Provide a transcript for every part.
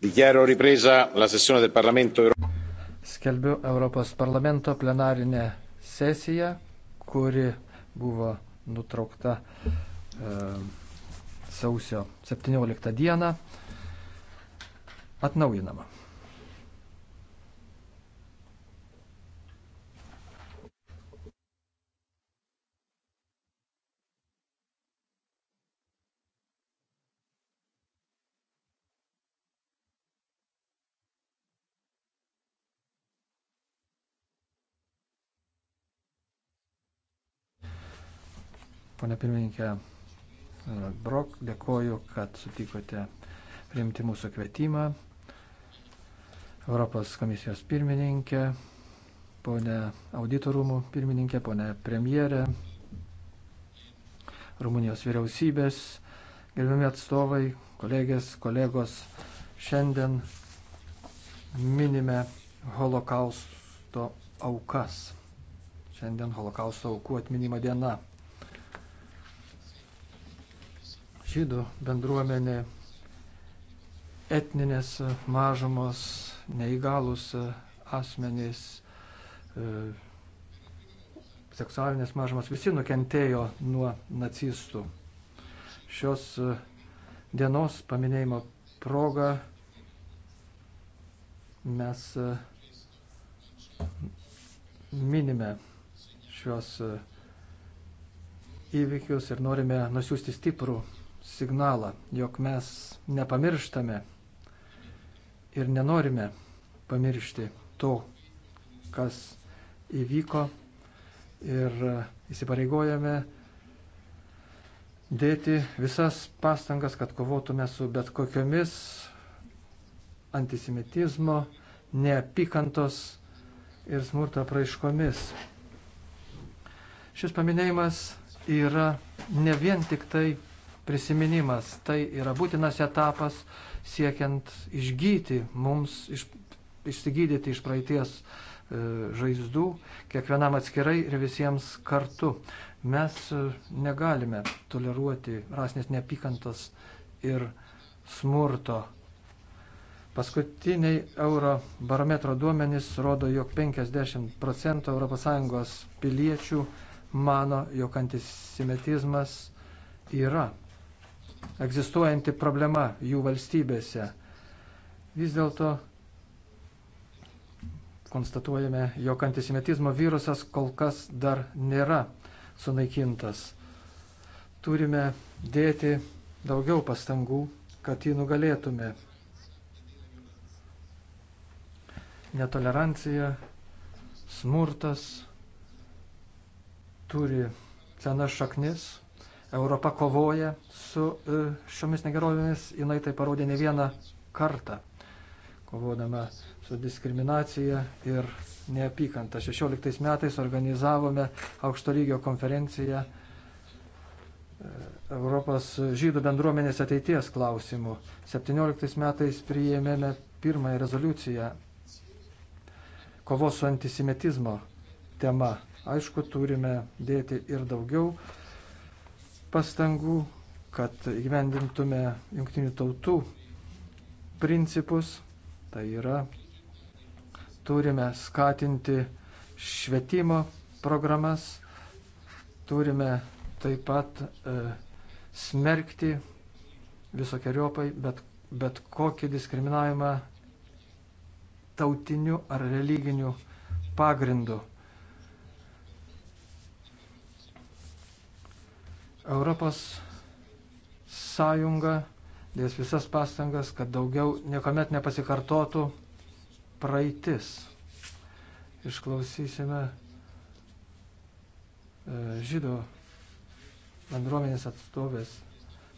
Dichiaro ripresa la sessione del Parlamento europeo. Skelbiu Europos parlamento plenarinę sesiją, kuri buvo nutraukta e, sausio 17 dieną, atnaujinama. Pane pirmininkė e, Brok, dėkoju, kad sutikote priimti mūsų kvietimą. Europos komisijos pirmininkė, ponė auditorumų pirmininkė, ponė premjerė, Rumunijos vyriausybės, gerbiami atstovai, kolegės, kolegos, šiandien minime holokausto aukas. Šiandien holokausto aukų atminimo diena. žydų bendruomenė, etninės mažumos, neįgalus asmenys, e, seksualinės mažumos, visi nukentėjo nuo nacistų. Šios e, dienos paminėjimo proga mes e, minime šios įvykius ir norime nusiųsti stiprų signalą, jog mes nepamirštame ir nenorime pamiršti to, kas įvyko ir įsipareigojame dėti visas pastangas, kad kovotume su bet kokiomis antisemitizmo, neapykantos ir smurto praiškomis. Šis paminėjimas yra ne vien tik tai prisiminimas. Tai yra būtinas etapas siekiant išgyti mums, iš, išsigydyti iš praeities e, žaizdų, kiekvienam atskirai ir visiems kartu. Mes e, negalime toleruoti rasinės neapykantos ir smurto. Paskutiniai euro barometro duomenys rodo, jog 50 procentų ES piliečių mano, jog antisemitizmas yra egzistuojanti problema jų valstybėse. Vis dėlto konstatuojame, jog antisemitizmo virusas kol kas dar nėra sunaikintas. Turime dėti daugiau pastangų, kad jį nugalėtume. Netolerancija, smurtas turi senas šaknis Europa kovoja su e, šiomis negerovėmis, jinai tai parodė ne vieną kartą, kovodama su diskriminacija ir neapykanta. 16 metais organizavome aukšto lygio konferenciją e, Europos žydų bendruomenės ateities klausimų. 17 metais priėmėme pirmąją rezoliuciją kovos su antisemitizmo tema. Aišku, turime dėti ir daugiau pastangų, kad įgyvendintume jungtinių tautų principus. Tai yra, turime skatinti švietimo programas, turime taip pat e, smerkti visokiojopai bet, bet kokį diskriminavimą tautiniu ar religiniu pagrindu. Europos Sąjunga dės visas pastangas, kad daugiau niekuomet nepasikartotų praeitis. Išklausysime e, žydų bendruomenės atstovės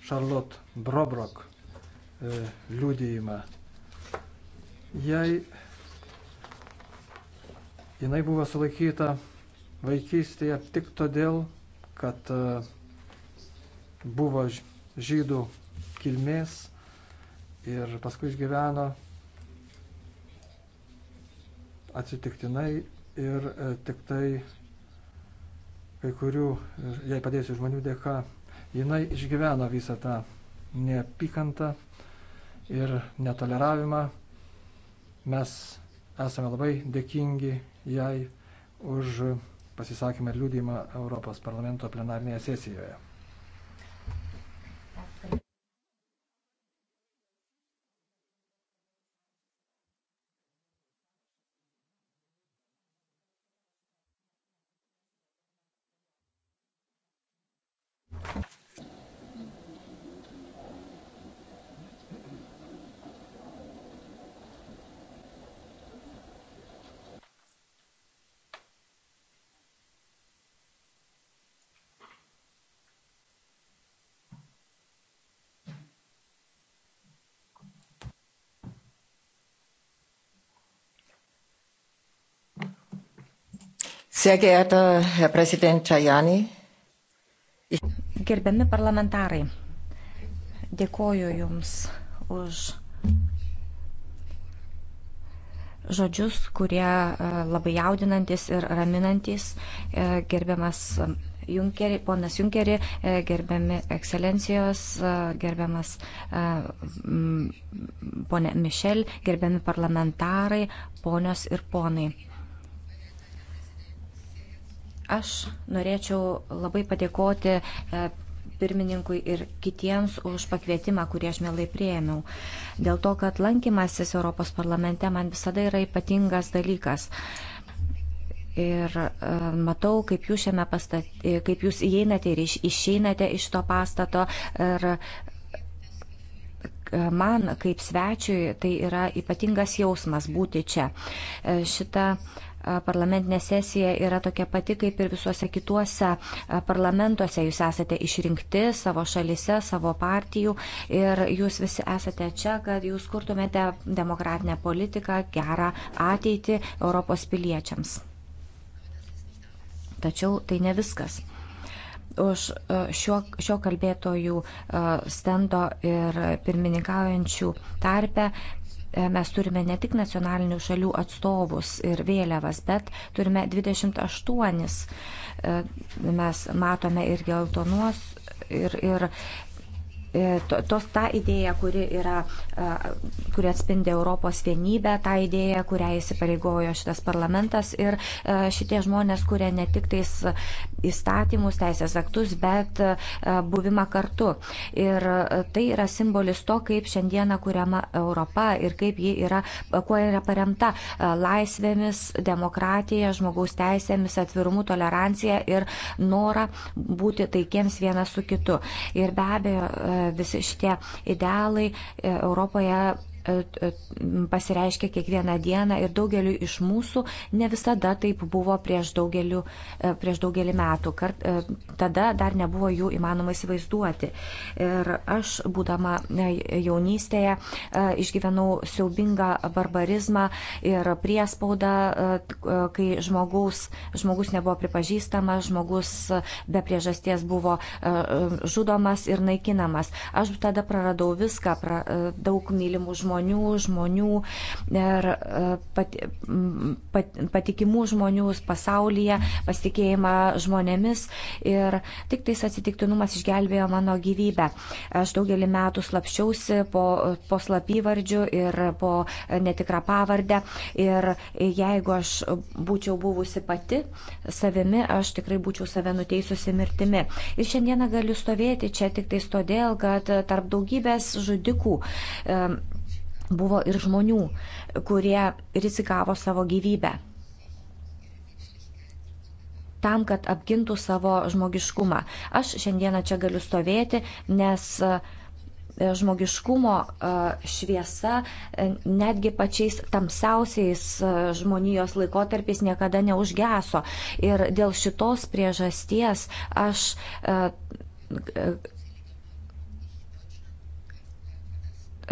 Charlotte Brobrok e, liūdėjimą. Jei jinai buvo sulaikyta vaikystėje tik todėl, kad e, buvo žydų kilmės ir paskui išgyveno atsitiktinai ir e, tik tai kai kurių, e, jai padėjusių žmonių dėka, jinai išgyveno visą tą neapykantą ir netoleravimą. Mes esame labai dėkingi jai už pasisakymą ir liūdimą Europos parlamento plenarnėje sesijoje. Sehr geehrter Herr Präsident Tajani. Ich... Gerbiami parlamentarai, dėkoju Jums už žodžius, kurie e, labai jaudinantis ir raminantis. E, gerbiamas e, Junkerį, ponas Junkerį, gerbiami ekscelencijos, gerbiamas ponė Mišel, gerbiami parlamentarai, ponios ir ponai. Aš norėčiau labai padėkoti e, pirmininkui ir kitiems už pakvietimą, kurį aš mielai prieėmiau. Dėl to, kad lankymasis Europos parlamente man visada yra ypatingas dalykas. Ir e, matau, kaip jūs, pastat... E, kaip jūs įeinate ir iš... išeinate iš to pastato. Ir man, kaip svečiui, tai yra ypatingas jausmas būti čia. Šita uh, parlamentinė sesija yra tokia pati kaip ir visuose kituose parlamentuose. Jūs esate išrinkti savo šalise, savo partijų ir jūs visi esate čia, kad jūs kurtumėte demokratinę politiką, gerą ateitį Europos piliečiams. Tačiau tai ne viskas už šio, šio kalbėtojų stendo ir pirmininkaujančių tarpę E, mes turime ne tik nacionalinių šalių atstovus ir vėliavas, bet turime 28. E, mes matome ir geltonuos, ir, ir E, tos tą idėją, kuri, yra, e, kuri atspindi Europos vienybę, tą idėją, kurią įsipareigojo šitas parlamentas ir e, šitie žmonės, kurie ne tik tais įstatymus, teisės aktus, bet buvimą kartu. Ir tai yra simbolis to, kaip šiandieną kuriama Europa ir kaip ji yra, kuo yra paremta laisvėmis, demokratija, žmogaus teisėmis, atvirumu, tolerancija ir norą būti taikiems vienas su kitu. Ir be abejo, visi šitie idealai e, Europoje E, e, pasireiškia kiekvieną dieną ir daugeliu iš mūsų ne visada taip buvo prieš, daugeliu, e, prieš daugelį metų. Kart, tada dar nebuvo jų įmanoma įsivaizduoti. Ir aš, būdama jaunystėje, išgyvenau siaubingą barbarizmą ir priespaudą, kai žmogus, žmogus nebuvo pripažįstamas, žmogus be priežasties buvo žudomas ir naikinamas. Aš tada praradau viską, pra, daug mylimų žmonių žmonių, žmonių ir er, e, pat, pat, patikimų žmonių pasaulyje, pasitikėjimą žmonėmis ir tik tais atsitiktinumas išgelbėjo mano gyvybę. Aš daugelį metų slapščiausi po, po slapyvardžių ir po netikrą pavardę ir jeigu aš būčiau buvusi pati savimi, aš tikrai būčiau save nuteisusi mirtimi. Ir šiandieną galiu stovėti čia tik tais todėl, kad tarp daugybės žudikų buvo ir žmonių, kurie rizikavo savo gyvybę tam, kad apgintų savo žmogiškumą. Aš šiandieną čia galiu stovėti, nes e, žmogiškumo e, šviesa e, netgi pačiais tamsiausiais žmonijos laikotarpiais niekada neužgeso. Ir dėl šitos priežasties aš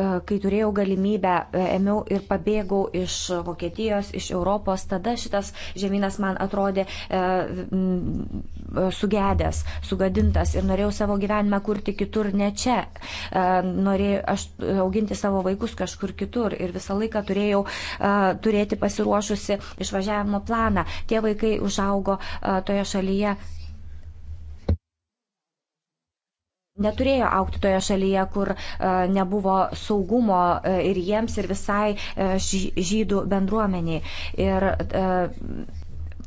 E, kai turėjau galimybę, e, ėmiau ir pabėgau iš Vokietijos, iš Europos, tada šitas žemynas man atrodė e, sugedęs, sugadintas ir norėjau savo gyvenimą kurti kitur, ne čia. Norėjau aš auginti savo vaikus kažkur kitur ir visą laiką turėjau turėti pasiruošusi išvažiavimo planą. Tie vaikai užaugo toje šalyje, neturėjo aukti toje šalyje, kur e, nebuvo saugumo e, ir jiems, ir visai e, žydų bendruomeniai. Ir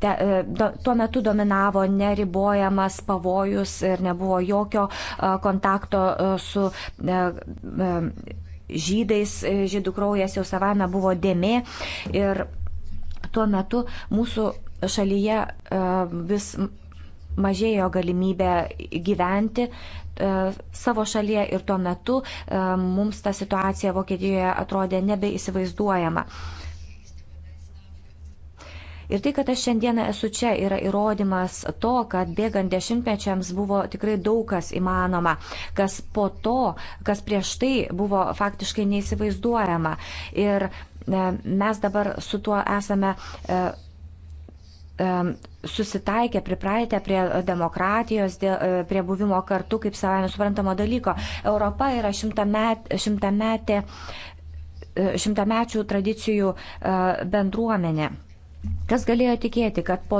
te, do, tuo metu dominavo neribojamas pavojus ir nebuvo jokio kontakto su žydais, žydų kraujas jau savame buvo dėmė. Ir tuo metu mūsų šalyje vis mažėjo galimybė gyventi, E, savo šalyje ir tuo metu e, mums ta situacija Vokietijoje atrodė nebeįsivaizduojama. Ir tai, kad aš šiandieną esu čia, yra įrodymas to, kad bėgant dešimtmečiams buvo tikrai daug kas įmanoma, kas po to, kas prieš tai buvo faktiškai neįsivaizduojama. Ir e, mes dabar su tuo esame susitaikę, pripratę prie demokratijos, e, prie buvimo kartu kaip savai nesuprantamo dalyko. Europa yra šimtametė met, šimta šimtamečių tradicijų e, bendruomenė. Kas galėjo tikėti, kad po,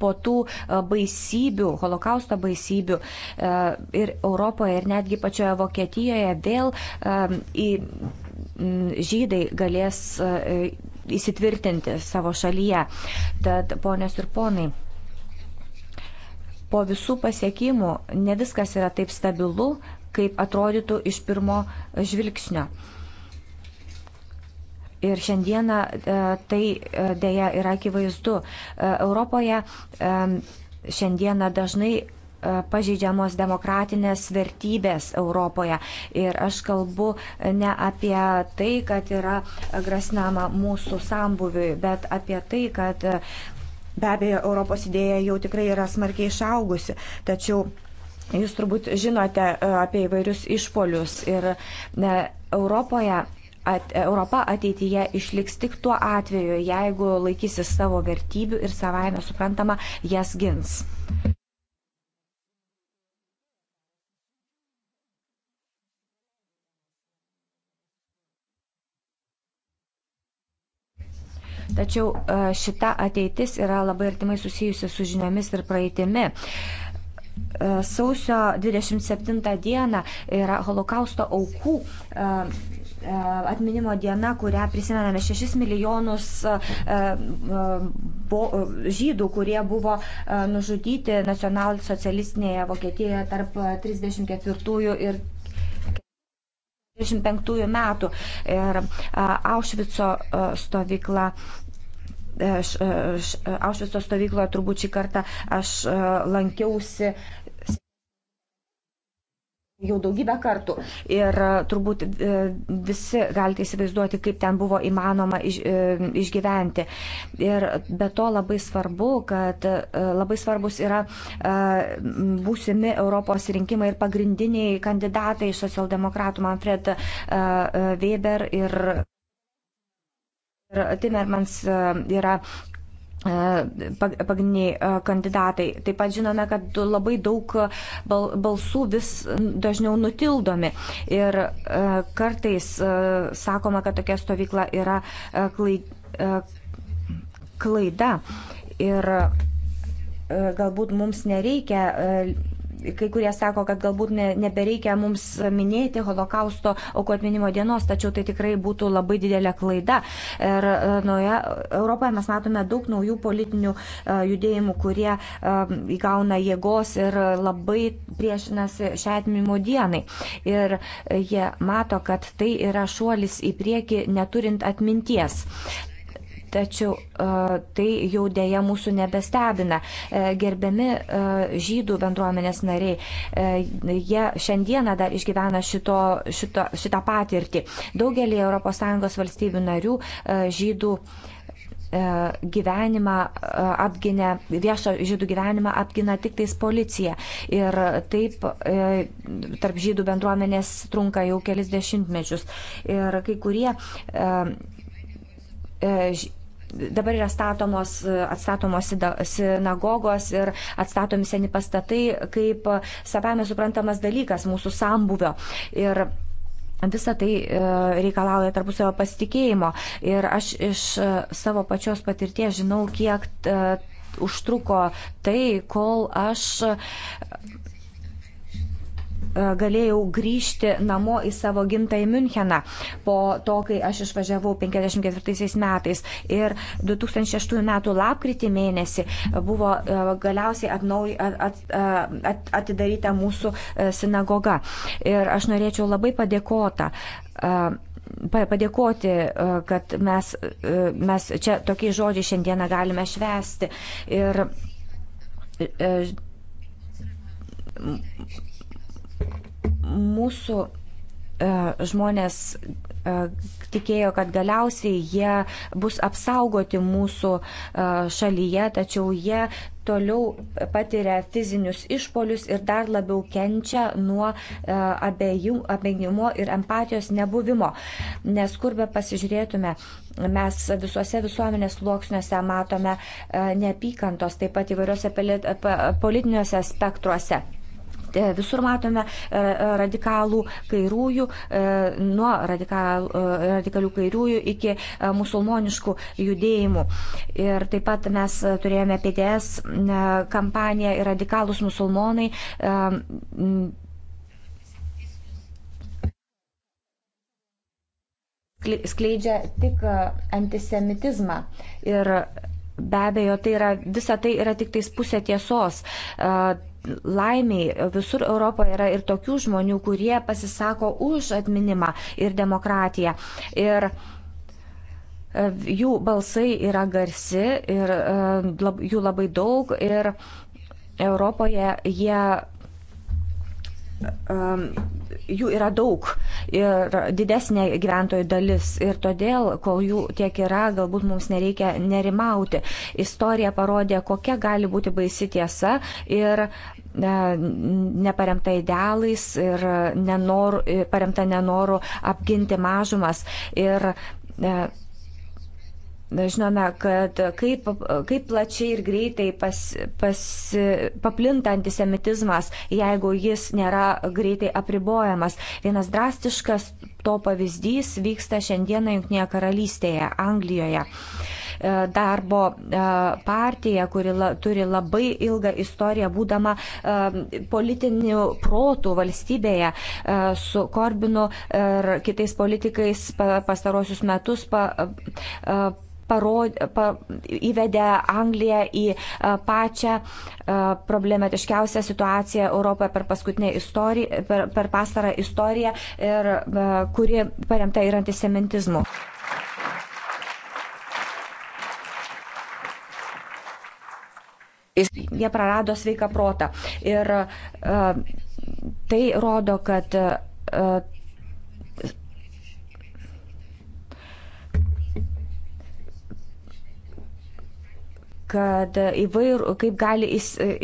po tų e, baisybių, holokausto baisybių ir Europoje ir netgi pačioje Vokietijoje vėl į Mm, žydai galės e, įsitvirtinti savo šalyje. Tad, ponios ir ponai, po visų pasiekimų ne viskas yra taip stabilu, kaip atrodytų iš pirmo žvilgsnio. Ir šiandieną e, tai e, dėja yra akivaizdu. Europoje šiandieną dažnai pažeidžiamos demokratinės vertybės Europoje. Ir aš kalbu ne apie tai, kad yra grasinama mūsų sambuviui, bet apie tai, kad be abejo Europos idėja jau tikrai yra smarkiai išaugusi. Tačiau jūs turbūt žinote e, apie įvairius išpolius ir ne, Europoje at, Europa ateityje išliks tik tuo atveju, jeigu laikysis savo vertybių ir savaime suprantama jas gins. Tačiau e, šita ateitis yra labai artimai susijusi su žiniomis ir praeitimi. E, sausio 27 diena yra holokausto aukų e, atminimo diena, kurią prisimename 6 milijonus žydų, kurie buvo nužudyti nacionalsocialistinėje Vokietijoje tarp 34 ir 25 metų ir Aušvico stovykla Aušvico stovykloje turbūt šį kartą aš lankiausi jau daugybę kartų. Ir e, turbūt e, visi galite įsivaizduoti, kaip ten buvo įmanoma iš, e, išgyventi. Ir be to labai svarbu, kad labai svarbus yra būsimi Europos rinkimai ir pagrindiniai kandidatai socialdemokratų Manfred Weber ir. Ir Timermans yra E, pagrindiniai e, kandidatai. Taip pat žinome, kad labai daug balsų vis dažniau nutildomi ir e, kartais sakoma, kad tokia stovykla yra klaida ir galbūt mums nereikia Kai kurie sako, kad galbūt ne, nebereikia mums minėti holokausto aukų atminimo dienos, tačiau tai tikrai būtų labai didelė klaida. Ir e, nauja, Europoje mes matome daug naujų politinių e, judėjimų, kurie e, įgauna jėgos ir labai priešinasi šią atminimo dienai. Ir jie mato, kad tai yra šuolis į priekį neturint atminties tačiau e, tai jau dėja mūsų nebestebina. E, gerbiami e, žydų bendruomenės nariai, jie šiandieną dar išgyvena šito, šito, šitą patirtį. Daugelį ES valstybių narių žydų gyvenimą apginę, viešo žydų gyvenimą apgina tik tais policija. Ir taip tarp žydų bendruomenės trunka jau kelis dešimtmečius. Ir kai kurie dabar yra statomos, atstatomos sinagogos ir atstatomi seni pastatai kaip savame suprantamas dalykas mūsų sambuvio. Ir Visą tai e, reikalauja tarpusavio pasitikėjimo ir aš iš e, savo pačios patirties žinau, kiek e, užtruko tai, kol aš E, galėjau grįžti namo į savo gimtąjį Müncheną po to, kai aš išvažiavau 54 metais. Ir 2006 metų lapkritį mėnesį buvo e, galiausiai atnauj, at, at, at, atidaryta mūsų e, sinagoga. Ir aš norėčiau labai padėkota padėkoti, kad mes, mes čia tokiai žodžiai šiandieną galime švesti. Ir mūsų e, žmonės e, tikėjo, kad galiausiai jie bus apsaugoti mūsų e, šalyje, tačiau jie toliau patiria fizinius išpolius ir dar labiau kenčia nuo abejimo ir empatijos nebuvimo. Nes kur be pasižiūrėtume, mes visuose visuomenės sluoksniuose matome neapykantos, taip pat įvairiuose politiniuose spektruose. E, visur matome e, e, radikalų kairiųjų, nuo radikal, radikalių kairiųjų iki musulmoniškų judėjimų. Ir taip pat mes turėjome PDS kampaniją ir radikalus musulmonai. skleidžia tik antisemitizmą. Ir be abejo, tai yra, visa tai yra tik tais pusė tiesos. Laimiai visur Europoje yra ir tokių žmonių, kurie pasisako už atminimą ir demokratiją. Ir e, jų balsai yra garsi ir e, lab, jų labai daug ir Europoje jie Ehm, jų yra daug ir didesnė gyventojų dalis ir todėl, kol jų tiek yra, galbūt mums nereikia nerimauti. Istorija parodė, kokia gali būti baisi tiesa ir e, neparemta idealais ir nenor, paremta nenoru apginti mažumas. Ir, e, Žinome, kad kaip, kaip plačiai ir greitai pas, pas, paplinta antisemitizmas, jeigu jis nėra greitai apribojamas. Vienas drastiškas to pavyzdys vyksta šiandieną Junktinėje karalystėje, Anglijoje. E, darbo e, partija, kuri la, turi labai ilgą istoriją, būdama e, politinių protų valstybėje su Korbinu ir kitais politikais pastarosius metus. Pa, parod, pa, įvedė Angliją į e, pačią e, problematiškiausią situaciją Europoje per paskutinę istoriją, per, per pastarą istoriją, ir, e, kuri paremta ir antisemitizmu. Jie prarado sveiką protą. Ir uh, tai rodo, kad uh, kad įvair, kaip gali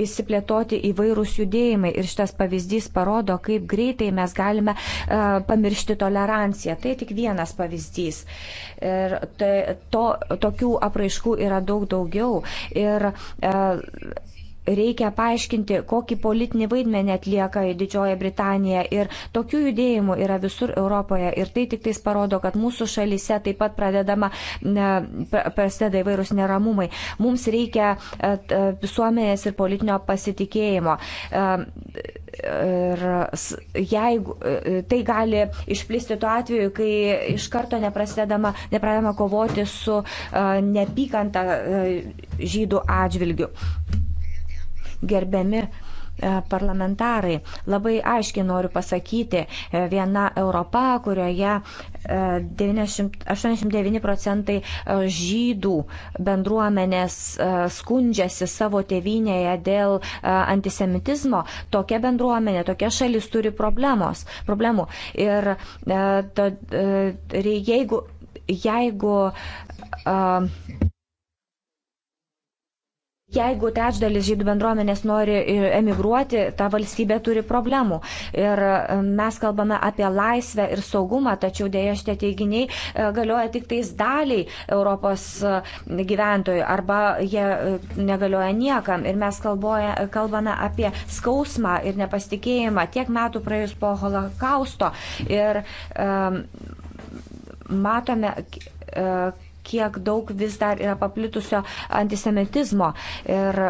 įsiplėtoti įvairūs judėjimai. Ir šitas pavyzdys parodo, kaip greitai mes galime e, pamiršti toleranciją. Tai tik vienas pavyzdys. Ir tai, to, tokių apraiškų yra daug daugiau. Ir, e, reikia paaiškinti, kokį politinį vaidmenį atlieka Didžioji Britanija. Ir tokių judėjimų yra visur Europoje. Ir tai tik tais parodo, kad mūsų šalyse taip pat pradedama, prasideda įvairūs neramumai. Mums reikia e, visuomenės ir politinio pasitikėjimo. E, ir jeigu e, tai gali išplisti tuo atveju, kai iš karto neprasidedama, nepradedama kovoti su nepykanta žydų atžvilgiu gerbiami e, parlamentarai. Labai aiškiai noriu pasakyti, e, viena Europa, kurioje 89 e, procentai žydų bendruomenės skundžiasi savo tėvynėje dėl antisemitizmo, tokia bendruomenė, tokia šalis turi problemos, problemų. Ir to, jeigu, jeigu Jeigu trečdalis žydų bendruomenės nori e, emigruoti, ta valstybė turi problemų. Ir e, mes kalbame apie laisvę ir saugumą, tačiau dėja šitie teiginiai e, galioja tik tais daliai Europos gyventojų arba jie negalioja niekam. Ir mes kalboja, kalbame apie skausmą ir nepasitikėjimą tiek metų praėjus po holokausto. Ir um, matome, uh, kiek daug vis dar yra paplitusio antisemitizmo. Ir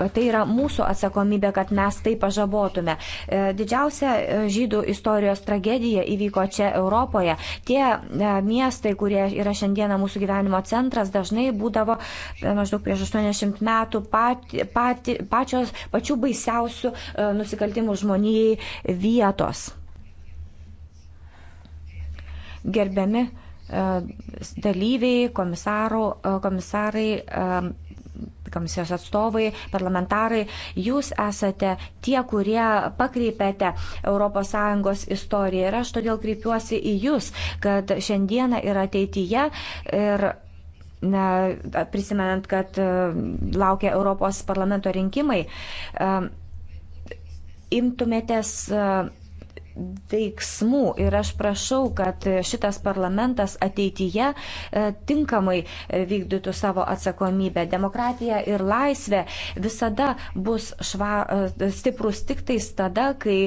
tai yra mūsų atsakomybė, kad mes tai pažabotume. E, didžiausia e, žydų istorijos tragedija įvyko čia Europoje. Tie e, miestai, kurie yra šiandieną mūsų gyvenimo centras, dažnai būdavo maždaug prieš 80 metų pati, pati, pačios, pačių baisiausių nusikaltimų žmonijai vietos. Gerbiami dalyviai, komisarai, komisijos atstovai, parlamentarai, jūs esate tie, kurie pakreipiate ES istoriją. Ir aš todėl kreipiuosi į jūs, kad šiandieną ir ateityje. Ir Na, prisimenant, kad e, laukia Europos parlamento rinkimai, imtumėtės veiksmų ir aš prašau, kad šitas parlamentas ateityje e, tinkamai e, vykdytų savo atsakomybę. Demokratija ir laisvė visada bus šva, e, stiprus tik tais tada, kai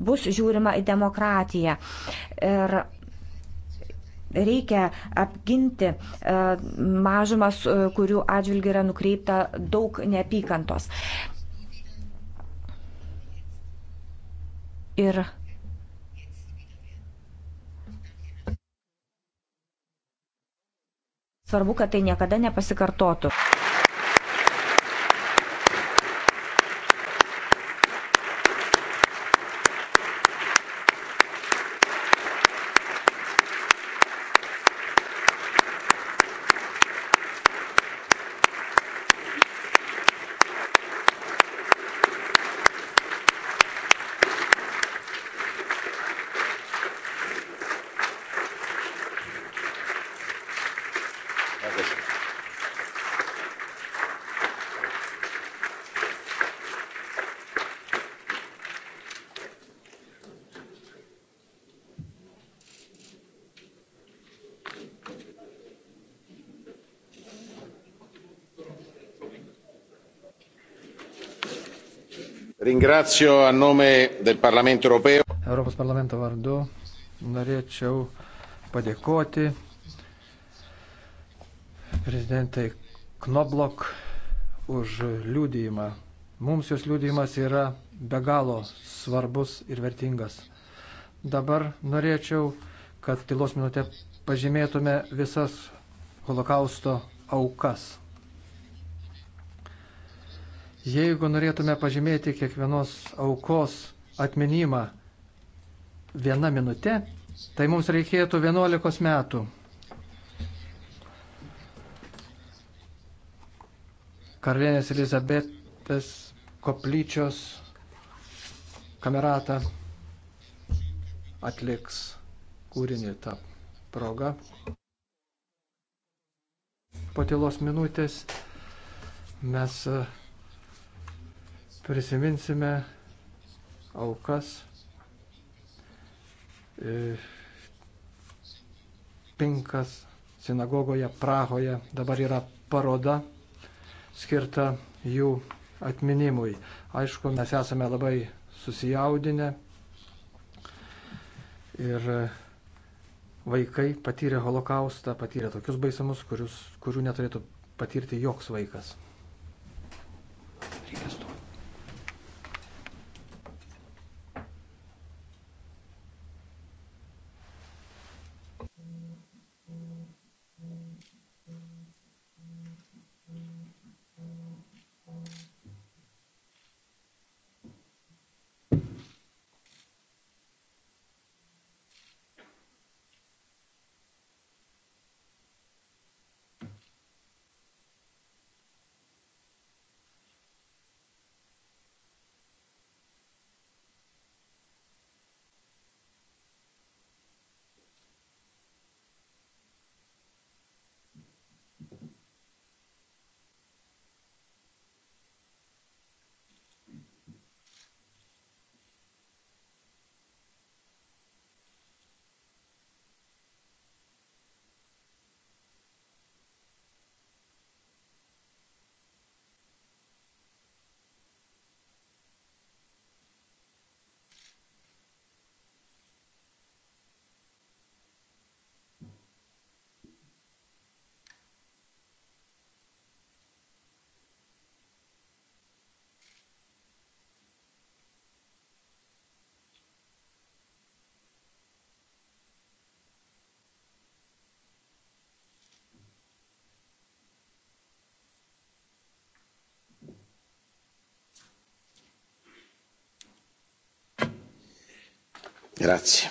bus žiūrima į demokratiją. Ir reikia apginti mažumas, kurių atžvilgių yra nukreipta daug neapykantos. ir svarbu, kad tai niekada nepasikartotų. ringrazio a nome del Parlamento europeo. Europos parlamento vardu norėčiau padėkoti prezidentai Knoblok už liūdėjimą. Mums jos liūdėjimas yra be galo svarbus ir vertingas. Dabar norėčiau, kad tylos minutė pažymėtume visas holokausto aukas. Jeigu norėtume pažymėti kiekvienos aukos atminimą vieną minutę, tai mums reikėtų 11 metų. Karalienės Elizabetės koplyčios kameratą atliks kūrinį tą progą. Po tylos minutės mes prisiminsime aukas e, Pinkas sinagogoje Prahoje. Dabar yra paroda skirta jų atminimui. Aišku, mes esame labai susijaudinę ir vaikai patyrė holokaustą, patyrė tokius baisumus, kurius, kurių neturėtų patirti joks vaikas. grazie.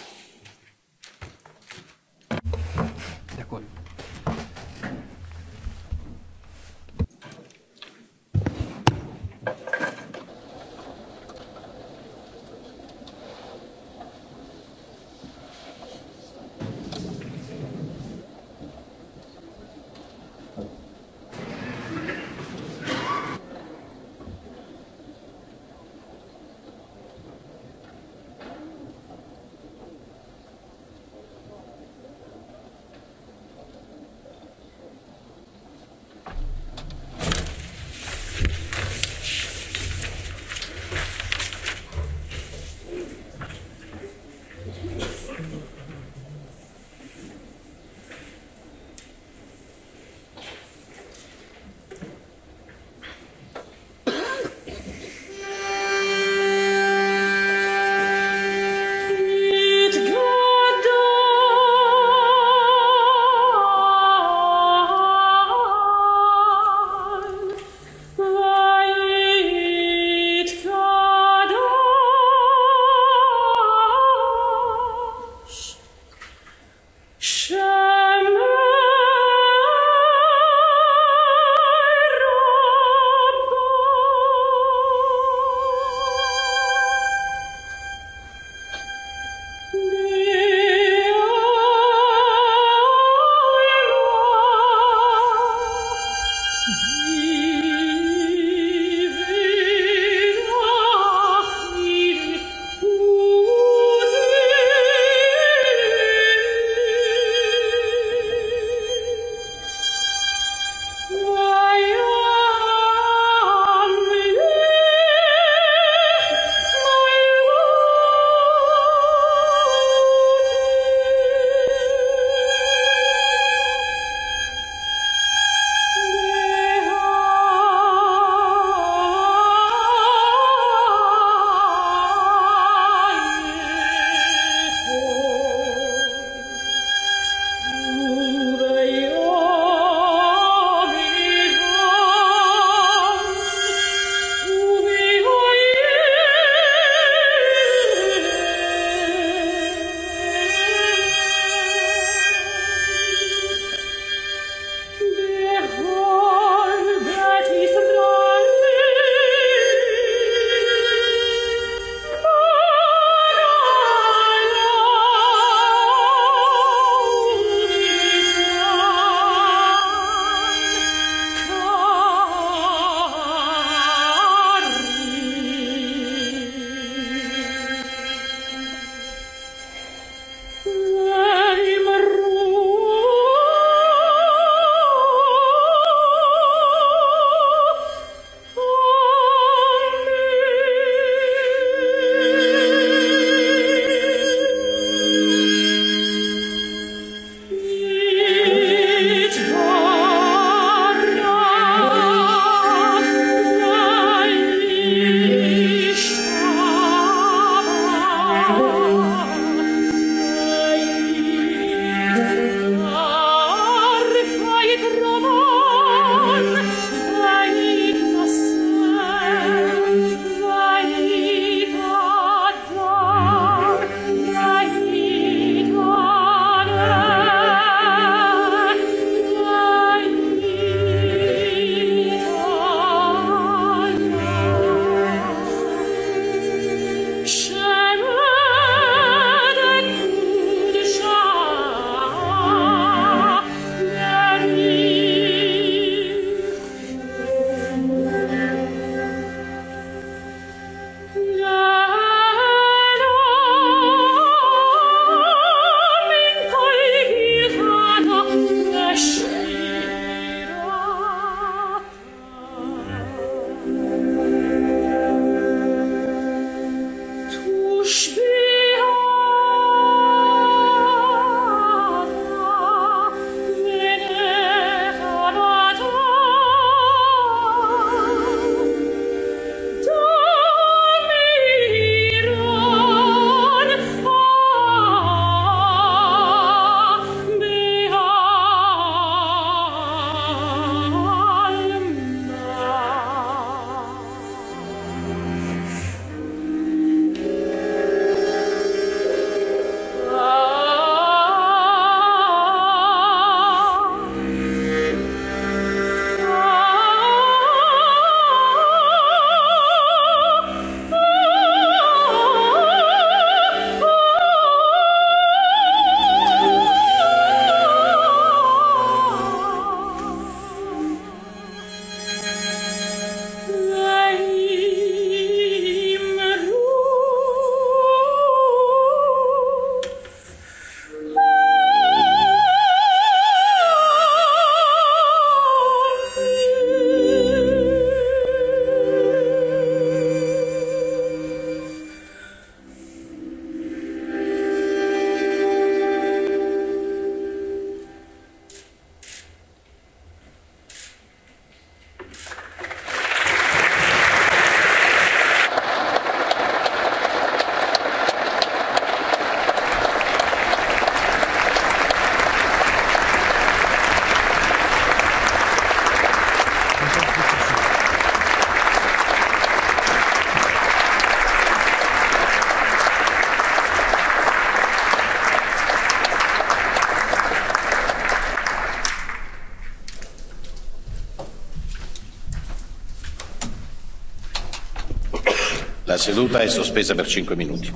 La seduta è e sospesa per 5 minuti.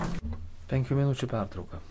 5 minučių pertrauka.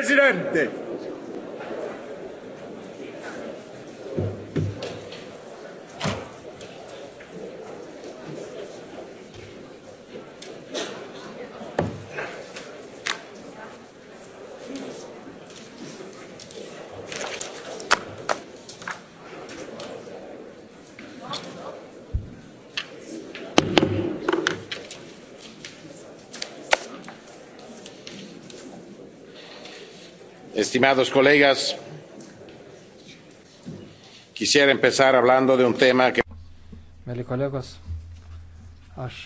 Presidente. estimados colegas, quisiera empezar hablando de un tema que. Mėly kolegos, aš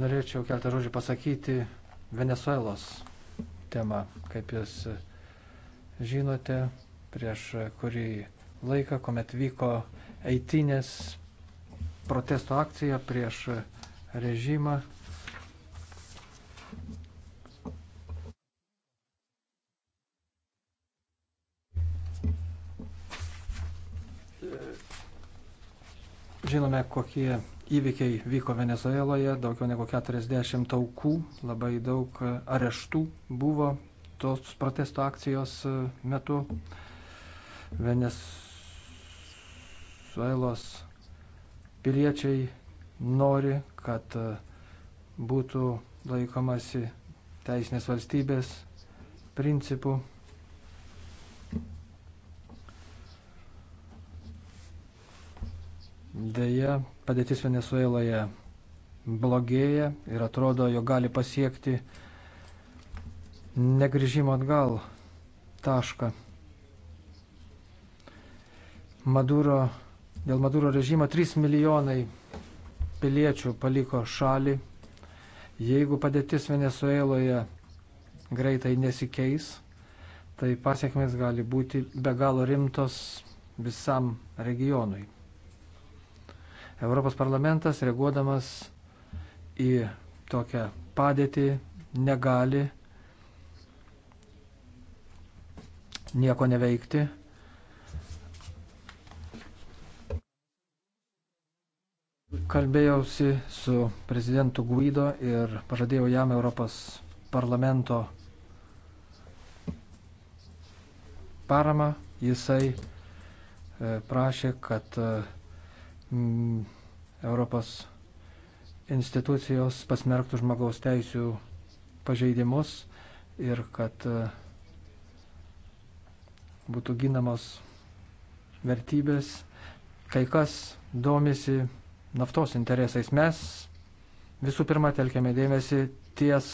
norėčiau keltą žodžių pasakyti Venezuelos tema. Kaip jūs žinote, prieš kurį laiką, kuomet vyko eitinės protesto akcija prieš režimą kokie įvykiai vyko Venezueloje, daugiau negu 40 aukų, labai daug areštų buvo tos protesto akcijos e, metu. Venezuelos piliečiai nori, kad e, būtų laikomasi teisinės valstybės principų Deja, padėtis Venezueloje blogėja ir atrodo, jo gali pasiekti negrįžimo atgal tašką. Maduro, dėl Maduro režimo 3 milijonai piliečių paliko šalį. Jeigu padėtis Venezueloje greitai nesikeis, tai pasiekmes gali būti be galo rimtos visam regionui. Europos parlamentas, reaguodamas į tokią padėtį, negali nieko neveikti. Kalbėjausi su prezidentu Guido ir pažadėjau jam Europos parlamento paramą. Jisai e, prašė, kad e, m, mm, Europos institucijos pasmerktų žmogaus teisių pažeidimus ir kad e, būtų ginamos vertybės. Kai kas domisi naftos interesais. Mes visų pirma telkiame dėmesį ties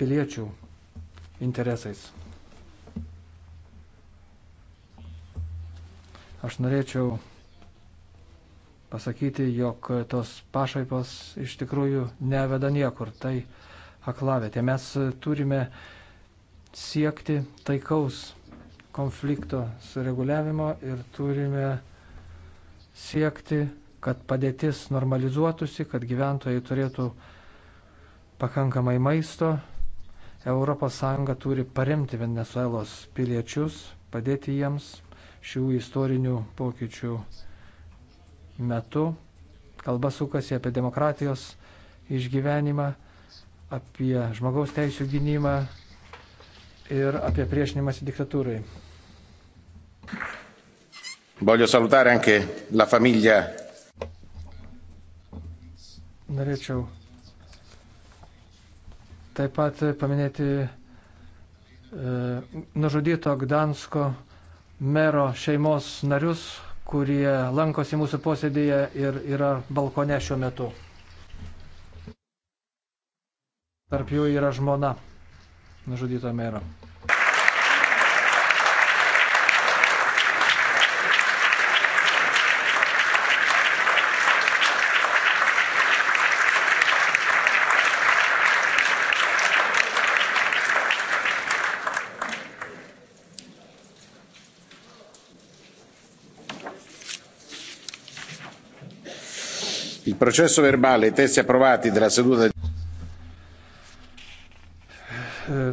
piliečių interesais. Aš norėčiau pasakyti, jog tos pašaipos iš tikrųjų neveda niekur. Tai aklavėte. Mes turime siekti taikaus konflikto sureguliavimo ir turime siekti, kad padėtis normalizuotųsi, kad gyventojai turėtų pakankamai maisto. ES turi paremti Venezuelos piliečius, padėti jiems šių istorinių pokyčių metu kalba sukasi apie demokratijos išgyvenimą, apie žmogaus teisų gynimą ir apie priešinimąsi diktatūrai. Voglio salutare anche la famiglia. Norėčiau taip pat paminėti e, nužudyto Gdansko mero šeimos narius, kurie lankosi mūsų posėdėje ir yra balkone šiuo metu. Tarp jų yra žmona nužudyto mero. Il processo verbale e i testi approvati della seduta. Eh,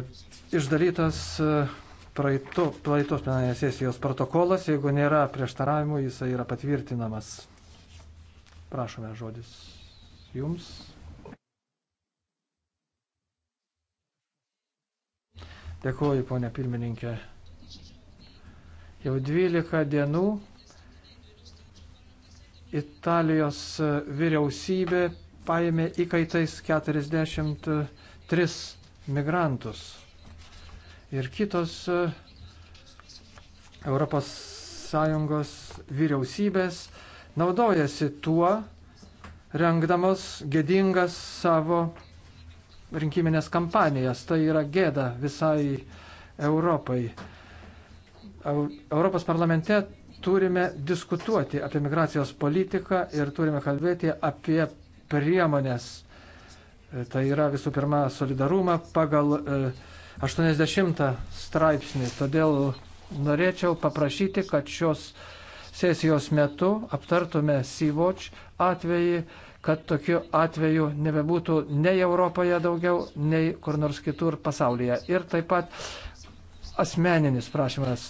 Išdarytas eh, praeito, praeitos plenarinės sesijos protokolas, jeigu nėra prieštaravimų, jisai yra patvirtinamas. Prašome žodis jums. Dėkuoju, ponė pirmininkė. Jau 12 dienų Italijos vyriausybė paėmė įkaitais 43 migrantus. Ir kitos ES vyriausybės naudojasi tuo, rengdamos gėdingas savo rinkiminės kampanijas. Tai yra gėda visai Europai. Europos parlamente turime diskutuoti apie migracijos politiką ir turime kalbėti apie priemonės. Tai yra visų pirma solidarumą pagal 80 e, straipsnį. Todėl norėčiau paprašyti, kad šios sesijos metu aptartume Syvoč atvejį, kad tokiu atveju nebebūtų nei Europoje daugiau, nei kur nors kitur pasaulyje. Ir taip pat asmeninis prašymas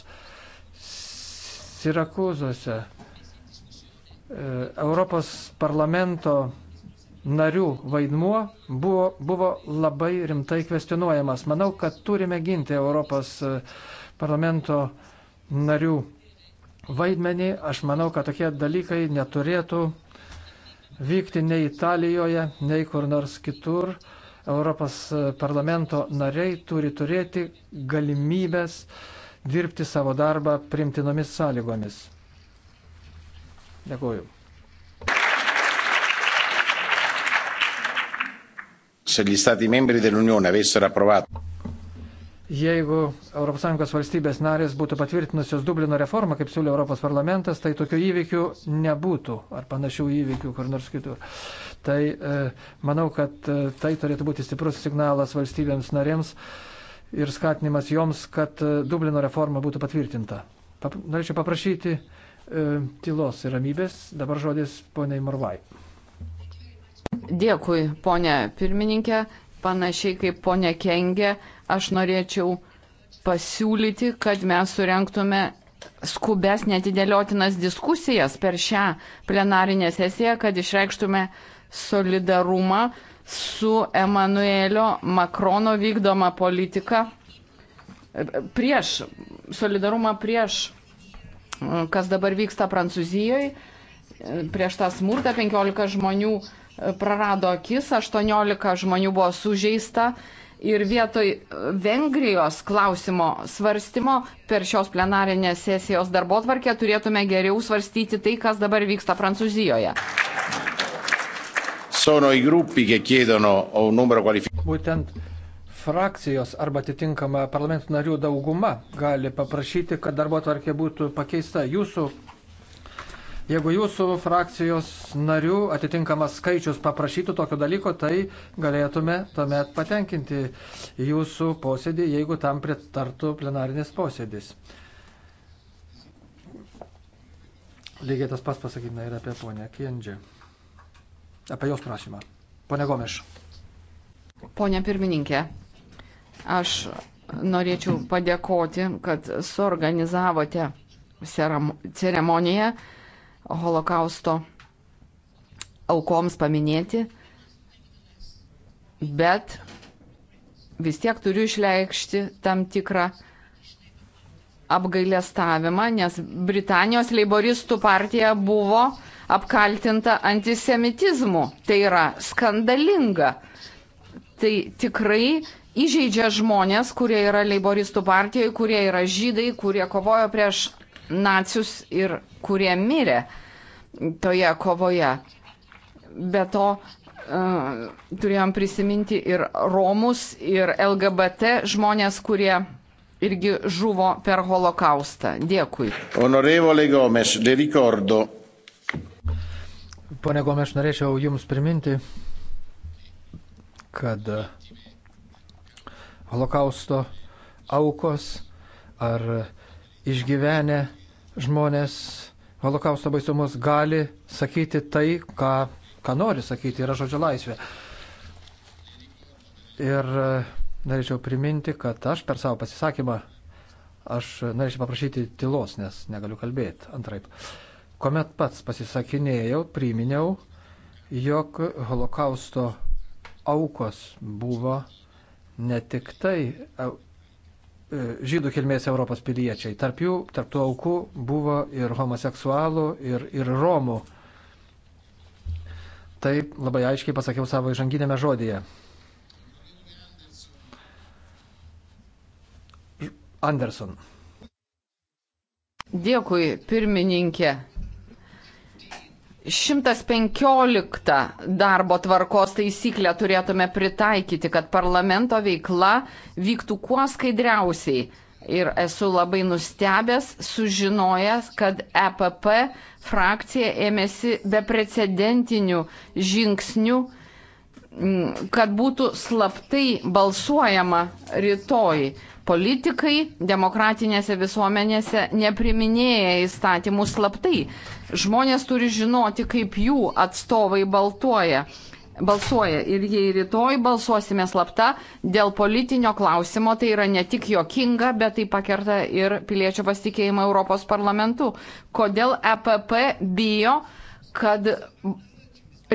Sirakūzuose. E, Europos parlamento narių vaidmuo buvo, buvo labai rimtai kvestionuojamas. Manau, kad turime ginti Europos e, parlamento narių vaidmenį. Aš manau, kad tokie dalykai neturėtų vykti nei Italijoje, nei kur nors kitur. Europos e, parlamento nariai turi turėti galimybės uh, dirbti savo darbą primtinomis sąlygomis. Dėkuoju. se gli Stati membri dell'Unione avessero approvato. Jeigu ES valstybės narės būtų patvirtinusios Dublino reformą, kaip siūlė Europos parlamentas, tai tokių įvykių nebūtų ar panašių įvykių kur nors kitur. Tai e, manau, kad e, tai turėtų būti stiprus signalas valstybėms narėms. E, ir skatinimas joms, kad e, Dublino reforma būtų patvirtinta. Pap, norėčiau paprašyti e, tylos ir ramybės. Dabar žodis poniai Morvai. Dėkui, ponė pirmininkė. Panašiai kaip ponė Kengė, aš norėčiau pasiūlyti, kad mes surenktume skubes netidėliotinas diskusijas per šią plenarinę sesiją, kad išreikštume solidarumą su Emanuelio Makrono vykdoma politika prieš solidarumą prieš, kas dabar vyksta Prancūzijoje, prieš tą smurtą 15 žmonių prarado akis, 18 žmonių buvo sužeista ir vietoj Vengrijos klausimo svarstymo per šios plenarinės sesijos darbo tvarkę turėtume geriau svarstyti tai, kas dabar vyksta Prancūzijoje sono i gruppi che chiedono un numero qualificato. Būtent frakcijos arba atitinkama parlamento narių dauguma gali paprašyti, kad darbo tvarkė būtų pakeista. Jūsų, jeigu jūsų frakcijos narių atitinkamas skaičius paprašytų tokio dalyko, tai galėtume tuomet patenkinti jūsų posėdį, jeigu tam pritartų plenarinis posėdis. Lygiai tas pas pasakytina ir apie ponę Kendžią apie jos prašymą. Pone Gomeš. Pone pirmininkė, aš norėčiau padėkoti, kad suorganizavote ceremoniją holokausto aukoms paminėti, bet vis tiek turiu išleikšti tam tikrą apgailestavimą, nes Britanijos leiboristų partija buvo uh, apkaltinta antisemitizmu. Tai yra skandalinga. Tai tikrai įžeidžia žmonės, kurie yra leiboristų partijoje, kurie yra žydai, kurie kovojo prieš nacius ir kurie mirė toje kovoje. Be to, uh, turėjom prisiminti ir Romus, ir LGBT žmonės, kurie irgi žuvo per holokaustą. Dėkui. Honorevole Gomes, le ricordo Pone Gome, aš norėčiau Jums priminti, kad e, holokausto aukos ar išgyvenę žmonės holokausto baisumus gali sakyti tai, ką, ką nori sakyti, yra žodžio laisvė. Ir e, norėčiau priminti, kad aš per savo pasisakymą, aš norėčiau paprašyti tylos, nes negaliu kalbėti antraip. Uh, Komet pats pasisakinėjau, priminiau, jog holokausto aukos buvo ne tik tai e, e, žydų kilmės Europos piliečiai. Tarp jų, tarp tų aukų buvo ir homoseksualų, ir, ir romų. Tai labai aiškiai pasakiau savo įžanginėme žodėje. Anderson. Dėkui, pirmininkė. 115 darbo tvarkos taisyklę turėtume pritaikyti, kad parlamento veikla vyktų kuo skaidriausiai. Ir esu labai nustebęs, sužinojęs, kad EPP frakcija ėmėsi beprecedentinių žingsnių Mm, kad būtų slaptai balsuojama rytoj. Politikai demokratinėse visuomenėse nepriminėja įstatymų slaptai. Žmonės turi žinoti, kaip jų atstovai baltuoja. balsuoja. Ir jei rytoj balsuosime slapta dėl politinio klausimo, tai yra ne tik jokinga, bet tai pakerta ir piliečio pasitikėjimą Europos parlamentu. Kodėl EPP bijo, kad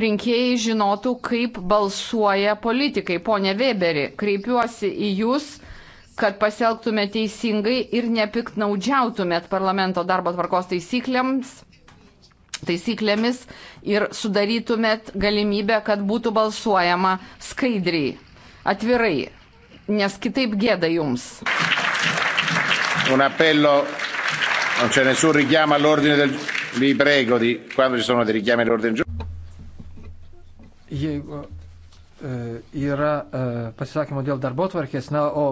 rinkėjai žinotų, kaip balsuoja politikai. Pone Weberi, kreipiuosi į Jūs, kad pasielgtumėte teisingai ir nepiktnaudžiautumėt parlamento darbo tvarkos taisyklėms taisyklėmis ir sudarytumėt galimybę, kad būtų balsuojama skaidriai, atvirai, nes kitaip gėda jums. Un appello, non c'è nessun richiamo all'ordine del... Vi prego di, quando ci sono dei richiami all'ordine del giorno jeigu e, yra e, pasisakymo dėl darbo tvarkės, na, o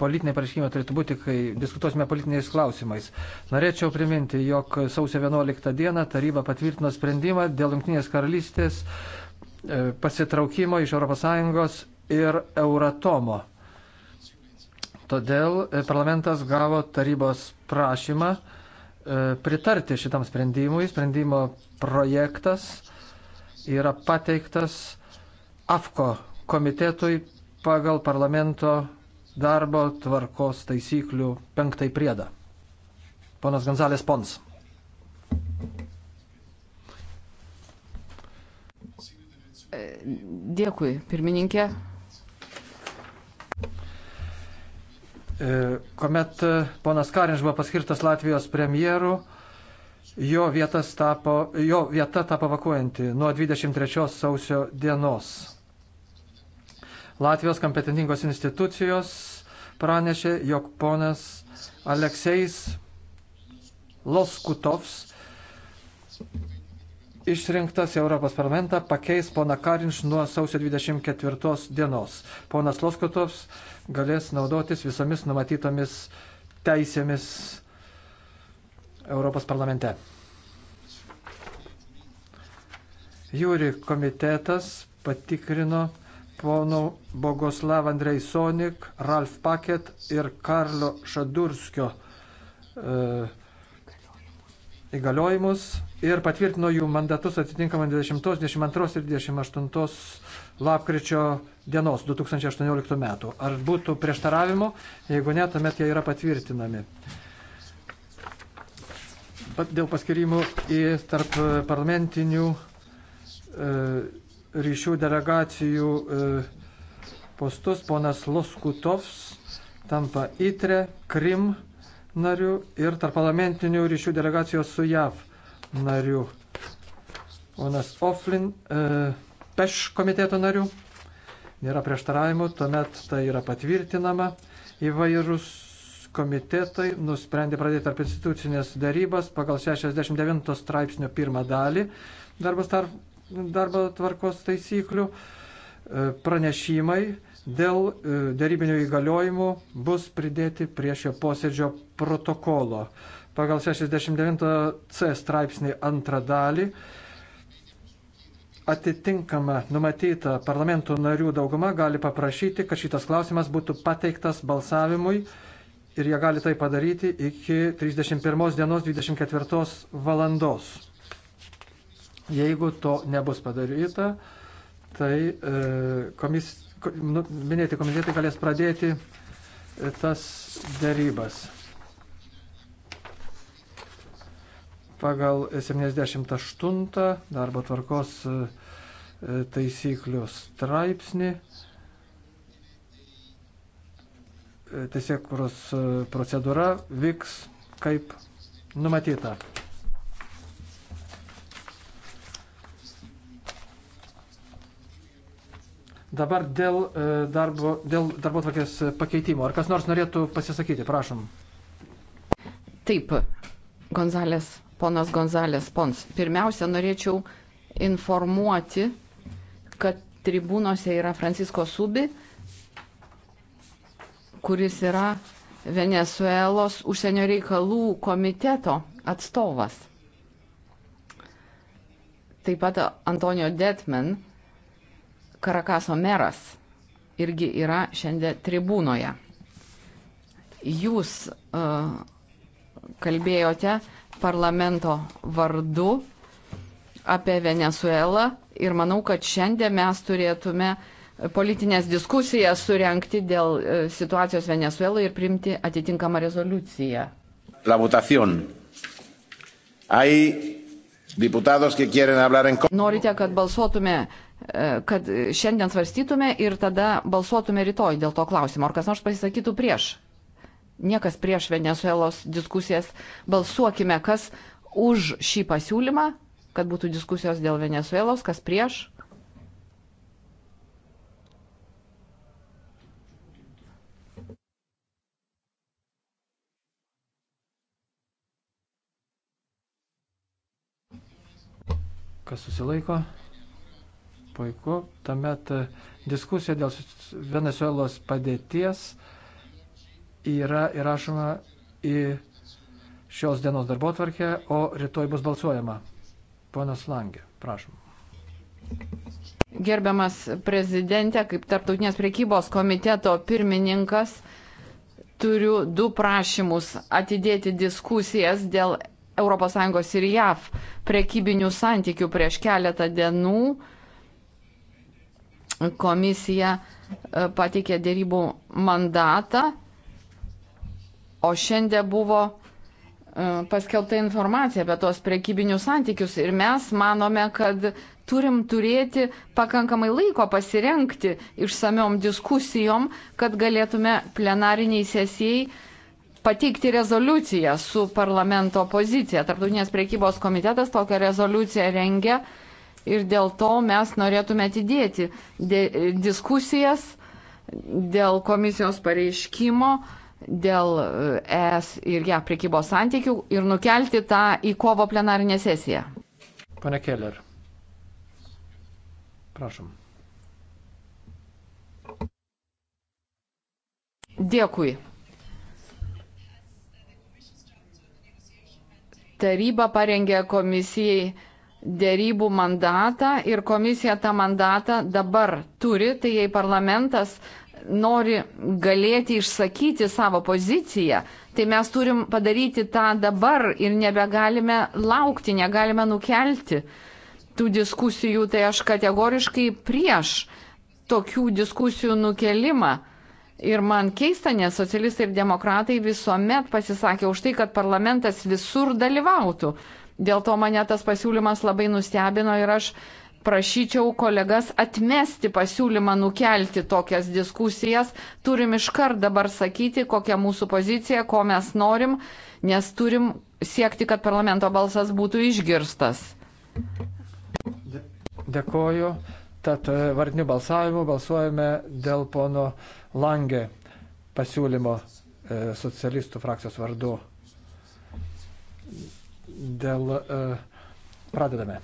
politiniai pareiškimai turėtų būti, kai diskutuosime politiniais klausimais. Norėčiau priminti, jog sausio 11 dieną taryba patvirtino sprendimą dėl Junktinės karalystės e, pasitraukimo iš ES ir Euratomo. Todėl parlamentas gavo tarybos prašymą pritarti šitam sprendimui. Sprendimo projektas yra pateiktas AFKO komitetui pagal parlamento darbo tvarkos taisyklių penktai priedą. Ponas Gonzalės Pons. Dėkui, pirmininkė. Komet ponas Karinš buvo paskirtas Latvijos premjeru, Jo, tapo, jo vieta tapo evakuojanti nuo 23 sausio dienos. Latvijos kompetentingos institucijos pranešė, jog ponas Aleksejs Loskutovs išrinktas į Europos parlamentą pakeis poną Karinš nuo sausio 24 dienos. Ponas Loskutovs galės naudotis visomis numatytomis teisėmis Europos parlamente. Jūri komitetas patikrino pono Bogoslav Andrei Sonik, Ralf Paket ir Karlo Šadurskio e, įgaliojimus ir patvirtino jų mandatus atitinkamą 20, 22 ir 28 lapkričio dienos 2018 metų. Ar būtų prieštaravimų? Jeigu ne, tuomet jie yra patvirtinami dėl paskirimų į tarp e, parlamentinių e, ryšių delegacijų e, postus ponas Loskutovs tampa ITRE, Krim nariu ir tarp parlamentinių ryšių delegacijos su JAV nariu. Ponas Oflin, peš komiteto nariu. Nėra prieštaravimų, tuomet tai yra patvirtinama įvairūs komitetai nusprendė pradėti tarp institucinės darybas pagal 69 straipsnio pirmą dalį darbos tarp, darbo tvarkos taisyklių. E, pranešimai dėl e, darybinių įgaliojimų bus pridėti prie šio posėdžio protokolo. Pagal 69c straipsnį antrą dalį atitinkama numatyta parlamento narių dauguma gali paprašyti, kad šitas klausimas būtų pateiktas balsavimui ir jie gali tai padaryti iki 31 dienos 24 valandos. Jeigu to nebus padaryta, tai e, komis, nu, minėti komitetai galės pradėti e, tas dėrybas. Pagal 78 darbo tvarkos e, taisyklių straipsnį tiesiekuros e, procedūra vyks kaip numatyta. Dabar dėl e, darbo, dėl darbo tvarkės pakeitimo. Ar kas nors norėtų pasisakyti? Prašom. Taip, Gonzalės, ponas Gonzalės Pons. Pirmiausia, norėčiau informuoti, kad tribūnose yra Francisko Subi, kuris yra Venezuelos užsienio reikalų komiteto atstovas. Taip pat Antonio Detmen, Karakaso meras, irgi yra šiandien tribūnoje. Jūs uh, kalbėjote parlamento vardu apie Venezuelą ir manau, kad šiandien mes turėtume uh, politinės diskusijas surenkti dėl e, situacijos Venezuelai ir priimti atitinkamą rezoliuciją. La votación. Hay diputados que quieren hablar en contra. Norite, kad balsuotume, e, kad šiandien svarstytume ir tada balsuotume rytoj dėl to klausimo. Ar kas nors pasisakytų prieš? Niekas prieš Venezuelos diskusijas. Balsuokime, kas už šį pasiūlymą, kad būtų diskusijos dėl Venezuelos, kas prieš. kas susilaiko. Puiku. Tuomet e, diskusija dėl Venezuelos padėties yra įrašoma į šios dienos darbo tvarkę, o rytoj bus balsuojama. Ponas Langė, prašom. Gerbiamas prezidentė, kaip Tarptautinės priekybos komiteto pirmininkas, turiu du prašymus atidėti diskusijas dėl ES ir JAV prekybinių santykių prieš keletą dienų komisija e, pateikė dėrybų mandatą, o šiandien buvo e, paskelbta informacija apie tos prekybinius santykius ir mes manome, kad turim turėti pakankamai laiko pasirenkti išsamiom diskusijom, kad galėtume plenariniai sesijai pateikti rezoliuciją su parlamento pozicija. Tarptautinės priekybos komitetas tokią rezoliuciją rengia ir dėl to mes norėtume atidėti diskusijas dėl komisijos pareiškimo, dėl e, ES ir JAV priekybos santykių ir nukelti tą į kovo plenarinę sesiją. Pane Keller, prašom. Dėkui. Taryba parengė komisijai dėrybų mandatą ir komisija tą mandatą dabar turi, tai jei parlamentas nori galėti išsakyti savo poziciją, tai mes turim padaryti tą dabar ir nebegalime laukti, negalime nukelti tų diskusijų, tai aš kategoriškai prieš tokių diskusijų nukelimą. Ir man keista, nes socialistai ir demokratai visuomet pasisakė už tai, kad parlamentas visur dalyvautų. Dėl to mane tas pasiūlymas labai nustebino ir aš prašyčiau kolegas atmesti pasiūlymą nukelti tokias diskusijas. Turim iškart dabar sakyti, kokia mūsų pozicija, ko mes norim, nes turim siekti, kad parlamento balsas būtų išgirstas. Dėkoju. Tad e, vardiniu balsavimu balsuojame dėl pono langė pasiūlymo e, socialistų frakcijos vardu. Dėl e, pradedame.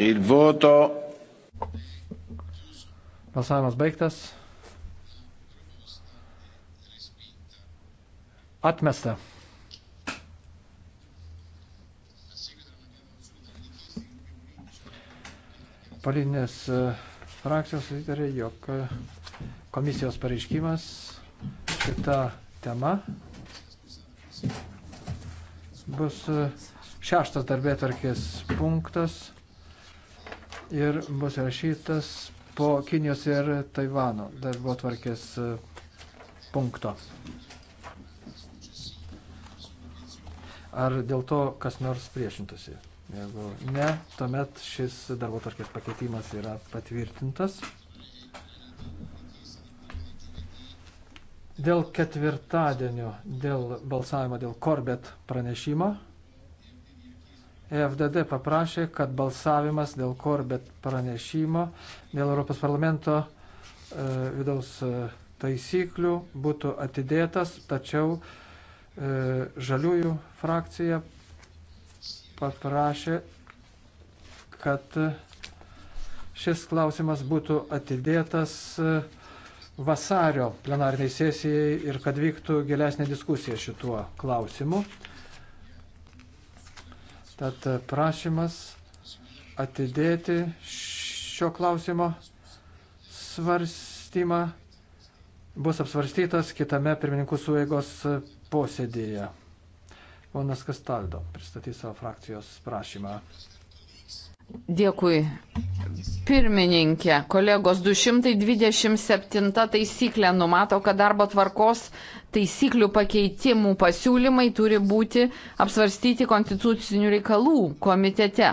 Il voto Balsavimas baigtas. Atmesta. Politinės e, frakcijos susitarė, jog e, komisijos pareiškimas šita tema bus e, šeštas darbėtvarkės punktas ir bus rašytas po Kinijos ir Taivano darbo tvarkės e, punkto. Ar dėl to kas nors priešintųsi? Jeigu ne, tuomet šis darbo tvarkės pakeitimas yra patvirtintas. Dėl ketvirtadienio, dėl balsavimo, dėl Korbet pranešimo FDD paprašė, kad balsavimas dėl Korbet pranešimo, dėl Europos parlamento e, vidaus e, taisyklių būtų atidėtas, tačiau e, žaliųjų frakcija paprašė, kad šis klausimas būtų atidėtas e, vasario plenarniai sesijai ir kad vyktų gilesnė diskusija šituo klausimu. Tad prašymas atidėti šio klausimo svarstymą bus apsvarstytas kitame pirmininkų suėgos posėdėje. Ponas Kastaldo pristatys savo frakcijos prašymą. Dėkui. Pirmininkė, kolegos 227 taisyklė numato, kad darbo tvarkos taisyklių pakeitimų pasiūlymai turi būti apsvarstyti konstitucinių reikalų komitete.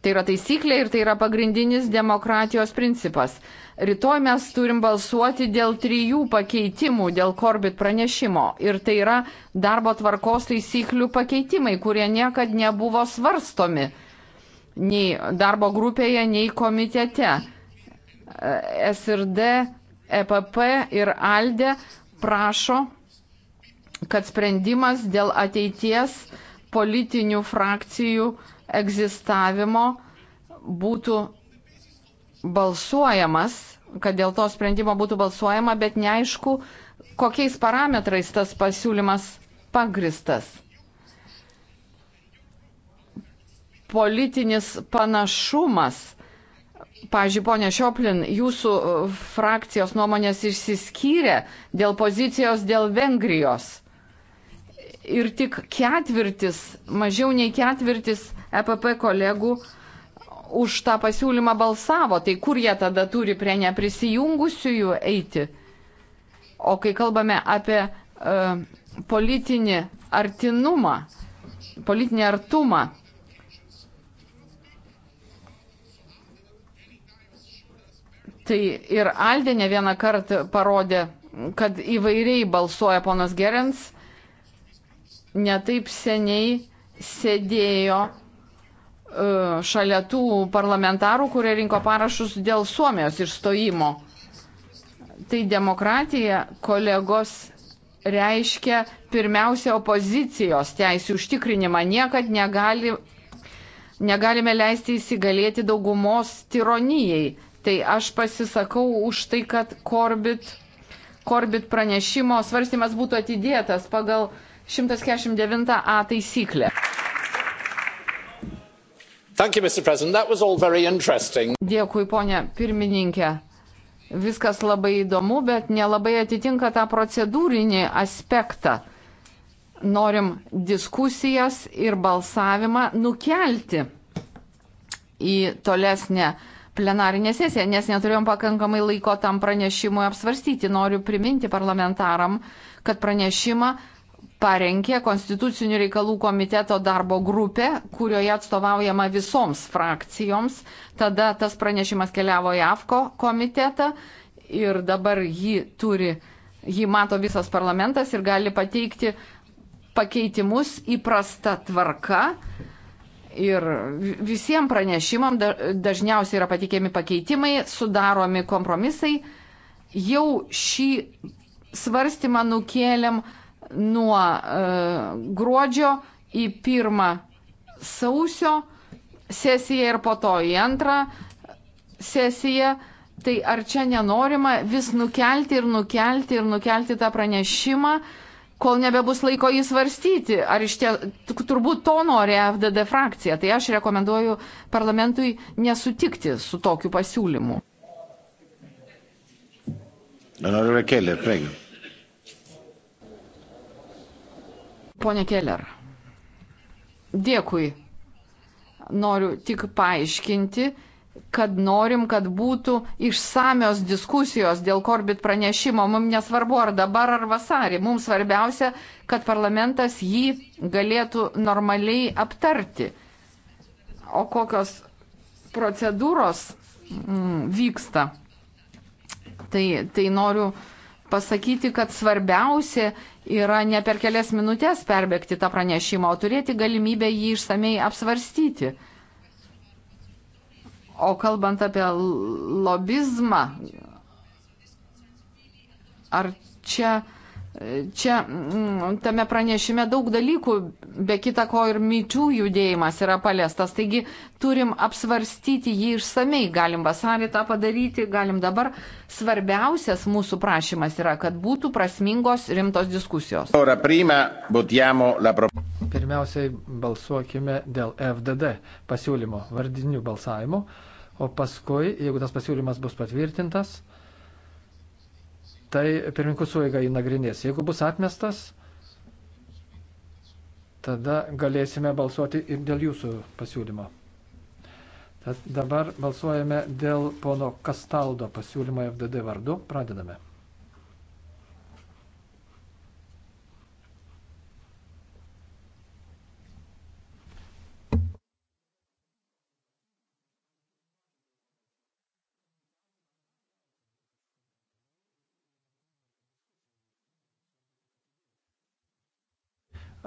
Tai yra taisyklė ir tai yra pagrindinis demokratijos principas. Rytoj mes turim balsuoti dėl trijų pakeitimų, dėl Korbit pranešimo. Ir tai yra darbo tvarkos taisyklių pakeitimai, kurie niekad nebuvo svarstomi nei darbo grupėje, nei komitete. E, SRD, EPP ir ALDE prašo, kad sprendimas dėl ateities politinių frakcijų egzistavimo būtų balsuojamas, kad dėl to sprendimo būtų balsuojama, bet neaišku, kokiais parametrais tas pasiūlymas pagristas. politinis panašumas. Pavyzdžiui, ponė Šioplin, jūsų e, frakcijos nuomonės išsiskyrė dėl pozicijos dėl Vengrijos. Ir tik ketvirtis, mažiau nei ketvirtis EPP kolegų už tą pasiūlymą balsavo. Tai kur jie tada turi prie neprisijungusiųjų eiti? O kai kalbame apie uh, politinį artinumą, politinį artumą, Tai ir Aldė ne vieną kartą parodė, kad įvairiai balsuoja ponas Gerens. Netaip seniai sėdėjo e, šalia tų parlamentarų, kurie rinko parašus dėl Suomijos išstojimo. Tai demokratija, kolegos, reiškia pirmiausia opozicijos teisų užtikrinimą. Niekad negali, negalime leisti įsigalėti daugumos tironijai. Tai aš pasisakau už tai, kad Korbit, Korbit pranešimo svarstymas būtų atidėtas pagal 149a taisyklę. You, Dėkui, ponė pirmininkė. Viskas labai įdomu, bet nelabai atitinka tą procedūrinį aspektą. Norim diskusijas ir balsavimą nukelti į tolesnę uh, plenarinę sesiją, nes neturėjom pakankamai laiko tam pranešimui apsvarstyti. Noriu priminti parlamentaram, kad pranešimą parengė Konstitucinių reikalų komiteto darbo grupė, kurioje atstovaujama visoms frakcijoms. Tada tas pranešimas keliavo į AFKO komitetą ir dabar jį turi, jį mato visas parlamentas ir gali pateikti pakeitimus įprasta tvarka. Ir visiems pranešimam dažniausiai yra pateikiami pakeitimai, sudaromi kompromisai. Jau šį svarstymą nukėlėm nuo uh, gruodžio į pirmą sausio sesiją ir po to į antrą sesiją. Tai ar čia nenorima vis nukelti ir nukelti ir nukelti tą pranešimą? Uh, kol nebebus laiko įsvarstyti, ar iš tie, turbūt to nori FDD frakcija. Tai aš rekomenduoju parlamentui nesutikti su tokiu pasiūlymu. Honorable Keller, prego. Pone Keller, dėkui. Noriu tik paaiškinti, kad norim, kad būtų išsamios diskusijos dėl korbit pranešimo. Mums nesvarbu ar dabar, ar vasarį. Mums svarbiausia, kad parlamentas jį galėtų normaliai aptarti. O kokios procedūros mm, vyksta, tai, tai noriu pasakyti, kad svarbiausia yra ne per kelias minutės perbėgti tą pranešimą, o turėti galimybę jį išsamei apsvarstyti. O kalbant apie lobizmą, ar čia, čia mm, tame pranešime daug dalykų, be kita ko ir myčių judėjimas yra paliestas. Taigi turim apsvarstyti jį išsamei, galim vasarį tą padaryti, galim dabar. Svarbiausias mūsų prašymas yra, kad būtų prasmingos rimtos diskusijos. Pirmiausiai balsuokime dėl FDD pasiūlymo vardinių balsavimų o paskui, jeigu tas pasiūlymas bus patvirtintas, tai pirmininkų suėga jį nagrinės. Jeigu bus atmestas, tada galėsime balsuoti ir dėl jūsų pasiūlymo. Tad dabar balsuojame dėl pono Kastaldo pasiūlymo FDD vardu. Pradedame.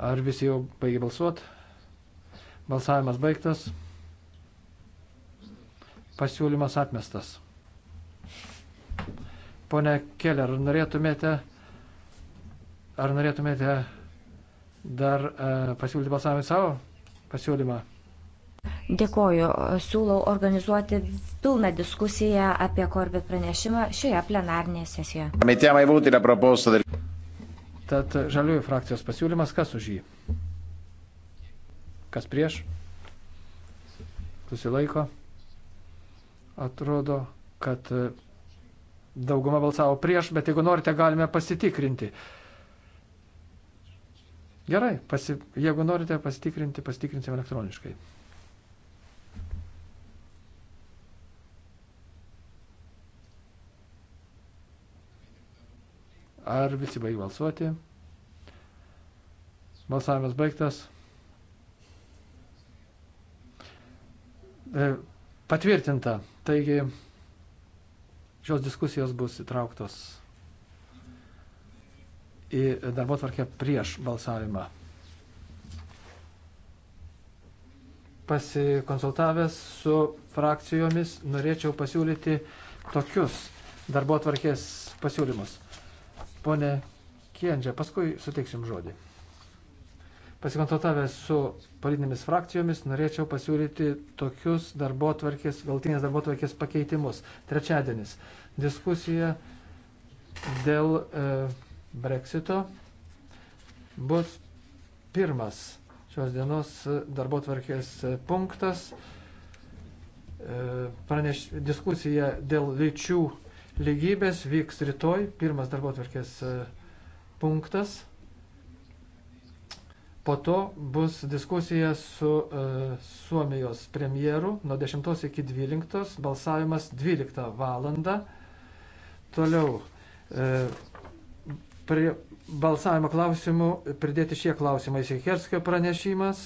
Ar visi jau baigė balsuot? Balsavimas baigtas. Pasiūlymas atmestas. Pone Keller, ar norėtumėte, ar norėtumėte dar e, pasiūlyti balsavimą savo pasiūlymą? Dėkoju. Siūlau organizuoti pilną diskusiją apie Korbit pranešimą šioje plenarnėje sesijoje. Tad žaliųjų frakcijos pasiūlymas, kas už jį? Kas prieš? Susilaiko. Atrodo, kad e, dauguma balsavo prieš, bet jeigu norite, galime pasitikrinti. Gerai, pasi, jeigu norite pasitikrinti, pasitikrinsim elektroniškai. Ar visi baig balsuoti? Balsavimas baigtas. E, patvirtinta. Taigi šios diskusijos bus įtrauktos į darbo tvarkę prieš balsavimą. Pasikonsultavęs su frakcijomis norėčiau pasiūlyti tokius darbo tvarkės pasiūlymus. Pone Kienžia, paskui suteiksim žodį. Pasikonsultavęs su politinėmis frakcijomis, norėčiau pasiūlyti tokius darbo tvarkės, galtinės darbo tvarkės pakeitimus. Trečiadienis - diskusija dėl e, Brexito bus pirmas šios dienos darbo tvarkės punktas. E, praneš, diskusija dėl lyčių lygybės vyks rytoj, pirmas darbo tvarkės e, punktas. Po to bus diskusija su uh, Suomijos premjeru nuo 10 iki 12, balsavimas 12 valandą. Toliau uh, prie balsavimo klausimų pridėti šie klausimai. Sikerskio pranešimas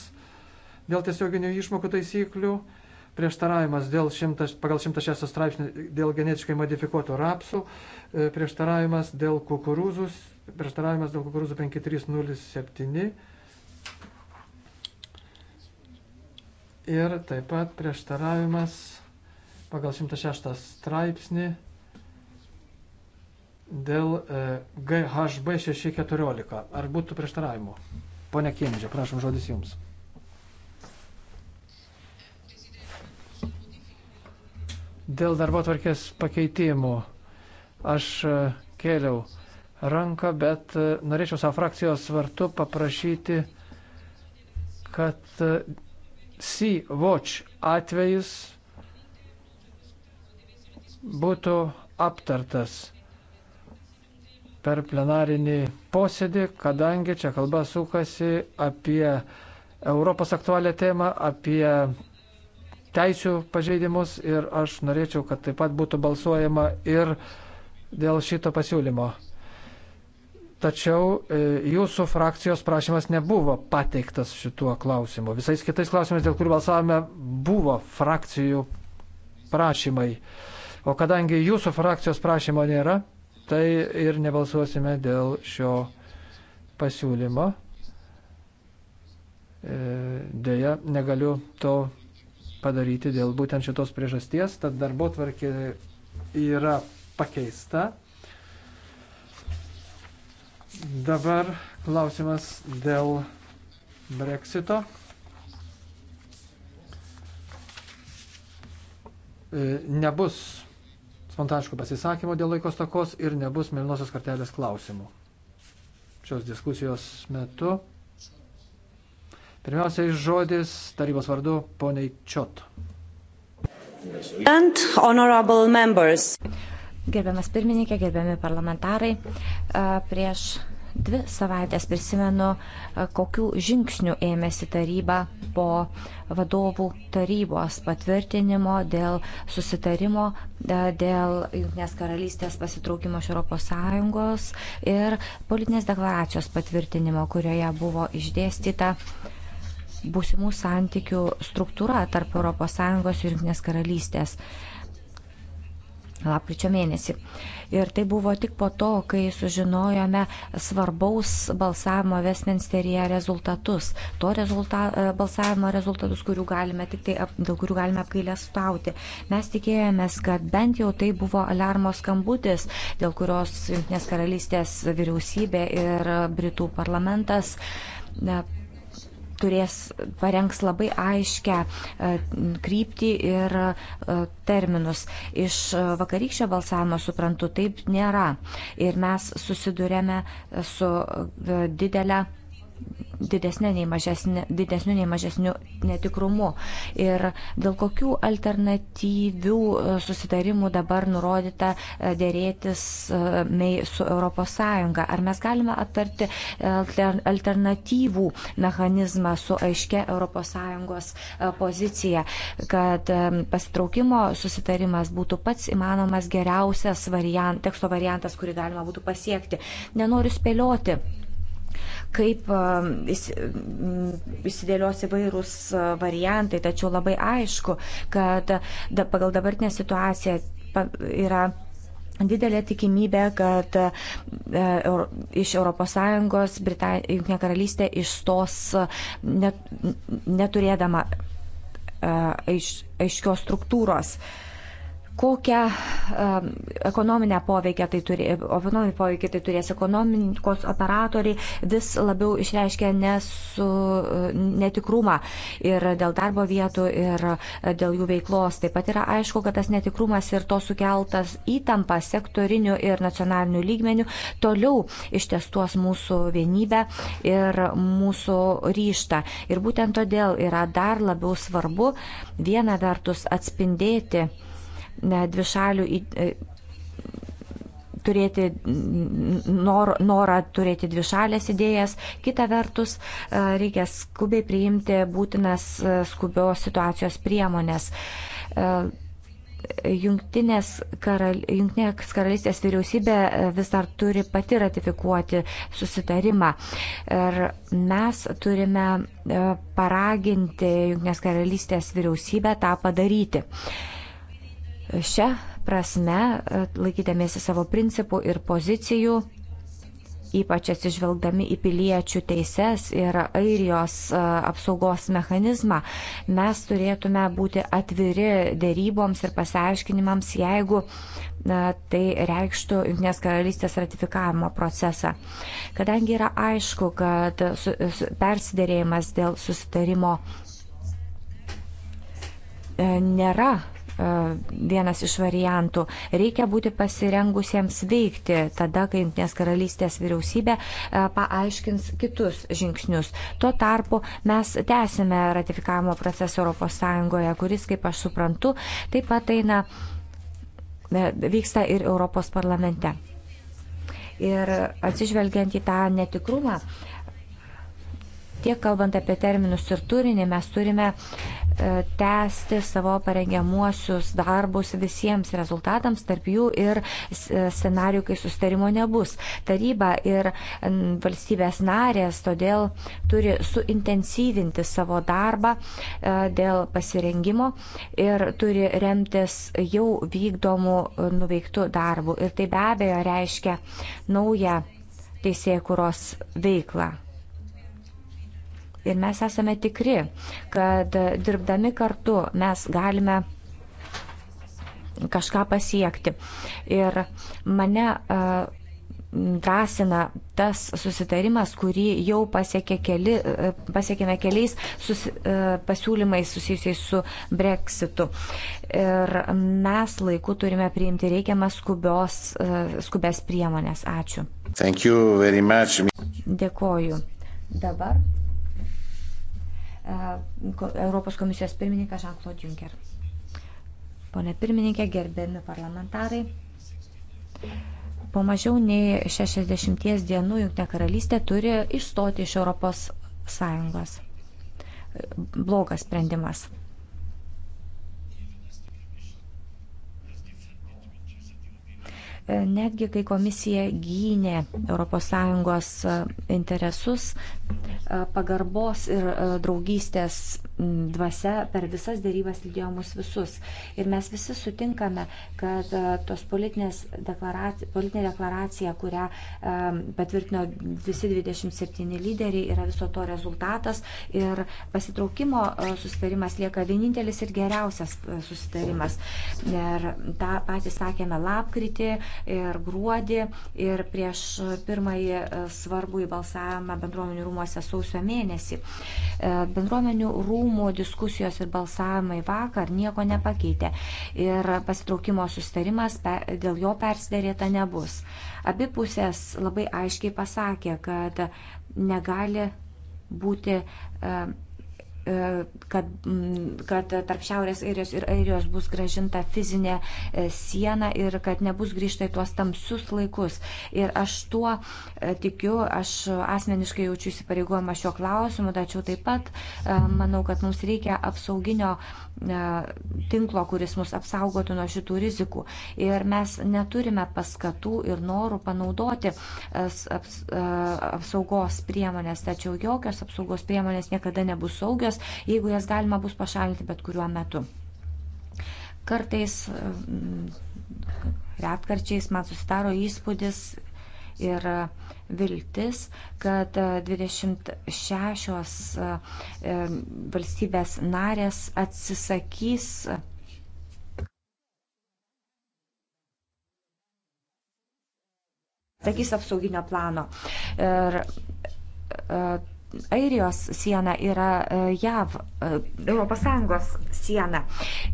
dėl tiesioginių išmokų taisyklių. Uh, prieštaravimas dėl 100, pagal 106 straipsnį dėl genetiškai modifikuotų rapsų, e, prieštaravimas dėl kukurūzų, prieštaravimas dėl kukurūzų 5307 ir taip pat prieštaravimas pagal 106 straipsnį dėl e, GHB 614. Ar būtų prieštaravimų? Pone Kiemžė, prašom žodis jums. Dėl darbo tvarkės pakeitimų aš e, kėliau ranką, bet e, norėčiau savo frakcijos vartu paprašyti, kad e, Sea-Watch atvejis būtų aptartas per plenarinį posėdį, kadangi čia kalba sukasi apie Europos aktualią temą, apie teisų pažeidimus ir aš norėčiau, kad taip pat būtų balsuojama ir dėl šito pasiūlymo. Tačiau e, jūsų frakcijos prašymas nebuvo pateiktas šituo klausimu. Visais kitais klausimais, dėl kurių balsavome, buvo frakcijų prašymai. O kadangi jūsų frakcijos prašymo nėra, tai ir nebalsuosime dėl šio pasiūlymo. E, Deja, negaliu to padaryti dėl būtent šitos priežasties, tad darbo tvarkė yra pakeista. Dabar klausimas dėl Brexito. E, nebus spontaniškų pasisakymų dėl laikos takos ir nebus mėlynosios kartelės klausimų. Šios diskusijos metu Pirmiausiai žodis tarybos vardu poniai Čiot. And honorable members. Gerbiamas pirmininkė, gerbiami parlamentarai, prieš dvi savaitės prisimenu, kokių žingsnių ėmėsi taryba po vadovų tarybos patvirtinimo dėl susitarimo, dėl Junktinės karalystės pasitraukimo iš ES ir politinės deklaracijos patvirtinimo, kurioje buvo išdėstyta uh, būsimų santykių struktūra tarp ES ir Junktinės karalystės lapkričio mėnesį. Ir tai buvo tik po to, kai sužinojome svarbaus balsavimo Westminsteryje rezultatus. To rezulta, balsavimo rezultatus, kurių galime, tik tai, dėl kurių galime apgailę stauti. Mes tikėjomės, kad bent jau tai buvo alarmo skambutis, dėl kurios Junktinės karalystės vyriausybė ir Britų parlamentas turės parengs labai aiškę e, kryptį ir e, terminus. Iš e, vakarykščio balsavimo suprantu, taip nėra. Ir mes susidurėme su didelė didesniu nei mažesniu netikrumu. Ir dėl kokių alternatyvių e, susitarimų dabar nurodyta e, dėrėtis e, mei su ES? Ar mes galime aptarti alternatyvų mechanizmą su aiškia ES pozicija, kad pasitraukimo susitarimas būtų pats įmanomas geriausias variant, teksto variantas, kurį galima būtų pasiekti? Nenoriu spėlioti kaip įsidėlios įvairūs variantai, tačiau labai aišku, kad pagal dabartinę situaciją yra didelė tikimybė, kad iš ES Junktinė karalystė išstos net, neturėdama aiš, aiškios struktūros. Uh, kokią um, ekonominę poveikį tai, turė, ekonominį poveikį tai turės. Ekonomikos operatoriai vis labiau išreiškia nesu, netikrumą ir dėl darbo vietų, ir dėl jų veiklos. Taip pat yra aišku, kad tas netikrumas ir to sukeltas įtampa sektoriniu ir nacionaliniu lygmeniu toliau ištestuos mūsų vienybę ir mūsų ryštą. Ir būtent todėl yra dar labiau svarbu viena vertus atspindėti dvišalių e, turėti nor, norą turėti dvišalės idėjas. Kita vertus, e, reikia skubiai priimti būtinas e, skubios situacijos priemonės. Jungtinės, karal, Jungtinės karalystės vyriausybė vis dar turi pati ratifikuoti susitarimą. Ir mes turime paraginti Jungtinės karalystės vyriausybę tą padaryti. Uh, Šią prasme, e, laikydamėsi savo principų ir pozicijų, ypač atsižvelgdami į piliečių teises ir airijos e, apsaugos mechanizmą, mes turėtume būti atviri dėryboms ir pasiaiškinimams, jeigu e, tai reikštų Junktinės karalystės ratifikavimo procesą. Kadangi yra aišku, kad persidėrėjimas dėl susitarimo nėra E, vienas iš variantų. Reikia būti pasirengusiems veikti tada, kai Junktinės karalystės vyriausybė e, paaiškins kitus žingsnius. Tuo tarpu mes tęsime ratifikavimo procesą ES, kuris, kaip aš suprantu, taip pat eina, e, vyksta ir Europos parlamente. Ir atsižvelgiant į tą netikrumą, uh, Tiek kalbant apie terminus ir turinį, mes turime e, tęsti savo parengiamuosius darbus visiems rezultatams, tarp jų ir e, scenarių, kai sustarimo nebus. Taryba ir valstybės narės todėl turi suintensyvinti savo darbą e, dėl pasirengimo ir turi remtis jau vykdomų nuveiktų darbų. Ir tai be abejo reiškia naują teisėkuros veiklą. Ir mes esame tikri, kad dirbdami kartu mes galime kažką pasiekti. Ir mane drąsina tas susitarimas, kurį jau pasiekė keli, pasiekėme keliais sus, pasiūlymais susijusiais su breksitu. Ir mes laiku turime priimti reikiamas skubios, skubės priemonės. Ačiū. Dėkoju. Dabar E, Europos komisijos pirmininkas Jean-Claude Juncker. Pone pirmininkė, gerbiami parlamentarai. Po mažiau nei 60 dienų Junktinė karalystė turi išstoti iš Europos Sąjungos. Blogas sprendimas. netgi kai komisija gynė ES interesus, pagarbos ir e, draugystės dvasia per visas dėrybas lydėjo mus visus. Ir mes visi sutinkame, kad e, tos politinės deklaracija, politinė deklaracija, kurią e, patvirtino visi 27 lyderiai, yra viso to rezultatas. Ir pasitraukimo e, susitarimas lieka vienintelis ir geriausias susitarimas. Ir tą patį sakėme lapkritį ir gruodį ir prieš pirmąjį svarbų įbalsavimą bendruomenių rūmose sausio mėnesį. Bendruomenių rūmų rūmų diskusijos ir balsavimai vakar nieko nepakeitė ir pasitraukimo sustarimas dėl jo persidarėta nebus. Abi pusės labai aiškiai pasakė, kad negali būti e, E, kad, mm, kad tarp Šiaurės Airijos ir Airijos bus gražinta fizinė e, siena ir kad nebus grįžta į tuos tamsius laikus. Ir aš tuo e, tikiu, aš asmeniškai jaučiu įsipareigojimą šio klausimu, tačiau taip pat manau, kad mums reikia apsauginio tinklo, kuris mus apsaugotų nuo šitų rizikų. Ir mes neturime paskatų ir norų panaudoti apsaugos priemonės, tačiau jokios apsaugos priemonės niekada nebus saugios funkcijas, jeigu jas galima bus pašalinti bet kuriuo metu. Kartais, mm, retkarčiais man susidaro įspūdis ir viltis, kad 26 e, valstybės narės atsisakys sakys apsauginio plano. Ir e, Airijos siena yra e, JAV, ES sieną.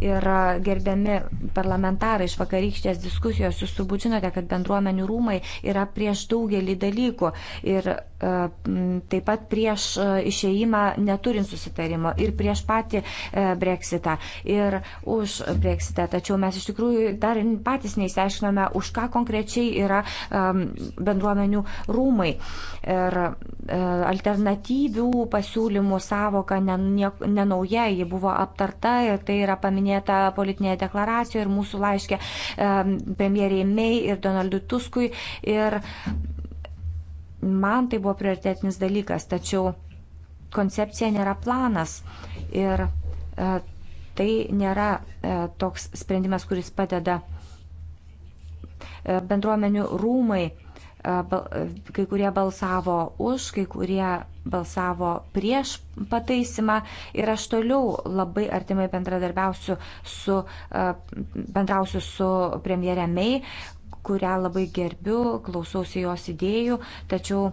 Ir gerbiami parlamentarai iš vakarykštės diskusijos, jūs turbūt žinote, kad bendruomenių rūmai yra prieš daugelį dalykų ir taip pat prieš išeimą neturint susitarimo ir prieš patį e, breksitą ir už breksitą. Tačiau mes iš tikrųjų dar patys neįsiaiškiname, už ką konkrečiai yra bendruomenių rūmai. Ir e, alternatyvių pasiūlymų savoka nenauja, ji buvo aptarta tai yra paminėta politinėje deklaracijoje ir mūsų laiškė premjeriai May ir Donaldui Tuskui. Ir man tai buvo prioritetinis dalykas, tačiau koncepcija nėra planas. Ir e, tai nėra e, toks sprendimas, kuris padeda e, bendruomenių rūmai kai kurie balsavo už, kai kurie balsavo prieš pataisimą ir aš toliau labai artimai bendradarbiausiu su, e, bendrausiu su premjerė Mei, kurią labai gerbiu, klausausi jos idėjų, tačiau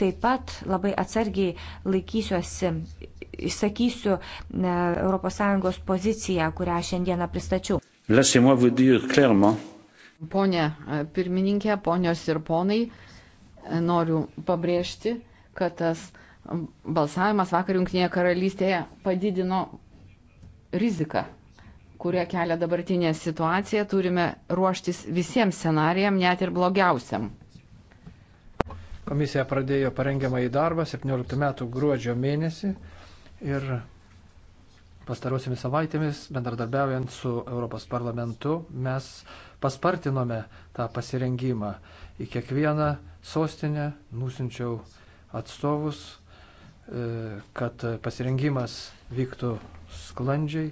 taip pat labai atsargiai laikysiuosi, išsakysiu ES poziciją, kurią šiandieną pristačiau. Laissez-moi vous dire clairement Pone e, pirmininkė, ponios ir ponai, e, noriu pabrėžti, kad tas balsavimas vakar Junktinėje karalystėje padidino riziką, kurią kelia dabartinė situacija. Turime ruoštis visiems scenarijam, net ir blogiausiam. Komisija pradėjo parengiamą į darbą 17 metų gruodžio mėnesį ir pastarosiamis savaitėmis, bendradarbiaujant su Europos parlamentu, mes uh, paspartinome tą pasirengimą. Į kiekvieną sostinę nusinčiau atstovus, e, kad pasirengimas vyktų sklandžiai.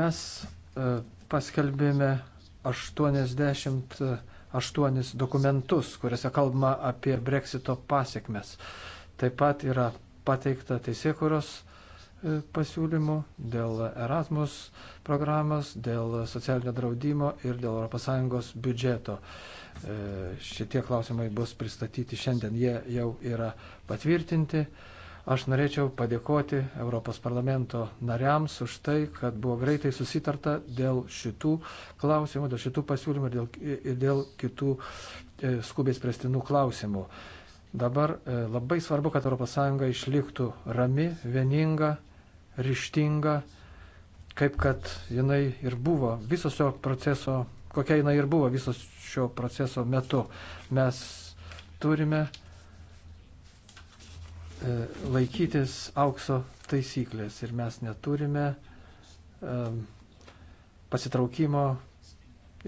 Mes e, paskelbėme 88 dokumentus, kuriuose kalbama apie breksito pasiekmes. Taip pat yra pateikta teisėkuros E, pasiūlymų, dėl Erasmus programos, dėl socialinio draudimo ir dėl ES biudžeto. E, šitie klausimai bus pristatyti šiandien, jie jau yra patvirtinti. Aš norėčiau padėkoti Europos parlamento nariams už tai, kad buvo greitai susitarta dėl šitų klausimų, dėl šitų pasiūlymų ir dėl, ir dėl kitų e, skubiai spręstinų klausimų. Dabar labai svarbu, kad ES išliktų rami, vieninga ryštinga, kaip kad jinai ir buvo viso šio proceso, kokia jinai ir buvo viso šio proceso metu. Mes turime e, laikytis aukso taisyklės ir mes neturime e, pasitraukimo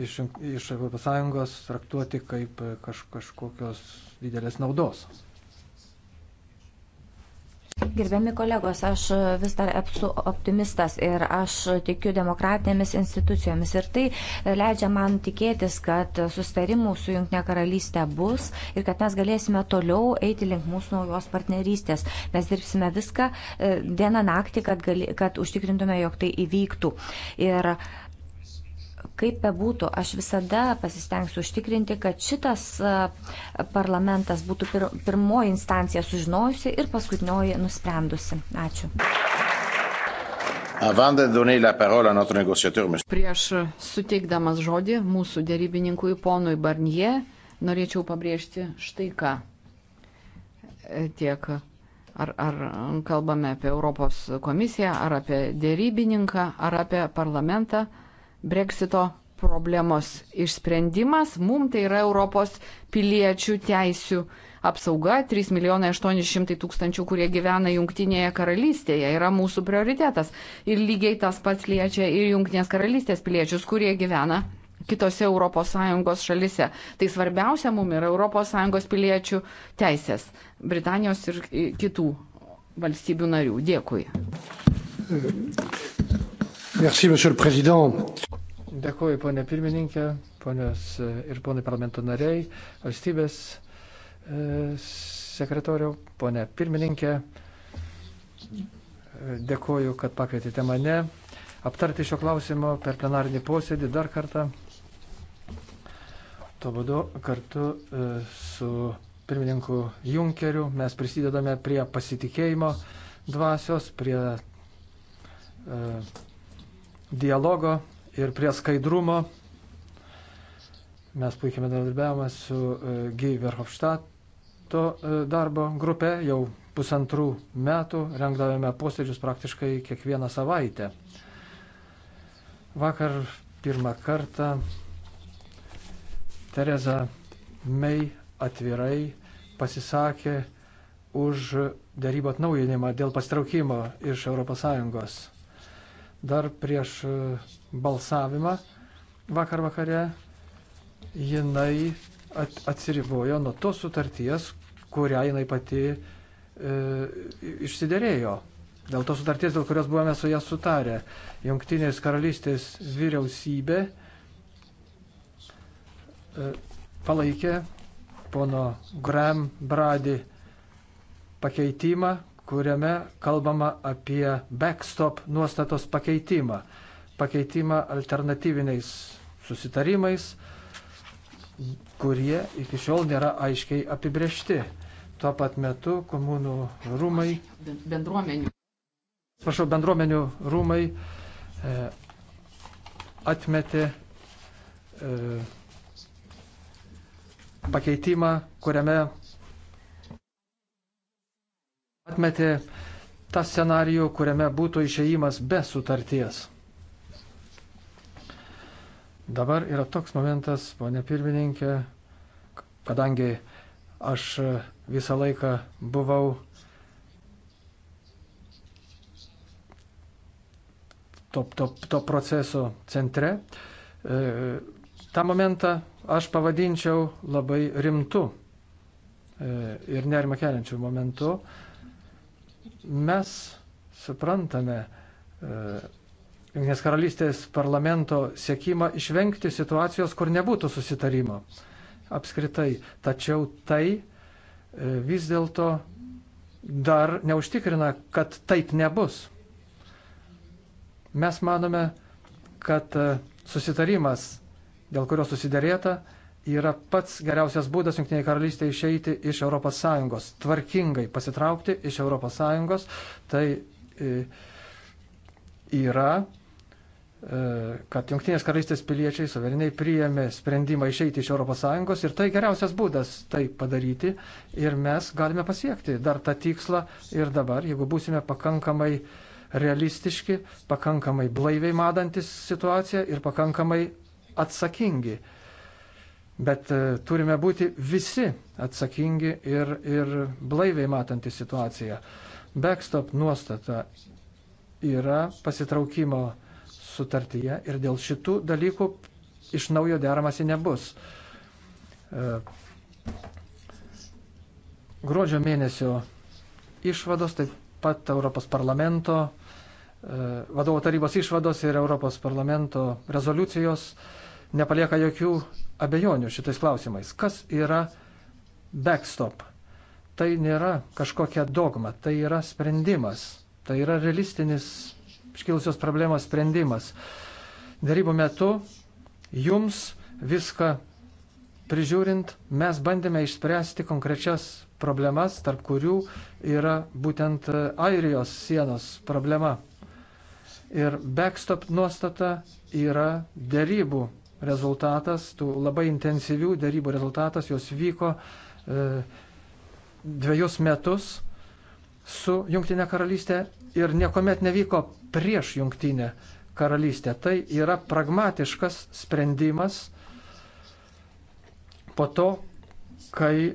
iš ES traktuoti kaip e, kaž, kažkokios didelės naudos. Gerbiami kolegos, aš vis dar esu optimistas ir aš tikiu demokratinėmis institucijomis ir tai leidžia man tikėtis, kad sustarimų su Junktinė karalystė bus ir kad mes galėsime toliau eiti link mūsų naujos partnerystės. Mes dirbsime viską e, dieną naktį, kad, gali, kad užtikrintume, jog tai įvyktų. Ir Kaip be būtų, aš visada pasistengsiu užtikrinti, kad šitas parlamentas būtų pir pirmoji instancija sužinojusi ir paskutinioji nusprendusi. Ačiū. Prieš suteikdamas žodį mūsų dėrybininkui ponui Barnie, norėčiau pabrėžti štai ką. E, tiek ar, ar kalbame apie Europos komisiją, ar apie dėrybininką, ar apie parlamentą. Brexito problemos išsprendimas. Mums tai yra Europos piliečių teisių apsauga. 3 milijonai 800 tūkstančių, kurie gyvena Junktinėje karalystėje, yra mūsų prioritetas. Ir lygiai tas pats liečia ir Junktinės karalystės piliečius, kurie gyvena kitose ES šalise. Tai svarbiausia mums yra ES piliečių teisės Britanijos ir kitų valstybių narių. Dėkui. Merci, monsieur le président. Dėkuoju, ponė pirmininkė, ponios e, ir ponai parlamento nariai, valstybės e, sekretoriau, ponė pirmininkė. E, dėkuoju, kad pakvietėte mane aptarti šio klausimo per plenarinį posėdį dar kartą. Tuo būdu kartu su pirmininku Junkeriu mes prisidedame prie pasitikėjimo dvasios, prie uh, dialogo ir prie skaidrumo. Mes puikiai bendradarbiavome su e, G. Verhofstadto e, darbo grupė jau pusantrų metų, rengdavome posėdžius praktiškai kiekvieną savaitę. Vakar pirmą kartą Tereza May atvirai pasisakė už darybą atnaujinimą dėl pastraukimo iš ES dar prieš e, balsavimą vakar vakare jinai atsiribojo nuo tos sutarties, kurią jinai pati e, išsiderėjo. Dėl tos sutarties, dėl kurios buvome su ją sutarę. Junktinės karalystės vyriausybė e, palaikė pono Graham Brady pakeitimą, kuriame kalbama apie backstop nuostatos pakeitimą, pakeitimą alternatyviniais susitarimais, kurie iki šiol nėra aiškiai apibriešti. Tuo pat metu komunų rūmai. Bendruomenių. Prašau, bendruomenių rūmai e, atmetė e, pakeitimą, kuriame atmetė tą scenarijų, kuriame būtų išeimas be sutarties. Dabar yra toks momentas, ponė pirmininkė, kadangi aš visą laiką buvau to, to, to proceso centre, e, tą momentą aš pavadinčiau labai rimtu e, ir nerima keliančiu momentu. E, Mes suprantame e, Junktinės karalystės parlamento siekimą išvengti situacijos, kur nebūtų susitarimo apskritai. Tačiau tai e, vis dėlto dar neužtikrina, kad taip nebus. Mes manome, kad e, susitarimas, dėl kurio susidarėta, yra pats geriausias būdas Junktiniai karalystė išeiti iš ES, tvarkingai pasitraukti iš ES. Tai e, yra, e, kad Junktinės karalystės piliečiai suvereniai priėmė sprendimą išeiti iš ES ir tai geriausias būdas tai padaryti ir mes galime pasiekti dar tą tikslą ir dabar, jeigu būsime pakankamai realistiški, pakankamai blaiviai madantis situaciją ir pakankamai atsakingi. Bet e, turime būti visi atsakingi ir, ir blaiviai matantį situaciją. Backstop nuostata yra pasitraukimo sutartyje ir dėl šitų dalykų iš naujo deramasi nebus. E, gruodžio mėnesio išvados, taip pat Europos parlamento, e, vadovo tarybos išvados ir Europos parlamento rezoliucijos nepalieka jokių abejonių šitais klausimais. Kas yra backstop? Tai nėra kažkokia dogma, tai yra sprendimas, tai yra realistinis iškilusios problemos sprendimas. Darybų metu jums viską prižiūrint, mes bandėme išspręsti konkrečias problemas, tarp kurių yra būtent Airijos sienos problema. Ir backstop nuostata yra dėrybų rezultatas, tų labai intensyvių darybų rezultatas, jos vyko e, dviejus metus su Junktinė karalystė ir niekuomet nevyko prieš Junktinę karalystę. Tai yra pragmatiškas sprendimas po to, kai e,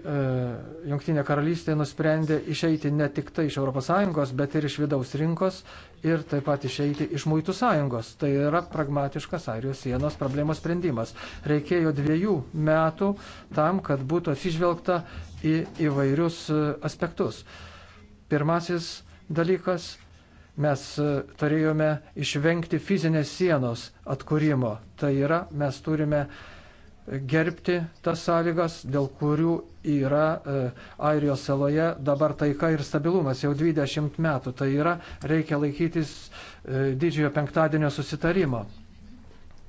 Junktinė karalystė nusprendė išeiti ne tik tai iš ES, bet ir iš vidaus rinkos ir taip pat išeiti iš Muitų sąjungos. Tai yra pragmatiškas Airijos sienos problemos sprendimas. Reikėjo dviejų metų tam, kad būtų atsižvelgta į įvairius e, aspektus. Pirmasis dalykas mes e, turėjome išvengti fizinės sienos atkūrimo. Tai yra, mes turime gerbti tas sąlygas, dėl kurių yra e, Airijos saloje dabar taika ir stabilumas jau 20 metų. Tai yra, reikia laikytis e, didžiojo penktadienio susitarimo.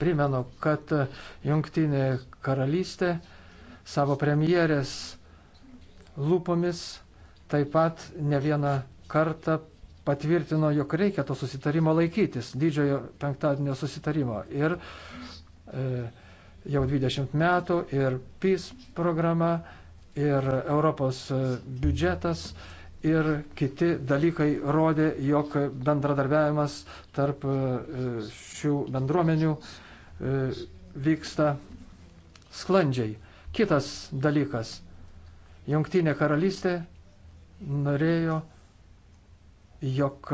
Primenu, kad e, Junktinė karalystė savo premjerės lūpomis taip pat ne vieną kartą patvirtino, jog reikia to susitarimo laikytis, didžiojo penktadienio susitarimo. Ir e, jau 20 metų ir PIS programa, ir Europos e, biudžetas, ir kiti dalykai rodė, jog bendradarbiavimas tarp e, šių bendruomenių e, vyksta sklandžiai. Kitas dalykas. Jungtinė karalystė norėjo, jog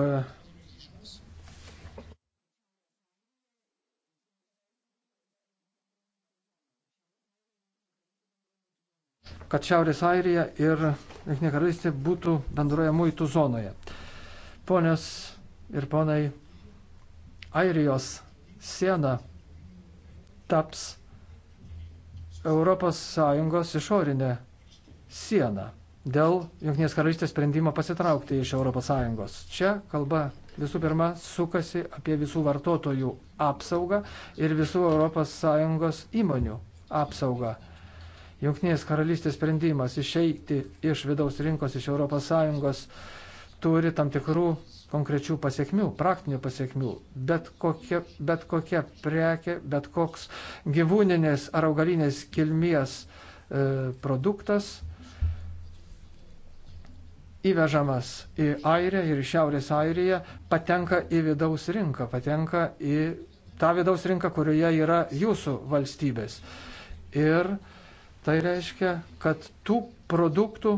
kad Šiaurės Airija ir Junktinė karalystė būtų bendroje muitų zonoje. Ponios ir ponai, Airijos siena taps ES išorinė siena dėl Junktinės karalystės sprendimo pasitraukti iš ES. Čia kalba visų pirma sukasi apie visų vartotojų apsaugą ir visų ES įmonių apsaugą. Junktinės karalystės sprendimas išeiti iš vidaus rinkos, iš ES turi tam tikrų konkrečių pasiekmių, praktinių pasiekmių. Bet kokia, bet kokia prekė, bet koks gyvūninės ar augalinės kilmės e, produktas įvežamas į Airiją ir į Šiaurės Airiją patenka į vidaus rinką, patenka į tą vidaus rinką, kurioje yra jūsų valstybės. Ir e, Tai reiškia, kad tų produktų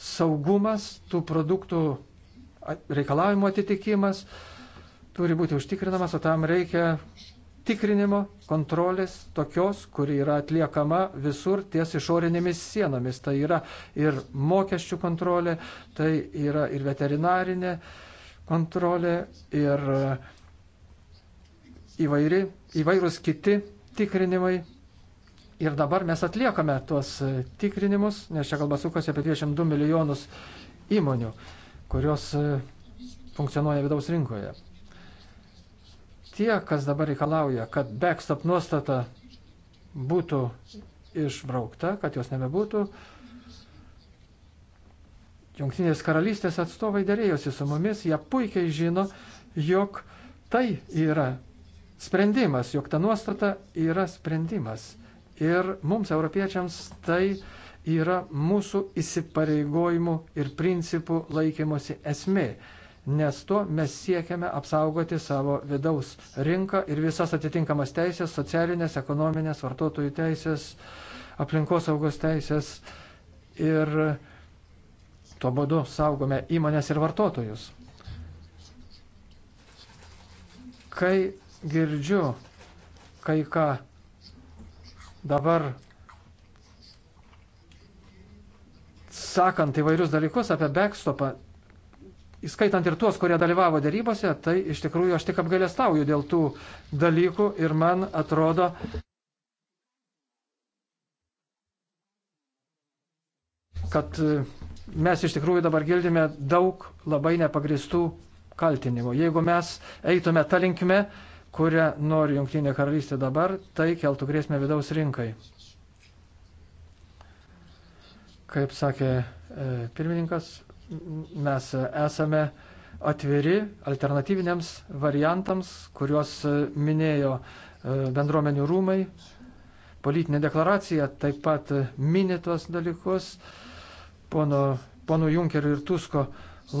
saugumas, tų produktų reikalavimo atitikimas turi būti užtikrinamas, o tam reikia tikrinimo, kontrolės tokios, kuri yra atliekama visur ties išorinėmis sienomis. Tai yra ir mokesčių kontrolė, tai yra ir veterinarinė kontrolė, ir e, įvairi, įvairūs kiti tikrinimai Ir dabar mes atliekame tuos e, tikrinimus, nes čia kalba sukasi apie 22 milijonus įmonių, kurios e, funkcionuoja vidaus rinkoje. Tie, kas dabar reikalauja, kad backstop nuostata būtų išbraukta, kad jos nebebūtų, Junktinės karalystės atstovai dėrėjosi su mumis, jie puikiai žino, jog tai yra sprendimas, jog ta nuostata yra sprendimas Ir mums, europiečiams, tai yra mūsų įsipareigojimų ir principų laikymosi esmė. Nes tuo mes siekiame apsaugoti savo vidaus rinką ir visas atitinkamas teisės, socialinės, ekonominės, vartotojų teisės, aplinkosaugos teisės. Ir tuo būdu saugome įmonės ir vartotojus. Kai girdžiu kai ką dabar sakant įvairius dalykus apie backstopą, įskaitant ir tuos, kurie dalyvavo dėrybose, tai iš tikrųjų aš tik apgailestauju dėl tų dalykų ir man atrodo. kad e, mes iš tikrųjų dabar girdime daug labai nepagristų kaltinimų. Jeigu mes eitume tą linkme, kurią nori Junktinė karalystė dabar, tai keltų grėsmę vidaus rinkai. Kaip sakė e, pirmininkas, mes esame atviri alternatyviniams variantams, kuriuos e, minėjo e, bendruomenių rūmai. Politinė deklaracija taip pat mini tuos dalykus. Pono, pono Junkerio ir Tusko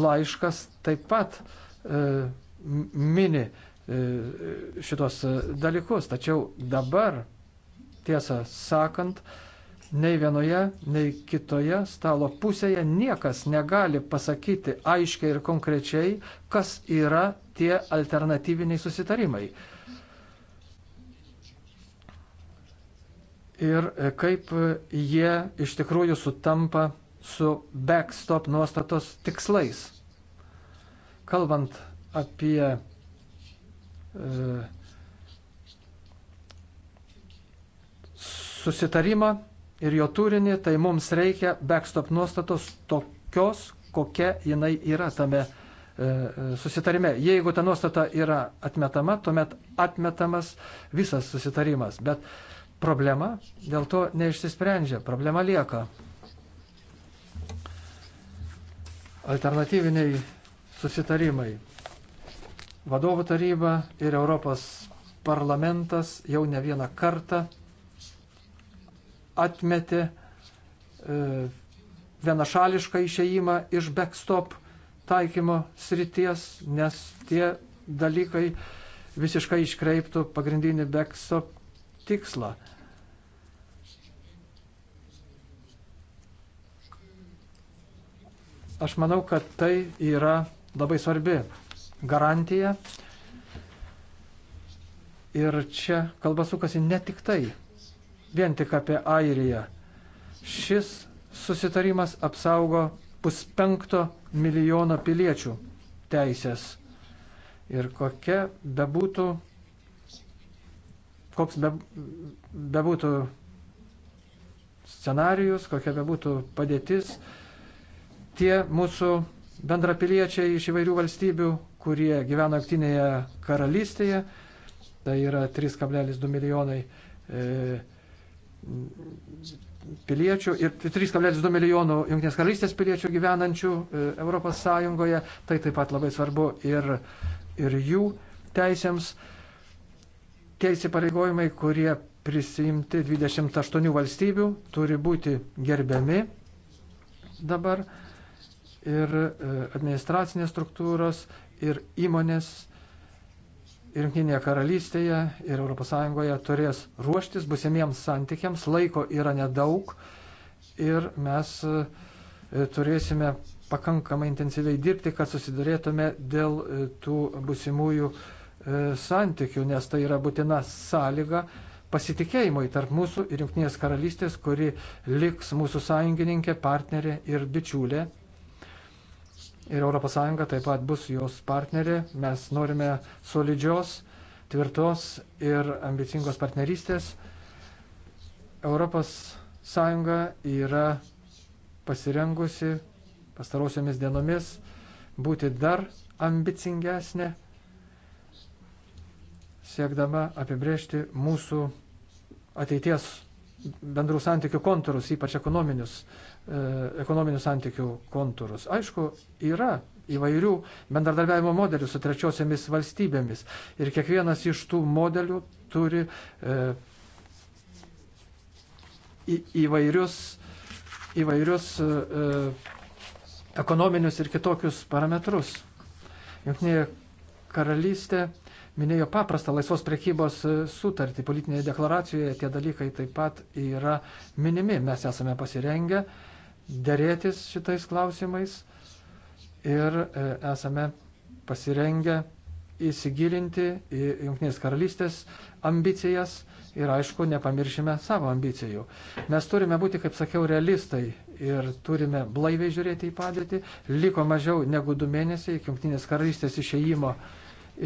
laiškas taip pat e, mini E, šitos e, dalykus. Tačiau dabar, tiesą sakant, nei vienoje, nei kitoje stalo pusėje niekas negali pasakyti aiškiai ir konkrečiai, kas yra tie alternatyviniai susitarimai. ir e, kaip jie iš tikrųjų sutampa su backstop nuostatos tikslais. Kalbant apie susitarimą ir jo turinį, tai mums reikia backstop nuostatos tokios, kokia jinai yra tame e, susitarime. Jeigu ta nuostata yra atmetama, tuomet atmetamas visas susitarimas. Bet problema dėl to neišsisprendžia, problema lieka. Alternatyviniai susitarimai Vadovų taryba ir Europos parlamentas jau ne vieną kartą atmetė e, vienašališką išeimą iš backstop taikymo srities, nes tie dalykai visiškai iškreiptų pagrindinį backstop tikslą. Aš manau, kad tai yra labai svarbi garantija. Ir čia kalba sukasi ne tik tai, vien tik apie Airiją. Šis susitarimas apsaugo puspenkto milijono piliečių teisės. Ir kokia bebūtų, koks be, bebūtų scenarius, kokia bebūtų padėtis, tie mūsų bendrapiliečiai iš įvairių valstybių kurie gyvena aktinėje karalystėje, tai yra 3,2 milijonai e, piliečių ir 3,2 milijonų Junktinės karalystės piliečių gyvenančių ES, tai taip pat labai svarbu ir, ir jų teisėms. Tie įsipareigojimai, kurie prisimti 28 valstybių, turi būti gerbiami dabar ir e, administracinės struktūros, ir įmonės Junktinėje karalystėje ir ES turės ruoštis busimiems santykiams, laiko yra nedaug ir mes e, turėsime pakankamai intensyviai dirbti, kad susidurėtume dėl e, tų busimųjų e, santykių, nes tai yra būtina sąlyga pasitikėjimui tarp mūsų ir Junktinės karalystės, kuri liks mūsų sąjungininkė, partnerė ir bičiulė ir ES taip pat bus jos partnerė. Mes norime solidžios, tvirtos ir ambicingos partnerystės. ES yra pasirengusi pastarosiomis dienomis būti dar ambicingesnė, siekdama apibrėžti mūsų ateities bendrų santykių kontūrus, ypač ekonominius E, ekonominių santykių kontūrus. Aišku, yra įvairių bendradarbiavimo modelių su trečiosiamis valstybėmis ir kiekvienas iš tų modelių turi e, į, įvairius, įvairius e, e ekonominius ir kitokius parametrus. Junktinėje karalystė minėjo paprastą laisvos prekybos e, sutartį. Politinėje deklaracijoje tie dalykai taip pat yra minimi. Mes esame pasirengę e, dėrėtis šitais klausimais ir e, esame pasirengę įsigilinti į Junktinės karalystės ambicijas ir aišku, nepamiršime savo ambicijų. Mes turime būti, kaip sakiau, realistai ir turime blaiviai žiūrėti į padėtį. Liko mažiau negu du mėnesiai iki Junktinės karalystės išėjimo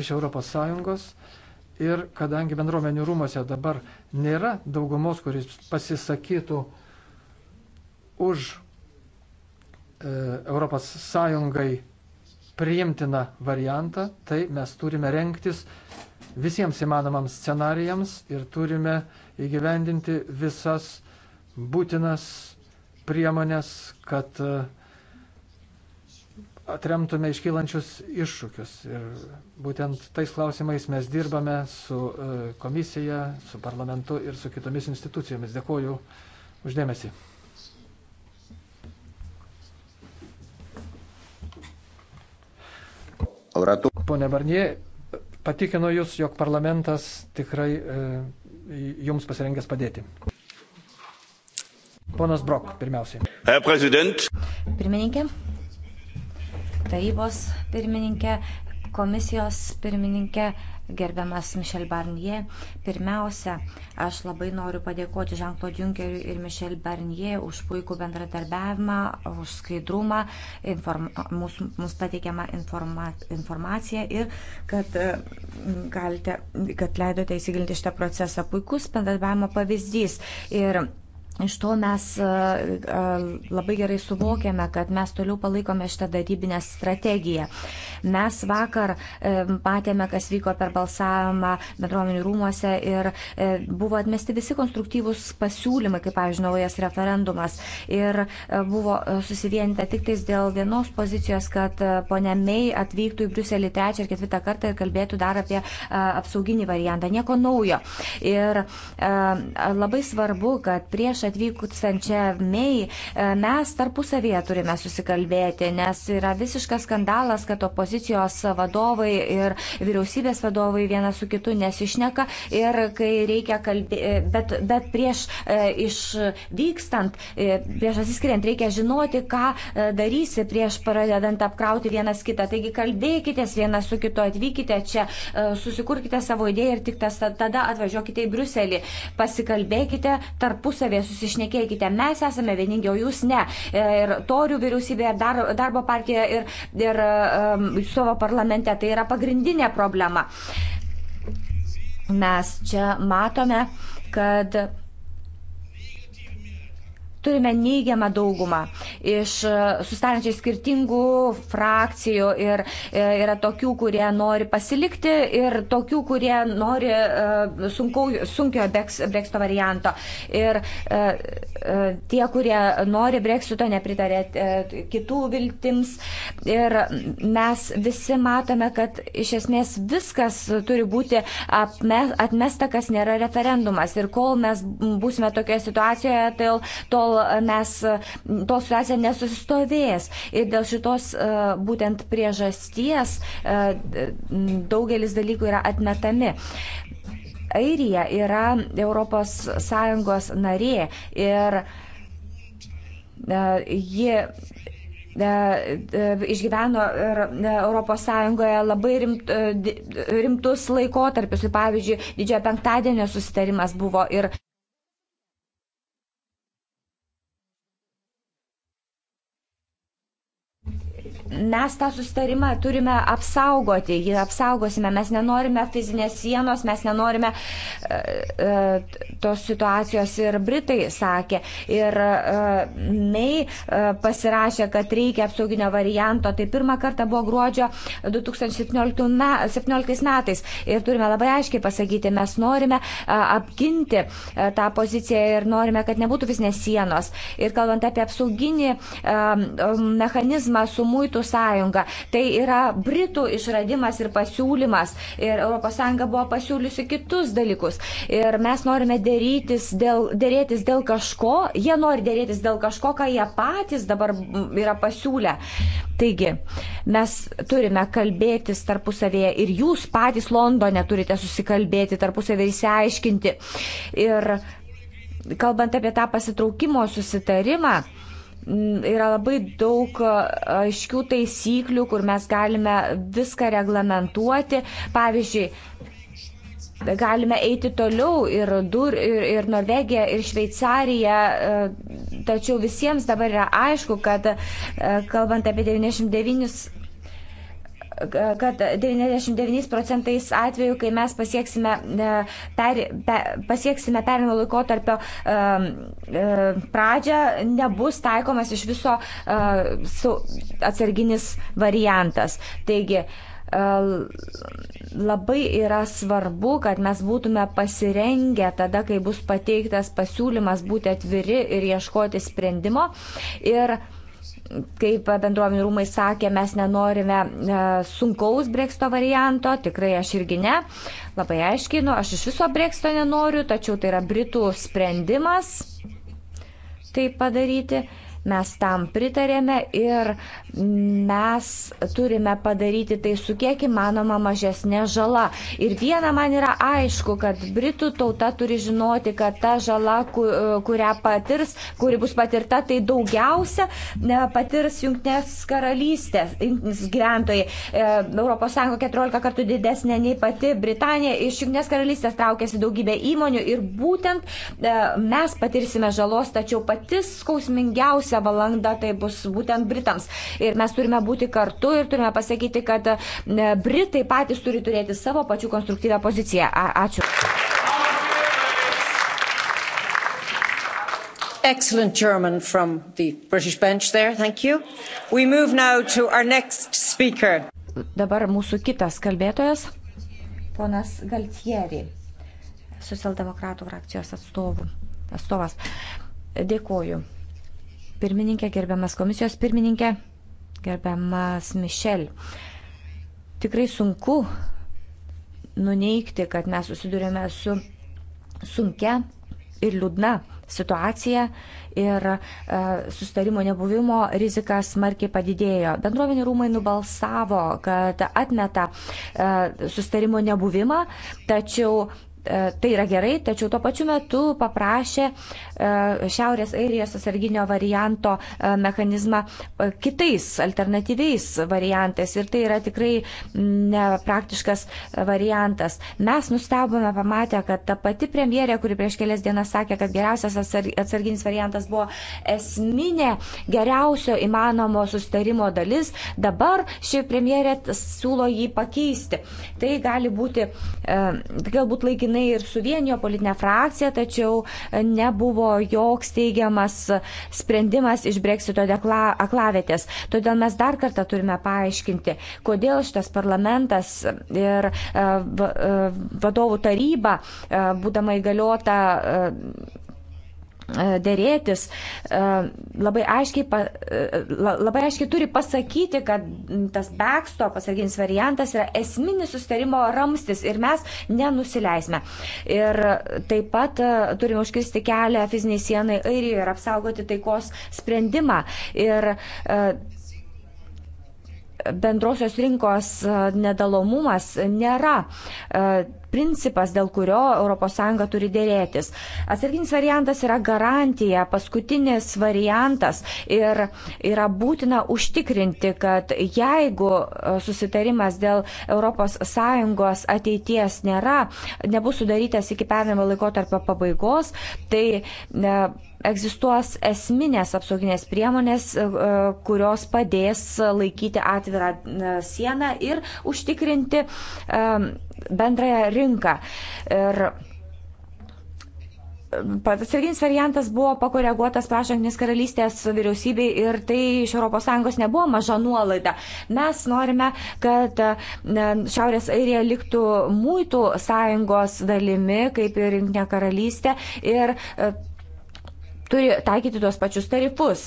iš ES. Ir kadangi bendruomenių rūmose dabar nėra daugumos, kuris pasisakytų už ES priimtiną variantą, tai mes turime renktis visiems įmanomams scenarijams ir turime įgyvendinti visas būtinas priemonės, kad e, atremtume iškylančius iššūkius. Ir būtent tais klausimais mes dirbame su e, komisija, su parlamentu ir su kitomis institucijomis. Dėkuoju uždėmesi. Pone Barnie, patikino Jūs, jog parlamentas tikrai e, Jums pasirengęs padėti. Ponas Brok, pirmiausiai. Herr Präsident. Pirmininkė, tarybos pirmininkė, komisijos pirmininkė, gerbiamas Mišel Barnier. Pirmiausia, aš labai noriu padėkoti Žanklo Junkeriu ir Mišel Barnier už puikų bendradarbiavimą, už skaidrumą, inform, mūsų, mums pateikiamą informa, informaciją ir kad, e, galite, kad leidote įsigilinti šitą procesą. Puikus bendradarbiavimo pavyzdys. Ir Iš to mes e, e, labai gerai suvokėme, kad mes toliau palaikome šitą darybinę strategiją. Mes vakar e, matėme, kas vyko per balsavimą bendruomenių rūmose ir buvo atmesti visi konstruktyvus pasiūlymai, kaip, pavyzdžiui, naujas referendumas. Ir buvo susivienyta tik tais dėl vienos pozicijos, kad ponia Mei atvyktų į Briuselį trečią ir ketvirtą kartą ir kalbėtų dar apie apsauginį variantą. Nieko naujo. Ir labai svarbu, kad prieš atvykstančią mei, mes tarpusavėje turime susikalbėti, nes yra visiškas skandalas, kad opozicijos vadovai ir vyriausybės vadovai vienas su kitu nesišneka ir kai reikia kalbėti, e, bet, bet prieš e, išvykstant, e, prieš atsiskiriant reikia žinoti, ką darysi prieš pradedant apkrauti vienas kitą. Taigi kalbėkite vienas su kitu, atvykite čia, susikurkite savo idėją ir tik tas, tada atvažiuokite į Bruselį, pasikalbėkite tarpusavėje susitikti susišnekėkite, mes esame vieningi, o jūs ne. Ir torių vyriausybė, dar, darbo partija ir, ir um, savo parlamente tai yra pagrindinė problema. Mes čia matome, kad turime neigiamą daugumą iš e, sustarančiai skirtingų frakcijų ir e, yra tokių, kurie nori pasilikti ir tokių, kurie nori e, sunkiojo breksito varianto. Ir tie, kurie nori breksito, nepritarė kitų viltims. Ir mes visi matome, kad iš esmės viskas turi būti atmesta, kas nėra referendumas. Ir kol mes būsime tokioje situacijoje, tol, tol kol mes to situacija nesusistovės. Ir dėl šitos e, būtent priežasties e, daugelis dalykų yra atmetami. Airija yra ES narė ir e, ji išgyveno ir ES labai rimt, rimtus laikotarpius. Pavyzdžiui, didžiojo penktadienio susitarimas buvo ir mes tą sustarimą turime apsaugoti, jį apsaugosime, mes nenorime fizinės sienos, mes nenorime uh, tos situacijos ir Britai sakė. Ir uh, e, Mei uh, pasirašė, kad reikia apsauginio varianto, tai pirmą kartą buvo gruodžio 2017 me, metais. Ir turime labai aiškiai pasakyti, mes norime apginti tą poziciją ir norime, kad nebūtų fizinės sienos. Ir kalbant apie apsauginį mechanizmą su muitų muitų sąjungą. Tai yra Britų išradimas ir pasiūlymas. Ir ES buvo pasiūliusi kitus dalykus. Ir mes norime dėrytis dėl, dėrėtis dėl kažko. Jie nori dėrėtis dėl kažko, ką jie patys dabar yra pasiūlę. Taigi, mes turime kalbėtis tarpusavėje ir jūs patys Londone turite susikalbėti tarpusavėje įsiaiškinti. Ir kalbant apie tą pasitraukimo susitarimą, Mm, yra labai daug aiškių taisyklių, kur mes galime viską reglamentuoti. Pavyzdžiui, galime eiti toliau ir, dur, ir, ir Norvegija, ir Šveicarija, tačiau visiems dabar yra aišku, kad kalbant apie 99 kad 99 procentais atveju, kai mes pasieksime, e, per, pe, pasieksime perimo laikotarpio e, e, pradžią, nebus taikomas iš viso atsarginis variantas. Taigi, labai yra svarbu, kad mes būtume pasirengę tada, kai bus pateiktas pasiūlymas būti atviri ir ieškoti sprendimo. Ir kaip bendruomenių rūmai sakė, mes nenorime e, sunkaus breksto varianto, tikrai aš irgi ne. Labai aiškiai, nu, aš iš viso breksto nenoriu, tačiau tai yra Britų sprendimas tai padaryti. Mes tam pritarėme ir mes turime padaryti tai su kiek įmanoma mažesnė žala. Ir viena man yra aišku, kad Britų tauta turi žinoti, kad ta žala, kurią patirs, kuri bus patirta, tai daugiausia e, patirs Junktinės karalystės gyventojai. ES 14 kartų didesnė nei pati Britanija. Iš Junktinės karalystės traukėsi daugybė įmonių ir būtent e, mes patirsime žalos, tačiau patys skausmingiausia geriausia valanda tai bus būtent Britams. Ir mes turime būti kartu ir turime pasakyti, kad e, Britai patys turi turėti savo pačių konstruktyvę poziciją. A ačiū. Excellent German from the British bench there. Thank you. We move now to our next speaker. Dabar mūsų kitas kalbėtojas, ponas Galtieri, socialdemokratų frakcijos atstovų, atstovas. Dėkuoju pirmininkė, gerbiamas komisijos pirmininkė, gerbiamas Mišel. Tikrai sunku nuneikti, kad mes susidurėme su sunkia ir liūdna situacija ir e, sustarimo nebuvimo rizika smarkiai padidėjo. Bendruomenių rūmai nubalsavo, kad atmeta e, sustarimo nebuvimą, tačiau E, tai yra gerai, tačiau tuo pačiu metu paprašė e, Šiaurės Airijos atsarginio varianto e, mechanizmą kitais alternatyviais variantais ir tai yra tikrai nepraktiškas variantas. Mes nustebome pamatę, kad ta pati premjerė, kuri prieš kelias dienas sakė, kad geriausias atsarginis variantas buvo esminė geriausio įmanomo sustarimo dalis, dabar ši premjerė siūlo jį pakeisti. Tai gali būti galbūt laikinas jinai ir suvienijo politinę frakciją, tačiau nebuvo joks teigiamas sprendimas iš breksito aklavėtės. Todėl mes dar kartą turime paaiškinti, kodėl šitas parlamentas ir e, e, vadovų taryba, e, būdama įgaliota E, dėrėtis, e, labai aiškiai, e, labai aiškiai turi pasakyti, kad tas backstop, pasakinis variantas yra esminis sustarimo ramstis ir mes nenusileisime. Ir taip pat turime užkirsti kelią fiziniai sienai Airijoje ir apsaugoti taikos sprendimą. Ir, bendrosios rinkos e, nedalomumas nėra e, principas, dėl kurio ES turi dėrėtis. Atsarginis variantas yra garantija, paskutinis variantas ir yra būtina užtikrinti, kad jeigu e, susitarimas dėl ES ateities nėra, nebus sudarytas iki pernamo laikotarpio pabaigos, tai egzistuos esminės apsauginės priemonės, e, kurios padės laikyti atvirą e, sieną ir užtikrinti e, bendrąją rinką. Ir Atsarginis variantas buvo pakoreguotas prašantinis karalystės vyriausybei ir tai iš ES nebuvo maža nuolaida. Mes norime, kad Šiaurės Airija liktų mūtų sąjungos dalimi, kaip ir Junktinė karalystė. Ir turi taikyti tuos pačius tarifus.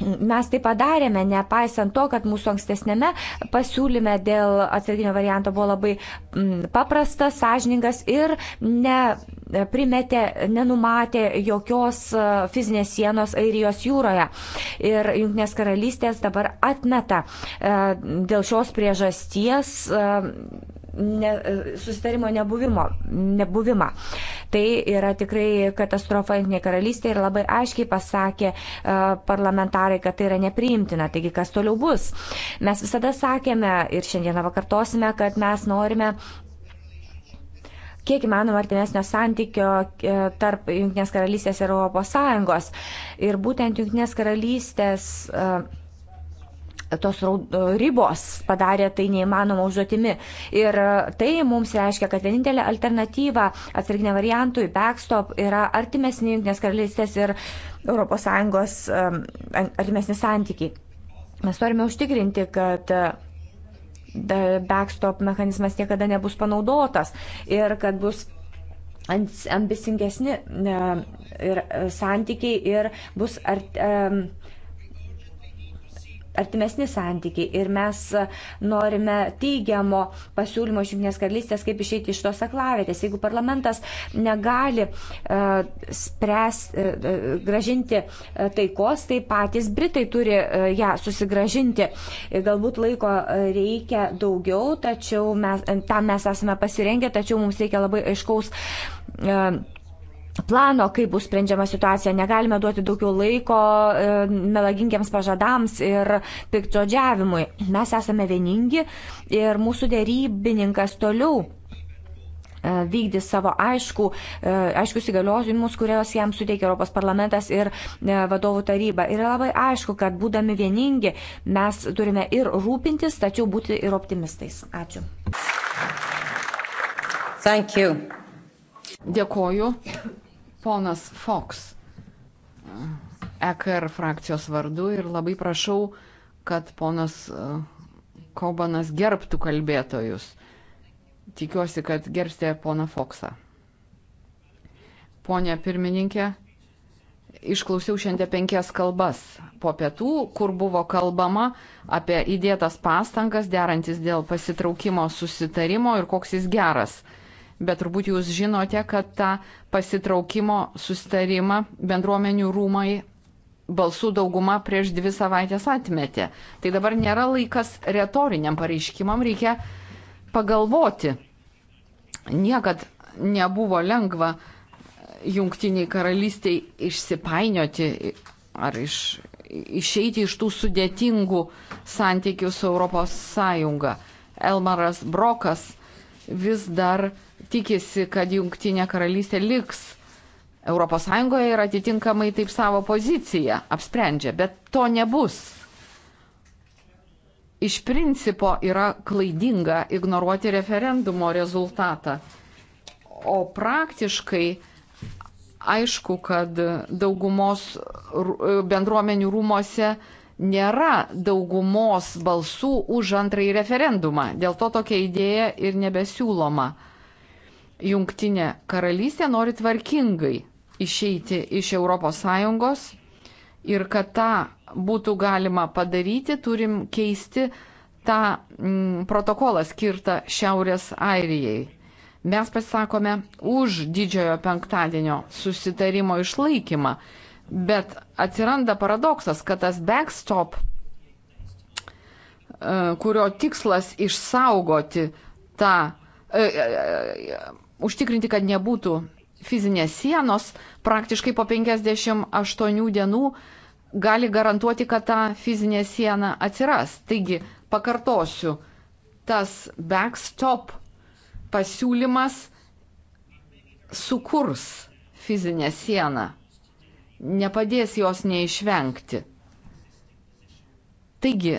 Mes tai padarėme, nepaisant to, kad mūsų ankstesnėme pasiūlyme dėl atsarginio varianto buvo labai mm, paprastas, sąžiningas ir neprimetė, nenumatė jokios e, fizinės sienos Airijos jūroje. Ir Junktinės karalystės dabar atmeta e, dėl šios priežasties e, ne, susitarimo nebuvimo, nebuvimą. Tai yra tikrai katastrofa Junktinė karalystė ir labai aiškiai pasakė e, parlamentarai, kad tai yra nepriimtina. Taigi, kas toliau bus? Mes visada sakėme ir šiandieną pakartosime, kad mes norime kiek įmanoma artimesnio santykio e, tarp Junktinės karalystės ir Europos Sąjungos. Ir būtent Junktinės karalystės uh, tos e, ribos padarė tai neįmanoma užduotimi. Ir e, tai mums reiškia, kad vienintelė alternatyva atsarginė variantui backstop yra artimesni Junktinės karalystės ir ES e, artimesni santykiai. Mes norime užtikrinti, kad backstop mechanizmas niekada nebus panaudotas ir kad bus ambisingesni ir santykiai ir bus art, um, artimesni santykiai ir mes e, norime teigiamo pasiūlymo iš Junktinės karalystės, kaip išeiti iš tos aklavėtės. Jeigu parlamentas negali uh, spręs, uh, gražinti uh, taikos, tai patys Britai turi uh, ją susigražinti. Galbūt laiko reikia daugiau, tačiau mes, tam mes esame pasirengę, tačiau mums reikia labai aiškaus. Uh, plano, kaip bus sprendžiama situacija. Negalime duoti daugiau laiko e, melagingiams pažadams ir piktodžiavimui. Mes esame vieningi ir mūsų dėrybininkas toliau e, vykdys savo aišku, e, aiškius įgaliojimus, kurios jam suteikia Europos parlamentas ir vadovų taryba. Ir labai aišku, kad būdami vieningi mes turime ir rūpintis, tačiau būti ir optimistais. Ačiū. Dėkoju. Ponas Fox, EKR frakcijos vardu ir labai prašau, kad ponas e, Kobanas gerbtų kalbėtojus. Tikiuosi, kad gerbstė poną Foksą. Pone pirmininkė, išklausiau šiandien penkias kalbas po pietų, kur buvo kalbama apie įdėtas pastangas derantis dėl pasitraukimo susitarimo ir koks jis geras bet turbūt jūs žinote, kad tą pasitraukimo sustarimą bendruomenių rūmai balsų dauguma prieš dvi savaitės atmetė. Tai dabar nėra laikas retoriniam pareiškimam, reikia pagalvoti. Niekad nebuvo lengva jungtiniai karalystiai išsipainioti ar iš, išeiti iš tų sudėtingų santykių su ES. Elmaras Brokas vis dar uh, tikisi, kad Junktinė karalystė liks ES ir atitinkamai taip savo poziciją apsprendžia, bet to nebus. Iš principo yra klaidinga ignoruoti referendumo rezultatą. O praktiškai aišku, kad daugumos bendruomenių rūmose nėra daugumos balsų už antrąjį referendumą. Dėl to tokia idėja ir nebesiūloma. Jungtinė karalystė nori tvarkingai išeiti iš ES ir kad tą būtų galima padaryti, turim keisti tą m, mm, protokolą skirtą Šiaurės Airijai. Mes pasisakome už didžiojo penktadienio susitarimo išlaikymą, bet atsiranda paradoksas, kad tas backstop, e, kurio tikslas išsaugoti tą e, e, užtikrinti, kad nebūtų fizinės sienos, praktiškai po 58 dienų gali garantuoti, kad ta fizinė siena atsiras. Taigi, pakartosiu, tas backstop pasiūlymas sukurs fizinę sieną, nepadės jos neišvengti. Taigi,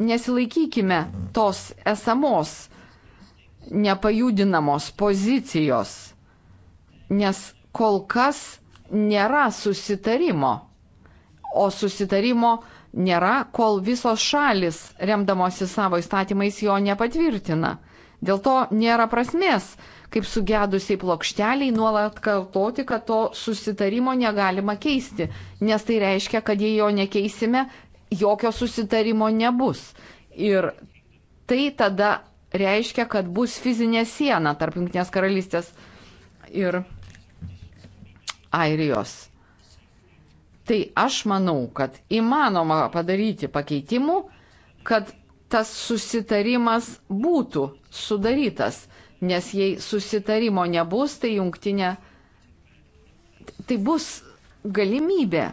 nesilaikykime tos esamos nepajudinamos pozicijos, nes kol kas nėra susitarimo, o susitarimo nėra, kol visos šalis, remdamosi savo įstatymais, jo nepatvirtina. Dėl to nėra prasmės, kaip sugedusiai plokšteliai, nuolat kartoti, kad to susitarimo negalima keisti, nes tai reiškia, kad jei jo nekeisime, jokio susitarimo nebus. Ir tai tada reiškia, kad bus fizinė siena tarp Junktinės karalystės ir Airijos. Tai aš manau, kad įmanoma padaryti pakeitimų, kad tas susitarimas būtų sudarytas, nes jei susitarimo nebus, tai jungtinė, tai bus galimybė,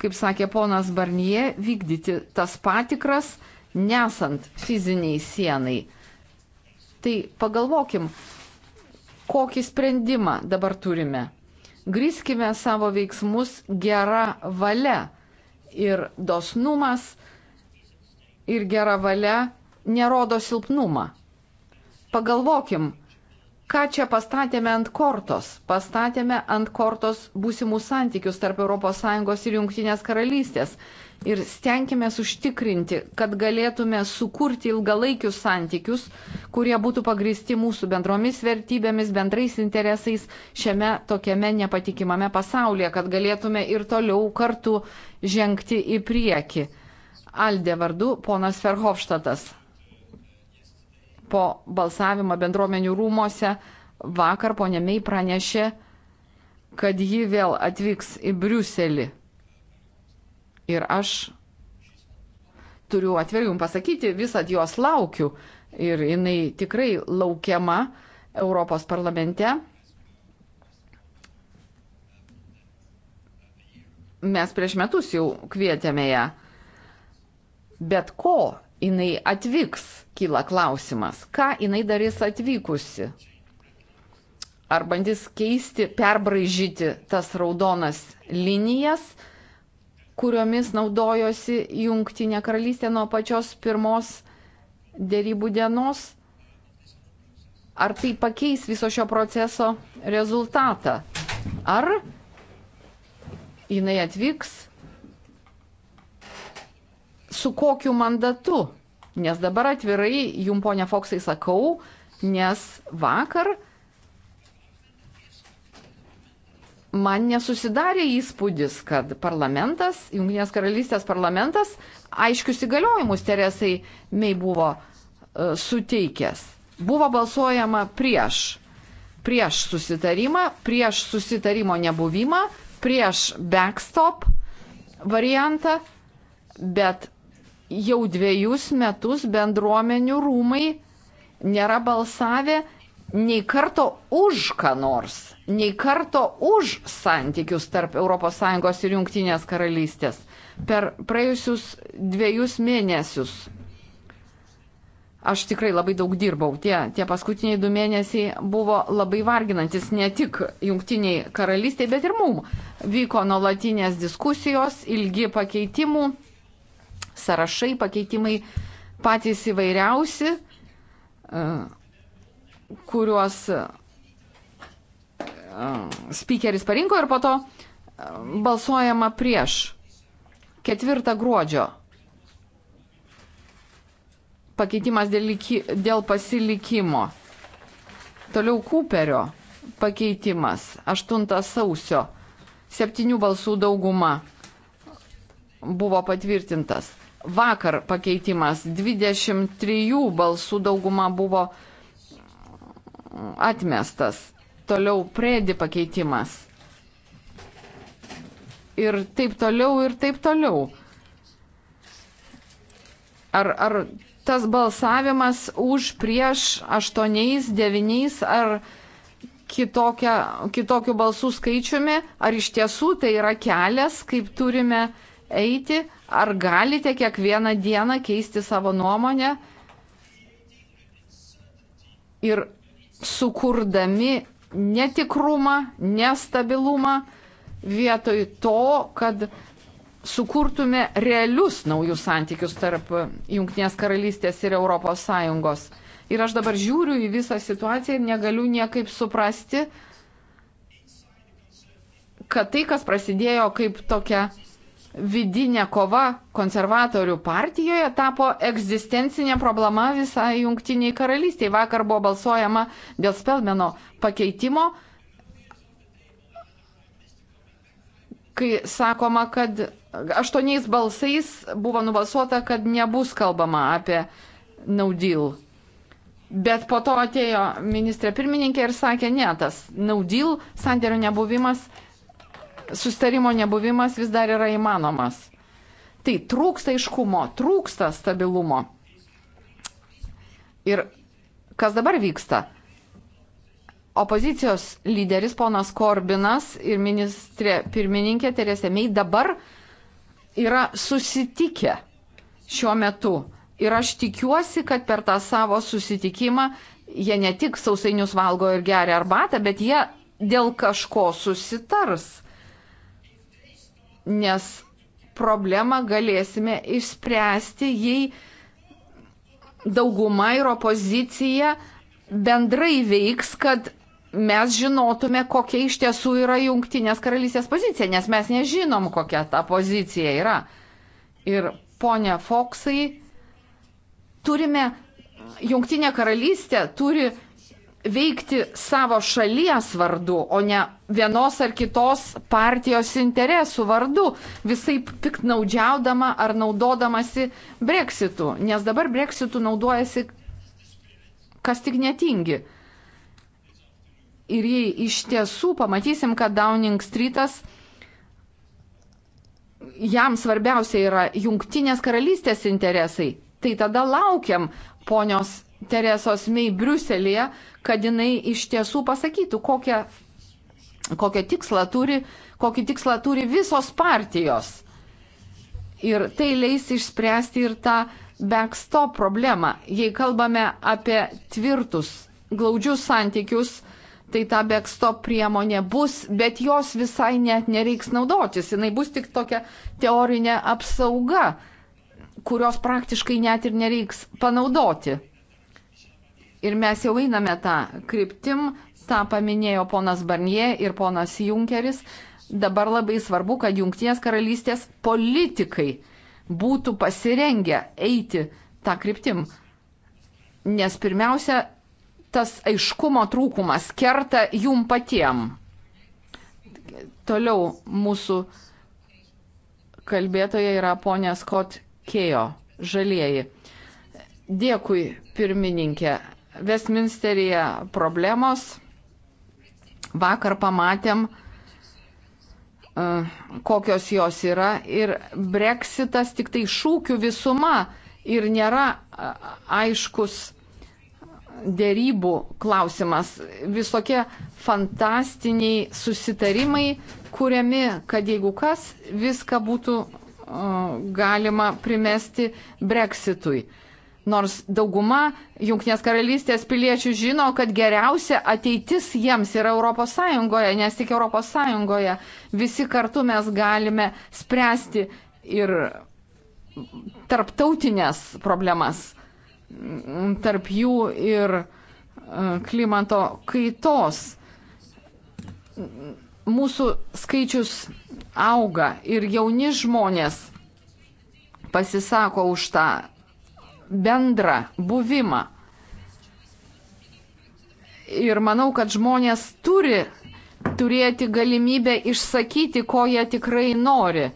kaip sakė ponas Barnie, vykdyti tas patikras nesant fiziniai sienai. Tai pagalvokim, kokį sprendimą dabar turime. Grįskime savo veiksmus gera valia. Ir dosnumas, ir gera valia nerodo silpnumą. Pagalvokim, ką čia pastatėme ant kortos. Pastatėme ant kortos būsimus santykius tarp ES ir Junktinės karalystės ir stenkime užtikrinti, kad galėtume sukurti ilgalaikius santykius, kurie būtų pagristi mūsų bendromis vertybėmis, bendrais interesais šiame tokiame nepatikimame pasaulyje, kad galėtume ir toliau kartu žengti į priekį. Aldė vardu ponas Ferhofštatas. Po balsavimo bendruomenių rūmose vakar ponė Mei pranešė, kad ji vėl atvyks į Briuselį. Ir aš turiu atvirai jums pasakyti, visat jos laukiu. Ir jinai tikrai laukiama Europos parlamente. Mes prieš metus jau kvietėme ją. Bet ko jinai atvyks, kyla klausimas. Ką jinai darys atvykusi? Ar bandys keisti, perbraižyti tas raudonas linijas? kuriomis naudojosi Jungtinė karalystė nuo pačios pirmos dėrybų dienos. Ar tai pakeis viso šio proceso rezultatą? Ar jinai atvyks? Su kokiu mandatu? Nes dabar atvirai jum, ponia Foksai, sakau, nes vakar man nesusidarė įspūdis, kad parlamentas, Junktinės karalystės parlamentas, aiškius įgaliojimus Teresai mei buvo uh, suteikęs. Buvo balsuojama prieš. Prieš susitarimą, prieš susitarimo nebuvimą, prieš backstop variantą, bet jau dviejus metus bendruomenių rūmai nėra balsavę nei karto už ką nors nei karto už santykius tarp ES ir Junktinės karalystės per praėjusius dviejus mėnesius. Aš tikrai labai daug dirbau. Tie, tie paskutiniai du mėnesiai buvo labai varginantis ne tik jungtiniai karalystiai, bet ir mum. Vyko nuolatinės diskusijos, ilgi pakeitimų, sąrašai, pakeitimai patys įvairiausi, e, kuriuos speakeris parinko ir po to e, balsuojama prieš 4 gruodžio. Pakeitimas dėl, liki, dėl pasilikimo. Toliau Cooperio pakeitimas 8 sausio. 7 balsų dauguma buvo patvirtintas. Vakar pakeitimas 23 balsų dauguma buvo atmestas. Toliau prėdi pakeitimas. Ir taip toliau, ir taip toliau. Ar, ar tas balsavimas už prieš aštuoniais, devyniais ar kitokia, kitokiu balsų skaičiumi, ar iš tiesų tai yra kelias, kaip turime eiti, ar galite kiekvieną dieną keisti savo nuomonę ir sukurdami netikrumą, nestabilumą, vietoj to, kad sukurtume realius naujus santykius tarp Junktinės karalystės ir Europos Sąjungos. Ir aš dabar žiūriu į visą situaciją ir negaliu niekaip suprasti, kad tai, kas prasidėjo kaip tokia vidinė kova konservatorių partijoje tapo egzistencinė problema visai jungtiniai karalystiai. Vakar buvo balsuojama dėl Spelmeno pakeitimo, kai sakoma, kad aštuoniais balsais buvo nubalsuota, kad nebus kalbama apie no deal. Bet po to atėjo ministrė pirmininkė ir sakė, ne, tas no deal sandėrio nebuvimas sustarimo nebuvimas vis dar yra įmanomas. Tai trūksta iškumo, trūksta stabilumo. Ir kas dabar vyksta? Opozicijos lyderis ponas Korbinas ir ministrė pirmininkė Teresė Mei dabar yra susitikę šiuo metu. Ir aš tikiuosi, kad per tą savo susitikimą jie ne tik sausainius valgo ir geria arbatą, bet jie dėl kažko susitars nes problemą galėsime išspręsti, jei dauguma ir opozicija bendrai veiks, kad mes žinotume, kokia iš tiesų yra jungtinės karalystės pozicija, nes mes nežinom, kokia ta pozicija yra. Ir ponia Foksai, turime, jungtinė karalystė turi veikti savo šalies vardu, o ne vienos ar kitos partijos interesų vardu, visai piktnaudžiaudama ar naudodamasi breksitu, nes dabar breksitu naudojasi kas tik netingi. Ir jei iš tiesų pamatysim, kad Downing Streetas jam svarbiausia yra jungtinės karalystės interesai, tai tada laukiam ponios Teresos Mei Briuselėje, kad jinai iš tiesų pasakytų, kokią, kokią tikslą turi, kokį tikslą turi visos partijos. Ir tai leis išspręsti ir tą backstop problemą. Jei kalbame apie tvirtus, glaudžius santykius, tai ta backstop priemonė bus, bet jos visai net nereiks naudotis. Jis bus tik tokia teorinė apsauga, kurios praktiškai net ir nereiks panaudoti. Ir mes jau einame tą kryptim, tą paminėjo ponas Barnie ir ponas Junkeris. Dabar labai svarbu, kad Junktinės karalystės politikai būtų pasirengę eiti tą kryptim. Nes pirmiausia, tas aiškumo trūkumas kerta jum patiem. Toliau mūsų kalbėtoja yra ponė Scott Kejo, žalieji. Dėkui, pirmininkė. Westminsteryje problemos. Vakar pamatėm, e, kokios jos yra. Ir breksitas tik tai šūkių visuma ir nėra aiškus dėrybų klausimas. Visokie fantastiniai susitarimai, kuriami, kad jeigu kas, viską būtų e, galima primesti breksitui. Nors dauguma Junktinės karalystės piliečių žino, kad geriausia ateitis jiems yra ES, nes tik ES visi kartu mes galime spręsti ir tarptautinės problemas, tarp jų ir e, klimato kaitos. Mūsų skaičius auga ir jauni žmonės pasisako už tą bendrą buvimą. Ir manau, kad žmonės turi turėti galimybę išsakyti, ko jie tikrai nori.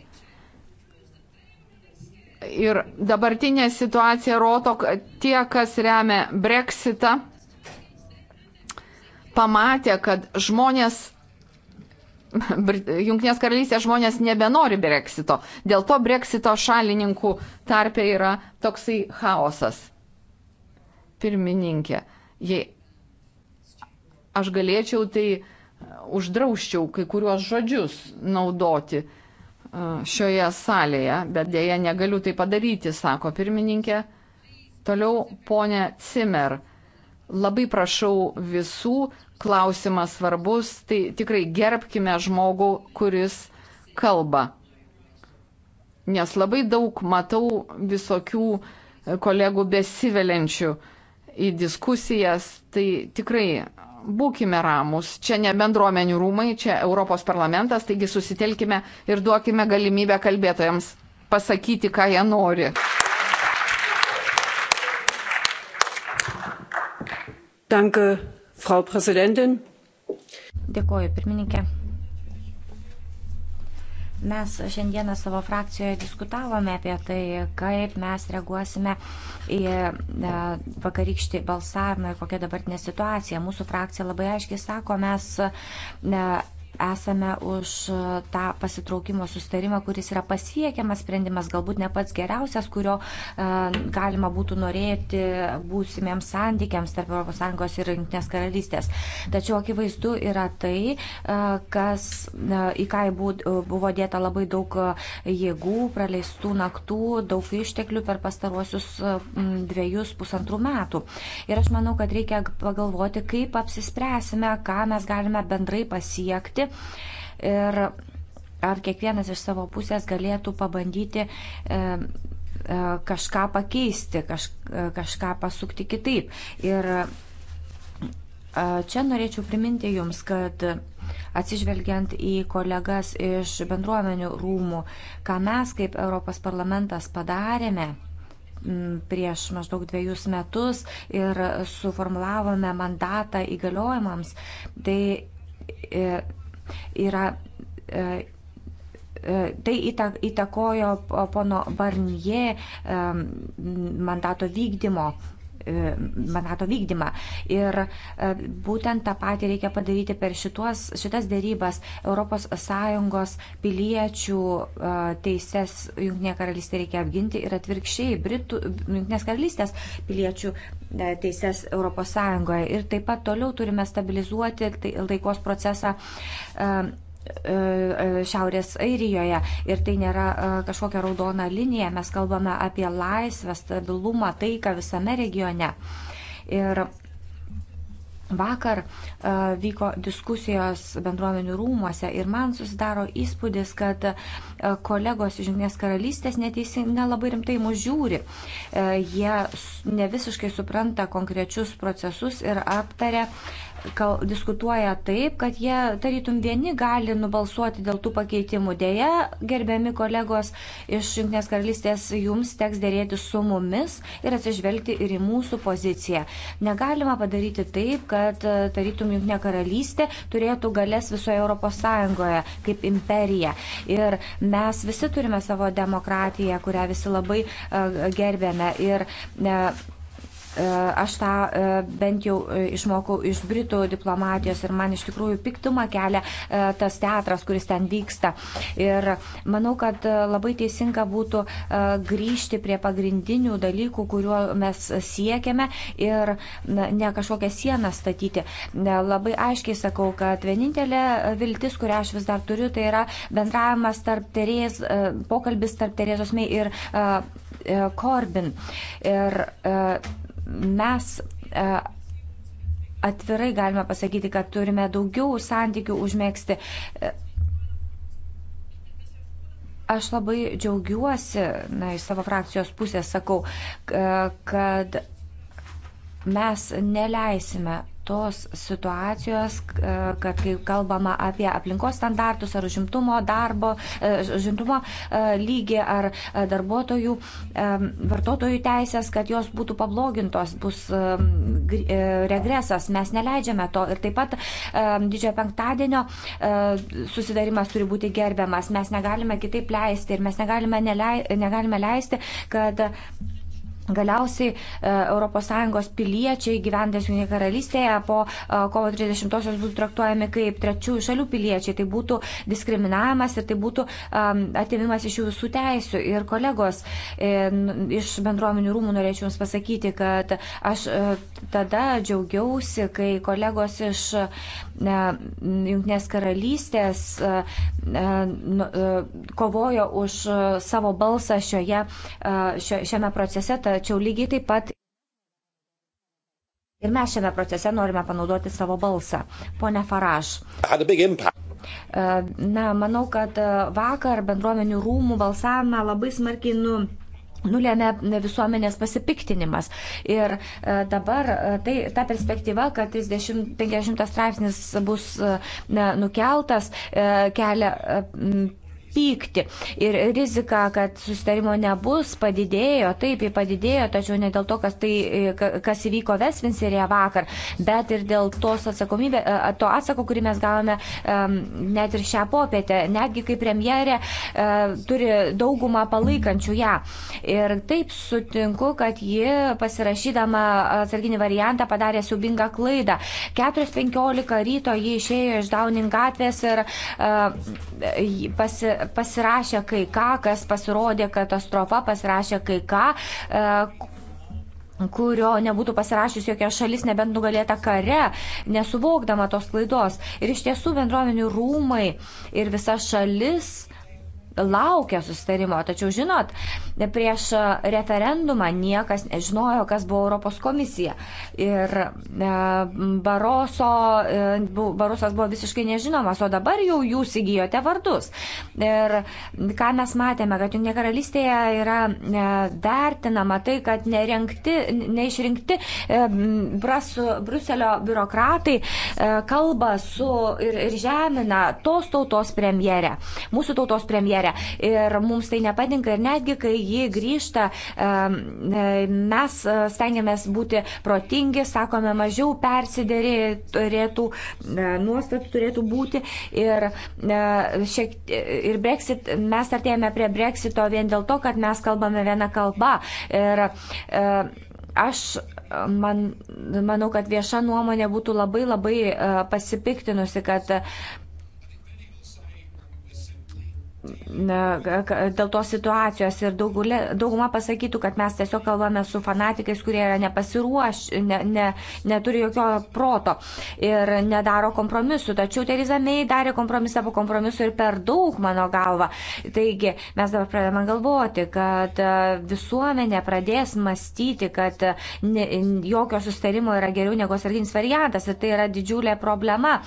Ir dabartinė situacija rodo, kad tie, kas remia Brexitą, pamatė, kad žmonės Junktinės karalystės žmonės nebenori breksito. Dėl to breksito šalininkų tarpe yra toksai chaosas. Pirmininkė, jei aš galėčiau, tai uh, uždrauščiau kai kuriuos žodžius naudoti uh, šioje salėje, bet dėja negaliu tai padaryti, sako pirmininkė. Toliau ponė Cimer Labai prašau visų, klausimas svarbus, tai tikrai gerbkime žmogų, kuris kalba. Nes labai daug matau visokių kolegų besiveliančių į diskusijas, tai tikrai būkime ramus. Čia ne bendruomenių rūmai, čia Europos parlamentas, taigi susitelkime ir duokime galimybę kalbėtojams pasakyti, ką jie nori. Danke, Frau Präsidentin. Dėkoju, pirmininkė. Mes šiandieną savo frakcijoje diskutavome apie tai, kaip mes reaguosime į e, vakarykštį balsavimą ir kokia dabartinė situacija. Mūsų frakcija labai aiškiai sako, mes e, esame už e, tą pasitraukimo sustarimą, kuris yra pasiekiamas sprendimas, galbūt ne pats geriausias, kurio e, galima būtų norėti būsimiems santykiams tarp ES ir Junktinės karalystės. Tačiau akivaizdu yra tai, e, kas, į ką buvo dėta labai daug jėgų, praleistų naktų, daug išteklių per pastaruosius dviejus pusantrų metų. Ir aš manau, kad reikia pagalvoti, kaip apsispręsime, ką mes galime bendrai pasiekti dirbti. Ir ar kiekvienas iš savo pusės galėtų pabandyti e, e kažką pakeisti, kaž, e, kažką pasukti kitaip. Ir e, čia norėčiau priminti Jums, kad atsižvelgiant į kolegas iš bendruomenių rūmų, ką mes kaip Europos parlamentas padarėme prieš maždaug dviejus metus ir suformulavome mandatą įgaliojimams, tai yra e, e, Tai įtakojo pono Barnie e, mandato vykdymo E, mandato vykdymą. Ir e, būtent tą patį reikia padaryti per šituos, šitas dėrybas ES piliečių e, teises Junktinė karalystė reikia apginti ir atvirkščiai Britų, Junktinės karalystės piliečių teises ES. Ir taip pat toliau turime stabilizuoti tai, taikos procesą E, e, Šiaurės Airijoje ir tai nėra e, kažkokia raudona linija, mes kalbame apie laisvę, stabilumą, taiką visame regione. Ir Vakar uh, vyko diskusijos bendruomenių rūmuose ir man susidaro įspūdis, kad uh, kolegos iš Junktinės karalystės neteisi, nelabai rimtai mus žiūri. Uh, jie ne visiškai supranta konkrečius procesus ir aptarė uh, kal, diskutuoja taip, kad jie tarytum vieni gali nubalsuoti dėl tų pakeitimų. Deja, gerbiami kolegos iš Junktinės karalystės, jums teks dėrėti su mumis ir atsižvelgti ir į mūsų poziciją. Negalima padaryti taip, kad e, tarytum Junktinė karalystė turėtų galės visoje Europos Sąjungoje kaip imperija. Ir mes visi turime savo demokratiją, kurią visi labai uh, e, gerbėme. Ir, uh, E, aš tą e, bent jau e, išmokau iš Britų diplomatijos ir man iš tikrųjų piktumą kelia tas teatras, kuris ten vyksta. Ir manau, kad labai teisinga būtų grįžti prie pagrindinių dalykų, kuriuo mes siekiame ir ne kažkokią sieną statyti. Labai aiškiai sakau, kad vienintelė viltis, kurią aš vis dar turiu, tai yra bendravimas tarp Terės, pokalbis tarp Terėzos Mei ir Korbin. Ir mes e, atvirai galime pasakyti, kad turime daugiau santykių užmėgsti. E, aš labai džiaugiuosi, na, iš savo frakcijos pusės sakau, e, kad mes neleisime tos situacijos, e, kad kai kalbama apie aplinkos standartus ar užimtumo darbo, e, užimtumo e, lygį ar darbuotojų, vartotojų teisės, kad jos būtų pablogintos, bus regresas, mes neleidžiame to. Ir taip pat didžiojo penktadienio susidarimas turi būti gerbiamas, mes negalime kitaip leisti ir mes negalime, nelei, negalime leisti, kad Galiausiai ES piliečiai gyvendęs Junėje karalystėje po e, kovo 30-osios būtų traktuojami kaip trečiųjų šalių piliečiai. Tai būtų diskriminavimas ir tai būtų e, atimimas iš jų visų teisių. Ir kolegos e, iš bendruomenių rūmų norėčiau Jums pasakyti, kad aš tada džiaugiausi, kai kolegos iš Junėės karalystės kovojo už savo balsą šioje, šiame procese. Ta, tačiau lygiai taip pat ir mes šiame procese norime panaudoti savo balsą. Pone Faraš. E, na, manau, kad e, vakar bendruomenių rūmų balsavimą labai smarkiai nu nulėmė visuomenės pasipiktinimas. Ir e, dabar tai, ta perspektyva, kad 30, 50 straipsnis bus nukeltas, kelia pykti. Ir rizika, kad sustarimo nebus, padidėjo, taip, jį padidėjo, tačiau ne dėl to, kas, tai, kas įvyko Vesvinserėje vakar, bet ir dėl tos atsakomybė, e, to atsako, kurį mes gavome net ir šią popietę, netgi kaip premjerė e, turi daugumą palaikančių ją. Ir taip sutinku, kad ji pasirašydama atsarginį variantą padarė siubingą klaidą. 4.15 ryto ji išėjo iš Downing gatvės ir e, pasi, pasirašė kai ką, kas pasirodė katastrofa, pasirašė kai ką, e, kurio nebūtų pasirašius jokia šalis, nebent nugalėta kare, nesuvokdama tos klaidos. Ir iš tiesų bendruomenių rūmai ir visa šalis laukia susitarimo. Tačiau, žinot, prieš referendumą niekas nežinojo, kas buvo Europos komisija. Ir e, Baroso, e, Barosas buvo visiškai nežinomas, o dabar jau jūs įgyjote vardus. Ir ką mes matėme, kad Junkinė karalystėje yra e, vertinama tai, kad nerenkti, neišrinkti brasu, Bruselio biurokratai kalba su ir, ir žemina tos tautos premjerę, mūsų tautos premjerę narę. Ir mums tai nepatinka ir netgi, kai ji grįžta, e, mes e, stengiamės būti protingi, sakome, mažiau persiderėtų, e, nuostatų turėtų būti. Ir, šiek, ir Brexit, mes artėjame prie Brexito vien dėl to, kad mes kalbame vieną kalbą. Ir, Aš man, manau, kad vieša nuomonė būtų labai labai pasipiktinusi, kad dėl tos situacijos ir daugulė, dauguma pasakytų, kad mes tiesiog kalbame su fanatikais, kurie yra nepasiruoš, ne, ne, neturi jokio proto ir nedaro kompromisų. Tačiau Teresa May darė kompromisą po kompromisų ir per daug, mano galva. Taigi mes dabar pradedame galvoti, kad visuomenė pradės mąstyti, kad ne, jokio sustarimo yra geriau negu sarginis variantas ir tai yra didžiulė problema.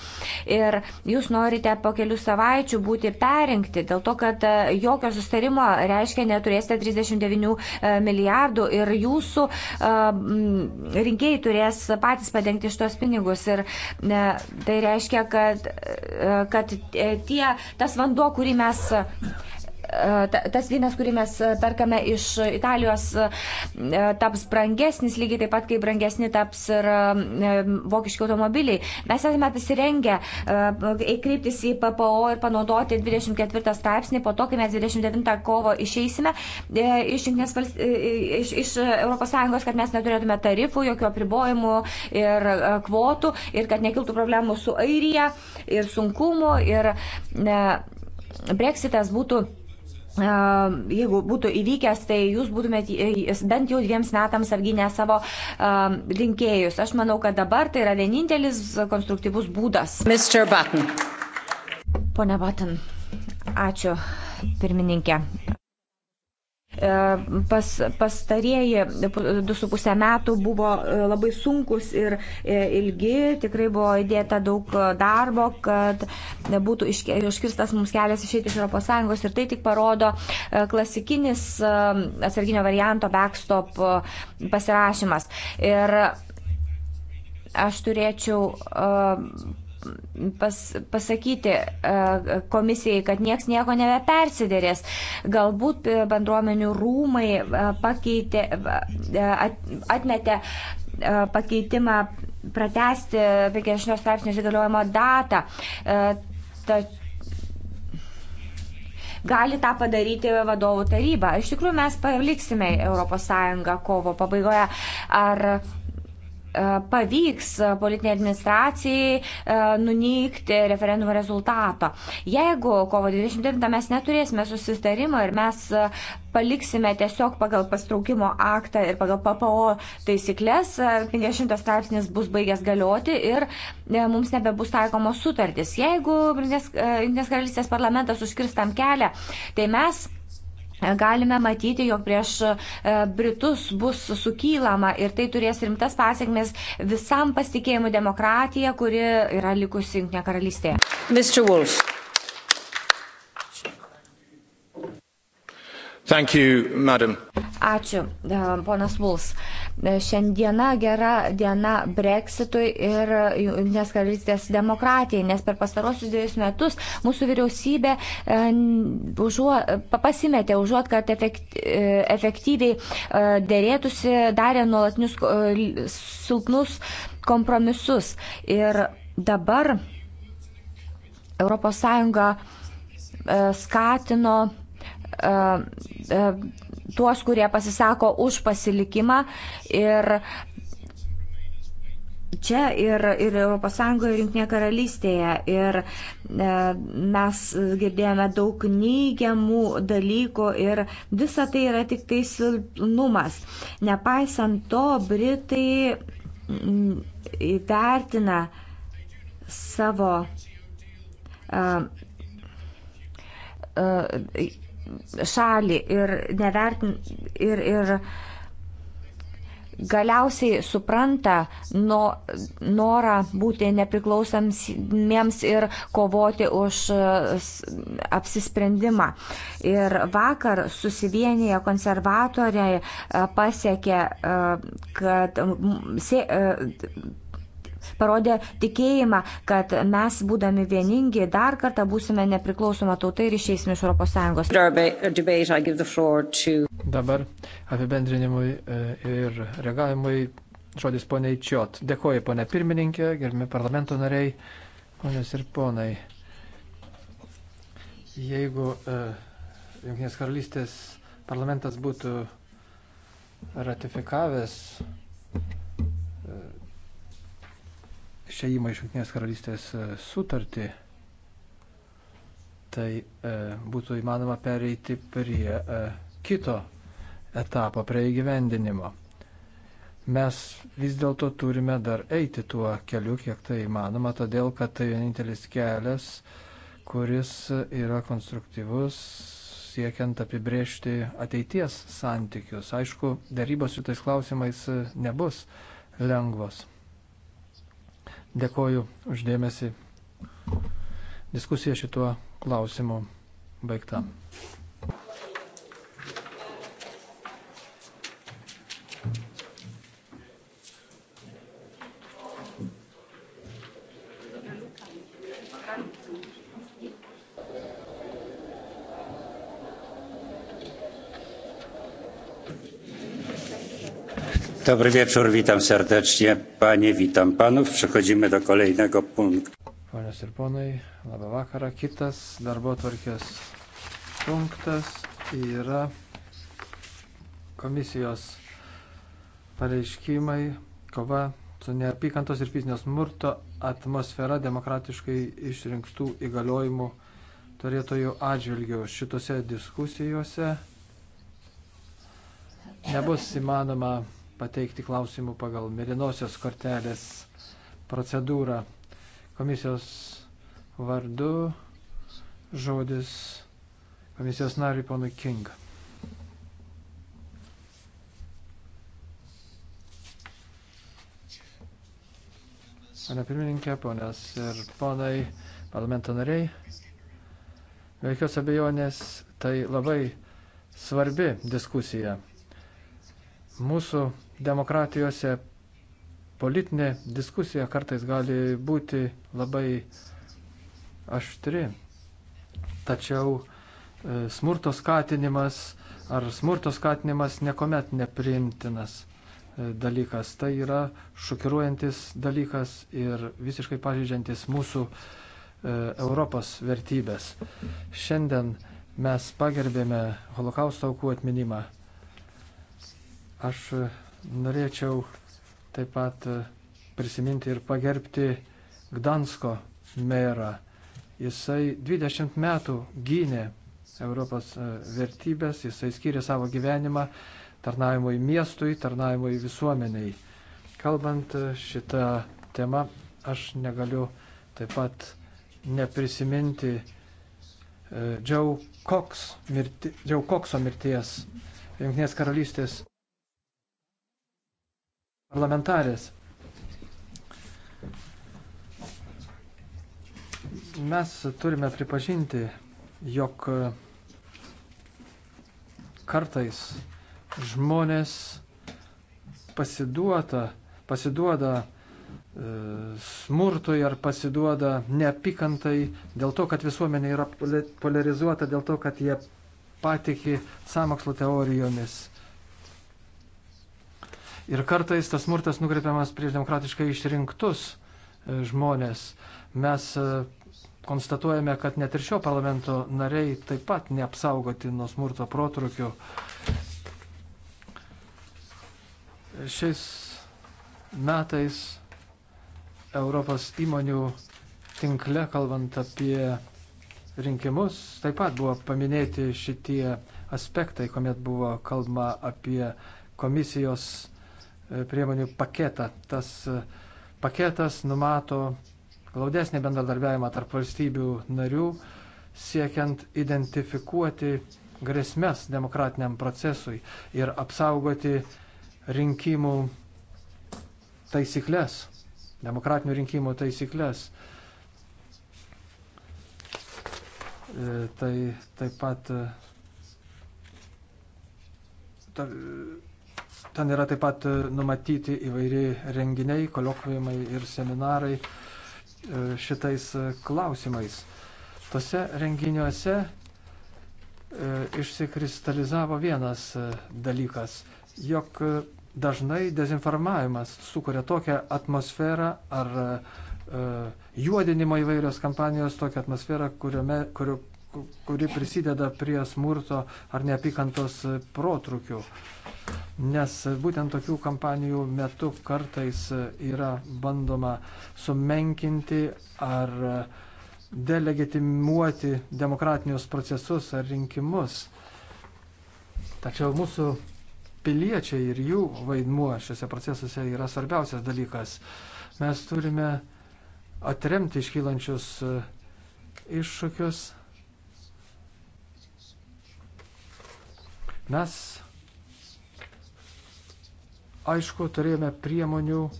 Ir jūs norite po kelių savaičių būti perinkti. Dėl to to, kad e, jokio sustarimo reiškia neturėsite 39 e, milijardų ir jūsų e, rinkėjai turės patys padengti šitos pinigus. Ir tai reiškia, kad, kad tie, tas vanduo, kurį mes tas vynas, kurį mes e, perkame iš Italijos, e, taps brangesnis, lygiai taip pat kaip brangesni taps ir e, vokiški automobiliai. Mes esame pasirengę kreiptis į PPO ir panaudoti 24 straipsnį, po to, kai mes 29 kovo išeisime iš, valst... iš, iš ES, kad mes neturėtume tarifų, jokių apribojimų ir kvotų ir kad nekiltų problemų su Airija ir sunkumų ir Brexitas būtų jeigu būtų įvykęs, tai jūs būtumėte e, bent jau dviems metams apginę savo rinkėjus. Aš manau, kad dabar tai yra vienintelis konstruktyvus būdas. Mr. Button. Pone Button, ačiū pirmininkė. E, pas, pastarieji 2,5 metų buvo e, labai sunkus ir e, ilgi, tikrai buvo įdėta daug darbo, kad būtų užkirstas mums kelias išėti iš ES ir tai tik parodo klasikinis atsarginio varianto backstop pasirašymas. Ir aš turėčiau pas, pasakyti e, komisijai, kad nieks nieko nebepersidėrės. Galbūt e, bendruomenių rūmai e, pakeitė, atmetė pakeitimą pratesti 50 straipsnio įsigaliojimo datą. Ta, gali tą padaryti vadovų taryba. Iš tikrųjų, mes paliksime ES kovo pabaigoje. Ar E, pavyks politinė administracijai e, nunykti referendumo rezultatą. Jeigu kovo 29 mes neturėsime susitarimo ir mes e, paliksime tiesiog pagal pastraukimo aktą ir pagal PPO taisyklės, 50 straipsnis bus baigęs galioti ir mums nebebus taikomos sutartys. Jeigu Junktinės karalystės parlamentas užkirstam kelią, tai mes Galime matyti, jog prieš e, Britus bus sukylama ir tai turės rimtas pasiekmes visam pasitikėjimu demokratija, kuri yra likusi Junktinė karalystė. Mr. Wolf. You, Ačiū, e, ponas Vuls. E, šiandiena gera diena Brexitui ir Junktinės karalystės demokratijai, nes per pastarosius dviejus metus mūsų vyriausybė e, užuo, pasimetė užuot, kad efektyviai dėrėtųsi, darė nuolatinius silpnus kompromisus. Ir dabar ES skatino E, e, tuos, kurie pasisako už pasilikimą ir čia ir, ir ES ir Junktinėje karalystėje. Ir e, mes girdėjome daug neigiamų dalykų ir visa tai yra tik tai silpnumas. Nepaisant to, Britai mm, įvertina savo. E, e, šalį ir, nevertin, ir, ir galiausiai supranta no, norą būti nepriklausomiems ir kovoti už e, apsisprendimą. Ir vakar susivienyje konservatoriai e, pasiekė, e, kad parodė tikėjimą, kad mes, būdami vieningi, dar kartą būsime nepriklausoma tauta ir išeisime iš ES. Dabar apibendrinimui e, ir reagavimui žodis poniai Čiot. Dėkoju, ponia pirmininkė, gerbimi parlamento nariai, ponios ir ponai. Jeigu uh, Junktinės karalystės parlamentas būtų ratifikavęs išeimą iš Junktinės karalystės e, sutartį, tai e, būtų įmanoma pereiti prie e, kito etapo, prie įgyvendinimo. Mes vis dėlto turime dar eiti tuo keliu, kiek tai įmanoma, todėl kad tai vienintelis kelias, kuris yra konstruktyvus siekiant apibriežti ateities santykius. Aišku, darybos šitais klausimais e, nebus lengvos. Dėkoju uždėmesi. Diskusija šituo klausimu baigta. Thank you. Dobry wieczór, witam serdecznie. Panie, witam panów. Przechodzimy do kolejnego punktu. Ponios ir ponai, labą vakarą. Kitas darbo tvarkės punktas yra komisijos pareiškimai kova su neapykantos ir fizinio smurto atmosfera demokratiškai išrinktų įgaliojimų turėtojų atžvilgių. Šitose diskusijose nebus įmanoma pateikti klausimų pagal mėlynosios kortelės procedūrą. Komisijos vardu žodis komisijos nariui ponui King. Pane pirmininkė, ponas ir ponai parlamento nariai, be jokios abejonės tai labai svarbi diskusija. Mūsų demokratijose politinė diskusija kartais gali būti labai aštri. Tačiau e, smurto skatinimas ar smurto skatinimas niekuomet nepriimtinas e, dalykas. Tai yra šokiruojantis dalykas ir visiškai pažydžiantis mūsų e, Europos vertybės. Šiandien mes pagerbėme holokausto aukų atminimą. Aš Norėčiau taip pat e, prisiminti ir pagerbti Gdansko merą. Jisai 20 metų gynė Europos e, vertybės, jisai skyrė savo gyvenimą tarnavimui miestui, tarnavimui visuomeniai. Kalbant e, šitą temą, aš negaliu taip pat neprisiminti Džiau Kokso mirties, Junknės karalystės parlamentarės. Mes turime pripažinti, jog kartais žmonės pasiduota, pasiduoda e, smurtui ar pasiduoda neapykantai dėl to, kad visuomenė yra polarizuota, dėl to, kad jie patiki samokslo teorijomis. Ir kartais tas smurtas nukreipiamas prieš demokratiškai išrinktus e, žmonės. Mes e, konstatuojame, kad net ir šio parlamento nariai taip pat neapsaugoti nuo smurto protrukio. Šiais metais Europos įmonių tinkle, kalbant apie rinkimus, taip pat buvo paminėti šitie aspektai, kuomet buvo kalbama apie komisijos priemonių paketą. Tas e, paketas numato glaudesnį bendradarbiavimą tarp valstybių narių, siekiant identifikuoti grėsmės demokratiniam procesui ir apsaugoti rinkimų taisyklės, demokratinių rinkimų taisyklės. E, tai taip pat e, ta, Ten yra taip pat e, numatyti įvairiai renginiai, kolokvijimai ir seminarai e, šitais e, klausimais. Tose renginiuose išsikristalizavo vienas dalykas, jog dažnai dezinformavimas sukuria tokią atmosferą ar juodinimo įvairios kampanijos tokią atmosferą, kuriame, kurio, kuri prisideda prie smurto ar neapykantos protrukių. Nes būtent tokių kampanijų metu kartais yra bandoma sumenkinti ar delegitimuoti demokratinius procesus ar rinkimus. Tačiau mūsų piliečiai ir jų vaidmuo šiuose procesuose yra svarbiausias dalykas. Mes turime atremti iškylančius iššūkius Mes, aišku, turėjome priemonių e,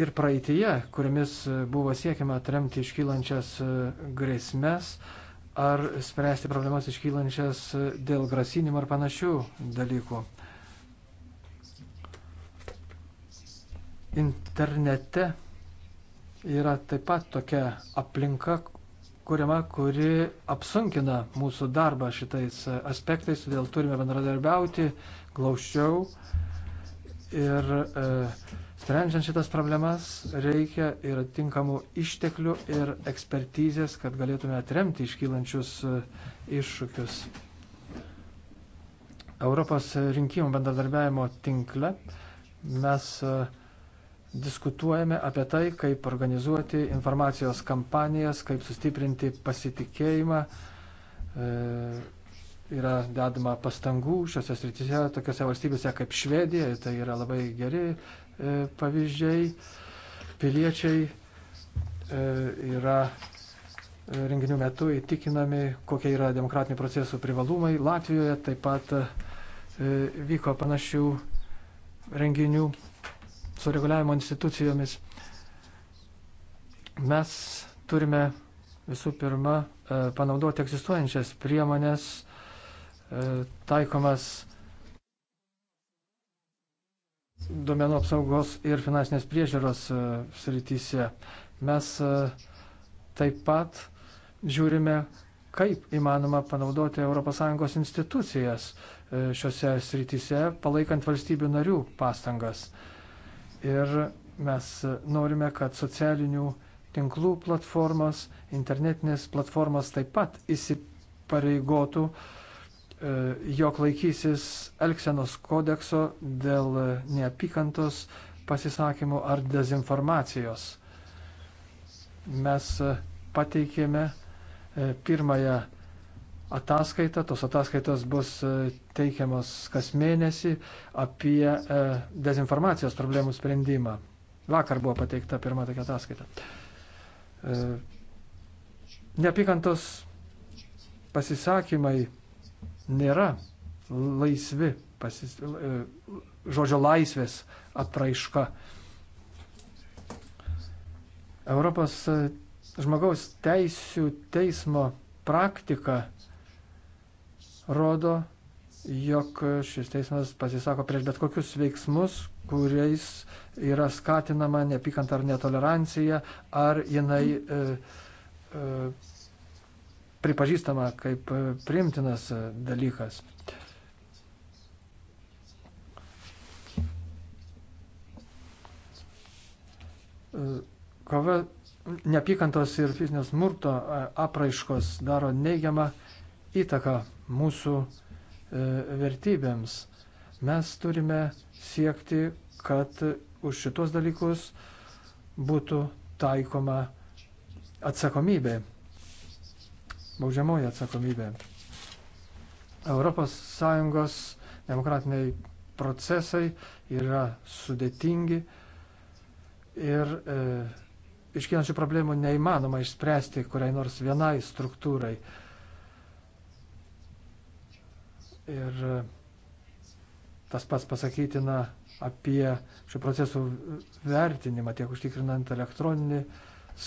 ir praeitie, kuriamis buvo siekiama atremti iškylančias e, grėsmes ar spręsti problemas iškylančias e, dėl grasinimo ar panašių dalykų. Internete yra taip pat tokia aplinka, kuriama, kuri apsunkina mūsų darbą šitais aspektais, todėl turime bendradarbiauti glaušiau ir e, sprendžiant šitas problemas reikia ir atitinkamų išteklių ir ekspertizės, kad galėtume atremti iškylančius e, iššūkius. Europos rinkimų bendradarbiavimo tinkle mes e, diskutuojame apie tai, kaip organizuoti informacijos kampanijas, kaip sustiprinti pasitikėjimą. E, yra dedama pastangų šiose srityse, tokiose valstybėse kaip Švedija, tai yra labai geri e, pavyzdžiai. Piliečiai e, yra e, renginių metu įtikinami, kokie yra demokratinių procesų privalumai. Latvijoje taip pat e, vyko panašių renginių su reguliavimo institucijomis. Mes turime visų pirma e, panaudoti egzistuojančias priemonės, e, taikomas duomenų apsaugos ir finansinės priežiūros e, srityse. Mes taip pat žiūrime, kaip įmanoma panaudoti ES institucijas šiuose srityse, palaikant valstybių narių pastangas ir mes norime, kad socialinių tinklų platformos, internetinės platformos taip pat įsipareigotų, e, jog laikysis Elksenos kodekso dėl neapykantos pasisakymų ar dezinformacijos. Mes e, pateikėme e, pirmąją ataskaitą. Tos ataskaitos bus e, teikiamos kas mėnesį apie e, dezinformacijos problemų sprendimą. Vakar buvo pateikta pirma tokia ataskaita. E, neapykantos pasisakymai nėra laisvi pasis, žodžio laisvės apraiška. Europos žmogaus teisų teismo praktika rodo, jog šis teismas pasisako prieš bet kokius veiksmus, kuriais yra skatinama nepykant ar netolerancija, ar jinai e, e, pripažįstama kaip e, priimtinas dalykas. E, kova nepykantos ir fizinio smurto e, apraiškos daro neigiamą įtaką mūsų e, vertybėms. Mes turime siekti, kad už šitos dalykus būtų taikoma atsakomybė, baudžiamoji atsakomybė. ES demokratiniai procesai yra sudėtingi ir e, iškylančių problemų neįmanoma išspręsti kuriai nors vienai struktūrai. E, Ir e, tas pats pasakytina apie šių procesų vertinimą, tiek užtikrinant elektroninį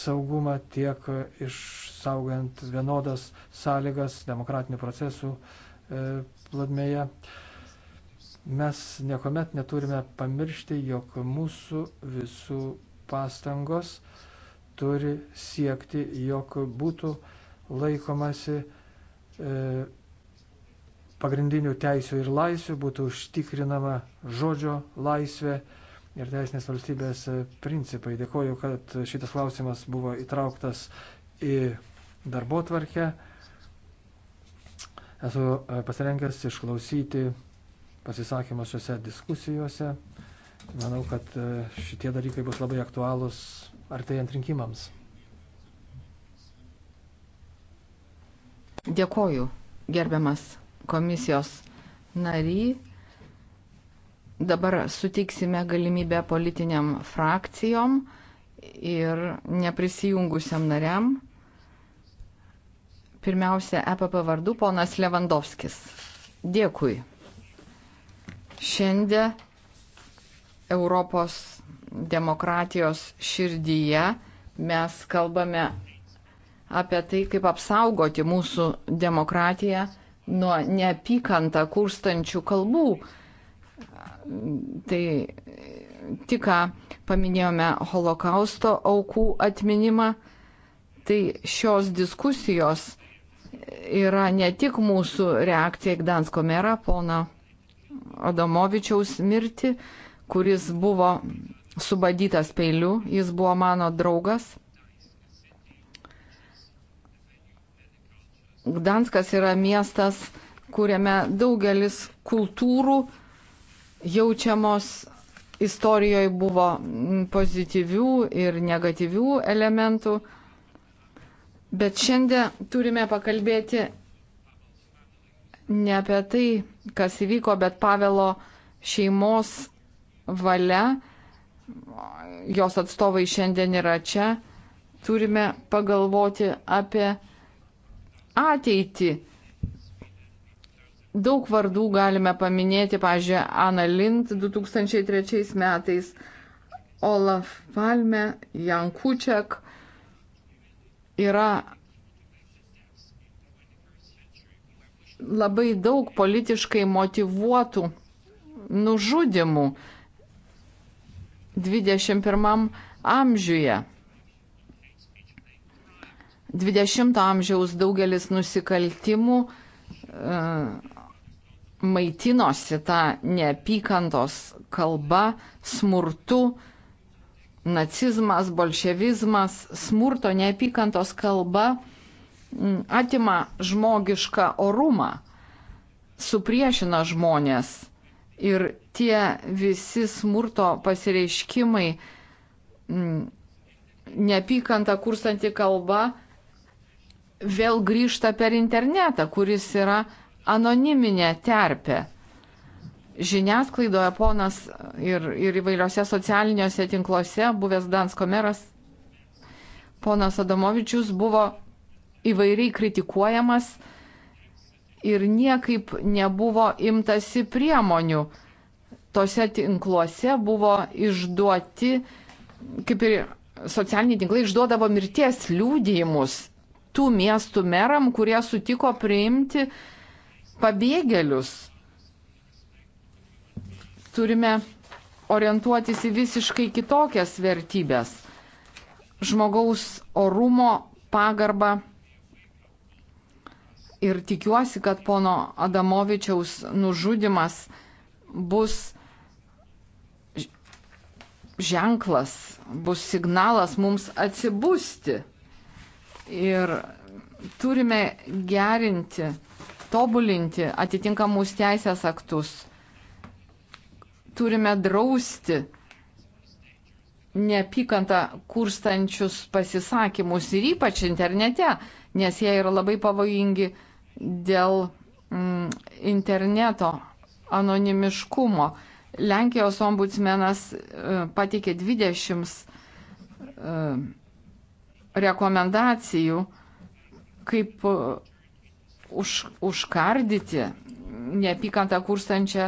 saugumą, tiek išsaugant vienodas sąlygas demokratinių procesų e, platmėje. Mes niekuomet neturime pamiršti, jog mūsų visų pastangos turi siekti, jog būtų laikomasi e, pagrindinių teisų ir laisvių, būtų užtikrinama žodžio laisvė ir teisinės valstybės principai. Dėkoju, kad šitas klausimas buvo įtrauktas į darbo tvarkę. Esu e, pasirengęs išklausyti pasisakymus šiuose diskusijose. Manau, kad e, šitie dalykai bus labai aktualūs artėjant rinkimams. Dėkoju, gerbiamas komisijos nary. Dabar suteiksime galimybę politiniam frakcijom ir neprisijungusiam nariam. Pirmiausia, EPP vardu ponas Levandovskis. Dėkui. Šiandien Europos demokratijos širdyje mes kalbame apie tai, kaip apsaugoti mūsų demokratiją nuo neapykantą kurstančių kalbų. Tai tik ką paminėjome holokausto aukų atminimą, tai šios diskusijos yra ne tik mūsų reakcija į Gdansko merą, pona Adamovičiaus mirtį, kuris buvo subadytas peiliu, jis buvo mano draugas. Gdanskas yra miestas, kuriame daugelis kultūrų jaučiamos istorijoje buvo mm, pozityvių ir negatyvių elementų. Bet šiandien turime pakalbėti ne apie tai, kas įvyko, bet Pavelo šeimos valia, jos atstovai šiandien yra čia. Turime pagalvoti apie ateitį. Daug vardų galime paminėti, pažiūrėjau, Ana Lind 2003 metais, Olaf Palme, Jan Kučiak yra labai daug politiškai motivuotų nužudimų 21 amžiuje. 20 amžiaus daugelis nusikaltimų e, maitinosi tą neapykantos kalbą, smurtu, nacizmas, bolševizmas, smurto neapykantos kalba atima žmogišką orumą, supriešina žmonės ir tie visi smurto pasireiškimai, neapykanta kurstanti kalba, vėl grįžta per internetą, kuris yra anoniminė terpė. Žiniasklaidoje ponas ir, ir įvairiose socialiniuose tinkluose buvęs Dansko meras ponas Adamovičius buvo įvairiai kritikuojamas ir niekaip nebuvo imtasi priemonių. Tose tinkluose buvo išduoti, kaip ir socialiniai tinklai išduodavo mirties liūdėjimus tų miestų meram, kurie sutiko priimti pabėgėlius. Turime orientuotis į visiškai kitokias vertybės. Žmogaus orumo pagarbą. Ir tikiuosi, kad pono Adamovičiaus nužudimas bus ženklas, bus signalas mums atsibusti. Ir turime gerinti, tobulinti atitinkamus teisės aktus. Turime drausti neapykantą kurstančius pasisakymus ir ypač internete, nes jie yra labai pavojingi dėl mm, interneto anonimiškumo. Lenkijos ombudsmenas e, pateikė 20 e, rekomendacijų, kaip e, už, užkardyti neapykantą kurstančią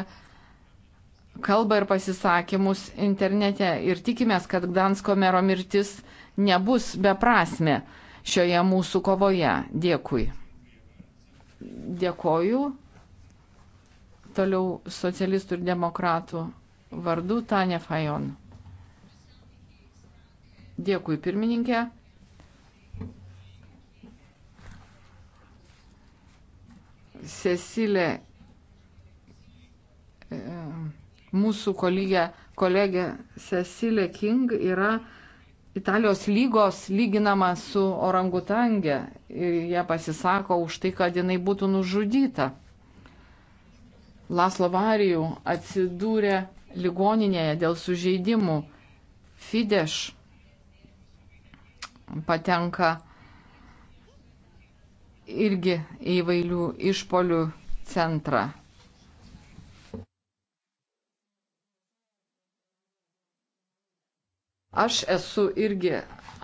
kalbą ir pasisakymus internete. Ir tikimės, kad Gdansko mero mirtis nebus beprasme šioje mūsų kovoje. Dėkui. Dėkoju. Toliau socialistų ir demokratų vardu Tane Fajon. Dėkui pirmininkė. Cecilė, e, mūsų kolegė, kolegė Cecilė King yra Italijos lygos lyginama su orangutangė ir jie pasisako už tai, kad jinai būtų nužudyta. Laslo Varijų atsidūrė ligoninėje dėl sužeidimų. Fidesz patenka irgi įvairių išpolių centrą. Aš esu irgi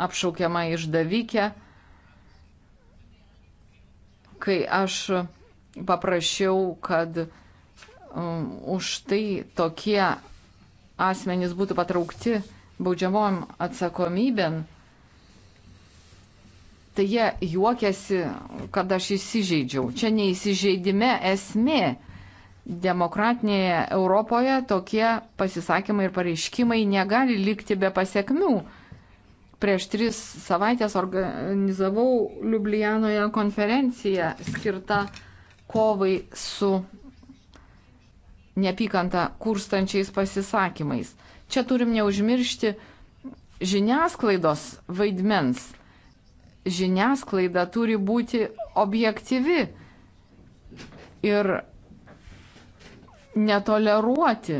apšaukiama išdavikė, kai aš paprašiau, kad um, už tai tokie asmenys būtų patraukti baudžiamom atsakomybėm tai jie juokiasi, kad aš įsižeidžiau. Čia neįsižeidime esmė. Demokratinėje Europoje tokie pasisakymai ir pareiškimai negali likti be pasiekmių. Prieš tris savaitės organizavau Ljubljanoje konferenciją skirtą kovai su neapykanta kurstančiais pasisakymais. Čia turim neužmiršti žiniasklaidos vaidmens žiniasklaida turi būti objektyvi ir netoleruoti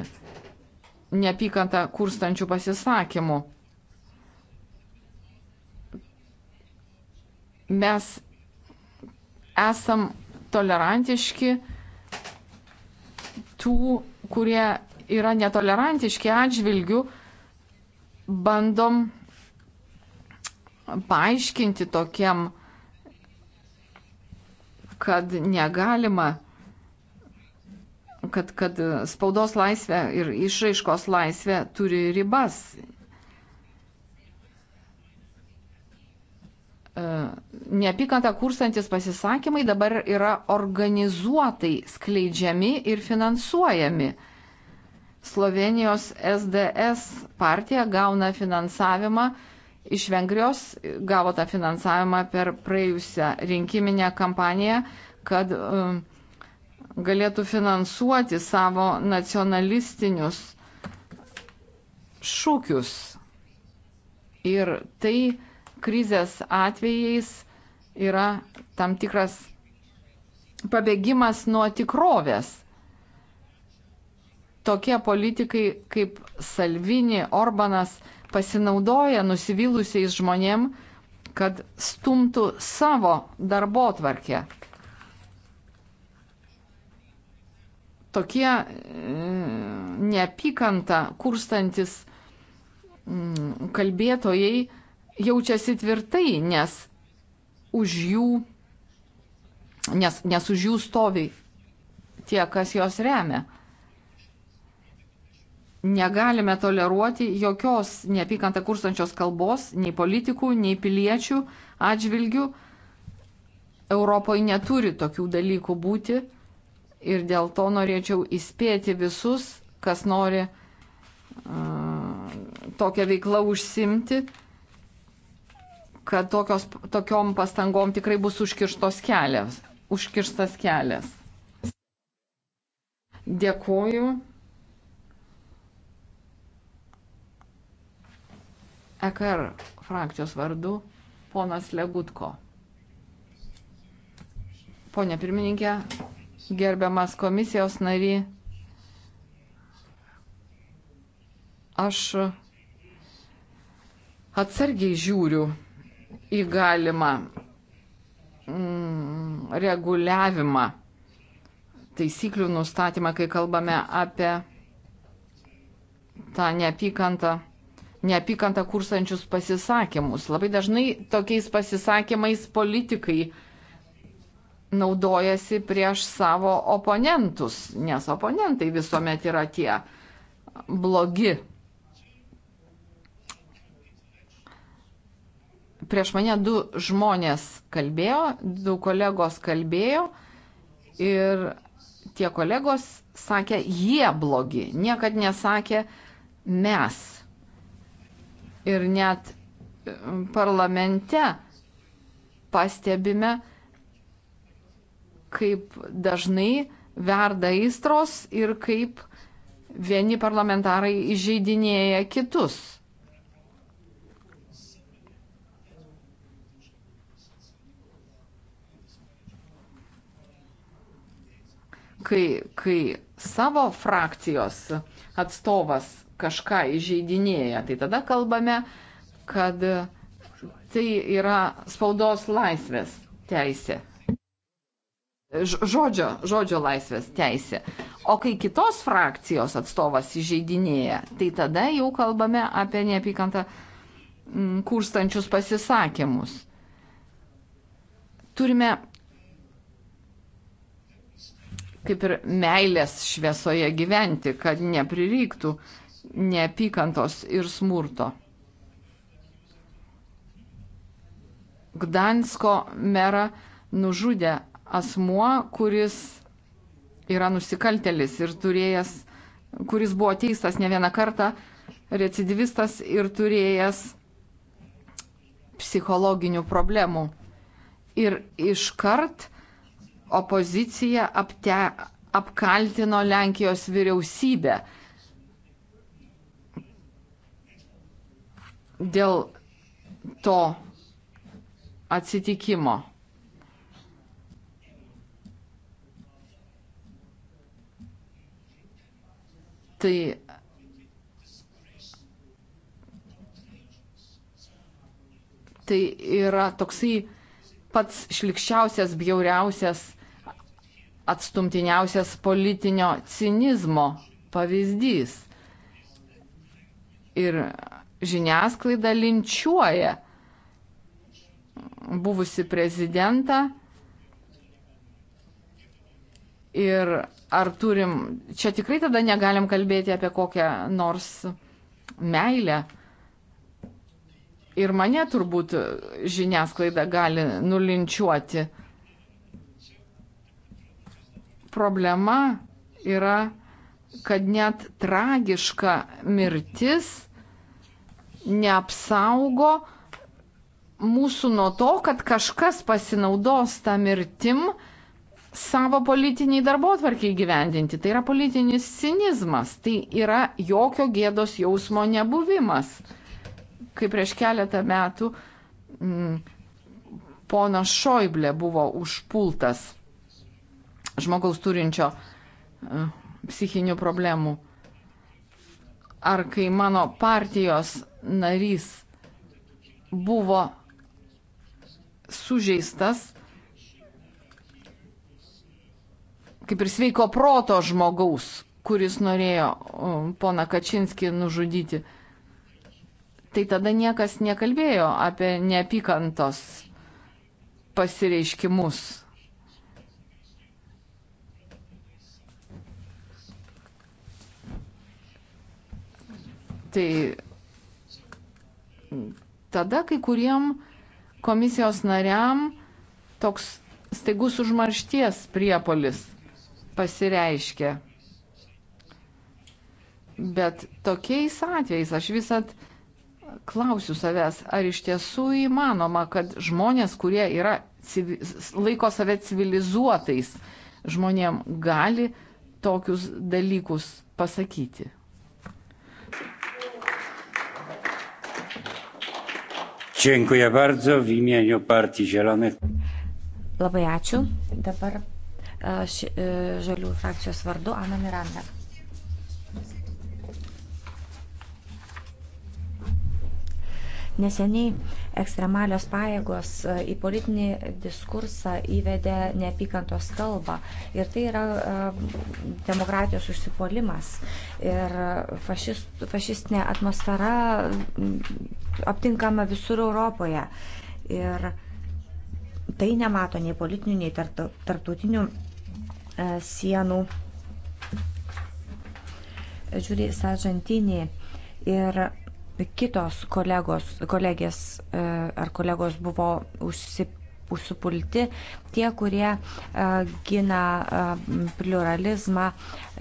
neapykantą kurstančių pasisakymų. Mes esam tolerantiški tų, kurie yra netolerantiški atžvilgių, bandom paaiškinti tokiam, kad negalima, kad, kad spaudos laisvė ir išraiškos laisvė turi ribas. E, neapykantą kursantis pasisakymai dabar yra organizuotai skleidžiami ir finansuojami. Slovenijos SDS partija gauna finansavimą iš Vengrijos gavo tą finansavimą per praėjusią rinkiminę kampaniją, kad um, galėtų finansuoti savo nacionalistinius šūkius. Ir tai krizės atvejais yra tam tikras pabėgimas nuo tikrovės. Tokie politikai kaip Salvini, Orbanas, pasinaudoja nusivylusiais žmonėm, kad stumtų savo darbo tvarkę. Tokie e, neapykanta kurstantis mm, kalbėtojai jaučiasi tvirtai, nes už jų, nes, nes už jų stovi tie, kas juos remia. Negalime toleruoti jokios neapykantą kurstančios kalbos, nei politikų, nei piliečių atžvilgių. Europoje neturi tokių dalykų būti ir dėl to norėčiau įspėti visus, kas nori uh, tokią veiklą užsimti, kad tokios, tokiom pastangom tikrai bus užkirstos kelias. Užkirstas kelias. Dėkoju. EKR frakcijos vardu ponas Legutko. Pone pirmininkė, gerbiamas komisijos nary, aš atsargiai žiūriu į galimą mm, reguliavimą, taisyklių nustatymą, kai kalbame apie tą neapykantą neapykantą kursančius pasisakymus. Labai dažnai tokiais pasisakymais politikai naudojasi prieš savo oponentus, nes oponentai visuomet yra tie blogi. Prieš mane du žmonės kalbėjo, du kolegos kalbėjo ir tie kolegos sakė, jie blogi, niekad nesakė mes ir net e, parlamente pastebime, kaip dažnai verda įstros ir kaip vieni parlamentarai įžeidinėja kitus. Kai, kai savo frakcijos atstovas kažką įžeidinėja, tai tada kalbame, kad tai yra spaudos laisvės teisė. Žodžio, žodžio laisvės teisė. O kai kitos frakcijos atstovas įžeidinėja, tai tada jau kalbame apie neapykantą mm, kurstančius pasisakymus. Turime kaip ir meilės šviesoje gyventi, kad neprireiktų uh, neapykantos ir smurto. Gdansko merą nužudė asmuo, kuris yra nusikaltelis ir turėjęs, kuris buvo teistas ne vieną kartą, recidivistas ir turėjęs psichologinių problemų. Ir iškart opozicija apte, apkaltino Lenkijos vyriausybę dėl to atsitikimo. Tai tai yra toksai pats šlikščiausias, bjauriausias, atstumtiniausias politinio cinizmo pavyzdys. Ir žiniasklaida linčiuoja buvusi prezidentą. Ir ar turim, čia tikrai tada negalim kalbėti apie kokią nors meilę. Ir mane turbūt žiniasklaida gali nulinčiuoti. Problema yra, kad net tragiška mirtis neapsaugo mūsų nuo to, kad kažkas pasinaudos tą mirtim savo politiniai darbo tvarkiai gyvendinti. Tai yra politinis cinizmas, tai yra jokio gėdos jausmo nebuvimas. Kaip prieš keletą metų m, mm, ponas Šoiblė buvo užpultas žmogaus turinčio m, e, psichinių problemų. Ar kai mano partijos narys buvo sužeistas kaip ir sveiko proto žmogaus, kuris norėjo pona Kačinskį nužudyti. Tai tada niekas nekalbėjo apie neapykantos pasireiškimus. Tai tada kai kuriem komisijos nariam toks staigus užmaršties priepolis pasireiškia. Bet tokiais atvejais aš visat klausiu savęs, ar iš tiesų įmanoma, kad žmonės, kurie yra, laiko save civilizuotais žmonėm, gali tokius dalykus pasakyti. Dziękuję bardzo w imieniu Partii Zielonych. Labai ačiū. Dabar e, ši, e, žalių frakcijos vardu Ana Miranda. Neseniai ekstremalios pajėgos e, į politinį diskursą įvedė neapykantos kalbą. Ir tai yra e, demokratijos užsipuolimas. Ir fašist, fašistinė atmosfera aptinkama visur Europoje. Ir tai nemato nei politinių, nei tarptautinių e, sienų. Žiūri, Sargentinį ir kitos kolegos, kolegės e, ar kolegos buvo užsipirkti užsipulti tie, kurie e, gina e, pluralizmą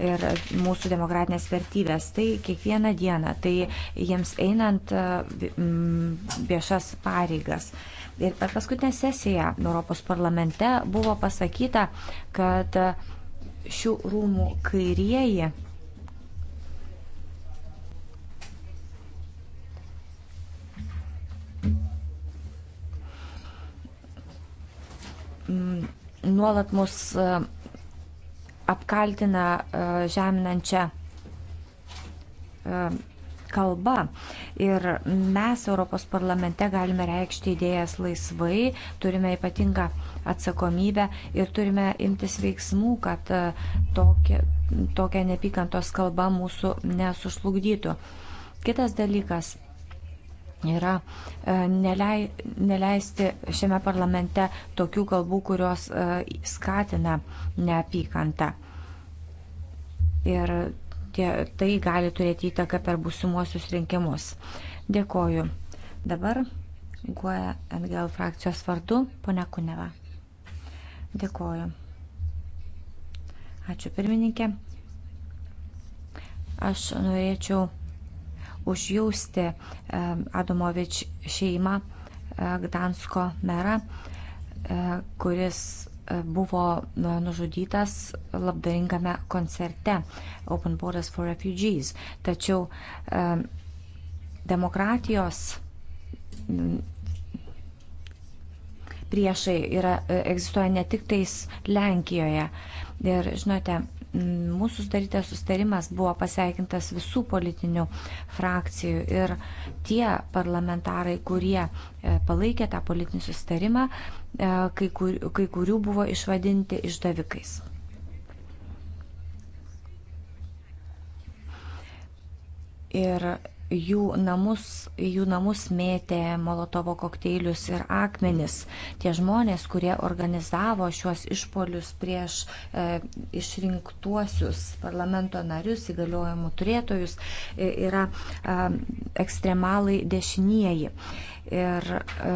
ir mūsų demokratinės vertybės. Tai kiekvieną dieną, tai jiems einant viešas pareigas. Ir per paskutinę sesiją Europos parlamente buvo pasakyta, kad šių rūmų kairieji nuolat mus e, apkaltina e, žeminančią e, kalba. Ir mes Europos parlamente galime reikšti idėjas laisvai, turime ypatingą atsakomybę ir turime imtis veiksmų, kad tokia, tokia nepykantos kalba mūsų nesužlugdytų. Kitas dalykas yra e, nelei, neleisti šiame parlamente tokių kalbų, kurios e, skatina neapykantą. Ir tie, tai gali turėti įtaką per busimuosius rinkimus. Dėkoju. Dabar guoja NGL frakcijos vardu ponia Kuneva. Dėkoju. Ačiū pirmininkė. Aš norėčiau užjausti e, Adamovič šeimą, e, Gdansko merą, e, kuris buvo nužudytas labdaringame koncerte Open Borders for Refugees. Tačiau demokratijos priešai yra, egzistuoja ne tik tais Lenkijoje. Ir žinote, Mūsų sudarytas sustarimas buvo pasveikintas visų politinių frakcijų ir tie parlamentarai, kurie e, palaikė tą politinį sustarimą, e, kai, kur, kai kurių buvo išvadinti išdavikais. Ir jų namus, jų namus mėtė Molotovo kokteilius ir akmenis. Tie žmonės, kurie organizavo šiuos išpolius prieš e, išrinktuosius parlamento narius, įgaliojimų turėtojus, e, yra e, ekstremalai dešinieji. Ir e,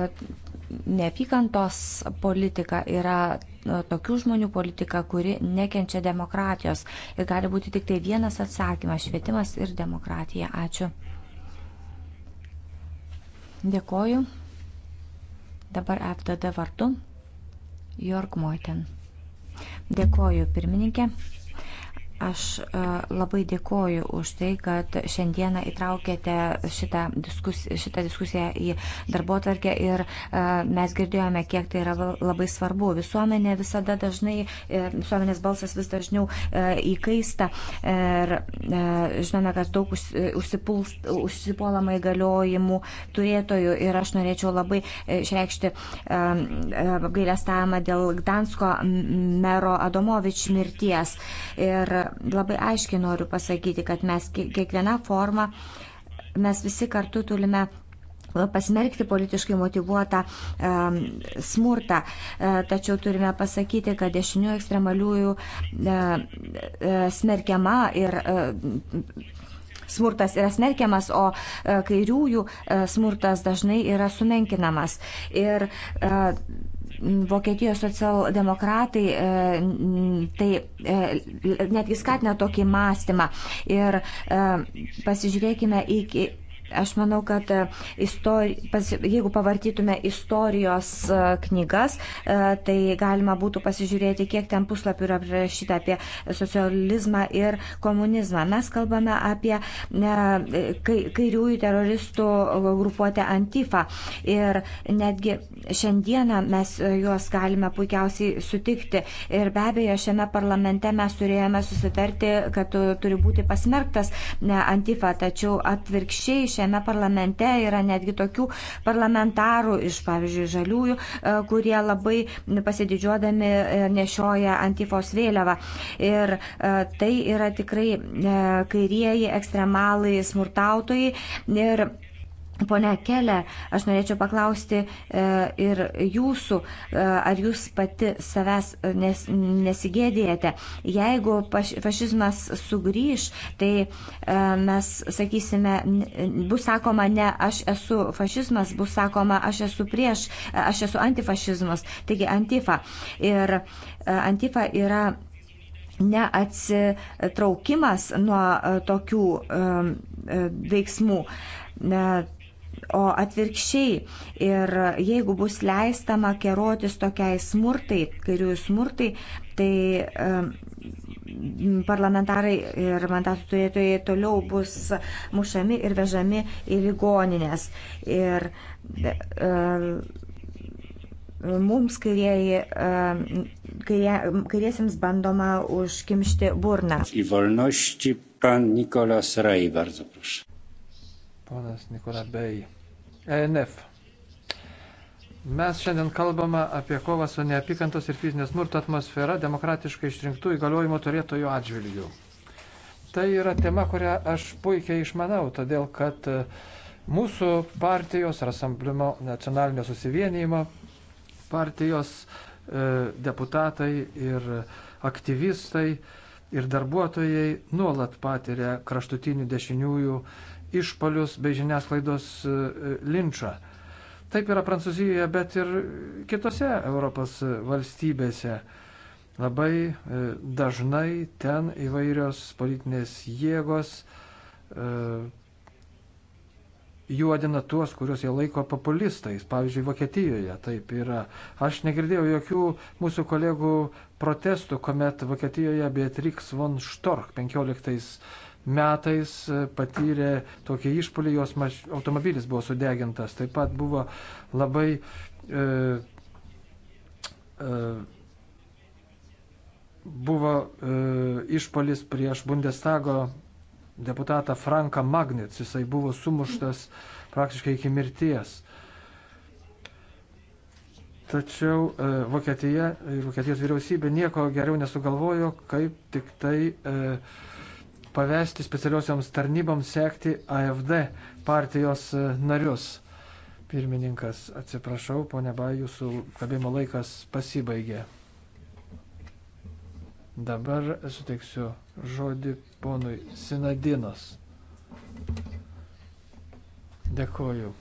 neapykantos politika yra e, tokių žmonių politika, kuri nekenčia demokratijos. Ir gali būti tik tai vienas atsakymas - švietimas ir demokratija. Ačiū. Dėkoju. Dabar FDD vardu Jorg Moiten. Dėkoju, pirmininkė. Aš e, labai dėkoju už tai, kad šiandieną įtraukėte šitą, diskus, šitą diskusiją į darbo tvarkę ir e, mes girdėjome, kiek tai yra labai svarbu. Visuomenė visada dažnai, e, visuomenės balsas vis dažniau įkaista ir žinome, kad daug užsipuolama įgaliojimų turėtojų ir aš norėčiau labai išreikšti gailę stavimą dėl Gdansko mero Adomovič mirties. Ir labai aiškiai noriu pasakyti, kad mes kiekvieną formą, mes visi kartu turime e, pasmerkti politiškai motivuotą e, smurtą. E, tačiau turime pasakyti, kad dešinių ekstremaliųjų e, e, smerkiama ir e, smurtas yra smerkiamas, o e, kairiųjų e, smurtas dažnai yra sumenkinamas. Ir Vokietijos socialdemokratai e, tai e, netgi skatina tokį mąstymą. Ir e, pasižiūrėkime į Aš manau, kad e, istori... jeigu pavartytume istorijos e, knygas, e, tai galima būtų pasižiūrėti, kiek ten puslapių yra prirašyta apie socializmą ir komunizmą. Mes kalbame apie kairiųjų teroristų grupuotę Antifa. Ir netgi šiandieną mes juos galime puikiausiai sutikti. Ir be abejo, šiame parlamente mes turėjome susitarti, kad turi būti pasmerktas Antifa, tačiau atvirkščiai šiandien šiame parlamente yra netgi tokių parlamentarų iš, pavyzdžiui, žaliųjų, e, kurie labai pasididžiuodami e, nešioja antifos vėliavą. Ir e, tai yra tikrai kairieji ekstremalai smurtautojai. Ir Pone Kelė, aš norėčiau paklausti e, ir jūsų, e, ar jūs pati savęs e, nes, nesigėdėjate. Jeigu paš, fašizmas sugrįž, tai e, mes sakysime, bus sakoma, ne aš esu fašizmas, bus sakoma, aš esu prieš, e, aš esu antifašizmas, taigi antifa. Ir e, antifa yra neatsitraukimas nuo e, tokių veiksmų o atvirkščiai. Ir jeigu bus leista makerotis tokiai smurtai, kairiųjų smurtai, tai parlamentarai ir mandatų turėtojai toliau bus mušami ir vežami į ligoninės. Ir mums kairieji, kairie, kairiesiems bandoma užkimšti burną. Pan Nikolas Rai, bardzo proszę. Ponas Nikola Bey. ENF. Mes šiandien kalbame apie kovą su neapykantos ir fizinės smurto atmosfera demokratiškai išrinktų įgaliojimo turėtojų atžvilgių. Tai yra tema, kurią aš puikiai išmanau, todėl kad e, mūsų partijos ar asamblimo nacionalinio susivienijimo partijos e, deputatai ir aktyvistai ir darbuotojai nuolat patiria kraštutinių dešiniųjų uh, išpalius bei žiniasklaidos e, linčą. Taip yra Prancūzijoje, bet ir kitose Europos valstybėse. Labai e, dažnai ten įvairios politinės jėgos e, juodina tuos, kuriuos jie laiko populistais. Pavyzdžiui, Vokietijoje taip yra. Aš negirdėjau jokių mūsų kolegų protestų, kuomet Vokietijoje Beatrix von Storch 15 metais e, patyrė tokį išpolį, jos maž... automobilis buvo sudegintas. Taip pat buvo labai e, e, buvo e, išpolis prieš Bundestago deputatą Franką Magnitz. Jisai buvo sumuštas praktiškai iki mirties. Tačiau e, Vokietija, Vokietijos vyriausybė nieko geriau nesugalvojo, kaip tik tai e, pavesti specialiosioms tarnyboms sekti AFD partijos e, narius. Pirmininkas, atsiprašau, ponia Ba, jūsų kalbėjimo laikas pasibaigė. Dabar suteiksiu žodį ponui Sinadinos. Dėkoju.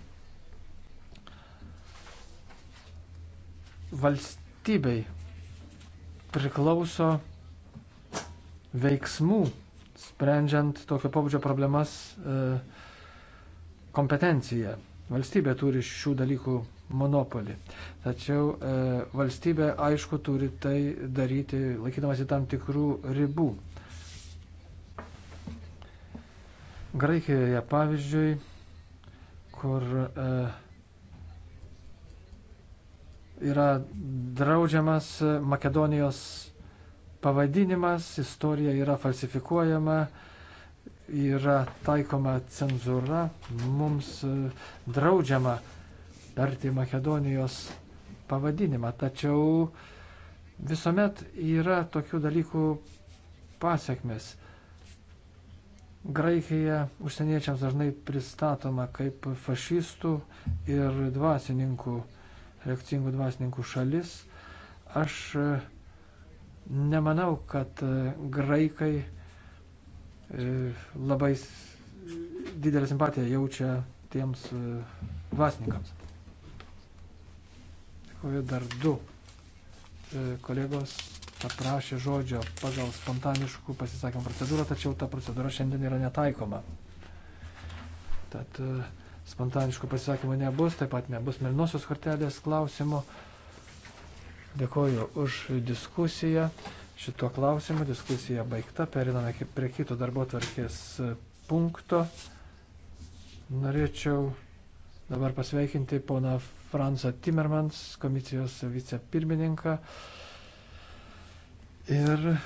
Valstybei priklauso veiksmų sprendžiant tokio pobūdžio problemas e, kompetencija. Valstybė turi šių dalykų monopolį. Tačiau e, valstybė, aišku, turi tai daryti laikydamasi tam tikrų ribų. Graikijoje, pavyzdžiui, kur e, yra draudžiamas Makedonijos pavadinimas, istorija yra falsifikuojama, yra taikoma cenzūra, mums e, draudžiama tarti Makedonijos pavadinimą. Tačiau visuomet yra tokių dalykų pasiekmes. Graikija užsieniečiams dažnai pristatoma kaip fašistų ir dvasininkų, reakcingų dvasininkų šalis. Aš e, Nemanau, kad e, graikai e, labai didelę simpatiją jaučia tiems e, dvasininkams. Dėkuoju dar du kolegos paprašė žodžio pagal spontaniškų pasisakymų procedūrą, tačiau ta procedūra šiandien yra netaikoma. Tad spontaniškų pasisakymų nebus, taip pat nebus mirnosios kortelės klausimų. Dėkoju už diskusiją. Šituo klausimu diskusija baigta. Periname prie kito darbo tvarkės e, punkto. Norėčiau dabar pasveikinti poną Fransą Timmermans, komisijos vicepirmininką. Ir e,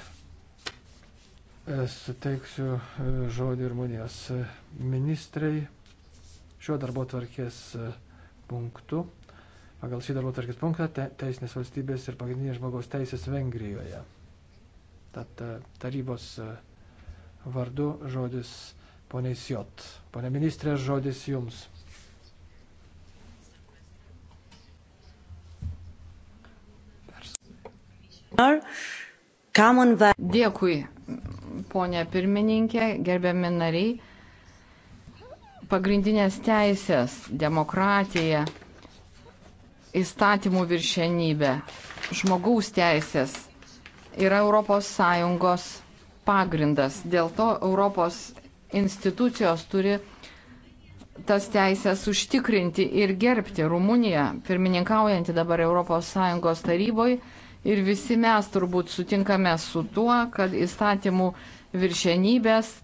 suteiksiu e, žodį Rumunijos ministrei šiuo darbo tvarkės punktu pagal šį darbo tarkis punktą te, teisinės valstybės ir pagrindinės žmogaus teisės Vengrijoje. Tad e, tarybos e, vardu žodis poniai Sjot. Pone ministrė, žodis jums. Dėkui, ponė pirmininkė, gerbiami nariai. Pagrindinės teisės, demokratija, įstatymų viršenybė, žmogaus teisės yra ES pagrindas. Dėl to Europos institucijos turi tas teisės užtikrinti ir gerbti. Rumunija, pirmininkaujanti dabar ES taryboj, ir visi mes turbūt sutinkame su tuo, kad įstatymų viršenybės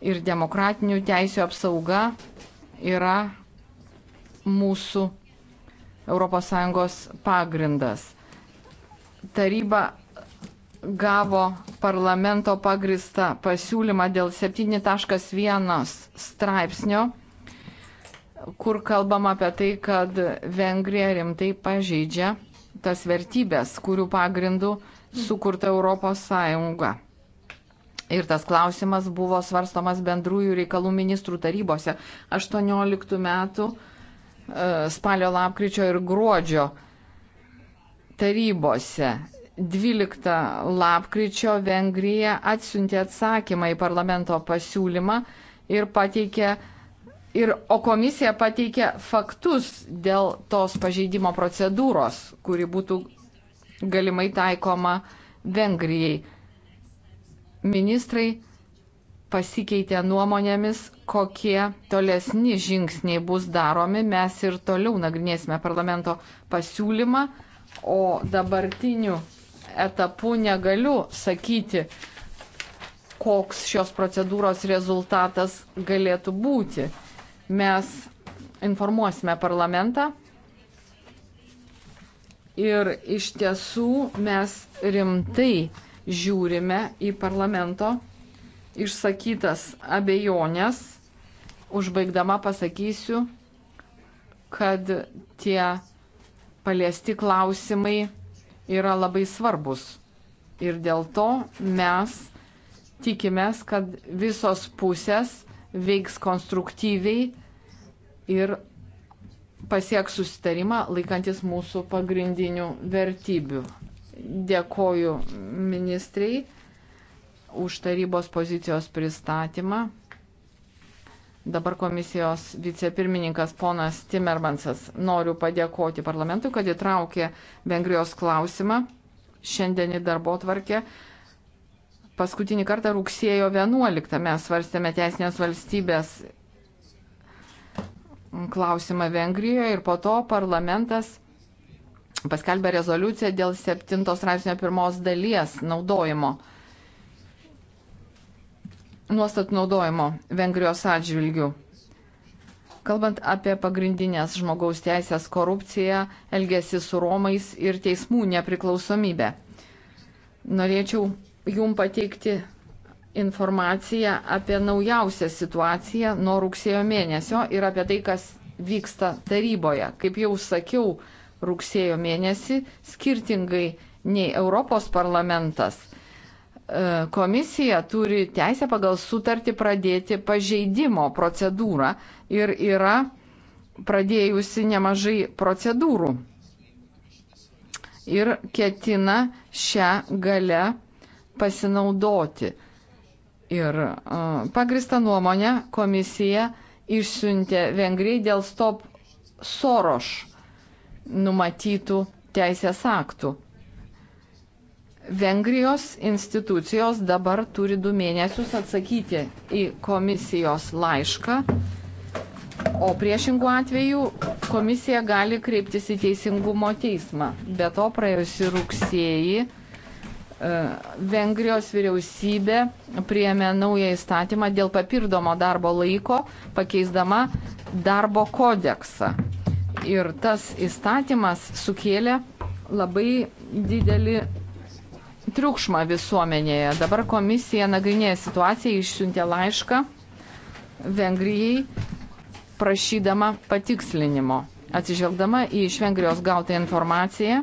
ir demokratinių teisų apsauga yra mūsų ES pagrindas. Taryba gavo parlamento pagristą pasiūlymą dėl 7.1 straipsnio, kur kalbama apie tai, kad Vengrija rimtai pažeidžia tas vertybės, kurių pagrindų sukurta Europos Sąjunga. Ir tas klausimas buvo svarstomas bendrųjų reikalų ministrų tarybose 18 metų E, spalio, lapkričio ir gruodžio tarybose. 12 lapkričio Vengrija atsiuntė atsakymą į parlamento pasiūlymą ir pateikė, ir, o komisija pateikė faktus dėl tos pažeidimo procedūros, kuri būtų galimai taikoma Vengrijai. Ministrai pasikeitė nuomonėmis, kokie tolesni žingsniai bus daromi. Mes ir toliau nagrinėsime parlamento pasiūlymą, o dabartiniu etapu negaliu sakyti, koks šios procedūros rezultatas galėtų būti. Mes informuosime parlamentą ir iš tiesų mes rimtai žiūrime į parlamento išsakytas abejonės. Užbaigdama pasakysiu, kad tie paliesti klausimai yra labai svarbus. Ir dėl to mes tikimės, kad visos pusės veiks konstruktyviai ir pasieks susitarimą laikantis mūsų pagrindinių vertybių. Dėkoju ministrei už tarybos pozicijos pristatymą. Dabar komisijos vicepirmininkas ponas Timermansas. Noriu padėkoti parlamentui, kad įtraukė Vengrijos klausimą šiandien į darbo tvarkę. Paskutinį kartą rugsėjo 11 mes svarstėme teisinės valstybės klausimą Vengrijoje ir po to parlamentas paskelbė rezoliuciją dėl 7 straipsnio pirmos dalies naudojimo nuostatų naudojimo Vengrijos atžvilgių. Kalbant apie pagrindinės žmogaus teisės korupciją, elgesi su Romais ir teismų nepriklausomybę. Norėčiau Jums pateikti informaciją apie naujausią situaciją nuo rugsėjo mėnesio ir apie tai, kas vyksta taryboje. Kaip jau sakiau, rugsėjo mėnesį skirtingai nei Europos parlamentas E, komisija turi teisę pagal sutartį pradėti pažeidimo procedūrą ir yra pradėjusi nemažai procedūrų. Ir ketina šią galę pasinaudoti. Ir e, pagrista nuomonė komisija išsiuntė Vengrijai dėl stop soroš numatytų teisės aktų. Vengrijos institucijos dabar turi du mėnesius atsakyti į komisijos laišką, o priešingų atveju komisija gali kreiptis į teisingumo teismą. Be to praėjusį rugsėjį e, Vengrijos vyriausybė priėmė naują įstatymą dėl papirdomo darbo laiko, pakeisdama darbo kodeksą. Ir tas įstatymas sukėlė labai didelį triukšmą visuomenėje. Dabar komisija nagrinėja situaciją, išsiuntė laišką Vengrijai prašydama patikslinimo. Atsižvelgdama į iš Vengrijos gautą informaciją,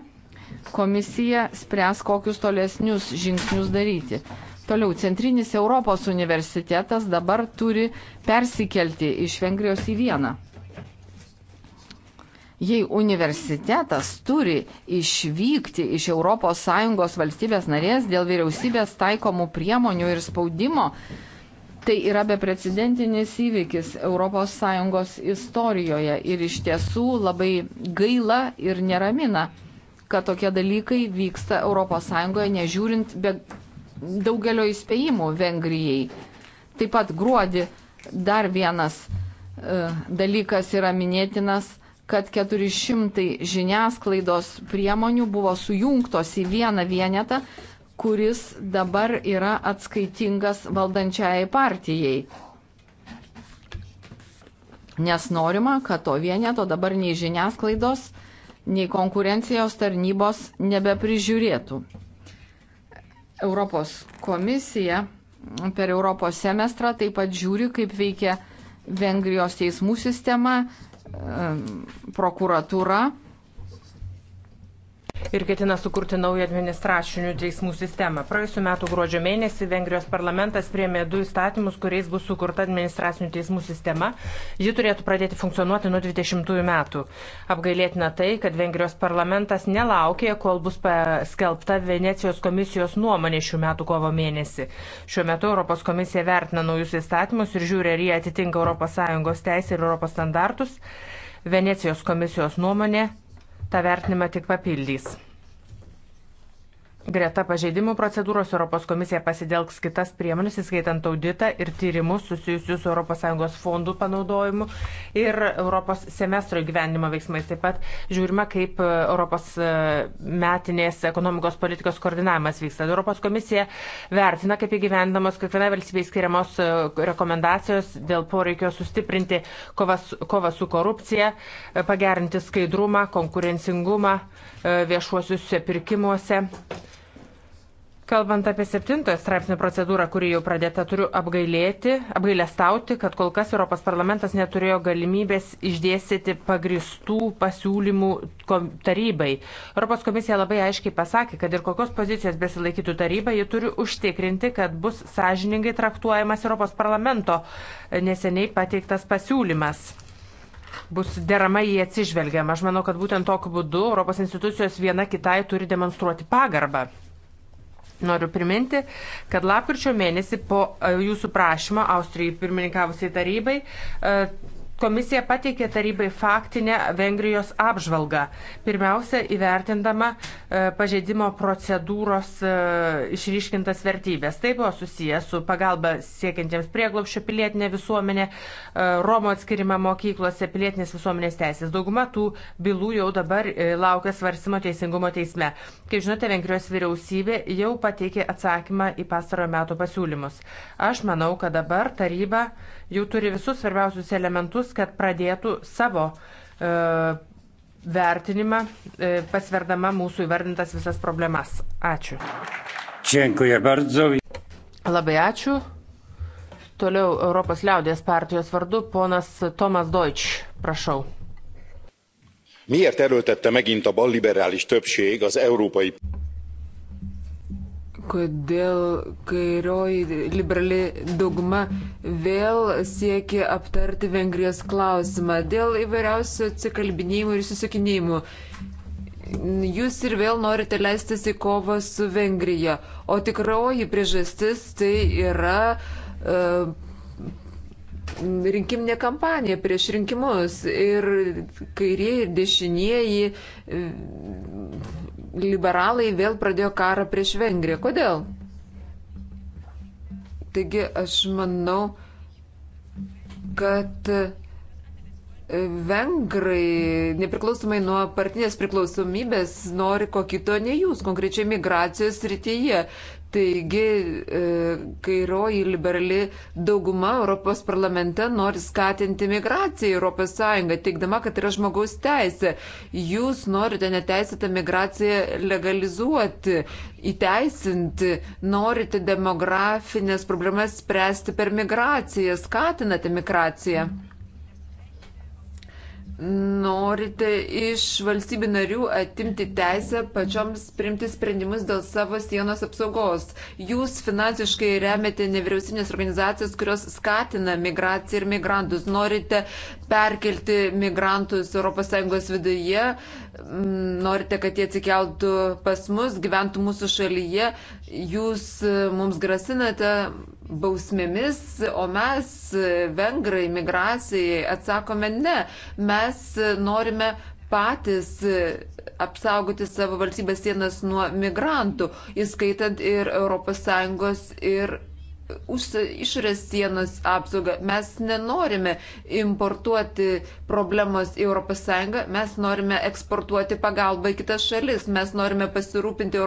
komisija spręs, kokius tolesnius žingsnius daryti. Toliau, Centrinis Europos universitetas dabar turi persikelti iš Vengrijos į vieną. Jei universitetas turi išvykti iš ES valstybės narės dėl vyriausybės taikomų priemonių ir spaudimo, tai yra beprecedentinis įvykis ES istorijoje ir iš tiesų labai gaila ir neramina, kad tokie dalykai vyksta ES nežiūrint be daugelio įspėjimų Vengrijai. Taip pat gruodį dar vienas e, dalykas yra minėtinas kad 400 žiniasklaidos priemonių buvo sujungtos į vieną vienetą, kuris dabar yra atskaitingas valdančiai partijai. Nes norima, kad to vieneto dabar nei žiniasklaidos, nei konkurencijos tarnybos nebeprižiūrėtų. Europos komisija per Europos semestrą taip pat žiūri, kaip veikia Vengrijos teismų sistema, prokuratūra ir ketina sukurti naują administracinių teismų sistemą. Praėjusiu metu gruodžio mėnesį Vengrijos parlamentas priemė du įstatymus, kuriais bus sukurta administracinių teismų sistema. Ji turėtų pradėti funkcionuoti nuo 20 metų. Apgailėtina tai, kad Vengrijos parlamentas nelaukė, kol bus paskelbta Venecijos komisijos nuomonė šių metų kovo mėnesį. Šiuo metu Europos komisija vertina naujus įstatymus ir žiūri, ar jie atitinka ES teisę ir ES standartus. Venecijos komisijos nuomonė tą vertinimą tik papildys. Greta pažeidimų procedūros Europos komisija pasidelgs kitas priemonės, įskaitant auditą ir tyrimus susijusius su ES fondų panaudojimu ir Europos semestro įgyvendimo veiksmais. Taip pat žiūrima, kaip Europos e, metinės ekonomikos politikos koordinavimas vyksta. Europos komisija vertina, kaip įgyvendamos kiekviena valstybė skiriamos e, rekomendacijos dėl poreikio sustiprinti kovą su korupcija, e, pagerinti skaidrumą, konkurencingumą viešuosiuose pirkimuose Kalbant apie septintojo straipsnio procedūrą, kuri jau pradėta, turiu apgailėti, apgailestauti, kad kol kas Europos parlamentas neturėjo galimybės išdėstyti pagristų pasiūlymų tarybai. Europos komisija labai aiškiai pasakė, kad ir kokios pozicijos besilaikytų taryba, ji turi užtikrinti, kad bus sąžiningai traktuojamas Europos parlamento e, neseniai pateiktas pasiūlymas bus deramai jį atsižvelgiama. Aš manau, kad būtent tokiu būdu Europos institucijos viena kitai turi demonstruoti pagarbą. Noriu priminti, kad lapkričio mėnesį po e, jūsų prašymo Austrijai pirmininkavusiai tarybai e, Komisija pateikė tarybai faktinę Vengrijos apžvalgą, pirmiausia įvertindama e, pažeidimo procedūros e, išryškintas vertybės. Tai buvo susijęs su pagalba siekiantiems prieglopščio pilietinė visuomenė, e, Romo atskirimą mokyklose, pilietinės visuomenės teisės. Dauguma tų bylų jau dabar laukia svarsimo teisingumo teisme. Kaip žinote, Vengrijos vyriausybė jau pateikė atsakymą į pastarojo metų pasiūlymus. Aš manau, kad dabar taryba jau turi visus svarbiausius elementus, kad pradėtų savo e, vertinimą, e, pasverdama mūsų įvardintas visas problemas. Ačiū. Dziękuję bardzo. Labai ačiū. Toliau Europos liaudės partijos vardu ponas Tomas Deutsch, prašau. Miért erőltette megint a balliberális többség az európai kodėl kairioji liberali dauguma vėl siekia aptarti Vengrijos klausimą dėl įvairiausių atsikalbinėjimų ir susikinėjimų. Jūs ir vėl norite leistis į kovą su Vengrija, o tikroji priežastis tai yra uh, rinkiminė kampanija prieš rinkimus ir kairieji ir dešinieji liberalai vėl pradėjo karą prieš Vengriją. Kodėl? Taigi aš manau, kad e, vengrai, nepriklausomai nuo partinės priklausomybės, nori ko kito ne jūs, konkrečiai migracijos rytyje. Taigi, e, kairoji liberali dauguma Europos parlamente nori skatinti migraciją į Europos Sąjungą, teikdama, kad yra žmogaus teisė. Jūs norite neteisėtą migraciją legalizuoti, įteisinti, norite demografinės problemas spręsti per migraciją, skatinate migraciją. Mm norite iš valstybių narių atimti teisę pačioms primti sprendimus dėl savo sienos apsaugos. Jūs finansiškai remiate nevyriausybinės organizacijas, kurios skatina migraciją ir migrantus. Norite perkelti migrantus ES viduje, mm, norite, kad jie atsikeltų pas mus, gyventų mūsų šalyje. Jūs mm, mums grasinate bausmėmis, o mes, vengrai, migracijai, atsakome ne. Mes norime patys apsaugoti savo valstybės sienas nuo migrantų, įskaitant ir ES ir už išorės sienos apsaugą. Mes nenorime importuoti problemos į ES, mes norime eksportuoti pagalbą į kitas šalis, mes norime pasirūpinti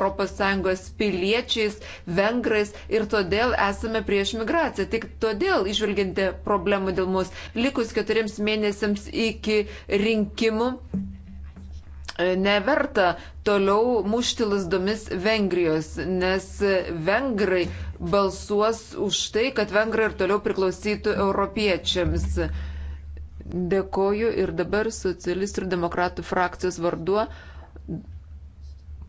ES piliečiais, vengrais ir todėl esame prieš migraciją. Tik todėl išvelginti problemų dėl mūsų. Likus keturiems mėnesiams iki rinkimų E, neverta toliau mušti lasdomis Vengrijos, nes vengrai balsuos už tai, kad vengrai ir toliau priklausytų europiečiams. Dėkoju ir dabar socialistų ir demokratų frakcijos vardu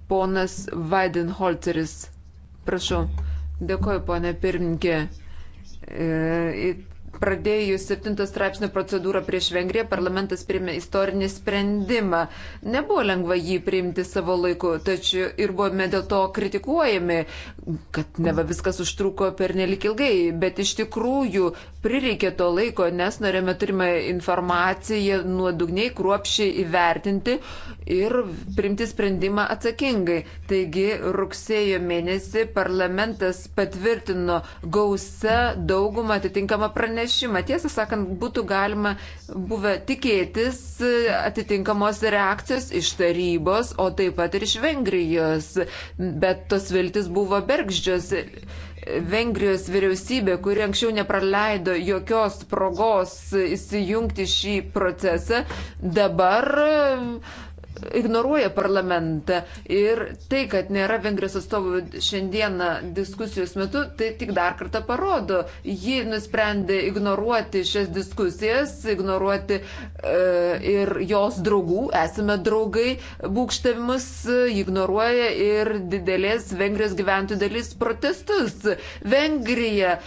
ponas Vaidenholceris. Prašau. Dėkoju, ponė pirmininkė. E, pradėjus 7 straipsnio procedūrą prieš Vengriją, parlamentas priėmė istorinį sprendimą. Nebuvo lengva jį priimti savo laiku, tačiau ir buvome dėl to kritikuojami, kad neva viskas užtruko per nelik ilgai, bet iš tikrųjų prireikė to laiko, nes norėjome turime informaciją nuodugniai, kruopšiai įvertinti ir priimti sprendimą atsakingai. Taigi rugsėjo mėnesį parlamentas patvirtino gausią daugumą atitinkamą pranešimą pranešimą. Tiesą sakant, būtų galima buvę tikėtis atitinkamos reakcijos iš tarybos, o taip pat ir iš Vengrijos. Bet tos viltis buvo bergždžios. Vengrijos vyriausybė, kuri anksčiau nepraleido jokios progos įsijungti šį procesą, dabar ignoruoja parlamentą ir tai, kad nėra Vengrijos atstovų šiandieną diskusijos metu, tai tik dar kartą parodo. Ji nusprendė ignoruoti šias diskusijas, ignoruoti e, ir jos draugų, esame draugai, būkštavimus ignoruoja ir didelės Vengrijos gyventojų dalis protestus. Vengrija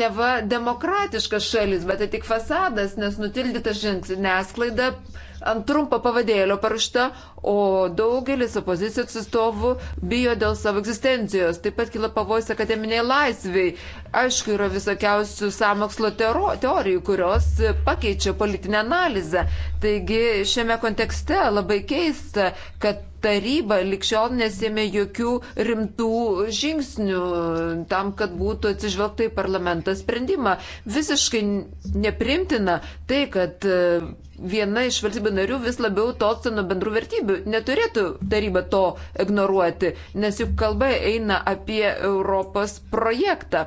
neva demokratiška šalis, bet tai tik fasadas, nes nutildyta žiniasklaida. Ne ant trumpo pavadėlio parašta, o daugelis opozicijos atstovų bijo dėl savo egzistencijos. Taip pat kila pavojus akademiniai laisviai. Aišku, yra visokiausių samokslo teorijų, kurios pakeičia politinę analizę. Taigi šiame kontekste labai keista, kad taryba likščiol nesėmė jokių rimtų žingsnių tam, kad būtų atsižvelgta į parlamentą sprendimą. Visiškai neprimtina tai, kad e, viena iš valstybių narių vis labiau tolsta nuo bendrų vertybių. Neturėtų taryba to ignoruoti, nes juk kalba eina apie Europos projektą.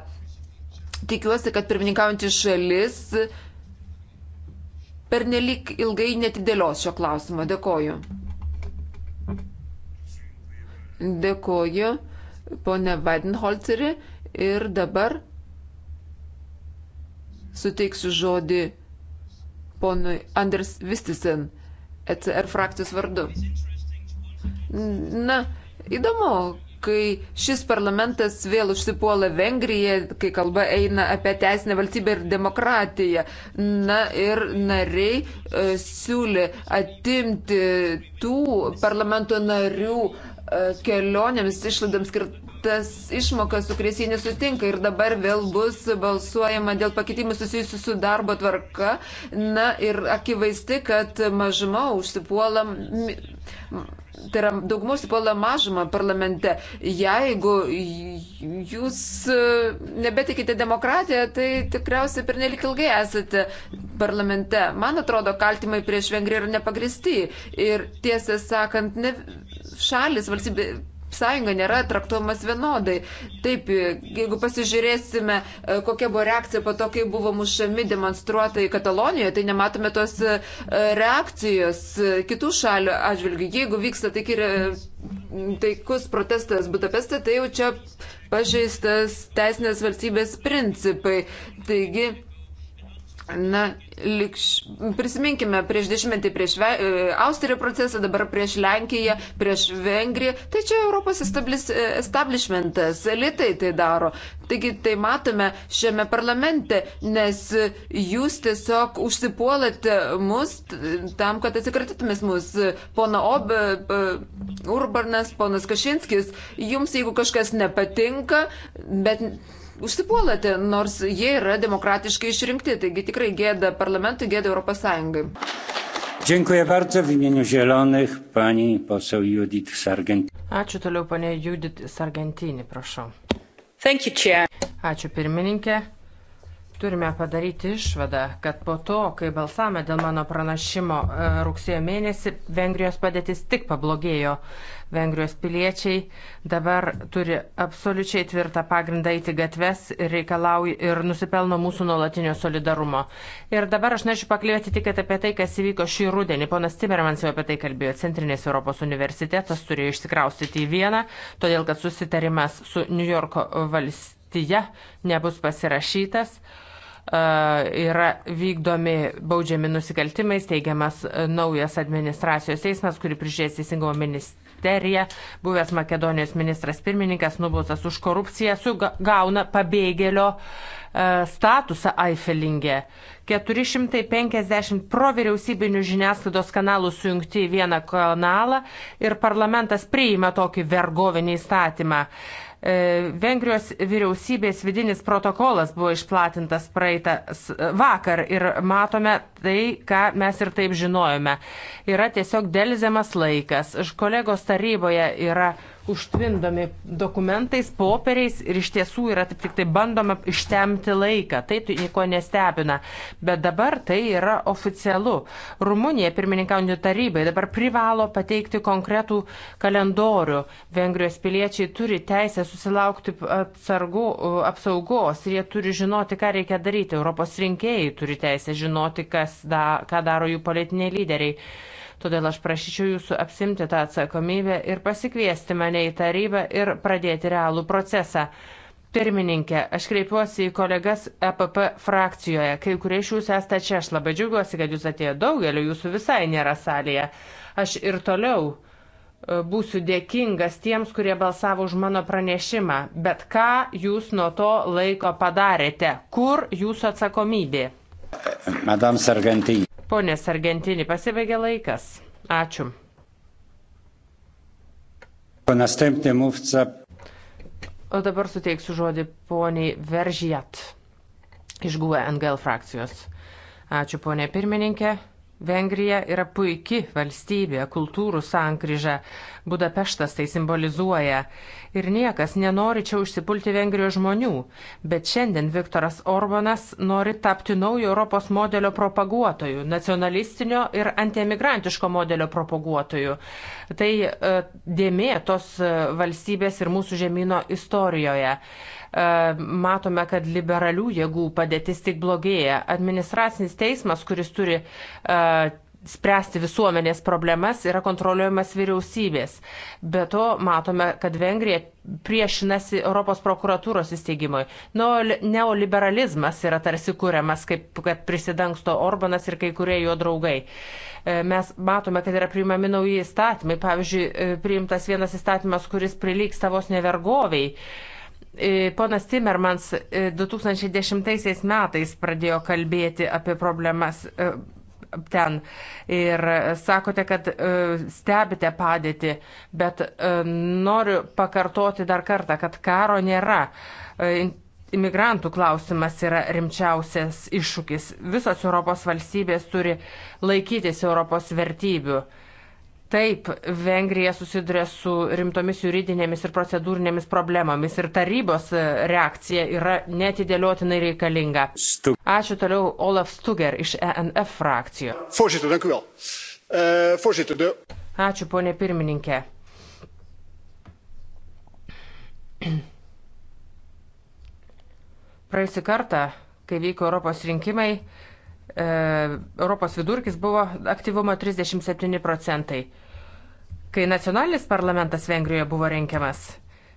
Tikiuosi, kad pirmininkaujantį šalis pernelik ilgai netidėlios šio klausimo. Dėkoju. Dėkoju, ponė Weidenholzeri. Ir dabar suteiksiu žodį ponui Anders Vistisen, ECR frakcijos vardu. Na, įdomu, kai šis parlamentas vėl užsipuola Vengriją, kai kalba eina apie teisinę valstybę ir demokratiją. Na ir nariai e, siūlė atimti tų parlamento narių e, kelionėms išlaidams skirt tas išmokas su kuriais jie nesutinka ir dabar vėl bus balsuojama dėl pakeitimų susijusių su darbo tvarka. Na ir akivaizdi, kad mažuma užsipuola. Tai yra daugumos puola mažumą parlamente. Jeigu jūs nebetikite demokratiją, tai tikriausiai per nelik ilgai esate parlamente. Man atrodo, kaltimai prieš Vengriją yra nepagristi. Ir tiesą sakant, ne, šalis, valstybė, sąjunga nėra traktuojamas vienodai. Taip, jeigu pasižiūrėsime, e, kokia buvo reakcija po to, kai buvo mušami demonstruotojai Katalonijoje, tai nematome tos e, reakcijos e, kitų šalių atžvilgių. Jeigu vyksta taiki, taikus protestas Budapeste, tai jau čia pažeistas teisinės valstybės principai. Taigi, Na, likš... prisiminkime prieš dešimtmetį prieš Ve... E, Austriją procesą, dabar prieš Lenkiją, prieš Vengriją. Tai čia Europos e, establishmentas, elitai tai daro. Taigi tai matome šiame parlamente, nes jūs tiesiog užsipuolate mus tam, kad atsikratytumės mus. Pona Ob, e, Urbanas, ponas Kašinskis, jums jeigu kažkas nepatinka, bet užsipuolate, nors jie yra demokratiškai išrinkti. Taigi tikrai gėda parlamentui, gėda Europos Sąjungai. Dziękuję bardzo w imieniu Zielonych pani poseł Judith Sargentini. Ačiū toliau, ponė Judith Sargentini, prašau. Thank you, Chair. Ačiū pirmininkė. Turime padaryti išvadą, kad po to, kai balsavome dėl mano pranašimo e, rugsėjo mėnesį, Vengrijos padėtis tik pablogėjo. Vengrijos piliečiai dabar turi absoliučiai tvirtą pagrindą įti gatves ir reikalauja ir nusipelno mūsų nuolatinio solidarumo. Ir dabar aš norėčiau pakalbėti tik apie tai, kas įvyko šį rudenį. Ponas Timermans jau apie tai kalbėjo. Centrinės Europos universitetas turėjo išsikraustyti į vieną, todėl kad susitarimas su New Yorko valstija nebus pasirašytas e, yra vykdomi baudžiami nusikaltimai, steigiamas naujas administracijos teismas, kuri prižiūrės teisingumo ministeriją ministerija, buvęs Makedonijos ministras pirmininkas, nubaustas už korupciją, gauna pabėgėlio e, statusą Aifelingė. 450 provyriausybinių žiniasklaidos kanalų sujungti į vieną kanalą ir parlamentas priima tokį vergovinį įstatymą. E, Vengrijos vyriausybės vidinis protokolas buvo išplatintas praeitą e, vakar ir matome tai, ką mes ir taip žinojome. Yra tiesiog dėlziamas laikas. Kolegos taryboje yra užtvindami dokumentais, popieriais ir iš tiesų yra taip tik tai bandoma ištemti laiką. Tai nieko nestebina. Bet dabar tai yra oficialu. Rumunija pirmininkaunių tarybai dabar privalo pateikti konkretų kalendorių. Vengrijos piliečiai turi teisę susilaukti atsargų, apsaugos ir jie turi žinoti, ką reikia daryti. Europos rinkėjai turi teisę žinoti, da, ką daro jų politiniai lyderiai. Todėl aš prašyčiau jūsų apsimti tą atsakomybę ir pasikviesti mane į tarybą ir pradėti realų procesą. Pirmininkė, aš kreipiuosi į kolegas EPP frakcijoje. Kai kurie iš jūsų esate čia, aš labai džiaugiuosi, kad jūs atėjo daugelio, jūsų visai nėra salėje. Aš ir toliau e, būsiu dėkingas tiems, kurie balsavo už mano pranešimą. Bet ką jūs nuo to laiko padarėte? Kur jūsų atsakomybė? Madame Sargantinė. Pone Sargentini, pasibaigė laikas. Ačiū. O dabar suteiksiu žodį poniai Veržijat iš GUE NGL frakcijos. Ačiū ponė pirmininkė. Vengrija yra puiki valstybė, kultūrų sankryža, Budapeštas tai simbolizuoja. Ir niekas nenori čia užsipulti Vengrijos žmonių, bet šiandien Viktoras Orbanas nori tapti naujo Europos modelio propaguotojų, nacionalistinio ir antiemigrantiško modelio propaguotojų. Tai e, dėmė tos e, valstybės ir mūsų žemynų istorijoje. E, matome, kad liberalių jėgų padėtis tik blogėja. Administracinis teismas, kuris turi e, spręsti visuomenės problemas, yra kontroliuojamas vyriausybės. Be to matome, kad Vengrija priešinasi Europos prokuratūros įsteigimui. Neoliberalizmas yra tarsi kuriamas, kaip kad prisidangsto Orbanas ir kai kurie jo draugai. E, mes matome, kad yra priimami nauji įstatymai. Pavyzdžiui, priimtas vienas įstatymas, kuris prilygsta vos nevergoviai E, ponas Timmermans 2010 e, metais pradėjo kalbėti apie problemas e, ten ir sakote, kad stebite padėtį, bet noriu pakartoti dar kartą, kad karo nėra. Imigrantų klausimas yra rimčiausias iššūkis. Visos Europos valstybės turi laikytis Europos vertybių. Taip, Vengrija susiduria su rimtomis juridinėmis ir procedūrinėmis problemomis ir tarybos e, reakcija yra netidėliotinai reikalinga. Stu. Ačiū toliau Olaf Stuger iš ENF frakcijos. Voorzitter, dank u wel. Uh, voorzitter, de... Ačiū, ponė pirmininkė. Praėjusį kartą, kai vyko Europos rinkimai, e, Europos vidurkis buvo aktyvumo 37 procentai kai nacionalinis parlamentas Vengrijoje buvo renkiamas,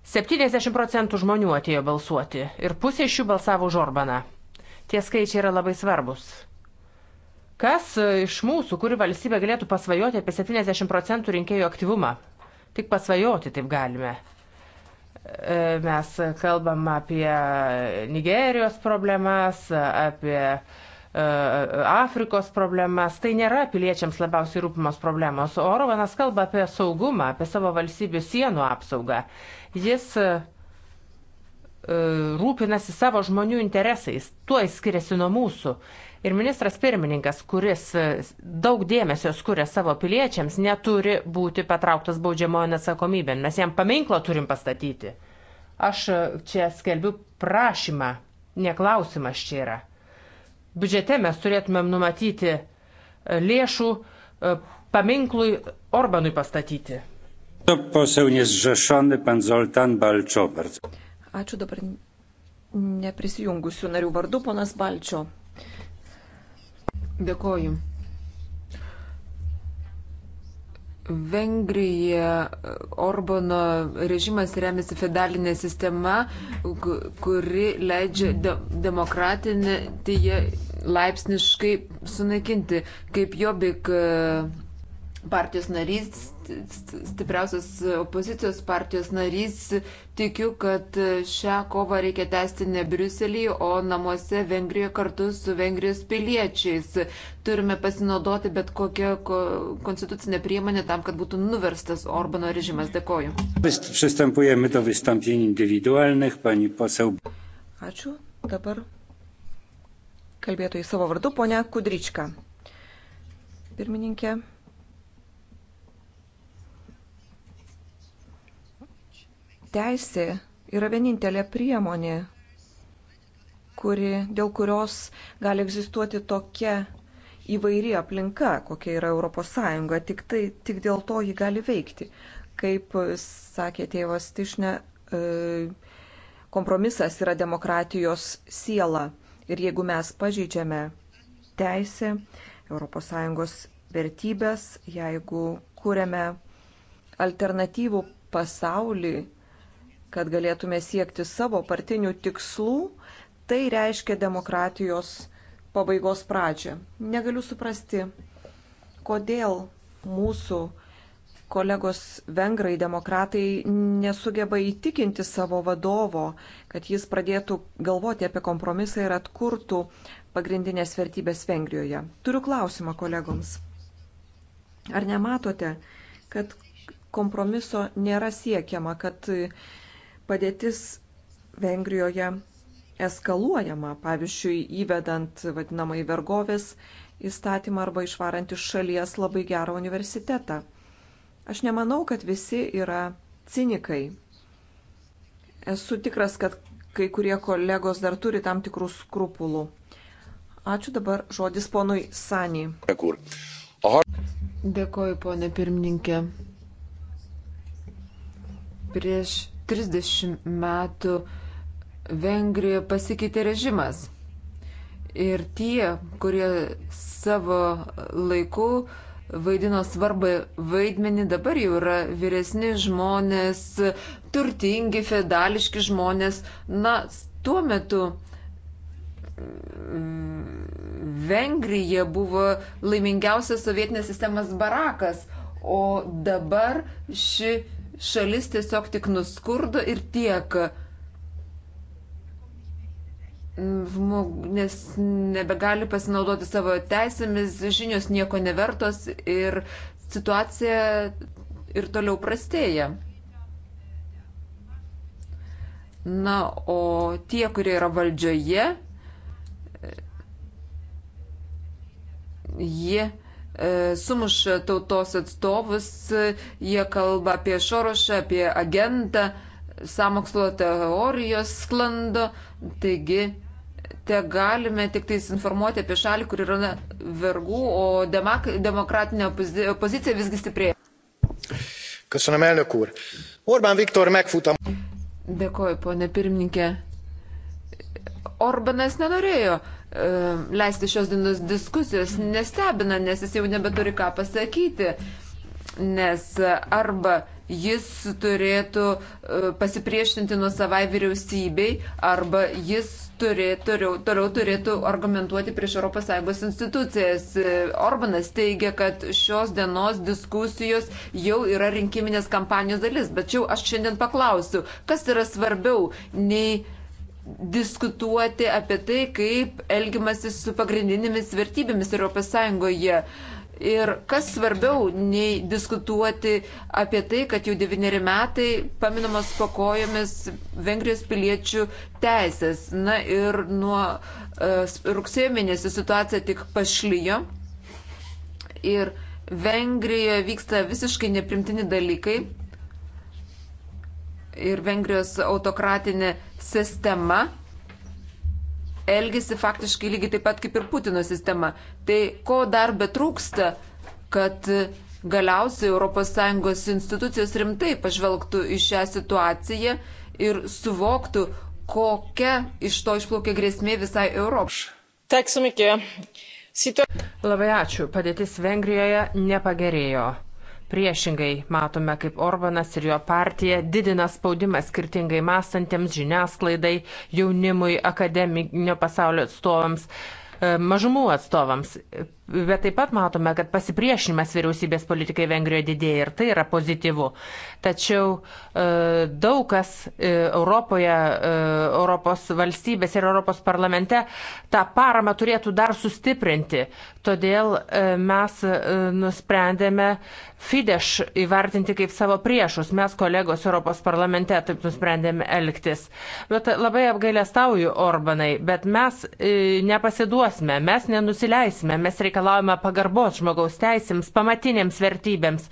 70 procentų žmonių atėjo balsuoti ir pusė iš jų balsavo už Orbaną. Tie skaičiai yra labai svarbus. Kas e, iš mūsų, kuri valstybė galėtų pasvajoti apie 70 procentų rinkėjų aktyvumą? Tik pasvajoti taip galime. E, mes kalbam apie Nigerijos problemas, apie E, e, Afrikos problemas. Tai nėra piliečiams labiausiai rūpimos problemos. Orvanas kalba apie saugumą, apie savo valstybių sienų apsaugą. Jis e, rūpinasi savo žmonių interesais. Tuo jis skiriasi nuo mūsų. Ir ministras pirmininkas, kuris daug dėmesio skuria savo piliečiams, neturi būti patrauktas baudžiamojo atsakomybėn. Mes jam paminklą turim pastatyti. Aš čia skelbiu prašymą, neklausimas čia yra biudžete mes turėtumėm numatyti e, lėšų e, paminklui Orbanui pastatyti. Ačiū dabar neprisijungusių narių vardu, ponas Balčio. Dėkoju. Vengrija, Orbano režimas remiasi fedalinė sistema, kuri leidžia de demokratinį tie laipsniškai sunaikinti. Kaip Jobik e, partijos narys stipriausios opozicijos partijos narys, tikiu, kad šią kovą reikia tęsti ne Briuselį, o namuose Vengrijoje kartu su Vengrijos piliečiais. Turime pasinaudoti bet kokią ko, konstitucinę priemonę tam, kad būtų nuverstas Orbano režimas. Dėkoju. Przystępujemy do wystąpień indywidualnych. Pani poseł. Ačiū. Dabar kalbėtojai savo vardu, ponia Kudrička. Pirmininkė. teisė yra vienintelė priemonė, kuri, dėl kurios gali egzistuoti tokia įvairi aplinka, kokia yra ES, tik, tai, tik dėl to ji gali veikti. Kaip sakė tėvas Tišne, e, kompromisas yra demokratijos siela. Ir jeigu mes pažeidžiame teisę, ES vertybės, jeigu kūrėme alternatyvų pasaulį, kad galėtume siekti savo partinių tikslų, tai reiškia demokratijos pabaigos pradžią. Negaliu suprasti, kodėl mūsų kolegos vengrai demokratai nesugeba įtikinti savo vadovo, kad jis pradėtų galvoti apie kompromisą ir atkurtų pagrindinės vertybės Vengrijoje. Turiu klausimą kolegoms. Ar nematote, kad kompromiso nėra siekiama, kad padėtis Vengrijoje eskaluojama, pavyzdžiui, įvedant vadinamai vergovės įstatymą arba išvarant iš šalies labai gerą universitetą. Aš nemanau, kad visi yra cinikai. Esu tikras, kad kai kurie kolegos dar turi tam tikrų skrupulų. Ačiū dabar žodis ponui Sanį. Dėkuoju, ponė pirmininkė. Prieš 30 metų Vengrijoje pasikeitė režimas. Ir tie, kurie savo laiku vaidino svarbą vaidmenį, dabar jau yra vyresni žmonės, turtingi, fedališki žmonės. Na, tuo metu Vengrija buvo laimingiausias sovietinės sistemas barakas, o dabar ši šalis tiesiog tik nuskurdo ir tiek. Žmog, nes nebegali pasinaudoti savo teisėmis, žinios nieko nevertos ir situacija ir toliau prastėja. Na, o tie, kurie yra valdžioje, jie E, sumuša tautos atstovus, e, jie kalba apie Šorošą, apie agentą, samokslo teorijos sklando, taigi te galime tik tais informuoti apie šalį, kur yra vergų, o demok demokratinė opozicija, opozicija visgi stiprėja. Köszönöm, elnök úr. Orbán Viktor megfutam. Dėkoju, ponė pirmininkė. Orbanas nenorėjo uh, E, leisti šios dienos diskusijos nestebina, nes jis jau nebeturi ką pasakyti. Nes arba jis turėtų e, pasipriešinti nuo savai vyriausybei, arba jis turėtų, toliau turėtų argumentuoti prieš ES institucijas. E, Orbanas teigia, kad šios dienos diskusijos jau yra rinkiminės kampanijos dalis, bet jau aš šiandien paklausiu, kas yra svarbiau nei diskutuoti apie tai, kaip elgimasi su pagrindinėmis vertybėmis Europos Sąjungoje. Ir kas svarbiau, nei diskutuoti apie tai, kad jau devyneri metai paminamos po kojomis Vengrijos piliečių teisės. Na ir nuo uh, rugsėjo mėnesį situacija tik pašlyjo. Ir Vengrijoje vyksta visiškai neprimtini dalykai. Ir Vengrijos autokratinė sistema elgesi faktiškai lygiai taip pat kaip ir Putino sistema. Tai ko dar betrūksta, kad galiausiai ES institucijos rimtai pažvelgtų į šią situaciją ir suvoktų, kokia iš to išplaukia grėsmė visai Europai. Labai ačiū. Padėtis Vengrijoje nepagerėjo. Priešingai matome, kaip Orbanas ir jo partija didina spaudimą skirtingai mąstantiems žiniasklaidai, jaunimui, akademinio pasaulio atstovams, e, mažumų atstovams. Bet taip pat matome, kad pasipriešinimas vyriausybės politikai Vengrijoje didėja ir tai yra pozityvu. Tačiau e, daug kas e, Europoje, e, Europos valstybės ir Europos parlamente tą paramą turėtų dar sustiprinti. Todėl e, mes e, nusprendėme Fidesz įvertinti kaip savo priešus. Mes kolegos Europos parlamente taip nusprendėme elgtis. Bet labai apgailę stauju, Orbanai, bet mes e, nepasiduosime, mes nenusileisime, mes reikalausime reikalavome pagarbos žmogaus teisėms, pamatinėms vertybėms.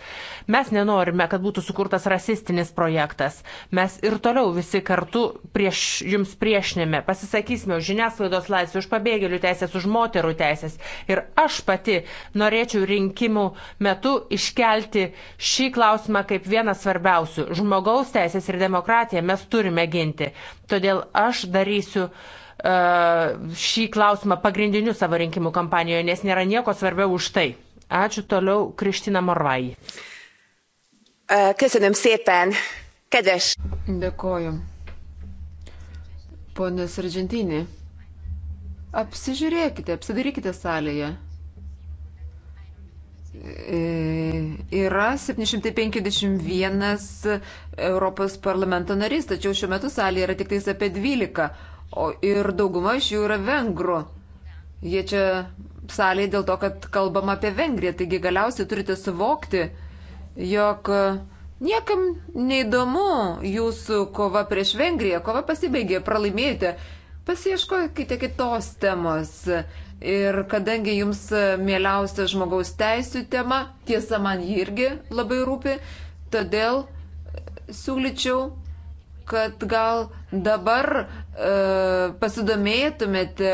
Mes nenorime, kad būtų sukurtas rasistinis projektas. Mes ir toliau visi kartu prieš, jums priešinėme, pasisakysime už žiniasklaidos laisvę, už pabėgėlių teisės, už moterų teisės. Ir aš pati norėčiau rinkimų metu iškelti šį klausimą kaip vieną svarbiausių. Žmogaus teisės ir demokratiją mes turime ginti. Todėl aš darysiu uh, E, šį klausimą pagrindiniu savo rinkimų kampanijoje, nes nėra nieko svarbiau už tai. Ačiū toliau, Kristina Morvai. E, köszönöm szépen, kedves! Dėkoju. Pone Sargentinį, apsižiūrėkite, apsidarykite salėje. E, yra 751 Europos parlamento narys, tačiau šiuo metu salėje yra tik tais apie 12 o ir dauguma iš jų yra vengrų. Jie čia salėje dėl to, kad kalbam apie Vengriją, taigi galiausiai turite suvokti, jog e, niekam neįdomu jūsų kova prieš Vengriją, kova pasibaigė, pralaimėjote, pasieškokite kitos temos. Ir kadangi jums mieliausia žmogaus teisų tema, tiesa man ji irgi labai rūpi, todėl siūlyčiau kad gal dabar e, pasidomėtumėte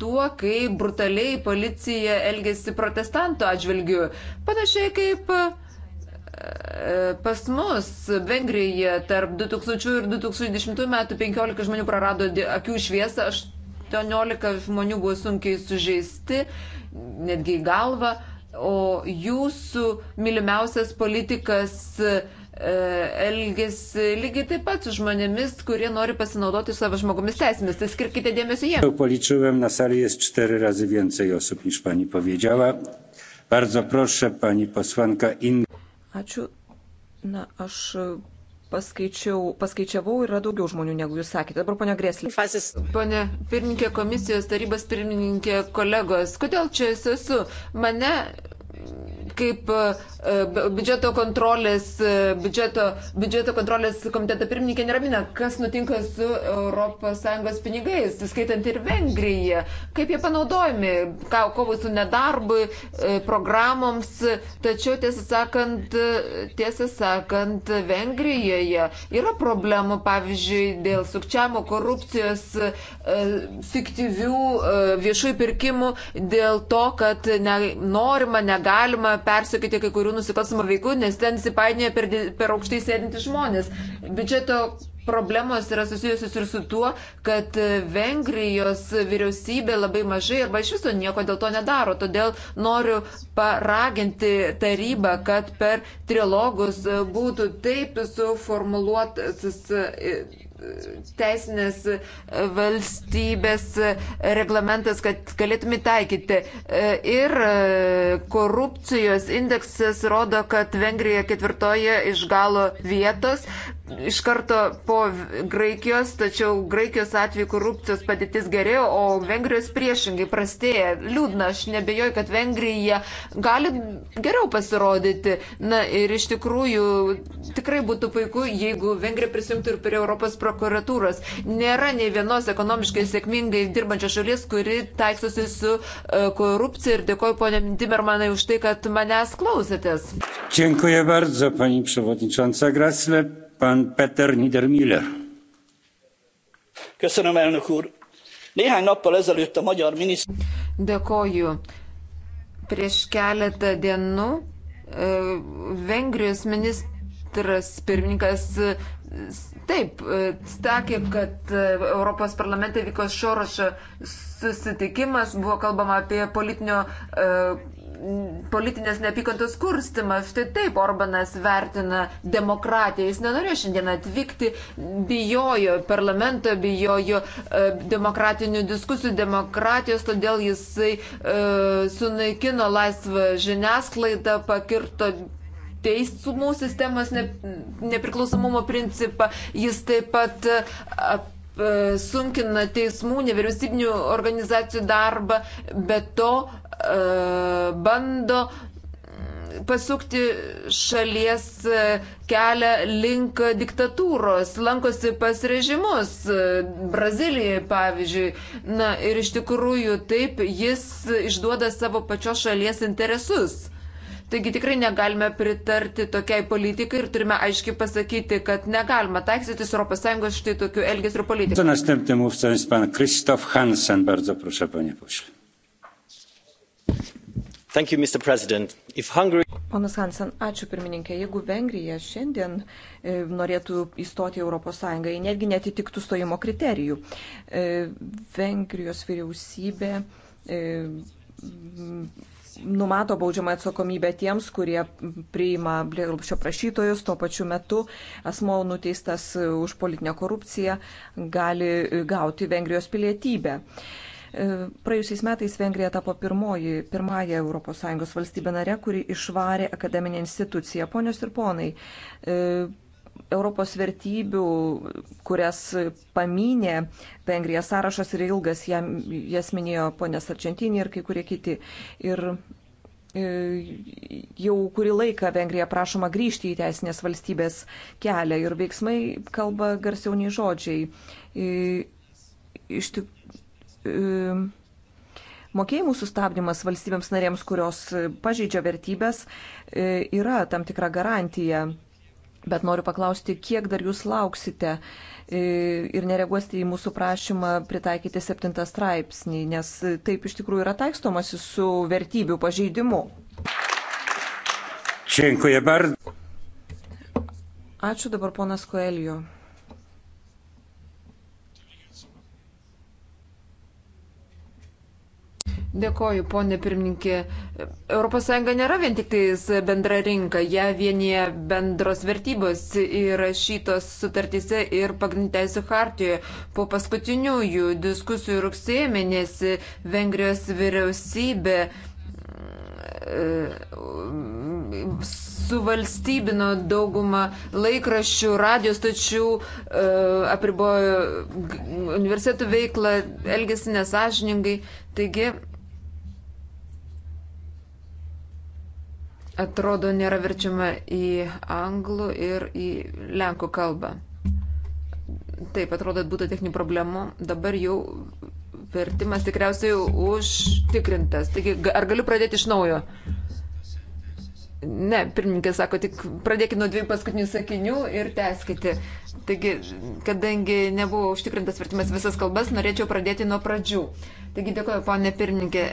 tuo, kaip brutaliai policija elgėsi protestantų atžvilgių. Panašiai kaip e, pas mus Vengrijoje tarp 2000 ir 2010 metų 15 žmonių prarado akių šviesą, 18 žmonių buvo sunkiai sužeisti, netgi į galvą, o jūsų mylimiausias politikas e, E, elgesi lygiai taip pat su žmonėmis, kurie nori pasinaudoti savo žmogumis teisėmis. Tai skirkite dėmesį jiems. Policzyłem, na sali jest cztery razy więcej osób niż pani powiedziała. Bardzo proszę, pani posłanka In. Ačiū. Na, aš paskaičiau, paskaičiavau, yra daugiau žmonių, negu jūs sakėte. Dabar ponia Greslė. Pone pirmininkė komisijos tarybos pirmininkė kolegos, kodėl čia esu? Mane kaip e, e, biudžeto kontrolės, e, biudžeto, biudžeto kontrolės komiteto pirmininkė neramina, kas nutinka su ES pinigais, skaitant ir Vengriją, kaip jie panaudojami, ką kovai su nedarbui, programoms, tačiau tiesą sakant, tiesą sakant, Vengrijoje yra problemų, pavyzdžiui, dėl sukčiamo, korupcijos, fiktyvių viešųjų pirkimų, dėl to, kad ne, norima, negalima persikėti kai kurių nusikalstamų veikų, nes ten įsipainioja per, per aukštai sėdinti žmonės. Biudžeto problemos yra susijusios ir su tuo, kad e, Vengrijos vyriausybė labai mažai arba iš viso nieko dėl to nedaro. Todėl noriu paraginti tarybą, kad per trilogus e, būtų taip suformuluotas e, teisinės e, valstybės e, reglamentas, kad galėtume taikyti. E, ir korupcijos indeksas rodo, kad Vengrija ketvirtoje iš galo vietos, iš karto po Graikijos, tačiau Graikijos atveju korupcijos padėtis gerėjo, o Vengrijos priešingai prastėja. Liūdna, aš nebejoju, kad Vengrija gali geriau pasirodyti. Na ir iš tikrųjų tikrai būtų puiku, jeigu Vengrija prisimtų ir prie Europos prokuratūros. Nėra nei vienos ekonomiškai sėkmingai dirbančios šalies, kuri taiksosi su e, korupcija ir dėkoju ponė Timermanai už tai, kad manęs klausėtės. Dziękuję bardzo, pani przewodnicząca Grasle. Pan Peter Niedermüller. Köszönöm, elnök úr. Néhány nappal ezelőtt a magyar miniszter... Dėkoju. Prieš keletą dienų e, Vengrijos ministras pirmininkas e, taip e, sakė, kad Europos parlamente vyko Šorošo susitikimas, buvo kalbama apie politinio politinės neapykantos kurstimą. Štai taip Orbanas vertina demokratiją. Jis nenorėjo šiandien atvykti, bijojo parlamento, bijojo e, demokratinių diskusijų, demokratijos, todėl jisai e, sunaikino laisvą žiniasklaidą, pakirto teismų sistemos nepriklausomumo principą. Jis taip pat e, E, sunkina teismų, nevyriausybinių organizacijų darbą, bet to e, bando pasukti šalies e, kelią link diktatūros, lankosi pas režimus, Brazilijai pavyzdžiui. Na ir iš tikrųjų taip jis išduoda savo pačios šalies interesus. Taigi tikrai negalime pritarti tokiai politikai ir turime aiškiai pasakyti, kad negalima taiksytis ES štai tokių elgesio ir politikų. To następny mówca jest pan Krzysztof Hansen. Bardzo proszę, panie pośle. Thank you, Mr. President. If Hungary... Ponas Hansen, ačiū pirmininkė. Jeigu Vengrija šiandien e, norėtų įstoti Europos Sąjungą, jie netgi netitiktų stojimo kriterijų. E, Vengrijos vyriausybė e, numato baudžiamą atsakomybę tiems, kurie priima prieglobščio prašytojus, tuo pačiu metu asmo nuteistas už politinę korupciją gali gauti Vengrijos pilietybę. E, praėjusiais metais Vengrija tapo pirmoji, pirmąją ES valstybę narę, kuri išvarė akademinę instituciją. Ponios ir ponai, e, Europos vertybių, kurias paminė Vengrija sąrašas ir ilgas, jam, jas minėjo ponės Argentinė ir kai kurie kiti. Ir e, jau kurį laiką Vengrija prašoma grįžti į teisinės valstybės kelią ir veiksmai kalba garsiau nei žodžiai. E, iš tik, e, mokėjimų sustabdymas valstybėms narėms, kurios pažeidžia vertybės, yra tam tikra garantija Bet noriu paklausti, kiek dar jūs lauksite e, ir nereaguosite į mūsų prašymą pritaikyti septintą straipsnį, nes taip iš tikrųjų yra taikstomasi su vertybių pažeidimu. Ačiū dabar ponas Koelio. Dėkoju, ponė pirmininkė. ES nėra vien tik tais bendra rinka, ją vienyje bendros vertybos įrašytos sutartyse ir pagrindteisų hartijoje. Po paskutinių jų diskusijų rugsėjo mėnesį Vengrijos vyriausybė e, suvalstybino daugumą laikraščių, radijos stočių, e, apribojo universitetų veiklą, elgesi nesažiningai. Taigi, atrodo nėra verčiama į anglų ir į lenkų kalbą. Taip, atrodo, būtų techninių problemų. Dabar jau vertimas tikriausiai užtikrintas. Taigi, ar galiu pradėti iš naujo? Ne, pirmininkė sako, tik pradėkite nuo dviejų paskutinių sakinių ir tęskite. Taigi, kadangi nebuvo užtikrintas vertimas visas kalbas, norėčiau pradėti nuo pradžių. Taigi, dėkoju, ponė pirmininkė,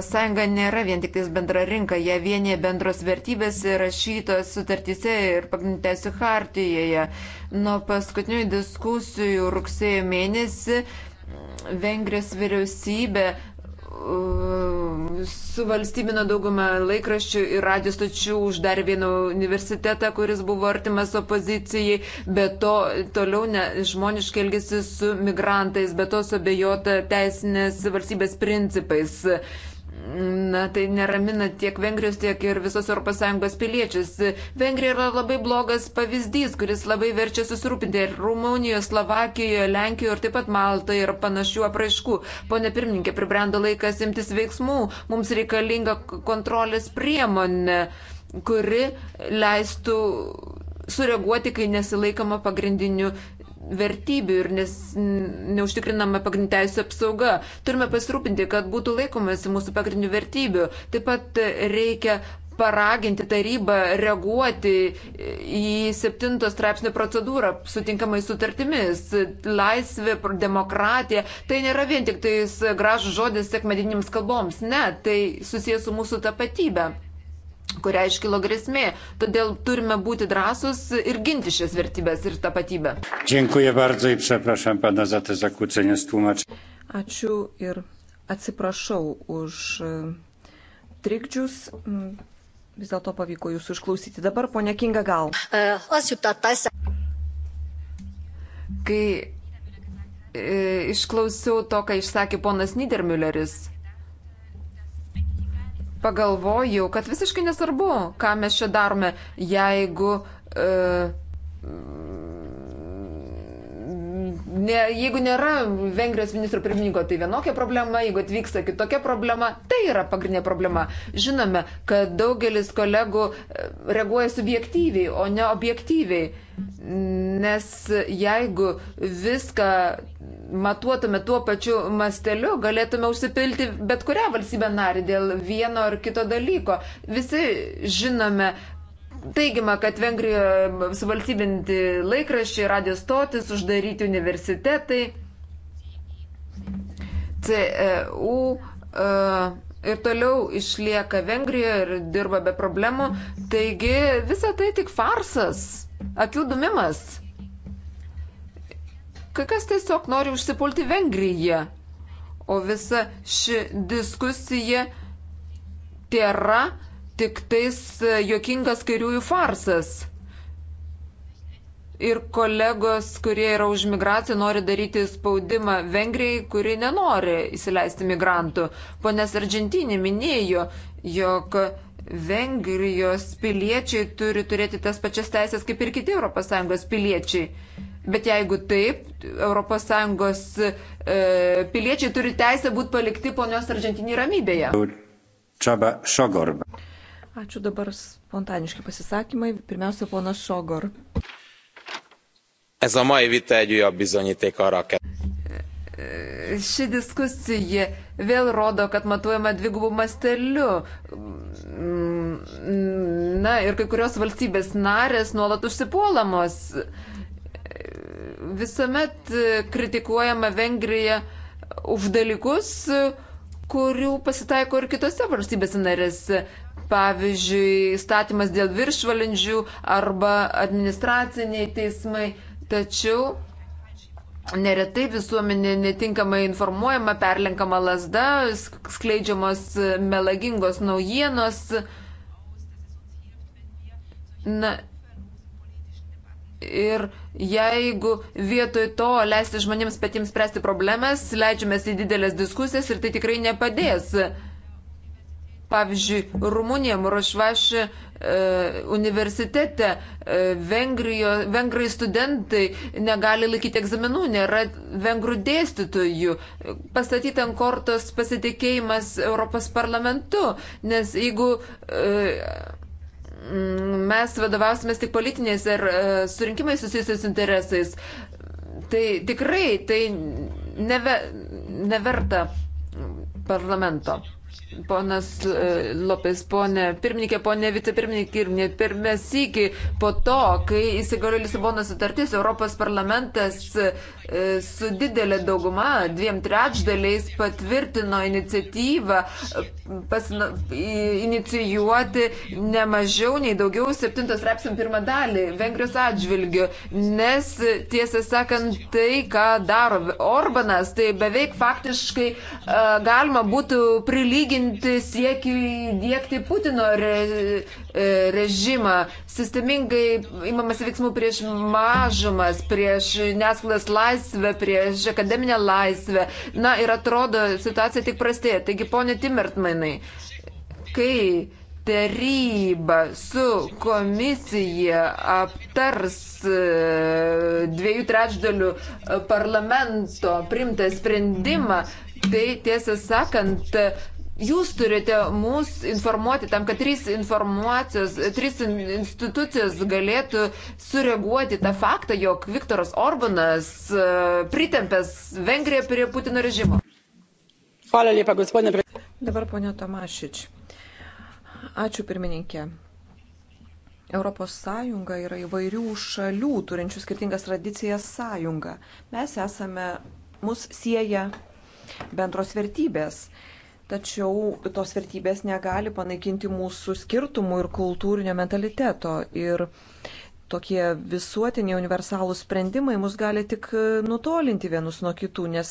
ES nėra vien tik tais bendra rinka, jie vienyje bendros vertybės rašytos sutartyse ir pagrindinėsiu hartijoje. Nuo paskutinių diskusijų rugsėjo mėnesį Vengrijos vyriausybė su valstybino dauguma laikraščių ir radio stočių uždarė vieną universitetą, kuris buvo artimas opozicijai, bet to toliau ne, žmoniškai elgesi su migrantais, bet to subejota teisinės valstybės principais. Uh, Na, tai neramina tiek Vengrijos, tiek ir visos ES piliečius. Vengrija yra labai blogas pavyzdys, kuris labai verčia susirūpinti ir Rumunijoje, Slovakijoje, Lenkijoje ir taip pat Maltoje ir panašių apraiškų. Pone pirmininkė, pribrendo laikas imtis veiksmų, mums reikalinga kontrolės priemonė, kuri leistų sureaguoti, kai nesilaikoma pagrindinių vertybių ir nes, neužtikrinama pagrindinių teisų apsauga. Turime pasirūpinti, kad būtų laikomasi mūsų pagrindinių vertybių. Taip pat reikia paraginti tarybą reaguoti į septinto straipsnio procedūrą sutinkamai sutartimis. Laisvė, demokratija - tai nėra vien tik tais gražus žodis sekmadinims kalboms. Ne, tai susijęs su mūsų tapatybė kuria iškilo grėsmė. Todėl turime būti drąsus ir ginti šias vertybės ir tapatybę. Ačiū ir atsiprašau už e, trikdžius. Mm, vis dėlto pavyko jūsų išklausyti. Dabar ponia Kinga gal. E, Kai e, išklausiau to, ką išsakė ponas Niedermülleris, pagalvojau, kad visiškai nesvarbu, ką mes čia darome, jeigu e, ne, jeigu nėra Vengrijos ministro pirmininko, tai vienokia problema, jeigu atvyksta kitokia problema, tai yra pagrindinė problema. Žinome, kad daugelis kolegų e, reaguoja subjektyviai, o ne objektyviai. Nes jeigu viską matuotume tuo pačiu masteliu, galėtume užsipilti bet kurią valstybę narį dėl vieno ar kito dalyko. Visi žinome, teigiama, kad Vengrijoje suvalstybinti laikraščiai, radio stotis, uždaryti universitetai, CEU e, ir toliau išlieka Vengrijoje ir dirba be problemų. Taigi visa tai tik farsas, akių dumimas. Kai kas tiesiog nori užsipulti Vengriją, o visa ši diskusija tėra tik tais e, jokingas kairiųjų farsas. Ir kolegos, kurie yra už migraciją, nori daryti spaudimą Vengrijai, kuri nenori įsileisti migrantų. Ponės Argentinė minėjo, jog Vengrijos piliečiai turi turėti tas pačias teisės kaip ir kiti ES piliečiai. Bet jeigu taip, ES e, piliečiai turi teisę būti palikti ponios Argentinį ramybėje. Čaba Šogorba. Ačiū dabar spontaniški pasisakymai. Pirmiausia, ponas Šogor. Ez a mai vita egy újabb bizonyíték arra kell. Ši diskusija vėl rodo, kad matuojama dvigubų masteliu. Na ir kai kurios valstybės narės nuolat užsipuolamos. Visuomet kritikuojama Vengrija už dalykus, kurių pasitaiko ir kitose valstybėse narėse pavyzdžiui, statymas dėl viršvalandžių arba administraciniai teismai. Tačiau neretai visuomenė netinkamai informuojama, perlenkama lasda, skleidžiamos melagingos naujienos. Na, ir jeigu vietoj to leisti žmonėms patiems spręsti problemas, leidžiamės į didelės diskusijas ir tai tikrai nepadės. Mhm. Pavyzdžiui, Rumunija, Murošvaši e, universitete e, Vengrijo, vengrai studentai negali laikyti egzaminų, nėra vengrų dėstytojų. Pastatyti ant kortos pasitikėjimas Europos parlamentu, nes jeigu e, mes vadovausimės tik politiniais ir e, surinkimais susijusiais interesais, tai tikrai tai neve, neverta parlamento. Ponas e, Lopes, ponė pirmininkė, ponė vicepirmininkė ir ne pirmės iki po to, kai įsigaliojo Lisabono sutartis, Europos parlamentas E, su didelė dauguma, dviem trečdaliais patvirtino iniciatyvą e, pasina, inicijuoti ne mažiau nei daugiau 7 rapsim pirmą dalį Vengrijos atžvilgiu, nes tiesą sakant, tai, ką daro Orbanas, tai beveik faktiškai e, galima būtų prilyginti siekiui dėkti Putino re, režimą, sistemingai imamas veiksmų prieš mažumas, prieš nesklaidas laisvės, laisvę, prieš akademinę laisvę. Na ir atrodo, situacija tik prastėja. Taigi, ponė Timertmanai, kai taryba su komisija aptars e, dviejų trečdalių e, parlamento primtą sprendimą, tai tiesą sakant, Jūs turite mus informuoti tam, kad trys, trys institucijos galėtų sureaguoti tą faktą, jog Viktoras Orbanas e, pritempęs Vengriją prie Putino režimo. Dabar ponia Tomašič. Ačiū pirmininkė. Europos Sąjunga yra įvairių šalių, turinčių skirtingas tradicijas sąjunga. Mes esame, mus sieja bendros vertybės Tačiau tos vertybės negali panaikinti mūsų skirtumų ir kultūrinio mentaliteto. Ir tokie visuotiniai universalūs sprendimai mus gali tik nutolinti vienus nuo kitų, nes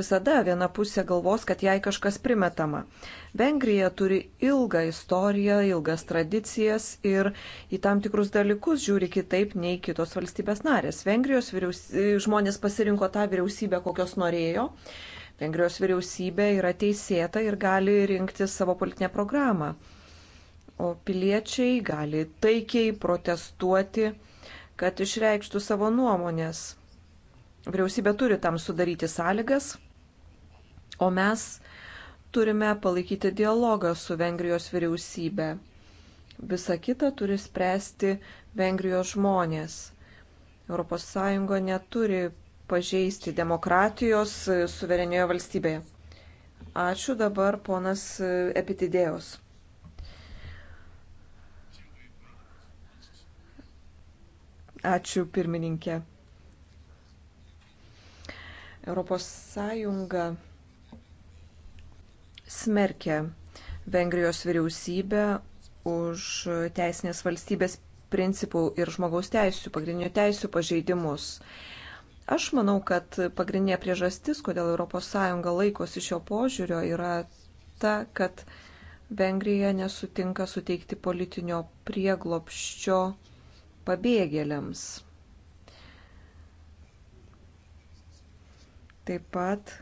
visada viena pusė galvos, kad jai kažkas primetama. Vengrija turi ilgą istoriją, ilgas tradicijas ir į tam tikrus dalykus žiūri kitaip nei kitos valstybės narės. Vengrijos vyriaus... žmonės pasirinko tą vyriausybę, kokios norėjo. Vengrijos vyriausybė yra teisėta ir gali rinkti savo politinę programą. O piliečiai gali taikiai protestuoti, kad išreikštų savo nuomonės. Vyriausybė turi tam sudaryti sąlygas, o mes turime palaikyti dialogą su Vengrijos vyriausybė. Visa kita turi spręsti Vengrijos žmonės. ES neturi pažeisti demokratijos suverenioje valstybėje. Ačiū dabar ponas Epitidėjos. Ačiū pirmininkė. Europos Sąjunga smerkia Vengrijos vyriausybę už teisinės valstybės principų ir žmogaus teisų, pagrindinių teisų pažeidimus. Aš manau, kad pagrindinė priežastis, kodėl ES laikosi šio požiūrio, yra ta, kad Vengrija nesutinka suteikti politinio prieglopščio pabėgėliams. Taip pat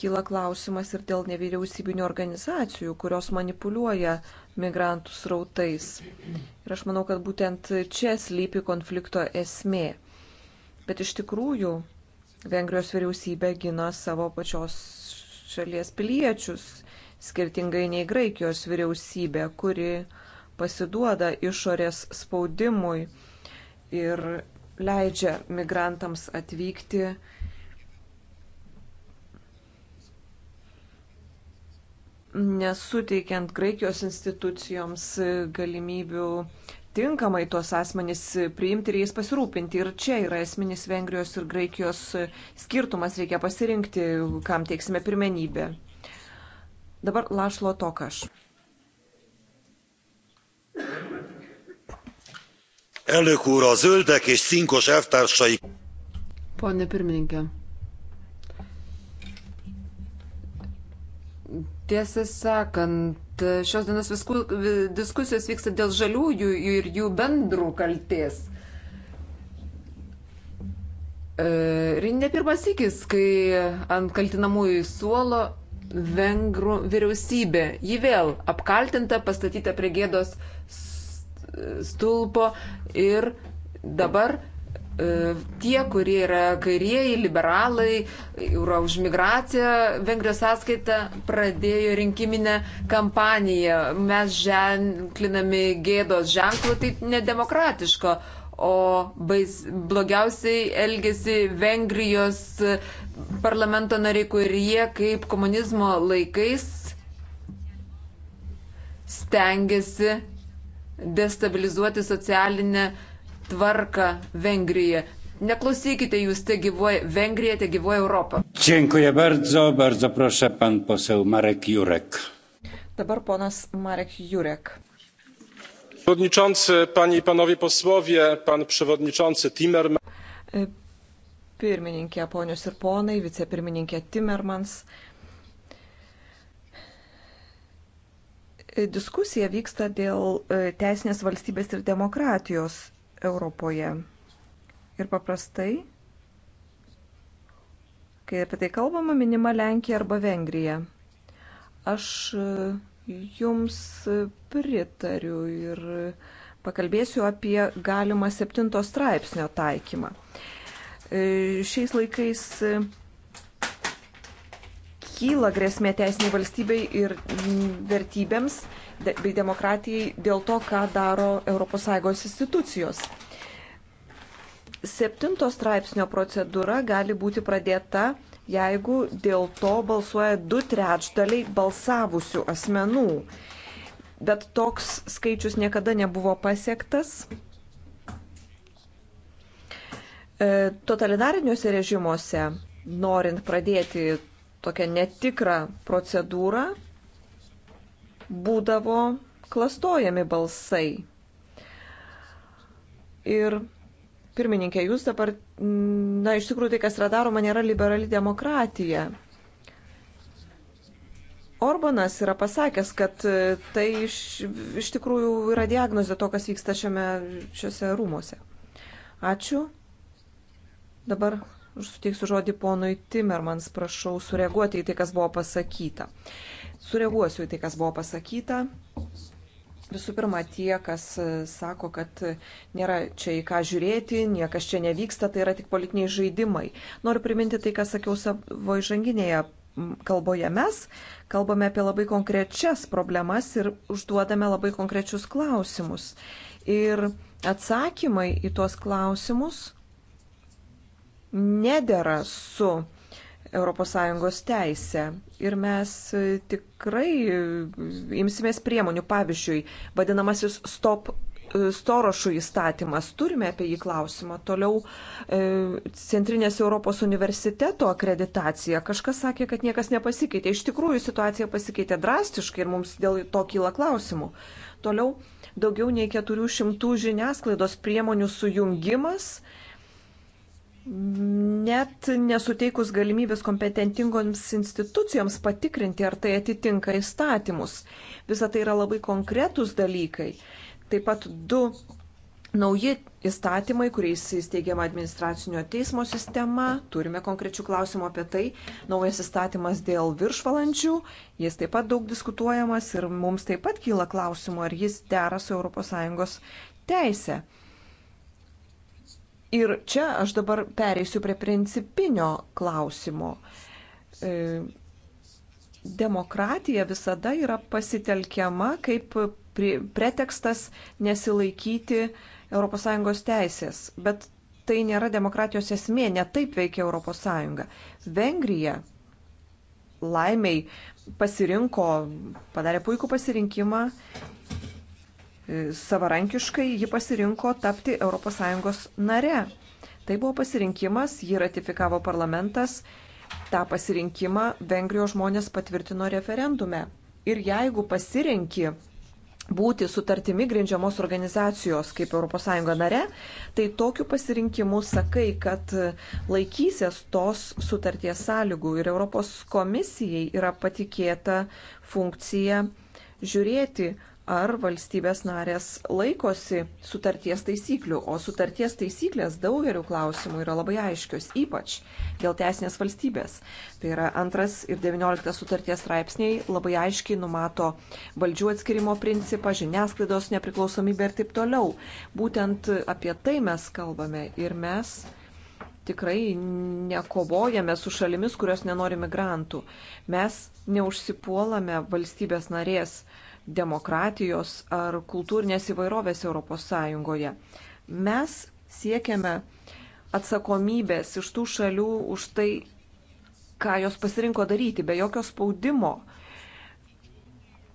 kyla klausimas ir dėl nevyriausybinio organizacijų, kurios manipuliuoja migrantų srautais. Ir aš manau, kad būtent čia slypi konflikto esmė. Bet iš tikrųjų Vengrijos vyriausybė gina savo pačios šalies piliečius, skirtingai nei Graikijos vyriausybė, kuri pasiduoda išorės spaudimui ir leidžia migrantams atvykti nesuteikiant Graikijos institucijoms galimybių tinkamai tuos asmenys priimti ir jais pasirūpinti. Ir čia yra esminis Vengrijos ir Graikijos skirtumas, reikia pasirinkti, kam teiksime pirmenybę. Dabar Lašlo Tokaš. Elnök úr, a zöldek és szinkos elvtársai. Pane pirmininkė, Tiesą sakant, šios dienos visku, diskusijos vyksta dėl žaliųjų ir jų bendrų kalties. E, ir ne pirmas įkis, kai ant kaltinamųjų suolo vengrų vyriausybė. Ji vėl apkaltinta, pastatyta prie gėdos stulpo ir dabar E, tie, kurie yra kairieji, liberalai, yra už migraciją, Vengrijos sąskaita pradėjo rinkiminę kampaniją. Mes ženklinami gėdos ženklų, tai nedemokratiško. O bais, blogiausiai elgesi Vengrijos parlamento nariai, kurie kaip komunizmo laikais stengiasi destabilizuoti socialinę uh, tvarką Vengrijoje. Neklausykite jūs, te tai gyvoja Vengrija, te tai gyvoja Europa. Dziękuję bardzo, bardzo proszę pan poseł Marek Jurek. Dabar ponas Marek Jurek. Przewodniczący, panie i panowie posłowie, pan przewodniczący Timmermans. E, pirmininkė, ponios ir ponai, vicepirmininkė Timmermans. E, diskusija vyksta dėl e, teisinės valstybės ir demokratijos Europoje. Ir paprastai, kai apie tai kalbama, minima Lenkija arba Vengrija. Aš e, jums pritariu ir pakalbėsiu apie galimą septinto straipsnio taikymą. E, šiais laikais e, kyla grėsmė teisiniai valstybei ir vertybėms bei demokratijai dėl to, ką daro ES institucijos. Septinto straipsnio procedūra gali būti pradėta, jeigu dėl to balsuoja du trečdaliai balsavusių asmenų. Bet toks skaičius niekada nebuvo pasiektas. E, totalitariniuose režimuose, norint pradėti tokią netikrą procedūrą, būdavo klastojami balsai. Ir pirmininkė, jūs dabar, na, iš tikrųjų tai, kas yra daroma, nėra liberali demokratija. Orbanas yra pasakęs, kad e, tai iš, iš tikrųjų yra diagnozė to, kas vyksta šiame, šiuose rūmose. Ačiū. Dabar suteiksiu žodį ponui Timermans, prašau sureaguoti į tai, kas buvo pasakyta. Uh, Sureaguosiu į tai, kas buvo pasakyta. Visų pirma, tie, kas e, sako, kad nėra čia į ką žiūrėti, niekas čia nevyksta, tai yra tik politiniai žaidimai. Noriu priminti tai, ką sakiau savo įžanginėje kalboje. Mes kalbame apie labai konkrečias problemas ir užduodame labai konkrečius klausimus. Ir atsakymai į tuos klausimus nedėra su ES teisę. Ir mes e, tikrai imsimės priemonių. Pavyzdžiui, vadinamasis stop e, storošų įstatymas, turime apie jį klausimą. Toliau e, Centrinės Europos universiteto akreditacija. Kažkas sakė, kad niekas nepasikeitė. Iš tikrųjų situacija pasikeitė drastiškai ir mums dėl to kyla klausimų. Toliau daugiau nei 400 žiniasklaidos priemonių sujungimas net nesuteikus galimybės kompetentingoms institucijoms patikrinti, ar tai atitinka įstatymus. Visa tai yra labai konkretūs dalykai. Taip pat du nauji įstatymai, kuriais įsteigiama administracinio teismo sistema. Turime konkrečių klausimų apie tai. Naujas įstatymas dėl viršvalandžių. Jis taip pat daug diskutuojamas ir mums taip pat kyla klausimų, ar jis dera su ES teisė. Ir čia aš dabar pereisiu prie principinio klausimo. E, demokratija visada yra pasitelkiama kaip pretekstas nesilaikyti ES teisės, bet tai nėra demokratijos esmė, netaip veikia ES. Vengrija laimiai pasirinko, padarė puikų pasirinkimą savarankiškai ji pasirinko tapti ES nare. Tai buvo pasirinkimas, jį ratifikavo parlamentas, tą pasirinkimą Vengrijos žmonės patvirtino referendume. Ir jeigu pasirinki būti sutartimi grindžiamos organizacijos kaip ES nare, tai tokiu pasirinkimu sakai, kad laikysies tos sutarties sąlygų ir Europos komisijai yra patikėta funkcija žiūrėti, ar valstybės narės laikosi sutarties taisyklių, o sutarties taisyklės daugeliu klausimų yra labai aiškios, ypač dėl teisinės valstybės. Tai yra antras ir devynioliktas sutarties straipsniai labai aiškiai numato valdžių atskirimo principą, žiniasklaidos nepriklausomybę ir taip toliau. Būtent apie tai mes kalbame ir mes tikrai nekovojame su šalimis, kurios nenori migrantų. Mes neužsipuolame valstybės narės demokratijos ar kultūrinės įvairovės ES. Mes siekiame atsakomybės iš tų šalių už tai, ką jos pasirinko daryti, be jokio spaudimo,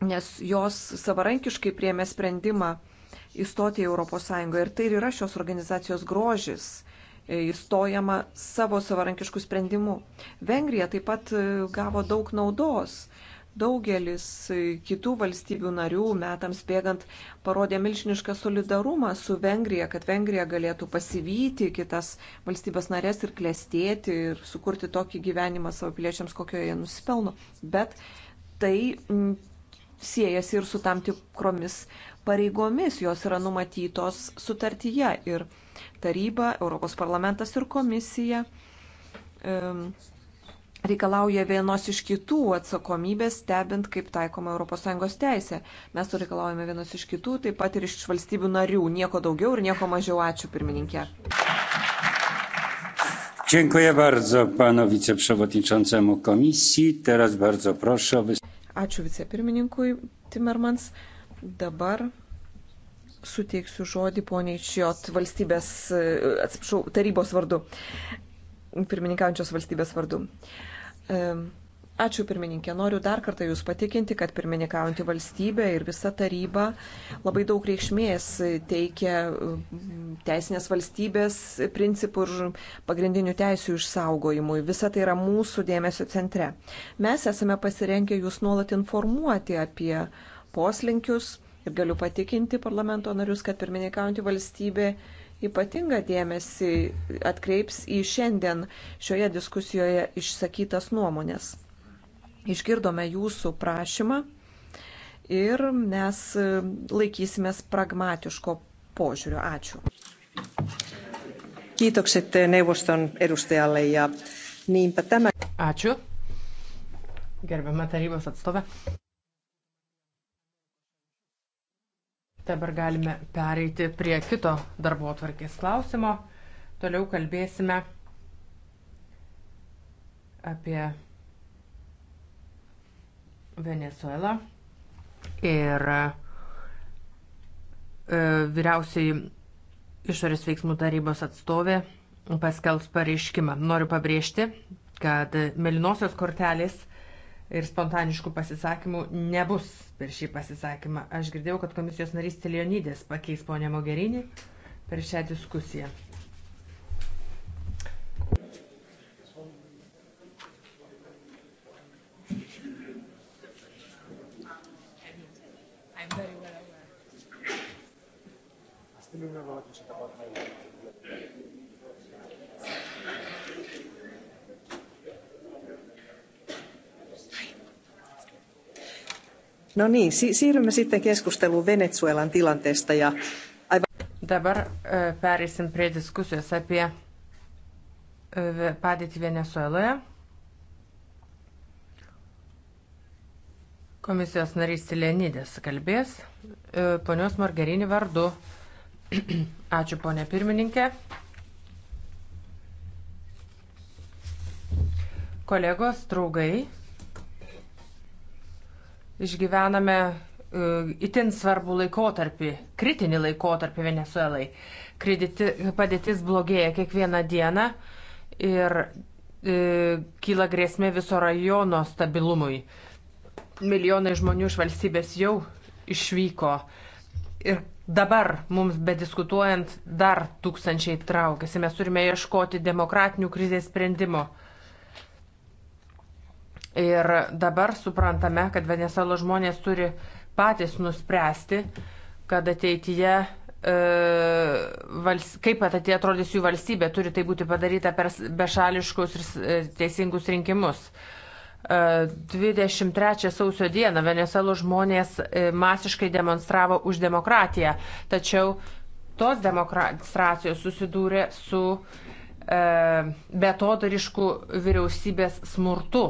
nes jos savarankiškai priemė sprendimą įstoti į ES. Ir tai ir yra šios organizacijos grožis e, įstojama savo savarankiškų sprendimų. Vengrija taip pat e, gavo daug naudos Daugelis kitų valstybių narių metams bėgant parodė milžinišką solidarumą su Vengrija, kad Vengrija galėtų pasivyti kitas valstybės narės ir klestėti ir sukurti tokį gyvenimą savo piliečiams, kokio jie nusipelno. Bet tai mm, siejasi ir su tam tikromis pareigomis, jos yra numatytos sutartyje ir taryba, Europos parlamentas ir komisija. Um, e, reikalauja vienos iš kitų atsakomybės, stebint, kaip taikoma ES teisė. Mes to reikalaujame vienos iš kitų, taip pat ir iš valstybių narių. Nieko daugiau ir nieko mažiau. Ačiū, pirmininkė. Dziękuję bardzo panu wiceprzewodniczącemu komisji. Teraz bardzo proszę o Ačiū vicepirmininkui Timmermans. Dabar suteiksiu žodį poniai Čiot valstybės, atsiprašau, tarybos vardu, pirmininkaujančios valstybės vardu. Uh, Ačiū pirmininkė. Noriu dar kartą Jūs patikinti, kad pirmininkaujantį valstybę ir visa taryba labai daug reikšmės teikia teisinės valstybės principų ir pagrindinių teisių išsaugojimui. Visa tai yra mūsų dėmesio centre. Mes esame pasirengę Jūs nuolat informuoti apie poslinkius ir galiu patikinti parlamento narius, kad pirmininkaujantį valstybę ypatingą dėmesį atkreips į šiandien šioje diskusijoje išsakytas nuomonės. Išgirdome jūsų prašymą ir mes laikysimės pragmatiško požiūrio. Ačiū. Kiitokset neuvoston edustajalle ja niinpä tämä. Ačiū. Gerbiama tarybos atstovė. Dabar galime pereiti prie kito darbo atvarkės klausimo. Toliau kalbėsime apie Venezuelą ir e, vyriausiai išorės veiksmų tarybos atstovė paskelbs pareiškimą. Noriu pabrėžti, kad melinosios kortelės ir spontaniškų pasisakymų nebus per šį pasisakymą. Aš girdėjau, kad komisijos narys Tilijonydės pakeis ponę Mogerinį per šią diskusiją. Hasta luego, la No niin, si- siirrymme sitten keskusteluun Venezuelan tilanteesta ja aivan... Dabar pereisim prie diskusijos apie padėtį Venezueloje. Komisijos narys Silenidės kalbės ponios Margarinį vardu. Ačiū ponė pirmininkė. Kolegos, draugai, Išgyvename e, itin svarbų laikotarpį, kritinį laikotarpį Venezuelai. Krediti, padėtis blogėja kiekvieną dieną ir e, kyla grėsmė viso rajono stabilumui. Milijonai žmonių iš valstybės jau išvyko ir dabar mums bediskutuojant dar tūkstančiai traukiasi. Mes turime ieškoti demokratinių krizės sprendimo. Ir dabar suprantame, kad Venezuelos žmonės turi patys nuspręsti, kad ateityje, e, kaip ateityje atrodys jų valstybė, turi tai būti padaryta per bešališkus ir e, teisingus rinkimus. 23 e, sausio dieną Venezuelos žmonės masiškai demonstravo už demokratiją, tačiau tos demonstracijos susidūrė su betodarišku vyriausybės smurtu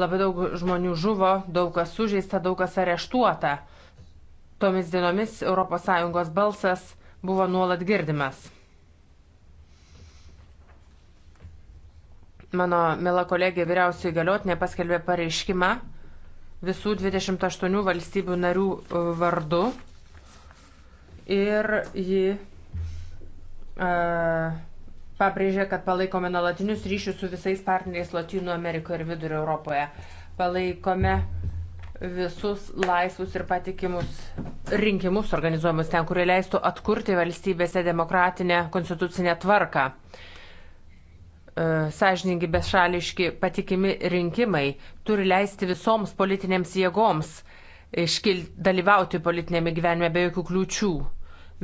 Labai daug žmonių žuvo, daug kas sužeista, daug kas areštuota. Tomis dienomis ES balsas buvo nuolat girdimas. Mano mėla kolegė vyriausiai galiotinė paskelbė pareiškimą visų 28 valstybių narių e, vardu ir ji uh, pabrėžė, kad palaikome nuolatinius ryšius su visais partneriais Latino Amerikoje ir Vidurio Europoje. Palaikome visus laisvus ir patikimus rinkimus organizuojamus ten, kurie leistų atkurti valstybėse demokratinę konstitucinę tvarką. E, Sažiningi, bešališki, patikimi rinkimai turi leisti visoms politinėms jėgoms iškil, dalyvauti politinėme gyvenime be jokių kliūčių.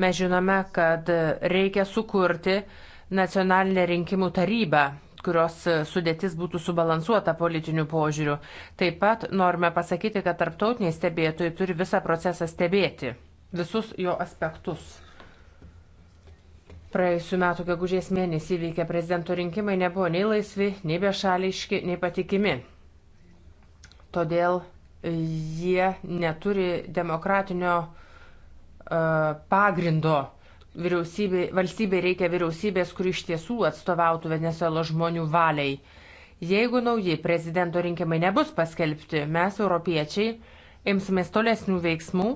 Mes žinome, kad reikia sukurti uh, nacionalinę rinkimų tarybą kurios sudėtis būtų subalansuota politiniu požiūriu. Taip pat norime pasakyti, kad tarptautiniai stebėtojai turi visą procesą stebėti, visus jo aspektus. Praėjusiu metu gegužės mėnesį įvykę prezidento rinkimai nebuvo nei laisvi, nei bešališki, nei patikimi. Todėl jie neturi demokratinio uh, pagrindo uh, Vyriausybė, valstybė reikia vyriausybės, kuri iš tiesų atstovautų Venezuelos žmonių valiai. Jeigu nauji prezidento rinkimai nebus paskelbti, mes, europiečiai, imsimės tolesnių veiksmų,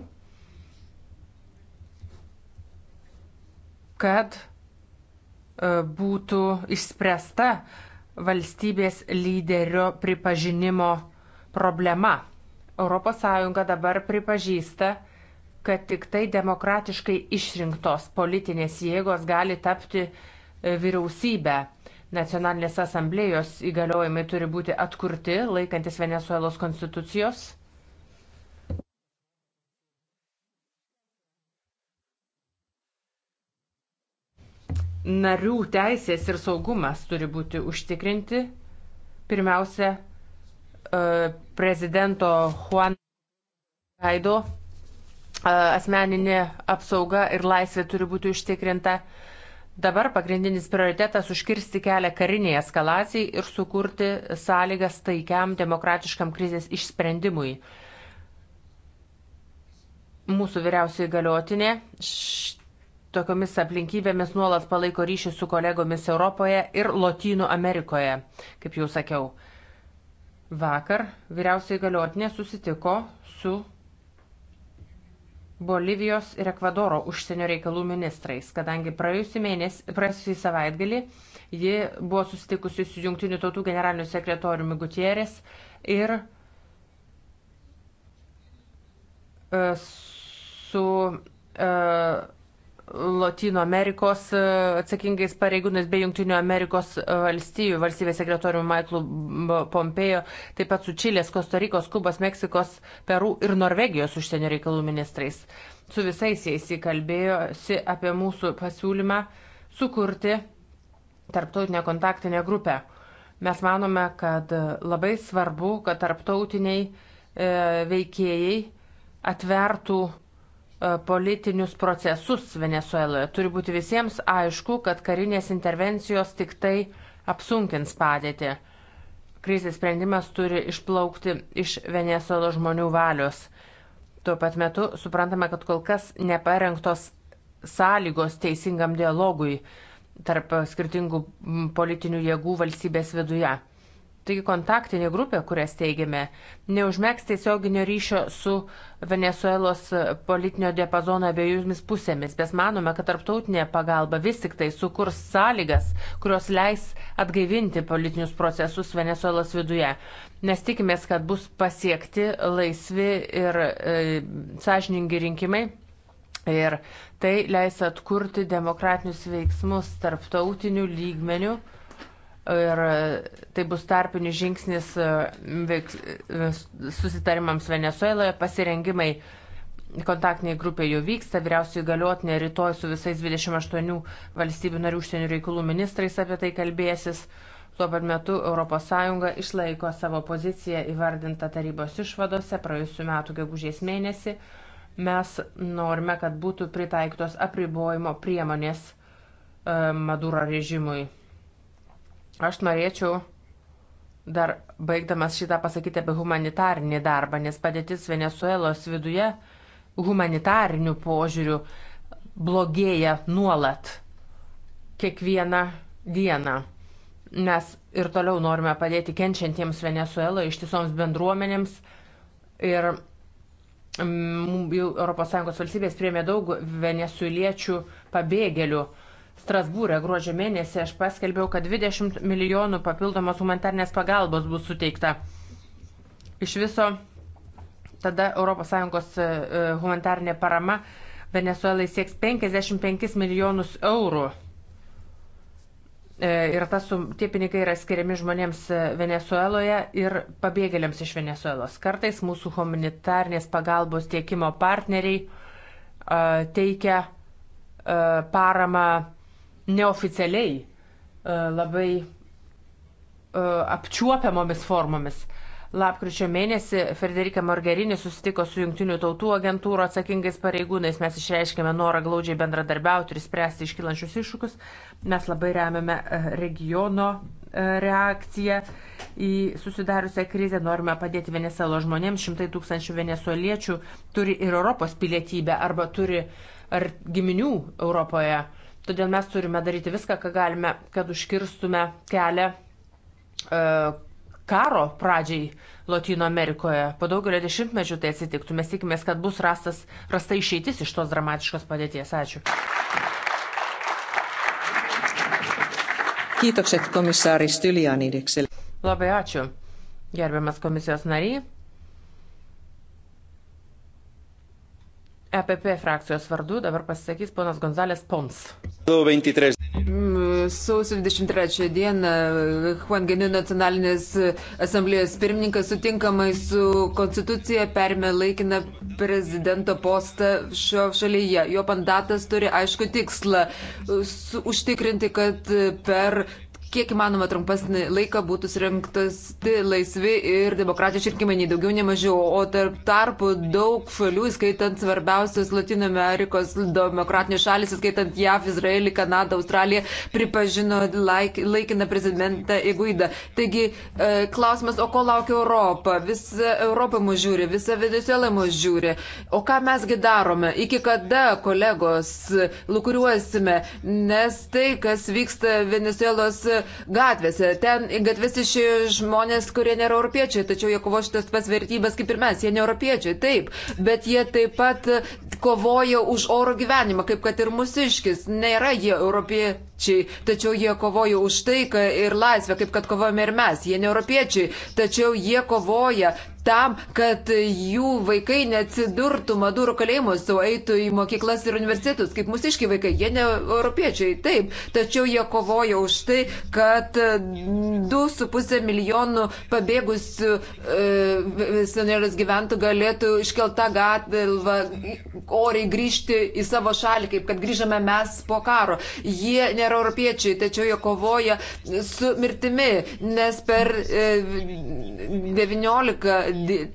kad e, būtų išspręsta valstybės lyderio pripažinimo problema. ES dabar pripažįsta kad tik tai demokratiškai išrinktos politinės jėgos gali tapti e, vyriausybę. Nacionalinės asamblėjos įgaliojimai turi būti atkurti, laikantis Venezuelos konstitucijos. Narių teisės ir saugumas turi būti užtikrinti. Pirmiausia, e, prezidento Juan Guaido asmeninė apsauga ir laisvė turi būti užtikrinta. Dabar pagrindinis prioritetas užkirsti kelią kariniai eskalacijai ir sukurti sąlygas taikiam demokratiškam krizės išsprendimui. Mūsų vyriausiai galiotinė tokiomis aplinkybėmis nuolat palaiko ryšį su kolegomis Europoje ir Lotynų Amerikoje, kaip jau sakiau. Vakar vyriausiai galiotinė susitiko su Bolivijos ir Ekvadoro užsienio reikalų ministrais, kadangi praėjusį mėnesį, praėjusį savaitgalį ji buvo susitikusi su Junktinių tautų generaliniu sekretoriumi Gutierrez ir e, su e, Latino Amerikos e, atsakingais pareigūnais bei Junktinių Amerikos e, valstybių valstybės sekretoriumi Michaelu Pompejo, taip pat su Čilės, Kostarikos, Kubos, Meksikos, Peru ir Norvegijos užsienio reikalų ministrais. Su visais jais įkalbėjosi apie mūsų pasiūlymą sukurti tarptautinę kontaktinę grupę. Mes manome, kad labai svarbu, kad tarptautiniai e, veikėjai atvertų E, politinius procesus Venezueloje. Turi būti visiems aišku, kad karinės intervencijos tik tai apsunkins padėtį. Krizės sprendimas turi išplaukti iš Venezuelo žmonių valios. Tuo pat metu suprantame, kad kol kas neparengtos sąlygos teisingam dialogui tarp skirtingų politinių jėgų valstybės viduje. Taigi kontaktinė grupė, kurią steigėme, neužmėgs tiesioginio ryšio su Venezuelos politinio diapazono abiejomis pusėmis, bet manome, kad tarptautinė pagalba vis tik tai sukurs sąlygas, kurios leis atgaivinti politinius procesus Venezuelos viduje. Nes tikimės, kad bus pasiekti laisvi ir e, sąžiningi rinkimai. Ir tai leis atkurti demokratinius veiksmus tarptautinių lygmenių ir e, tai bus tarpinis žingsnis e, e, susitarimams Venezueloje, pasirengimai kontaktiniai grupė jau vyksta, vyriausiai galiotinė rytoj su visais 28 valstybių narių užsienio reikalų ministrais apie tai kalbėsis. Tuo pat metu ES išlaiko savo poziciją įvardintą tarybos išvadose praėjusiu metu gegužės mėnesį. Mes norime, kad būtų pritaiktos apribojimo priemonės Maduro režimui. Aš norėčiau dar baigdamas šitą pasakyti apie humanitarinį darbą, nes padėtis Venezuelos viduje humanitarinių požiūrių blogėja nuolat kiekvieną dieną. Mes ir toliau norime padėti kenčiantiems Venezuelo ištisoms bendruomenėms ir mm, jau ES valstybės priemė daug venezueliečių pabėgėlių Strasbūrė gruodžio mėnesį aš paskelbiau, kad 20 milijonų papildomos humanitarnės pagalbos bus suteikta. Iš viso tada ES e, e, humanitarnė parama Venezuelai sieks 55 milijonus eurų. E, ir tas, tie pinigai yra skiriami žmonėms Venezueloje ir pabėgėliams iš Venezuelos. Kartais mūsų humanitarnės pagalbos tiekimo partneriai teikia paramą neoficialiai, e, labai e, apčiuopiamomis formomis. Lapkričio mėnesį Federika Margerini susitiko su Junktinių tautų agentūro atsakingais pareigūnais. Mes išreiškėme norą glaudžiai bendradarbiauti ir spręsti iškilančius iššūkius. Mes labai remiame e, regiono reakciją į susidariusią krizę. Norime padėti Venezuelo žmonėms. Šimtai tūkstančių venezueliečių turi ir Europos pilietybę arba turi ar giminių Europoje. Todėl mes turime daryti viską, ką galime, kad užkirstume kelią e, karo pradžiai Latino Amerikoje. Po daugelio dešimtmečių tai atsitiktų. Mes tikimės, kad bus rastas, rasta išeitis iš tos dramatiškos padėties. Ačiū. Kiitokset komissaari Stylianidekselle. Labai ačiū, gerbiamas komisijos nariai. EPP frakcijos vardu dabar pasisakys ponas Gonzalės Pons. 23. Sausio 23 mm, dieną Juan Genio nacionalinės asamblėjos pirmininkas sutinkamai su konstitucija permė laikiną prezidento postą šio šalyje. Jo mandatas turi aišku tikslą su, užtikrinti, kad per kiek įmanoma trumpasnį laiką būtų surinktas laisvi ir demokratiški rinkimai, nei daugiau, nei mažiau. O tarp tarpų daug šalių, skaitant svarbiausias Latino Amerikos demokratinių šalis, skaitant JAV, Izraelį, Kanadą, Australiją, pripažino laik, laikiną prezidentą Iguidą. Taigi e, klausimas, o ko laukia Europa? Visa Europa mus žiūri, visa Venezuela mus žiūri. O ką mesgi darome? Iki kada, kolegos, lukuriuosime? Nes tai, kas vyksta Venezuelos gatvėse. Ten gatvės išėjo žmonės, kurie nėra europiečiai, tačiau jie kovo šitas pats vertybės kaip ir mes. Jie ne europiečiai, taip, bet jie taip pat kovoja už oro gyvenimą, kaip kad ir mūsiškis. Nėra jie europiečiai europiečiai, tačiau jie kovoja už taiką ir laisvę, kaip kad kovojame ir mes. Jie ne europiečiai, tačiau jie kovoja tam, kad jų vaikai neatsidurtų maduro kalėjimus, o eitų į mokyklas ir universitetus, kaip mūsiški vaikai. Jie ne europiečiai, taip, tačiau jie kovoja už tai, kad 2,5 milijonų pabėgusių e, senelės gyventų galėtų iškeltą gatvę oriai grįžti į savo šalį, kaip kad grįžame mes po karo. Jie ne nėra europiečiai, tačiau jie kovoja su mirtimi, nes per 19 e,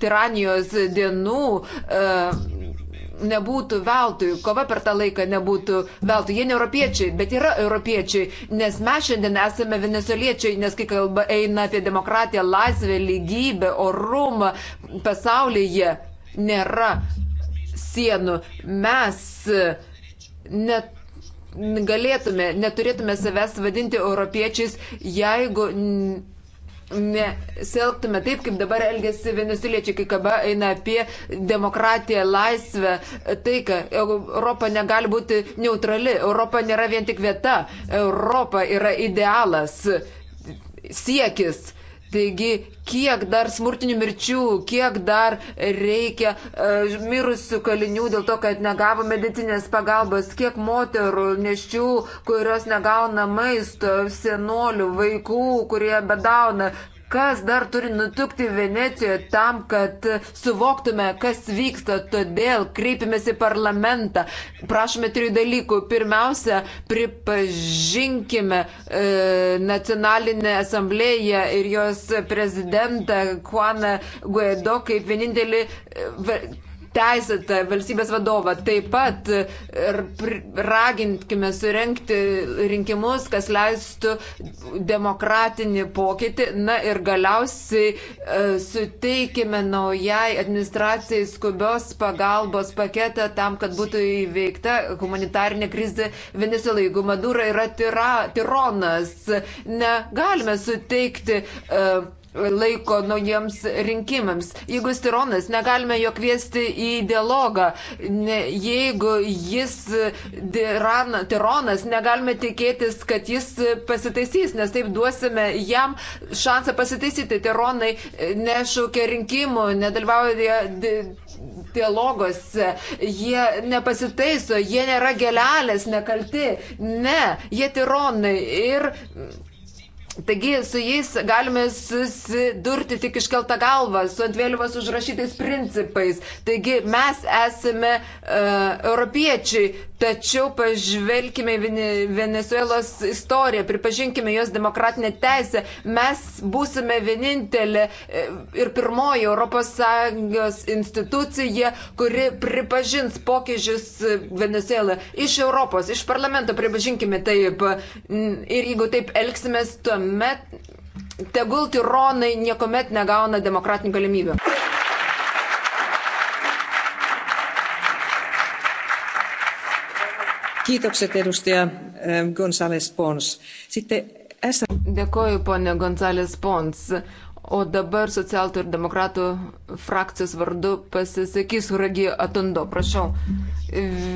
tiranijos dienų e, nebūtų veltui, kova per tą laiką nebūtų veltui. Jie ne europiečiai, bet yra europiečiai, nes mes šiandien esame venezueliečiai, nes kai kalba eina apie demokratiją, laisvę, lygybę, orumą pasaulyje nėra sienų. Mes e, net galėtume, neturėtume savęs vadinti europiečiais, jeigu nesielgtume taip, kaip dabar elgesi venesuliečiai, kai kalba eina apie demokratiją, laisvę, taiką. Europa negali būti neutrali, Europa nėra vien tik vieta, Europa yra idealas, siekis. Taigi, kiek dar smurtinių mirčių, kiek dar reikia e, mirusių kalinių dėl to, kad negavo medicinės pagalbos, kiek moterų neščių, kurios negauna maisto, senolių, vaikų, kurie bedauna, kas dar turi nutukti Venecijoje tam, kad suvoktume, kas vyksta. Todėl kreipimės į parlamentą. Prašome trijų dalykų. Pirmiausia, pripažinkime e, nacionalinę asamblėją ir jos prezidentą Juaną Guaido kaip vienintelį. E, teisėtą valstybės vadovą. Taip pat ragintkime surenkti rinkimus, kas leistų demokratinį pokytį. Na ir galiausiai e, suteikime naujai administracijai skubios pagalbos paketą tam, kad būtų įveikta humanitarinė krizė Venezuelai. Jeigu Madura yra tyra, tyronas, negalime suteikti uh, laiko naujiems rinkimams. Jeigu jis tironas, negalime jo kviesti į dialogą. Ne, jeigu jis diran, tironas, negalime tikėtis, kad jis pasitaisys, nes taip duosime jam šansą pasitaisyti. Tironai e, nešaukia rinkimų, nedalyvauja di, dialogose, jie nepasitaiso, jie nėra gelelės, nekalti. Ne, jie tironai. Ir Taigi su jais galime susidurti tik iškeltą galvą, su ant vėliavos užrašytais principais. Taigi mes esame uh, europiečiai, tačiau pažvelkime Venezuelos istoriją, pripažinkime jos demokratinę teisę. Mes būsime vienintelė e, ir pirmoji ES institucija, kuri pripažins pokyžius Venezuelą iš Europos, iš parlamento, pripažinkime taip. Ir jeigu taip elgsimės, tuomet Niekuomet, tegul tironai niekuomet negauna demokratinių galimybių. Kiitokset edustaja eh, Gonzales Pons. Sitten S... Dėkoju, ponė Gonzales Pons. O dabar socialtų ir demokratų frakcijos vardu pasisakys Uragi Atundo, prašau.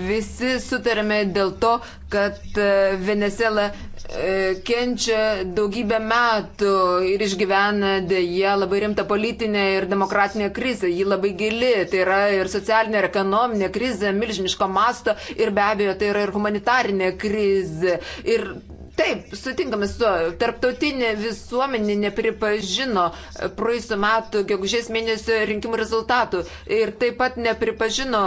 Visi sutarėme dėl to, kad e, Venezuela e, kenčia daugybę metų ir išgyvena dėje labai rimtą politinę ir demokratinę krizę. Ji labai gili, tai yra ir socialinė, ir ekonominė krizė, milžiniško masto ir be abejo tai yra ir humanitarinė krizė. Ir Taip, sutinkame su to. Tarptautinė visuomenė nepripažino praėjusiu metu gegužės mėnesio rinkimų rezultatų ir taip pat nepripažino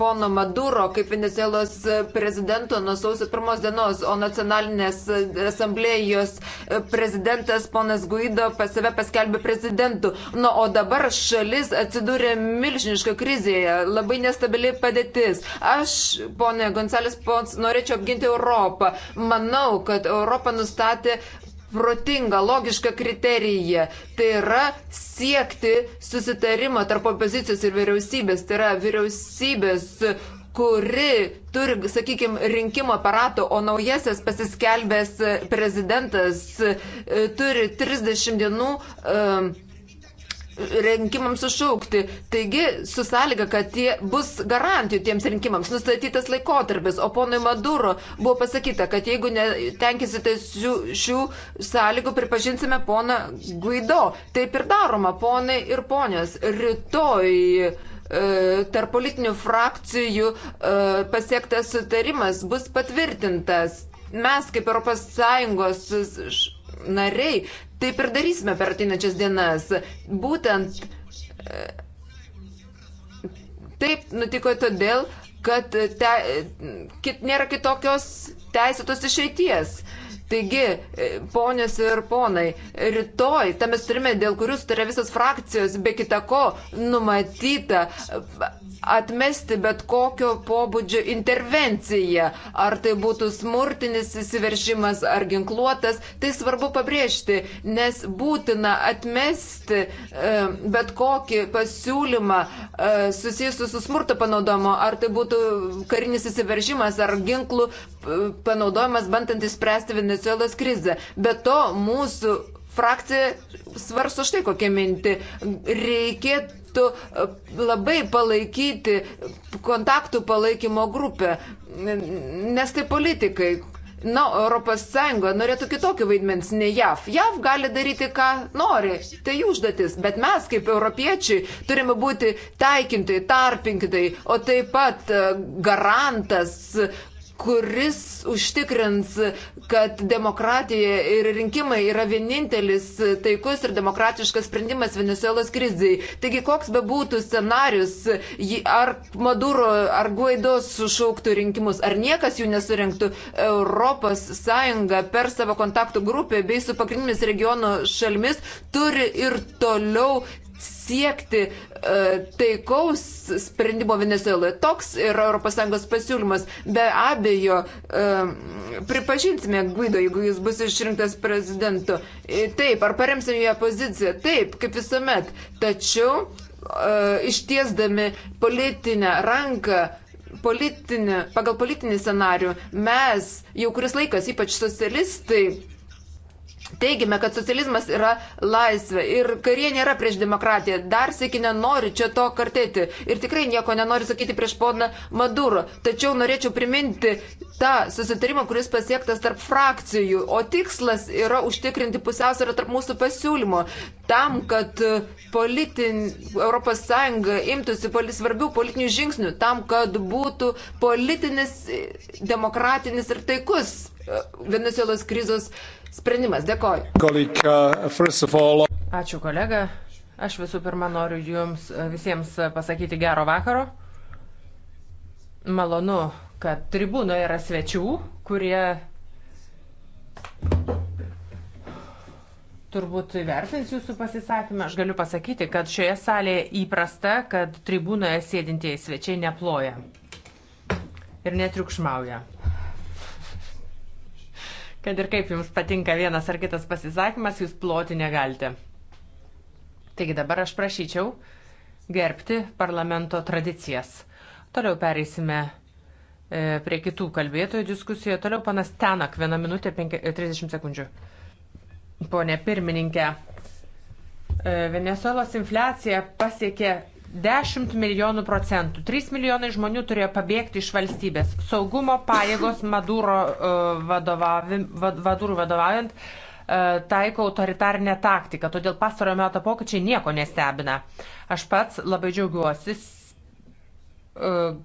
pono Maduro kaip Venezuelos prezidento nuo sausio pirmos dienos, o nacionalinės asamblėjos prezidentas ponas Guido pas save paskelbė prezidentu. Nu, o dabar šalis atsidūrė milžinišką krizėje, labai nestabili padėtis. Aš, ponė Gonzalės Pons, norėčiau apginti Europą. Manau, kad Europa nustatė protingą, logišką kriteriją. Tai yra siekti susitarimą tarp opozicijos ir vyriausybės. Tai yra vyriausybės, kuri turi, sakykime, rinkimo aparato, o naujasis pasiskelbęs prezidentas e, turi 30 dienų. Um, rinkimams sušaukti. Taigi, su sąlyga, kad tie bus garantijų tiems rinkimams nustatytas laikotarpis, o ponui Maduro buvo pasakyta, kad jeigu netenkisite šių, šių sąlygų, pripažinsime poną Guido. Taip ir daroma, ponai ir ponios. Rytoj e, tarp politinių frakcijų e, pasiektas sutarimas bus patvirtintas. Mes kaip ES nariai, taip ir darysime per ateinančias dienas. Būtent e, taip nutiko todėl, kad te, e, kit, nėra kitokios teisėtos išeities. Uh, Taigi, e, ponios ir ponai, rytoj tame turime, dėl kurių sutarė visas frakcijos, be kitako numatyta atmesti bet kokio pobūdžio intervenciją, ar tai būtų smurtinis įsiveržimas ar ginkluotas, tai svarbu pabrėžti, nes būtina atmesti e, bet kokį pasiūlymą e, susijusiu su smurto panaudomu, ar tai būtų karinis įsiveržimas ar ginklų panaudojamas bandant įspręsti Venezuelos krizę. Be to, mūsų frakcija svarsto štai kokią mintį. Reikėtų e, labai palaikyti kontaktų palaikymo grupę, nes tai politikai. Na, Europos Sąjunga norėtų kitokį vaidmens nei JAV. JAV gali daryti, ką nori, tai jų užduotis, bet mes kaip europiečiai turime būti taikintai, tarpinkitai, o taip pat e, garantas kuris užtikrins, kad demokratija ir rinkimai yra vienintelis taikus ir demokratiškas sprendimas Venezuelos kriziai. Taigi, koks be būtų scenarius, ar Maduro, ar Guaido sušauktų rinkimus, ar niekas jų nesurinktų, ES per savo kontaktų grupę bei su pagrindinėmis regiono šalimis turi ir toliau siekti e, taikaus sprendimo Venezuelai. Toks yra ES pasiūlymas. Be abejo, e, pripažinsime Guido, jeigu jis bus išrinktas prezidentu. E, taip, ar paremsime jo poziciją? Taip, kaip visuomet. Tačiau ištiesdami politinę ranką politinį, pagal politinį scenarių mes jau kuris laikas, ypač socialistai, Teigime, kad socializmas yra laisvė ir karė nėra prieš demokratiją. Dar sėki nenori čia to kartėti ir tikrai nieko nenori sakyti prieš poną Maduro. Tačiau norėčiau priminti tą susitarimą, kuris pasiektas tarp frakcijų, o tikslas yra užtikrinti pusiausvyrą tarp mūsų pasiūlymo. Tam, kad politin, ES imtųsi poli, svarbių politinių žingsnių, tam, kad būtų politinis, demokratinis ir taikus Venezuelos krizos sprendimas. Dėkoju. Ačiū kolega. Aš visų pirma noriu jums e, visiems e, pasakyti gero vakaro. Malonu, kad tribūnoje yra svečių, kurie turbūt vertins jūsų pasisakymą. Aš galiu pasakyti, kad šioje salėje įprasta, kad tribūnoje sėdintieji svečiai neploja ir netriukšmauja kad ir kaip jums patinka vienas ar kitas pasisakymas, jūs ploti negalite. Taigi dabar aš prašyčiau gerbti parlamento tradicijas. Toliau pereisime e, prie kitų kalbėtojų diskusijoje. Toliau panas Tenak, vieną minutę 30 sekundžių. Pone pirmininkė, e, Venezuelos infliacija pasiekė 10 milijonų procentų. 3 milijonai žmonių turėjo pabėgti iš valstybės. Saugumo pajėgos Maduro, e, vadovavim, vadurų vadovaujant e, taiko autoritarnę taktiką, todėl pastarojo meto pokyčiai nieko nestebina. Aš pats labai džiaugiuosi e,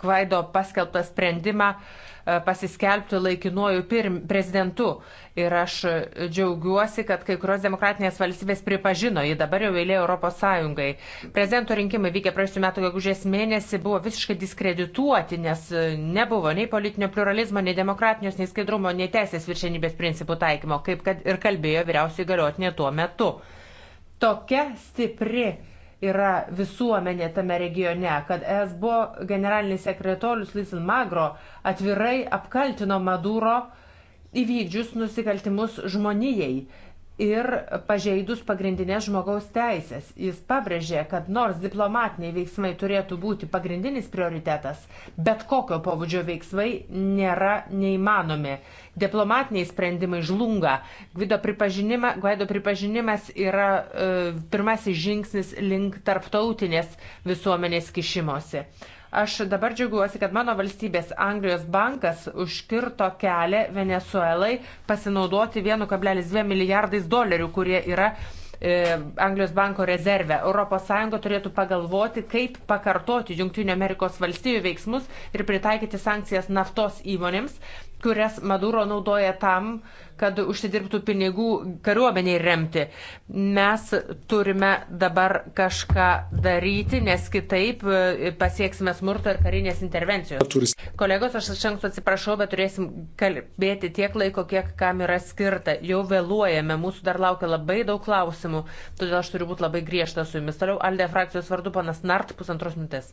Gvaido paskelbtą sprendimą uh, pasiskelbti laikinuoju pirm, prezidentu. Ir aš džiaugiuosi, kad kai kurios demokratinės valstybės pripažino jį dabar jau eilė Europos Sąjungai. Prezidento rinkimai vykę praėjusiu metu gegužės mėnesį buvo visiškai diskredituoti, nes nebuvo nei politinio pluralizmo, nei demokratinės, nei skaidrumo, nei teisės viršenybės principų taikymo, kaip kad ir kalbėjo vyriausiai galiotinė tuo metu. Tokia stipri yra visuomenė tame regione, kad ESBO generalinis sekretorius Lisin Magro atvirai apkaltino Maduro įvykdžius nusikaltimus žmonijai ir pažeidus pagrindinės žmogaus teisės. Jis pabrėžė, kad nors diplomatiniai veiksmai turėtų būti pagrindinis prioritetas, bet kokio pobūdžio veiksmai nėra neįmanomi. Diplomatiniai sprendimai žlunga. Gvido pripažinima, Guaido pripažinimas yra e, pirmasis žingsnis link tarptautinės visuomenės kišimosi. E, Aš dabar džiaugiuosi, kad mano valstybės Anglijos bankas užkirto kelią Venezuelai pasinaudoti 1,2 milijardais dolerių, kurie yra e, Anglijos banko rezervę. ES turėtų pagalvoti, kaip pakartoti JAV veiksmus ir pritaikyti sankcijas naftos įmonėms, kurias Maduro naudoja tam, kad užsidirbtų pinigų kariuomeniai remti. Mes turime dabar kažką daryti, nes kitaip e, pasieksime smurto ir karinės intervencijos. Kolegos, aš iš anksto atsiprašau, bet turėsim kalbėti tiek laiko, kiek kam yra skirta. Jau vėluojame, mūsų dar laukia labai daug klausimų, todėl aš turiu būti labai griežtas su jumis. Toliau Alde frakcijos vardu panas Nart pusantros minutės.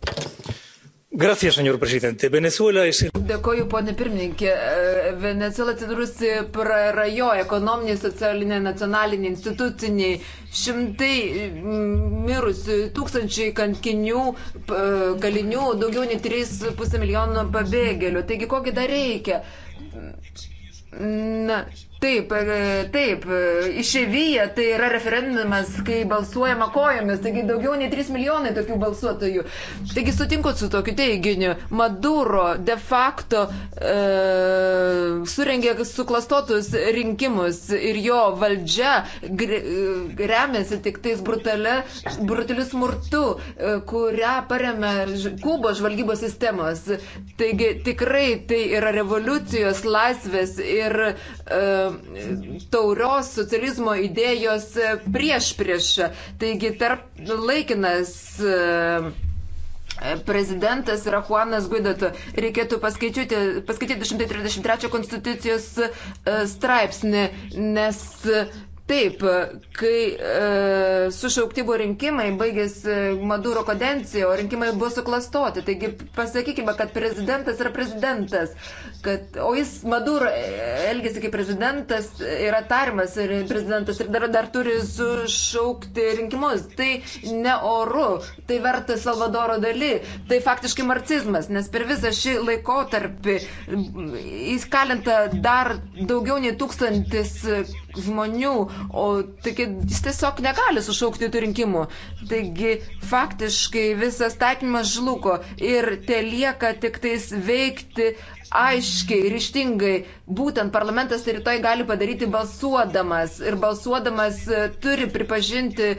Gracias, señor presidente. Venezuela es. Dėkoju, ponė pirmininkė. E, Venezuela atsidūrusi prarajo ekonominiai, socialiniai, nacionaliniai, instituciniai. Šimtai mirusių, tūkstančiai kankinių, kalinių, daugiau nei 3,5 milijono pabėgėlių. Taigi, kokį dar reikia? Na, Taip, e, taip, e, išėvyje tai yra referendumas, kai balsuojama kojomis, taigi daugiau nei 3 milijonai tokių balsuotojų. Taigi sutinku su tokiu teiginiu. Maduro de facto e, surengė suklastotus rinkimus ir jo valdžia e, remiasi tik tais brutale, brutaliu smurtu, e, kurią paremė Kubo žvalgybos sistemos. Taigi tikrai tai yra revoliucijos, laisvės ir e, taurios socializmo idėjos prieš prieš. Taigi tarp laikinas e, prezidentas yra Juanas Guidato. Reikėtų paskaičiuoti, paskaityti 233 konstitucijos e, straipsnį, nes Taip, kai e, sušaukti buvo rinkimai, baigėsi Maduro kadencija, o rinkimai buvo suklastoti. Taigi pasakykime, kad prezidentas yra prezidentas, kad, o jis Maduro e, elgesi kaip prezidentas, yra tarimas ir prezidentas ir dar, dar turi sušaukti rinkimus. Tai ne oru, tai verta Salvadoro daly, tai faktiškai marcizmas, nes per visą šį laikotarpį įskalinta dar daugiau nei tūkstantis žmonių, o taigi jis tiesiog negali sušaukti tų rinkimų. Taigi faktiškai visas taikymas žlugo ir te lieka tik tais veikti aiškiai, ryštingai, būtent parlamentas rytoj gali padaryti balsuodamas ir balsuodamas e, turi pripažinti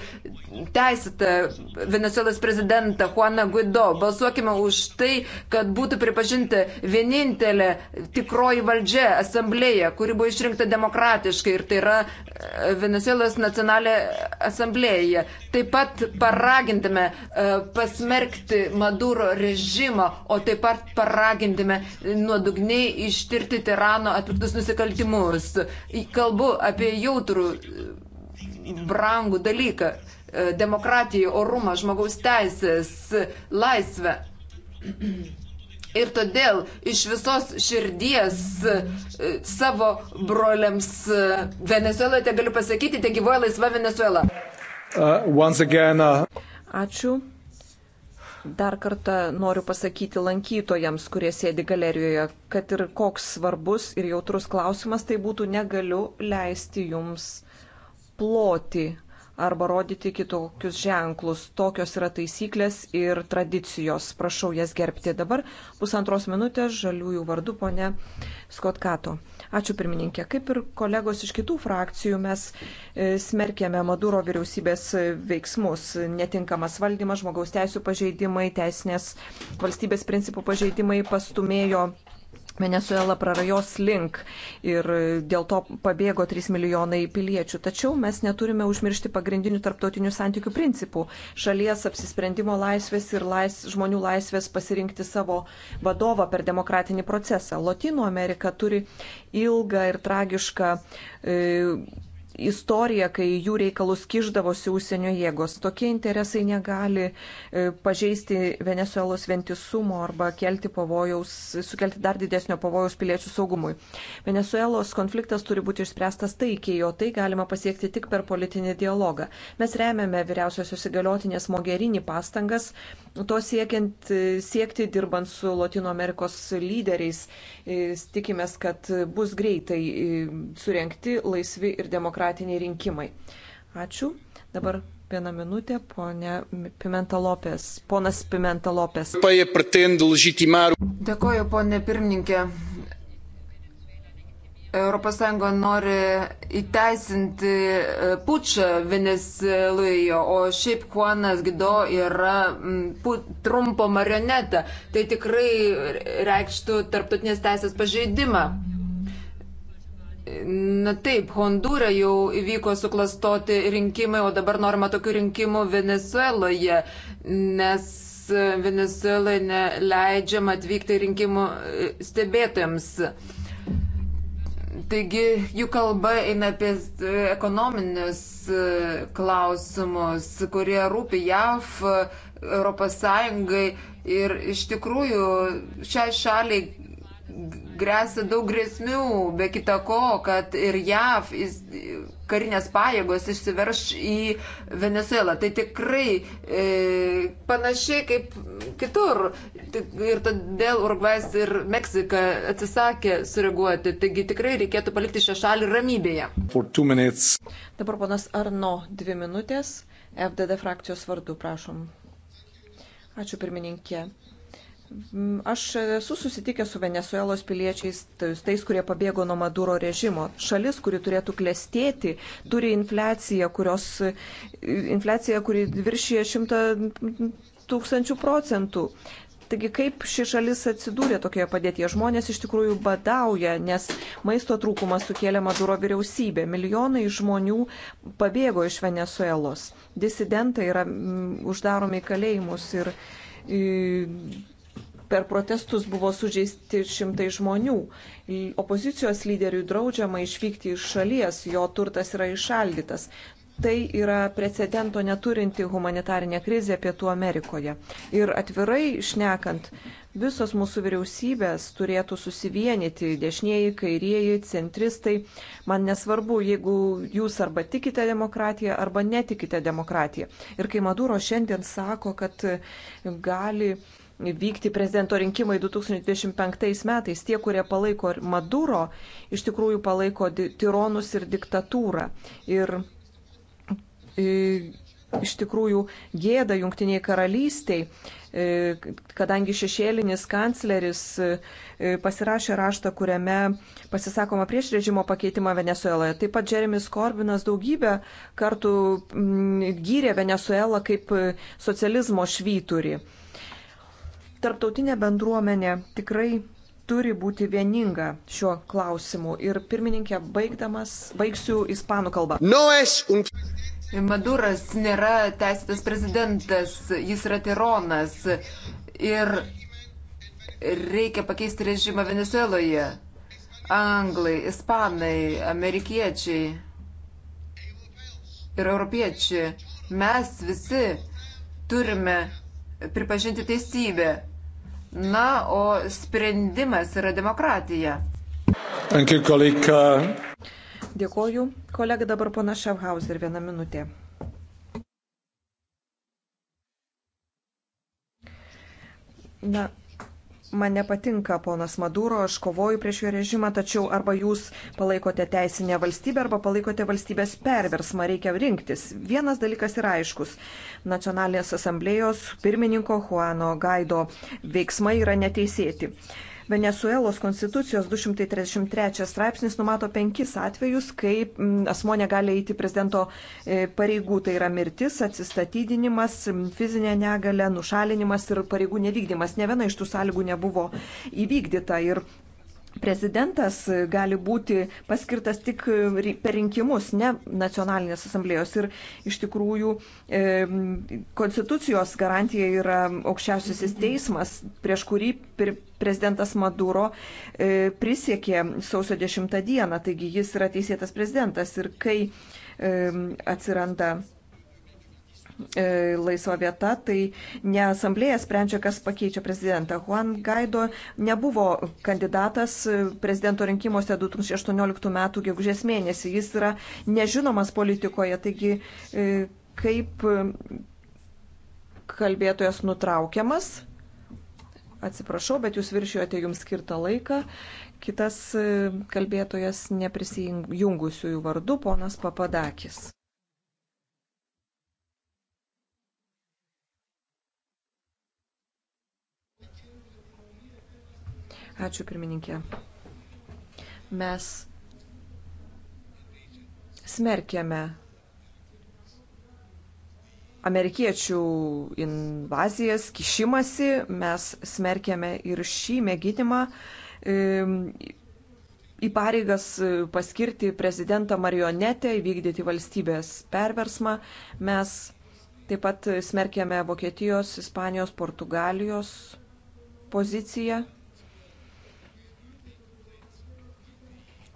teisėtą Venezuelos prezidentą Juaną Guido. Balsuokime už tai, kad būtų pripažinta vienintelė tikroji valdžia, asamblėja, kuri buvo išrinkta demokratiškai ir tai yra e, Venezuelos nacionalė asamblėja. Taip pat paragintame e, pasmerkti Maduro režimą, o taip pat paragintame nuo nuodugniai ištirti Irano atliktus nusikaltimus. Kalbu apie jautrų, brangų dalyką e, - demokratiją, orumą, žmogaus teisės, laisvę. Ir todėl iš visos širdies e, savo broliams e, Venezueloje te galiu pasakyti, te gyvoja laisva Venezuela. Uh, again, uh... Ačiū. Dar kartą noriu pasakyti lankytojams, kurie sėdi galerijoje, kad ir koks svarbus ir jautrus klausimas tai būtų, negaliu leisti jums ploti arba rodyti kitokius ženklus. Tokios yra taisyklės ir tradicijos. Prašau jas gerbti. Dabar pusantros minutės žaliųjų vardu ponė Skotkato. Ačiū pirmininkė. Kaip ir kolegos iš kitų frakcijų, mes e, smerkėme Maduro vyriausybės e, veiksmus. Netinkamas valdymas, žmogaus teisų pažeidimai, teisinės valstybės principų pažeidimai pastumėjo Venezuela prarajos link ir dėl to pabėgo 3 milijonai piliečių. Tačiau mes neturime užmiršti pagrindinių tarptautinių santykių principų - šalies apsisprendimo laisvės ir lais, žmonių laisvės pasirinkti savo vadovą per demokratinį procesą. Latino Amerika turi ilgą ir tragišką e, istoriją, kai jų reikalus kiždavosi užsienio jėgos. Tokie interesai negali e, pažeisti Venezuelos ventisumo arba kelti pavojaus, sukelti dar didesnio pavojaus piliečių saugumui. Venezuelos konfliktas turi būti išspręstas taikiai, o tai galima pasiekti tik per politinį dialogą. Mes remiame vyriausiosios įgaliotinės Mogerinį pastangas To siekiant, e, siekti dirbant su Latino Amerikos lyderiais, e, tikimės, kad bus greitai e, surenkti laisvi ir demokratiniai rinkimai. Ačiū. Dabar Viena minutė, ponia Pimenta Lopės. Ponas Pimenta Lopės. Dėkoju, ponė pirmininkė. ES nori įteisinti e, pučą Venezueloje, o šiaip Juanas Gido yra trumpo marionetė. Tai tikrai reikštų tarptautinės teisės pažeidimą. Na taip, Hondūre jau įvyko suklastoti rinkimai, o dabar norima tokių rinkimų Venezueloje, nes Venezuelai neleidžiama atvykti rinkimų e, stebėtojams. Taigi jų kalba eina apie e, ekonominius e, klausimus, kurie rūpi JAV, ES ir iš tikrųjų šiai šaliai grėsia daug grėsmių, be kita ko, kad ir JAV karinės pajėgos išsiverš į Venezuelą. Tai tikrai e, panašiai kaip kitur. Ir todėl Urugvajas ir Meksika atsisakė sureaguoti. Taigi tikrai reikėtų palikti šią šalį ramybėje. Dabar ponas Arno, dvi minutės. FDD frakcijos vardu, prašom. Ačiū pirmininkė. Aš esu susitikęs su Venezuelos piliečiais, tais, kurie pabėgo nuo Maduro režimo. Šalis, kuri turėtų klestėti, turi infliaciją, kurios, infliaciją kuri viršyje 100 tūkstančių procentų. Taigi kaip ši šalis atsidūrė tokioje padėtyje? Žmonės iš tikrųjų badauja, nes maisto trūkumas sukėlė Maduro vyriausybė. Milijonai žmonių pabėgo iš Venezuelos. Disidentai yra m, uždaromi į kalėjimus ir, ir Per protestus buvo sužeisti šimtai žmonių. Opozicijos lyderiui draudžiama išvykti iš šalies, jo turtas yra išaldytas. Tai yra precedento neturinti humanitarinė krizė Pietų Amerikoje. Ir atvirai šnekant, visos mūsų vyriausybės turėtų susivienyti - dešinieji, kairieji, centristai. Man nesvarbu, jeigu jūs arba tikite demokratiją, arba netikite demokratiją. Ir kai Maduro šiandien sako, kad gali vykti prezidento rinkimai 2025 metais. Tie, kurie palaiko Maduro, iš tikrųjų palaiko tironus ir diktatūrą. Ir, ir iš tikrųjų gėda jungtiniai karalystiai, kadangi šešėlinis kancleris pasirašė raštą, kuriame pasisakoma prieš režimo pakeitimą Venezueloje. Taip pat Jeremis Korbinas daugybę kartų gyrė Venezuelą kaip socializmo švyturį. Tarptautinė bendruomenė tikrai turi būti vieninga šiuo klausimu. Ir pirmininkė, baigdamas, baigsiu ispanų kalbą. No es un... Maduras nėra teisėtas prezidentas, jis yra tironas. Ir reikia pakeisti režimą Venezueloje. Anglai, ispanai, amerikiečiai ir europiečiai. Mes visi turime pripažinti teisybę Na, o sprendimas yra demokratija. Dėkoju. Kolega dabar pana Šefhauser, vieną minutę. Na, man nepatinka ponas Maduro, aš kovoju prieš jo režimą, tačiau arba jūs palaikote teisinę valstybę, arba palaikote valstybės perversmą, reikia rinktis. Vienas dalykas yra aiškus. Nacionalinės asamblėjos pirmininko Juano Gaido veiksmai yra neteisėti. Venezuelos konstitucijos 233 straipsnis numato penkis atvejus, kai mm, asmo negali eiti prezidento e, pareigų. Tai yra mirtis, atsistatydinimas, fizinė negalė, nušalinimas ir pareigų nevykdymas. Ne viena iš tų sąlygų nebuvo įvykdyta. Ir prezidentas gali būti paskirtas tik per rinkimus, ne nacionalinės asamblėjos. Ir iš tikrųjų e, konstitucijos garantija yra aukščiausiasis teismas, prieš kurį pir, prezidentas Maduro e, prisiekė sausio 10 dieną, taigi jis yra teisėtas prezidentas. Ir kai e, atsiranda E, laisva vieta, tai ne asamblėje sprendžia, kas pakeičia prezidentą. Juan Gaido nebuvo kandidatas e, prezidento rinkimuose 2018 m. gegužės mėnesį. Jis yra nežinomas politikoje, taigi e, kaip kalbėtojas nutraukiamas. Atsiprašau, bet jūs viršijote jums skirtą laiką. Kitas kalbėtojas neprisijungusiųjų vardu, ponas Papadakis. Ačiū pirmininkė. Mes smerkėme amerikiečių invazijas, kišimasi, mes smerkėme ir šį mėginimą į pareigas paskirti prezidentą marionetę, įvykdyti valstybės perversmą. Mes taip pat smerkėme Vokietijos, Ispanijos, Portugalijos poziciją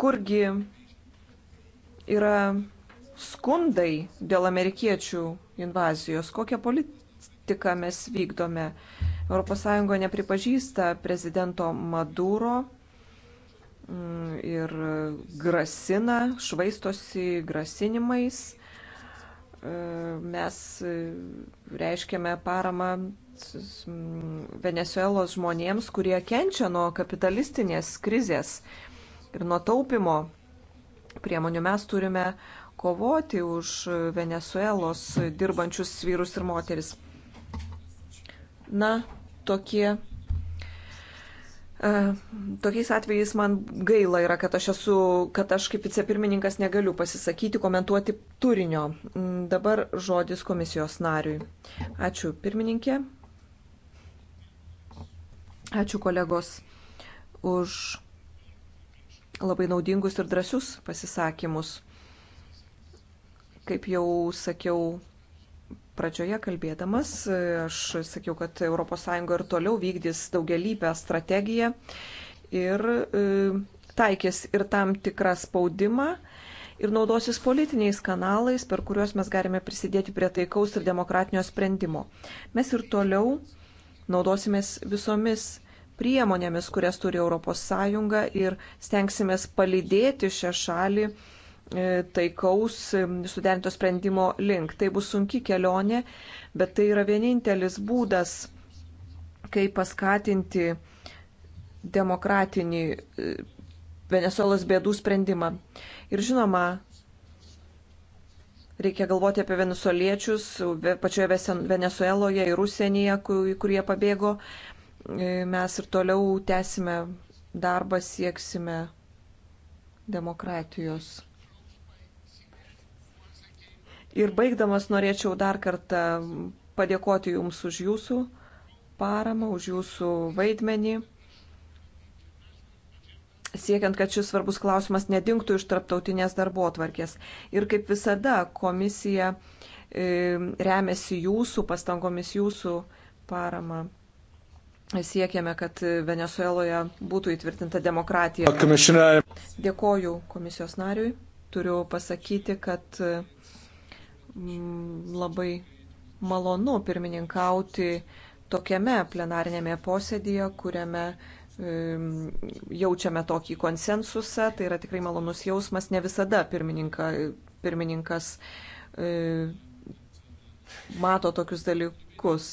kurgi yra skundai dėl amerikiečių invazijos, kokią politiką mes vykdome. ES nepripažįsta prezidento Maduro mm, ir grasina, švaistosi grasinimais. E, mes e, reiškiame paramą Venezuelos žmonėms, kurie kenčia nuo kapitalistinės krizės ir nuo taupimo priemonių mes turime kovoti už Venezuelos dirbančius vyrus ir moteris. Na, tokie. E, tokiais atvejais man gaila yra, kad aš esu, kad aš kaip vicepirmininkas negaliu pasisakyti, komentuoti turinio. Mm, dabar žodis komisijos nariui. Ačiū pirmininkė. Ačiū kolegos už labai naudingus ir drąsius pasisakymus. Kaip jau sakiau pradžioje kalbėdamas, aš sakiau, kad ES ir toliau vykdys daugelybę strategiją ir e, taikės ir tam tikrą spaudimą ir naudosis politiniais kanalais, per kuriuos mes galime prisidėti prie taikaus ir demokratinio sprendimo. Mes ir toliau naudosimės visomis priemonėmis, kurias turi ES ir stengsimės palydėti šią šalį e, taikaus e, suderinto sprendimo link. Tai bus sunki kelionė, bet tai yra vienintelis būdas, kaip paskatinti demokratinį e, Venezuelos bėdų sprendimą. Ir žinoma, reikia galvoti apie venezueliečius pačioje Venezueloje ir užsienyje, kurie pabėgo mes ir toliau tęsime darbą, sieksime demokratijos. Ir baigdamas norėčiau dar kartą padėkoti Jums už Jūsų paramą, už Jūsų vaidmenį siekiant, kad šis svarbus klausimas nedingtų iš tarptautinės darbo atvarkės. Ir kaip visada komisija e, remiasi jūsų pastangomis, jūsų parama siekiame, kad Venezueloje būtų įtvirtinta demokratija. Uh, Dėkoju komisijos nariui. Turiu pasakyti, kad mm, labai malonu pirmininkauti tokiame plenarinėme posėdėje, kuriame mm, jaučiame tokį konsensusą, tai yra tikrai malonus jausmas, ne visada pirmininka, pirmininkas e, mato tokius dalykus.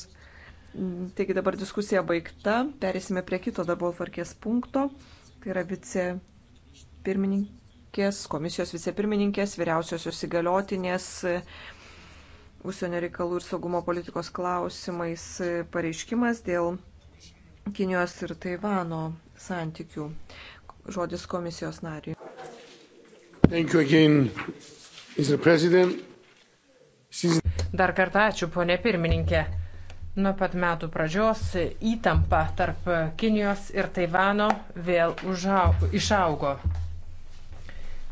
Taigi dabar diskusija baigta. Perėsime prie kito darbo atvarkės punkto. Tai yra vicepirmininkės, komisijos vicepirmininkės, vyriausiosios įgaliotinės užsienio reikalų ir saugumo politikos klausimais pareiškimas dėl Kinijos ir Taivano santykių. Žodis komisijos nariui. Again, Since... Dar kartą ačiū, ponė pirmininkė. Nuo pat metų pradžios įtampa tarp Kinijos ir Taivano vėl užaugo, išaugo,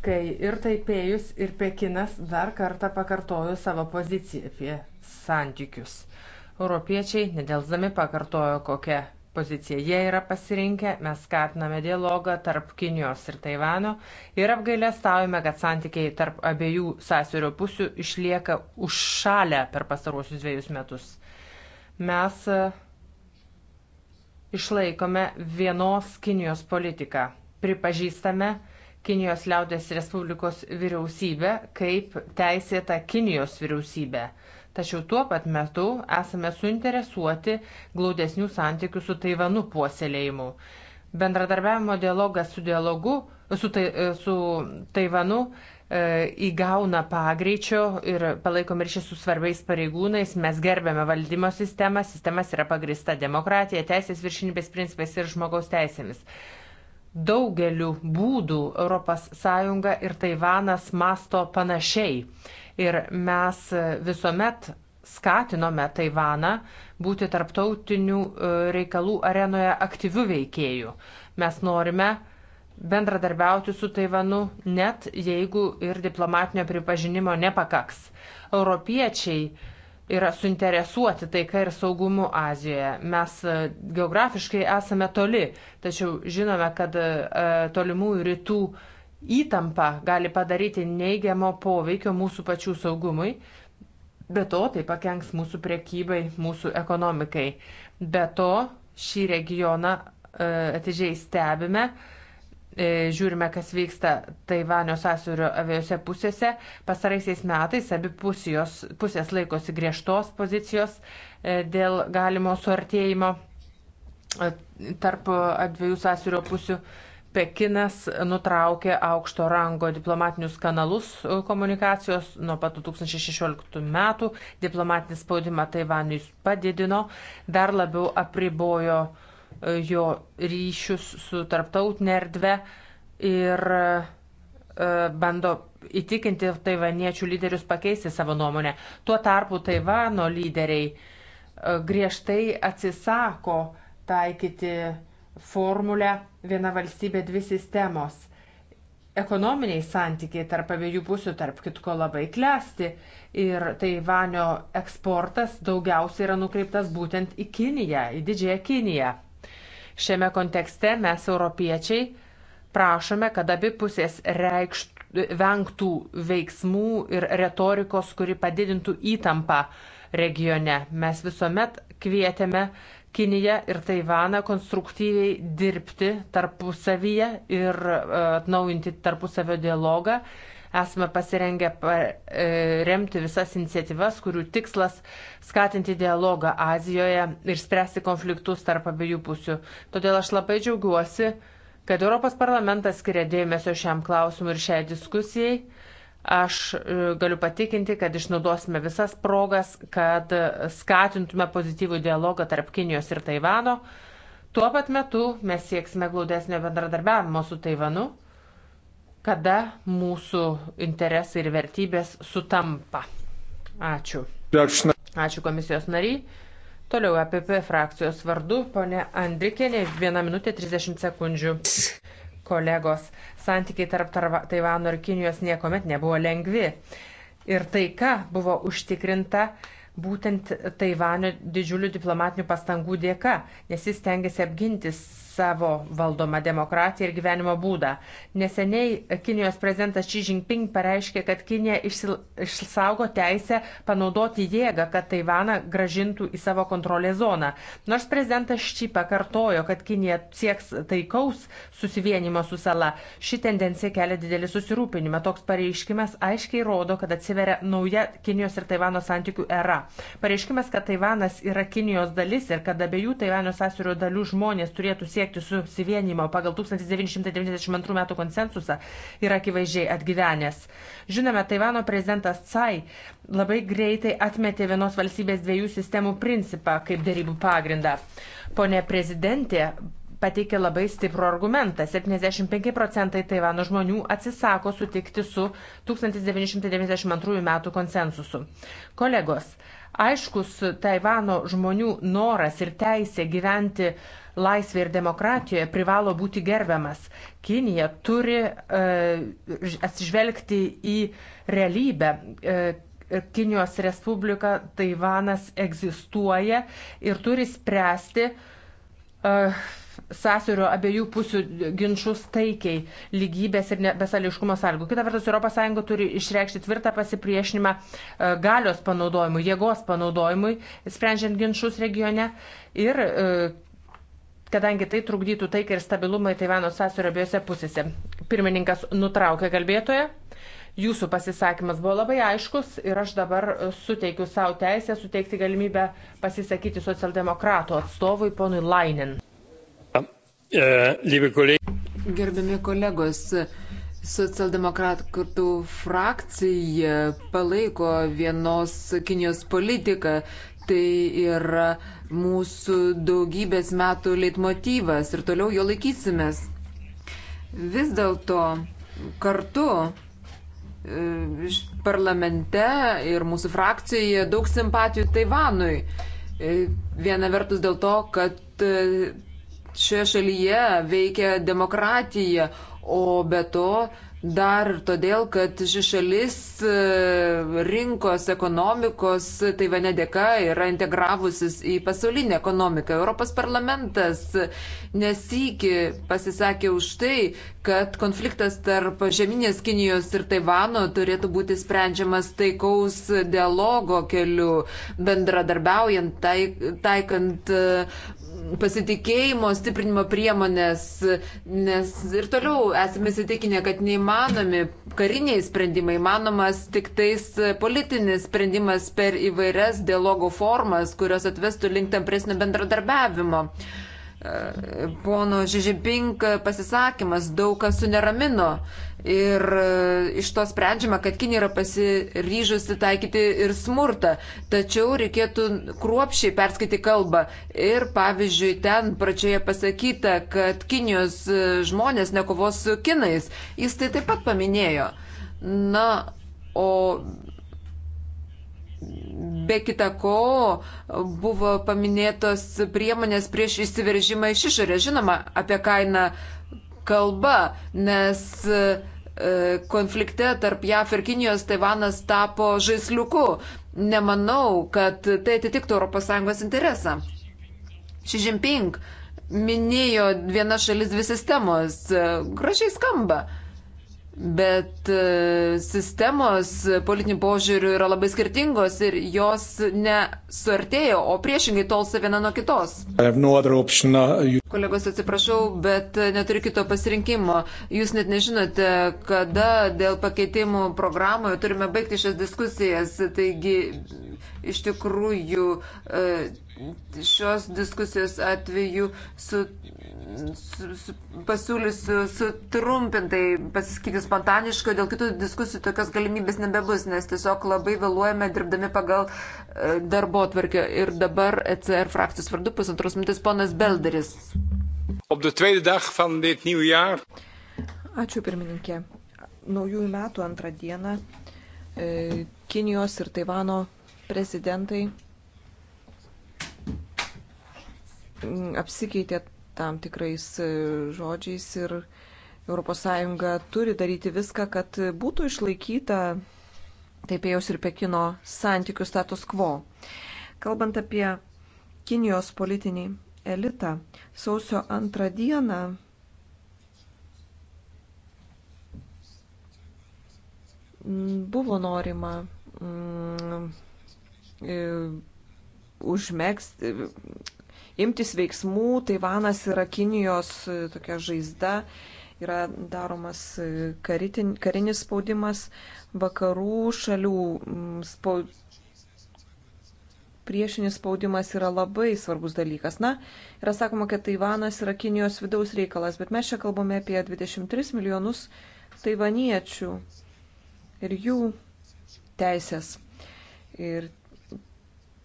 kai ir Taipėjus, ir Pekinas dar kartą pakartojo savo poziciją apie santykius. Europiečiai nedelsdami pakartojo, kokią poziciją jie yra pasirinkę, mes skatiname dialogą tarp Kinijos ir Taivano ir apgailėstaujame, kad santykiai tarp abiejų sąsirio pusių išlieka užšalę per pastaruosius dviejus metus. Mes e, išlaikome vienos Kinijos politiką. Pripažįstame Kinijos liaudės Respublikos vyriausybę kaip teisėtą Kinijos vyriausybę. Tačiau tuo pat metu esame suinteresuoti glaudesnių santykių su Taivanu puoselėjimu. Bendradarbiavimo dialogas su dialogu su, tai, e, su Taivanu E, įgauna pagreičio ir palaikom ryšį su svarbiais pareigūnais, mes gerbėme valdymo sistemą, sistemas yra pagrista demokratija, teisės viršinybės principais ir žmogaus teisėmis. Daugeliu būdų ES ir Taivanas masto panašiai. Ir mes visuomet skatinome Taivaną būti tarptautinių e, reikalų arenoje aktyvių veikėjų. Mes norime uh, bendradarbiauti su Taivanu, net jeigu ir diplomatinio pripažinimo nepakaks. Europiečiai yra suinteresuoti taika ir saugumu Azijoje. Mes e, geografiškai esame toli, tačiau žinome, kad e, tolimųjų rytų įtampa gali padaryti neigiamo poveikio mūsų pačių saugumui, be to tai pakenks mūsų priekybai, mūsų ekonomikai. Be to šį regioną e, atidžiai stebime E, žiūrime, kas vyksta Taivanio sąsiūrio abiejose pusėse. Pasaraisiais metais abi pusės, pusės laikosi griežtos pozicijos e, dėl galimo suartėjimo e, tarp abiejų sąsiūrio pusių. Pekinas nutraukė aukšto rango diplomatinius kanalus komunikacijos nuo pat 2016 metų. Diplomatinis spaudimą Taivanui padidino, dar labiau apribojo uh, jo ryšius su tarptautinė erdve ir e, bando įtikinti taivaniečių lyderius pakeisti savo nuomonę. Tuo tarpu Taivano lyderiai e, griežtai atsisako taikyti formulę viena valstybė dvi sistemos. Ekonominiai santykiai tarp abiejų pusių, tarp kitko, labai klesti ir Taivanio eksportas daugiausiai yra nukreiptas būtent į Kiniją, į didžiąją Kiniją. Šiame kontekste mes, europiečiai, prašome, kad abi pusės reikštų, vengtų veiksmų ir retorikos, kuri padidintų įtampą regione. Mes visuomet kvietėme Kiniją ir Taivaną konstruktyviai dirbti tarpusavyje ir e, atnaujinti tarpusavio dialogą Esame pasirengę e, remti visas iniciatyvas, kurių tikslas skatinti dialogą Azijoje ir spręsti konfliktus tarp abiejų pusių. Todėl aš labai džiaugiuosi, kad Europos parlamentas skiria dėmesio šiam klausimui ir šiai diskusijai. Aš e, galiu patikinti, kad išnaudosime visas progas, kad skatintume pozityvų dialogą tarp Kinijos ir Taivano. Tuo pat metu mes sieksime glaudesnio bendradarbiavimo su Taivanu kada mūsų interesai ir vertybės sutampa. Ačiū. Ačiū komisijos nariai. Toliau APP e frakcijos vardu, ponė Andrikėnė, 1 minutė 30 sekundžių. Kolegos, santykiai tarp Taivano ir Kinijos niekuomet nebuvo lengvi. Ir taika buvo užtikrinta būtent Taivanio didžiulių diplomatinių pastangų dėka, nes jis tengiasi apgintis savo valdomą demokratiją ir gyvenimo būdą. Neseniai Kinijos prezidentas Xi Jinping pareiškė, kad Kinija išsaugo teisę panaudoti jėgą, kad Taivaną gražintų į savo kontrolės zoną. Nors prezidentas Xi pakartojo, kad Kinija sieks taikaus susivienimo su sala, ši tendencija kelia didelį susirūpinimą. Toks pareiškimas aiškiai rodo, kad atsiveria nauja Kinijos ir Taivano santykių era. Pareiškimas, kad Taivanas yra Kinijos dalis ir kad abiejų Taivano sąsirio dalių žmonės turėtų siekti siekti susivienimo pagal 1992 metų konsensusą yra akivaizdžiai atgyvenęs. Žinome, Taivano prezidentas Tsai labai greitai atmetė vienos valstybės dviejų sistemų principą kaip darybų pagrindą. Pone prezidentė, pateikė labai stiprų argumentą. 75 procentai Taivano žmonių atsisako sutikti su 1992 m. konsensusu. Kolegos, aiškus Taivano žmonių noras ir teisė gyventi uh, laisvėje ir demokratijoje privalo būti gerbiamas. Kinija turi e, atsižvelgti į realybę. E, Kinijos Respublika, Taivanas egzistuoja ir turi spręsti e, sąsiurio abiejų pusių ginčius taikiai, lygybės ir besališkumo sąlygų. Kita vertus, ES turi išreikšti tvirtą pasipriešinimą galios panaudojimui, jėgos panaudojimui, sprendžiant ginčius regione. Ir kadangi tai trukdytų taikai ir stabilumai Taivano sąsiaurio abiejose pusėse. Pirmininkas nutraukė kalbėtoją. Jūsų pasisakymas buvo labai aiškus ir aš dabar suteikiu savo teisę suteikti galimybę pasisakyti socialdemokratų atstovui ponui Lainin. E, Gerbiami kolegos, socialdemokratų frakcija palaiko vienos Kinijos politiką Tai yra mūsų daugybės metų leitmotyvas ir toliau jo laikysimės. Vis dėlto kartu e, parlamente ir mūsų frakcijoje daug simpatijų Taivanui. E, viena vertus dėl to, kad e, šioje šalyje veikia demokratija, o be to Dar ir todėl, kad ši šalis e, rinkos ekonomikos Taivane dėka yra integravusis į pasaulinę ekonomiką. Europos parlamentas nesiki pasisakė už tai, kad konfliktas tarp žeminės Kinijos ir Taivano turėtų būti sprendžiamas taikaus dialogo keliu, bendradarbiaujant, taik, taikant e, pasitikėjimo stiprinimo priemonės, nes ir toliau esame įsitikinę, kad neįmanomi kariniai sprendimai, įmanomas tik tais politinis sprendimas per įvairias dialogų formas, kurios atvestų link tampresnio bendradarbiavimo. E, pono Žižipink pasisakymas daug kas suneramino. Ir e, iš to sprendžiama, kad Kinė yra pasiryžusi taikyti ir smurtą. Tačiau reikėtų kruopšiai perskaiti kalbą. Ir pavyzdžiui, ten pradžioje pasakyta, kad Kinijos e, žmonės nekovos su Kinais. Jis tai taip pat paminėjo. Na, o be kita ko buvo paminėtos priemonės prieš įsiveržimą iš išorės. Žinoma, apie kainą kalba, nes uh, E, konflikte tarp JAF ir Kinijos Taivanas tapo žaisliuku. Nemanau, kad tai atitiktų ES interesą. Xi Jinping minėjo viena šalis dvi sistemos. E, gražiai skamba. Bet e, sistemos politinių požiūrių yra labai skirtingos ir jos nesuartėjo, o priešingai tolsta viena nuo kitos. No uh, you... Kolegos, atsiprašau, bet e, neturiu kito pasirinkimo. Jūs net nežinote, kada dėl pakeitimų programoje turime baigti šias diskusijas. Taigi, iš tikrųjų. E, šios diskusijos atveju su, su, su, pasiūlysiu sutrumpintai pasiskyti spontaniškai, dėl kitų diskusijų tokios galimybės nebebus, nes tiesiog labai vėluojame dirbdami pagal e, darbo atvarkę. Ir dabar ECR frakcijos vardu pusantros mintis ponas Belderis. Ačiū pirmininkė. Naujųjų metų antrą dieną e, Kinijos ir Taivano prezidentai Mm, apsikeitė tam tikrais e, žodžiais ir ES turi daryti viską, kad būtų išlaikyta Taipėjaus ir Pekino santykių status quo. Kalbant apie Kinijos politinį elitą, sausio antrą dieną buvo norima mm, e, užmėgsti, imtis veiksmų. Taivanas yra Kinijos e, tokia žaizda, yra daromas e, karitin, karinis spaudimas vakarų šalių. Spaud... Priešinis spaudimas yra labai svarbus dalykas. Na, yra sakoma, kad Taivanas yra Kinijos vidaus reikalas, bet mes čia kalbame apie 23 milijonus taivaniečių ir jų teisės. Ir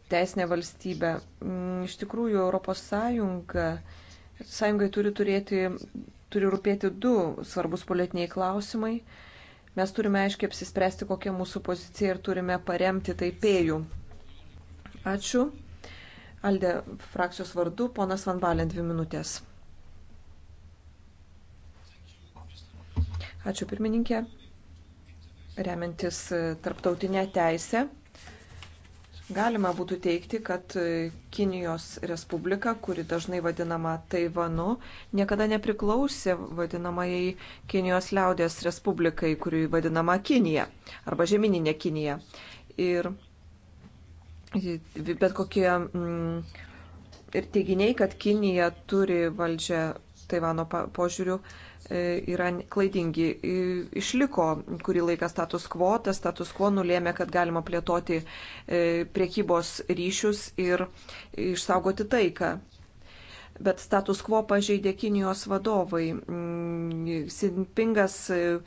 teisinę valstybę. Mm, iš tikrųjų, Europos Sąjunga, Sąjungai turi, turėti, turi rūpėti du svarbus politiniai klausimai. Mes turime aiškiai apsispręsti, kokia mūsų pozicija ir turime paremti taipėjų. Ačiū. Aldė frakcijos vardu, ponas Van Balen, dvi minutės. Ačiū pirmininkė. Remiantis tarptautinę teisę, Galima būtų teikti, kad e, Kinijos Respublika, kuri dažnai vadinama Taivanu, niekada nepriklausė vadinamai Kinijos liaudės Respublikai, kuri vadinama Kinija arba žemyninė Kinija. Ir bet kokie mm, ir teiginiai, kad Kinija turi valdžią Taivano požiūrių, E, yra klaidingi. E, išliko kurį laiką status quo, tas status quo nulėmė, kad galima plėtoti e, priekybos ryšius ir išsaugoti taiką. Bet status quo pažeidė Kinijos vadovai. Sinpingas mm,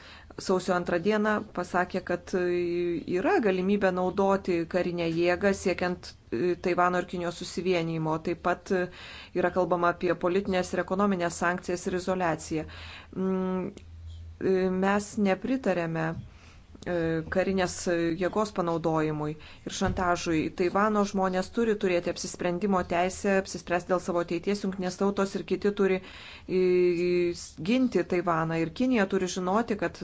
sausio antrą dieną pasakė, kad e, yra galimybė naudoti karinę jėgą siekiant e, Taivano ir Kinijos susivienijimo. Taip pat e, yra kalbama apie politinės ir ekonominės sankcijas ir izolaciją. Mm, mes nepritarėme E, karinės jėgos panaudojimui ir šantažui. Taivano žmonės turi turėti apsisprendimo teisę, apsispręsti dėl savo ateities, jungtinės tautos ir kiti turi ginti Taivaną. Ir Kinija turi žinoti, kad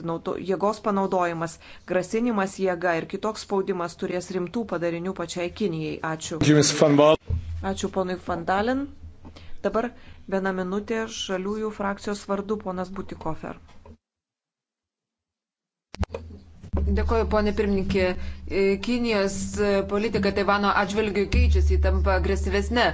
jėgos panaudojimas, grasinimas jėga ir kitoks spaudimas turės rimtų padarinių pačiai Kinijai. Ačiū. Ačiū ponui Fandalin. Dabar viena minutė žaliųjų frakcijos vardu ponas Butikofer. Dėkoju, ponė pirmininkė. E, Kinijos e, politika Taivano atžvilgių keičiasi, tampa agresyvesnė.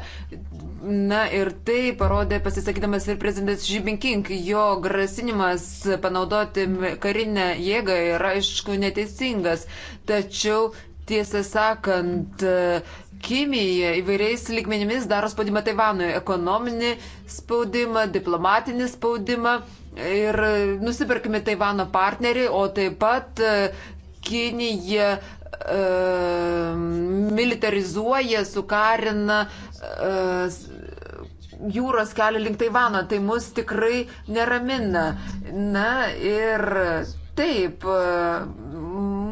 Na ir tai parodė pasisakydamas ir prezidentas Žybinkink, jo grasinimas panaudoti karinę jėgą yra aišku neteisingas. Tačiau Tiesą sakant, e, Kinija įvairiais lygmenimis daro spaudimą Taivanui - ekonominį spaudimą, diplomatinį spaudimą ir nusipirkime Taivano partnerį, o taip pat e, Kinija e, militarizuoja, sukarina e, jūros kelią link Taivano. Tai mus tikrai neramina. Na ir taip, e,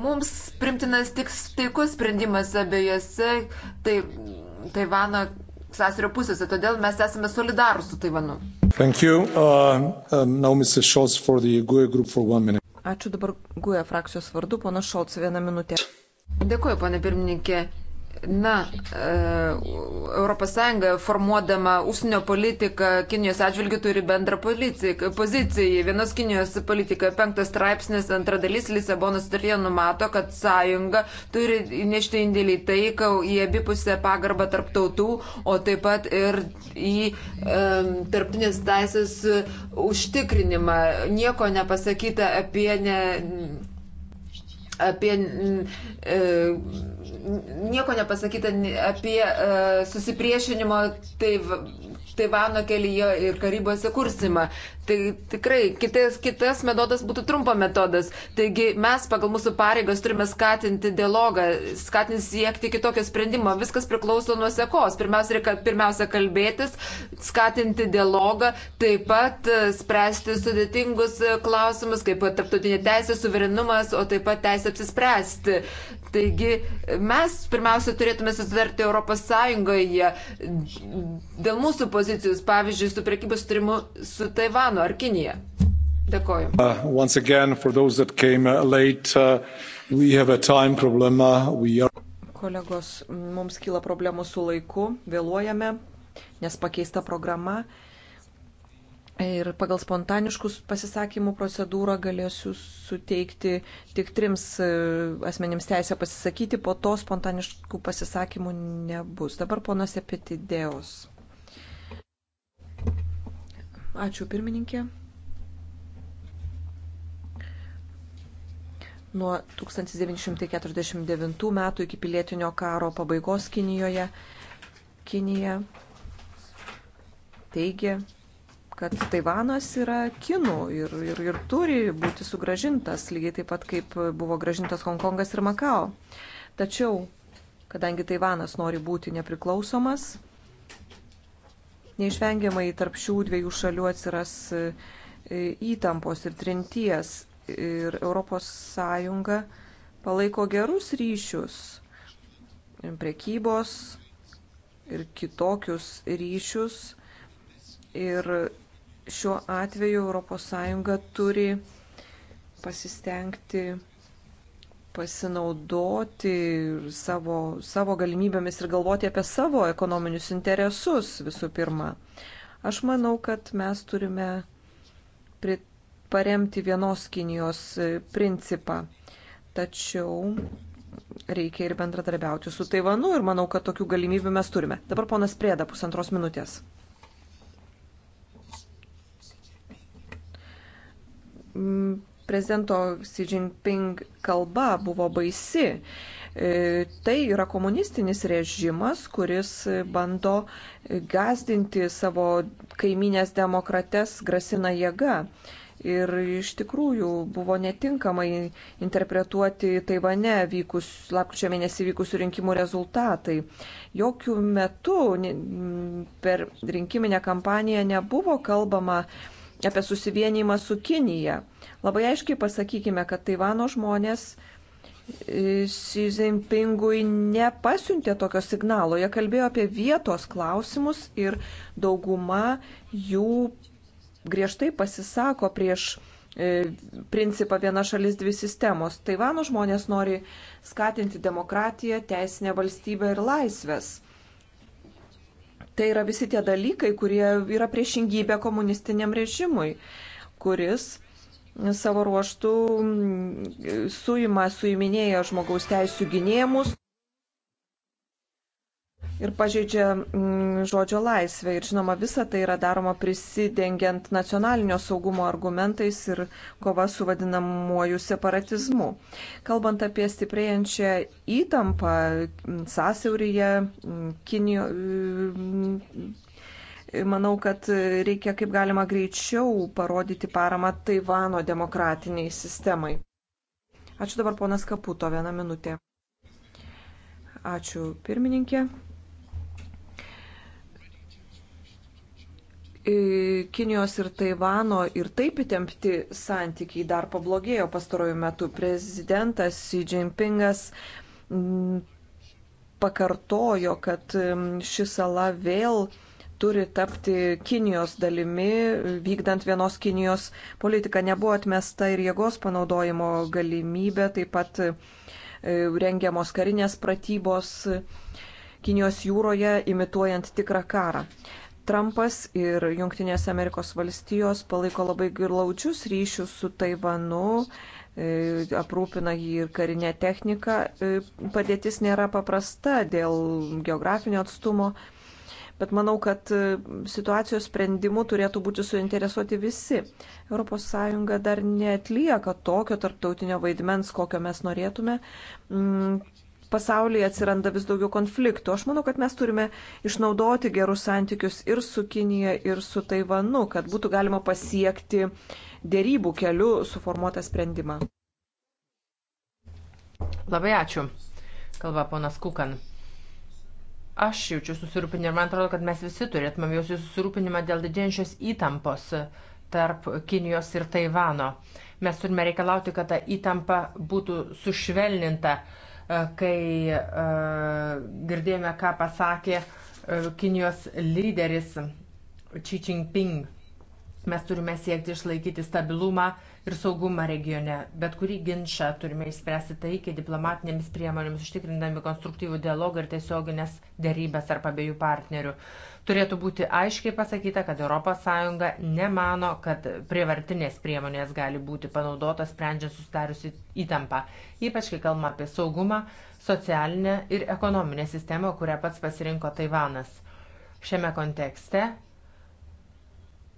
mums primtinas tik taikus sprendimas abiejose tai, Taivano sąsirio pusėse, todėl mes esame solidarūs su Taivanu. Thank you. Uh, um, now Mr. Scholz for the GUE group for one minute. Ačiū dabar GUE frakcijos vardu, ponas Šolc, vieną minutę. Dėkuoju, ponė pirmininkė. Na, ES formuodama užsienio politiką Kinijos atžvilgių turi bendrą poziciją. Vienos Kinijos politika, penktas straipsnis, antra dalis Lisabonos sutartyje numato, kad sąjunga turi nešti indėlį taiką į abipusę pagarbą tarp tautų, o taip pat ir į e, tarptinės teisės užtikrinimą. Nieko nepasakyta apie. Ne, apie e, nieko nepasakyta apie e, susipriešinimo Taivano kelyje ir Karibuose kursimą. Tai tikrai kitas, kitas metodas būtų trumpa metodas. Taigi mes pagal mūsų pareigas turime skatinti dialogą, skatinti siekti kitokio sprendimo. Viskas priklauso nuo sekos. Pirmiausia, reikia pirmiausia kalbėtis, skatinti dialogą, taip pat e, spręsti sudėtingus e, klausimus, kaip tarptautinė teisė, suverenumas, o taip pat teisė apsispręsti. Taigi e, mes pirmiausia turėtume susidarti Europos Sąjungoje dėl mūsų pozicijos, pavyzdžiui, su prekybos turimu su Taivanu. Irano ar Kiniją. Dėkoju. Uh, again, uh, late, uh, problem, uh, are... Kolegos, mums kyla problemų su laiku, vėluojame, nes pakeista programa. Ir pagal spontaniškus pasisakymų procedūrą galėsiu suteikti tik trims e, asmenims teisę pasisakyti, po to spontaniškų pasisakymų nebus. Dabar ponas Epitidėjos. Ačiū pirmininkė. Nuo 1949 metų iki pilietinio karo pabaigos Kinijoje Kinija teigia, kad Taivanas yra kinų ir, ir, ir turi būti sugražintas, lygiai taip pat kaip buvo gražintas Hongkongas ir Makao. Tačiau, kadangi Taivanas nori būti nepriklausomas, Neišvengiamai tarp šių dviejų šalių atsiras e, e, įtampos ir trinties. Ir ES palaiko gerus ryšius, prekybos ir kitokius ryšius. Ir šiuo atveju ES turi pasistengti pasinaudoti savo, savo galimybėmis ir galvoti apie savo ekonominius interesus visų pirma. Aš manau, kad mes turime paremti vienos Kinijos principą. Tačiau reikia ir bendradarbiauti su Taivanu ir manau, kad tokių galimybių mes turime. Dabar ponas Prėda, pusantros minutės prezidento Xi Jinping kalba buvo baisi. E, tai yra komunistinis režimas, kuris bando gazdinti savo kaiminės demokrates, grasina jėga. Ir iš tikrųjų buvo netinkamai interpretuoti Taivane vykus, lapkričio mėnesį vykusių rinkimų rezultatai. Jokių metų per rinkiminę kampaniją nebuvo kalbama apie susivienimą su Kinija. Labai aiškiai pasakykime, kad Taivano žmonės e, Xi Jinpingui nepasiuntė tokio signalo. Jie kalbėjo apie vietos klausimus ir dauguma jų griežtai pasisako prieš e, principą viena šalis dvi sistemos. Taivano žmonės nori skatinti demokratiją, teisinę valstybę ir laisvės. Tai yra visi tie dalykai, kurie yra priešingybė komunistiniam režimui, kuris savo ruoštų mm, suima, suiminėja žmogaus teisų gynėjimus ir pažeidžia mm, žodžio laisvę. Ir žinoma, visa tai yra daroma prisidengiant nacionalinio saugumo argumentais ir kova su vadinamuoju separatizmu. Kalbant apie stiprėjančią įtampą mm, sąsiauryje, mm, Kinijo. Mm, manau, kad reikia kaip galima greičiau parodyti paramą Taivano demokratiniai sistemai. Ačiū dabar ponas Kaputo, vieną minutę. Ačiū pirmininkė. E, Kinijos ir Taivano ir taip įtempti santykiai dar pablogėjo pastarojų metų. Prezidentas Xi Jinpingas pakartojo, kad ši sala vėl turi tapti Kinijos dalimi, vykdant vienos Kinijos politiką. Nebuvo atmesta ir jėgos panaudojimo galimybė, taip pat e, rengiamos karinės pratybos. Kinijos jūroje imituojant tikrą karą. Trumpas ir Junktinės Amerikos valstijos palaiko labai glaudžius ryšius su Taivanu, e, aprūpina jį ir karinė technika. E, padėtis nėra paprasta dėl geografinio atstumo, bet manau, kad e, situacijos sprendimu turėtų būti suinteresuoti visi. ES dar netlieka tokio tarptautinio vaidmens, kokio mes norėtume. Mm, pasaulyje atsiranda vis daugiau konfliktų. Aš manau, kad mes turime išnaudoti gerus santykius ir su Kinija, ir su Taivanu, kad būtų galima pasiekti dėrybų keliu suformuotą sprendimą. Labai ačiū, kalba ponas Kukan. Aš jaučiu susirūpinimą ir man atrodo, kad mes visi turėtumėm jausti susirūpinimą dėl didėjančios įtampos tarp Kinijos ir Taivano. Mes turime reikalauti, kad ta įtampa būtų sušvelninta E, kai e, girdėjome, ką pasakė e, Kinijos lyderis Xi Jinping. Mes turime siekti išlaikyti stabilumą ir saugumą regione. Bet kurį ginčą turime išspręsti taikiai diplomatinėmis priemonėmis, užtikrindami konstruktyvų dialogą ir tiesioginės dėrybės tarp abiejų partnerių. Turėtų būti aiškiai pasakyta, kad ES nemano, kad prievartinės priemonės gali būti panaudotos sprendžiant susidariusi įtampą, ypač kai kalbama apie saugumą, socialinę ir ekonominę sistemą, kurią pats pasirinko Taivanas. Šiame kontekste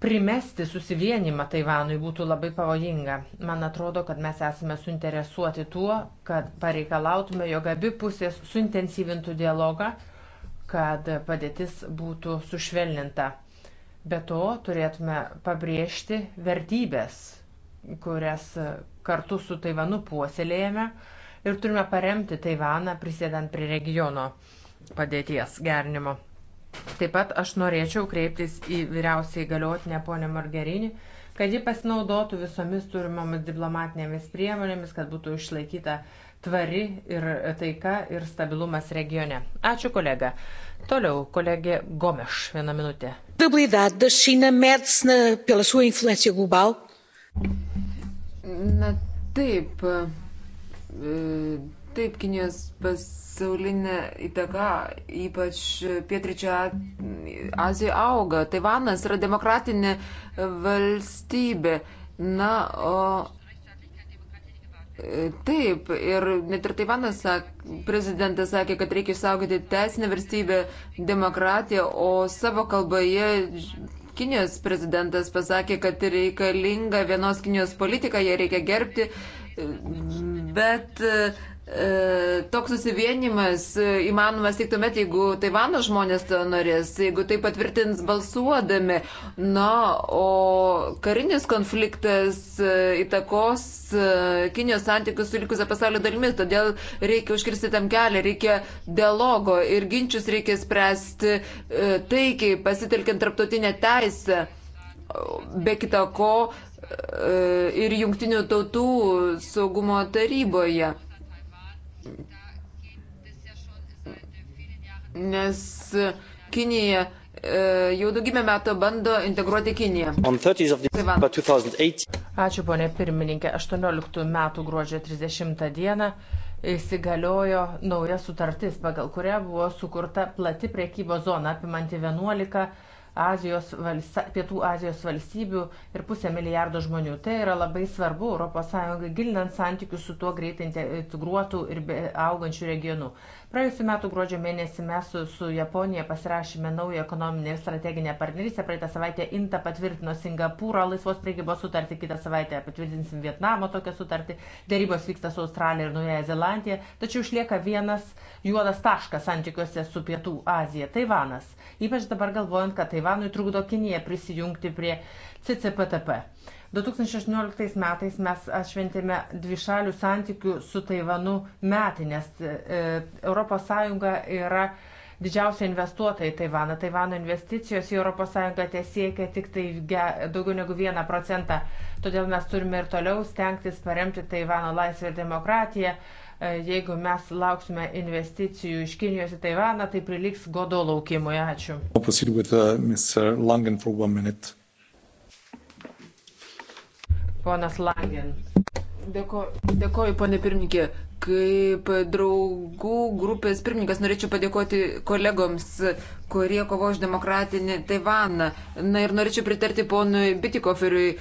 primesti susivienimą Taivanui būtų labai pavojinga. Man atrodo, kad mes esame suinteresuoti tuo, kad pareikalautume, jog abi pusės suintensyvintų dialogą, kad padėtis būtų sušvelninta. Be to turėtume pabrėžti vertybės, kurias kartu su Taivanu puoselėjame ir turime paremti Taivaną prisėdant prie regiono padėties gernimo. Taip pat aš norėčiau kreiptis į vyriausiai galiotinę ponę Morgerinį, kad ji pasinaudotų visomis turimomis diplomatinėmis priemonėmis, kad būtų išlaikyta tvari ir taika ir stabilumas regione. Ačiū kolega. Toliau kolegė Gomeš, vieną minutę. Na taip, eh, taip Kinijos pas pasaulinė įtaka, ypač pietričio Azijoje auga. Taivanas yra demokratinė valstybė. Na, o taip, ir net ir Taivanas sak, prezidentas sakė, kad reikia išsaugoti teisinę valstybę, demokratiją, o savo kalboje Kinijos prezidentas pasakė, kad reikalinga vienos Kinijos politika, ją reikia gerbti, bet uh, E, toks susivienimas e, įmanomas tik tuomet, jeigu Taivano žmonės to norės, jeigu tai patvirtins balsuodami. Na, o karinis konfliktas e, įtakos Kinijos santykius su likusia pasaulio dalimis, todėl reikia užkirsti tam kelią, reikia dialogo ir ginčius reikia spręsti taikiai, pasitelkiant tarptautinę teisę. Be kita ko, ir jungtinių tautų saugumo taryboje. Nes e, Kinija e, jau daugybę metų bando integruoti Kiniją. Ačiū, ponė pirmininkė. 18 metų gruodžio 30 dieną įsigaliojo nauja sutartis, pagal kurią buvo sukurta plati priekybos zona apimanti 11 Azijos valsta, pietų Azijos valstybių ir pusę milijardo žmonių. Tai yra labai svarbu ES gilinant santykius su tuo greitai integruotų ir augančių regionu. Praėjusiu metu gruodžio mėnesį mes su, su Japonija pasirašėme naują ekonominę ir strateginę partnerystę. Praeitą savaitę INTA patvirtino Singapūrą laisvos priekybos sutartį, kitą savaitę patvirtinsim Vietnamo tokią sutartį. Dėrybos vyksta su Australija ir Naujaja Zelandija, tačiau išlieka vienas juodas taškas santykiuose su Pietų Azija - Taivanas. Ypač dabar galvojant, kad tai Taivanui trukdo Kinija prisijungti prie CCPTP. 2018 metais mes atšventėme dvišalių santykių su Taivanu metinės. ES e, yra didžiausia investuotoja į Taivaną. Taivano investicijos į ES tiesiekia tik tai daugiau negu 1 procentą. Todėl mes turime ir toliau stengtis paremti Taivano laisvę ir demokratiją E, jeigu mes lauksime investicijų iš Kinijos į Taivaną, tai priliks godo laukimui. Ačiū. Uh, Ponas Langen. Dėko, dėkoju, ponė pirmininkė. Kaip draugų grupės pirmininkas norėčiau padėkoti kolegoms, kurie kovo už demokratinį Taivaną. Na ir norėčiau pritarti ponui Bitikoferiui.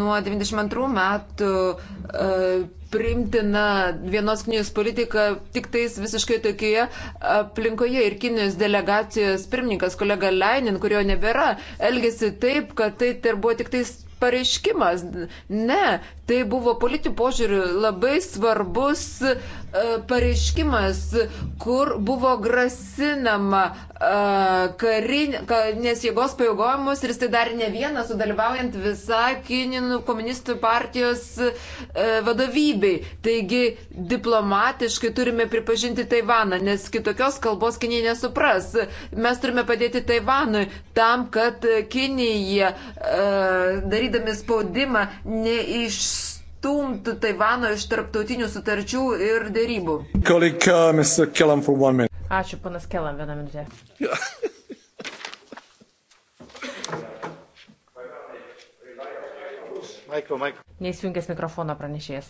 Nuo 92 metų e, priimtina vienos knygos politika tik tais visiškai tokioje aplinkoje ir Kinijos delegacijos pirmininkas kolega Leinin, kurio nebėra, elgesi taip, kad tai buvo tik tais pareiškimas. Ne, Tai buvo politinių požiūrių labai svarbus e, pareiškimas, kur buvo grasinama e, karin, karinės jėgos pajėgojimus ir jis tai darė ne vienas, sudalyvaujant visą Kininų komunistų partijos e, vadovybei. Taigi diplomatiškai turime pripažinti Taivaną, nes kitokios kalbos Kinija nesupras. Mes turime padėti Taivanui tam, kad Kinija, e, darydami spaudimą, neiš išstumtų Taivano iš tarptautinių sutarčių ir dėrybų. Uh, Ačiū, panas Kelam, vieną minutę. Neįsijungęs mikrofono pranešėjas.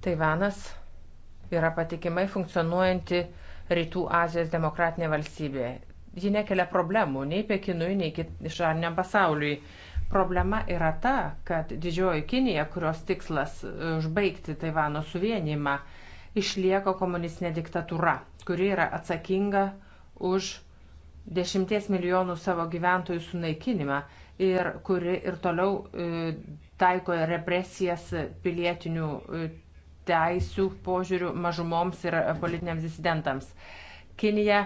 Taivanas yra patikimai funkcionuojanti Rytų Azijos demokratinė valstybė. Ji nekelia problemų nei Pekinui, nei šarniam pasauliui. Problema yra ta, kad didžioji Kinija, kurios tikslas e, užbaigti Taivano suvienimą, išlieka komunistinė diktatūra, kuri yra atsakinga už dešimties milijonų savo gyventojų sunaikinimą ir kuri ir toliau e, taiko represijas pilietinių e, teisių požiūrių mažumoms ir politiniams disidentams. Kinija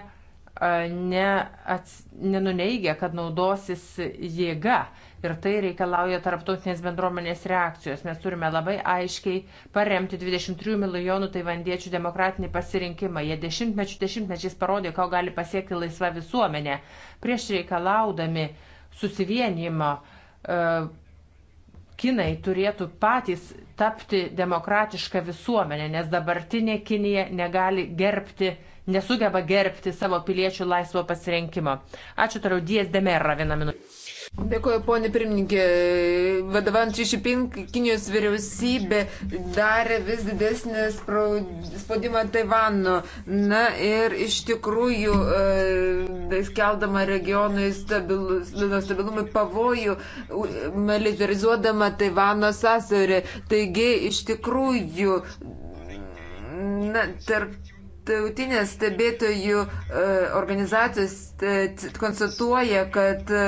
ne, ats, nenuneigia, kad naudosis jėga ir tai reikalauja tarptautinės bendruomenės reakcijos. Mes turime labai aiškiai paremti 23 milijonų taivandiečių demokratinį pasirinkimą. Jie dešimtmečių dešimtmečiais parodė, ką gali pasiekti laisva visuomenė. Prieš reikalaudami susivienimo e, Kinai turėtų patys tapti demokratišką visuomenę, nes dabartinė Kinija negali gerbti nesugeba gerbti savo piliečių laisvo pasirinkimo. Ačiū toliau, Dies Demerra vieną minutę. Dėkuoju, ponė pirmininkė. Vadovaujant Čišipin, Kinijos vyriausybė darė vis didesnį spaudimą Taivanu. Na ir iš tikrųjų, e, skeldama regionui stabilu, stabilumui pavojų, militarizuodama Taivano sąsiaurį. Taigi, iš tikrųjų, na, tarp Tautinės stebėtojų e, organizacijos e, konstatuoja, kad e,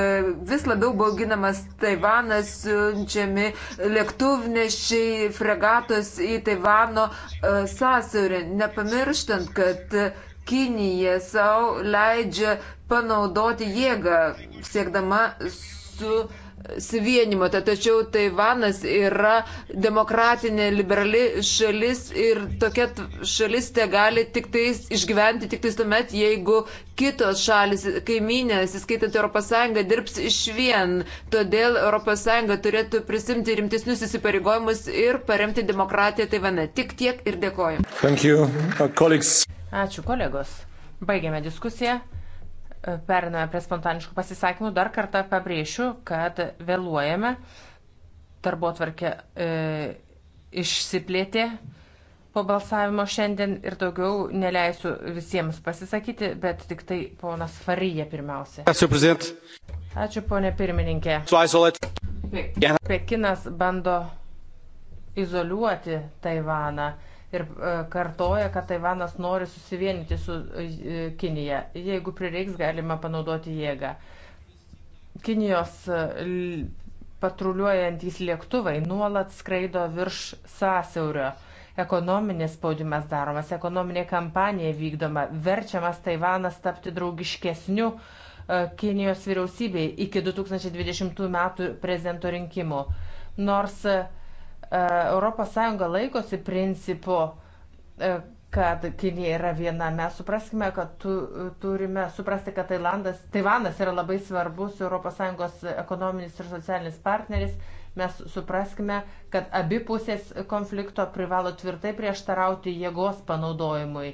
vis labiau bauginamas Taivanas, siunčiami lėktuvnešiai, fregatos į Taivano sąsiaurį, nepamirštant, kad Kinija savo leidžia panaudoti jėgą, siekdama su suvienimo. Tačiau Taivanas yra demokratinė, liberali šalis ir tokia šalis te gali tik tais išgyventi tik tais tuomet, jeigu kitos šalis, kaiminės, įskaitant ES, dirbs iš vien. Todėl ES turėtų prisimti rimtesnius įsipareigojimus ir paremti demokratiją Taivane. Tik tiek ir dėkoju. Uh, Ačiū kolegos. Baigėme diskusiją. Periname prie spontaniškų pasisakymų. Dar kartą pabrėšiu, kad vėluojame. Darbo tvarkė e, išsiplėtė po balsavimo šiandien ir daugiau neleisiu visiems pasisakyti, bet tik tai ponas Farija pirmiausia. Ačiū, prezident. Ačiū, ponė pirmininkė. Pekinas bando izoliuoti Taivaną ir e, kartoja, kad Taivanas nori susivienyti su e, Kinija. Jeigu prireiks, galima panaudoti jėgą. Kinijos e, patruliuojantys lėktuvai nuolat skraido virš sąsiaurio. Ekonominis spaudimas daromas, ekonominė kampanija vykdoma, verčiamas Taivanas tapti draugiškesniu Kinijos vyriausybei iki 2020 metų prezidento rinkimų. Nors uh, ES laikosi principu, e, kad Kinija yra viena. Mes supraskime, kad tu, turime suprasti, kad Tailandas, Taivanas yra labai svarbus ES ekonominis ir socialinis partneris. Mes supraskime, kad abi pusės konflikto privalo tvirtai prieštarauti jėgos panaudojimui.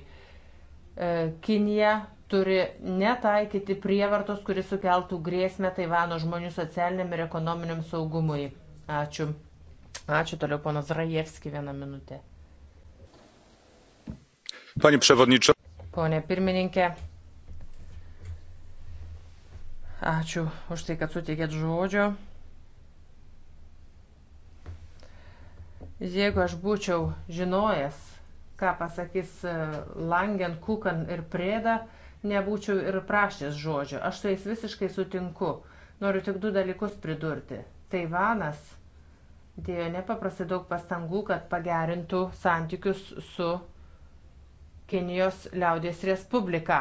E, Kinija turi netaikyti prievartos, kuris sukeltų grėsmę Taivano žmonių socialiniam ir ekonominiam saugumui. Ačiū. Ačiū toliau, ponas Rajevski, vieną minutę. Panie Przewodniczący. Pone pirmininkė, ačiū už tai, kad suteikėt žodžio. Jeigu aš būčiau žinojęs, ką pasakys e, Langen, Kukan ir Prėda, nebūčiau ir prašęs žodžio. Aš su jais visiškai sutinku. Noriu tik du dalykus pridurti. Taivanas dėjo nepaprastai daug pastangų, kad pagerintų santykius su Kinijos liaudės Respublika.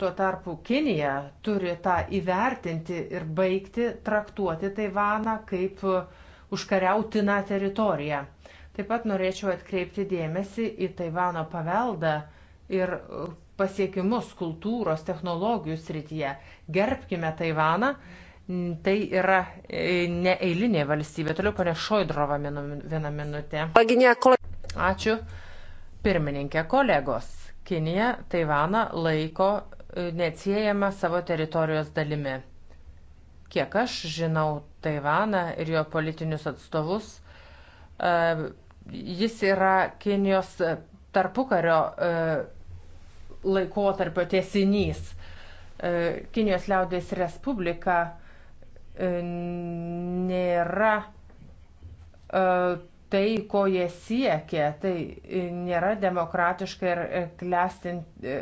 Tuo tarpu Kinija turi tą įvertinti ir baigti traktuoti Taivaną kaip užkariautiną teritoriją. Taip pat norėčiau atkreipti dėmesį į Taivano paveldą ir pasiekimus kultūros, technologijų srityje. Gerbkime Taivaną Tai yra e, neeilinė valstybė. Toliau ponė Šoidrova vieną minutę. Ačiū. Pirmininkė, kolegos. Kinija Taivaną laiko e, neatsiejama savo teritorijos dalimi. Kiek aš žinau Taivaną ir jo politinius atstovus, e, jis yra Kinijos tarpukario laikotarpio tiesinys. Kinijos liaudės Respublika E, nėra e, tai, ko jie siekia. Tai e, nėra demokratiška ir klestinti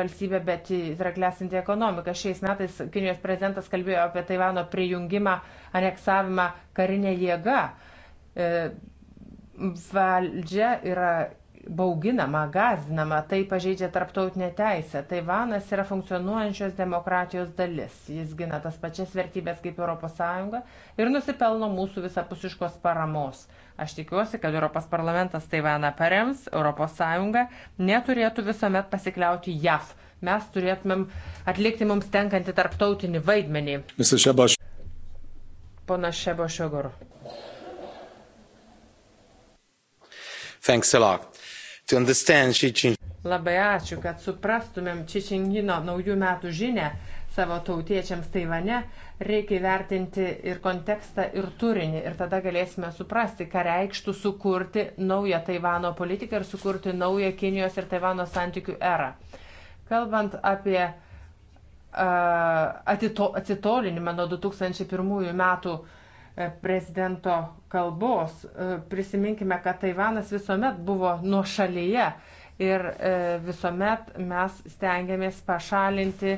valstybė, bet yra klestinti ekonomika. Šiais metais Kinijos prezidentas kalbėjo apie Taivano prijungimą, aneksavimą karinė jėga. Valdžia yra bauginama, gazdinama, tai pažeidžia tarptautinę teisę. Taivanas yra funkcionuojančios demokratijos dalis. Jis gina tas pačias vertybės kaip ES ir nusipelno mūsų visapusiškos paramos. Aš tikiuosi, kad Europos parlamentas Taivaną parems, ES neturėtų visuomet pasikliauti JAV. Mes turėtumėm atlikti mums tenkantį tarptautinį vaidmenį. Pana Šebošiogur. Thanks a lot. Labai ačiū, kad suprastumėm Čišingino naujų metų žinę savo tautiečiams Taivane. Reikia vertinti ir kontekstą, ir turinį. Ir tada galėsime suprasti, ką reikštų sukurti naują Taivano politiką ir sukurti naują Kinijos ir Taivano santykių erą. Kalbant apie uh, atito, atsitolinimą nuo 2001 metų E, prezidento kalbos. E, prisiminkime, kad Taivanas visuomet buvo nuo šalyje ir e, visuomet mes stengiamės pašalinti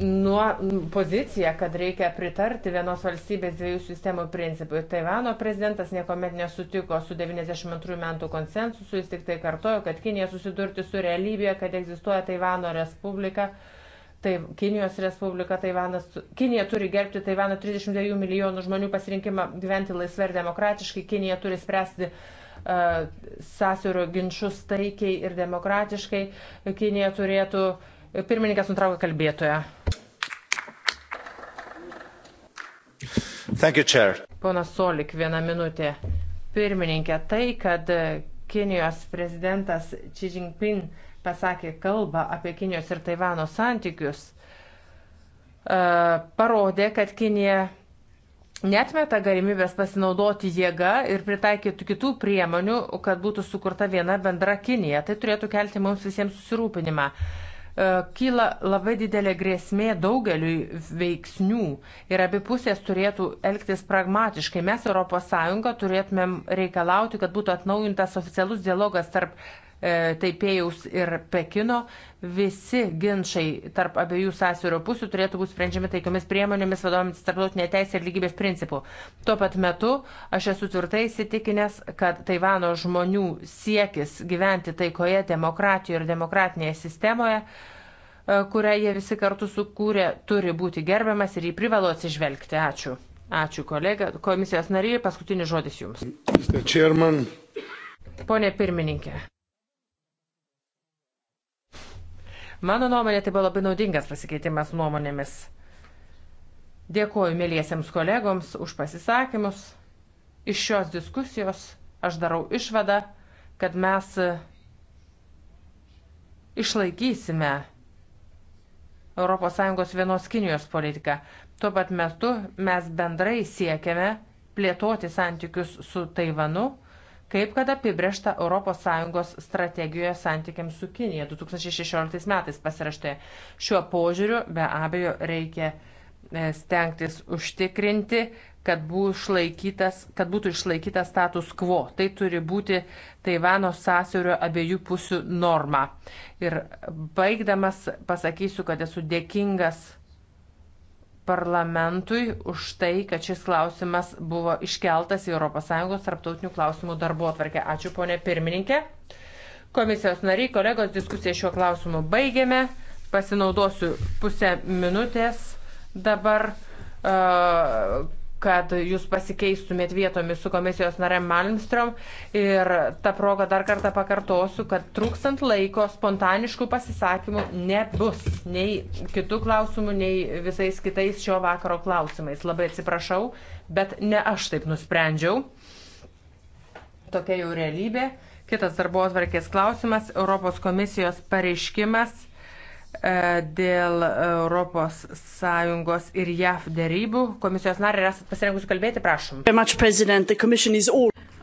nuo poziciją, kad reikia pritarti vienos valstybės dviejų sistemų principui. Taivano prezidentas niekuomet nesutiko su 92 metų konsensusu, jis tik tai kartojo, kad Kinija susidurti su realybė, kad egzistuoja Taivano Respublika Tai Kinijos Respublika, Taivanas, Kinija turi gerbti Taivano 32 milijonų žmonių pasirinkimą gyventi laisvai ir demokratiškai. Kinija turi spręsti uh, sąsiaurio ginčius taikiai ir demokratiškai. Kinija turėtų. Pirmininkas nutraukė kalbėtoją. You, Ponas Solik, vieną minutę. Pirmininkė, tai, kad Kinijos prezidentas Xi Jinping pasakė kalbą apie Kinijos ir Taivano santykius, e, parodė, kad Kinija netmeta galimybės pasinaudoti jėga ir pritaikyti kitų priemonių, kad būtų sukurta viena bendra Kinija. Tai turėtų kelti mums visiems susirūpinimą. E, kyla labai didelė grėsmė daugeliui veiksnių ir abi pusės turėtų elgtis pragmatiškai. Mes ES turėtumėm reikalauti, kad būtų atnaujintas oficialus dialogas tarp E, Taipėjaus ir Pekino. Visi ginčiai tarp abiejų sąsirio pusių turėtų būti sprendžiami taikiomis priemonėmis, vadovomis tarptautinė teisė ir lygybės principų. Tuo pat metu aš esu tvirtai įsitikinęs, kad Taivano žmonių siekis gyventi taikoje demokratijoje ir demokratinėje sistemoje, e, kurią jie visi kartu sukūrė, turi būti gerbiamas ir jį privalo atsižvelgti. Ačiū. Ačiū, kolega. Komisijos nariai, paskutinis žodis jums. Mr. Chairman. Pone pirmininkė. Mano nuomonė tai buvo labai naudingas pasikeitimas nuomonėmis. Dėkuoju mėlyjasiems kolegoms už pasisakymus. Iš šios diskusijos aš darau išvadą, kad mes e, išlaikysime ES vienos Kinijos politiką. Tuo pat metu mes bendrai siekiame plėtoti santykius su Taivanu kaip kad apibriešta ES strategijoje santykiams su Kinija 2016 metais pasiraštoje. Šiuo požiūriu be abejo reikia e, stengtis užtikrinti, kad, kad būtų išlaikytas status quo. Tai turi būti Taivano sąsiaurio abiejų pusių norma. Ir baigdamas pasakysiu, kad esu dėkingas parlamentui už tai, kad šis klausimas buvo iškeltas į ES tarptautinių klausimų darbo atvarkę. Ačiū, ponė pirmininkė. Komisijos nariai, kolegos, diskusiją šiuo klausimu baigėme. Pasinaudosiu pusę minutės dabar. Uh, kad jūs pasikeistumėt vietomis su komisijos narėm Malmstrom. Ir tą progą dar kartą pakartosiu, kad trūkstant laiko spontaniškų pasisakymų nebus nei kitų klausimų, nei visais kitais šio vakaro klausimais. Labai atsiprašau, bet ne aš taip nusprendžiau. Tokia jau realybė. Kitas darbo atvarkės klausimas - Europos komisijos pareiškimas E, dėl ES ir JAF dėrybų. Komisijos narė, esate pasirengusi kalbėti, prašom.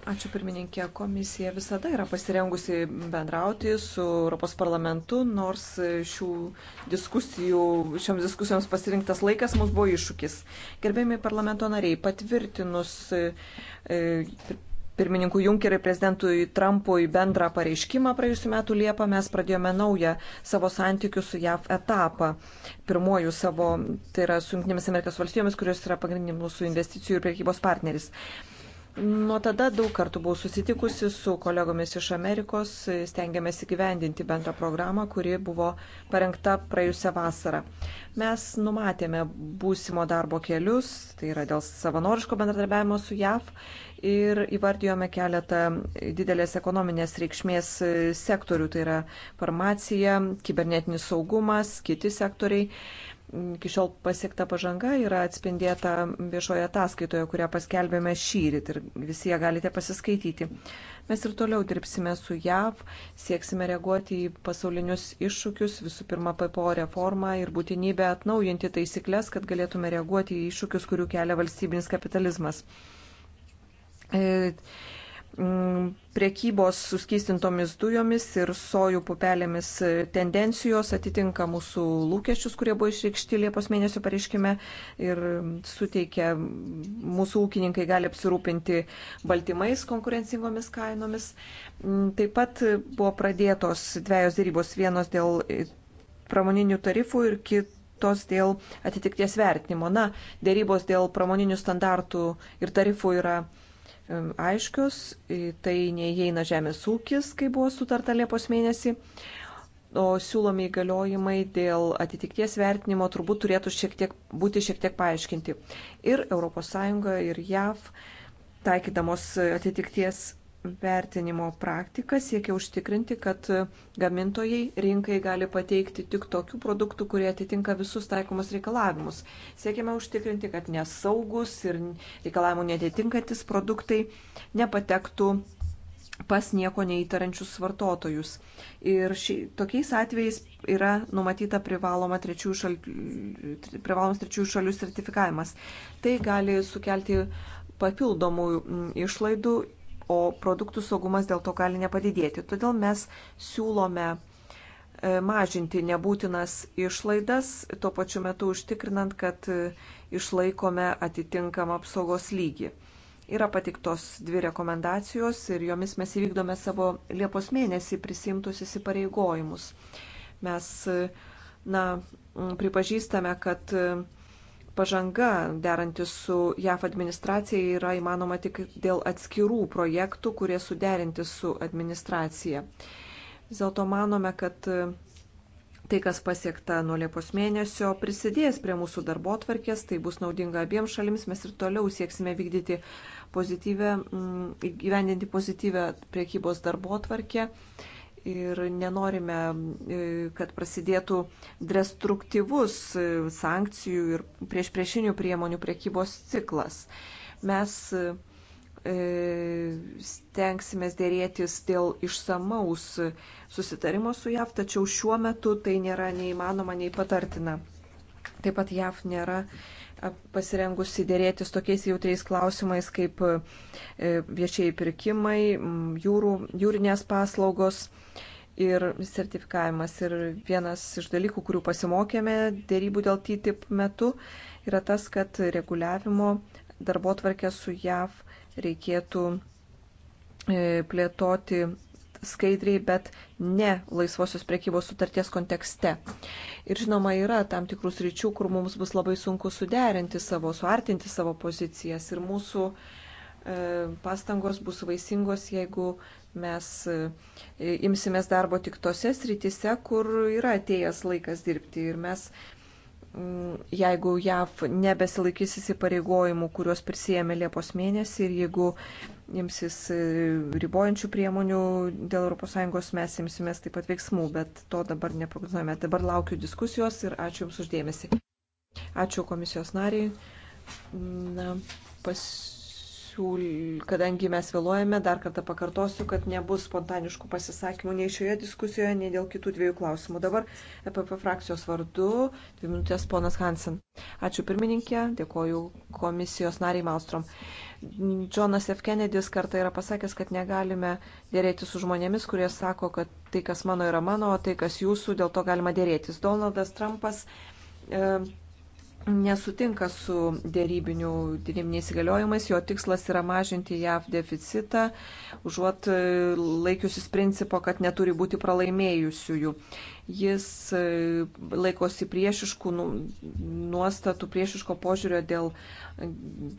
Ačiū pirmininkė, komisija visada yra pasirengusi bendrauti su Europos parlamentu, nors šių diskusijų, šioms diskusijoms pasirinktas laikas mums buvo iššūkis. Gerbėjami parlamento nariai, patvirtinus e, pirmininkui Junkeriui, prezidentui Trumpui bendrą pareiškimą praėjusiu metu Liepą, mes pradėjome naują savo santykių su JAV etapą. Pirmojų savo, tai yra su Junktinėmis Amerikos valstybėmis, kurios yra pagrindinė mūsų investicijų ir priekybos partneris. Nuo tada daug kartų buvau susitikusi su kolegomis iš Amerikos, stengiamės įgyvendinti bendrą programą, kuri buvo parengta praėjusią vasarą. Mes numatėme būsimo darbo kelius, tai yra dėl savanoriško bendradarbiavimo su JAV ir įvardijome keletą didelės ekonominės reikšmės e, sektorių, tai yra farmacija, kibernetinis saugumas, kiti sektoriai. Mm, iki šiol pasiekta pažanga yra atspindėta viešoje ataskaitoje, kurią paskelbėme šyrit ir visi ją galite pasiskaityti. Mes ir toliau dirbsime su JAV, sieksime reaguoti į pasaulinius iššūkius, visų pirma PPO reformą ir būtinybę atnaujinti taisyklės, kad galėtume reaguoti į iššūkius, kurių kelia valstybinis kapitalizmas. E, priekybos suskystintomis dujomis ir sojų pupelėmis tendencijos atitinka mūsų lūkesčius, kurie buvo išreikšti Liepos mėnesio pareiškime ir suteikia mūsų ūkininkai gali apsirūpinti baltymais konkurencingomis kainomis. Taip pat buvo pradėtos dviejos dėrybos vienos dėl pramoninių tarifų ir kitų tos dėl atitikties vertinimo. Na, dėrybos dėl pramoninių standartų ir tarifų yra aiškius, tai neįeina žemės ūkis, kai buvo sutarta Liepos mėnesį, o siūlomi įgaliojimai dėl atitikties vertinimo turbūt turėtų šiek tiek, būti šiek tiek paaiškinti. Ir ES ir JAV taikydamos atitikties vertinimo praktika siekia užtikrinti, kad gamintojai rinkai gali pateikti tik tokių produktų, kurie atitinka visus taikomus reikalavimus. Siekiame užtikrinti, kad nesaugus ir reikalavimų netitinkantis produktai nepatektų pas nieko neįtarančius vartotojus. Ir ši, tokiais atvejais yra numatyta privaloma trečių šal, privalomas trečiųjų šalių sertifikavimas. Tai gali sukelti papildomų išlaidų o produktų saugumas dėl to gali nepadidėti. Todėl mes siūlome e, mažinti nebūtinas išlaidas, tuo pačiu metu užtikrinant, kad e, išlaikome atitinkamą apsaugos lygį. Yra patiktos dvi rekomendacijos ir jomis mes įvykdome savo Liepos mėnesį prisimtus įsipareigojimus. Mes e, na, pripažįstame, kad pažanga derantis su JAF administracija yra įmanoma tik dėl atskirų projektų, kurie suderinti su administracija. Vis dėlto manome, kad tai, kas pasiekta nuo Liepos mėnesio, prisidės prie mūsų darbo atvarkės, tai bus naudinga abiems šalims, mes ir toliau sieksime vykdyti pozityvę, mm, įgyvendinti pozityvę priekybos darbo atvarkę. Mm, ir nenorime, e, kad prasidėtų destruktyvus e, sankcijų ir prieš priešinių priemonių priekybos ciklas. Mes e, stengsimės dėrėtis dėl išsamaus susitarimo su JAV, tačiau šiuo metu tai nėra neįmanoma, nei patartina. Taip pat JAV nėra pasirengusi dėrėtis tokiais jautriais klausimais kaip e, viešieji pirkimai, jūrų, jūrinės paslaugos ir sertifikavimas. Ir vienas iš dalykų, kurių pasimokėme dėrybų dėl TTIP metu, yra tas, kad reguliavimo darbo tvarkę su JAV reikėtų e, plėtoti skaidriai, bet ne laisvosios priekybos sutarties kontekste. Ir žinoma, yra tam tikrus ryčių, kur mums bus labai sunku suderinti savo, suartinti savo pozicijas ir mūsų e, pastangos bus vaisingos, jeigu mes e, imsimės darbo tik tose srityse, kur yra atėjęs laikas dirbti. Ir mes Mm, jeigu JAV nebesilaikys įsipareigojimų, kuriuos prisijėmė Liepos mėnesį ir jeigu imsis e, ribojančių priemonių dėl ES, mes imsimės taip pat veiksmų, bet to dabar neprognozuojame. Dabar laukiu diskusijos ir ačiū Jums uždėmesi. Ačiū komisijos nariai. Na, pas siūl... kadangi mes vėluojame, dar kartą pakartosiu, kad nebus spontaniškų pasisakymų nei šioje diskusijoje, nei dėl kitų dviejų klausimų. Dabar EPP frakcijos vardu, dvi minutės ponas Hansen. Ačiū pirmininkė, dėkoju komisijos nariai Malstrom. Džonas F. Kennedys kartą yra pasakęs, kad negalime dėrėti su žmonėmis, kurie sako, kad tai, kas mano, yra mano, o tai, kas jūsų, dėl to galima dėrėtis. Donaldas Trumpas. E, nesutinka su dėrybiniais įgaliojimais, jo tikslas yra mažinti JAV deficitą, užuot e, laikiusis principo, kad neturi būti pralaimėjusiųjų. Jis e, laikosi priešiškų nu, nuostatų, priešiško požiūrio dėl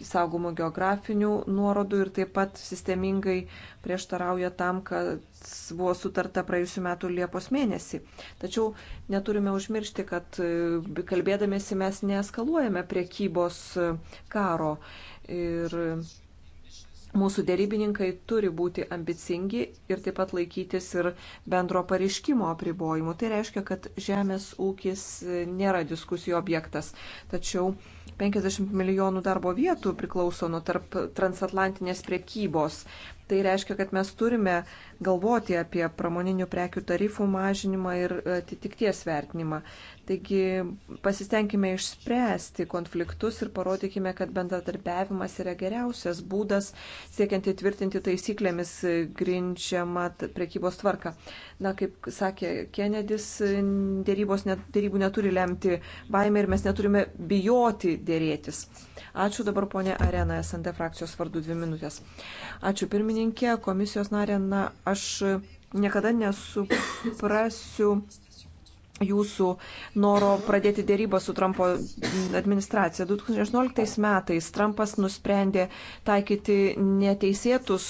saugomų geografinių nuorodų ir taip pat sistemingai prieštarauja tam, kad buvo sutarta praėjusiu metu Liepos mėnesį. Tačiau neturime užmiršti, kad e, kalbėdamėsi mes neeskaluojame priekybos e, karo. Ir mūsų dėrybininkai turi būti ambicingi ir taip pat laikytis ir bendro pareiškimo apribojimų. Tai reiškia, kad žemės ūkis nėra diskusijų objektas. Tačiau 50 milijonų darbo vietų priklauso nuo tarp transatlantinės priekybos. Tai reiškia, kad mes turime galvoti apie pramoninių prekių tarifų mažinimą ir atitikties vertinimą. Taigi pasistengime išspręsti konfliktus ir parodykime, kad bendradarbiavimas yra geriausias būdas siekiant įtvirtinti taisyklėmis grindžiamą prekybos tvarką. Na, kaip sakė Kenedis, net, dėrybų neturi lemti baimė ir mes neturime bijoti dėrėtis. Ačiū dabar ponė Arena, SND frakcijos vardu dvi minutės. Ačiū pirmininkė, komisijos narė, na, aš niekada nesuprasiu jūsų noro pradėti dėrybą su Trumpo administracija. 2018 metais Trumpas nusprendė taikyti neteisėtus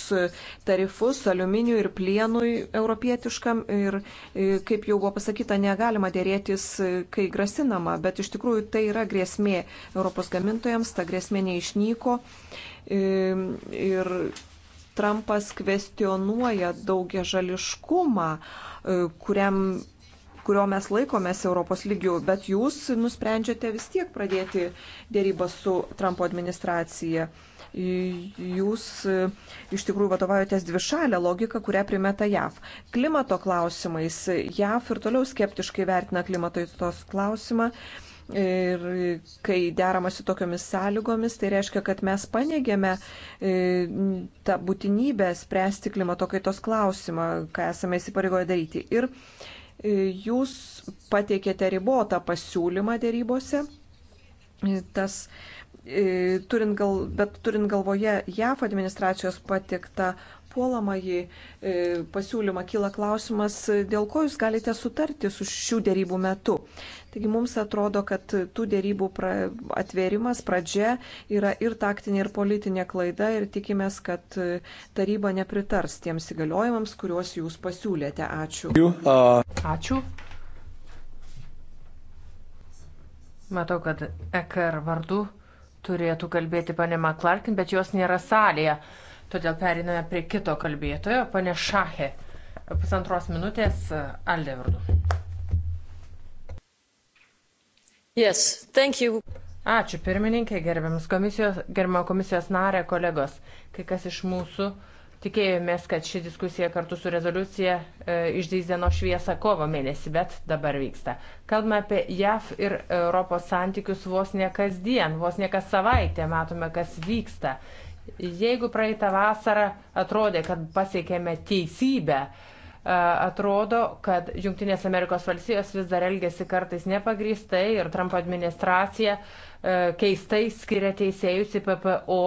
tarifus aliuminiui ir plienui europietiškam ir, e, kaip jau buvo pasakyta, negalima dėrėtis, e, kai grasinama, bet iš tikrųjų tai yra grėsmė Europos gamintojams, ta grėsmė neišnyko. E, ir Trumpas kvestionuoja daugia žališkumą, kuriam kurio mes laikomės Europos lygių, bet jūs nusprendžiate vis tiek pradėti dėrybą su Trumpo administracija. Jūs e, iš tikrųjų vadovaujatės dvišalę logiką, kurią primeta JAV. Klimato klausimais JAV ir toliau skeptiškai vertina klimato įtos klausimą. Ir kai deramasi tokiomis sąlygomis, tai reiškia, kad mes panegėme e, tą būtinybę spręsti klimato kaitos klausimą, ką esame įsipareigoję daryti. Ir Jūs pateikėte ribotą pasiūlymą dėrybose. Tas, e, turint gal, bet turint galvoje JAF administracijos patiktą puolamąjį e, pasiūlymą, kyla klausimas, dėl ko jūs galite sutarti su šių dėrybų metu. Taigi mums atrodo, kad tų dėrybų pra, atvėrimas pradžia yra ir taktinė, ir politinė klaida ir tikimės, kad taryba nepritars tiems įgaliojimams, kuriuos jūs pasiūlėte. Ačiū. Ačiū. Matau, kad EKR vardu turėtų kalbėti panė Maklarkin, bet jos nėra salėje. Todėl periname prie kito kalbėtojo, panė Šahė. Pusantros minutės Alde vardu. Yes, thank you. Ačiū pirmininkė, gerbiamas komisijos, gerbiamo komisijos narė, kolegos. Kai kas iš mūsų tikėjomės, kad ši diskusija kartu su rezoliucija e, išdys dienos šviesą kovo mėnesį, bet dabar vyksta. Kalbame apie JAV ir Europos santykius vos ne kasdien, vos ne kas savaitę matome, kas vyksta. Jeigu praeitą vasarą atrodė, kad pasiekėme teisybę, atrodo, kad Junktinės Amerikos valstijos vis dar elgesi kartais nepagrįstai ir Trumpo administracija e, keistai skiria teisėjus į PPO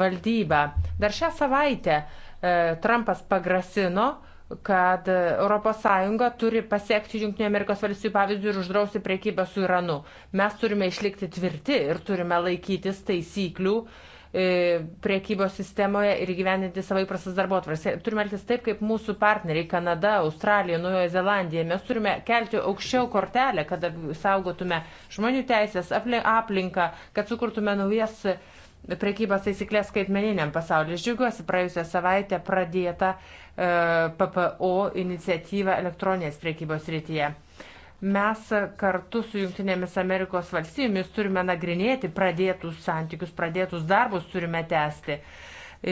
valdybą. Dar šią savaitę e, Trumpas pagrasino, kad ES turi pasiekti JAV pavyzdžių ir uždrausti priekybę su Iranu. Mes turime išlikti tvirti ir turime laikytis taisyklių uh, E, priekybos sistemoje ir gyveninti savo įprastas darbo atvarsę. E, turime elgtis taip, kaip mūsų partneriai Kanada, Australija, Naujoje Zelandija. Mes turime kelti aukščiau kortelę, kad saugotume žmonių teisės, aplinką, kad sukurtume naujas priekybos taisyklės skaitmeniniam pasauliu. Aš džiaugiuosi praėjusią savaitę pradėtą e, PPO iniciatyvą elektroninės priekybos rytyje mes kartu su Junktinėmis Amerikos valstybėmis turime nagrinėti pradėtus santykius, pradėtus darbus turime tęsti.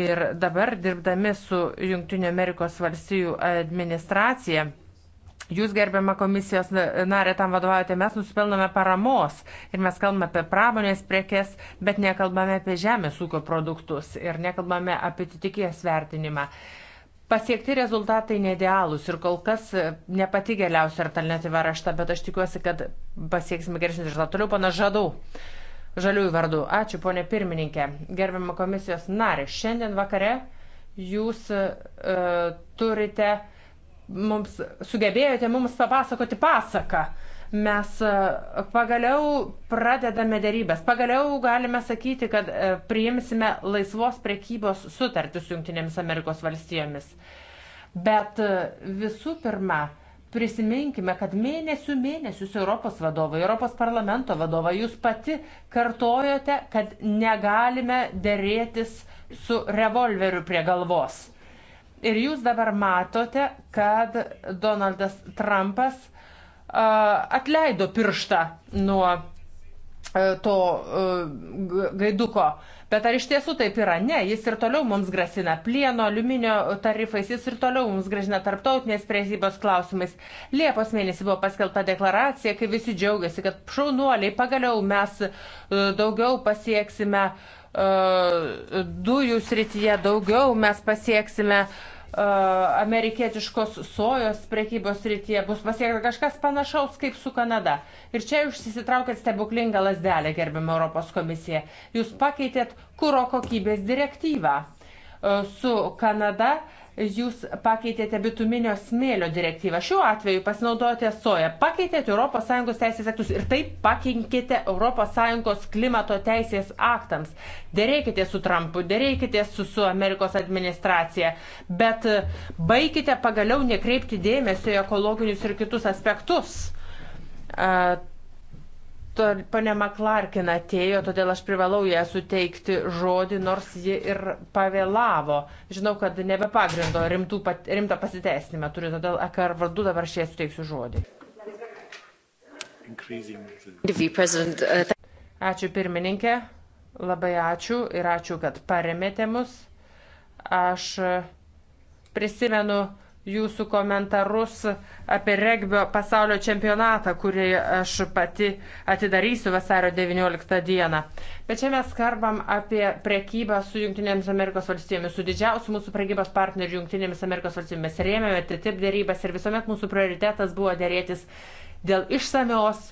Ir dabar dirbdami su Junktinio Amerikos valstybių administracija, jūs gerbiama komisijos narė tam vadovaujate, mes nusipelnome paramos ir mes kalbame apie pramonės prekes, bet nekalbame apie žemės ūkio produktus ir nekalbame apie atitikės vertinimą. Uh, Pasiekti rezultatai neidealūs ir kol kas e, ne pati geriausia alternatyva rašta, bet aš tikiuosi, kad pasieksime geresnį rezultatą. Toliau pana Žadau, žaliųjų vardų. Ačiū, ponė pirmininkė. Gerbiama komisijos narė, šiandien vakare jūs uh, turite mums, sugebėjote mums papasakoti pasaką. Uh, mes e, pagaliau pradedame dėrybęs, pagaliau galime sakyti, kad e, priimsime laisvos prekybos sutartį su Junktinėmis Amerikos valstijomis. Bet e, visų pirma, prisiminkime, kad mėnesių mėnesius Europos vadovai, Europos parlamento vadovai, jūs pati kartojote, kad negalime dėrėtis su revolveriu prie galvos. Ir jūs dabar matote, kad Donaldas Trumpas uh, atleido pirštą nuo to gaiduko. Bet ar iš tiesų taip yra? Ne, jis ir toliau mums grasina plieno, aliuminio tarifais, jis ir toliau mums grasina tarptautinės priesybos klausimais. Liepos mėnesį buvo paskelbta deklaracija, kai visi džiaugiasi, kad šaunuoliai pagaliau mes daugiau pasieksime dujų srityje, daugiau mes pasieksime uh, amerikietiškos sojos prekybos rytyje bus pasiekta kažkas panašaus kaip su Kanada. Ir čia jūs įsitraukėt stebuklingą lasdelę, gerbiamą Europos komisiją. Jūs pakeitėt kūro kokybės direktyvą. Su Kanada jūs pakeitėte bituminio smėlio direktyvą. Šiuo atveju pasinaudojote soją, pakeitėte ES teisės aktus ir taip pakenkėte ES klimato teisės aktams. Dėrėkite su Trumpu, dėrėkite su, su Amerikos administracija, bet baikite pagaliau nekreipti dėmesio į ekologinius ir kitus aspektus. Uh, Pane Maklarkin atėjo, todėl aš privalau ją suteikti žodį, nors ji ir pavėlavo. Žinau, kad nebe pagrindo rimtų, rimtą pasiteisinimą turi, todėl ekar vardu dabar šiai suteiksiu žodį. Uh, ačiū pirmininkė, labai ačiū ir ačiū, kad paremėte mus. Aš uh, prisimenu, jūsų komentarus apie regbio pasaulio čempionatą, kurį aš pati atidarysiu vasario 19 dieną. Bet čia mes kalbam apie prekybą su Junktinėmis Amerikos valstybėmis, su didžiausiu mūsų prekybos partneriu Junktinėmis Amerikos valstybėmis. Rėmėme TTIP dėrybas ir visuomet mūsų prioritetas buvo dėrėtis dėl išsamios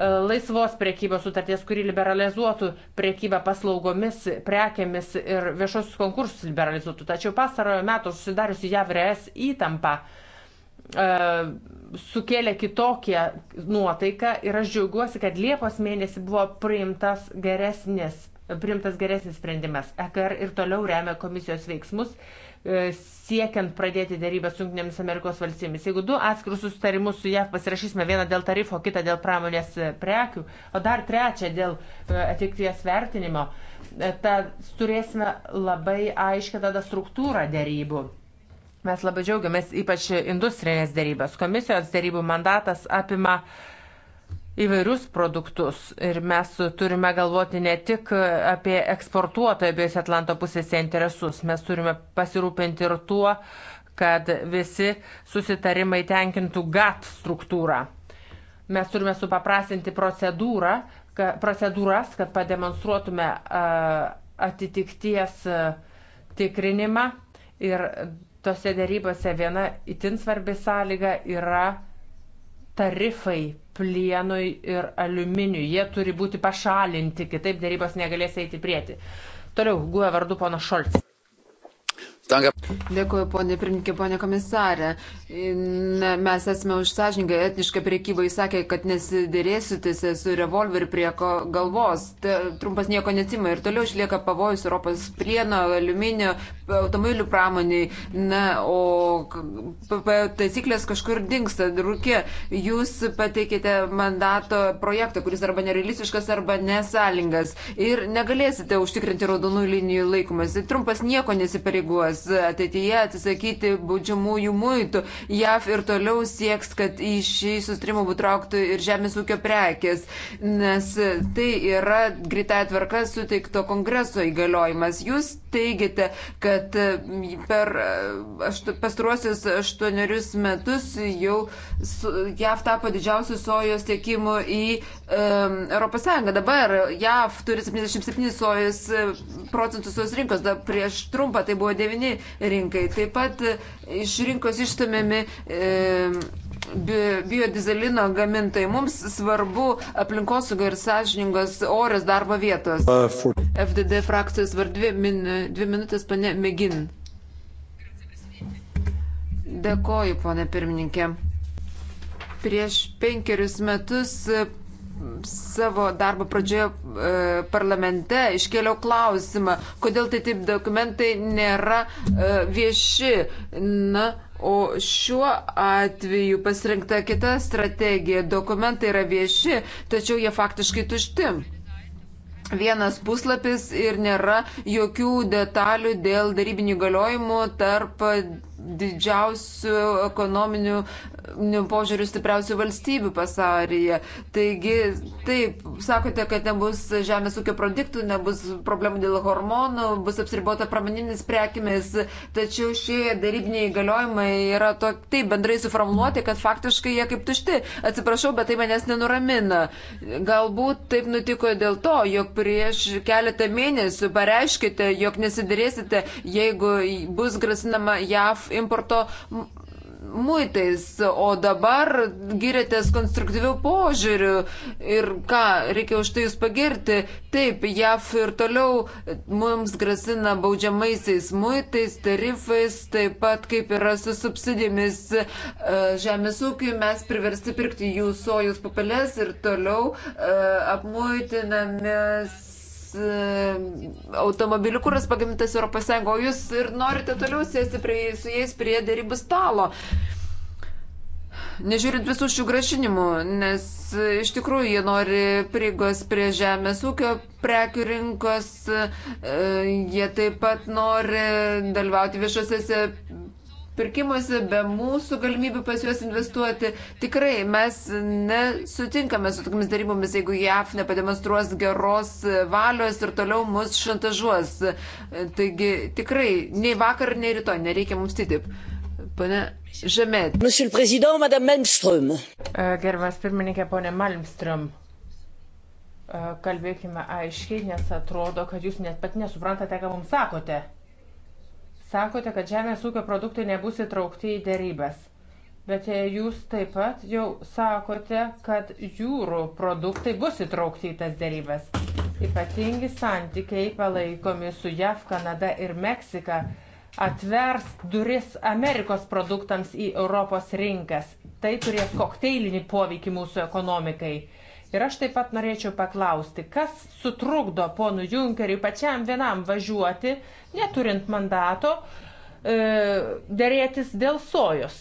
E, laisvos priekybos sutarties, kuri liberalizuotų priekybą paslaugomis, prekiamis ir viešosius konkursus liberalizuotų. Tačiau pastarojo metu susidariusi JAV ir ES įtampa e, sukėlė kitokią nuotaiką ir aš džiaugiuosi, kad Liepos mėnesį buvo priimtas geresnis, priimtas geresnis sprendimas. EKR ir toliau remia komisijos veiksmus E, siekiant pradėti dėrybę su Junktinėmis Amerikos valstybėmis. Jeigu du atskirus sustarimus su JAV pasirašysime, vieną dėl tarifo, kitą dėl pramonės e, prekių, o dar trečią dėl e, atlikties vertinimo, tad turėsime labai aiškę tada struktūrą dėrybų. Mes labai džiaugiamės, ypač industrinės dėrybės. Komisijos dėrybų mandatas apima uh, įvairius produktus ir mes turime galvoti ne tik apie eksportuotojų abiejose Atlanto pusėse interesus, mes turime pasirūpinti ir tuo, kad visi susitarimai tenkintų GATT struktūrą. Mes turime supaprastinti procedūrą, ka, procedūras, kad pademonstruotume atitikties tikrinimą ir tose dėrybose viena itin svarbi sąlyga yra tarifai plienui ir aliuminiui. Jie turi būti pašalinti, kitaip darybos negalės eiti prieki. Toliau, guoja vardu pono Šolcis. Dėkuoju, ponė pirmininkė, ponė komisarė. Mes esame už sąžininką etnišką priekybą. Jis sakė, kad nesidėrėsitėse su revolveriu prie galvos. Ta, trumpas nieko neatsima ir toliau išlieka pavojus Europos plieno, aliuminio, automobilių pramoniai. Na, o taisyklės kažkur dinksta. Rūkė, jūs pateikite mandato projektą, kuris arba nerealistiškas, arba nesalingas. Ir negalėsite užtikrinti raudonų linijų laikomasi. Trumpas nieko nesipareiguos sąjungos ateityje atsisakyti baudžiamųjų muitų. JAV ir toliau sieks, kad į šį sustrimą būtų trauktų ir žemės ūkio prekės, nes tai yra greitai atvarka suteikto kongreso įgaliojimas. Jūs teigiate, kad per e, pastaruosius aštuonerius metus jau JAV tapo didžiausių sojos tiekimų į um, ES. Dabar JAV turi 77 sojos e, procentus tos rinkos, da, prieš trumpą tai buvo 9 atitinkami rinkai. Taip pat iš rinkos ištumiami e, biodizelino gamintojai. Mums svarbu aplinkosauga ir sąžiningos orios darbo vietos. Uh, FDD frakcijos vardvi min, dvi minutės pane Megin. Dėkoju, ponė pirmininkė. Prieš penkerius metus savo darbo pradžioje e, parlamente iškėliau klausimą, kodėl tai taip dokumentai nėra e, vieši. Na, O šiuo atveju pasirinkta kita strategija. Dokumentai yra vieši, tačiau jie faktiškai tušti. Vienas puslapis ir nėra jokių detalių dėl darybinių galiojimų tarp didžiausių ekonominių nu, požiūrių stipriausių valstybių pasaulyje. Taigi, taip, sakote, kad nebus žemės ūkio produktų, nebus problemų dėl hormonų, bus apsiribota pramoninis prekimis, tačiau šie darybiniai įgaliojimai yra to, taip bendrai suformuoluoti, kad faktiškai jie kaip tušti. Atsiprašau, bet tai manęs nenuramina. Galbūt taip nutiko dėl to, jog prieš keletą mėnesių pareiškite, jog nesidarėsite, jeigu bus grasinama JAV importo muitais, o dabar gyrėtės konstruktyvių požiūrių ir ką, reikia už tai jūs pagirti. Taip, JAF ir toliau mums grasina baudžiamaisiais muitais, tarifais, taip pat kaip yra su subsidijomis e, žemės ūkiui, mes priversti pirkti jų sojus papelės ir toliau e, apmuitinamis E, automobilių kuras pagamintas ES, o jūs ir norite toliau sėsti prie, su jais prie dėrybų stalo. Nežiūrint visų šių grašinimų, nes iš tikrųjų jie nori prigos prie žemės ūkio prekių rinkos, e, jie taip pat nori dalyvauti viešosiuose pirkimuose, be mūsų galimybių pas juos investuoti. Tikrai mes nesutinkame su tokiamis darybomis, jeigu JAF nepademonstruos geros valios ir toliau mus šantažuos. Taigi tikrai nei vakar, nei rytoj nereikia mums taip. Pane Žemėt. Monsieur le Président, Madame Malmström. E, gerbiamas pirmininkė, ponė Malmström e, kalbėkime aiškiai, nes atrodo, kad jūs net pat nesuprantate, ką mums sakote. Sakote, kad žemės ūkio produktai nebus įtraukti į dėrybas. Bet e, jūs taip pat jau sakote, kad jūrų produktai bus įtraukti į tas dėrybas. Ypatingi santykiai palaikomi su JAV, Kanada ir Meksika atvers duris Amerikos produktams į Europos rinkas. Tai turės kokteilinį poveikį mūsų ekonomikai. Ir aš taip pat norėčiau paklausti, kas sutrukdo ponų Junkeriui pačiam vienam važiuoti, neturint mandato, e, dėrėtis dėl sojos.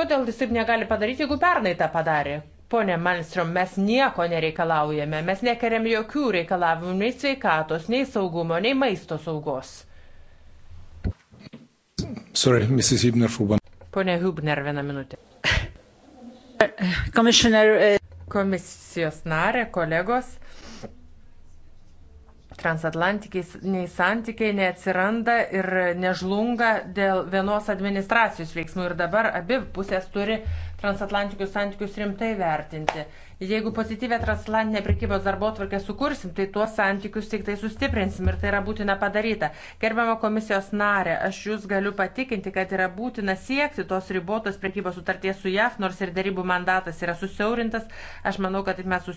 Kodėl jis taip negali padaryti, jeigu pernai tą padarė? Pone Malmström, mes nieko nereikalaujame, mes nekeriam jokių reikalavimų nei sveikatos, nei saugumo, nei maisto saugos. Sorry, Mrs. Hübner, for one. Pone Hübner, vieną minutę. Commissioner, uh komisijos narė, kolegos, transatlantiniai santykiai neatsiranda ir nežlunga dėl vienos administracijos veiksmų ir dabar abi pusės turi transatlantinius santykius rimtai vertinti. Jeigu pozityvę transatlantinę prekybos darbo tvarkę sukursim, tai tuos santykius tik tai sustiprinsim ir tai yra būtina padaryta. Gerbiamo komisijos narė, aš jūs galiu patikinti, kad yra būtina siekti tos ribotos prekybos sutarties su JAF, nors ir darybų mandatas yra susiaurintas. Aš manau, kad mes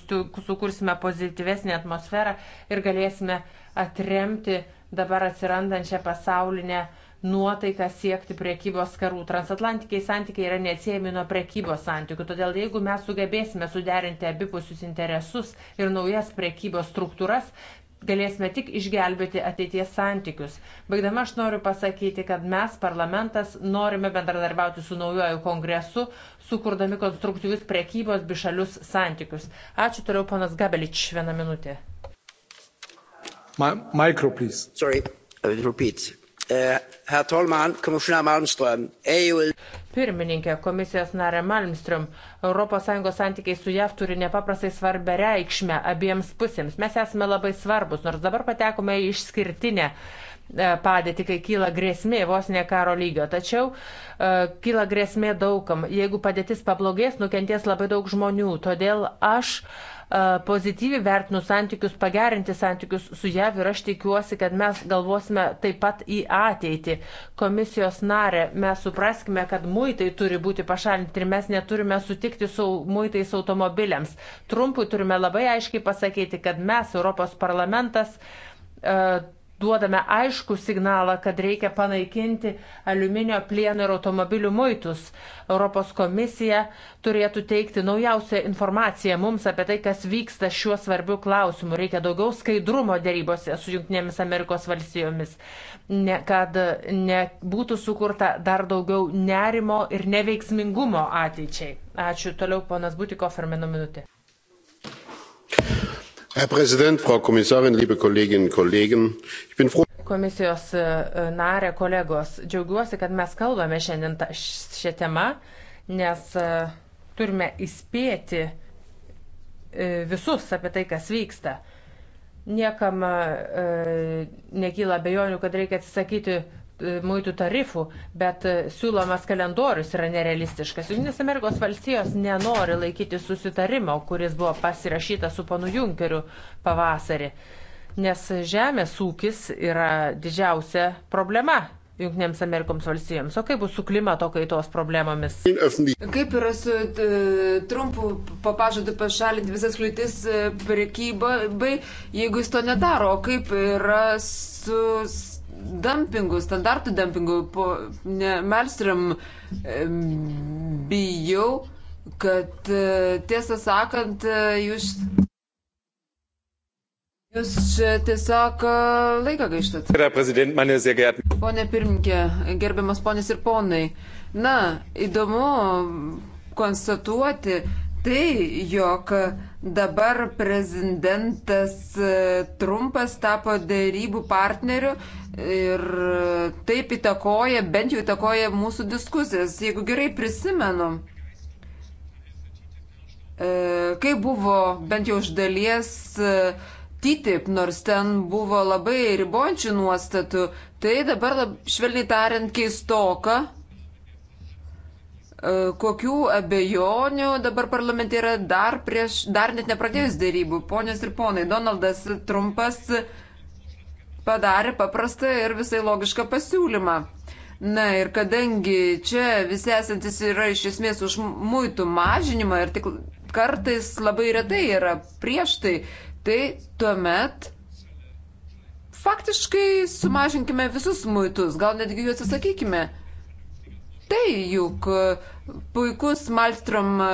sukursime pozityvesnį atmosferą ir galėsime atremti dabar atsirandančią pasaulinę uh, nuotaiką siekti priekybos karų. Transatlantikiai santykiai yra neatsiejami nuo priekybos santykių, todėl jeigu mes sugebėsime suderinti abipusius interesus ir naujas priekybos struktūras, galėsime tik išgelbėti ateities santykius. Baigdama aš noriu pasakyti, kad mes, parlamentas, norime bendradarbiauti su naujoju kongresu, sukurdami konstruktyvius priekybos bišalius santykius. Ačiū toliau, ponas Gabelič, vieną minutę. My, micro, please. Sorry, repeat. Eh, Herr talman, komisionär Malmström, EU. Pirmininkė, komisijos narė Malmström, ES santykiai su JAV turi nepaprastai svarbę reikšmę abiems pusėms. Mes esame labai svarbus, nors dabar patekome į išskirtinę e, padėtį, kai kyla grėsmė vos ne karo lygio. Tačiau uh, kyla grėsmė daugam. Jeigu padėtis pablogės, nukenties labai daug žmonių. Todėl aš uh, pozityviai vertinus santykius, pagerinti santykius su JAV ir aš tikiuosi, kad mes galvosime taip pat į ateitį. Komisijos narė, mes supraskime, kad muitai turi būti pašalinti ir mes neturime sutikti su muitais automobiliams. Trumpui turime labai aiškiai pasakyti, kad mes, Europos parlamentas, duodame aišku signalą, kad reikia panaikinti aliuminio plieno ir automobilių muitus. Europos komisija turėtų teikti naujausią informaciją mums apie tai, kas vyksta šiuo svarbiu klausimu. Reikia daugiau skaidrumo dėrybose su Junktinėmis Amerikos valstijomis, ne, kad nebūtų sukurta dar daugiau nerimo ir neveiksmingumo ateičiai. Ačiū. Toliau ponas Butiko Fermino minutė herr präsident frau kommissarin liebe kolleginnen und kollegen! ich bin froh komisijos e, narė kolegos džiaugiuosi kad mes kalbame šiandien šia tema nes e, turime įspėti e, visus apie tai kas vyksta niekam nekyla abejonių kad reikia atsisakyti E, muitų tarifų, bet e, siūlomas kalendorius yra nerealistiškas. Junktinės Amerikos valstijos nenori laikyti susitarimo, kuris buvo pasirašytas su panu Junkeriu pavasarį, nes žemės ūkis yra didžiausia problema. Junktinėms Amerikoms valstijoms. O kaip bus su klimato kaitos problemomis? Kaip yra su e, Trumpu papažadu pašalinti visas kliūtis prekybai, jeigu jis to nedaro? O kaip yra su dumpingu, standartų dumpingu. Po Melstrom bijau, kad e, tiesą sakant, e, jūs. Jūs tiesiog e, laiką gaištat. Pone pirmininkė, gerbiamas ponės ir ponai. Na, įdomu konstatuoti tai, jog uh, Dabar prezidentas e, Trumpas tapo dėrybų partneriu ir e, taip įtakoja, bent jau įtakoja mūsų diskusijas. Jeigu gerai prisimenu, e, kai buvo bent jau iš dalies TTIP, nors ten buvo labai ribončių nuostatų, tai dabar, švelniai tariant, keistoka E, kokių abejonių dabar parlamente yra dar, prieš, dar net nepradėjus dėrybų. Ponios ir ponai, Donaldas Trumpas padarė paprastą ir visai logišką pasiūlymą. Na ir kadangi čia visi esantis yra iš esmės už muitų mažinimą ir tik kartais labai retai yra prieš tai, tai tuomet faktiškai sumažinkime visus muitus, gal netgi juos atsisakykime. Tai juk e, puikus Malstrom e,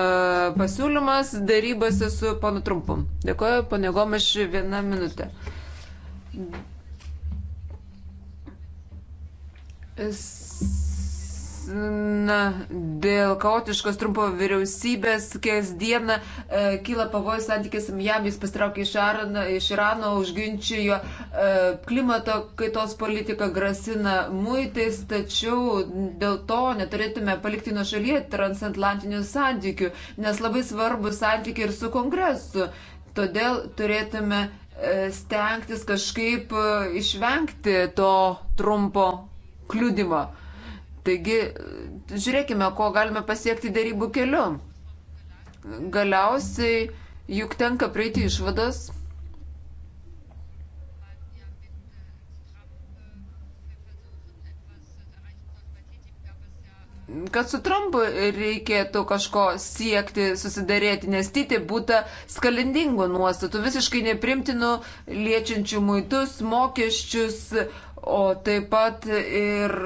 pasiūlymas darybose su ponu Trumpu. Dėkuoju, pane Gomaš, vieną minutę. S na, dėl kaotiškos trumpo vyriausybės kasdieną e, kyla pavojus santykis jam, jis pastraukė iš, Arano, iš Irano, užginčijo e, klimato kaitos politiką, grasina muitais, tačiau dėl to neturėtume palikti nuo šalyje transatlantinių santykių, nes labai svarbu santykiai ir su kongresu. Todėl turėtume e, stengtis kažkaip e, išvengti to trumpo kliūdimo. Taigi, žiūrėkime, ko galime pasiekti dėrybų keliu. Galiausiai juk tenka prieiti išvadas. kad su Trumpu reikėtų kažko siekti, susidarėti, nes tyti būtų skalindingų nuostatų, visiškai neprimtinų, liečiančių muitus, mokesčius, o taip pat ir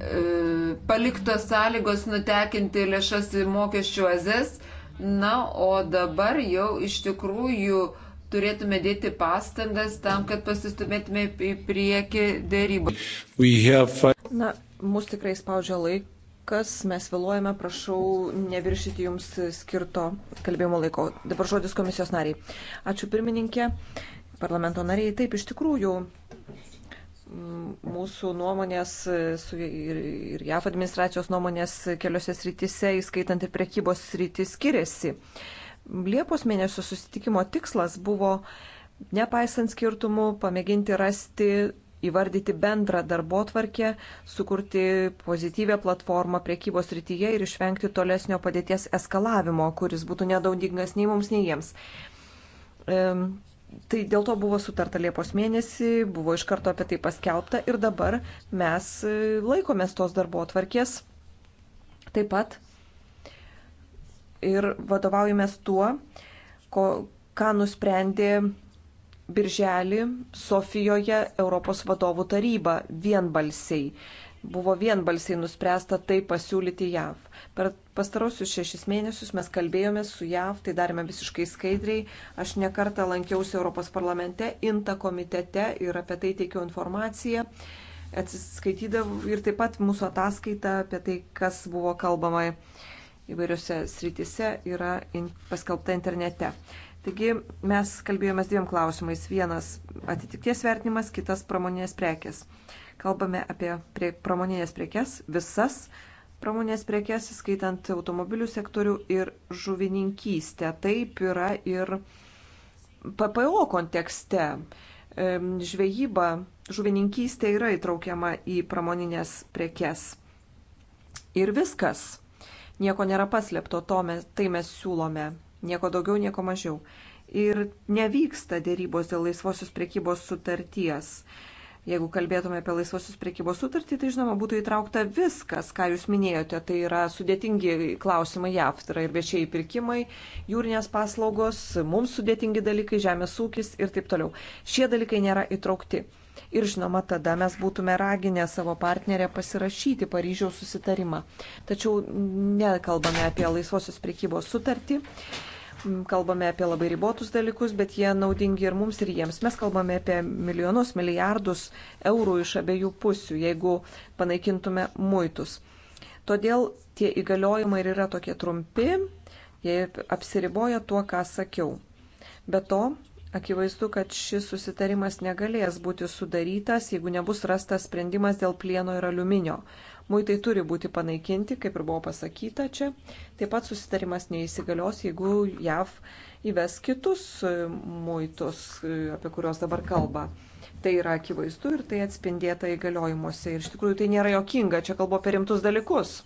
E, paliktos sąlygos nutekinti lėšas į mokesčių azes. Na, o dabar jau iš tikrųjų turėtume dėti pastangas tam, kad pasistumėtume į priekį dėrybą. Have... Na, mus tikrai spaudžia laikas, mes vėluojame, prašau neviršyti jums skirto kalbėjimo laiko. Dabar žodis komisijos nariai. Ačiū pirmininkė, parlamento nariai. Taip, iš tikrųjų, mūsų nuomonės ir, ir JAF administracijos nuomonės keliose srityse, įskaitant ir prekybos srity, skiriasi. Liepos mėnesio susitikimo tikslas buvo, nepaisant skirtumų, pamėginti rasti, įvardyti bendrą darbo tvarkę, sukurti pozityvę platformą prekybos srityje ir išvengti tolesnio padėties eskalavimo, kuris būtų nedaudingas nei mums, nei jiems. Tai dėl to buvo sutarta Liepos mėnesį, buvo iš karto apie tai paskelbta ir dabar mes e, laikomės tos darbo atvarkės taip pat ir vadovaujamės tuo, ko, ką nusprendė Birželį Sofijoje Europos vadovų taryba vienbalsiai. Buvo vienbalsiai nuspręsta tai pasiūlyti JAV. Per pastarosius šešis mėnesius mes kalbėjome su JAV, tai darėme visiškai skaidriai. Aš nekartą lankiausi Europos parlamente, INTA komitete ir apie tai teikiau informaciją. Atsiskaitydavau ir taip pat mūsų ataskaita apie tai, kas buvo kalbama įvairiose srityse, yra in, paskelbta internete. Taigi mes kalbėjomės dviem klausimais. Vienas atitikties vertinimas, kitas pramoninės prekės. Kalbame apie prie pramoninės prekes visas pramonės prekes, skaitant automobilių sektorių ir žuvininkystę. Taip yra ir PPO kontekste. Žvejyba, žuvininkystė yra įtraukiama į pramoninės prekes. Ir viskas. Nieko nėra paslėpto, to mes, tai mes siūlome. Nieko daugiau, nieko mažiau. Ir nevyksta dėrybos dėl laisvosios prekybos sutarties. Uh, Jeigu kalbėtume apie laisvosios priekybos sutartį, tai žinoma būtų įtraukta viskas, ką jūs minėjote. Tai yra sudėtingi klausimai JAV, tai yra ir viešieji pirkimai, jūrinės paslaugos, mums sudėtingi dalykai, žemės ūkis ir taip toliau. Šie dalykai nėra įtraukti. Ir žinoma, tada mes būtume raginę savo partnerę pasirašyti Paryžiaus susitarimą. Tačiau nekalbame apie laisvosios priekybos sutartį. Mm, kalbame apie labai ribotus dalykus, bet jie naudingi ir mums, ir jiems. Mes kalbame apie milijonus, milijardus eurų iš abiejų pusių, jeigu panaikintume muitus. Todėl tie įgaliojimai ir yra tokie trumpi, jie apsiriboja tuo, ką sakiau. Be to, Akivaizdu, kad šis susitarimas negalės būti sudarytas, jeigu nebus rastas sprendimas dėl plieno ir aliuminio. Muitai turi būti panaikinti, kaip ir buvo pasakyta čia. Taip pat susitarimas neįsigalios, jeigu JAV įves kitus e, muitus, e, apie kuriuos dabar kalba. Tai yra akivaizdu ir tai atspindėta įgaliojimuose. Ir iš tikrųjų tai nėra jokinga, čia kalbu apie rimtus dalykus.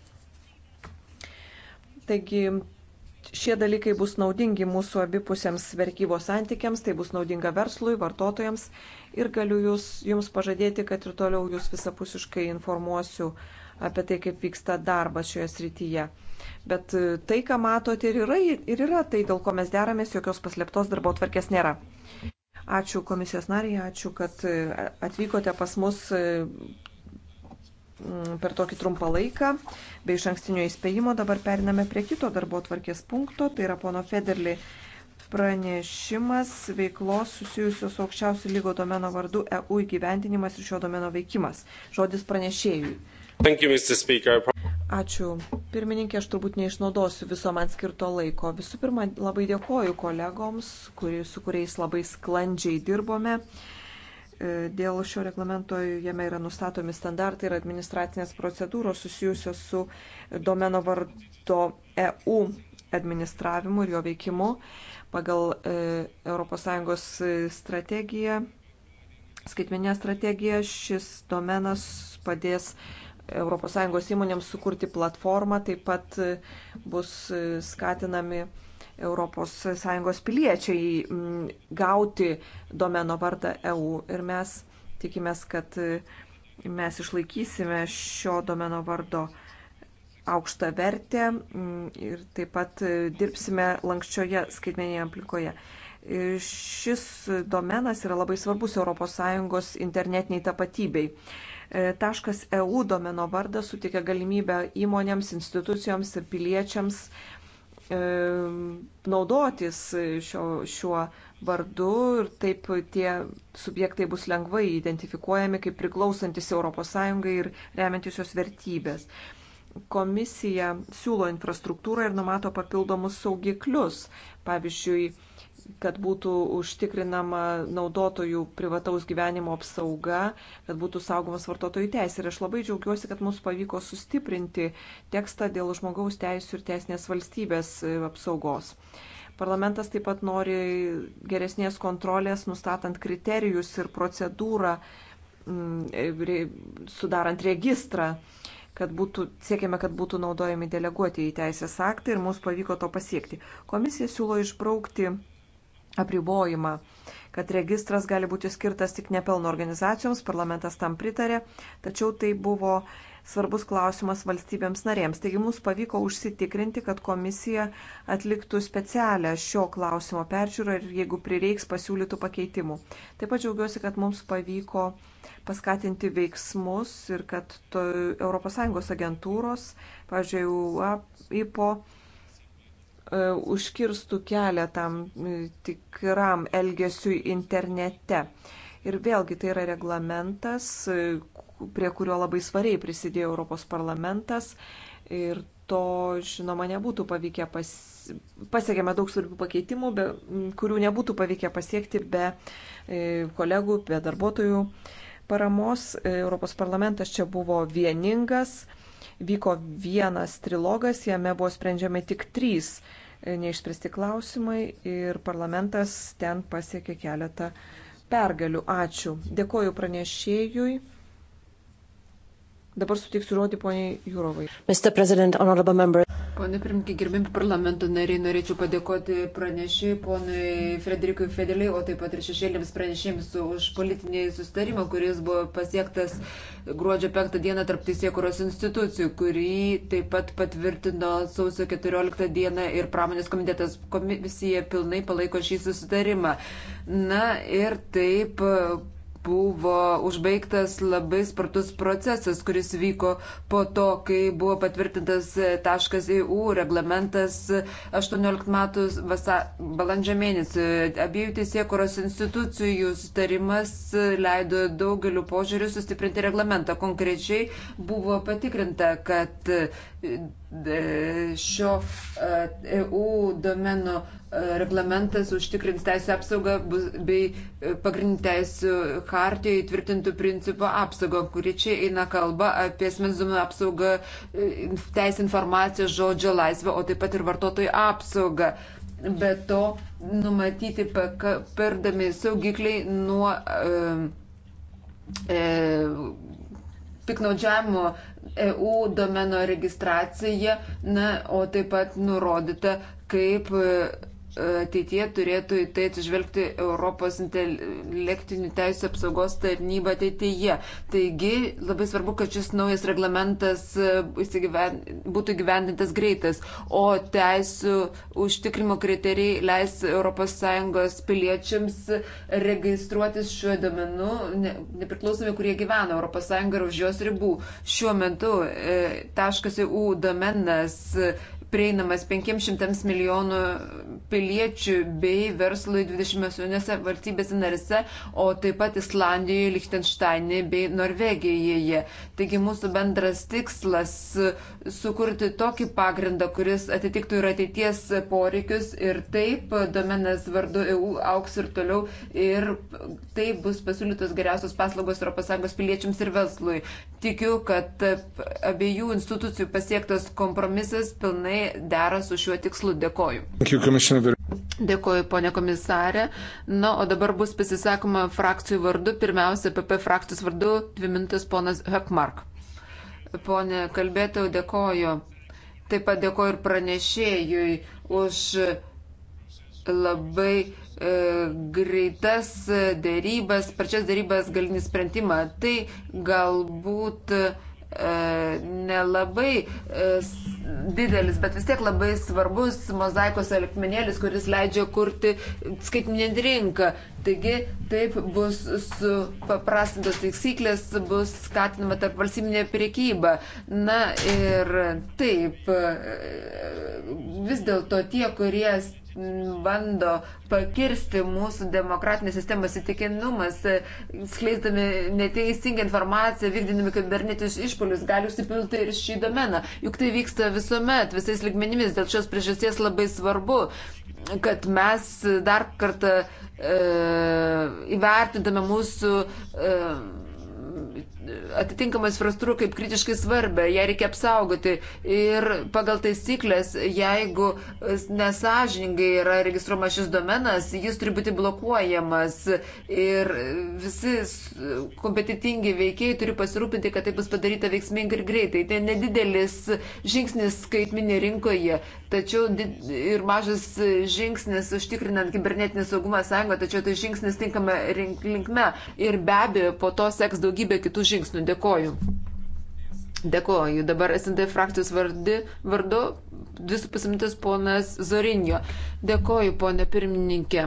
Taigi Šie dalykai bus naudingi mūsų abipusiems verkybos santykiams, tai bus naudinga verslui, vartotojams ir galiu jūs, jums pažadėti, kad ir toliau jūs visapusiškai informuosiu apie tai, kaip vyksta darbas šioje srityje. Bet e, tai, ką matote, ir yra, ir yra tai, dėl ko mes deramės, jokios paslėptos darbo tvarkės nėra. Ačiū komisijos nariai, ačiū, kad e, atvykote pas mus e, Mm, per tokį trumpą laiką. Be iš ankstinio įspėjimo dabar periname prie kito darbo tvarkės punkto, tai yra pono Federli pranešimas veiklos susijusios su aukščiausiu lygo domeno vardu EU įgyvendinimas ir šio domeno veikimas. Žodis pranešėjui. You, Ačiū. Pirmininkė, aš turbūt neišnaudosiu viso man skirto laiko. Visų pirma, labai dėkoju kolegoms, kuri, su kuriais labai sklandžiai dirbome. Uh, E, dėl šio reglamento jame yra nustatomi standartai ir administracinės procedūros susijusios su domeno vardo EU administravimu ir jo veikimu pagal ES strategiją. Skaitmenė strategija šis domenas padės ES įmonėms sukurti platformą, taip pat e, bus e, skatinami ES piliečiai mm, gauti domeno vardą EU. Ir mes tikimės, kad e, mes išlaikysime šio domeno vardo aukštą vertę mm, ir taip pat e, dirbsime lankščioje skaitmeninėje aplinkoje. E, šis domenas yra labai svarbus ES internetiniai tapatybei. Taškas EU domeno vardas suteikia galimybę įmonėms, institucijoms ir piliečiams E, naudotis šio, šiuo vardu ir taip tie subjektai bus lengvai identifikuojami kaip priklausantis ES ir remiantis jos vertybės. Komisija siūlo infrastruktūrą ir numato papildomus saugiklius, pavyzdžiui, kad būtų užtikrinama naudotojų privataus gyvenimo apsauga, kad būtų saugomas vartotojų teisė. Ir aš labai džiaugiuosi, kad mums pavyko sustiprinti tekstą dėl žmogaus teisų ir teisinės valstybės e, apsaugos. Parlamentas taip pat nori geresnės kontrolės, nustatant kriterijus ir procedūrą, mm, e, sudarant registrą kad būtų, siekiame, kad būtų naudojami deleguoti į teisės aktą ir mums pavyko to pasiekti. Komisija siūlo išbraukti apribojimą kad registras gali būti skirtas tik nepelno organizacijoms, parlamentas tam pritarė, tačiau tai buvo svarbus klausimas valstybėms narėms. Taigi mums pavyko užsitikrinti, kad komisija atliktų specialią šio klausimo peržiūrą ir jeigu prireiks pasiūlytų pakeitimų. Taip pat džiaugiuosi, kad mums pavyko paskatinti veiksmus ir kad ES agentūros, pavyzdžiui, UAP, IPO, E, užkirstų kelią tam e, tikram elgesiui internete. Ir vėlgi tai yra reglamentas, e, prie kurio labai svariai prisidėjo Europos parlamentas. Ir to, žinoma, nebūtų pavykę pasiekti. Pasiekėme daug svarbių pakeitimų, be, kurių nebūtų pavykę pasiekti be e, kolegų, be darbuotojų paramos. Europos parlamentas čia buvo vieningas Vyko vienas trilogas, jame buvo sprendžiami tik trys e, neišspręsti klausimai ir parlamentas ten pasiekė keletą pergalių. Ačiū. Dėkoju pranešėjui. Dabar sutiksiu žodį poniai Jūrovai. Mr. President, honorable member. Pone pirmininkė, gerbimi parlamento nariai, norėčiau padėkoti pranešiui, ponui Frederikui Fedeliai, o taip pat ir šešėlėms pranešėjams už politinį sustarimą, kuris buvo pasiektas gruodžio 5 dieną tarp teisėkuros institucijų, kurį taip pat patvirtino sausio 14 dieną ir pramonės komitetas komisija pilnai palaiko šį sustarimą. Na ir taip buvo užbaigtas labai spartus procesas, kuris vyko po to, kai buvo patvirtintas taškas EU reglamentas 18 metų vasa, balandžio mėnesį. Abiejų teisėkuros institucijų sutarimas leido daugeliu požiūriu sustiprinti reglamentą. Konkrečiai buvo patikrinta, kad šio EU e domenų e, reglamentas užtikrins teisę apsaugą bei e, pagrindinių teisų hartijoje įtvirtintų principų apsaugą, kuri čia eina kalba apie asmens duomenų apsaugą, teisę informaciją, žodžio laisvę, o taip pat ir vartotojų apsaugą. Be to numatyti perdami saugikliai nuo e, e, piknaudžiavimo EU domeno registracija, na, o taip pat nurodyta, kaip ateitie turėtų į tai atsižvelgti Europos intelektinių teisų apsaugos tarnyba ateityje. Taigi labai svarbu, kad šis naujas reglamentas e, įsigyven, būtų gyvendintas greitas, o teisų užtikrimo kriterijai leis ES piliečiams registruotis šiuo domenu, ne, nepriklausomai, kurie gyvena ES ir už jos ribų. Šiuo metu e, .eu domenas prieinamas 500 milijonų piliečių bei verslui 28 valstybėse narise, o taip pat Islandijoje, Liechtensteinė bei Norvegijoje. Taigi mūsų bendras tikslas - sukurti tokį pagrindą, kuris atitiktų ir ateities poreikius ir taip domenas vardu EU auks ir toliau ir taip bus pasiūlytos geriausios paslaugos ES piliečiams ir verslui. Tikiu, kad abiejų institucijų pasiektas kompromisas pilnai dera su šiuo tikslu. Dėkoju. Dėkoju, ponė komisarė. Na, o dabar bus pasisakoma frakcijų vardu. Pirmiausia, PP frakcijos vardu, dvi minutės ponas Hekmark. Pone kalbėtojau, dėkoju. Taip pat dėkoju ir pranešėjui už labai e, greitas dėrybas, pačias dėrybas galinį sprendimą. Tai galbūt nelabai e, didelis, bet vis tiek labai svarbus mozaikos alikmenėlis, kuris leidžia kurti skaitminę rinką. Taigi taip bus supaprastintos taisyklės, bus skatinama tarp valstybinė priekyba. Na ir taip, e, vis dėlto tie, kurie bando pakirsti mūsų demokratinės sistemos įtikinumas, skleisdami neteisingą informaciją, vykdydami kibernetinius išpolius, gali užsipilti ir šį domeną. Juk tai vyksta visuomet, visais ligmenimis, dėl šios priežasties labai svarbu, kad mes dar kartą e, įvertindame mūsų e, atitinkamą infrastruktūrą kaip kritiškai svarbę, ją reikia apsaugoti. Ir pagal taisyklės, jeigu nesažiningai yra registruojamas šis domenas, jis turi būti blokuojamas. Ir visi kompetitingi veikėjai turi pasirūpinti, kad tai bus padaryta veiksmingai ir greitai. Tai nedidelis žingsnis skaitminė rinkoje, tačiau ir mažas žingsnis užtikrinant kibernetinį saugumą sąjungą, tačiau tai žingsnis tinkama linkme. Ir be abejo, po to seks daugybė kitų žingsnių žingsnių. Dėkoju. Dėkoju. Dabar SND frakcijos vardi, vardu 2,5 minutės ponas Zorinjo. Dėkoju, ponė pirmininkė.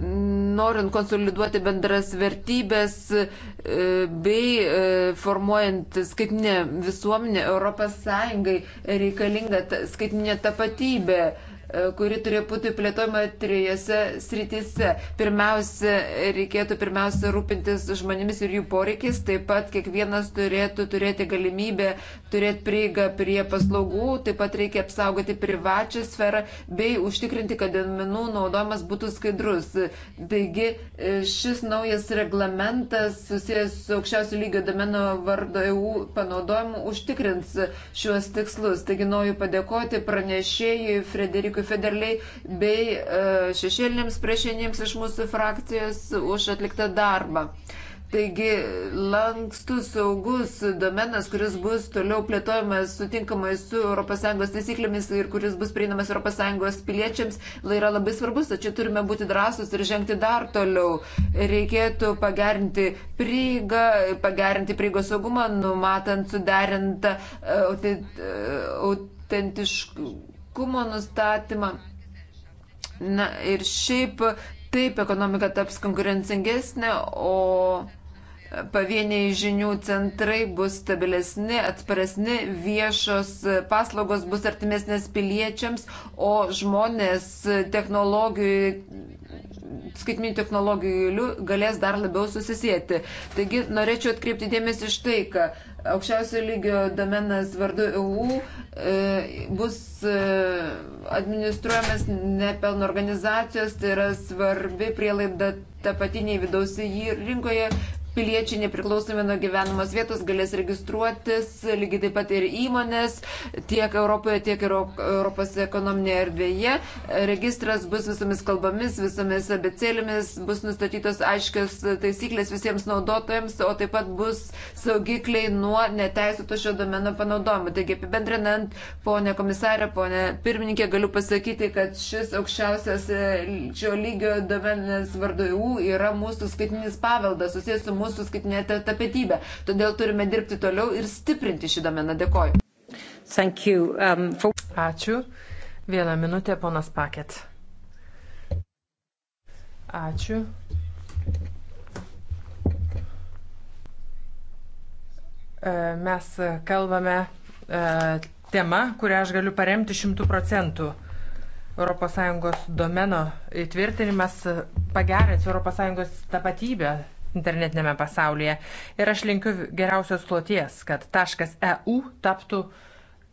Norint konsoliduoti bendras vertybės e, bei e, formuojant skaitinę visuomenę, ES reikalinga skaitinė tapatybė. E, kuri turi būti plėtojama trijose srityse. Pirmiausia, reikėtų pirmiausia rūpintis žmonėmis ir jų poreikiais, taip pat kiekvienas turėtų turėti galimybę turėti prieigą prie paslaugų, taip pat reikia apsaugoti privačią sferą bei užtikrinti, kad domenų naudojimas būtų skaidrus. Taigi e, šis naujas reglamentas susijęs su aukščiausių lygio domeno vardo EU panaudojimu užtikrins šiuos tikslus. Taigi noriu padėkoti pranešėjui Frederikui. Dėkui federaliai bei e, šešėlinėms priešinėms iš mūsų frakcijos už atliktą darbą. Taigi lankstus saugus domenas, kuris bus toliau plėtojamas sutinkamai su ES taisyklėmis ir kuris bus prieinamas ES piliečiams, yra labai svarbus, tačiau turime būti drąsus ir žengti dar toliau. Reikėtų pagerinti prieigą, pagerinti prieigos saugumą, numatant suderintą e, e, autentiškų kumo nustatymą. Na ir šiaip taip ekonomika taps konkurencingesnė, o pavieniai žinių centrai bus stabilesni, atsparesni, viešos paslaugos bus artimesnės piliečiams, o žmonės technologijų skaitminių technologijų galės dar labiau susisieti. Taigi norėčiau atkreipti dėmesį iš tai, kad aukščiausio lygio domenas vardu EU e, bus e, administruojamas nepelno organizacijos, tai yra svarbi prielaida tapatiniai vidaus rinkoje piliečiai nepriklausomai nuo gyvenamos vietos galės registruotis, lygiai taip pat ir įmonės tiek Europoje, tiek ir Europos ekonominėje erdvėje. Registras bus visomis kalbomis, visomis abecėlėmis, bus nustatytos aiškios taisyklės visiems naudotojams, o taip pat bus saugikliai nuo neteisėto šio domeno panaudojimo. Taigi, apibendrinant, ponė komisarė, ponė pirmininkė, galiu pasakyti, kad šis aukščiausias e, šio lygio domenas vardu EU yra mūsų skaitinis paveldas susijęs su mūsų skaitinę tapatybę. Todėl turime dirbti toliau ir stiprinti šį domeną. Dėkoju. Um, for... Ačiū. Vieną minutę, ponas Paket. Ačiū. E, mes kalbame e, tema, kurią aš galiu paremti šimtų procentų. ES domeno įtvirtinimas pagerins ES tapatybę internetinėme pasaulyje. Ir aš linkiu geriausios kloties, kad .eu taptų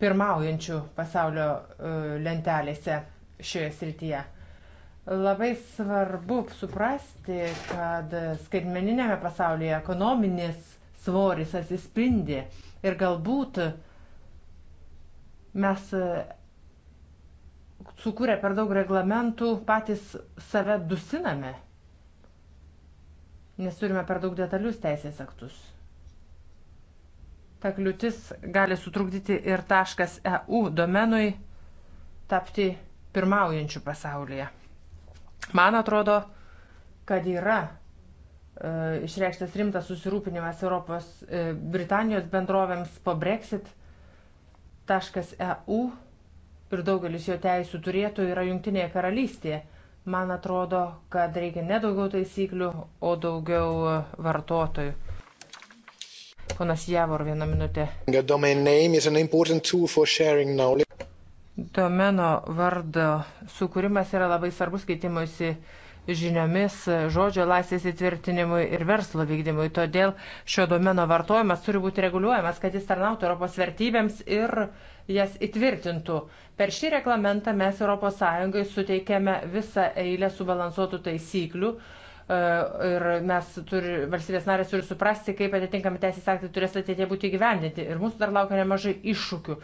pirmaujančių pasaulio e, lentelėse šioje srityje. Labai svarbu suprasti, kad skaitmeninėme pasaulyje ekonominis svoris atsispindi ir galbūt mes e, sukūrę per daug reglamentų patys save dusiname nes turime per daug detalius teisės aktus. Ta kliūtis gali sutrukdyti ir taškas .eu domenui tapti pirmaujančių pasaulyje. Man atrodo, kad yra e, išreikštas rimtas susirūpinimas Europos e, Britanijos bendrovėms po Brexit. Taškas .eu ir daugelis jo teisų turėtų yra Junktinėje karalystėje Man atrodo, kad reikia ne daugiau taisyklių, o daugiau e, vartotojų. Ponas Javor, vieną minutę. Domeno vardo sukūrimas yra labai svarbus keitimuisi žiniomis, žodžio laisvės įtvirtinimui ir verslo vykdymui. Todėl šio domeno vartojimas turi būti reguliuojamas, kad jis tarnautų Europos vertybėms ir uh, jas įtvirtintų. Per šį reglamentą mes ES suteikėme visą eilę subalansuotų taisyklių e, ir mes turi, valstybės narės turi suprasti, kaip atitinkami teisės aktai turės ateitie būti gyvendinti. Ir mūsų dar laukia nemažai iššūkių.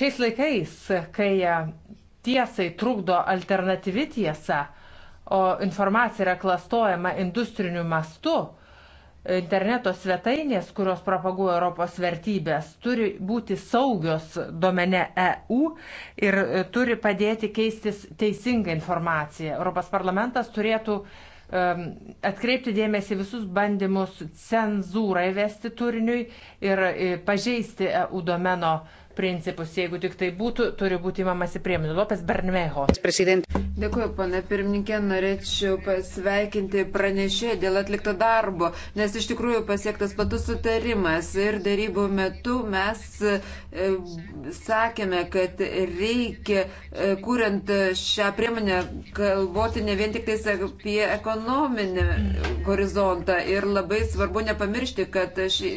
Šiais laikais, kai e, tiesai trukdo alternatyvi tiesa, o informacija yra klastojama industriniu mastu, interneto svetainės, kurios propaguoja Europos vertybės, turi būti saugios domene EU ir e, turi padėti keistis teisingą informaciją. Europos parlamentas turėtų atkreipti dėmesį visus bandymus cenzūrą įvesti turiniui ir e, pažeisti EU domeno principus. Jeigu tik tai būtų, turi būti įmamasi priemonių. Lopes Bernmeho. Dėkuoju, pana pirmininkė, norėčiau pasveikinti pranešė dėl atlikto darbo, nes iš tikrųjų pasiektas platus sutarimas ir darybų metu mes e, sakėme, kad reikia, e, kuriant šią priemonę, kalboti ne vien tik tais apie ekonominį horizontą ir labai svarbu nepamiršti, kad ši,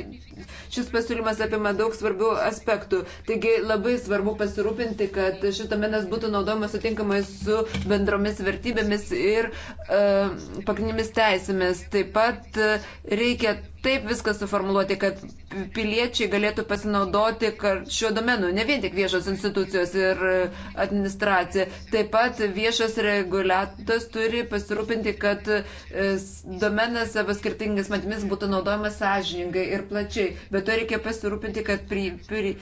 šis pasiūlymas apima daug svarbių aspektų. Tai Taigi labai svarbu pasirūpinti, kad šitamenas būtų naudojamas sutinkamai su bendromis vertybėmis ir e, pagrindinėmis teisėmis. Taip pat e, reikia taip viską suformuoluoti, kad piliečiai galėtų pasinaudoti šiuo domenu, ne vien tik viešos institucijos ir e, administracija. Taip pat viešas reguliatas turi pasirūpinti, kad e, domenas arba skirtingas matimis būtų naudojamas sąžiningai ir plačiai. Bet to reikia pasirūpinti, kad pri, pri,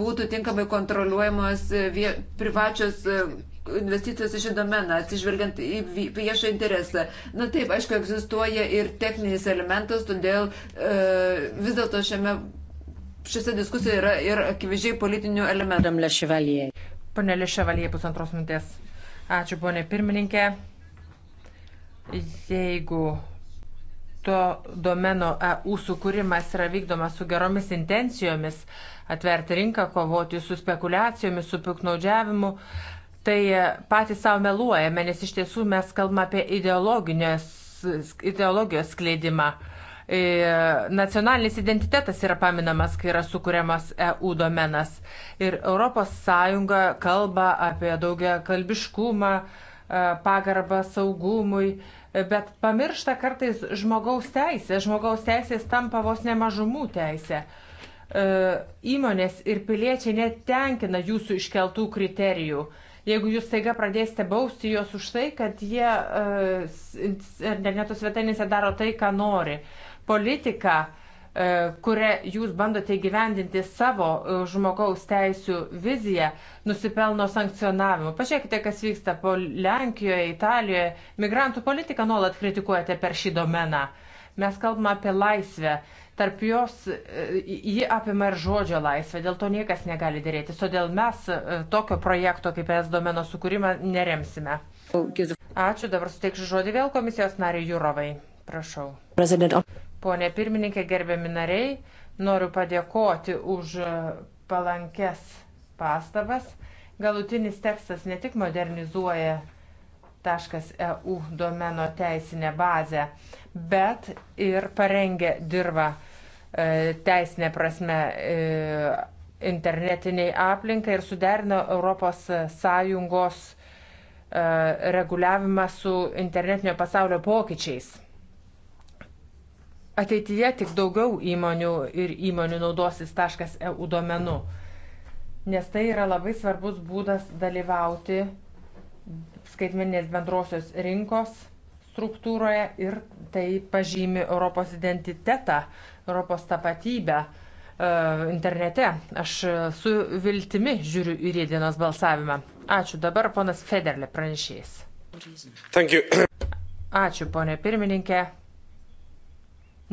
būtų tinkamai kontroliuojamos e, vie, privačios investicijas į šį domeną, atsižvelgiant į viešą interesą. Na taip, aišku, egzistuoja ir techninis elementas, todėl e, vis dėlto šiame, šiose diskusijoje yra ir akivaizdžiai politinių elementų. Pane Leševalyje, pusantros minutės. Ačiū, ponė pirmininkė. Jeigu to domeno EU sukūrimas yra vykdomas su geromis intencijomis, atverti rinką, kovoti su spekulacijomis, su piknaudžiavimu, tai e, patys savo meluojame, nes iš tiesų mes kalbame apie ideologijos skleidimą. E, nacionalinis identitetas yra paminamas, kai yra sukūriamas EU domenas. Ir ES kalba apie daugia kalbiškumą, e, pagarbą saugumui, bet pamiršta kartais žmogaus teisė. Žmogaus teisės tampa vos nemažumų teisė. Įmonės ir piliečiai netenkina jūsų iškeltų kriterijų. Jeigu jūs taiga pradėsite bausti juos už tai, kad jie e, interneto svetainėse daro tai, ką nori. Politika, e, kurią jūs bandote įgyvendinti savo e, žmogaus teisų viziją, nusipelno sankcionavimo. Pažiūrėkite, kas vyksta po Lenkijoje, Italijoje. Migrantų politiką nuolat kritikuojate per šį domeną. Mes kalbame apie laisvę Tarp jos e, ji apima ir žodžio laisvę, dėl to niekas negali dėrėti. Todėl mes e, tokio projekto kaip es domeno sukūrimą neremsime. Ačiū, dabar suteiksiu žodį vėl komisijos nariai Jurovai. Prašau. Pone pirmininkė, gerbiami nariai, noriu padėkoti už e, palankes pastabas. Galutinis tekstas ne tik modernizuoja .eu domeno teisinę bazę, bet ir parengia dirbą E, teisinė prasme e, internetiniai aplinkai ir suderino ES e, reguliavimą su internetinio pasaulio pokyčiais. Ateityje tik daugiau įmonių ir įmonių naudosis .eu domenų, nes tai yra labai svarbus būdas dalyvauti skaitmeninės bendrosios rinkos struktūroje ir tai pažymi Europos identitetą Europos tapatybę e, internete. Aš su viltimi žiūriu į rėdienos balsavimą. Ačiū. Dabar ponas Federlė pranešėjas. Ačiū, ponė pirmininkė.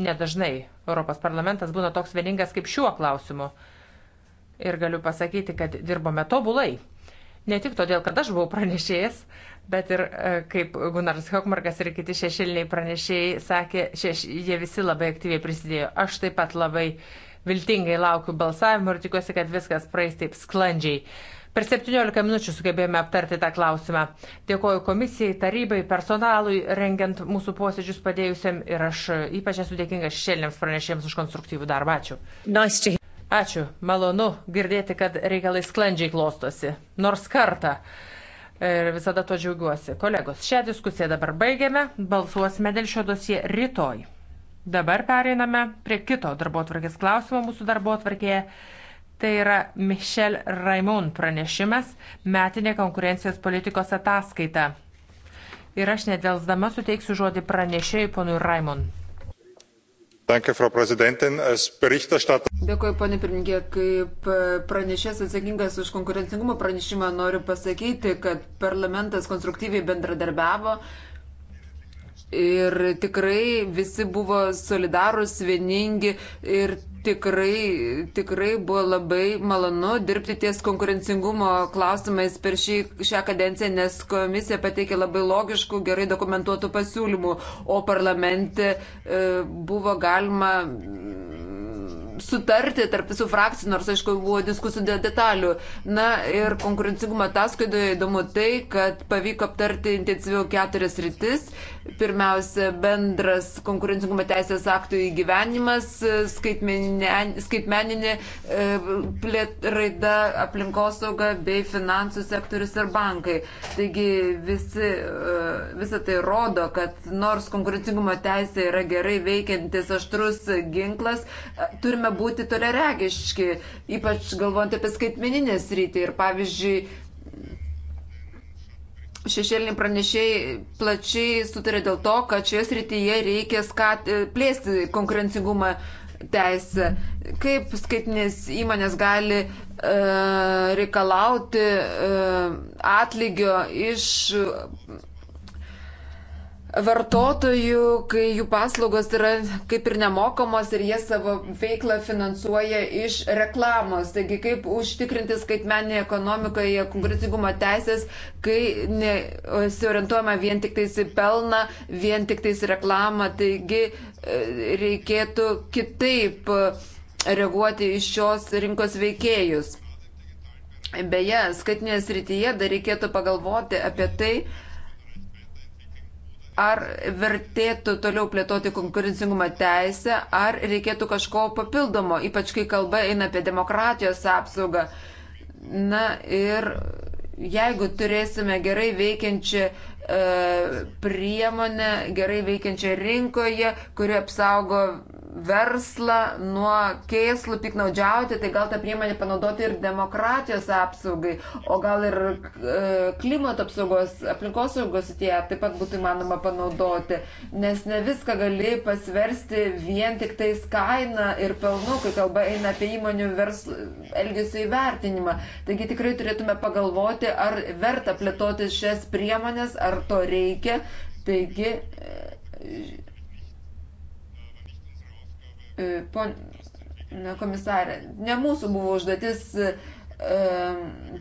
Nedažnai Europos parlamentas būna toks vieningas kaip šiuo klausimu. Ir galiu pasakyti, kad dirbome tobulai. Ne tik todėl, kad aš buvau pranešėjas, bet ir e, kaip Gunaras Hokmarkas ir kiti šešėliniai pranešėjai sakė, šeš, jie visi labai aktyviai prisidėjo. Aš taip pat labai viltingai laukiu balsavimo ir tikiuosi, kad viskas praeis taip sklandžiai. Per 17 minučių sugebėjome aptarti tą klausimą. Dėkoju komisijai, tarybai, personalui, rengiant mūsų posėdžius padėjusiam ir aš e, ypač esu dėkinga šešėliniams pranešėjams už konstruktyvų darbą. Ačiū. Nice Ačiū, malonu girdėti, kad reikalai sklandžiai klostosi, nors kartą. Ir visada to džiaugiuosi. Kolegos, šią diskusiją dabar baigiame, balsuosime dėl šio dosie rytoj. Dabar pereiname prie kito darbo atvarkės klausimo mūsų darbo atvarkėje. Tai yra Michel Raimon pranešimas metinė konkurencijos politikos ataskaita. Ir aš nedelsdama suteiksiu žodį pranešėjui ponui Raimon frau präsidentin! dėkoju pone pirmininke kaip pranešėjas atsakingas už konkurencingumo pranešimą noriu pasakyti kad parlamentas konstruktyviai bendradarbiavo ir tikrai visi buvo solidarūs vieningi ir tikrai, tikrai buvo labai malonu dirbti ties konkurencingumo klausimais per šį, šią kadenciją, nes komisija pateikė labai logiškų, gerai dokumentuotų pasiūlymų, o parlamente e, buvo galima mm, sutarti tarp visų frakcijų, nors aišku buvo diskusijų dėl detalių. Na ir konkurencingumo ataskaitoje įdomu tai, kad pavyko aptarti intensyviau keturias rytis Pirmiausia, bendras konkurencingumo teisės aktų įgyvenimas, skaitmeninė e, raida, aplinkosauga bei finansų sektorius ir bankai. Taigi visi, e, visa tai rodo, kad nors konkurencingumo teisė yra gerai veikiantis aštrus ginklas, e, turime būti toleregiški, ypač galvojant apie skaitmeninę sritį. Ir pavyzdžiui, šešėliniai pranešėjai plačiai sutarė dėl to, kad šioje srityje reikia skat, plėsti konkurencingumą teisę. Kaip skaitinės įmonės gali e, reikalauti e, atlygio iš vartotojų, kai jų paslaugos yra kaip ir nemokamos ir jie savo veiklą finansuoja iš reklamos. Taigi kaip užtikrinti skaitmeninėje ekonomikoje konkurencingumą teisės, kai nesiorientuojama vien tik tais į pelną, vien tik tais į reklamą. Taigi e, reikėtų kitaip e, reaguoti iš šios rinkos veikėjus. Beje, skaitinėje srityje dar reikėtų pagalvoti apie tai, ar vertėtų toliau plėtoti konkurencingumą teisę, ar reikėtų kažko papildomo, ypač kai kalba eina apie demokratijos apsaugą. Na ir jeigu turėsime gerai veikiančią e, priemonę, gerai veikiančią rinkoje, kuri apsaugo verslą nuo kėslų piknaudžiauti, tai gal tą priemonę panaudoti ir demokratijos apsaugai, o gal ir e, klimato apsaugos, aplinkos saugos tie taip pat būtų įmanoma panaudoti, nes ne viską gali pasversti vien tik tais kainą ir pelnu, kai kalba eina apie įmonių versl, elgesio įvertinimą. Taigi tikrai turėtume pagalvoti, ar verta plėtoti šias priemonės, ar to reikia. Taigi, e, E, Pone komisarė, ne mūsų buvo užduotis e,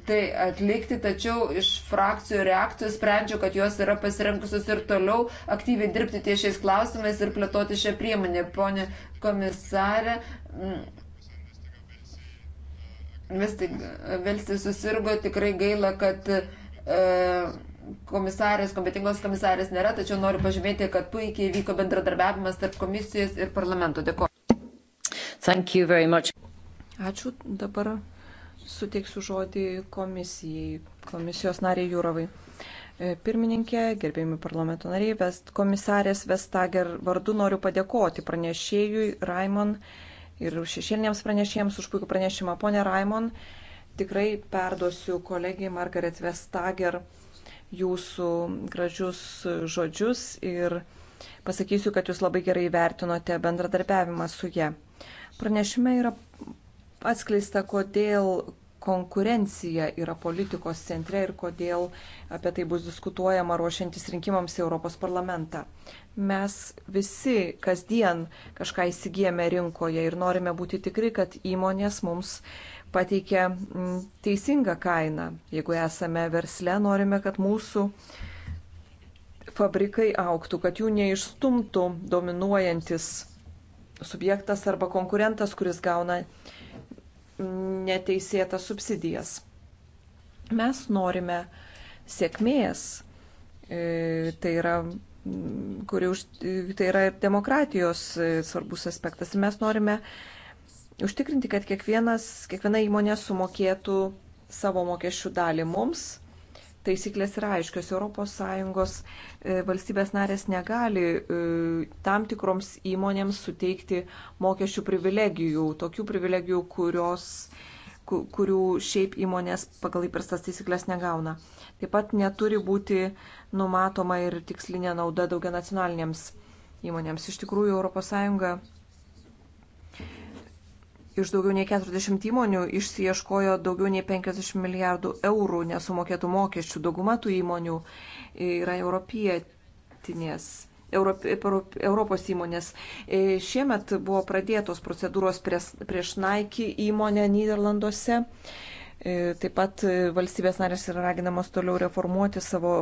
tai atlikti, tačiau iš frakcijų reakcijų sprendžiu, kad jos yra pasirengusios ir toliau aktyviai dirbti ties šiais klausimais ir plėtoti šią priemonę. Pone komisarė, vis tik Velsi susirgo, tikrai gaila, kad e, komisarės, kompetingos komisarės nėra, tačiau noriu pažymėti, kad puikiai vyko bendradarbiavimas tarp komisijos ir parlamento. Dėkuoju. Ačiū. Dabar suteiksiu žodį komisijai, komisijos nariai Jūrovai. E, pirmininkė, gerbėjami parlamento nariai, vest, komisarės Vestager vardu noriu padėkoti pranešėjui Raimon ir šešėlinėms pranešėjams už puikų pranešimą. Pone Raimon, tikrai perduosiu kolegijai Margaret Vestager jūsų gražius žodžius ir pasakysiu, kad jūs labai gerai vertinote bendradarbiavimą su jie. Pranešime yra atskleista, kodėl konkurencija yra politikos centre ir kodėl apie tai bus diskutuojama ruošiantis rinkimams į Europos parlamentą. Mes visi kasdien kažką įsigijame rinkoje ir norime būti tikri, kad įmonės mums pateikia teisingą kainą. Jeigu esame versle, norime, kad mūsų fabrikai auktų, kad jų neišstumtų dominuojantis subjektas arba konkurentas, kuris gauna neteisėtas subsidijas. Mes norime sėkmės, e, tai yra, kuri, tai yra ir demokratijos e, svarbus aspektas. Ir mes norime užtikrinti, kad kiekviena įmonė sumokėtų savo mokesčių dalį mums. Taisyklės yra aiškios. ES E, valstybės narės negali e, tam tikroms įmonėms suteikti mokesčių privilegijų, tokių privilegijų, kurios, kurių šiaip įmonės pagal įprastas taisyklės negauna. Taip pat neturi būti numatoma ir tikslinė nauda daugia nacionalinėms įmonėms. Iš tikrųjų, ES iš daugiau nei 40 įmonių išsieškojo daugiau nei 50 milijardų eurų nesumokėtų mokesčių. Dauguma tų įmonių yra europietinės. Europ, Europos įmonės. E, šiemet buvo pradėtos procedūros prieš, prieš Nike įmonę Niderlanduose. E, E, taip pat e, valstybės narės yra raginamos toliau reformuoti savo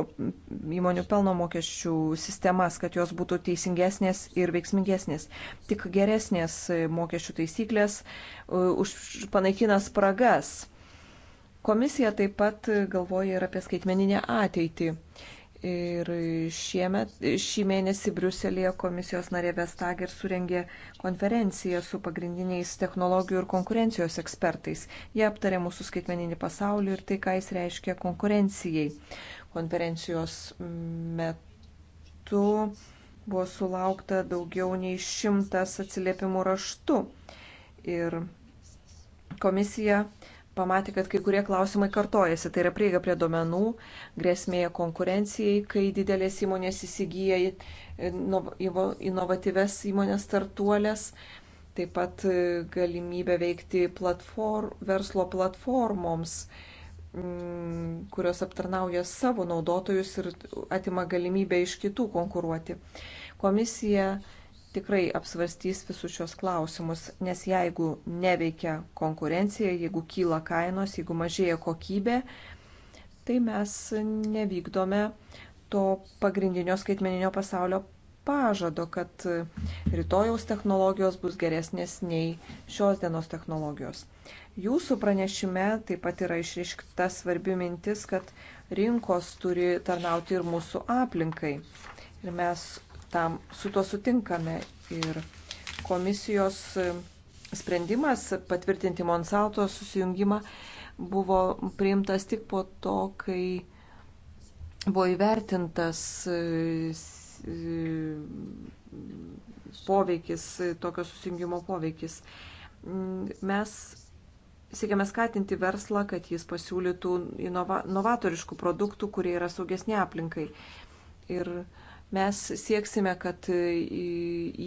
įmonių pelno mokesčių sistemas, kad jos būtų teisingesnės ir veiksmingesnės. Tik geresnės e, mokesčių taisyklės panaikina spragas. Komisija taip pat galvoja ir apie skaitmeninę ateitį. Ir šiemet, šį mėnesį Briuselėje komisijos narė Vestager surengė konferenciją su pagrindiniais technologijų ir konkurencijos ekspertais. Jie aptarė mūsų skaitmeninį pasaulį ir tai, ką jis reiškia konkurencijai. Konferencijos metu buvo sulaukta daugiau nei šimtas atsiliepimų raštų. Ir komisija pamatė, kad kai kurie klausimai kartojasi. Tai yra prieiga prie domenų, grėsmėje konkurencijai, kai didelės įmonės įsigyja inovatyves įmonės startuolės, taip pat e, galimybė veikti platform, verslo platformoms mm, kurios aptarnauja savo naudotojus ir atima galimybę iš kitų konkuruoti. Komisija tikrai apsvarstys visus šios klausimus, nes jeigu neveikia konkurencija, jeigu kyla kainos, jeigu mažėja kokybė, tai mes nevykdome to pagrindinio skaitmeninio pasaulio pažado, kad rytojaus technologijos bus geresnės nei šios dienos technologijos. Jūsų pranešime taip pat yra išriškta svarbi mintis, kad rinkos turi tarnauti ir mūsų aplinkai. Ir mes tam su tuo sutinkame. Ir komisijos e, sprendimas patvirtinti Monsalto susijungimą buvo priimtas tik po to, kai buvo įvertintas e, e, poveikis, tokio susijungimo poveikis. Mm, mes siekiame skatinti verslą, kad jis pasiūlytų inova, novatoriškų produktų, kurie yra saugesni aplinkai. Ir Mes sieksime, kad e,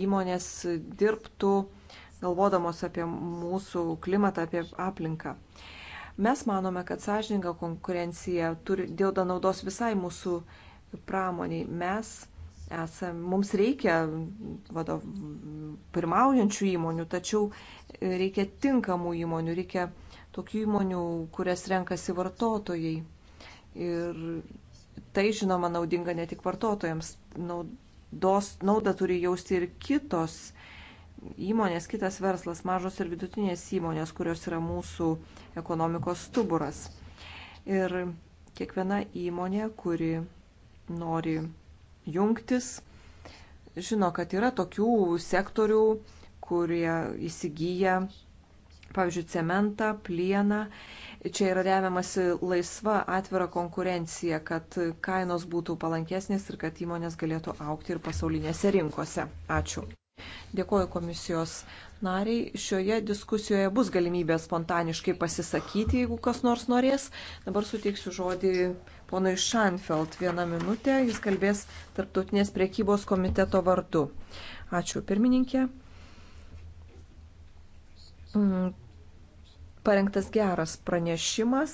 įmonės dirbtų galvodamos apie mūsų klimatą, apie aplinką. Mes manome, kad sąžininga konkurencija turi, dėlda naudos visai mūsų pramoniai. Mes esam, mums reikia vadov, pirmaujančių įmonių, tačiau e, reikia tinkamų įmonių, reikia tokių įmonių, kurias renkasi vartotojai. Ir Tai, žinoma, naudinga ne tik vartotojams. Naudos, naudą turi jausti ir kitos įmonės, kitas verslas, mažos ir vidutinės įmonės, kurios yra mūsų ekonomikos stuburas. Ir kiekviena įmonė, kuri nori jungtis, žino, kad yra tokių sektorių, kurie įsigyja, pavyzdžiui, cementą, plieną čia yra remiamasi laisva atvira konkurencija, kad kainos būtų palankesnės ir kad įmonės galėtų aukti ir pasaulinėse rinkose. Ačiū. Dėkoju komisijos nariai. Šioje diskusijoje bus galimybė spontaniškai pasisakyti, jeigu kas nors norės. Dabar suteiksiu žodį ponui Šanfeld vieną minutę. Jis kalbės Tarptautinės priekybos komiteto vardu. Ačiū, pirmininkė. Mm, parengtas geras pranešimas.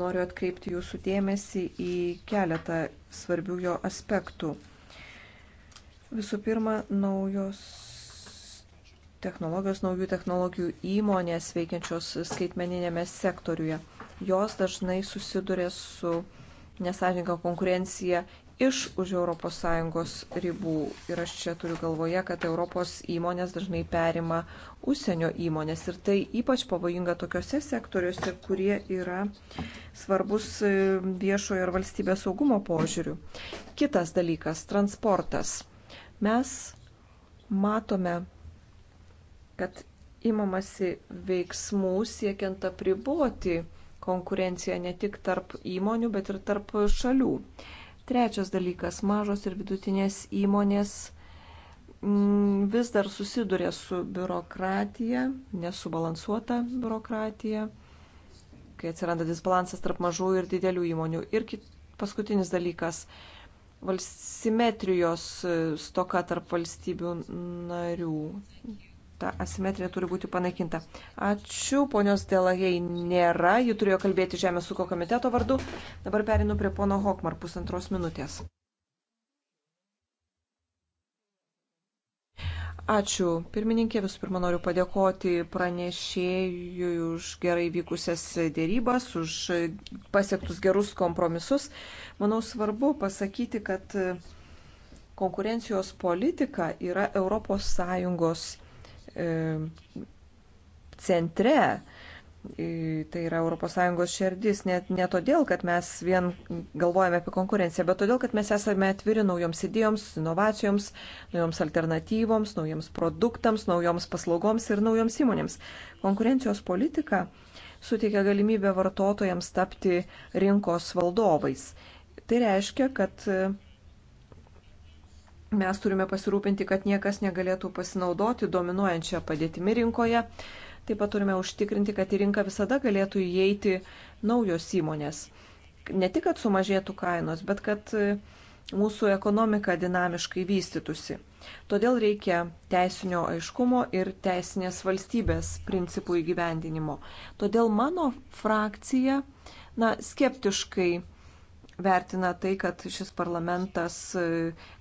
Noriu atkreipti jūsų dėmesį į keletą svarbių jo aspektų. Visų pirma, naujos technologijos, naujų technologijų įmonės veikiančios skaitmeninėme sektoriuje. Jos dažnai susiduria su nesažininką konkurenciją iš už ES ribų. Ir aš čia turiu galvoje, kad Europos įmonės dažnai perima užsienio įmonės. Ir tai ypač pavojinga tokiuose sektoriuose, kurie yra svarbus e, viešojo ir valstybės saugumo požiūrių. Kitas dalykas - transportas. Mes matome, kad imamasi veiksmų siekiant apriboti konkurenciją ne tik tarp įmonių, bet ir tarp šalių. Trečias dalykas - mažos ir vidutinės įmonės mm, vis dar susiduria su biurokratija, nesubalansuota biurokratija, kai atsiranda disbalansas tarp mažų ir didelių įmonių. Ir kit, paskutinis dalykas - valsimetrijos stoka tarp valstybių narių ta asimetrija turi būti panaikinta. Ačiū, ponios Delajai nėra, ji turėjo kalbėti Žemės ūkio komiteto vardu. Dabar perinu prie pono Hokmar pusantros minutės. Ačiū. Pirmininkė, visų pirma, noriu padėkoti pranešėjui už gerai vykusias dėrybas, už pasiektus gerus kompromisus. Manau, svarbu pasakyti, kad konkurencijos politika yra ES E, centre. E, tai yra ES širdis, net ne todėl, kad mes vien galvojame apie konkurenciją, bet todėl, kad mes esame atviri naujoms idėjoms, inovacijoms, naujoms alternatyvoms, naujiems produktams, naujoms paslaugoms ir naujoms įmonėms. Konkurencijos politika suteikia galimybę vartotojams tapti rinkos valdovais. Tai reiškia, kad mes turime pasirūpinti, kad niekas negalėtų pasinaudoti dominuojančią padėtimi rinkoje. Taip pat turime užtikrinti, kad į rinką visada galėtų įeiti naujos įmonės. Ne tik, kad sumažėtų kainos, bet kad e, mūsų ekonomika dinamiškai vystytųsi. Todėl reikia teisinio aiškumo ir teisinės valstybės principų įgyvendinimo. Todėl mano frakcija na, skeptiškai vertina tai, kad šis parlamentas e,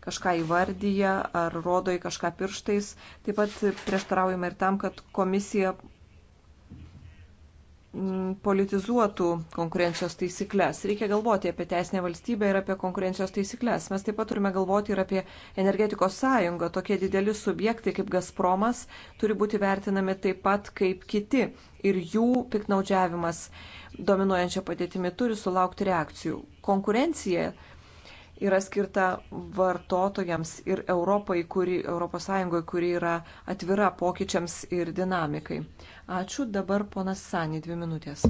kažką įvardyja ar rodo į kažką pirštais. Taip pat prieštaraujame ir tam, kad komisija mm, politizuotų konkurencijos taisyklės. Reikia galvoti apie teisinę valstybę ir apie konkurencijos taisyklės. Mes taip pat turime galvoti ir apie energetikos sąjungą. Tokie dideli subjektai kaip Gazpromas turi būti vertinami taip pat kaip kiti ir jų piknaudžiavimas dominuojančia padėtimi turi sulaukti reakcijų. Konkurencija yra skirta vartotojams ir Europai, kuri, ES, kuri yra atvira pokyčiams ir dinamikai. Ačiū. Dabar ponas Sani, dvi minutės.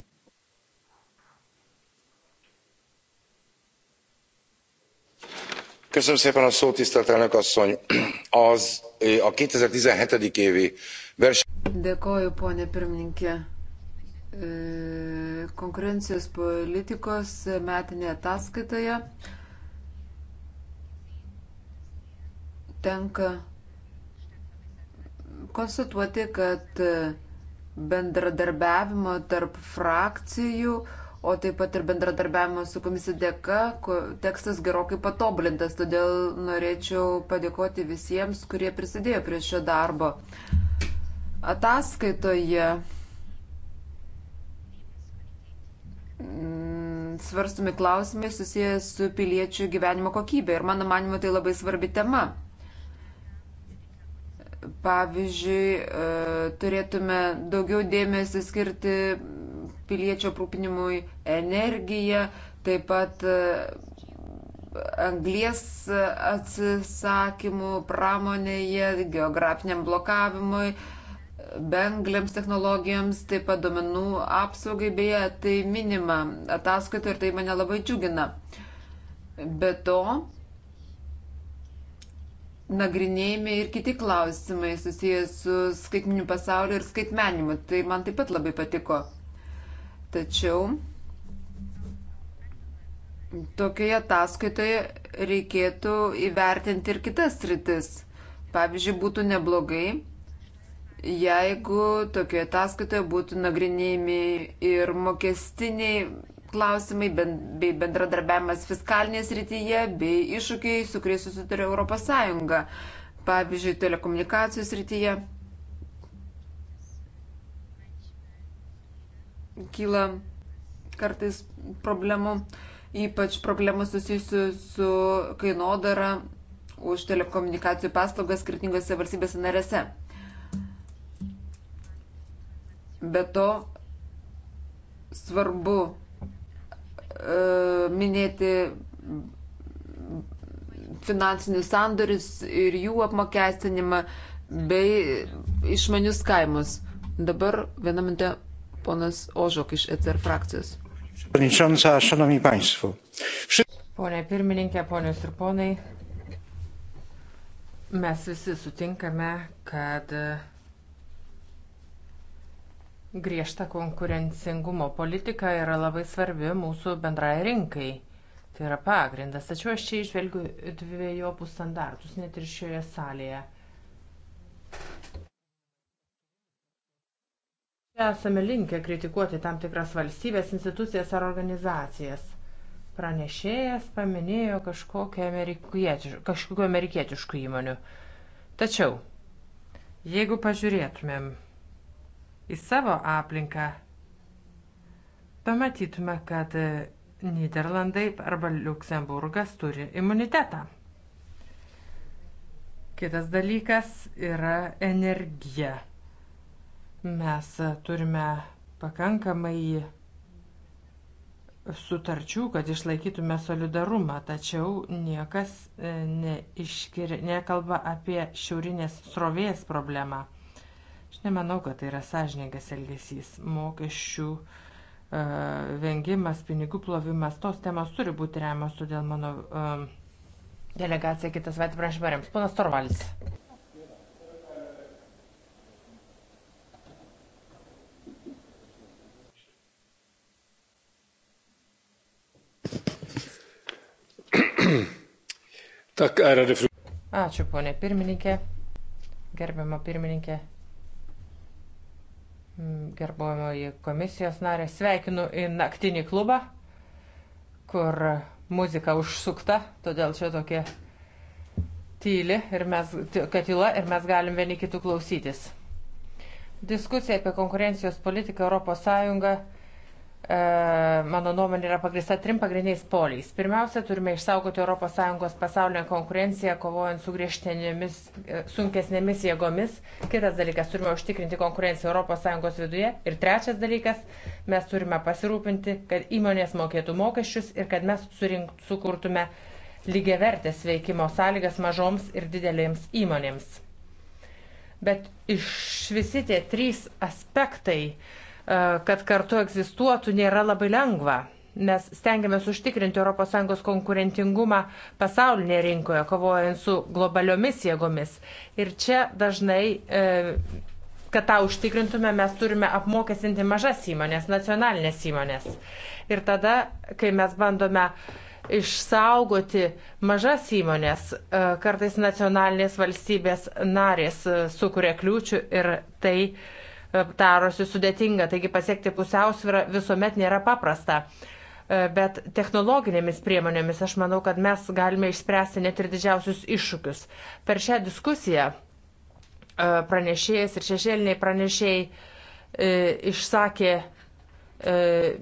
Köszönöm szépen a szót, tisztelt elnök asszony. Az a 2017. évi verseny... Dėkoju, ponė pirmininkė. E, konkurencijos politikos metinėje ataskaitoje tenka konstatuoti, kad bendradarbiavimo tarp frakcijų, o taip pat ir bendradarbiavimo su komisija dėka, tekstas gerokai patobulintas, todėl norėčiau padėkoti visiems, kurie prisidėjo prie šio darbo. Ataskaitoje Mm, svarstumi klausimai susijęs su piliečių gyvenimo kokybė. Ir mano manimo, tai labai svarbi tema. Pavyzdžiui, e, turėtume daugiau dėmesio skirti piliečio aprūpinimui energiją, taip pat e, anglies atsisakymų pramonėje, geografiniam blokavimui, bengliams technologijams, taip pat domenų apsaugai, beje, tai minima ataskaitoje ir tai mane labai džiugina. Be to, nagrinėjami ir kiti klausimai susijęs su skaitminiu pasauliu ir skaitmenimu. Tai man taip pat labai patiko. Tačiau tokioje ataskaitoje reikėtų įvertinti ir kitas rytis. Pavyzdžiui, būtų neblogai jeigu tokioje ataskaitoje būtų nagrinėjami ir mokestiniai klausimai bei bendradarbiavimas fiskalinės rytyje bei iššūkiai, su kuriais susiduria Europos Sąjunga, pavyzdžiui, telekomunikacijos rytyje. Kyla kartais problemų, ypač problemų susijusių su kainodara už telekomunikacijų paslaugas skirtingose valstybėse narėse. Be to svarbu e, minėti finansinius sandorius ir jų apmokestinimą bei išmanius kaimus. Dabar vieną minutę ponas Ožok iš ECR frakcijos. Pone pirmininkė, ponios ir ponai, mes visi sutinkame, kad Griežta konkurencingumo politika yra labai svarbi mūsų bendrai rinkai. Tai yra pagrindas. Tačiau aš čia išvelgiu dviejopų standartus, net ir šioje salėje. Čia esame linkę kritikuoti tam tikras valstybės, institucijas ar organizacijas. Pranešėjas paminėjo kažkokiu amerikietišku, amerikietišku įmonių. Tačiau, jeigu pažiūrėtumėm į savo aplinką, pamatytume, kad e, Niderlandai arba Luksemburgas turi imunitetą. Kitas dalykas yra energija. Mes turime pakankamai sutarčių, kad išlaikytume solidarumą, tačiau niekas e, neiškir, nekalba apie šiaurinės srovės problemą. Aš nemanau, kad tai yra sąžininkas elgesys. Mokesčių e, vengimas, pinigų plovimas, tos temos turi būti remiamos, todėl mano e, delegacija kitas savaitę prašymą rems. Ponas Torvalis. Ačiū, ponė pirmininkė, gerbiama pirmininkė gerbojamoji komisijos narė, sveikinu į naktinį klubą, kur muzika užsukta, todėl čia tokie tyli ir mes, katyla ir mes galim vieni kitų klausytis. Diskusija apie konkurencijos politiką ES E, mano nuomonė, yra pagrista trim pagrindiniais poliais. Pirmiausia, turime išsaugoti ES pasaulinę konkurenciją, kovojant su griežtinėmis, e, sunkesnėmis jėgomis. Kitas dalykas, turime užtikrinti konkurenciją ES viduje. Ir trečias dalykas, mes turime pasirūpinti, kad įmonės mokėtų mokesčius ir kad mes surink, sukurtume lygiavertės veikimo sąlygas mažoms ir didelėms įmonėms. Bet iš visi tie trys aspektai, uh, E, kad kartu egzistuotų, nėra labai lengva. Mes stengiamės užtikrinti ES konkurentingumą pasaulinėje rinkoje, kovojant su globaliomis jėgomis. Ir čia dažnai, e, kad tą užtikrintume, mes turime apmokestinti mažas įmonės, nacionalinės įmonės. Ir tada, kai mes bandome išsaugoti mažas įmonės, e, kartais nacionalinės valstybės narės sukuria kliūčių ir tai uh, E, darosi sudėtinga, taigi pasiekti pusiausvyrą visuomet nėra paprasta. E, bet technologinėmis priemonėmis aš manau, kad mes galime išspręsti net ir didžiausius iššūkius. Per šią diskusiją e, pranešėjas ir šešėliniai pranešėjai išsakė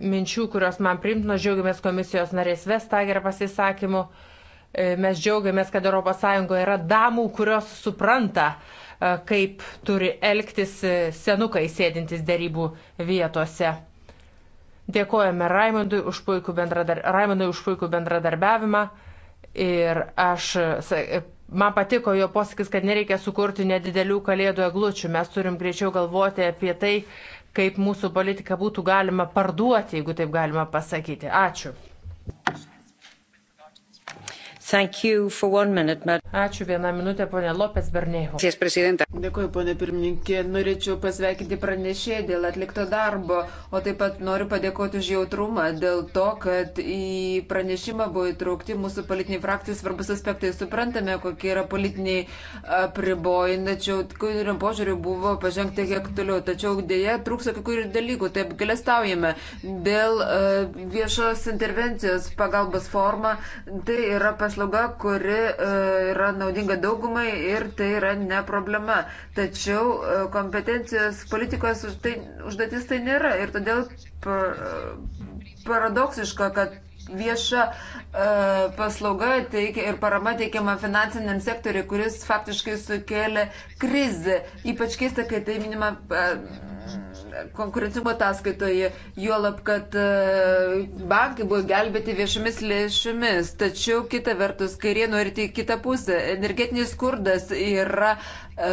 minčių, kurios man primtino, džiaugiamės komisijos narės Vestager pasisakymu, mes džiaugiamės, kad ES yra damų, kurios supranta, uh, E, kaip turi elgtis e, senukai sėdintys dėrybų vietose. Dėkojame Raimondui už puikų, bendradar... Raimondui už puikų bendradarbiavimą ir aš e, Man patiko jo posakis, kad nereikia sukurti nedidelių kalėdų eglučių. Mes turim greičiau galvoti apie tai, kaip mūsų politiką būtų galima parduoti, jeigu taip galima pasakyti. Ačiū. Minute, Ačiū vieną minutę, ponė Lopes Bernėjo. Dėkuoju, ponė pirmininkė. Norėčiau pasveikinti pranešėją dėl atlikto darbo, o taip pat noriu padėkoti už jautrumą dėl to, kad į pranešimą buvo įtraukti mūsų politiniai frakcijai svarbus aspektai. Suprantame, kokie yra politiniai apribojimai, tačiau kuriam požiūriu buvo pažengti kiek toliau. Tačiau dėja trūksta kai kurių dalykų, taip galestaujame. Dėl uh, viešos intervencijos pagalbos forma tai yra paslauga paslauga, kuri e, yra naudinga daugumai ir tai yra ne problema. Tačiau e, kompetencijos politikos tai, užduotis tai nėra ir todėl e, paradoksiška, kad vieša e, paslauga teikia ir parama teikiama finansiniam sektoriui, kuris faktiškai sukėlė krizę. Ypač keista, kai tai minima e, konkurencingumo ataskaitoje, juolab, kad e, bankai buvo gelbėti viešomis lėšomis. Tačiau kita vertus, kairė nori tik kitą pusę. Energetinis skurdas yra e,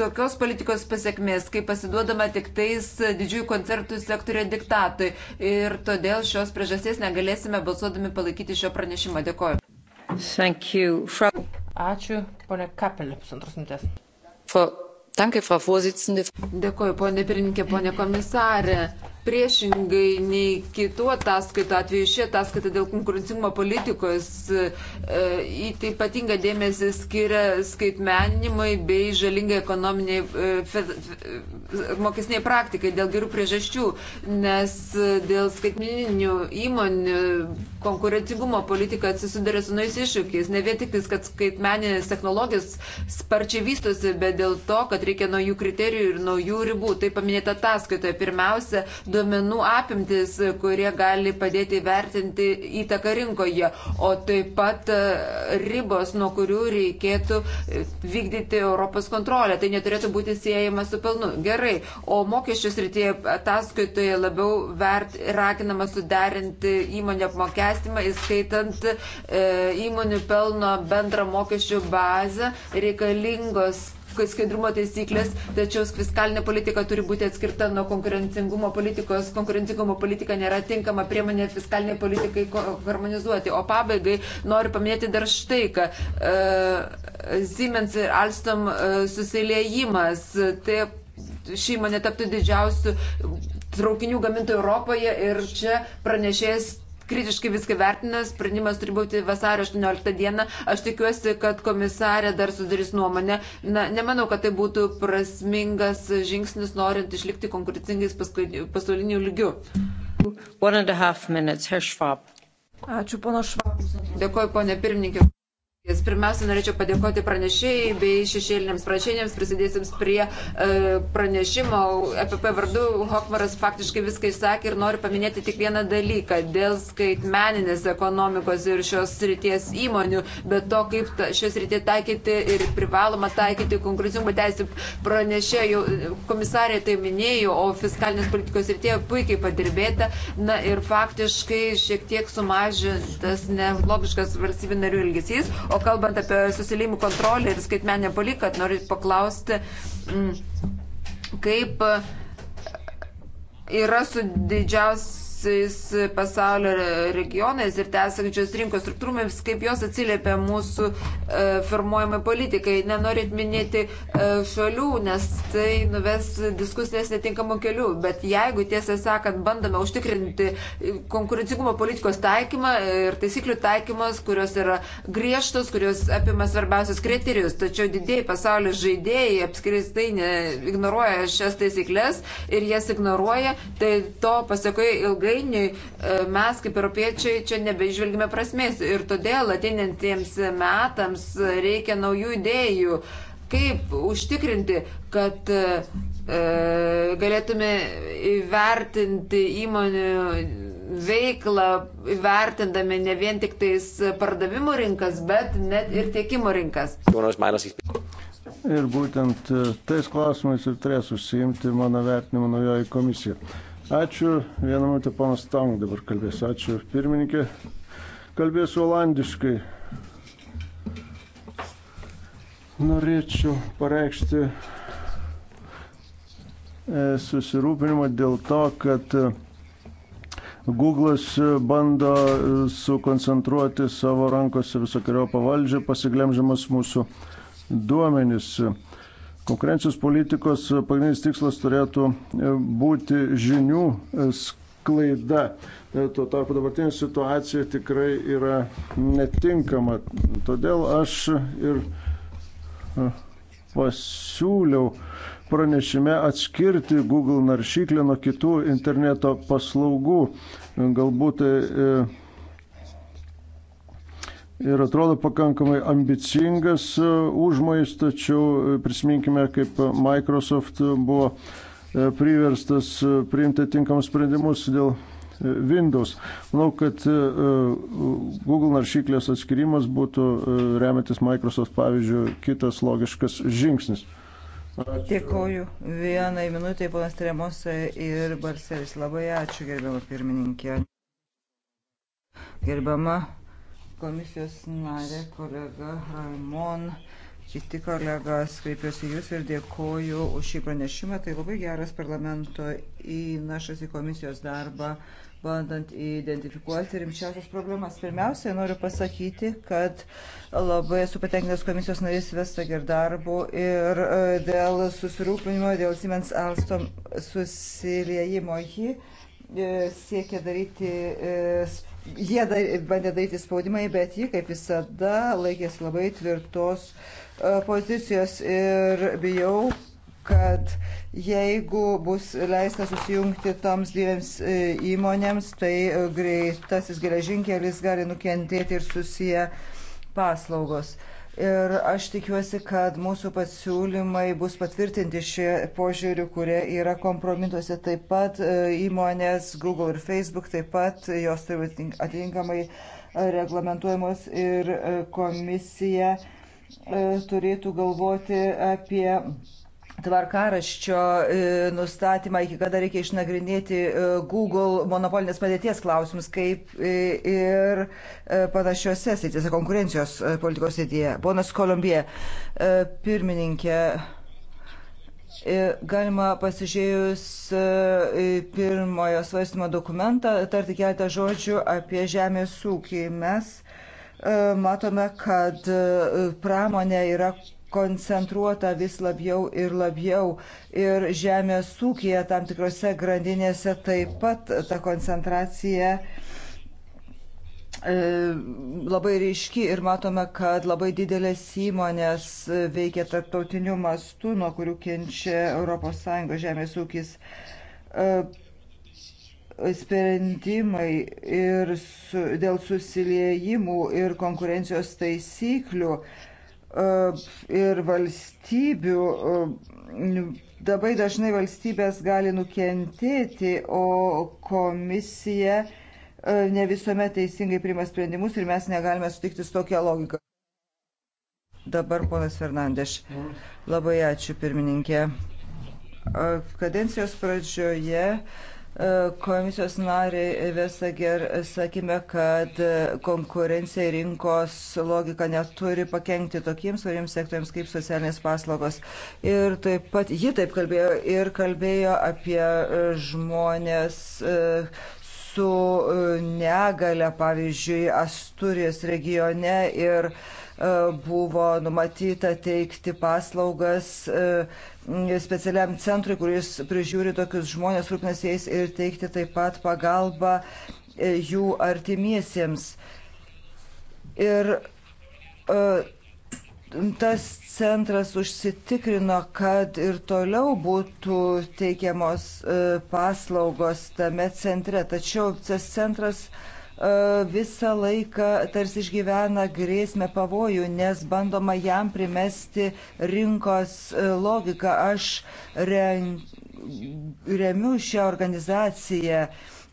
tokios politikos pasiekmės, kai pasiduodama tik tais didžiųjų koncertų sektorio diktatui. Ir todėl šios priežasties negalėsime balsuodami palaikyti šio pranešimo. Dėkoju. Ačiū, ponia Kapelė, pusantros minutės. For Danke, Frau Vorsitzende. Dėkoju, ponė pirmininkė, ponė komisarė. Priešingai nei kitų ataskaitų atveju, ši ataskaita dėl konkurencingumo politikos e, tai ypatinga dėmesį skiria skaitmeninimui bei žalingai ekonominiai e, mokesniai praktikai dėl gerų priežasčių, nes dėl skaitmeninių įmonių konkurencingumo politika atsisudarė su nais iššūkiais. Ne vien tik, kad skaitmeninės technologijos sparčiai vystosi, bet dėl to, kad reikia naujų kriterijų ir naujų ribų. Tai paminėta ataskaitoje. Pirmiausia, duomenų apimtis, kurie gali padėti vertinti įtaką rinkoje, o taip pat e, ribos, nuo kurių reikėtų e, vykdyti Europos kontrolę. Tai neturėtų būti siejama su pelnu. Gerai, o mokesčių srityje ataskaitoje labiau vert, raginama suderinti įmonių apmokestimą, įskaitant e, įmonių pelno bendrą mokesčių bazę reikalingos skaidrumo taisyklės, tačiau fiskalinė politika turi būti atskirta nuo konkurencingumo politikos. Konkurencingumo politika nėra tinkama priemonė fiskaliniai politikai harmonizuoti. O pabaigai noriu paminėti dar štai, kad uh, e, Siemens ir Alstom uh, susiliejimas. Tai šį mane taptų didžiausių traukinių gamintojų Europoje ir čia pranešėjas kritiškai viską vertina, sprendimas turi būti vasario 18 dieną. Aš tikiuosi, kad komisarė dar sudarys nuomonę. Na, nemanau, kad tai būtų prasmingas žingsnis, norint išlikti konkurencingais pasauliniu lygiu. Minutes, Ačiū, pono Švab. Dėkuoju, ponė pirmininkė. Pirmiausia, norėčiau padėkoti pranešėjai bei šešėliniams pranešėjams, prisidėsiams prie e, pranešimo. EPP vardu Hokmaras faktiškai viską išsakė ir noriu paminėti tik vieną dalyką dėl skaitmeninės ekonomikos ir šios ryties įmonių, bet to, kaip ta, šios rytie taikyti ir privaloma taikyti konkurencingumo teisų pranešėjų. Komisarė tai minėjo, o fiskalinės politikos rytie puikiai padirbėta. Na ir faktiškai šiek tiek sumažintas nelogiškas valstybių narių ilgesys. O O kalbant apie susilimų kontrolę ir skaitmenę politiką, tai noriu paklausti, mm, kaip e, yra su didžiausiu vykusiais pasaulio regionais ir tęsančios rinkos struktūrumėms, kaip jos atsiliepia mūsų e, formuojamai politikai. Nenorit minėti e, šalių, nes tai nuves diskusijas netinkamų kelių, bet jeigu tiesą sakant bandome užtikrinti konkurencingumo politikos taikymą ir taisyklių taikymas, kurios yra griežtos, kurios apima svarbiausius kriterijus, tačiau didėjai pasaulio žaidėjai apskristai ignoruoja šias taisyklės ir jas ignoruoja, tai to pasakoja ilgai ilgainiui e, mes kaip europiečiai čia nebeižvelgime prasmės ir todėl ateinantiems metams reikia naujų idėjų, kaip užtikrinti, kad e, galėtume įvertinti įmonių veiklą, įvertindami ne vien tik tais pardavimų rinkas, bet net ir tiekimo rinkas. Ir būtent e, tais klausimais ir turės užsiimti mano vertinimo naujoji komisija. Ačiū. Vieną minutę panas Tang dabar kalbės. Ačiū pirmininkė. Kalbėsiu olandiškai. Norėčiau pareikšti e, susirūpinimą dėl to, kad e, Google'as bando e, sukoncentruoti savo rankose visokiojo pavaldžią, pasiglemžiamas mūsų duomenis. Konkurencijos politikos pagrindinis tikslas turėtų e, būti žinių e, klaida. E, tuo tarpu dabartinė situacija tikrai yra netinkama. Todėl aš ir pasiūliau pranešime atskirti Google naršyklę nuo kitų interneto paslaugų. Galbūt ir atrodo pakankamai ambicingas e, užmojis, tačiau e, prisiminkime, kaip Microsoft buvo e, priverstas priimti tinkamus sprendimus dėl Windows. Manau, kad Google naršyklės atskirimas būtų remiantis Microsoft pavyzdžių kitas logiškas žingsnis. Ačiū. Dėkoju. Vienai minutė, ponas Tremosa ir Barselis. Labai ačiū, gerbiamas pirmininkė. Gerbiama komisijos narė, kolega Ramon, kiti kolegas, kreipiuosi jūs ir dėkoju už šį pranešimą. Tai labai geras parlamento įnašas į komisijos darbą, bandant identifikuoti rimčiausias problemas. Pirmiausia, noriu pasakyti, kad labai esu patenkintas komisijos narys Vestager darbu ir e, dėl susirūpinimo, dėl Siemens Alstom susiliejimo jį e, siekia daryti e, Jie dar, bandė daryti spaudimai, bet ji, kaip visada, laikėsi labai tvirtos e, pozicijos ir bijau, kad jeigu bus leista susijungti toms dviems e, įmonėms, tai e, greitasis geležinkelis gali nukentėti ir susiję paslaugos. Uh, Ir aš tikiuosi, kad mūsų pasiūlymai bus patvirtinti šie požiūrių, kurie yra kompromituose. Taip pat e, įmonės Google ir Facebook, taip pat jos turi būti atitinkamai e, reglamentuojamos ir e, komisija turėtų galvoti apie tvarkaraščio e, nustatymą, iki kada reikia išnagrinėti e, Google monopolinės padėties klausimus, kaip e, ir panašiose srityse, konkurencijos politikos srityje. Ponas Kolumbija, pirmininkė. Galima pasižiūrėjus pirmojo svarstymo dokumentą tarti keletą žodžių apie žemės ūkį. Mes matome, kad pramonė yra koncentruota vis labiau ir labiau. Ir žemės ūkija tam tikrose grandinėse taip pat ta koncentracija e, labai ryški ir matome, kad labai didelės įmonės veikia tarptautiniu mastu, nuo kurių kenčia ES žemės ūkis e, sprendimai ir su, dėl susiliejimų ir konkurencijos taisyklių uh, E, ir valstybių, e, labai dažnai valstybės gali nukentėti, o komisija e, ne visuomet teisingai priima sprendimus ir mes negalime sutikti su tokia logika. Dabar ponas Fernandeš. Labai ačiū pirmininkė. Kadencijos pradžioje Komisijos nariai Vesager sakime, kad konkurencija ir rinkos logika neturi pakengti tokiems svariems sektoriams kaip socialinės paslaugos. Ir taip pat ji taip kalbėjo ir kalbėjo apie e, žmonės e, su negale, pavyzdžiui, Asturijos regione ir e, buvo numatyta teikti paslaugas specialiam centrui, kuris prižiūri tokius žmonės, rūpinasi jais ir teikti taip pat pagalbą e, jų artimiesiems. Ir e, tas centras užsitikrino, kad ir toliau būtų teikiamos e, paslaugos tame centre. Tačiau tas centras uh, visą laiką tarsi išgyvena grėsmę pavojų, nes bandoma jam primesti rinkos e, logiką. Aš remiu šią organizaciją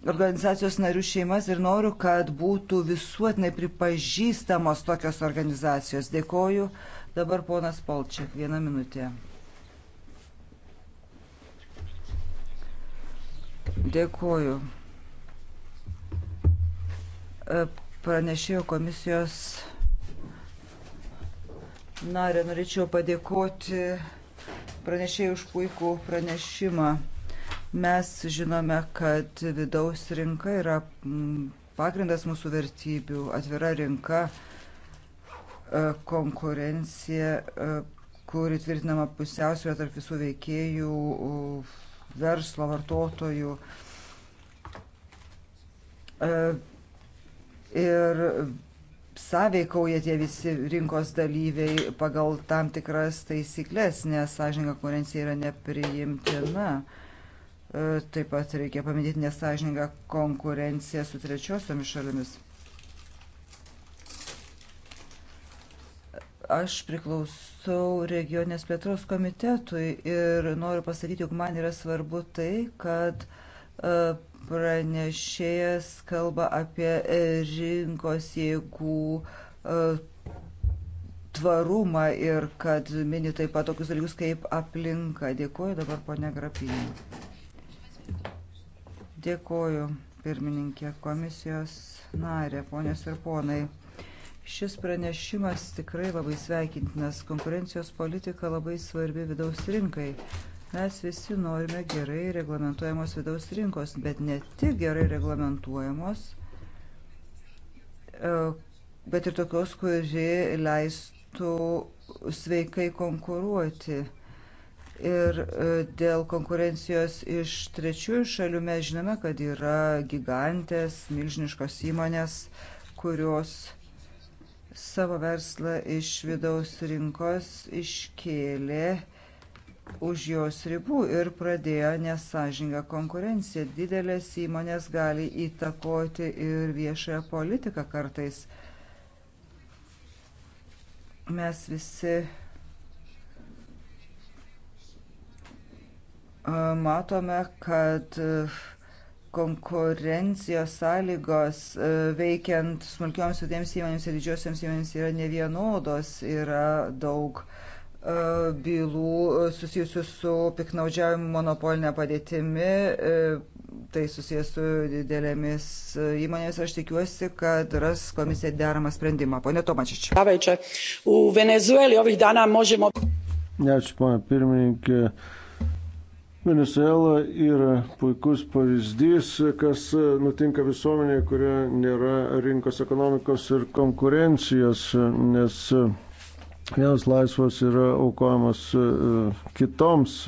organizacijos narių šeimas ir noriu, kad būtų visuotinai pripažįstamos tokios organizacijos. Dėkoju. Dabar ponas Polčiak, vieną minutę. Dėkoju pranešėjo komisijos narė. Norėčiau padėkoti pranešėjai už puikų pranešimą. Mes žinome, kad vidaus rinka yra pagrindas mūsų vertybių, atvira rinka, e, konkurencija, e, kuri tvirtinama pusiausvė tarp visų veikėjų, verslo, vartotojų e, ir sąveikauja tie visi rinkos dalyviai pagal tam tikras taisyklės, nes sąžininga konkurencija yra nepriimtina. E, taip pat reikia paminėti nesažininką konkurenciją su trečiosiomis šalimis. Aš priklausau regionės plėtros komitetui ir noriu pasakyti, jog man yra svarbu tai, kad e, Pranešėjas kalba apie rinkos jėgų e, tvarumą ir kad mini taip pat tokius dalykus kaip aplinka. Dėkuoju dabar ponia Grapinė. Dėkuoju pirmininkė komisijos narė, ponios ir ponai. Šis pranešimas tikrai labai sveikintinas. Konkurencijos politika labai svarbi vidaus rinkai. Mes visi norime gerai reglamentuojamos vidaus rinkos, bet ne tik gerai reglamentuojamos, e, bet ir tokios, kuri leistų sveikai konkuruoti. Ir e, dėl konkurencijos iš trečiųjų šalių mes žinome, kad yra gigantės, milžiniškos įmonės, kurios savo verslą iš vidaus rinkos iškėlė už jos ribų ir pradėjo nesažingą konkurenciją. Didelės įmonės gali įtakoti ir viešąją politiką kartais. Mes visi e, matome, kad e, konkurencijos sąlygos e, veikiant smulkioms vidėms įmonėms ir didžiosioms įmonėms yra nevienodos, yra daug uh, E, bylų e, susijusių su piknaudžiavimu monopolinė padėtimi, e, tai susijęs su didelėmis įmonėmis. Aš tikiuosi, kad ras komisija deramą sprendimą. Pone Tomačič. Ačiū, pana pirmininkė. Venezuela yra puikus pavyzdys, kas nutinka visuomenėje, kurioje nėra rinkos ekonomikos ir konkurencijos, nes vienas laisvas yra aukojamas e, kitoms.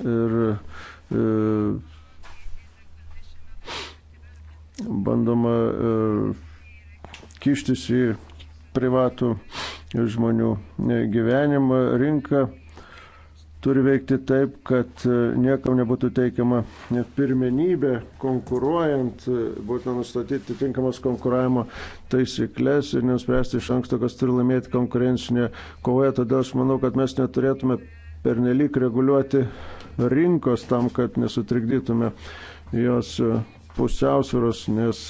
Ir e, bandoma e, kištis į privatų žmonių gyvenimą, rinką turi veikti taip, kad e, niekam nebūtų teikiama pirmenybė konkuruojant, e, būtina nustatyti tinkamas konkuravimo taisyklės ir nuspręsti iš anksto, kas turi laimėti konkurencinėje kovoje. Todėl aš manau, kad mes neturėtume pernelyg reguliuoti rinkos tam, kad nesutrikdytume jos e, pusiausvėros, nes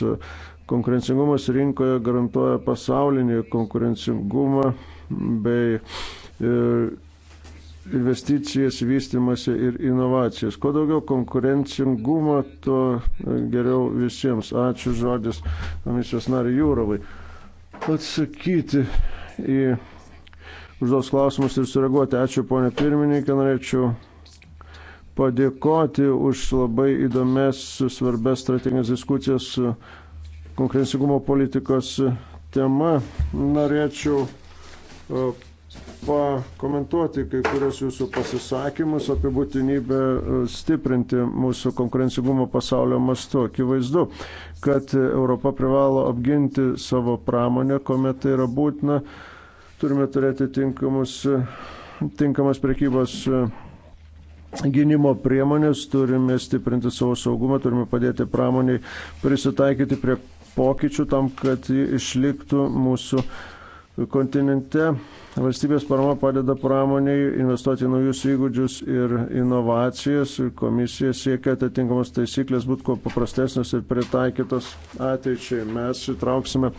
konkurencingumas rinkoje garantuoja pasaulinį konkurencingumą bei investicijas, vystimasi ir inovacijas. Kuo daugiau konkurencingumo, tuo e, geriau visiems. Ačiū žodis komisijos nariai Jūrovai. Atsakyti į užduos klausimus ir sureaguoti. Ačiū ponė pirmininkė, norėčiau padėkoti už labai įdomias, svarbes strateginės diskusijas konkurencingumo politikos tema. Norėčiau e, pakomentuoti kai kurios jūsų pasisakymus apie būtinybę e, stiprinti mūsų konkurencingumą pasaulio mastu. Akivaizdu, kad Europa privalo apginti savo pramonę, kuomet tai yra būtina. Turime turėti tinkamus, e, tinkamas prekybos e, gynimo priemonės, turime stiprinti savo saugumą, turime padėti pramoniai prisitaikyti prie pokyčių tam, kad ji išliktų mūsų kontinente. Valstybės parama padeda pramoniai investuoti į naujus įgūdžius ir inovacijas. Komisija siekia atitinkamos taisyklės būtų kuo paprastesnės ir pritaikytos ateičiai. Mes įtrauksime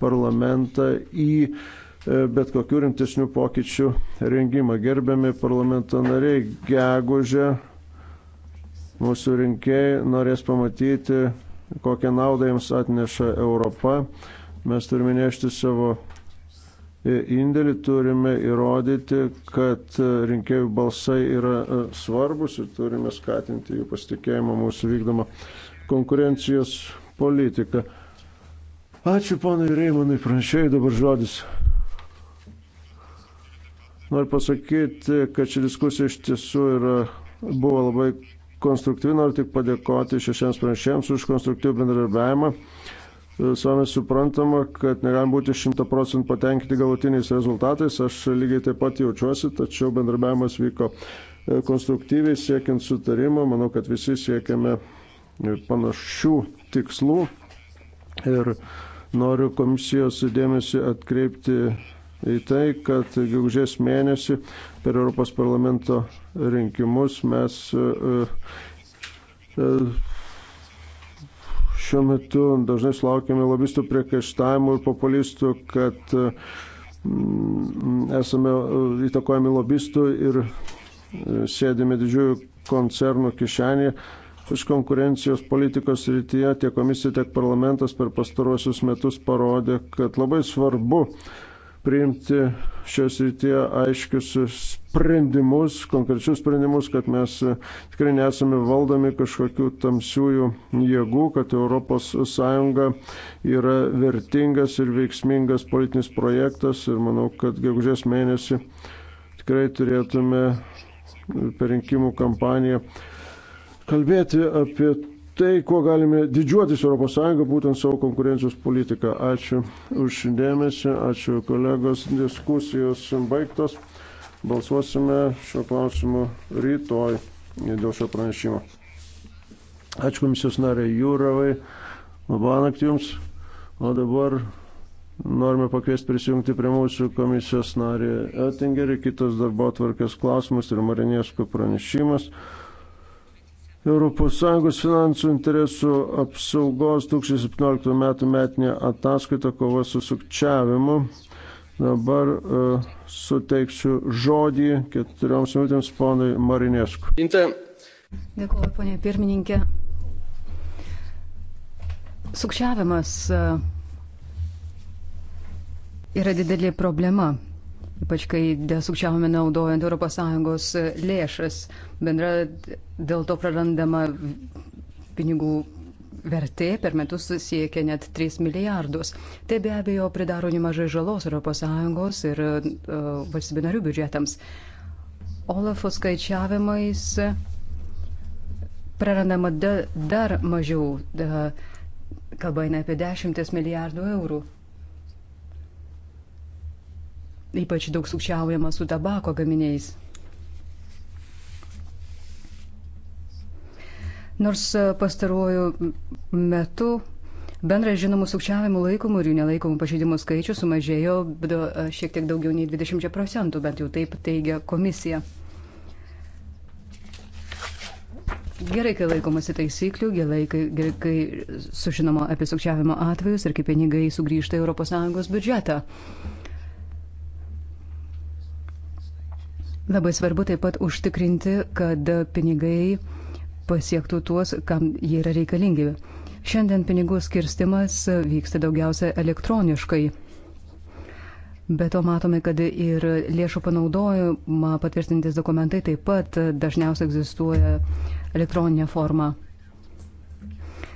parlamentą į e, bet kokių rimtesnių pokyčių rengimą. Gerbiami parlamento nariai, gegužę mūsų rinkėjai norės pamatyti, kokią naudą jiems atneša Europa. Mes turime nešti savo E, indėlį, turime įrodyti, kad e, rinkėjų balsai yra e, svarbus ir turime skatinti jų pasitikėjimą mūsų vykdomą konkurencijos politiką. Ačiū ponai Reimanui, pranešėjai dabar žodis. Noriu pasakyti, kad ši diskusija iš tiesų yra, buvo labai konstruktyvi, noriu tik padėkoti šešiems pranešėjams už konstruktyvų bendradarbiavimą. Savame suprantama, kad negalim būti 100 procentų patenkinti galutiniais rezultatais. Aš lygiai taip pat jaučiuosi, tačiau bendrabiavimas vyko e, konstruktyviai siekiant sutarimo. Manau, kad visi siekiame e, panašių tikslų. Ir noriu komisijos dėmesį atkreipti į tai, kad gegužės mėnesį per Europos parlamento rinkimus mes e, Šiuo metu dažnai sulaukime lobistų priekaištavimų ir populistų, kad mm, esame e, įtakojami lobistų ir e, sėdime didžiųjų koncernų kišenėje. Iš konkurencijos politikos rytyje tiek komisija, tiek parlamentas per pastaruosius metus parodė, kad labai svarbu priimti šios rytyje aiškius sprendimus, konkrečius sprendimus, kad mes e, tikrai nesame valdomi kažkokių tamsiųjų jėgų, kad ES yra vertingas ir veiksmingas politinis projektas ir manau, kad gegužės mėnesį tikrai turėtume per rinkimų kampaniją kalbėti apie tai, kuo galime didžiuotis ES, būtent savo konkurencijos politiką. Ačiū už dėmesį, ačiū kolegos, diskusijos baigtos. Balsuosime šio klausimu rytoj dėl šio pranešimo. Ačiū komisijos nariai Jūravai, labanakt jums. O dabar norime pakviesti prisijungti prie mūsų komisijos narį Oettingerį, kitas darbo tvarkės klausimas ir Mariniesko pranešimas. ES finansų interesų apsaugos 2017 m. metinė ataskaita kova su sukčiavimu. Dabar uh, suteiksiu žodį keturioms minutėms ponui Marinėsku. Dėkuoju, ponė pirmininkė. Sukčiavimas uh, yra didelė problema ypač kai sukčiavome naudojant ES lėšas. Bendra dėl to prarandama pinigų vertė per metus siekia net 3 milijardus. Tai be abejo pridaro nemažai žalos ES ir uh, valstybių narių biudžetams. Olafo skaičiavimais prarandama da, dar mažiau, da, kalba eina apie 10 milijardų eurų ypač daug sukčiaujama su tabako gaminiais. Nors e, pastaruoju metu bendras žinomų sukčiavimų laikomų ir jų nelaikomų pažeidimų skaičius sumažėjo e, šiek tiek daugiau nei 20 procentų, bent jau taip teigia komisija. Gerai, kai laikomasi taisyklių, gerai, kai, gerai, kai sužinoma apie sukčiavimo atvejus ir kaip pinigai sugrįžta į ES biudžetą. Labai svarbu taip pat užtikrinti, kad pinigai pasiektų tuos, kam jie yra reikalingi. Šiandien pinigų skirstimas vyksta daugiausia elektroniškai. Be to matome, kad ir lėšų panaudojimą patvirtintis dokumentai taip pat dažniausiai egzistuoja elektroninė forma.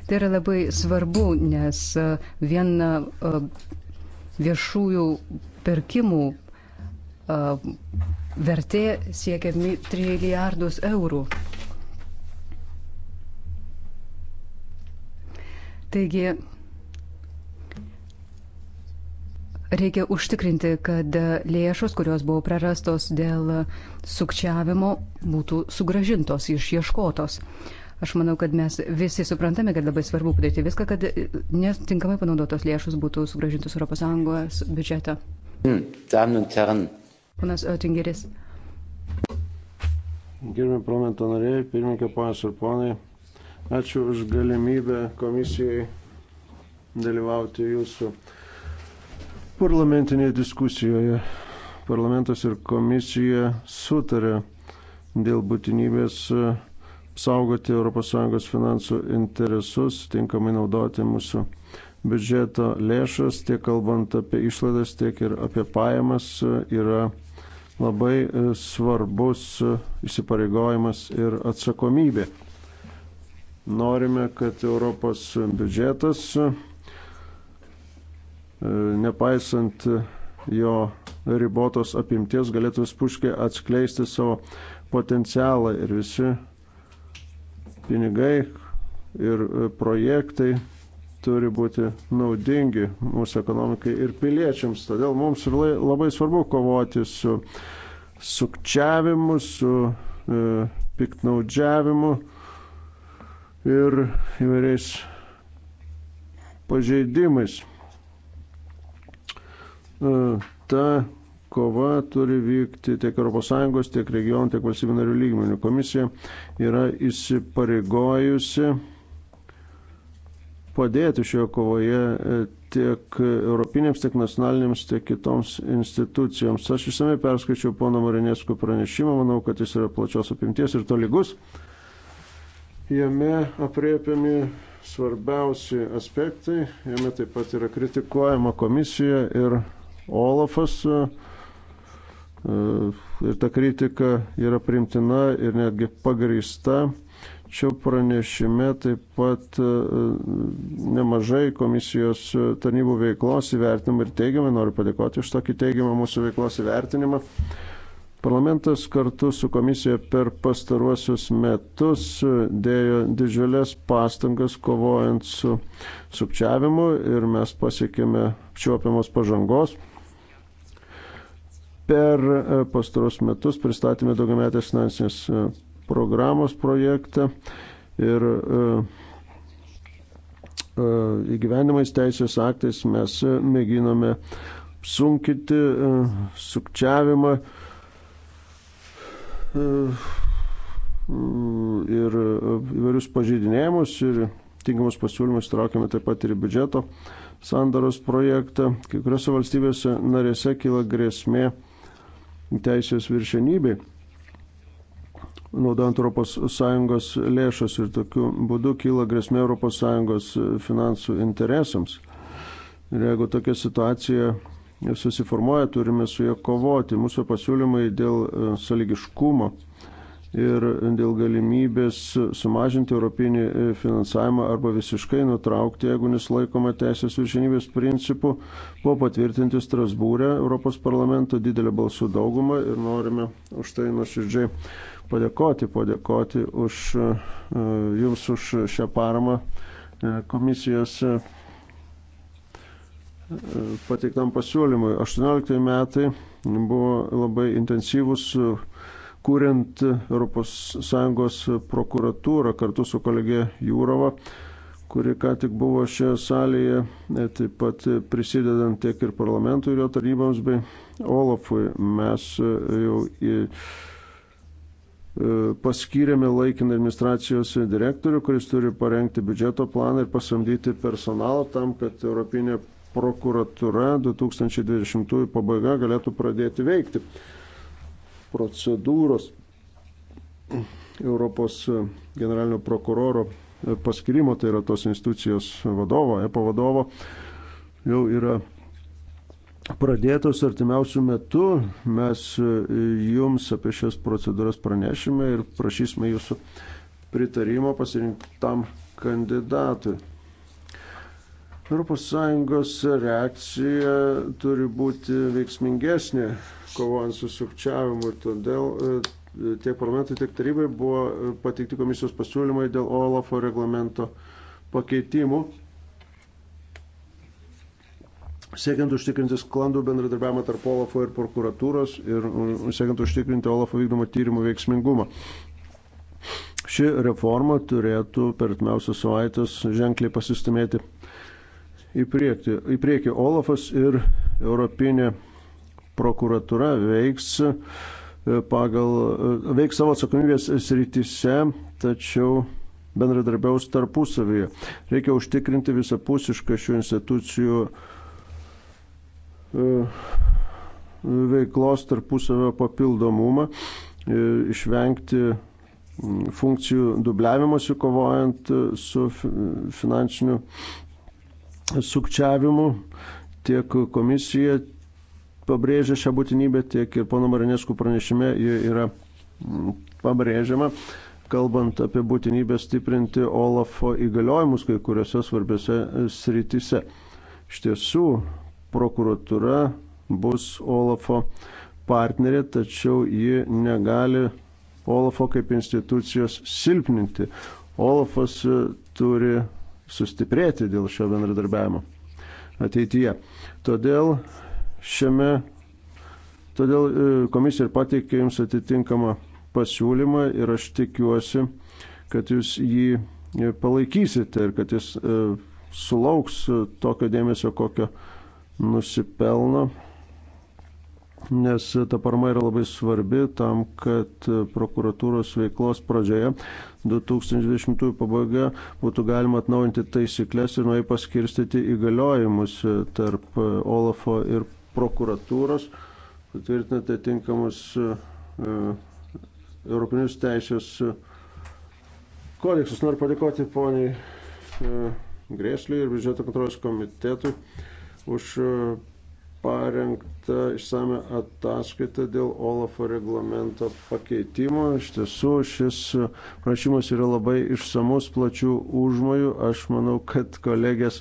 Tai yra labai svarbu, nes vien viešųjų pirkimų vertė siekia trilijardus eurų. Taigi reikia užtikrinti, kad lėšos, kurios buvo prarastos dėl sukčiavimo, būtų sugražintos, išieškotos. Aš manau, kad mes visi suprantame, kad labai svarbu padaryti viską, kad netinkamai panaudotos lėšos būtų sugražintos ES biudžetą. Hm, Damen und Herren, Ponas Otingeris. Gerbimi parlamento nariai, pirmininkė, ponas ir ponai, ačiū už galimybę komisijai dalyvauti jūsų parlamentinėje diskusijoje. Parlamentas ir komisija sutarė dėl būtinybės saugoti ES finansų interesus, tinkamai naudoti mūsų biudžeto lėšas, tiek kalbant apie išlaidas, tiek ir apie pajamas, yra labai e, svarbus e, įsipareigojimas ir atsakomybė. Norime, kad Europos biudžetas, e, nepaisant jo ribotos apimties, galėtų spuškiai atskleisti savo potencialą ir visi pinigai ir projektai turi būti naudingi mūsų ekonomikai ir piliečiams. Todėl mums labai svarbu kovoti su sukčiavimu, su e, piknaudžiavimu ir įvairiais pažeidimais. E, ta kova turi vykti tiek ES, tiek regionų, tiek valstybių narių lygmenių. Komisija yra įsipareigojusi padėti šioje kovoje e, tiek europinėms, tiek nacionalinėms, tiek kitoms institucijoms. Aš išsamei perskaičiau pono Marinėsko pranešimą, manau, kad jis yra plačios apimties ir tolygus. Jame apriepiami svarbiausi aspektai, jame taip pat yra kritikuojama komisija ir Olafas. E, ir ta kritika yra primtina ir netgi pagrįsta Čia pranešime taip pat e, nemažai komisijos tarnybų veiklos įvertinimą ir teigiamai. Noriu padėkoti už tokį teigiamą mūsų veiklos įvertinimą. Parlamentas kartu su komisija per pastaruosius metus dėjo didžiulės pastangas kovojant su sukčiavimu ir mes pasiekėme apčiuopiamos pažangos. Per e, pastaruosius metus pristatėme daugiametės finansinės e, programos projektą ir e, e, įgyvenimais teisės aktais mes e, mėginame sunkinti sukčiavimą ir įvairius pažeidinėjimus ir tinkamus pasiūlymus traukiame taip pat ir į biudžeto sandaros projektą. Kai kuriuose valstybėse narėse kyla grėsmė teisės viršenybei naudojant ES lėšas ir tokiu būdu kyla grėsmė ES finansų interesams. Ir jeigu tokia situacija susiformuoja, turime su ja kovoti. Mūsų pasiūlymai dėl e, saligiškumo ir dėl galimybės sumažinti europinį e, finansavimą arba visiškai nutraukti, jeigu nesilaikoma teisės viršinybės principų, buvo patvirtinti Strasbūrė Europos parlamento didelę balsų daugumą ir norime už tai nuoširdžiai padėkoti, padėkoti už, e, jums už šią paramą e, komisijos e, pateiktam pasiūlymui. 18 metai buvo labai intensyvus kuriant ES prokuratūrą kartu su kolegė Jūrova, kuri ką tik buvo šioje salėje, taip pat prisidedant tiek ir parlamentui ir jo tarybams bei Olafui. Mes jau į E, paskyrėme laikiną administracijos direktorių, kuris turi parengti biudžeto planą ir pasamdyti personalą tam, kad Europinė prokuratura 2020 pabaiga galėtų pradėti veikti. Procedūros Europos generalinio prokuroro paskirimo, tai yra tos institucijos vadovo, EPO vadovo, jau yra pradėtos artimiausių metų. Mes e, jums apie šias procedūras pranešime ir prašysime jūsų pritarimo pasirinktam kandidatui. ES reakcija turi būti veiksmingesnė kovojant su sukčiavimu ir todėl e, tiek parlamentui, tiek tarybai buvo pateikti komisijos pasiūlymai dėl OLAFO reglamento pakeitimų siekiant užtikrinti sklandų bendradarbiavimą tarp Olafo ir prokuratūros ir siekiant užtikrinti Olafo vykdomą tyrimų veiksmingumą. Ši reforma turėtų per atmiausias savaitės ženkliai pasistumėti į priekį. Į priekį Olafas ir Europinė prokuratura veiks e, pagal e, veiks savo atsakomybės srityse, tačiau bendradarbiaus tarpusavyje. Reikia užtikrinti visapusišką šių institucijų uh, E, veiklos tarpusavio papildomumą, e, išvengti funkcijų dubliavimuose kovojant e, su finansiniu sukčiavimu. Tiek komisija pabrėžia šią būtinybę, tiek ir pono Marinėskų pranešime ji yra pabrėžiama, kalbant apie būtinybę stiprinti Olafo įgaliojimus kai kuriuose svarbiose srityse. Iš tiesų, prokuratura bus Olafo partnerė, tačiau ji negali Olafo kaip institucijos silpninti. Olafas e, turi sustiprėti dėl šio bendradarbiavimo ateityje. Todėl šiame, todėl e, komisija ir pateikė jums atitinkamą pasiūlymą ir aš tikiuosi, kad jūs jį e, palaikysite ir kad jis sulauks tokio dėmesio, kokio nusipelno, nes ta parama yra labai svarbi tam, kad prokuratūros veiklos pradžioje 2020 pabaiga būtų galima atnaujinti taisyklės ir nuai paskirstyti įgaliojimus tarp Olafo ir prokuratūros, patvirtinate tinkamus e, Europinius teisės kodeksus. Noriu padėkoti poniai e, Grėsliui ir biudžeto kontrolės komitetui už e, parengtą išsame ataskaitą dėl OLAFO reglamento pakeitimo. Iš tiesų, šis e, prašymas yra labai išsamus, plačių užmojų. Aš manau, kad kolegės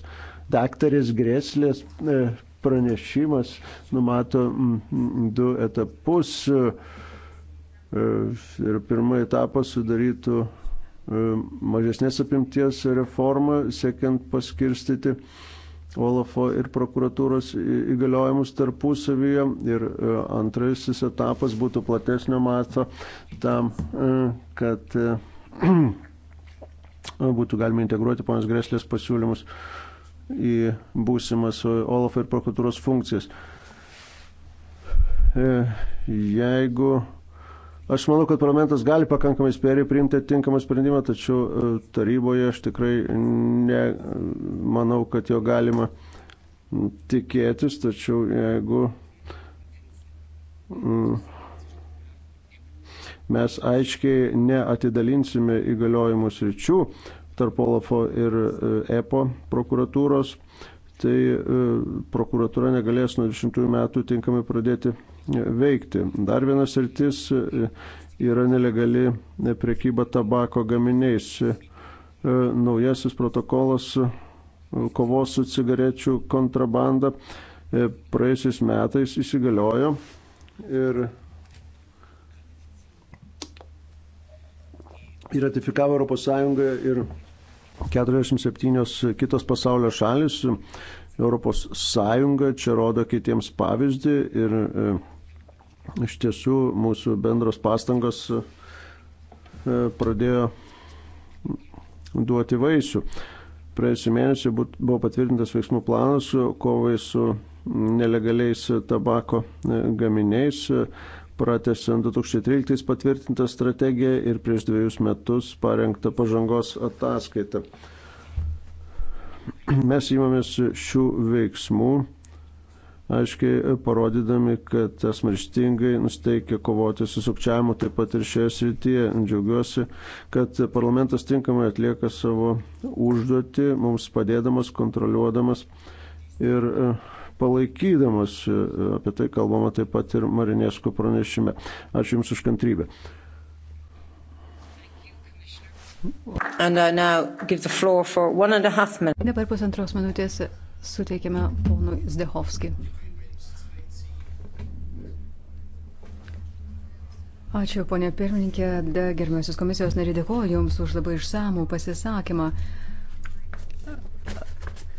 daktarės Greslės e, pranešimas numato du etapus. Ir pirmą etapą sudarytų mažesnės apimties reformą, siekiant paskirstyti uh, Olafo ir prokuratūros įgaliojimus tarpusavyje ir e, antrasis etapas būtų platesnio masto tam, e, kad e, būtų galima integruoti ponas Greslės pasiūlymus į būsimas Olafo ir prokuratūros funkcijas. Jeigu Aš manau, kad parlamentas gali pakankamai spėriai priimti tinkamą sprendimą, tačiau e, taryboje aš tikrai nemanau, kad jo galima tikėtis, tačiau jeigu mes aiškiai neatidalinsime įgaliojimų sričių tarp Olafo ir EPO e prokuratūros, tai e, prokuratūra negalės nuo 20 metų tinkamai pradėti veikti. Dar vienas rytis e, yra nelegali priekyba tabako gaminiais. E, naujasis protokolas e, kovos su cigarečių kontrabanda praėjusiais metais įsigaliojo ir ratifikavo ES ir 47 kitos pasaulio šalis. Europos Sąjunga čia rodo kitiems pavyzdį ir e, iš tiesų mūsų bendros pastangos e, pradėjo duoti vaisių. Praėjusiu mėnesiu buvo patvirtintas veiksmų planas kovai su nelegaliais tabako e, gaminiais, pratesiant 2013 patvirtintą strategiją ir prieš dviejus metus parengtą pažangos ataskaitą mes įmamės šių veiksmų, aiškiai parodydami, kad esame ryštingai nusteikę kovoti su sukčiavimu taip pat ir šioje srityje. Džiaugiuosi, kad parlamentas tinkamai atlieka savo užduotį, mums padėdamas, kontroliuodamas ir e, palaikydamas. E, apie tai kalbama taip pat ir Marinesko pranešime. Ačiū Jums už kantrybę. Dabar pusantros minutės suteikime ponui Zdehovski. Ačiū, ponė pirmininkė, gerbiamasis komisijos nariai, dėkoju Jums už labai išsamų pasisakymą.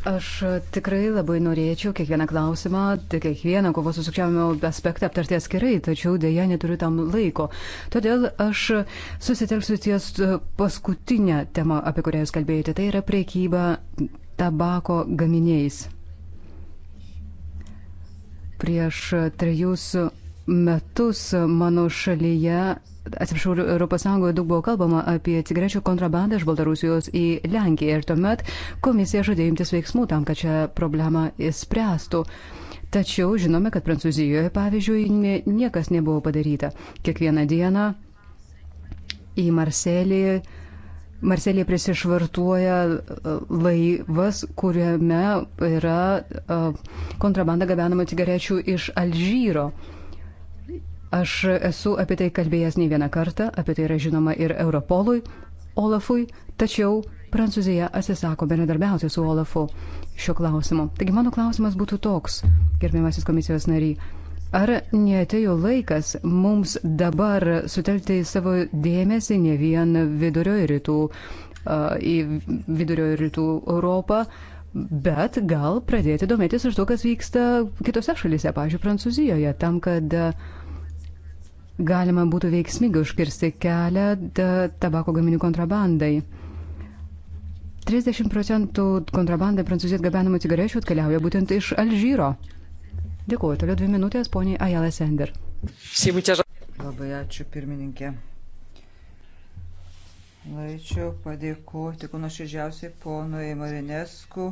Aš tikrai labai norėčiau kiekvieną klausimą, tai kiekvieną kovos su sukčiavimo aspektą aptarti atskirai, tačiau dėja neturiu tam laiko. Todėl aš susitelksiu ties paskutinę temą, apie kurią jūs kalbėjote, tai yra priekyba tabako gaminiais. Prieš trejus metus mano šalyje atsiprašau, Europos Sąjungoje daug buvo kalbama apie cigarečių kontrabandą iš Baltarusijos į Lenkiją ir tuomet komisija žadėjo imtis veiksmų tam, kad šią problemą įspręstų. Tačiau žinome, kad Prancūzijoje, pavyzdžiui, niekas nebuvo padaryta. Kiekvieną dieną į Marselį Marselė prisišvartuoja e, laivas, kuriame yra e, kontrabanda gabenama cigarečių iš Alžyro. Aš esu apie tai kalbėjęs ne vieną kartą, apie tai yra žinoma ir Europolui, Olafui, tačiau Prancūzija atsisako bendradarbiauti su Olafu šiuo klausimu. Taigi mano klausimas būtų toks, gerbiamasis komisijos nariai. Ar neatėjo laikas mums dabar sutelkti savo dėmesį ne vien vidurio ir rytų, uh, į vidurio ir rytų Europą, bet gal pradėti domėtis iš to, kas vyksta kitose šalyse, pavyzdžiui, Prancūzijoje, tam, kad uh, galima būtų veiksmingai užkirsti kelią tabako gaminių kontrabandai. 30 procentų kontrabandai prancūzijos gabenamų cigarečių atkeliauja būtent iš Alžyro. Dėkuoju, toliau dvi minutės poniai Ajala Sender. Labai ačiū pirmininkė. Norėčiau padėkoti, kuo nuoširdžiausiai ponui Marinesku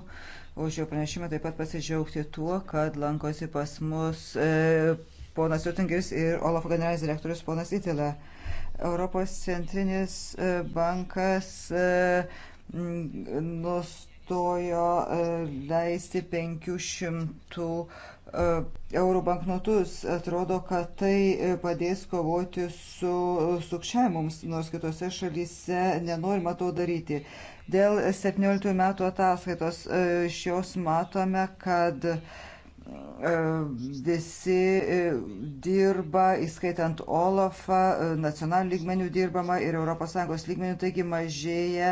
už jo pranešimą, taip pat pasidžiaugti tuo, kad lankosi pas mus e, ponas Jutingeris ir Olaf generalinis direktorius ponas Itila. Europos centrinis e, bankas e, nustojo e, leisti 500 eurų banknotus. Atrodo, kad tai padės kovoti su sukčiavimams, nors kitose šalyse nenorima to daryti. Dėl 17 metų ataskaitos šios matome, kad E, visi e, dirba, įskaitant Olafą, e, nacionalinių lygmenių dirbama ir ES lygmenių, taigi mažėja,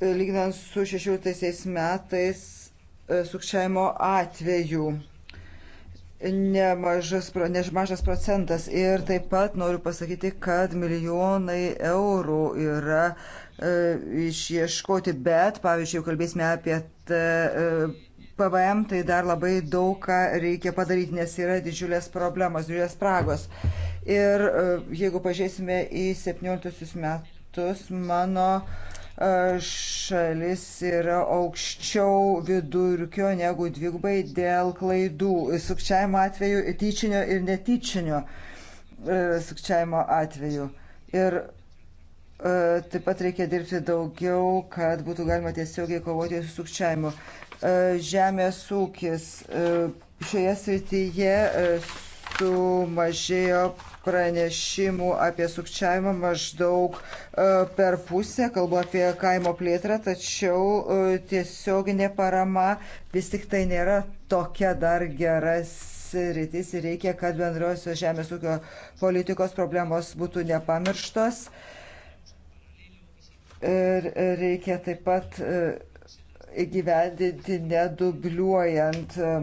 lyginant su 16 metais, sukčiavimo atvejų nemažas, nemažas procentas. Ir taip pat noriu pasakyti, kad milijonai eurų yra e, išieškoti, bet, pavyzdžiui, kalbėsime apie t, e, PVM, tai dar labai daug ką reikia padaryti, nes yra didžiulės problemos, didžiulės spragos. Ir e, jeigu pažiūrėsime į 17 metus, mano e, šalis yra aukščiau vidurkio negu dvigubai dėl klaidų, sukčiavimo atveju, tyčinio ir netyčinio e, sukčiavimo atveju. Ir taip pat reikia dirbti daugiau, kad būtų galima tiesiogiai kovoti su sukčiavimu. E, žemės ūkis. E, šioje srityje e, sumažėjo pranešimų apie sukčiavimą maždaug per pusę, kalbu apie kaimo plėtrą, tačiau tiesioginė parama vis tik tai nėra tokia dar geras. Rytis ir reikia, kad bendrosios žemės ūkio politikos problemos būtų nepamirštos. Ir reikia taip pat įgyvendinti nedubliuojant e,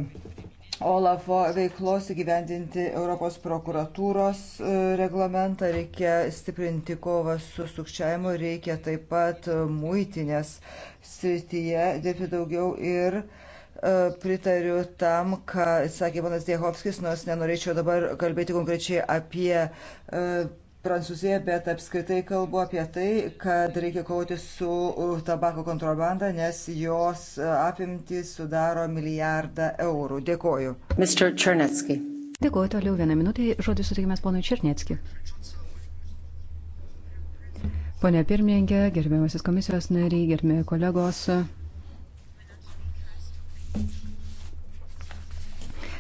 Olafo veiklos įgyvendinti Europos prokuratūros e, reglamentą, reikia stiprinti kovą su sukčiavimu, reikia taip pat muitinės srityje dirbti daugiau ir e, pritariu tam, ką sakė ponas Diehovskis, nors nenorėčiau dabar kalbėti konkrečiai apie Prancūziją, bet apskritai kalbu apie tai, kad reikia kovoti su tabako kontrabanda, nes jos e, apimtis sudaro milijardą eurų. Dėkoju. Mr. Černetski. Dėkoju toliau vieną minutę. Žodį sutikime ponui Černetski. Pone pirmininkė, gerbiamasis komisijos nariai, gerbimi kolegos.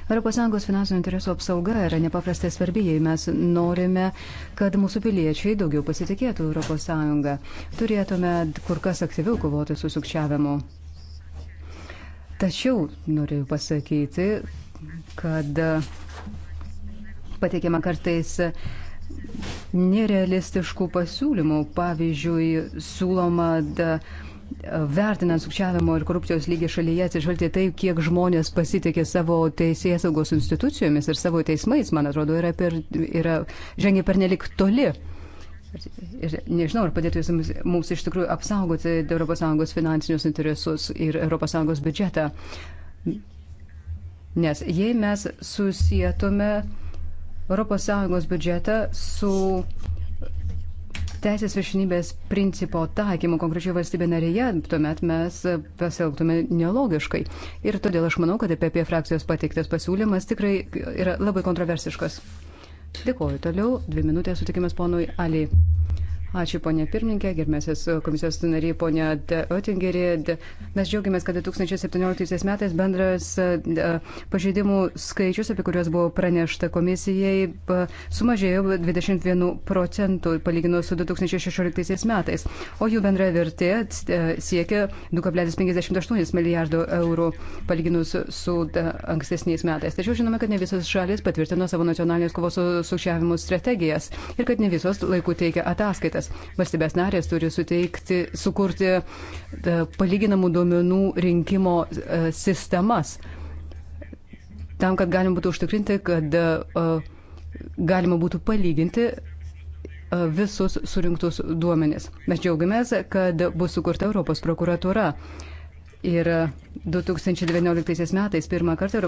ES finansinių interesų apsauga yra nepaprastai svarbi, jei mes norime, kad mūsų piliečiai daugiau pasitikėtų ES. Turėtume kur kas aktyviau kovoti su sukčiavimu. Tačiau noriu pasakyti, kad pateikiama kartais nerealistiškų pasiūlymų. Pavyzdžiui, siūloma da, uh, vertinant sukčiavimo ir korupcijos lygį šalyje, atsižvelgti tai, kiek žmonės pasitikė savo teisės saugos institucijomis ir savo teismais, man atrodo, yra, per, yra žengia per nelik toli. Ir, ir nežinau, ar padėtų jis mums, mums iš tikrųjų apsaugoti ES finansinius interesus ir ES biudžetą. Nes jei mes susijėtume ES biudžetą su teisės viršinybės principo taikymų konkrečioje valstybė narėje, tuomet mes pasielgtume nelogiškai. Ir todėl aš manau, kad apie, apie frakcijos pateiktas pasiūlymas tikrai yra labai kontroversiškas. Dėkuoju. Toliau dvi minutės sutikimas ponui Ali. Ačiū, ponė pirmininkė, gerbėsios komisijos nariai, ponė Otingerė. Mes džiaugiamės, kad 2017 metais bendras e, pažeidimų skaičius, apie kuriuos buvo pranešta komisijai, sumažėjo 21 procentų palyginus su 2016 metais, o jų bendra vertė e, siekia 2,58 milijardo eurų palyginus su e, ankstesniais metais. Tačiau žinome, kad ne visos šalis patvirtino savo nacionalinės kovos su sukčiavimu strategijas ir kad ne visos laiku teikia ataskaitas aspektas. Valstybės narės turi suteikti, sukurti e, palyginamų duomenų rinkimo e, sistemas, tam, kad galima būtų užtikrinti, kad e, galima būtų palyginti visus surinktus duomenis. Mes džiaugiamės, kad bus sukurta Europos prokuratura. Ir 2019 e, metais pirmą kartą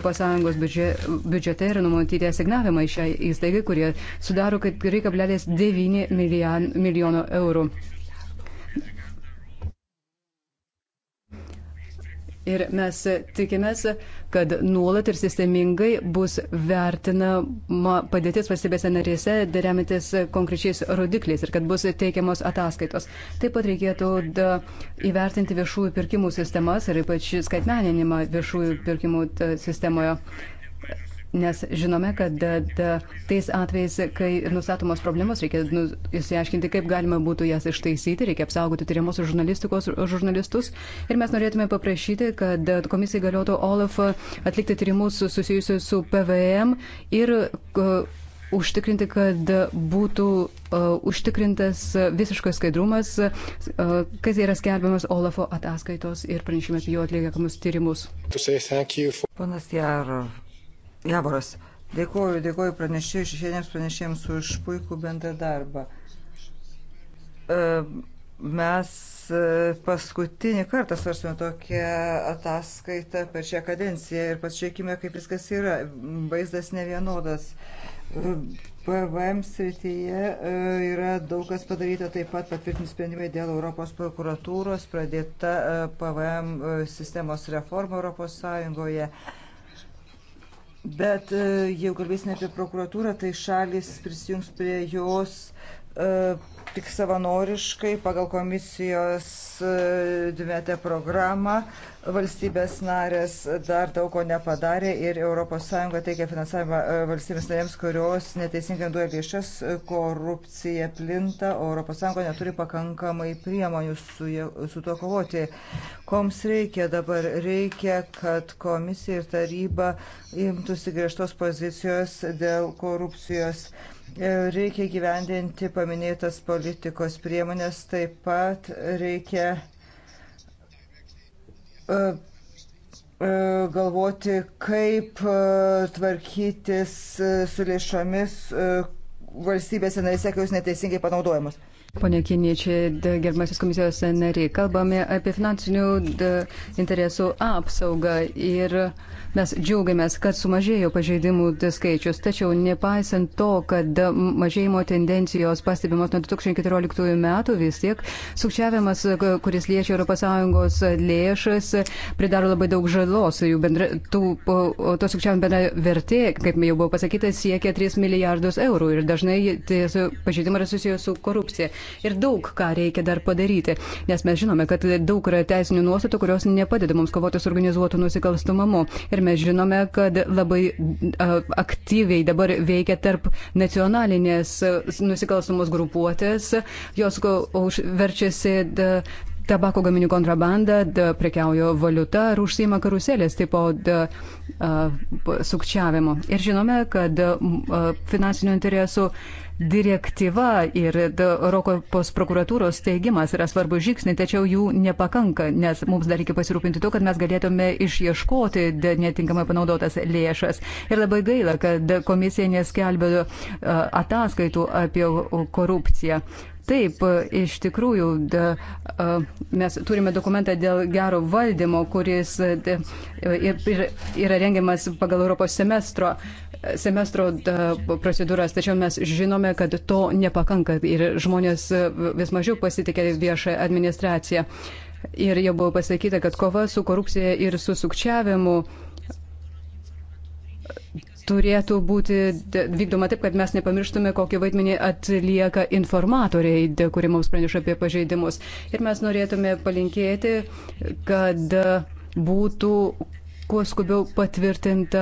ES biudžete yra numatyti asignavimai šiai įstaigai, kurie sudaro 3,9 milijono eurų. Ir mes tikimės, kad nuolat ir sistemingai bus vertinama padėtis valstybėse narėse, remiantis konkrečiais rodikliais ir kad bus teikiamos ataskaitos. Taip pat reikėtų da, įvertinti viešųjų pirkimų sistemas ir ypač skaitmeninimą viešųjų pirkimų sistemoje nes žinome, kad da, da, tais atvejais, kai nustatomos problemos, reikia nu, įsiaiškinti, kaip galima būtų jas ištaisyti, reikia apsaugoti tyriamos žurnalistikos žurnalistus. Ir mes norėtume paprašyti, kad komisija galėtų OLAF atlikti tyrimus susijusius su PVM ir uh, užtikrinti, kad būtų uh, užtikrintas visiškas skaidrumas, uh, kas yra skelbiamas Olafo ataskaitos ir pranešimas jo atliekamus tyrimus. For... Ponas Jaro, Javoras. Dėkuoju, dėkuoju pranešėjus, šešėlėms pranešėjams už puikų bendrą darbą. E, mes e, paskutinį kartą svarstame tokią ataskaitą per šią kadenciją ir pasižiūrėkime, kaip viskas yra. Vaizdas nevienodas. PVM srityje e, yra daug kas padaryta, taip pat patvirtinti sprendimai dėl Europos prokuratūros, pradėta PVM sistemos reforma Europos Sąjungoje Bet e, jeigu kalbėsime apie prokuratūrą, tai šalis prisijungs prie jos E, tik savanoriškai pagal komisijos e, dvimetę programą valstybės narės dar daug ko nepadarė ir ES teikia finansavimą e, valstybės narėms, kurios neteisingai duoja lėšas, korupcija plinta, ES neturi pakankamai priemonių su, su to kovoti. Koms reikia dabar? Reikia, kad komisija ir taryba imtųsi griežtos pozicijos dėl korupcijos. Reikia gyvendinti paminėtas politikos priemonės, taip pat reikia e, e, galvoti, kaip e, tvarkytis su lėšomis valstybėse narėse, kai jos neteisingai panaudojamos. Pone Kiniečiai, gerbiamasis komisijos nariai, kalbame apie finansinių interesų apsaugą ir mes džiaugiamės, kad sumažėjo pažeidimų skaičius, tačiau nepaisant to, kad mažėjimo tendencijos pastebimos nuo 2014 metų vis tiek, sukčiavimas, kuris liečia ES lėšas, pridaro labai daug žalos, jų bendra, tų, to sukčiavimo bendra vertė, kaip jau buvo pasakyta, siekia 3 milijardus eurų ir dažnai tie pažeidimai yra susijęs su korupcija ir daug ką reikia dar padaryti, nes mes žinome, kad daug yra teisinių nuostatų, kurios nepadeda mums kovoti su organizuotu nusikalstumumu. Ir mes žinome, kad labai uh, aktyviai dabar veikia tarp nacionalinės uh, nusikalstamos grupuotės, jos uh, verčiasi uh, tabako gaminių kontrabandą, da, prekiaujo valiuta ar užsima karuselės tipo da, a, sukčiavimo. Ir žinome, kad a, finansinių interesų direktyva ir Europos prokuratūros steigimas yra svarbu žingsniai, tačiau jų nepakanka, nes mums dar reikia pasirūpinti to, kad mes galėtume išieškoti netinkamai panaudotas lėšas. Ir labai gaila, kad komisija neskelbė ataskaitų apie korupciją. Taip, iš tikrųjų, da, a, mes turime dokumentą dėl gero valdymo, kuris da, ir, ir, yra rengiamas pagal Europos semestro semestro procedūras, tačiau mes žinome, kad to nepakanka ir žmonės vis mažiau pasitikė viešą administraciją. Ir jau buvo pasakyta, kad kova su korupcija ir su sukčiavimu turėtų būti vykdoma taip, kad mes nepamirštume, kokį vaidmenį atlieka informatoriai, kurie mums praneša apie pažeidimus. Ir mes norėtume palinkėti, kad būtų kuo skubiau patvirtinta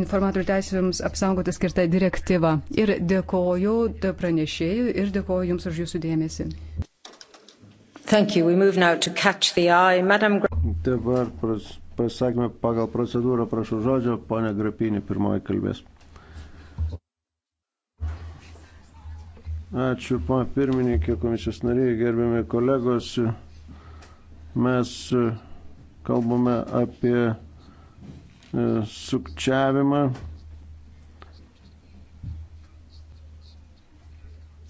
informatorių teisėms apsaugoti skirta direktyva. Ir dėkoju pranešėjui ir dėkoju Jums už Jūsų dėmesį. Madam... Dabar pras, pasakymą pagal procedūrą, prašau žodžio, ponia Grapinė pirmoji kalbės. Ačiū, pana pirmininkė, komisijos nariai, gerbiami kolegos. Mes kalbame apie e, sukčiavimą.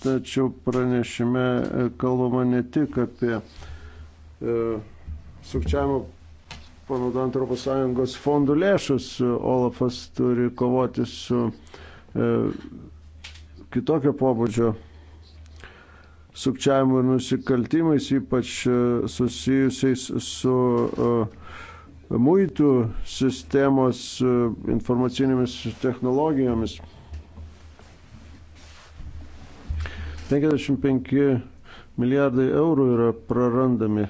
Tačiau pranešime e, kalbama ne tik apie e, sukčiavimo panaudojant ES fondų lėšus, Olafas turi kovoti su kitokio pobūdžio sukčiavimo ir nusikaltimais, ypač e, susijusiais su e, muitų sistemos e, informacinėmis technologijomis. 55 milijardai eurų yra prarandami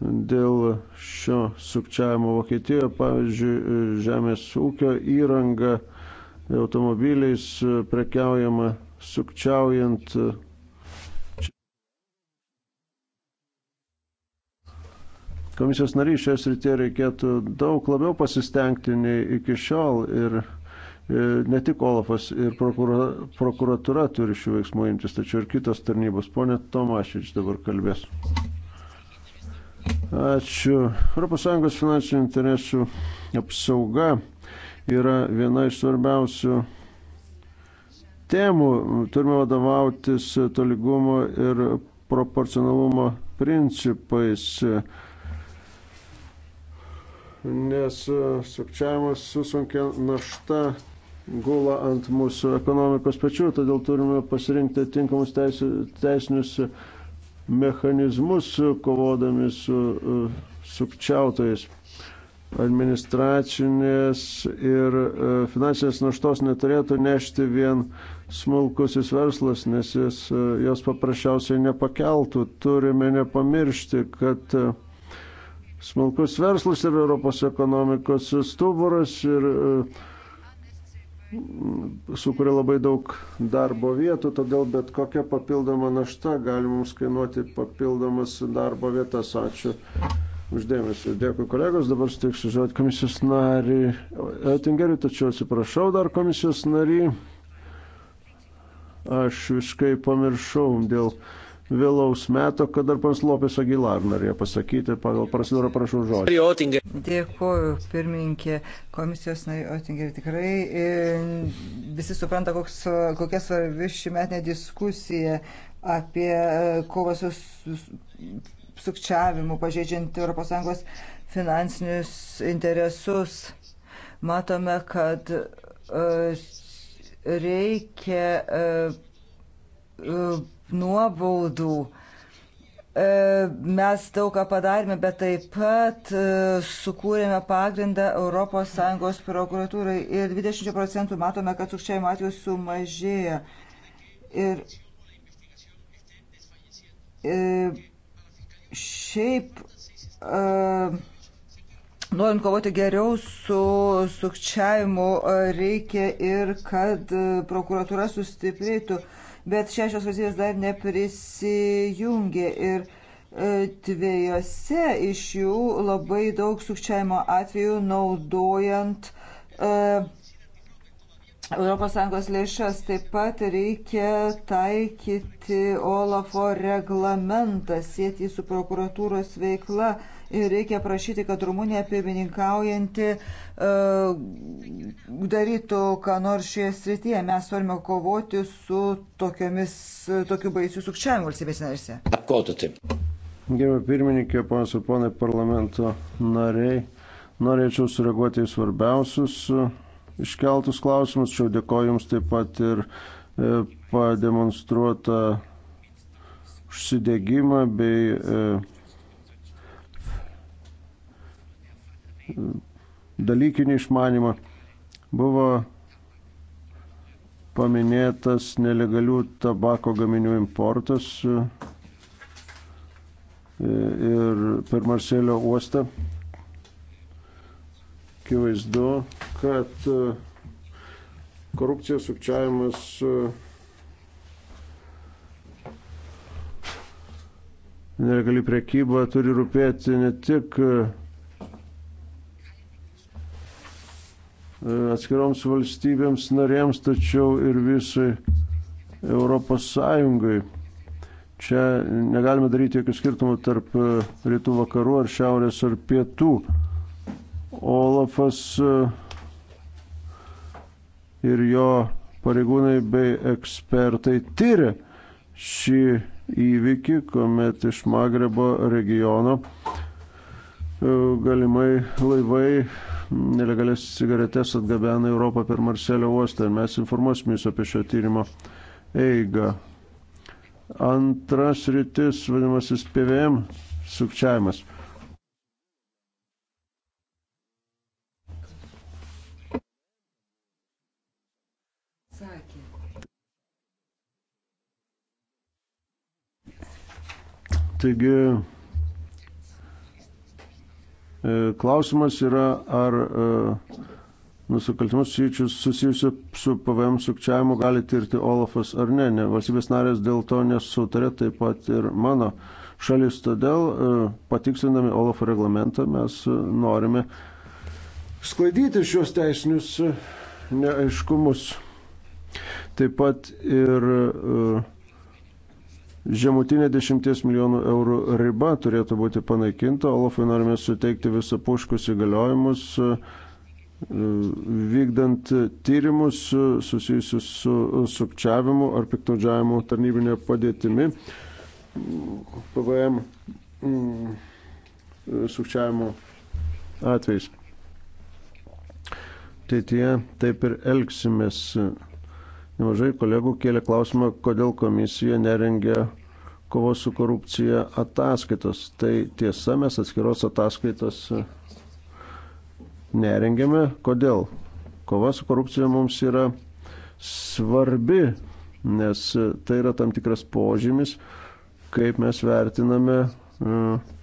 dėl šio sukčiavimo Vokietijoje, pavyzdžiui, žemės ūkio įranga automobiliais prekiaujama sukčiaujant Komisijos nariai šioje srityje reikėtų daug labiau pasistengti nei iki šiol ir e, ne tik Olafas ir prokura, prokuratura turi šių veiksmų imtis, tačiau ir kitos tarnybos. Pone Tomašič dabar kalbės. Ačiū. ES finansinių interesų apsauga yra viena iš svarbiausių temų. Turime vadovautis tolygumo ir proporcionalumo principais nes e, sukčiavimas susunkia našta gula ant mūsų ekonomikos pečių, todėl turime pasirinkti tinkamus teisinius mechanizmus kovodami su e, sukčiautojais. Administracinės ir e, finansinės naštos neturėtų nešti vien smulkusis verslas, nes jis, jos paprasčiausiai nepakeltų. Turime nepamiršti, kad smulkus verslas yra Europos ekonomikos stuburas ir e, sukuria labai daug darbo vietų, todėl bet kokia papildoma našta gali mums kainuoti papildomas darbo vietas. Ačiū uždėmesi. Dėkui kolegos, dabar suteiksiu žodį komisijos narį Etingeriui, tačiau atsiprašau dar komisijos narį. Aš visiškai pamiršau dėl vėlaus meto, kad dar pas Lopės Agilar norėjo pasakyti, pagal prasidūrą prašau žodžio. Dėkuoju, pirmininkė, komisijos nariai Otingerį. Tikrai e, visi supranta, koks, kokia svarbi ši metinė diskusija apie e, kovą su sukčiavimu, pažeidžiant ES finansinius interesus. Matome, kad e, reikia nuobaudų. E, mes daug ką padarėme, bet taip pat e, sukūrėme pagrindą ES prokuratūrai ir 20 procentų matome, kad sukčiavimo atveju sumažėja. Ir, ir e, šiaip norint kovoti geriau su sukčiavimu, reikia ir kad prokuratūra sustiprėtų bet šešios valstybės dar neprisijungė ir e, dviejose iš jų labai daug sukčiavimo atvejų naudojant uh, ES lėšas. Taip pat reikia taikyti Olafo reglamentą, sėti su prokuratūros veikla. Uh, ir reikia prašyti, kad Rumunija pirmininkaujanti e, darytų, ką nors šioje srityje. Mes turime kovoti su tokiomis, tokiu baisiu sukčiavimu valstybės narėse. Apkototi. Gerbė pirmininkė, ponas ir ponai parlamento nariai, norėčiau sureaguoti į svarbiausius e, iškeltus klausimus. Šiau dėkoju Jums taip pat ir e, pademonstruotą užsidėgymą bei dalykinį išmanimą. Buvo paminėtas nelegalių tabako gaminių importas e, ir per Marselio uostą. Kivaizdu, kad e, korupcija, sukčiavimas e, nelegali prekyba turi rūpėti ne tik atskiroms valstybėms narėms, tačiau ir visai Europos Sąjungai. Čia negalime daryti jokių skirtumų tarp e, rytų vakarų ar šiaurės ar pietų. Olafas e, ir jo pareigūnai bei ekspertai tyri šį įvykį, kuomet iš Magrebo regiono e, galimai laivai nelegalės cigaretės atgabena Europą per Marselio uostą ir mes informuosime jūs apie šio tyrimo eigą. Antras rytis, vadinamasis PVM, sukčiavimas. Taigi E, klausimas yra, ar e, nusikaltimus susijusiu su PVM sukčiavimu gali tirti Olafas ar ne. ne. Valstybės narės dėl to nesutarė, taip pat ir mano šalis. Todėl e, patikslindami Olafo reglamentą mes norime sklaidyti šios teisinius neaiškumus. Taip pat ir uh, Žemutinė 10 milijonų eurų riba turėtų būti panaikinta. Olafui norime suteikti visapuškus įgaliojimus, e, vykdant tyrimus susijusius su sukčiavimu ar piktnaudžiavimu tarnybinė padėtimi. PVM mm, sukčiavimo atvejais. Ateityje taip ir elgsimės. Nemažai kolegų kėlė klausimą, kodėl komisija nerengia kovos su korupcija ataskaitos. Tai tiesa, mes atskiros ataskaitos nerengiame. Kodėl? Kova su korupcija mums yra svarbi, nes tai yra tam tikras požymis, kaip mes vertiname e,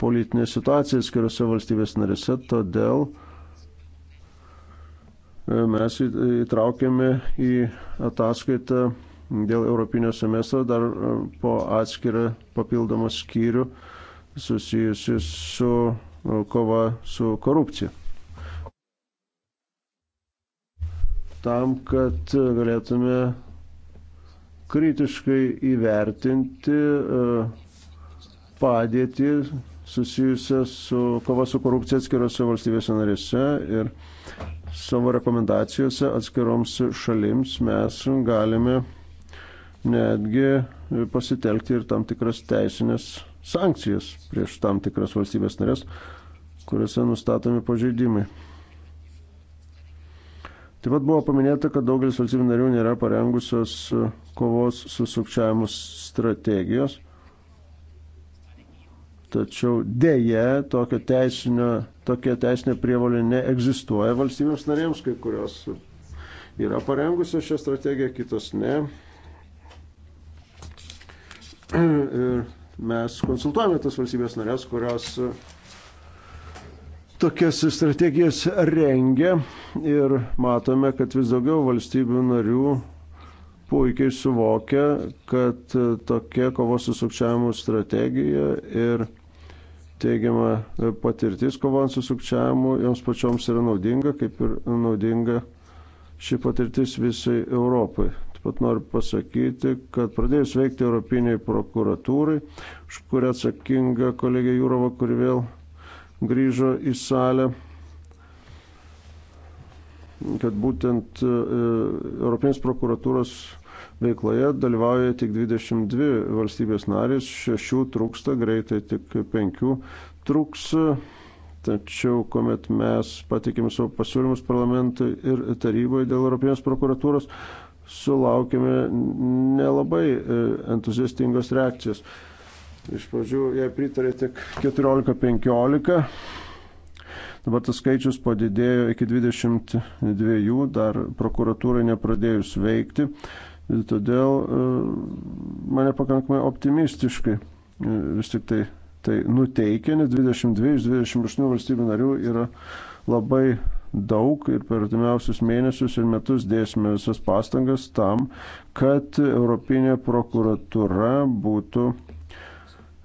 politinę situaciją skiriuose valstybės narėse. Todėl uh, mes įtraukėme į ataskaitą dėl Europinio semestro dar e, po atskirą papildomą skyrių susijusi su e, kova su korupcija. Tam, kad galėtume kritiškai įvertinti e, padėtį susijusią su kova su korupcija atskirose valstybėse narėse ir savo rekomendacijose atskiroms šalims mes galime netgi pasitelkti ir tam tikras teisinės sankcijas prieš tam tikras valstybės narės, kuriuose nustatomi pažeidimai. Taip pat buvo paminėta, kad daugelis valstybių narių nėra parengusios kovos su sukčiavimu strategijos. Tačiau dėje tokio teisinio, tokia teisinė prievalė neegzistuoja valstybėms narėms, kai kurios yra parengusios šią strategiją, kitos ne. Ir mes konsultuojame tas valstybės narės, kurios tokias strategijas rengia ir matome, kad vis daugiau valstybių narių puikiai suvokia, kad tokia kovos su sukčiavimu strategija ir teigiama patirtis kovant su sukčiavimu joms pačioms yra naudinga, kaip ir naudinga ši patirtis visai Europai. Taip pat noriu pasakyti, kad pradėjus veikti Europiniai prokuratūrai, už kurią atsakinga kolegė Jūrova, kuri vėl grįžo į salę, kad būtent e, Europinės prokuratūros veikloje dalyvauja tik 22 valstybės narės, šešių trūksta, greitai tik penkių trūks. Tačiau, kuomet mes patikėm savo pasiūlymus parlamentui ir taryboje dėl Europinės prokuratūros, sulaukėme nelabai e, entuziastingos reakcijos. Iš pradžių jai pritarė tik 14-15, dabar tas skaičius padidėjo iki 22, dar prokuratūrai nepradėjus veikti. Ir todėl e, mane pakankamai optimistiškai e, vis tik tai, tai nuteikia, nes 22 iš 28 valstybių narių yra labai daug ir per artimiausius mėnesius ir metus dėsime visas pastangas tam, kad Europinė prokuratura būtų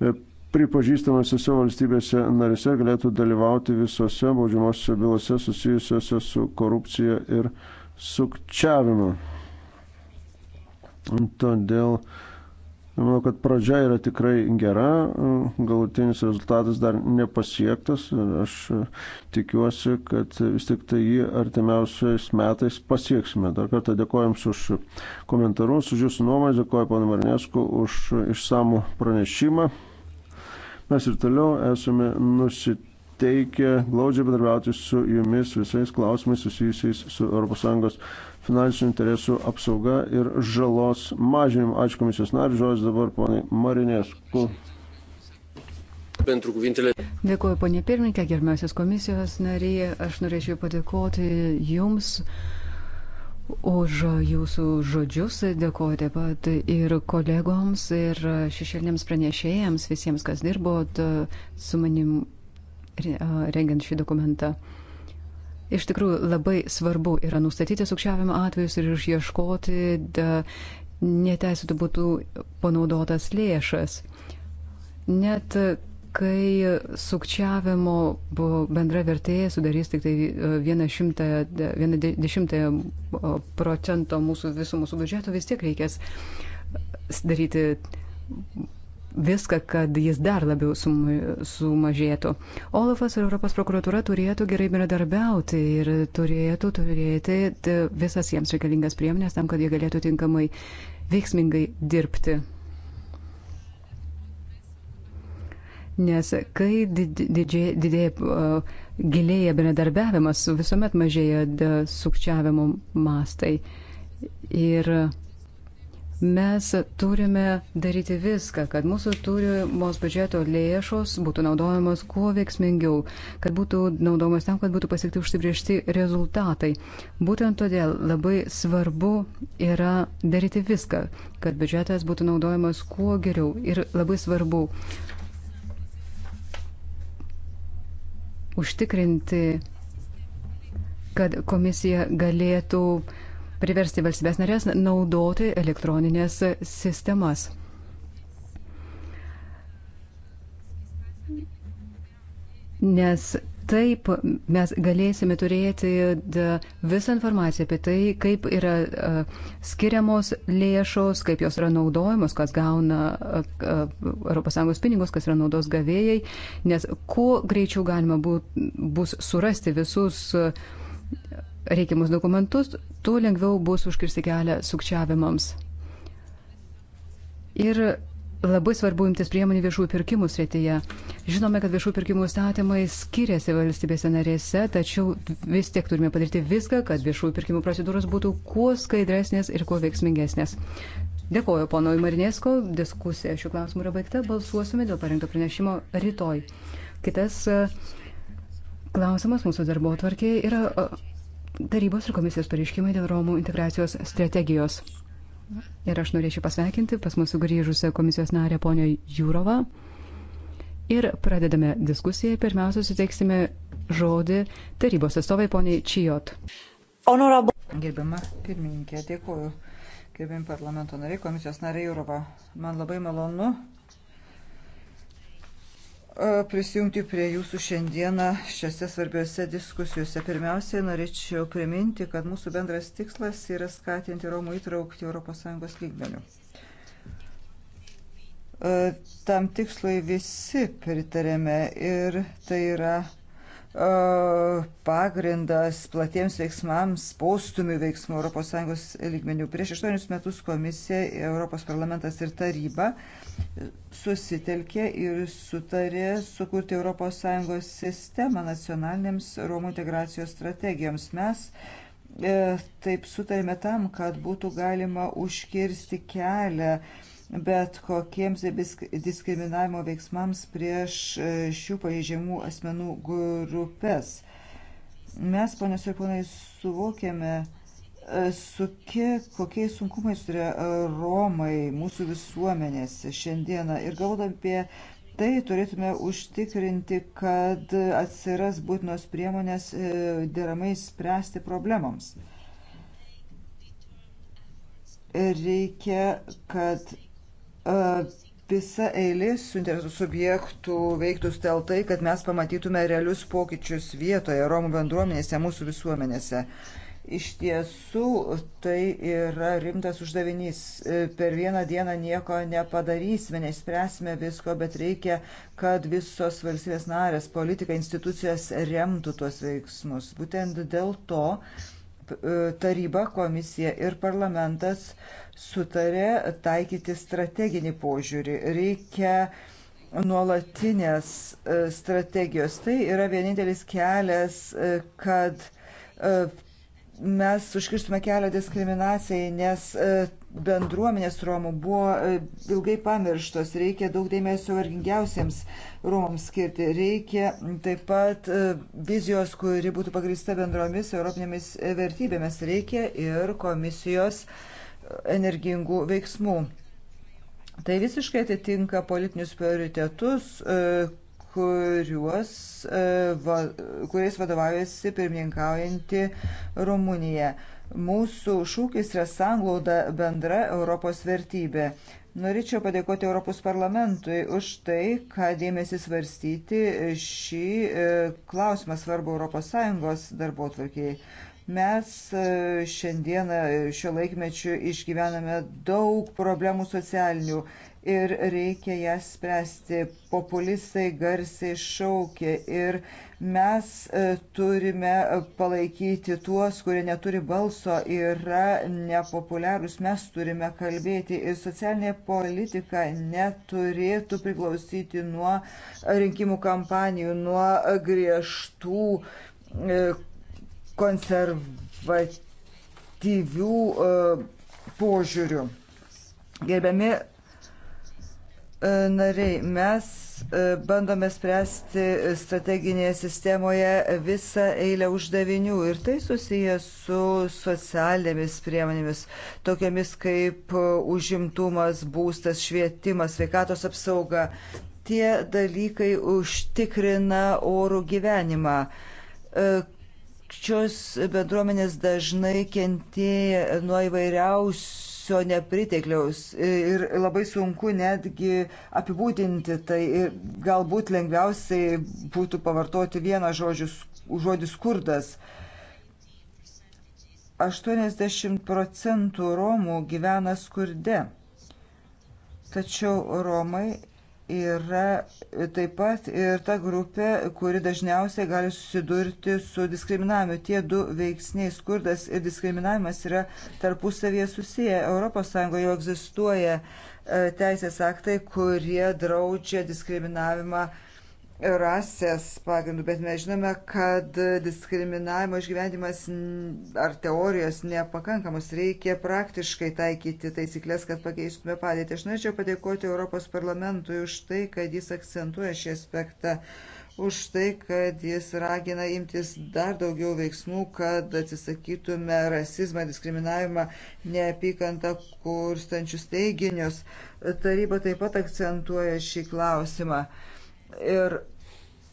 e, pripažįstama visose valstybėse narise, galėtų dalyvauti visose baudžiamosiose bylose susijusiose su korupcija ir sukčiavimu. Todėl manau, kad pradžia yra tikrai gera, galutinis rezultatas dar nepasiektas ir aš tikiuosi, kad vis tik tai jį artimiausiais metais pasieksime. Dar kartą dėkojom už komentarus, už jūsų nuomonę, dėkoju panu Marnesku už išsamų pranešimą. Mes ir toliau esame nusiteikę glaudžiai bedarbiauti su jumis visais klausimais susijusiais su ES finansinių interesų apsauga ir žalos mažinimu. Ačiū komisijos nariu, žodis dabar ponai Marinėsku. Dėkuoju, ponė pirmininkė, gerbiamasis komisijos nariai. Aš norėčiau padėkoti Jums už Jūsų žodžius. Dėkuoju taip pat ir kolegoms, ir šešėlėms pranešėjams, visiems, kas dirbo su manim rengiant šį dokumentą. Iš tikrųjų, labai svarbu yra nustatyti sukčiavimo atvejus ir išieškoti neteisėtų būtų panaudotas lėšas. Net kai sukčiavimo bendra vertė sudarys tik tai 1,1 e, procento mūsų visų mūsų biudžeto, vis tiek reikės daryti viską, kad jis dar labiau sumažėtų. Olafas ir Europos prokuratura turėtų gerai bendradarbiauti ir turėtų turėti visas jiems reikalingas priemonės tam, kad jie galėtų tinkamai veiksmingai dirbti. Nes kai didžiai, didėja uh, gilėja bendradarbiavimas, visuomet mažėja sukčiavimo mastai. Ir uh, Mes turime daryti viską, kad mūsų turimos biudžeto lėšos būtų naudojamos kuo veiksmingiau, kad būtų naudojamos tam, kad būtų pasiekti užsibriežti rezultatai. Būtent todėl labai svarbu yra daryti viską, kad biudžetas būtų naudojamas kuo geriau ir labai svarbu užtikrinti, kad komisija galėtų uh, priversti valstybės narės naudoti elektroninės sistemas. Nes taip mes galėsime turėti visą informaciją apie tai, kaip yra skiriamos lėšos, kaip jos yra naudojamos, kas gauna ES pinigus, kas yra naudos gavėjai, nes kuo greičiau galima bu, bus surasti visus reikiamus dokumentus, tuo lengviau bus užkirsti kelią sukčiavimams. Ir labai svarbu imtis priemonių viešųjų pirkimų srityje. Žinome, kad viešųjų pirkimų statymai skiriasi valstybėse narėse, tačiau vis tiek turime padaryti viską, kad viešųjų pirkimų procedūros būtų kuo skaidresnės ir kuo veiksmingesnės. Dėkoju ponui Marinesko, diskusija šiuo klausimu yra baigta, balsuosime dėl parengto pranešimo rytoj. Kitas e, klausimas mūsų darbo tvarkėje yra e, tarybos ir komisijos pareiškimai dėl Romų integracijos strategijos. Ir aš norėčiau pasveikinti pas mūsų grįžusią komisijos narę ponio Jūrovą. Ir pradedame diskusiją. Pirmiausia, suteiksime žodį tarybos atstovai poniai Čijot. Honorable. Gerbiama pirmininkė, dėkuoju. Gerbiami parlamento nariai, komisijos nariai Jūrova. Man labai malonu prisijungti prie jūsų šiandieną šiose svarbiose diskusijose. Pirmiausiai norėčiau priminti, kad mūsų bendras tikslas yra skatinti Romų įtraukti ES lygmenių. Tam tikslai visi pritarėme ir tai yra pagrindas platiems veiksmams, postumių veiksmų ES lygmenių. Prieš aštuonius metus komisija, Europos parlamentas ir taryba susitelkė ir sutarė sukurti ES sistemą nacionalinėms Romų integracijos strategijoms. Mes e, taip sutarėme tam, kad būtų galima užkirsti kelią bet kokiems diskriminavimo veiksmams prieš e, šių pažeidžiamų asmenų grupės. Mes, ponios ir ponai, suvokėme, e, su kiek, kokiais sunkumais yra e, Romai mūsų visuomenėse šiandieną. Ir galvodam apie tai, turėtume užtikrinti, kad atsiras būtinos priemonės deramai spręsti problemams. Reikia, kad visa eilė suinteresuotų subjektų veiktų steltai, kad mes pamatytume realius pokyčius vietoje, Romų bendruomenėse, mūsų visuomenėse. Iš tiesų, tai yra rimtas uždavinys. E, per vieną dieną nieko nepadarysime, neįspręsime visko, bet reikia, kad visos valstybės narės, politika, institucijos remtų tuos veiksmus. Būtent dėl to e, taryba, komisija ir parlamentas uh, sutarė taikyti strateginį požiūrį. Reikia nuolatinės e, strategijos. Tai yra vienintelis kelias, e, kad e, mes užkirstume kelią diskriminacijai, nes bendruomenės Romų buvo ilgai pamirštos, reikia daug dėmesio vargingiausiems Romams skirti, reikia taip pat vizijos, kuri būtų pagrįsta bendromis europinėmis vertybėmis, reikia ir komisijos uh, energingų veiksmų. Tai visiškai atitinka politinius prioritetus, e, kuriuos, e, va, kuriais vadovaujasi pirmininkaujanti Rumunija. Mūsų šūkis yra sanglauda bendra Europos vertybė. Norėčiau padėkoti Europos parlamentui už tai, ką dėmesį svarstyti šį e, klausimą svarbu ES darbo tvarkiai. Mes e, šiandieną e, šio laikmečiu išgyvename daug problemų socialinių ir reikia jas spręsti. Populistai garsiai šaukia ir mes e, turime palaikyti tuos, kurie neturi balso, yra nepopuliarūs. Mes turime kalbėti ir socialinė politika neturėtų priklausyti nuo rinkimų kampanijų, nuo griežtų konservatyvių e, požiūrių. Gerbiami e, nariai, mes e, bandome spręsti strateginėje sistemoje visą eilę uždavinių ir tai susijęs su socialinėmis priemonėmis, tokiamis kaip užimtumas, būstas, švietimas, sveikatos apsauga. Tie dalykai užtikrina orų gyvenimą Šios bendruomenės dažnai kentėja nuo įvairiausio nepritekliaus ir labai sunku netgi apibūdinti tai. Galbūt lengviausiai būtų pavartoti vieną žodžių, žodį skurdas. 80 procentų Romų gyvena skurde. Tačiau Romai yra taip pat ir ta grupė, kuri dažniausiai gali susidurti su diskriminavimu. Tie du veiksniai - skurdas ir diskriminavimas - yra tarpusavėje susiję. ES jau egzistuoja e, teisės aktai, kurie draudžia diskriminavimą uh, rasės pagrindų, bet mes žinome, kad diskriminavimo išgyvendimas ar teorijos nepakankamas. Reikia praktiškai taikyti taisyklės, kad pakeistume padėtį. Aš norėčiau padėkoti Europos parlamentui už tai, kad jis akcentuoja šį aspektą, už tai, kad jis ragina imtis dar daugiau veiksmų, kad atsisakytume rasizmą, diskriminavimą, neapykantą kurstančius teiginius. Taryba taip pat akcentuoja šį klausimą. Ir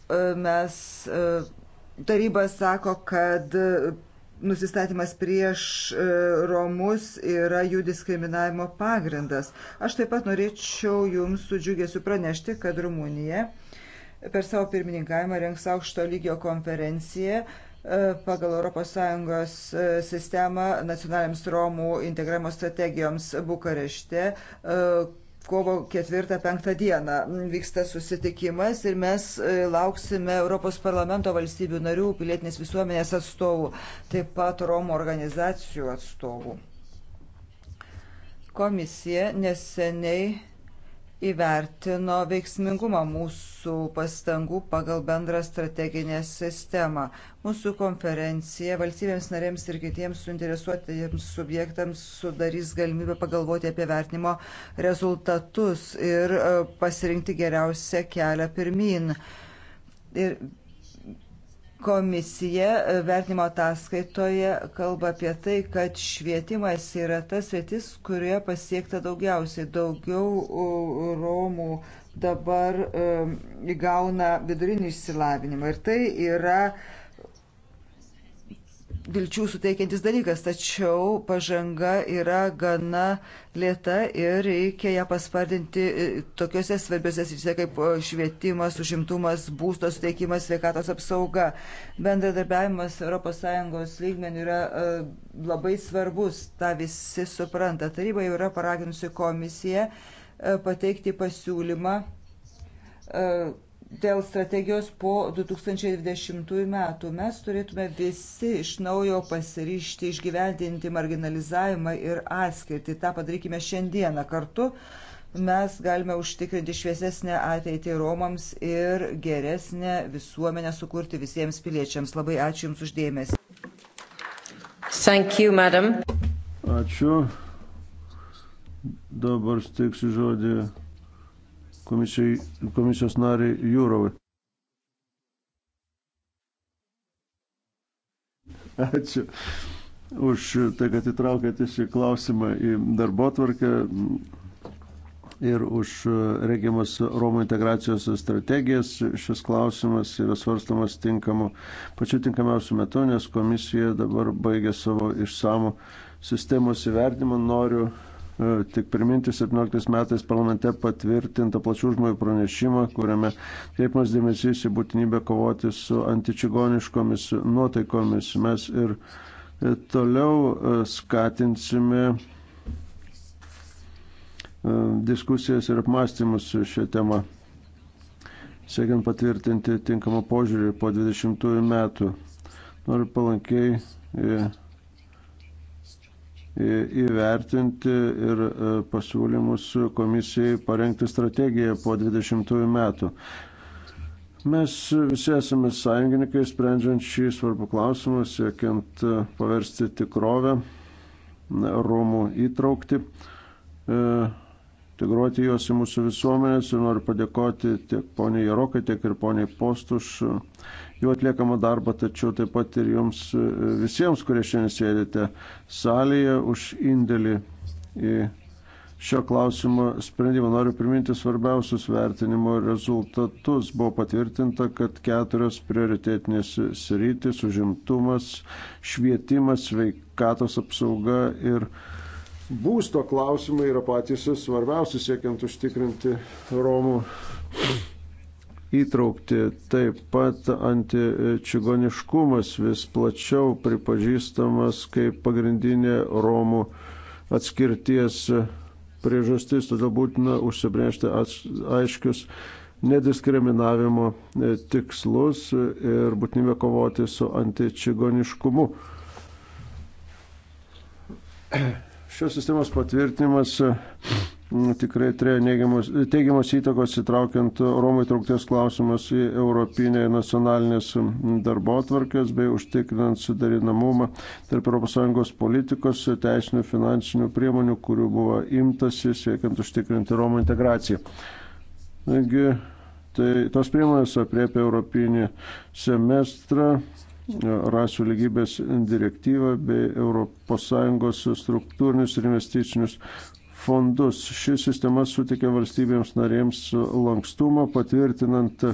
e, mes e, taryba sako, kad nusistatymas prieš e, Romus yra jų diskriminavimo pagrindas. Aš taip pat norėčiau jums su džiugėsiu pranešti, kad Rumunija per savo pirmininkavimą rengs aukšto lygio konferenciją pagal ES sistemą nacionaliniams Romų integravimo strategijoms Bukarešte, kovo 4-5 dieną vyksta susitikimas ir mes e, lauksime Europos parlamento valstybių narių, pilietinės visuomenės atstovų, taip pat Romų organizacijų atstovų. Komisija neseniai įvertino veiksmingumą mūsų pastangų pagal bendrą strateginę sistemą. Mūsų konferencija valstybėms narėms ir kitiems suinteresuotiems subjektams sudarys galimybę pagalvoti apie vertinimo rezultatus ir e, pasirinkti geriausią kelią pirmin. Ir Komisija e, vertinimo ataskaitoje kalba apie tai, kad švietimas yra tas sritis, kurioje pasiekta daugiausiai. Daugiau Romų dabar e, įgauna vidurinį išsilavinimą. Ir tai yra uh, vilčių suteikiantis dalykas, tačiau pažanga yra gana lėta ir reikia ją paspardinti e, tokiuose svarbiuose srityse kaip e, švietimas, užimtumas, būsto suteikimas, sveikatos apsauga. Bendradarbiavimas ES lygmenių yra e, labai svarbus, tą visi supranta. Taryba jau yra paraginusi komisiją pateikti pasiūlymą dėl strategijos po 2020 metų. Mes turėtume visi iš naujo pasiryšti išgyvendinti marginalizavimą ir atskirti. Ta padarykime šiandieną kartu. Mes galime užtikrinti šviesesnę ateitį Romams ir geresnę visuomenę sukurti visiems piliečiams. Labai ačiū Jums uždėmesi. Thank you, madam. Ačiū. Dabar steiksiu žodį komisijos nariai Jūrovai. Ačiū už tai, kad įtraukėte šį klausimą į darbo tvarkę ir už reikiamas Romų integracijos strategijas. Šis klausimas yra svarstamas tinkamu, pačiu tinkamiausiu metu, nes komisija dabar baigė savo išsamų sistemos įvertimą. Noriu E, tik priminti 17 metais parlamente patvirtintą plačių žmonių pranešimą, kuriame kreipimas dėmesys į būtinybę kovoti su antičigoniškomis nuotaikomis. Mes ir e, toliau e, skatinsime diskusijas ir apmąstymus šią temą, siekiant patvirtinti tinkamą požiūrį po 20 metų. Noriu palankiai įvertinti ir e, pasiūlymus komisijai parengti strategiją po 20 metų. Mes visi esame sąjungininkai, sprendžiant šį svarbų klausimą, siekiant e, paversti tikrovę, Romų įtraukti, e, integruoti juos į mūsų visuomenės ir noriu padėkoti tiek poniai Jarokai, tiek ir poniai Postuš jų atliekamą darbą, tačiau taip pat ir jums e, visiems, kurie šiandien sėdite salėje, už indėlį į šio klausimo sprendimą. Noriu priminti svarbiausius vertinimo rezultatus. Buvo patvirtinta, kad keturios prioritetinės sritis - užimtumas, švietimas, sveikatos apsauga ir būsto klausimai yra patys svarbiausi siekiant užtikrinti Romų įtraukti. Taip pat antičigoniškumas vis plačiau pripažįstamas kaip pagrindinė Romų atskirties priežastis, todėl būtina užsibriežti aiškius nediskriminavimo e, tikslus ir būtinybę kovoti su antičigoniškumu. Šios sistemos patvirtinimas Mm, tikrai turėjo teigiamos įtakos įtraukiant Romų įtraukties klausimas į Europinę nacionalinės mm, darbo atvarkės bei užtikrinant sudarinamumą tarp ES politikos, teisinių, finansinių priemonių, kurių buvo imtasi siekiant užtikrinti Romų integraciją. Taigi, tai tos priemonės apriepia Europinį semestrą rasių lygybės direktyvą bei ES struktūrinius ir investicinius fondus. Ši sistema suteikia valstybėms narėms lankstumą, patvirtinant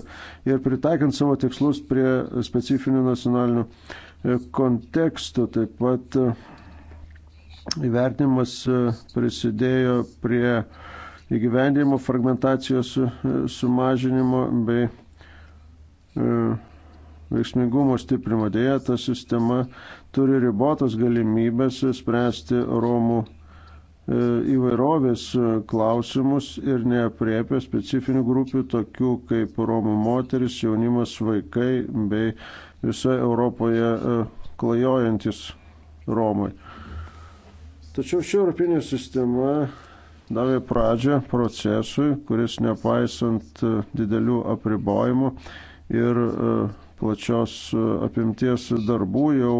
ir pritaikant savo tikslus prie specifinių nacionalinių e, kontekstų. Taip pat e, įvertinimas e, prisidėjo prie įgyvendėjimo fragmentacijos sumažinimo bei veiksmingumo stiprimo. Dėja, ta sistema turi ribotas galimybės spręsti Romų E, įvairovės e, klausimus ir neapriepia specifinių grupių, tokių kaip Romų moteris, jaunimas, vaikai bei visoje Europoje e, klajojantis Romai. Tačiau ši europinė sistema davė pradžią procesui, kuris nepaisant didelių apribojimų ir plačios apimties darbų jau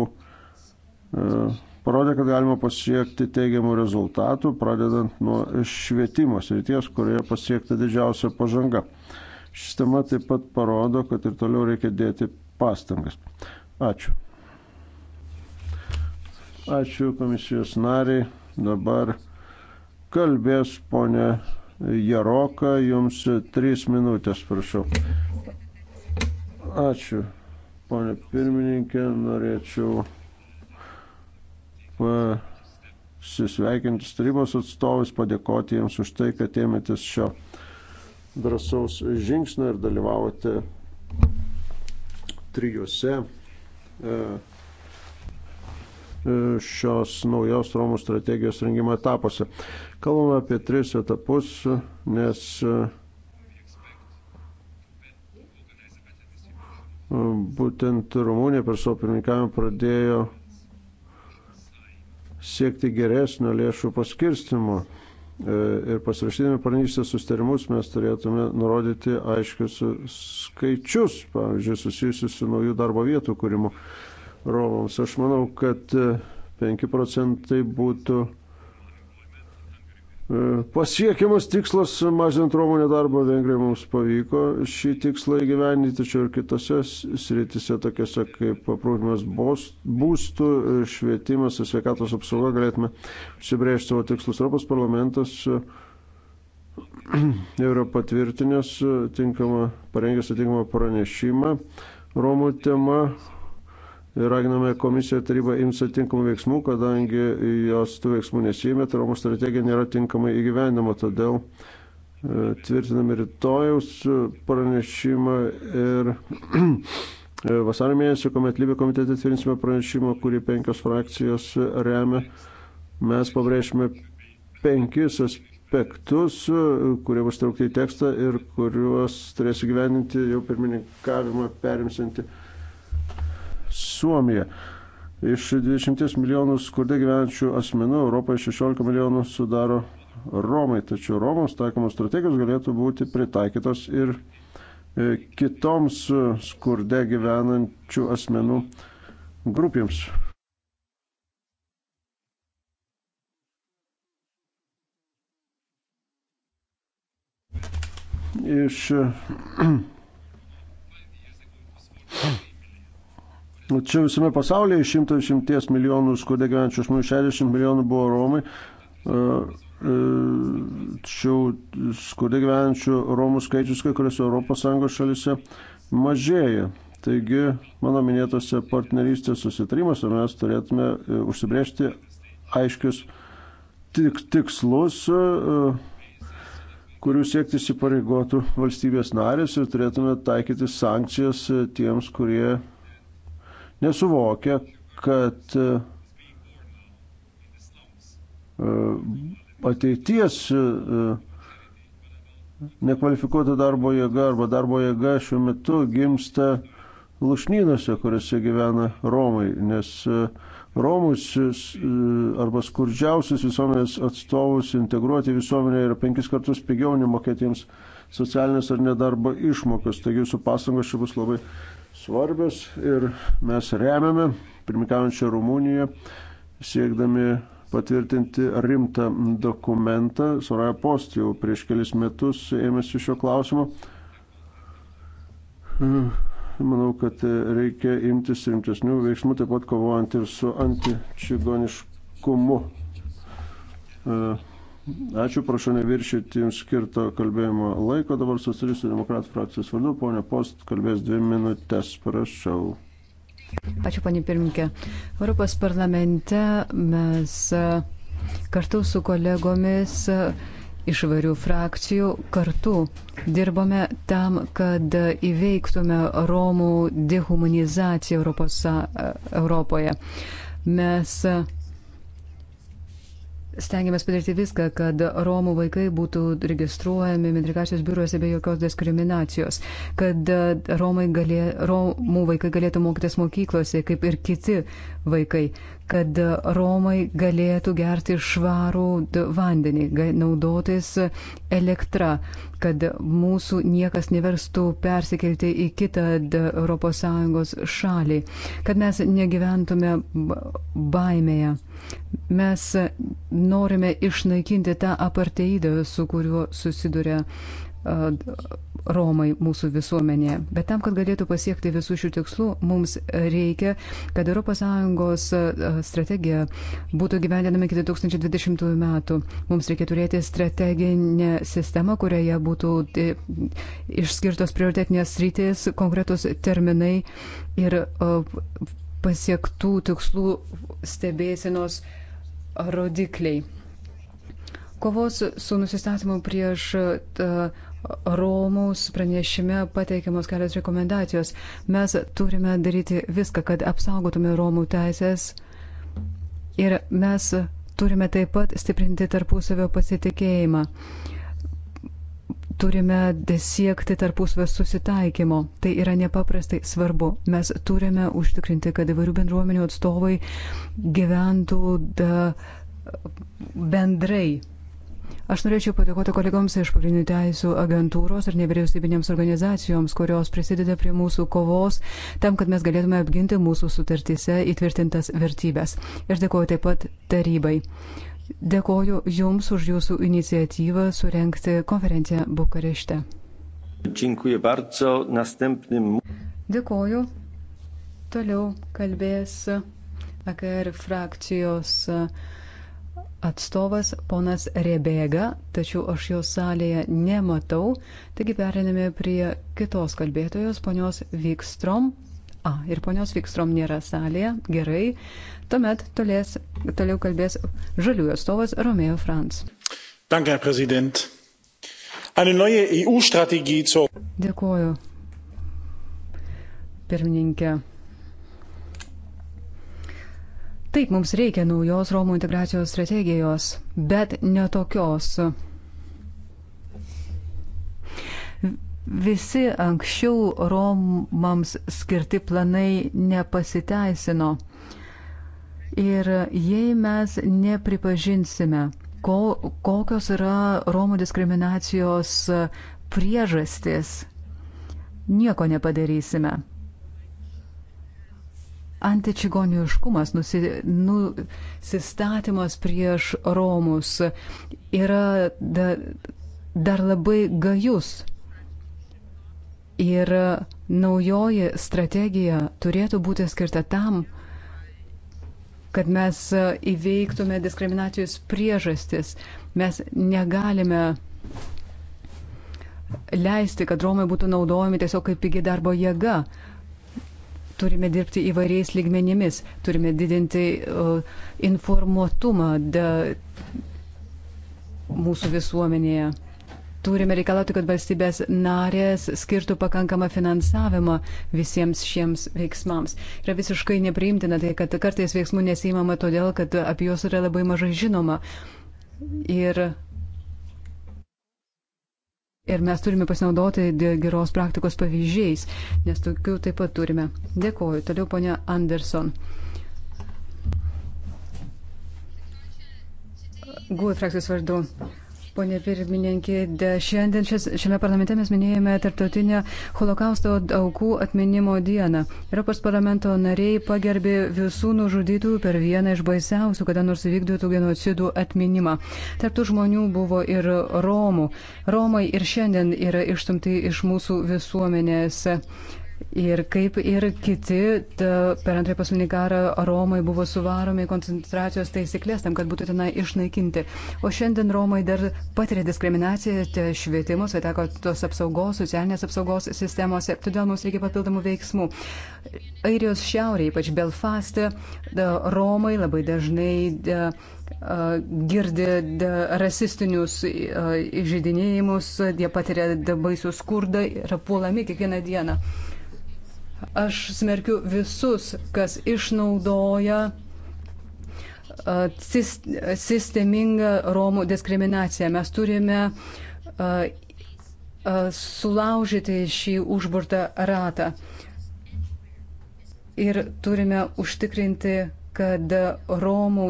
parodė, kad galima pasiekti teigiamų rezultatų, pradedant nuo švietimo srities, kurioje pasiekta didžiausia pažanga. Sistema taip pat parodo, kad ir toliau reikia dėti pastangas. Ačiū. Ačiū komisijos nariai. Dabar kalbės ponė Jaroka, jums trys minutės, prašau. Ačiū, ponė pirmininkė, norėčiau pasisveikinti e, su tarybos atstovais, padėkoti jiems už tai, kad ėmėtės šio drąsaus žingsnio ir dalyvavote trijuose e, e, šios naujos Romų strategijos rengimo etapuose. Kalbame apie tris etapus, nes būtent Rumunija per savo pirmininkavimą pradėjo siekti geresnio lėšų paskirstimo. E, ir pasirašydami partnerystės sustarimus mes turėtume nurodyti aiškius skaičius, pavyzdžiui, susijusius su naujų darbo vietų kūrimu Romams. Aš manau, kad 5 e, procentai būtų E, pasiekiamas tikslas mažinti Romų nedarbą Vengrijai mums pavyko šį tikslą įgyveninti, tačiau ir kitose sritise, tokiose kaip aprūpinimas būstų, e, švietimas ir sveikatos apsauga galėtume užsibrėžti savo tikslus. Europos parlamentas e, yra patvirtinęs tinkamą, parengęs atinkamą pranešimą Romų tema Raginame komisiją tarybą imtis atinkamų veiksmų, kadangi jos tų veiksmų nesijėmė, tai Romos strategija nėra tinkamai įgyvenima, todėl e, tvirtiname rytojaus pranešimą ir e, vasario mėnesį, kuomet Libė komitete tvirtinsime pranešimą, kurį penkios frakcijos remia, mes pabrėšime penkis aspektus, kurie bus traukti į tekstą ir kuriuos turės įgyveninti jau pirmininkavimą perimsinti Suomija. Iš 20 milijonų skurde gyvenančių asmenų Europoje 16 milijonų sudaro Romai, tačiau Romams taikomos strategijos galėtų būti pritaikytos ir e, kitoms e, skurde gyvenančių asmenų grupėms. Iš Nu, čia visame pasaulyje iš 110 milijonų skurde gyvenančių žmonių 60 milijonų buvo Romai. E, e, tačiau skurde gyvenančių Romų skaičius kai kuriuose ES šalise mažėja. Taigi, mano minėtose partnerystės susitarimuose mes turėtume e, užsibriežti aiškius tik, tikslus, kurių siekti įsipareigotų valstybės narės ir turėtume taikyti sankcijas tiems, kurie nesuvokia, kad e, ateities e, nekvalifikuota darbo jėga arba darbo jėga šiuo metu gimsta lušnynuose, kuriuose gyvena Romai, nes e, Romus arba skurdžiausius visuomenės atstovus integruoti visuomenė yra penkis kartus pigiau nemokėti jiems socialinės ar nedarbo išmokas. Taigi jūsų pastangos čia bus labai svarbios ir mes remiame pirmikaujančią Rumuniją, siekdami patvirtinti rimtą dokumentą. Soraya Post jau prieš kelis metus ėmėsi šio klausimo. Manau, kad reikia imtis rimtesnių veiksmų, taip pat kovojant ir su antičigoniškumu. Uh Ačiū, prašau neviršyti jums skirto kalbėjimo laiko. Dabar socialistų demokratų frakcijos vardu, ponė Post, kalbės dvi minutės, prašau. Ačiū, panė pirmininkė. Europos parlamente mes e, kartu su kolegomis e, iš varių frakcijų kartu dirbame tam, kad įveiktume Romų dehumanizaciją Europos, e, Europoje. Mes Stengiamės padaryti viską, kad Romų vaikai būtų registruojami metrikacijos biuruose be jokios diskriminacijos, kad e, Romai galė, Romų vaikai galėtų mokytis mokyklose, kaip ir kiti vaikai, kad e, Romai galėtų gerti švarų vandenį, naudotis elektrą, kad mūsų niekas neverstų persikelti į kitą ES šalį, kad mes negyventume baimėje. Mes norime išnaikinti tą aparteidą, su kuriuo susiduria Romai mūsų visuomenėje. Bet tam, kad galėtų pasiekti visų šių tikslų, mums reikia, kad ES strategija būtų gyvendinama iki 2020 metų. Mums reikia turėti strateginę sistemą, kurioje būtų e, išskirtos prioritetinės rytis, konkretus terminai ir pasiektų tikslų stebėsinos rodikliai kovos su nusistatymu prieš Romus pranešime pateikiamos kelios rekomendacijos. Mes turime daryti viską, kad apsaugotume Romų teisės ir mes turime taip pat stiprinti tarpusavio pasitikėjimą. Turime siekti tarpusavio susitaikymo. Tai yra nepaprastai svarbu. Mes turime užtikrinti, kad įvairių bendruomenių atstovai gyventų da, bendrai Aš norėčiau padėkoti kolegoms iš pagrindinių teisų agentūros ir nevyriausybinėms organizacijoms, kurios prisideda prie mūsų kovos tam, kad mes galėtume apginti mūsų sutartyse įtvirtintas vertybės. Ir dėkoju taip pat tarybai. Dėkoju Jums už Jūsų iniciatyvą surenkti konferenciją Bukarešte. Dziękuję bardzo. Następnym. Dėkoju. Toliau kalbės AKR frakcijos uh, atstovas ponas Rebėga, tačiau aš jo salėje nematau. Taigi periname prie kitos kalbėtojos, ponios Vikstrom. A, ir ponios Vikstrom nėra salėje. Gerai. Tuomet tolės, toliau kalbės žaliųjų atstovas Romeo Franz. Danke, Herr Präsident. Eine neue EU-Strategie zur. Dėkuoju. Pirmininkė Taip, mums reikia naujos Romų integracijos strategijos, bet netokios. Visi anksčiau Romams skirti planai nepasiteisino. Ir jei mes nepripažinsime, ko, kokios yra Romų diskriminacijos priežastis, nieko nepadarysime antičigoniškumas, nusi, nu, nusistatymas prieš Romus yra da, dar labai gajus. Ir naujoji strategija turėtų būti skirta tam, kad mes įveiktume diskriminacijos priežastis. Mes negalime leisti, kad Romai būtų naudojami tiesiog kaip pigi darbo jėga turime dirbti įvairiais lygmenimis, turime didinti e, informuotumą mūsų visuomenėje. Turime reikalauti, kad valstybės narės skirtų pakankamą finansavimą visiems šiems veiksmams. Yra visiškai nepriimtina tai, kad kartais veiksmų nesimama todėl, kad apie juos yra labai mažai žinoma. Ir Ir mes turime pasinaudoti geros praktikos pavyzdžiais, nes tokių taip pat turime. Dėkoju. Toliau ponia Anderson. Guoja frakcijos vardu. Pone pirmininkė, šiandien šias, šiame parlamente mes minėjome Tartautinę holokausto aukų atminimo dieną. Europos parlamento nariai pagerbė visų nužudytų per vieną iš baisiausių, kada nors vykdytų genocidų atminimą. Tarptų žmonių buvo ir Romų. Romai ir šiandien yra ištumti iš mūsų visuomenės. Ir kaip ir kiti ta, per antrąjį pasaulinį karą Romai buvo suvaromi koncentracijos taisyklės tam, kad būtų tenai išnaikinti. O šiandien Romai dar patiria diskriminaciją švietimo, sveitako tos apsaugos, socialinės apsaugos sistemose. Todėl mums reikia papildomų veiksmų. Airijos šiaurė, ypač Belfaste, da, Romai labai dažnai da, girdi rasistinius žydinėjimus, jie patiria baisų skurdą ir puolami kiekvieną dieną. Aš smerkiu visus, kas išnaudoja sistemingą Romų diskriminaciją. Mes turime sulaužyti šį užburtą ratą ir turime užtikrinti kad Romų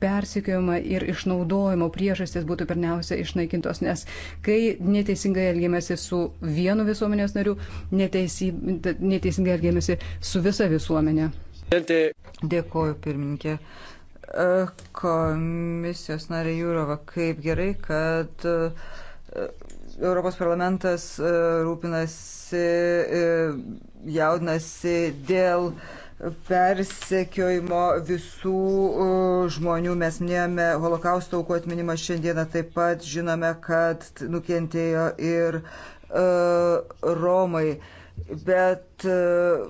persikiojimo ir išnaudojimo priežastis būtų pirmiausia išnaikintos, nes kai neteisingai elgiamasi su vienu visuomenės nariu, neteisi, neteisingai elgiamasi su visa visuomenė. Dėkoju, pirmininkė. Komisijos narė Jūrova, kaip gerai, kad Europos parlamentas rūpinasi, e, jaudinasi dėl uh, persekiojimo visų e, žmonių. Mes minėjome holokausto aukų atminimą šiandieną, taip pat žinome, kad nukentėjo ir uh, Romai. Bet uh,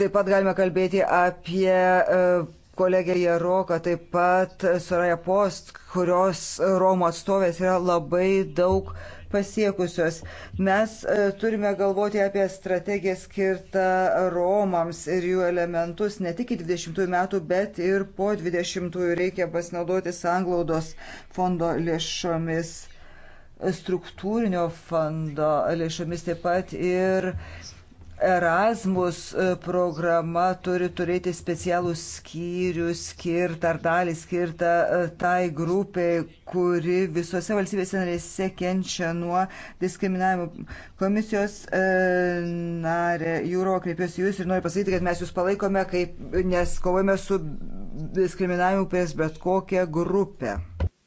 taip pat galime kalbėti apie uh, kolegę Jaroką, taip pat Soraya Post, kurios Romo atstovės yra labai daug uh, pasiekusios. Mes e, turime galvoti apie strategiją skirtą Romams ir jų elementus ne tik iki 20 metų, bet ir po 20 reikia pasinaudoti sanglaudos fondo lėšomis struktūrinio fondo lėšomis taip pat ir Erasmus e, programa turi turėti specialų skyrių skirtą ar dalį skirtą e, tai grupiai, kuri visose valstybėse narėse kenčia nuo diskriminavimo. Komisijos e, narė Jūro kreipiuosi jūs ir noriu pasakyti, kad mes jūs palaikome, kaip, nes kovojame su diskriminavimu prieš bet kokią grupę.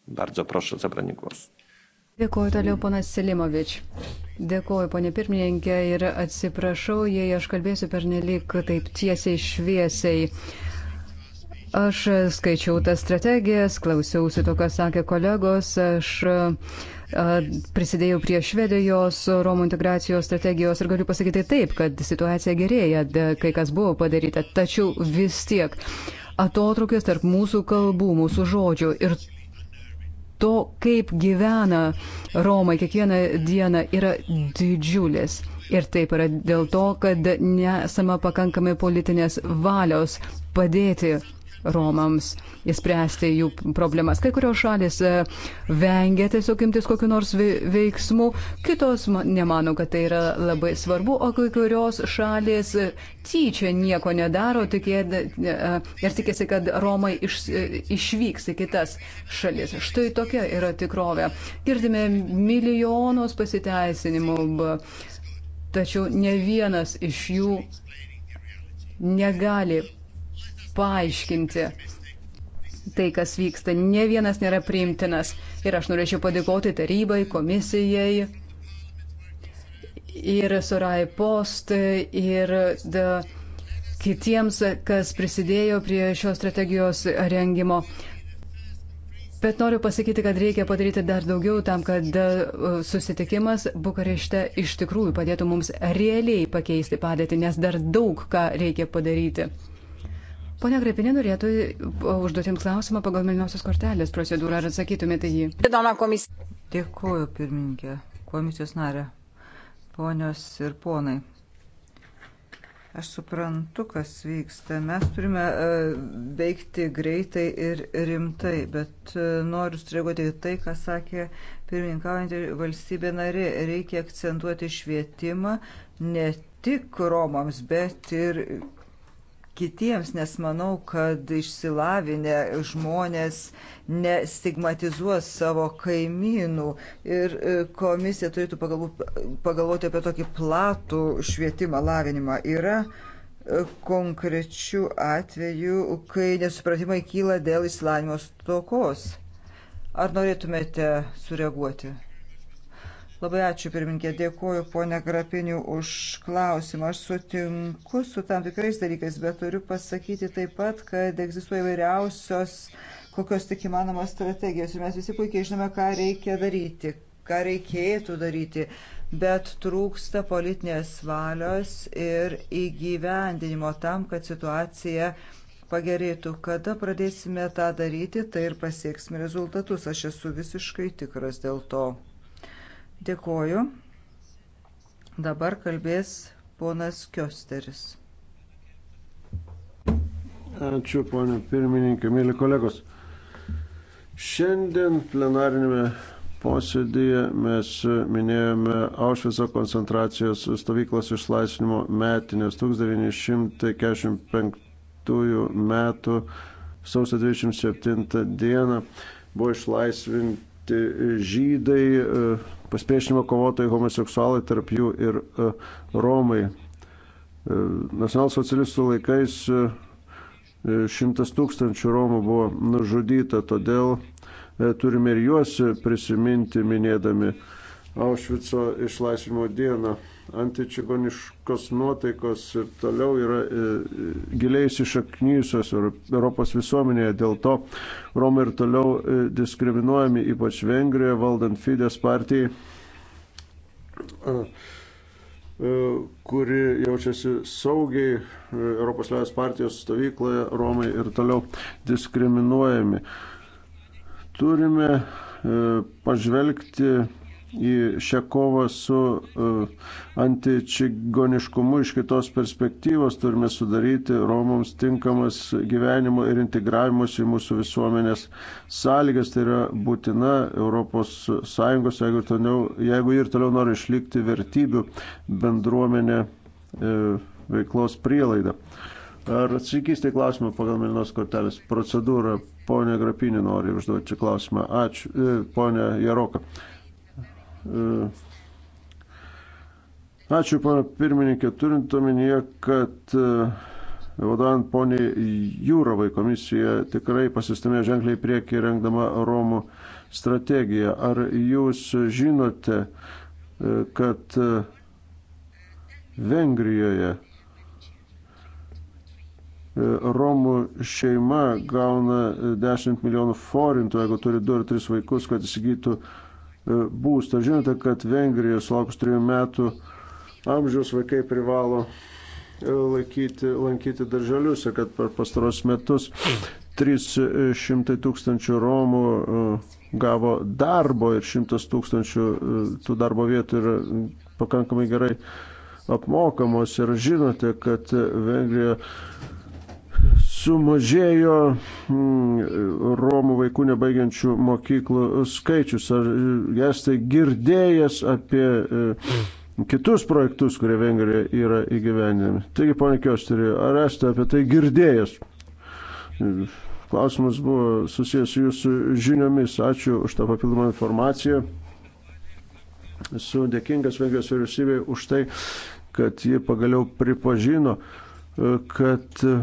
Bardzo proszę o zabranie głosu. Dėkuoju toliau, ponas Selimovič. Dėkuoju, ponė pirmininkė, ir atsiprašau, jei aš kalbėsiu per nelik taip tiesiai šviesiai. Aš skaičiau tas strategijas, klausiausi to, ką sakė kolegos, aš prisidėjau prie Švedijos Romų integracijos strategijos ir galiu pasakyti taip, kad situacija gerėja, kai kas buvo padaryta, tačiau vis tiek atotrukis tarp mūsų kalbų, mūsų žodžių ir to, kaip gyvena Romai kiekvieną dieną, yra didžiulis. Ir taip yra dėl to, kad nesama pakankamai politinės valios padėti Romams, įspręsti jų problemas. Kai kurios šalis e, vengia tiesiog imtis kokiu nors veiksmu, kitos nemano, kad tai yra labai svarbu, o kai kurios šalis e, tyčia nieko nedaro tikė, e, ir tikėsi, kad Romai iš, išvyks į kitas šalis. Štai tokia yra tikrovė. Girdime milijonus pasiteisinimų, tačiau ne vienas iš jų negali paaiškinti tai, kas vyksta. Ne vienas nėra priimtinas. Ir aš norėčiau padėkoti tarybai, komisijai ir Sorai Post ir da, kitiems, kas prisidėjo prie šios strategijos rengimo. Bet noriu pasakyti, kad reikia padaryti dar daugiau tam, kad susitikimas Bukarešte iš tikrųjų padėtų mums realiai pakeisti padėtį, nes dar daug ką reikia padaryti. Pone Grepinė norėtų e, užduoti jums klausimą pagal Milnosios kortelės procedūrą. Ar atsakytumėte jį? Dėkuoju, pirmininkė, komisijos narė, ponios ir ponai. Aš suprantu, kas vyksta. Mes turime e, veikti greitai ir rimtai, bet e, noriu streguoti į tai, ką sakė pirmininkaujantį valstybė nari. Reikia akcentuoti švietimą ne tik Romams, bet ir kitiems, nes manau, kad išsilavinę žmonės nestigmatizuos savo kaimynų ir e, komisija turėtų pagalvoti apie tokį platų švietimą, lavinimą. Yra e, konkrečių atvejų, kai nesupratimai kyla dėl išsilavinimo stokos. Ar norėtumėte sureaguoti? Labai ačiū, pirminkė, dėkuoju ponia Grapiniu už klausimą. Aš sutinku su tam tikrais dalykais, bet turiu pasakyti taip pat, kad egzistuoja įvairiausios, kokios tik įmanomos strategijos. Ir mes visi puikiai žinome, ką reikia daryti, ką reikėtų daryti, bet trūksta politinės valios ir įgyvendinimo tam, kad situacija pagerėtų. Kada pradėsime tą daryti, tai ir pasieksime rezultatus. Aš esu visiškai tikras dėl to. Dėkoju. Dabar kalbės ponas Kiosteris. Ačiū, ponė pirmininkė, mėly kolegos. Šiandien plenarinėme posėdėje mes minėjome Aušvico koncentracijos stovyklos išlaisvinimo metinės 1945 metų sausio 27 dieną buvo išlaisvinti žydai pasipriešinimo kovotojai homoseksualai, tarp jų ir e, Romai. E, nacionalsocialistų laikais e, šimtas tūkstančių Romų buvo nužudyta, todėl turime ir juos prisiminti minėdami Aušvico išlaisvimo dieną antičigoniškos nuotaikos ir toliau yra e, e, giliai įsišaknyjusios Europos visuomenėje. Dėl to Romai ir toliau e, diskriminuojami, ypač Vengrijoje, valdant Fides partijai kuri jaučiasi saugiai Europos Liaudės partijos stovykloje, Romai ir toliau diskriminuojami. Turime pažvelgti į šią kovą su e, antičigoniškumu iš kitos perspektyvos turime sudaryti Romams tinkamas gyvenimo ir integravimus į mūsų visuomenės sąlygas. Tai yra būtina ES, jeigu, toliau, jeigu ir toliau nori išlikti vertybių bendruomenė e, veiklos prielaida. Ar atsakysite klausimą pagal Milinos kortelės procedūrą? Pone Grapinį nori užduoti klausimą. Ačiū. E, pone Jaroka. Mm. Ačiū, pana pirmininkė, turint omenyje, kad e, vadovaujant poniai Jūrovai komisija tikrai pasistumė ženkliai priekį rengdama Romų strategiją. Ar jūs žinote, e, kad e, Vengrijoje Romų šeima gauna 10 milijonų forintų, jeigu turi 2 ar 3 vaikus, kad įsigytų E, būstą. Žinote, kad Vengrijoje sulaukus trijų metų amžiaus vaikai privalo e, laikyti, lankyti darželius ir kad per pastaros metus 300 tūkstančių Romų e, gavo darbo ir 100 tūkstančių tų darbo vietų yra pakankamai gerai apmokamos ir žinote, kad Vengrija sumažėjo mm, Romų vaikų nebaigiančių mokyklų skaičius. Ar esate girdėjęs apie e, kitus projektus, kurie Vengrija yra įgyvendinami? Taigi, ponė Kiosteri, ar esate apie tai girdėjęs? Klausimas buvo susijęs su jūsų žiniomis. Ačiū už tą papildomą informaciją. Esu dėkingas Vengrijos vyriausybei už tai, kad ji pagaliau pripažino, uh, kad e,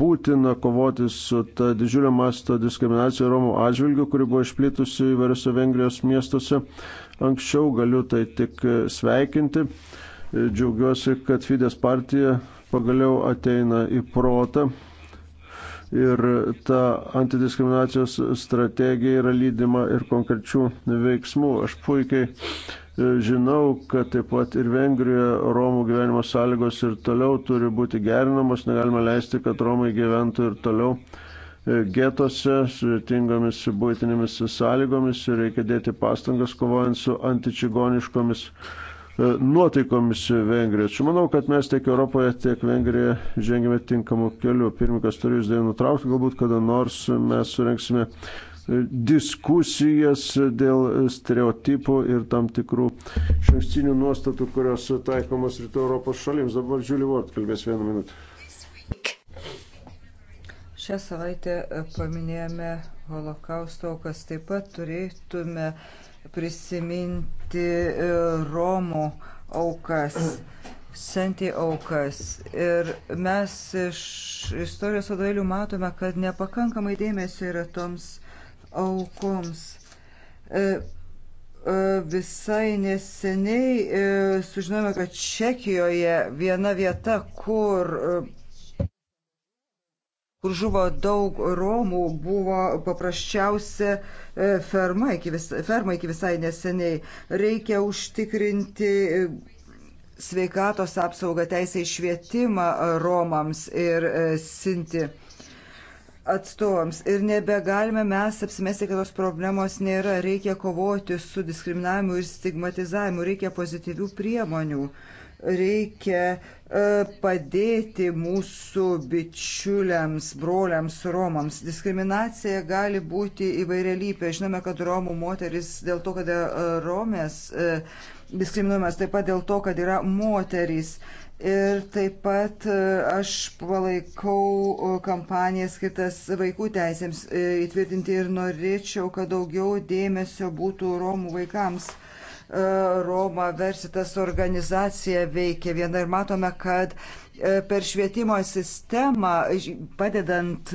būtina kovoti su ta didžiulio masto diskriminacija Romų atžvilgių, kuri buvo išplitusi įvairiose Vengrijos miestuose. Anksčiau galiu tai tik e, sveikinti. E, džiaugiuosi, kad Fidesz partija pagaliau ateina į protą. Ir ta antidiskriminacijos strategija yra lydima ir konkrečių veiksmų. Aš puikiai E, žinau, kad taip pat ir Vengrijoje Romų gyvenimo sąlygos ir toliau turi būti gerinamos, negalima leisti, kad Romai gyventų ir toliau e, getose, sudėtingomis būtinėmis sąlygomis ir reikia dėti pastangas kovojant su antičigoniškomis e, nuotaikomis Vengrijoje. Čia manau, kad mes tiek Europoje, tiek Vengrijoje žengėme tinkamų kelių. Pirmininkas turi jūs dėją nutraukti, galbūt kada nors mes surenksime diskusijas dėl stereotipų ir tam tikrų šankstinių nuostatų, kurios taikomos rytų Europos šalims. Dabar Žiūri Vort kalbės vieną minutę. Šią savaitę paminėjome holokausto aukas. Taip pat turėtume prisiminti e, Romų aukas senti aukas. Ir mes iš istorijos vadovėlių matome, kad nepakankamai dėmesio yra toms aukoms. E, e, visai neseniai e, sužinojome, kad Čekijoje viena vieta, kur, kur žuvo daug Romų, buvo paprasčiausia ferma iki, vis, ferma iki visai neseniai. Reikia užtikrinti sveikatos apsaugą, teisę į švietimą Romams ir Sinti atstovams ir nebegalime mes apsimesti, kad tos problemos nėra. Reikia kovoti su diskriminavimu ir stigmatizavimu, reikia pozityvių priemonių, reikia e, padėti mūsų bičiuliams, broliams, romams. Diskriminacija gali būti įvairialypė. Žinome, kad romų moteris dėl to, kad e, romės e, diskriminuojamas, taip pat dėl to, kad yra moterys. Ir taip pat e, aš palaikau e, kampaniją skirtas vaikų teisėms e, įtvirtinti ir norėčiau, kad daugiau dėmesio būtų Romų vaikams. Roma versitas organizacija veikia viena ir matome, kad per švietimo sistemą, padedant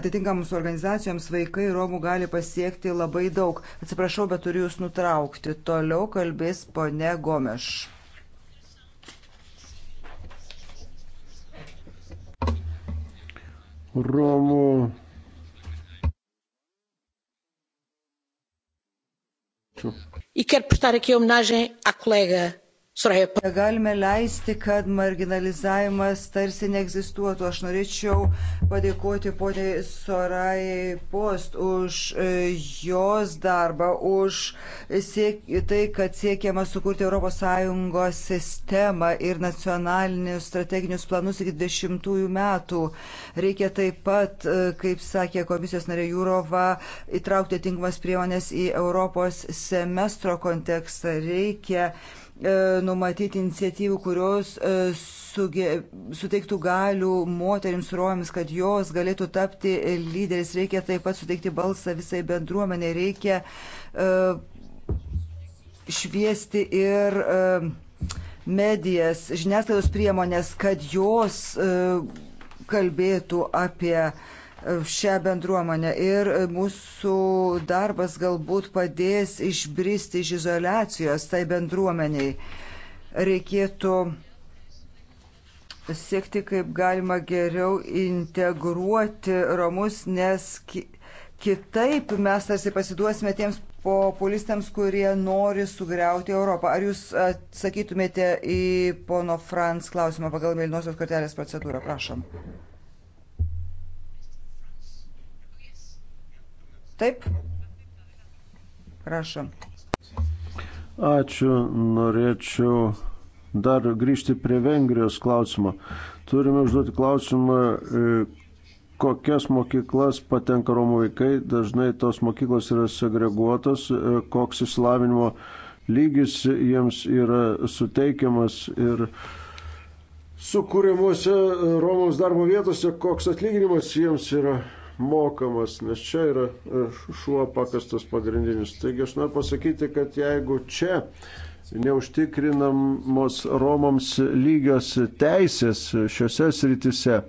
atitinkamus organizacijoms, vaikai Romų gali pasiekti labai daug. Atsiprašau, bet turiu jūs nutraukti. Toliau kalbės pone Gomeš. Romų. E quero prestar aqui homenagem à colega Galime leisti, kad marginalizavimas tarsi neegzistuotų. Aš norėčiau padėkoti poniai Sorajai Post už e, jos darbą, už siek, tai, kad siekiama sukurti ES sistemą ir nacionalinius strateginius planus iki 20 metų. Reikia taip pat, e, kaip sakė komisijos narė Jūrova, įtraukti tinkamas priemonės į Europos semestro kontekstą. Reikia E, numatyti iniciatyvų, kurios e, suge, suteiktų galių moteriams ruomis, kad jos galėtų tapti lyderis. Reikia taip pat suteikti balsą visai bendruomenė, reikia e, šviesti ir medijas, žiniasklaidos priemonės, kad jos kalbėtų apie uh, šią bendruomenę ir mūsų darbas galbūt padės išbristi iš izolacijos tai bendruomeniai. Reikėtų siekti kaip galima geriau integruoti romus, nes kitaip mes tarsi pasiduosime tiems populistams, kurie nori sugriauti Europą. Ar jūs atsakytumėte į pono Franz klausimą pagal Melinosios kortelės procedūrą? Prašom. Taip? Prašom. Ačiū. Norėčiau dar grįžti prie Vengrijos klausimo. Turime užduoti klausimą, e, kokias mokyklas patenka romų vaikai. Dažnai tos mokyklos yra segreguotos, e, koks įsilavinimo lygis jiems yra suteikiamas ir sukūrimuose e, Romos darbo vietose, koks atlyginimas jiems yra mokamas, nes čia yra e, šuo pakastas pagrindinis. Taigi aš noriu pasakyti, kad jeigu čia neužtikrinamos Romams lygios teisės šiuose sritise,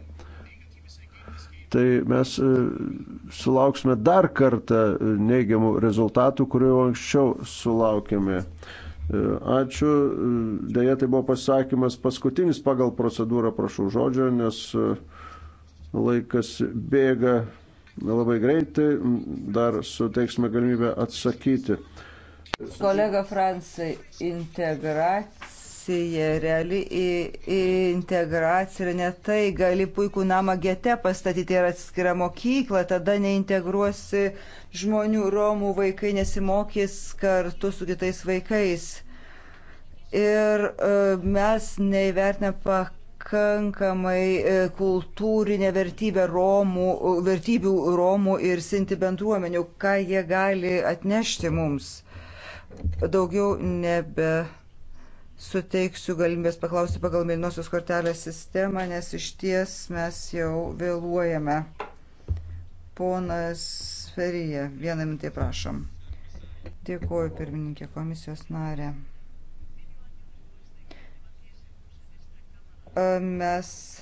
tai mes e, sulauksime dar kartą neigiamų rezultatų, kurių anksčiau sulaukėme. E, ačiū. Deja, tai buvo pasakymas paskutinis pagal procedūrą, prašau žodžio, nes laikas bėga labai greitai, dar suteiksime galimybę atsakyti. Kolega Fransai, integracija, reali integracija yra ne tai, gali puikų namą gete pastatyti ir atskirą mokyklą, tada neintegruosi žmonių, romų vaikai nesimokys kartu su kitais vaikais. Ir e, mes neįvertiname pakankamai pakankamai e, kultūrinė vertybė Romų, e, vertybių Romų ir Sinti bendruomenių, ką jie gali atnešti mums. Daugiau nebe suteiksiu galimybės paklausti pagal mėlynosios kortelės sistemą, nes iš ties mes jau vėluojame. Ponas Ferija, vieną minutę prašom. Dėkuoju pirmininkė komisijos narė. mes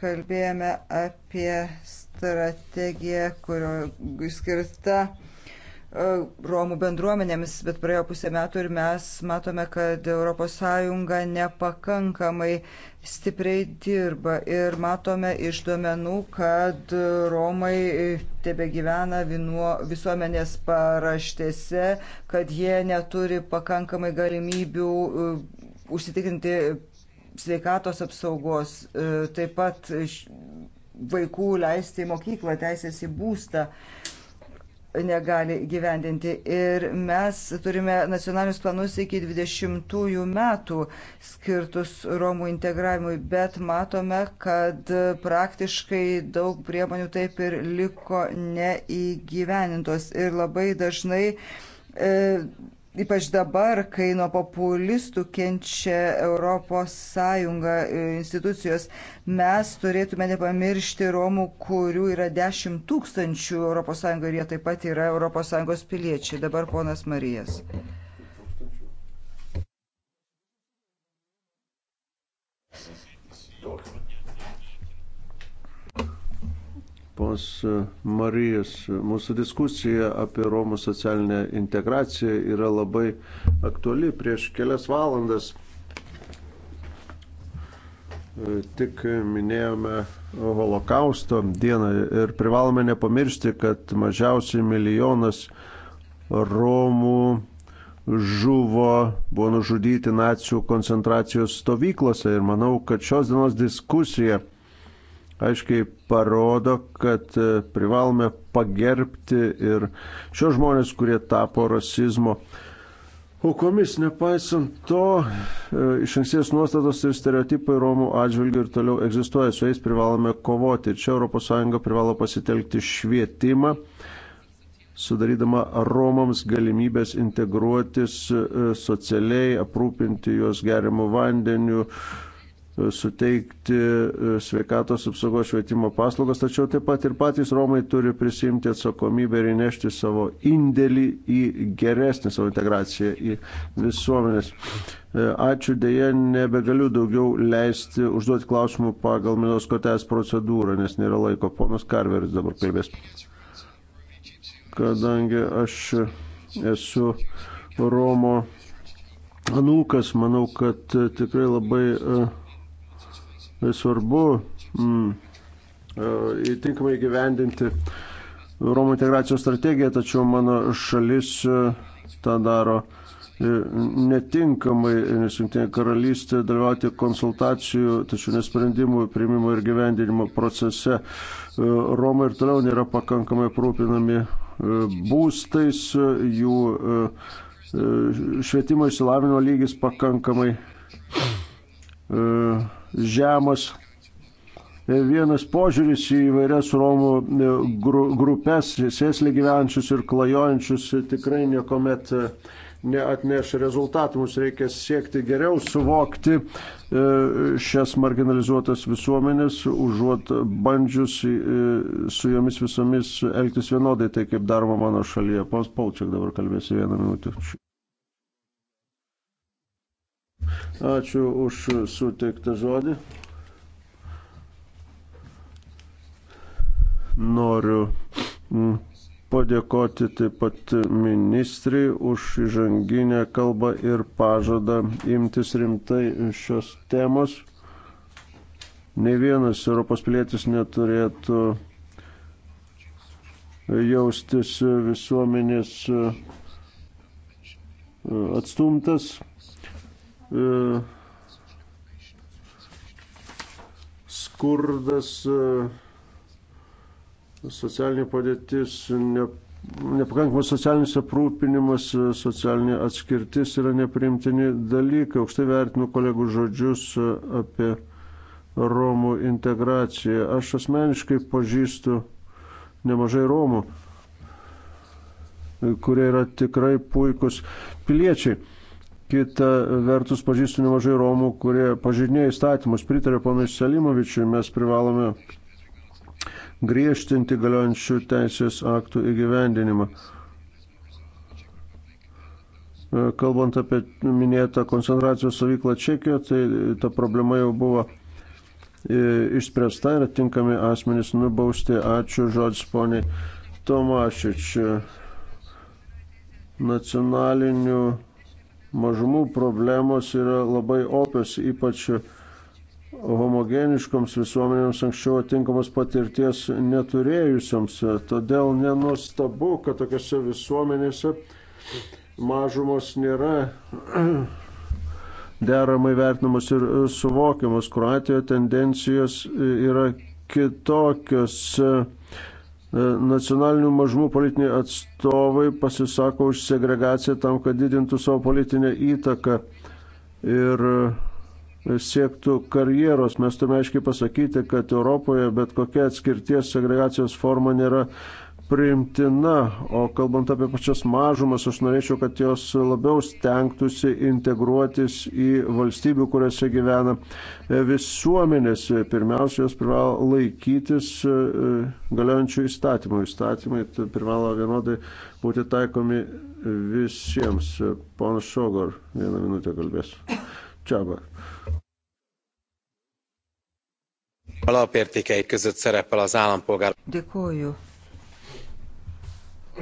kalbėjome apie strategiją, kurio skirta e, Romų bendruomenėmis, bet praėjo pusę metų ir mes matome, kad ES nepakankamai stipriai dirba ir matome iš duomenų, kad Romai tebe gyvena vienuo, visuomenės paraštėse, kad jie neturi pakankamai galimybių e, užsitikrinti sveikatos apsaugos, e, taip pat vaikų leisti į mokyklą, teisės į būstą negali gyvendinti. Ir mes turime nacionalinius planus iki 20 metų skirtus Romų integravimui, bet matome, kad praktiškai daug priemonių taip ir liko neįgyvenintos. Ir labai dažnai e, Ypač dabar, kai nuo populistų kenčia Europos Sąjunga e, institucijos, mes turėtume nepamiršti Romų, kurių yra 10 tūkstančių Europos Sąjungoje ir jie taip pat yra Europos Sąjungos piliečiai. Dabar ponas Marijas. pos Marijos. Mūsų diskusija apie Romų socialinę integraciją yra labai aktuali. Prieš kelias valandas e, tik minėjome holokausto dieną ir privalome nepamiršti, kad mažiausiai milijonas Romų žuvo, buvo nužudyti nacijų koncentracijos stovyklose ir manau, kad šios dienos diskusija aiškiai parodo, kad e, privalome pagerbti ir šios žmonės, kurie tapo rasizmo aukomis. Nepaisant to, e, iš anksties nuostatos ir stereotipai Romų atžvilgių ir toliau egzistuoja, su jais privalome kovoti. Čia ES privalo pasitelkti švietimą sudarydama Romams galimybės integruotis e, socialiai, aprūpinti juos geriamų vandenių, suteikti e, sveikatos apsaugos švietimo paslaugas, tačiau taip pat ir patys Romai turi prisimti atsakomybę ir įnešti savo indėlį į geresnį savo integraciją į visuomenės. E, ačiū dėje, nebegaliu daugiau leisti užduoti klausimų pagal Minos kotės procedūrą, nes nėra laiko. Ponas Karveris dabar kalbės. Kadangi aš esu Romo anūkas, manau, kad tikrai labai uh, svarbu mm, e, įtinkamai gyvendinti Romų integracijos strategiją, tačiau mano šalis e, tą daro e, netinkamai, nes Junktinė karalystė dalyvauti konsultacijų, tačiau nesprendimų priimimo ir gyvendinimo procese. Romai ir toliau nėra pakankamai aprūpinami būstais, jų švietimo išsilavinimo lygis pakankamai žemas. E, vienas požiūris į vairias Romų e, grupės, sėsliai gyvenčius ir klajojančius e, tikrai niekuomet neatneš rezultatų. Mums reikia siekti geriau suvokti šias marginalizuotas visuomenės, užuot bandžius su jomis visomis elgtis vienodai, tai kaip daroma mano šalyje. Pons Paučiak dabar kalbės vieną minutę. Ačiū už suteiktą žodį. Noriu mm, padėkoti taip pat ministrai už įžanginę kalbą ir pažadą imtis rimtai šios temos. Ne vienas Europos pilietis neturėtų jaustis visuomenės atstumtas E, skurdas, e, socialinė padėtis, nepakankamas socialinis aprūpinimas, e, socialinė atskirtis yra neprimtini dalykai. Aukštai vertinu kolegų žodžius apie Romų integraciją. Aš asmeniškai pažįstu nemažai Romų, kurie yra tikrai puikus piliečiai. Kita vertus pažįstu nemažai Romų, kurie pažydinėjo įstatymus, pritarė ponui Selimovičiui, mes privalome griežtinti galiojančių teisės aktų įgyvendinimą. E, kalbant apie minėtą koncentracijos stovyklą Čekijoje, tai ta problema jau buvo e, išspręsta ir tinkami asmenys nubausti. Ačiū žodis poniai Tomašič. Nacionalinių mažumų problemos yra labai opios, ypač homogeniškoms visuomenėms anksčiau atinkamos patirties neturėjusiams. Todėl nenustabu, kad tokiuose visuomenėse mažumos nėra deramai vertinamos ir suvokiamos. Kroatijoje tendencijos yra kitokios. E, nacionalinių mažumų politiniai atstovai pasisako už segregaciją tam, kad didintų savo politinę įtaką ir e, siektų karjeros. Mes turime aiškiai pasakyti, kad Europoje bet kokia atskirties segregacijos forma nėra priimtina, o kalbant apie pačias mažumas, aš norėčiau, kad jos labiau stengtųsi integruotis į valstybių, kuriuose gyvena visuomenės. Pirmiausia, jos privalo laikytis e, galiojančių įstatymų. Įstatymai privalo vienodai būti taikomi visiems. Ponas Šogor, vieną minutę kalbės. Čia. Alapértékeik között szerepel az állampolgár. Dėkuoju.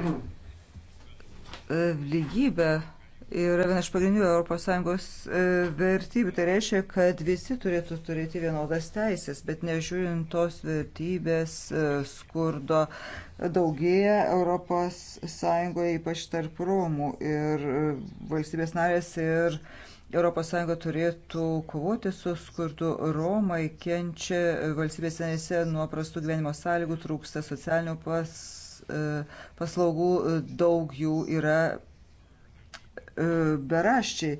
E, lygybė yra viena iš pagrindinių ES e, vertybių. Tai reiškia, kad visi turėtų turėti vienodas teisės, bet nežiūrint tos vertybės e, skurdo daugėja ES, ypač tarp Romų ir valstybės narės ir ES turėtų kovoti su skurdu. Romai kenčia valstybės senėse nuo prastų gyvenimo sąlygų, trūksta socialinių pas E, paslaugų, e, daug jų yra e, beraščiai.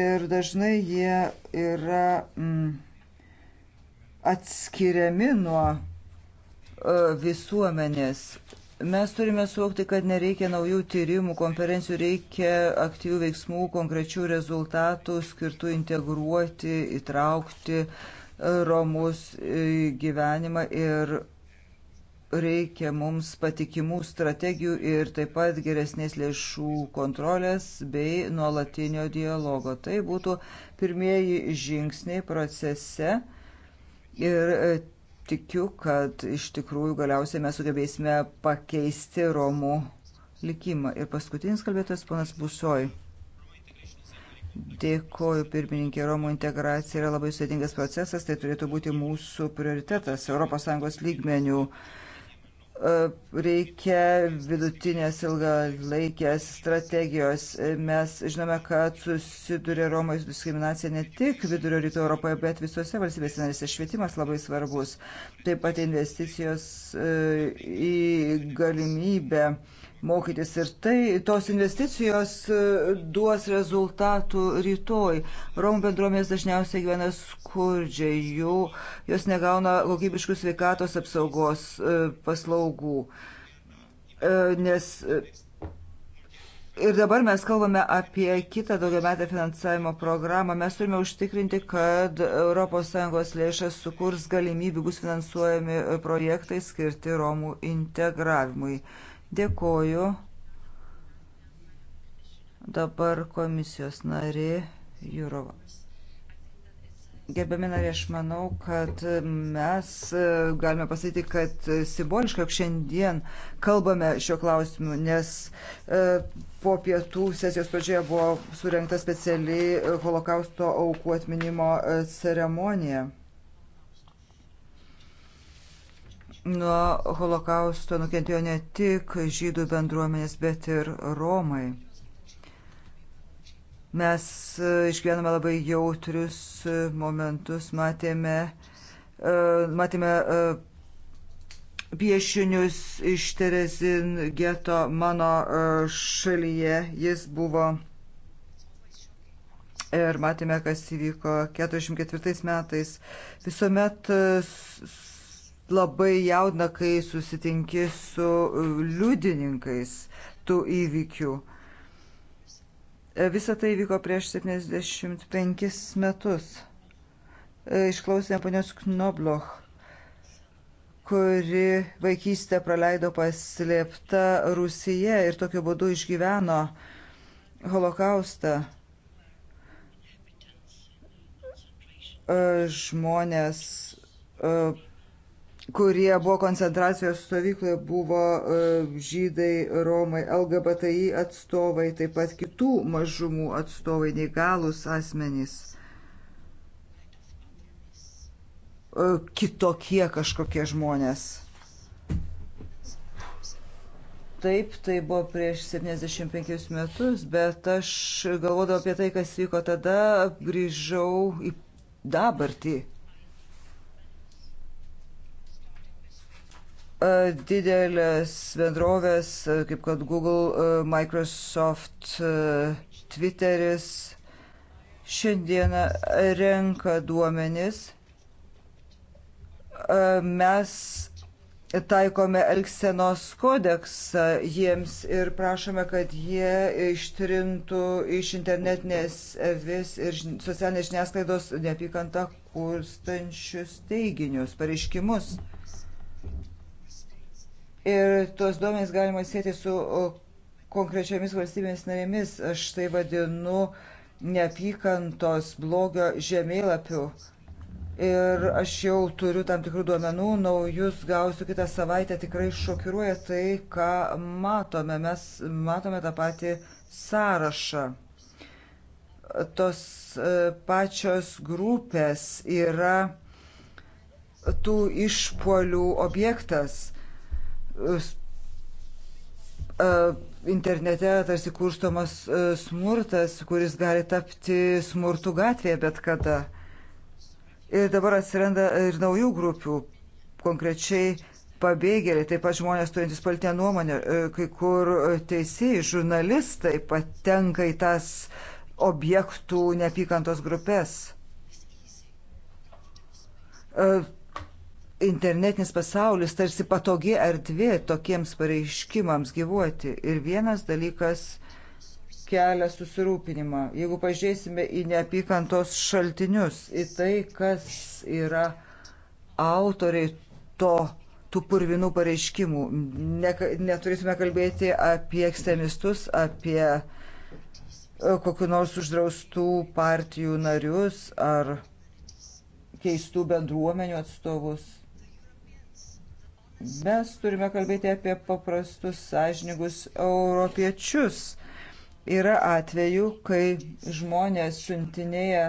Ir dažnai jie yra mm, atskiriami nuo visuomenės. Mes turime suvokti, kad nereikia naujų tyrimų, konferencijų, reikia aktyvių veiksmų, konkrečių rezultatų, skirtų integruoti, įtraukti Romus gyvenimą ir reikia mums patikimų strategijų ir taip pat geresnės lėšų kontrolės bei nuolatinio dialogo. Tai būtų pirmieji žingsniai procese ir e, tikiu, kad iš tikrųjų galiausiai mes sugebėsime pakeisti Romų likimą. Ir paskutinis kalbėtojas ponas Busoj. Dėkoju pirmininkė, Romų integracija yra labai sudėtingas procesas, tai turėtų būti mūsų prioritetas ES lygmenių. E, reikia vidutinės ilgalaikės strategijos. Mes žinome, kad susiduria Romai su diskriminacija ne tik vidurio rytų Europoje, bet visose valstybėse narėse. Švietimas labai svarbus. Taip pat investicijos e, į galimybę mokytis. Ir tai, tos investicijos e, duos rezultatų rytoj. Romų bendruomenės dažniausiai gyvena skurdžiai, jų, jos negauna kokybiškų sveikatos apsaugos e, paslaugų. E, nes Ir dabar mes kalbame apie kitą daugiametę finansavimo programą. Mes turime užtikrinti, kad ES lėšas sukurs galimybių, bus finansuojami projektai skirti Romų integravimui. Dėkoju. Dabar komisijos narė Jurova. Gerbiami narė, aš manau, kad mes galime pasakyti, kad simboliškai, jog šiandien kalbame šio klausimu, nes e, po pietų sesijos pradžioje buvo surinkta speciali holokausto aukų atminimo e, ceremonija. Nuo holokausto nukentėjo ne tik žydų bendruomenės, bet ir Romai. Mes e, išgyvename labai jautrius e, momentus, matėme, e, matėme piešinius iš Terezin geto mano šalyje. Jis buvo ir matėme, kas įvyko 44 metais. Visuomet labai jaudina, kai susitinki su e, liudininkais tų įvykių. E, Visą tai vyko prieš 75 metus. E, išklausėme ponios Knobloch kuri vaikystę praleido paslėpta Rusija ir tokiu būdu išgyveno holokaustą. Žmonės kurie buvo koncentracijos stovykloje, buvo e, žydai, romai, LGBTI atstovai, taip pat kitų mažumų atstovai, neįgalus asmenys, e, kitokie kažkokie žmonės. Taip, tai buvo prieš 75 metus, bet aš galvodavau apie tai, kas vyko tada, grįžau į dabartį didelės bendrovės, kaip kad Google, Microsoft, Twitteris, šiandieną renka duomenis. Mes taikome Elksenos kodeksą jiems ir prašome, kad jie ištrintų iš internetinės vis ir socialinės žiniasklaidos neapykantą kurstančius teiginius, pareiškimus. Mm ir tuos duomenys galima sėti su konkrečiamis valstybėmis narėmis. Aš tai vadinu neapykantos blogio žemėlapiu. Ir aš jau turiu tam tikrų duomenų, naujus gausiu kitą savaitę, tikrai šokiruoja tai, ką matome. Mes matome tą patį sąrašą. Tos e, pačios grupės yra tų išpolių objektas internete tarsi kurstomas smurtas, kuris gali tapti smurtų gatvėje bet kada. Ir dabar atsiranda ir naujų grupių, konkrečiai pabėgėliai, taip pat žmonės turintys politinę nuomonę, kai kur teisėjai, žurnalistai patenka į tas objektų neapykantos grupės internetinis pasaulis tarsi patogi erdvė tokiems pareiškimams gyvuoti. Ir vienas dalykas kelia susirūpinimą. Jeigu pažiūrėsime į neapykantos šaltinius, į tai, kas yra autoriai to, tų purvinų pareiškimų, ne, neturėtume kalbėti apie ekstremistus, apie e, kokiu nors uždraustų partijų narius ar keistų bendruomenių atstovus Mes turime kalbėti apie paprastus, sąžiningus europiečius. Yra atvejų, kai žmonės siuntinėja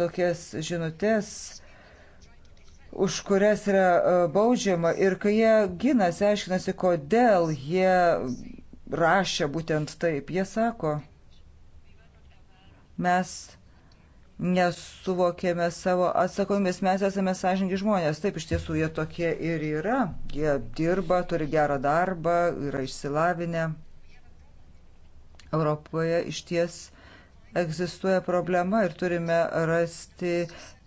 tokias žinutės, už kurias yra e, baudžiama ir kai jie ginasi, aiškinasi, kodėl jie rašė būtent taip. Jie sako, mes nesuvokėme savo atsakomybės. Mes esame sąžininkai žmonės. Taip, iš tiesų jie tokie ir yra. Jie dirba, turi gerą darbą, yra išsilavinę. Europoje iš ties egzistuoja problema ir turime rasti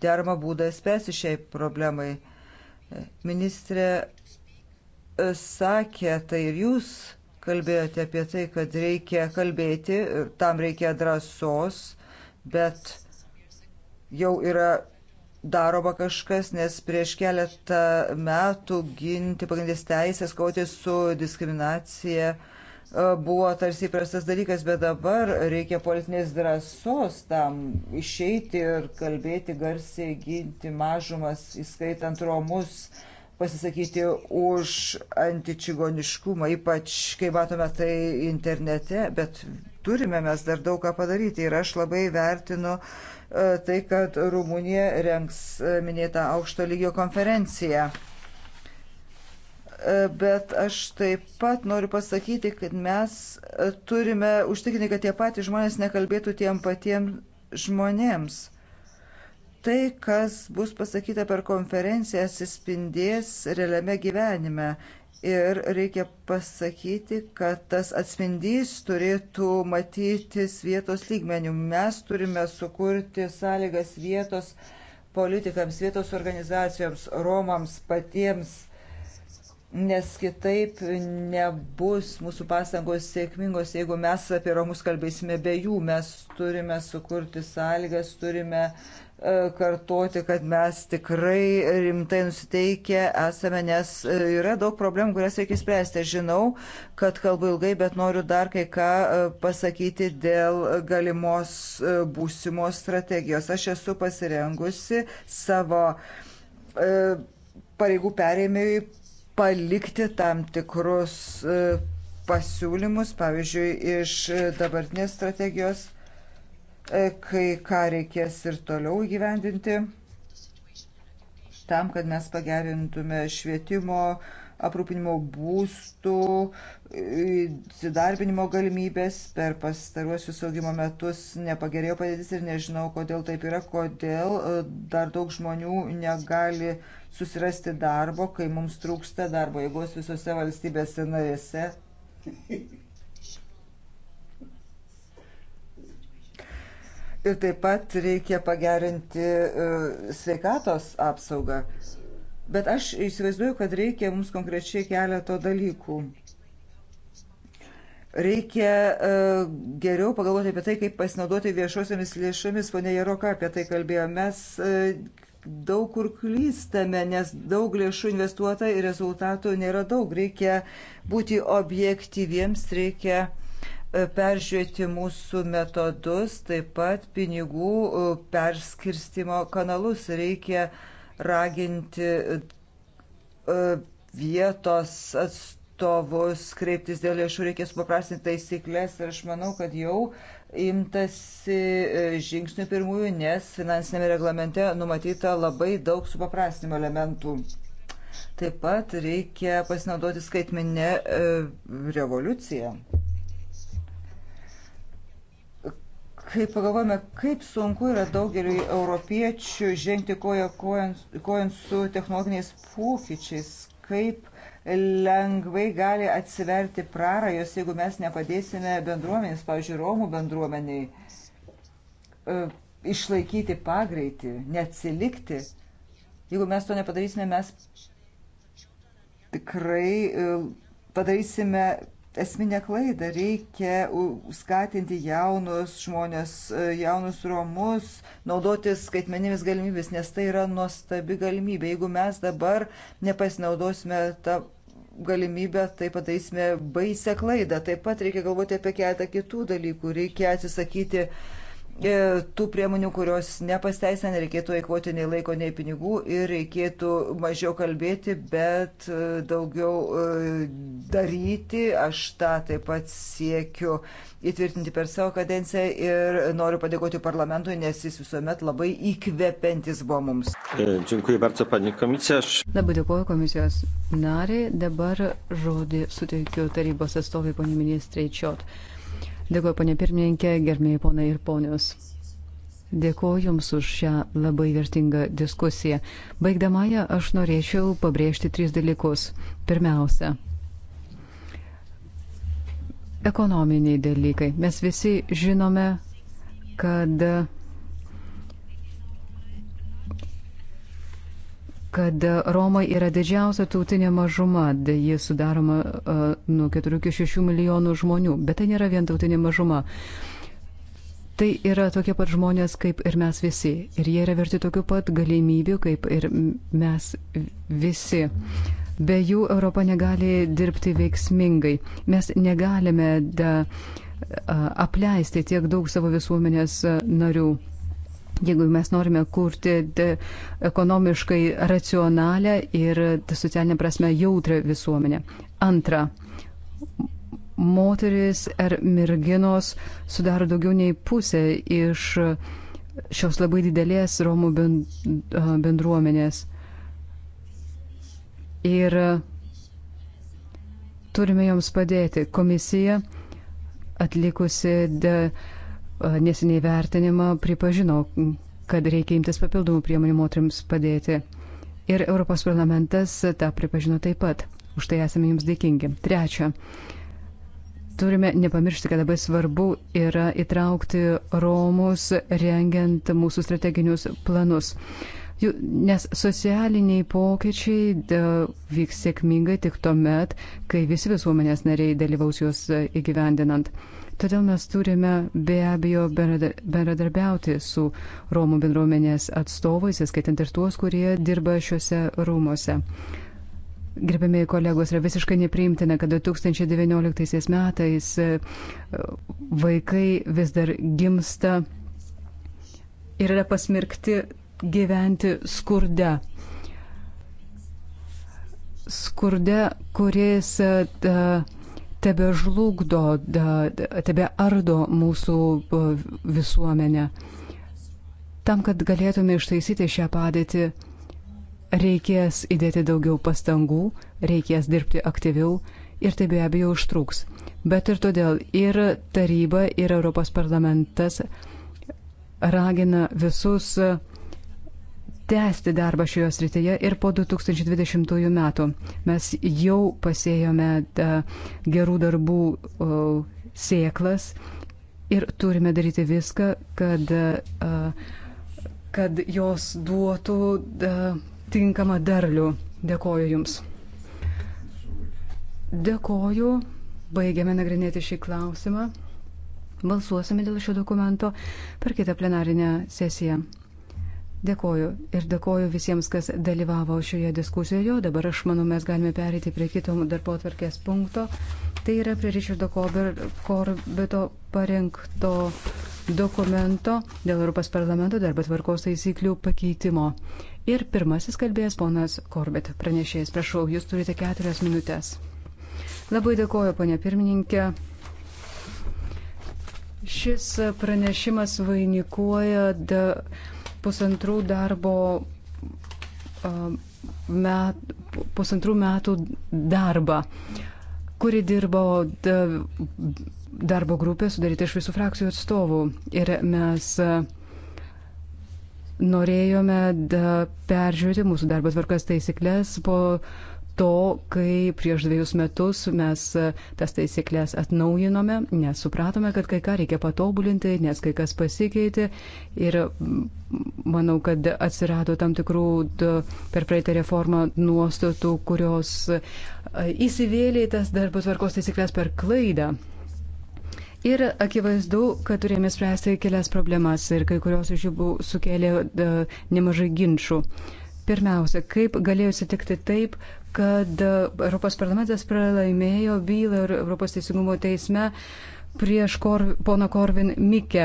deramą būdą spėsi šiai problemai. Ministrė e, sakė, tai ir jūs kalbėjote apie tai, kad reikia kalbėti, tam reikia drąsos, bet jau yra daroma kažkas, nes prieš keletą metų ginti pagrindės teisės, kovoti su diskriminacija e, buvo tarsi įprastas dalykas, bet dabar reikia politinės drąsos tam išeiti ir kalbėti garsiai, ginti mažumas, įskaitant romus, pasisakyti už antičigoniškumą, ypač kai matome tai internete, bet turime mes dar daug ką padaryti ir aš labai vertinu uh, E, tai, kad Rumunija rengs e, minėtą aukšto lygio konferenciją. E, bet aš taip pat noriu pasakyti, kad mes turime užtikrinti, kad tie patys žmonės nekalbėtų tiem patiem žmonėms. Tai, kas bus pasakyta per konferenciją, atsispindės realiame gyvenime Ir reikia pasakyti, kad tas atspindys turėtų matytis vietos lygmenių. Mes turime sukurti sąlygas vietos politikams, vietos organizacijoms, Romams patiems, nes kitaip nebus mūsų pastangos sėkmingos, jeigu mes apie Romus kalbėsime be jų. Mes turime sukurti sąlygas, turime uh, E, kartoti, kad mes tikrai rimtai nusiteikę esame, nes e, yra daug problemų, kurias reikia spręsti. Žinau, kad kalbu ilgai, bet noriu dar kai ką e, pasakyti dėl galimos būsimos strategijos. Aš esu pasirengusi savo pareigų perėmėjui palikti tam tikrus pasiūlymus, pavyzdžiui, iš dabartinės strategijos E, kai ką reikės ir toliau gyvendinti, tam, kad mes pagerintume švietimo, aprūpinimo būstų, įsidarbinimo galimybės per pastaruosius augimo metus nepagerėjo padėtis ir nežinau, kodėl taip yra, kodėl e, dar daug žmonių negali susirasti darbo, kai mums trūksta darbo jėgos visose valstybėse narėse. Ir taip pat reikia pagerinti e, sveikatos apsaugą. Bet aš įsivaizduoju, kad reikia mums konkrečiai keleto dalykų. Reikia uh, geriau pagalvoti apie tai, kaip pasinaudoti viešosiamis lėšomis. Pone Jaroka apie tai kalbėjo. Mes uh, daug kur klystame, nes daug lėšų investuota ir rezultatų nėra daug. Reikia būti objektyviems, reikia uh, E, peržiūrėti mūsų metodus, taip pat pinigų e, perskirstimo kanalus. Reikia raginti e, vietos atstovus, kreiptis dėl lėšų, reikia supaprastinti taisyklės ir aš manau, kad jau imtasi žingsnių pirmųjų, nes finansinėme reglamente numatyta labai daug supaprastinimo elementų. Taip pat reikia pasinaudoti skaitminę revoliuciją. Kai pagalvojame, kaip sunku yra daugeliui europiečių žengti koją kojant su technologiniais pokyčiais, kaip lengvai gali atsiverti prarajos, jeigu mes nepadėsime bendruomenės, pavyzdžiui, Romų bendruomeniai, e, išlaikyti pagreitį, neatsilikti. Jeigu mes to nepadarysime, mes tikrai e, padarysime esminę klaidą. Reikia skatinti jaunus žmonės, e, jaunus romus, naudotis skaitmenėmis galimybės, nes tai yra nuostabi galimybė. Jeigu mes dabar nepasinaudosime tą galimybę, tai padarysime baisę klaidą. Taip pat reikia galvoti apie keletą kitų dalykų. Reikia atsisakyti uh, E, tų priemonių, kurios nepasteisina, nereikėtų eikvoti nei laiko, nei pinigų ir reikėtų mažiau kalbėti, bet e, daugiau e, daryti. Aš tą taip pat siekiu įtvirtinti per savo kadenciją ir noriu padėkoti parlamentui, nes jis visuomet labai įkvepiantis buvo mums. Dėkui, Barca, panė komisija. Labai dėkuoju komisijos nariai. Dabar žodį suteikiu tarybos atstovai, panė ministrė Čiot. Dėkuoju, ponė pirmininkė, gerbėjai ponai ir ponios. Dėkuoju Jums už šią labai vertingą diskusiją. Baigdamąją aš norėčiau pabrėžti tris dalykus. Pirmiausia, ekonominiai dalykai. Mes visi žinome, kad kad Romai yra didžiausia tautinė mažuma, tai jie sudaroma uh, nuo 4 iki 6 milijonų žmonių, bet tai nėra vien tautinė mažuma. Tai yra tokie pat žmonės kaip ir mes visi, ir jie yra verti tokių pat galimybių kaip ir mes visi. Be jų Europa negali dirbti veiksmingai. Mes negalime da, uh, apleisti tiek daug savo visuomenės narių. Jeigu mes norime kurti ekonomiškai racionalę ir socialinę prasme jautrę visuomenę. Antra, moteris ar merginos sudaro daugiau nei pusę iš šios labai didelės Romų bendruomenės. Ir turime joms padėti. Komisija atlikusi de, uh, E, nesiniai vertinimą pripažino, kad reikia imtis papildomų priemonių moteriams padėti. Ir Europos parlamentas tą pripažino taip pat. Už tai esame jums dėkingi. Trečia, turime nepamiršti, kad labai svarbu yra įtraukti Romus rengiant mūsų strateginius planus. Nes socialiniai pokyčiai da, e, vyks sėkmingai tik tuo met, kai visi visuomenės nariai dalyvaus juos e, įgyvendinant. Uh, Todėl mes turime be abejo bendradarbiauti su Romų bendruomenės atstovais, įskaitant ir tuos, kurie dirba šiuose rūmose. Gerbėmiai kolegos, yra visiškai nepriimtina, kad 2019 metais e, vaikai vis dar gimsta ir yra pasmirkti gyventi skurde. Skurde, kuris. Uh, tebe žlugdo, tebe ardo mūsų e, visuomenę. Tam, kad galėtume ištaisyti šią padėtį, reikės įdėti daugiau pastangų, reikės dirbti aktyviau ir tai be abejo užtruks. Bet ir todėl ir taryba, ir Europos parlamentas ragina visus uh, tęsti darbą šioje srityje ir po 2020 metų. Mes jau pasėjome e, gerų darbų e, sėklas ir turime daryti viską, kad, e, kad jos duotų tinkamą derlių. Dėkoju Jums. Dėkoju. Baigiame nagrinėti šį klausimą. Balsuosime dėl šio dokumento per kitą plenarinę sesiją. Dėkoju ir dėkoju visiems, kas dalyvavo šioje diskusijoje. Dabar aš manau, mes galime perėti prie kito darbo atvarkės punkto. Tai yra prie Richardo Korbito parengto dokumento dėl Europos parlamento darbo tvarkos taisyklių pakeitimo. Ir pirmasis kalbėjęs ponas Korbit, pranešėjas, prašau, jūs turite keturias minutės. Labai dėkoju, ponė pirmininkė. Šis pranešimas vainikuoja. De... Da pusantrų darbo met, pusantrų metų darbą, kuri dirbo darbo grupė sudaryta iš visų frakcijų atstovų. Ir mes norėjome peržiūrėti mūsų darbo tvarkas taisyklės po to, kai prieš dviejus metus mes tas taisyklės atnaujinome, nes supratome, kad kai ką reikia patobulinti, nes kai kas pasikeitė ir manau, kad atsirado tam tikrų per praeitą reformą nuostatų, kurios įsivėlė į tas darbo tvarkos taisyklės per klaidą. Ir akivaizdu, kad turėjome spręsti kelias problemas ir kai kurios iš jų sukėlė nemažai ginčių. Pirmiausia, kaip galėjo atsitikti taip, kad Europos parlamentas pralaimėjo bylą Europos teisingumo teisme prieš Kor, pono Korvin Mikę.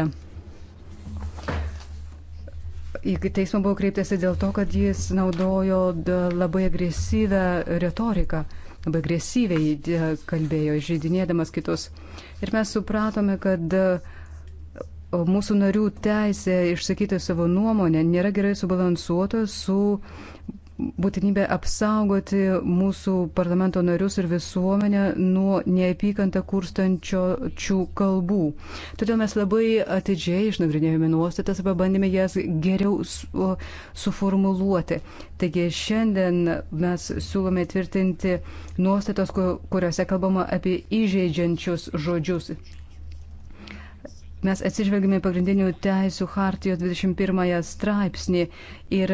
Į teismą buvo kreiptasi dėl to, kad jis naudojo labai agresyvę retoriką, labai agresyviai kalbėjo, žaidinėdamas kitus. Ir mes supratome, kad mūsų narių teisė išsakyti savo nuomonę nėra gerai subalansuota su būtinybę apsaugoti mūsų parlamento narius ir visuomenę nuo neapykantą kurstančių kalbų. Todėl mes labai atidžiai išnagrinėjome nuostatas ir pabandėme jas geriau su, suformuluoti. Taigi šiandien mes siūlome tvirtinti nuostatos, kuriuose kalbama apie įžeidžiančius žodžius mes atsižvelgime pagrindinių teisų hartijos 21 straipsnį ir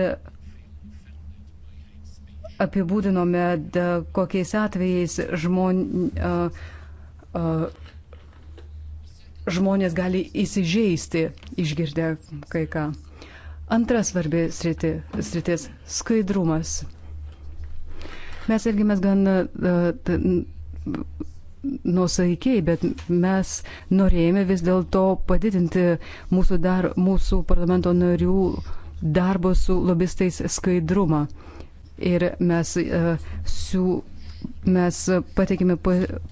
apibūdinome, da, kokiais atvejais žmon, a, a, žmonės gali įsižeisti išgirdę kai ką. Antras svarbi sriti, sritis - skaidrumas. Mes elgiamės gan nusaikiai, bet mes norėjome vis dėlto padidinti mūsų, dar, mūsų parlamento narių darbo su lobistais skaidrumą ir mes, e, siū, mes pateikėme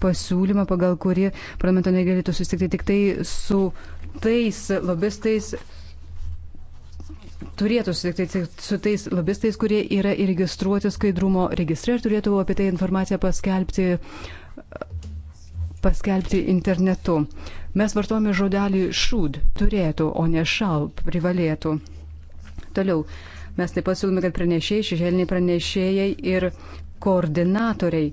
pasiūlymą, pagal kurį parlamento negalėtų susitikti tik tai su tais lobistais. Turėtų susitikti su tais lobistais, kurie yra įregistruoti skaidrumo registre ir turėtų apie tai informaciją paskelbti, paskelbti internetu. Mes vartojame žodelį šūd, turėtų, o ne šal, privalėtų. Toliau. Mes taip pat siūlome, kad pranešėjai, šešėliniai pranešėjai ir koordinatoriai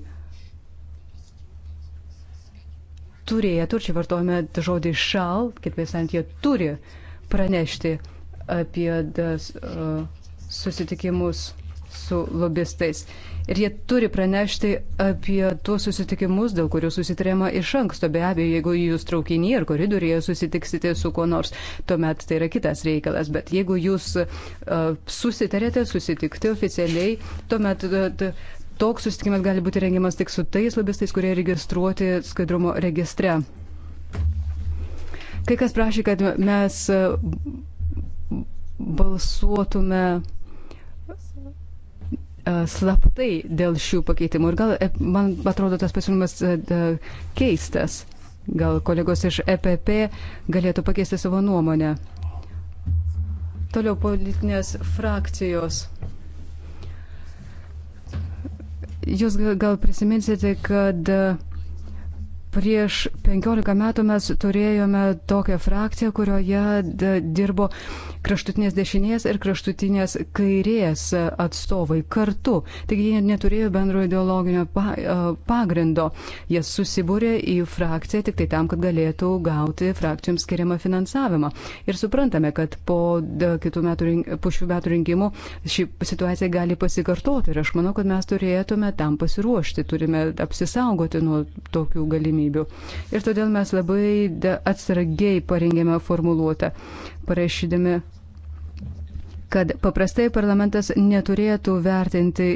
turėtų, ir čia vartojame žodį šal, kaip visant jie turi pranešti apie das, uh, susitikimus su lobistais. Ir jie turi pranešti apie tuos susitikimus, dėl kurių susitrėma iš anksto. Be abejo, jeigu jūs traukinyje ar koridoriuje susitiksite su kuo nors, tuomet tai yra kitas reikalas. Bet jeigu jūs uh, susitarėte susitikti oficialiai, tuomet uh, toks susitikimas gali būti rengiamas tik su tais lobistais, kurie registruoti skaidrumo registre. Kai kas prašė, kad mes e, balsuotume E, slaptai dėl šių pakeitimų. Ir gal, e, man atrodo, tas pasiūlymas e, keistas. Gal kolegos iš EPP galėtų pakeisti savo nuomonę. Toliau politinės frakcijos. Jūs gal prisiminsite, kad uh, Prieš 15 metų mes turėjome tokią frakciją, kurioje dirbo kraštutinės dešinės ir kraštutinės kairės atstovai kartu. Taigi jie neturėjo bendro ideologinio pagrindo. Jie susibūrė į frakciją tik tai tam, kad galėtų gauti frakcijoms skiriamą finansavimą. Ir suprantame, kad po, metų, po šių metų rinkimų ši situacija gali pasikartoti. Ir aš manau, kad mes turėtume tam pasiruošti, turime apsisaugoti nuo tokių galimybių galimybių. Ir todėl mes labai atsargiai parengėme formuluotę, parašydami kad paprastai parlamentas neturėtų vertinti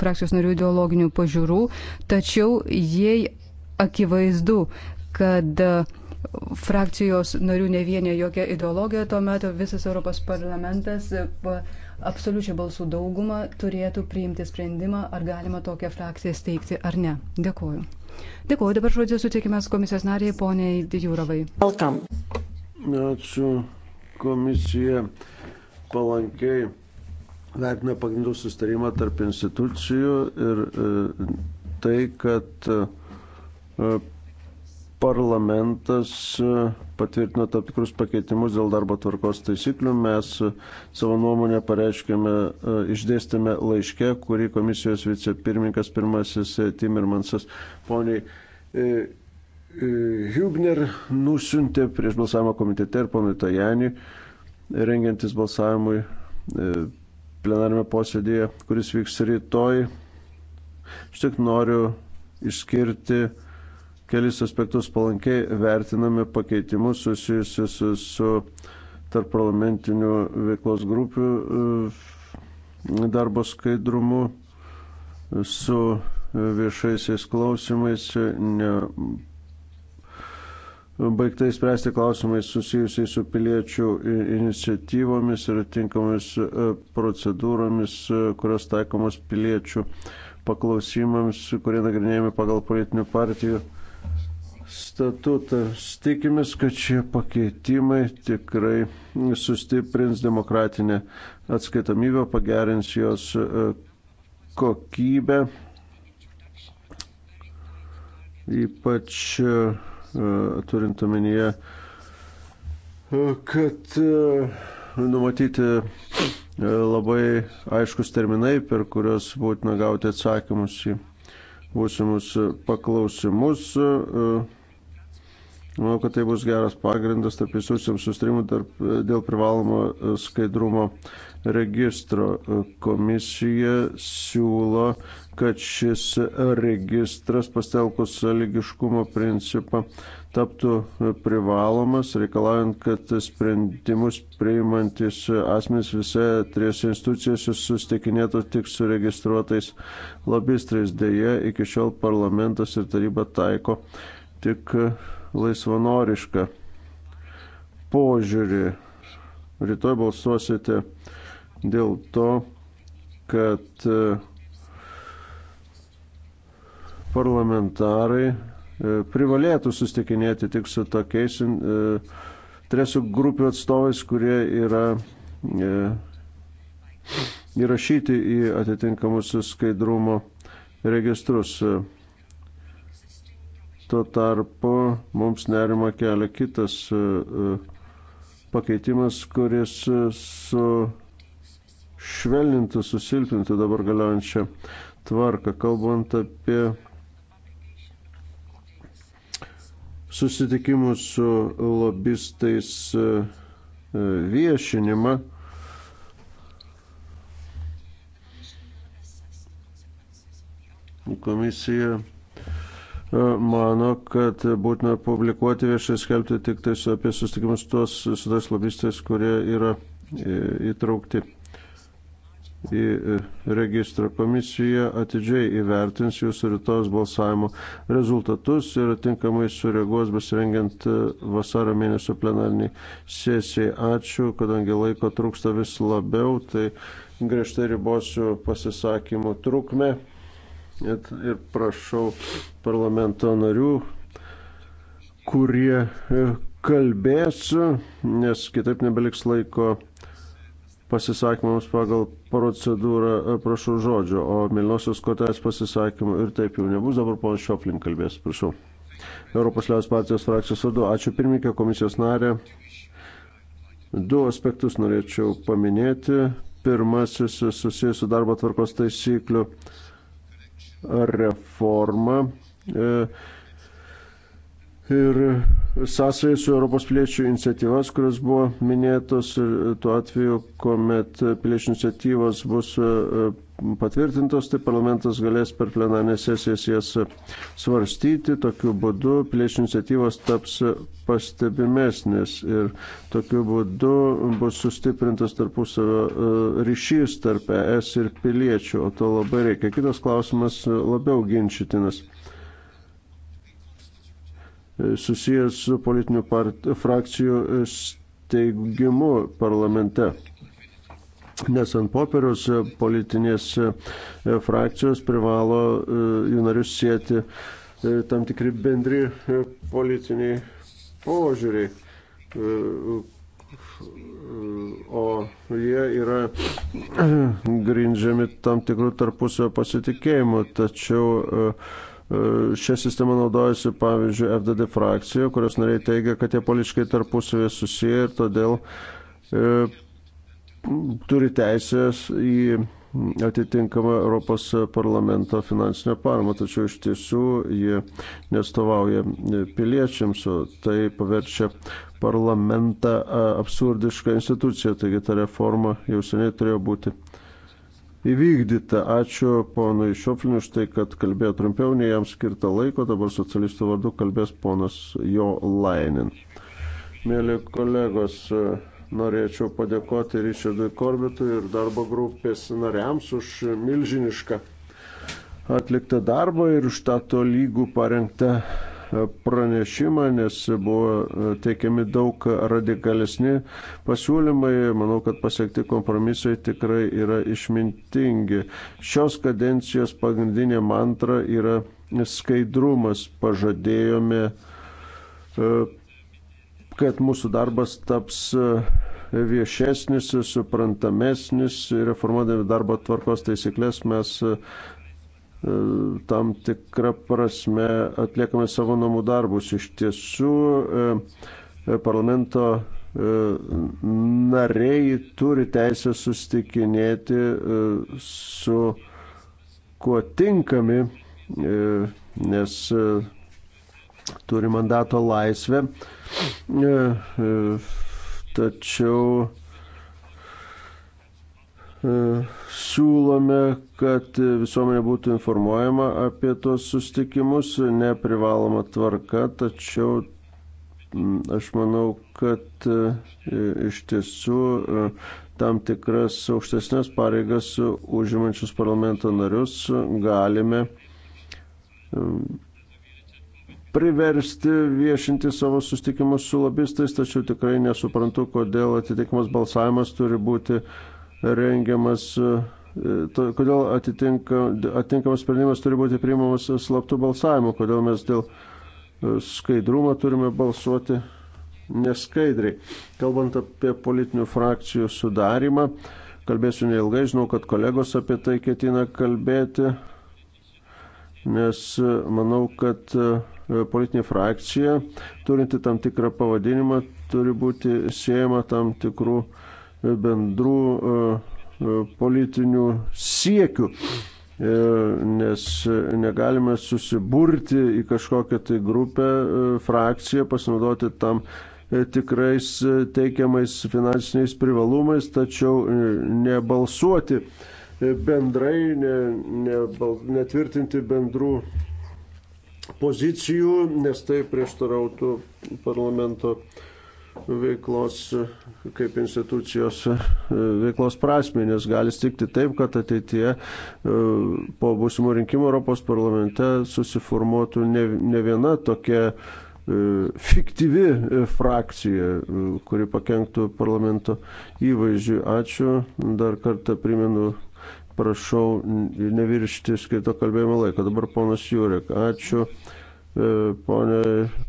frakcijos narių ideologinių pažiūrų, tačiau jei akivaizdu, kad e, frakcijos narių nevienė jokia ideologija, tuomet visas Europos parlamentas e, absoliučia balsų dauguma turėtų priimti sprendimą, ar galima tokią frakciją steigti ar ne. Dėkuoju. Dėkuoju, dabar žodžiu sutikimas komisijos nariai poniai Jūrovai. Welcome. Ačiū komisija palankiai vertina pagrindų sustarimą tarp institucijų ir e, tai, kad e, parlamentas e, patvirtino tam tikrus pakeitimus dėl darbo tvarkos taisyklių. Mes savo nuomonę pareiškėme, e, išdėstėme laiške, kurį komisijos vicepirmininkas pirmasis e, Timirmansas poniai Hübner nusintė prieš balsavimo komitete ir ponui Tajani, rengiantis balsavimui plenarime posėdėje, kuris vyks rytoj. Aš tik noriu išskirti kelis aspektus palankiai vertiname pakeitimus susijusius su, su tarp parlamentinių veiklos grupių e, darbo skaidrumu, su viešaisiais klausimais, ne, baigtai spręsti klausimais susijusiai su piliečių iniciatyvomis ir tinkamomis e, procedūromis, e, kurios taikomos piliečių paklausimams, kurie nagrinėjami pagal politinių partijų statutą. Tikimės, kad šie pakeitimai tikrai sustiprins demokratinę atskaitomybę, pagerins jos e, kokybę, ypač e, e, turint omenyje, kad numatyti labai aiškus terminai, per kurios būtina gauti atsakymus į būsimus paklausimus. Uh, Manau, kad tai bus geras pagrindas tarp institucijams sustrimų tarp, dėl privalomo e, skaidrumo registro. E, komisija siūlo, kad šis registras pastelkus lygiškumo principą taptų e, privalomas, reikalaujant, kad sprendimus priimantis asmenys visai trijose institucijose sustikinėtų tik su registruotais lobistrais. Deja, iki šiol parlamentas ir taryba taiko tik laisvanorišką požiūrį. Rytoj balsuosite dėl to, kad e, parlamentarai e, privalėtų sustikinėti tik su tokiais interesų e, grupių atstovais, kurie yra įrašyti į atitinkamus skaidrumo registrus. Tuo tarpu mums nerima kelia kitas e, e, pakeitimas, kuris sušvelnintų, susilpintų dabar galiojančią tvarką, kalbant apie susitikimus su lobistais e, viešinimą. Komisija mano, kad būtina publikuoti viešai skelbti tik tais apie susitikimus tuos su tais lobistais, kurie yra e, įtraukti į e, registrą. Komisija atidžiai įvertins jūsų rytojus balsavimo rezultatus ir tinkamai sureaguos besirengiant e, vasaro mėnesio plenarniai sesijai. Ačiū, kadangi laiko trūksta vis labiau, tai griežtai ribosiu pasisakymų trukmę ir prašau parlamento narių, kurie e, kalbės, nes kitaip nebeliks laiko pasisakymams pagal procedūrą, e, prašau žodžio, o Milnosios kortelės pasisakymų ir taip jau nebus, dabar ponas Šioplin kalbės, prašau. Europos Liaudės partijos frakcijos vardu, ačiū pirmininkė, komisijos narė. Du aspektus norėčiau paminėti. Pirmasis susijęs su darbo tvarkos taisyklių reforma e, ir sąsai su Europos piliečių iniciatyvas, kurios buvo minėtos ir tuo atveju, kuomet piliečių iniciatyvos bus e, patvirtintos, tai parlamentas galės per plenarinę sesiją jas svarstyti. Tokiu būdu piliečių iniciatyvos taps pastebimesnės ir tokiu būdu bus sustiprintas tarpusavio e, ryšys tarp ES ir piliečių, o to labai reikia. Kitas klausimas e, labiau ginčytinas e, susijęs su politinių part... frakcijų steigimu parlamente. Nes ant popieriaus politinės e, frakcijos privalo e, jų narius sėti e, tam tikri bendri politiniai požiūriai, o jie yra grindžiami tam tikrų tarpusio pasitikėjimų, tačiau Šią sistemą naudojasi, pavyzdžiui, FDD frakcija, kurios nariai teigia, kad jie politiškai tarpusavėje susiję ir todėl turi teisės į atitinkamą Europos parlamento finansinę paramą, tačiau iš tiesų ji nestovauja piliečiams, o tai paverčia parlamentą absurdišką instituciją, taigi ta reforma jau seniai turėjo būti įvykdyta. Ačiū ponui Šiofliniu už tai, kad kalbėjo trumpiau nei jam skirtą laiko, dabar socialistų vardu kalbės ponas Jo Lainin. Mėly kolegos, Norėčiau padėkoti Richardui Korbitui ir darbo grupės nariams už milžinišką atliktą darbą ir už tą tolygų parengtą pranešimą, nes buvo teikiami daug radikalesni pasiūlymai. Manau, kad pasiekti kompromisai tikrai yra išmintingi. Šios kadencijos pagrindinė mantra yra skaidrumas. Pažadėjome e, kad mūsų darbas taps e, viešesnis, suprantamesnis, reformuodami darbo tvarkos taisyklės mes e, e, tam tikrą prasme atliekame savo namų darbus. Iš tiesų parlamento nariai turi teisę sustikinėti su kuo tinkami, nes turi mandato laisvę, e, e, tačiau e, siūlome, kad visuomenė būtų informuojama apie tos sustikimus, neprivaloma tvarka, tačiau aš manau, kad iš tiesų tam tikras aukštesnės pareigas užimančius parlamento narius galime priversti viešinti savo sustikimus su lobistais, tačiau tikrai nesuprantu, kodėl atitikimas balsavimas turi būti rengiamas, e, kodėl atitinka, atitinkamas sprendimas turi būti priimamas slaptų balsavimų, kodėl mes dėl e, skaidrumo turime balsuoti neskaidriai. Kalbant apie politinių frakcijų sudarimą, kalbėsiu neilgai, žinau, kad kolegos apie tai ketina kalbėti, nes e, manau, kad politinė frakcija, turinti tam tikrą pavadinimą, turi būti siejama tam tikrų e, bendrų e, e, politinių siekių, nes negalime susiburti į kažkokią tai grupę, frakciją, pasinaudoti tam tikrais teikiamais finansiniais privalumais, tačiau nebalsuoti bendrai, ne, ne, netvirtinti bendrų pozicijų, nes tai prieštarautų parlamento veiklos kaip institucijos e, veiklos prasme, nes gali stikti taip, kad ateityje e, po būsimų rinkimų Europos parlamente susiformuotų ne, ne viena tokia e, fiktyvi frakcija, kuri pakenktų parlamento įvaizdžiui. Ačiū. Dar kartą primenu prašau neviršti skirto kalbėjimo laiko. Dabar ponas Jurek, ačiū. E, Pone,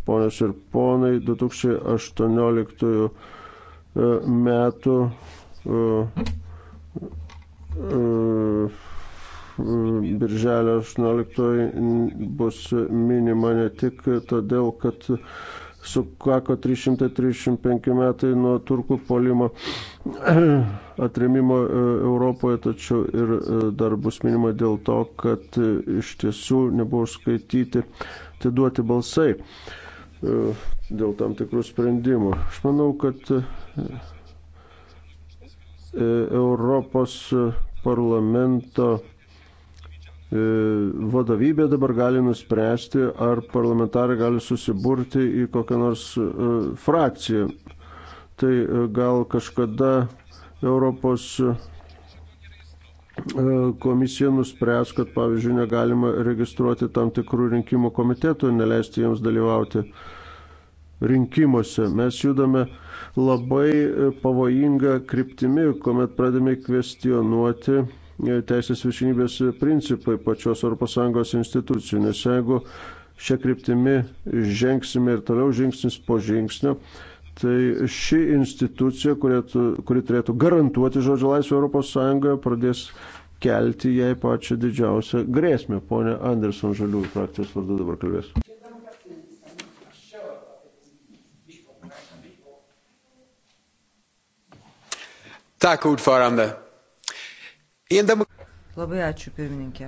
ponės ir ponai, 2018 e, metų e, Birželio 18 bus minima ne tik todėl, kad sukako 335 metai nuo turkų polimo atremimo e, Europoje, tačiau ir e, dar bus minima dėl to, kad e, iš tiesų nebuvo skaityti, atiduoti balsai dėl tam tikrų sprendimų. Aš manau, kad Europos parlamento E, vadovybė dabar gali nuspręsti, ar parlamentarai gali susiburti į kokią nors e, frakciją. Tai e, gal kažkada Europos komisija nuspręs, kad pavyzdžiui negalima registruoti tam tikrų rinkimų komitetų ir neleisti jiems dalyvauti rinkimuose. Mes judame labai pavojingą kryptimį, kuomet pradėme kvestionuoti E, teisės viršinybės principai pačios ES institucijų, nes jeigu šią kryptimį žengsime ir toliau žingsnis po žingsnio, tai ši institucija, kuri, kuri turėtų garantuoti žodžio laisvę ES, pradės kelti jai pačią didžiausią grėsmę. Pone Anderson Žaliųjų frakcijos vardu dabar kalbės. Tack ordförande. Labai ačiū, pirmininkė.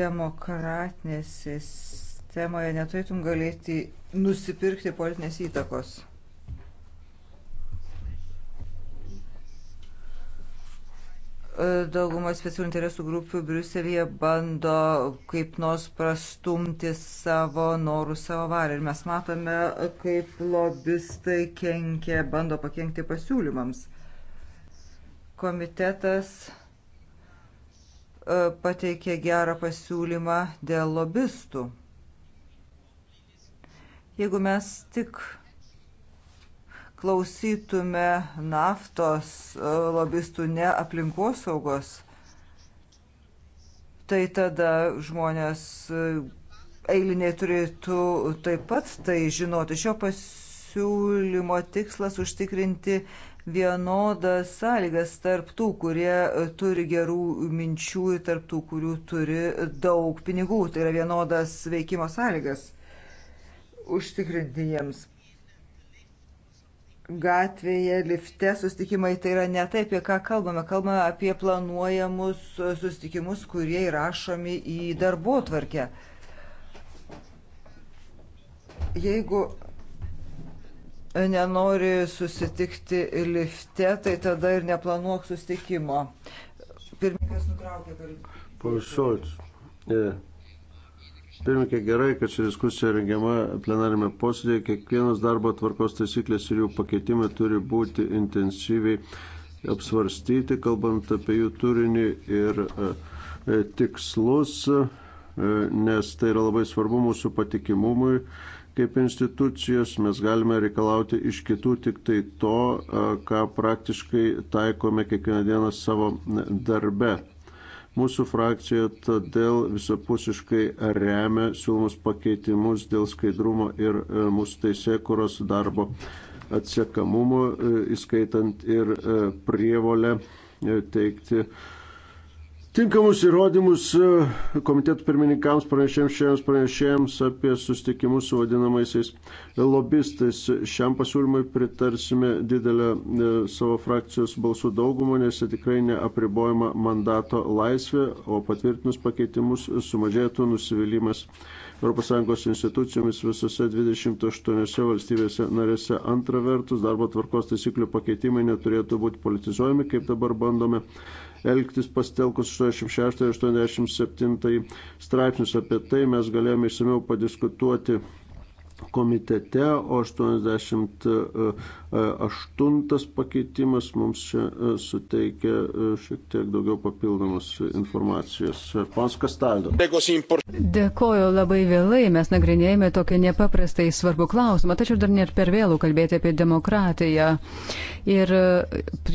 Demokratinės sistemoje neturėtum galėti nusipirkti politinės įtakos. dauguma specialių interesų grupių Briuselėje bando kaip nors prastumti savo norų, savo valią. Ir mes matome, kaip lobistai kenkia, bando pakengti pasiūlymams komitetas e, pateikė gerą pasiūlymą dėl lobistų. Jeigu mes tik klausytume naftos e, lobistų, ne aplinkosaugos, tai tada žmonės e, eiliniai turėtų taip pat tai žinoti. Šio pasiūlymo tikslas užtikrinti vienodas sąlygas tarp tų, kurie e, turi gerų minčių ir tarp tų, kurių turi daug pinigų. Tai yra vienodas veikimo sąlygas užtikrinti jiems. Gatvėje, lifte sustikimai tai yra ne taip, apie ką kalbame. Kalbame apie planuojamus e, sustikimus, kurie įrašomi į darbo tvarkę. Jeigu nenori susitikti lifte, tai tada ir neplanuok susitikimo. Pirmininkas nutraukė kalbą. Pausuot. Yeah. Pirmininkė, gerai, kad ši diskusija rengiama plenarime posėdėje. Kiekvienas darbo tvarkos taisyklės ir jų pakeitimai turi būti intensyviai apsvarstyti, kalbant apie jų turinį ir e, tikslus, e, nes tai yra labai svarbu mūsų patikimumui kaip institucijos, mes galime reikalauti iš kitų tik tai to, ką praktiškai taikome kiekvieną dieną savo darbe. Mūsų frakcija todėl visapusiškai remia siūlomus pakeitimus dėl skaidrumo ir e, mūsų teisėkuros darbo atsiekamumo, e, įskaitant ir e, prievolę teikti Tinkamus įrodymus e, komitetų pirmininkams pranešėjams, šiandien pranešėjams apie sustikimus su vadinamaisiais lobistais. Šiam pasiūlymui pritarsime didelę e, savo frakcijos balsų daugumą, nes tai tikrai neapribojama mandato laisvė, o patvirtinus pakeitimus sumažėtų nusivylimas ES institucijomis visose 28 valstybėse narėse. Antra vertus, darbo tvarkos taisyklių pakeitimai neturėtų būti politizuojami, kaip dabar bandome elgtis pastelkus 86 ir 87 straipsnius. Apie tai mes galėjome išsameu padiskutuoti komitete, o 88 e, e, pakeitimas mums čia e, suteikia šiek tiek daugiau papildomos informacijos. Pons Kastaldo. Dėkoju labai vėlai, mes nagrinėjame tokį nepaprastai svarbų klausimą, tačiau dar net per vėlų kalbėti apie demokratiją. Ir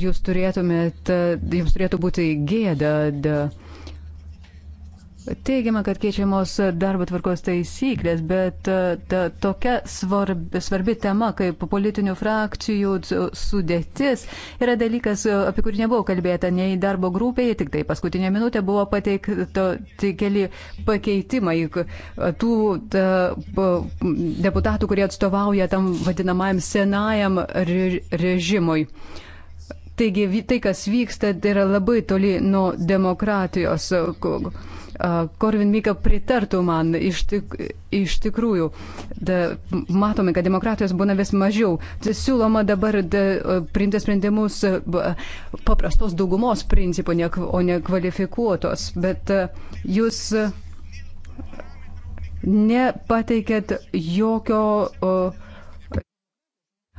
jūs turėtumėte, jums turėtų būti gėda. De, Teigiama, kad keičiamos darbo tvarkos taisyklės, bet e, ta, tokia svarbi, svarbi tema kaip politinių frakcijų sudėtis yra dalykas, e, apie kurį nebuvo kalbėta nei darbo grupėje, tik tai paskutinė minutė buvo pateikti keli pakeitimai tų ta, deputatų, kurie atstovauja tam vadinamajam senajam režimui. Taigi tai, kas vyksta, tai yra labai toli nuo demokratijos Korvin Mika pritartų man iš, tik, iš tikrųjų. Da, matome, kad demokratijos būna vis mažiau. Da, siūloma dabar da, priimti sprendimus paprastos daugumos principų, ne, o ne kvalifikuotos. Bet jūs nepateikėt jokio. O,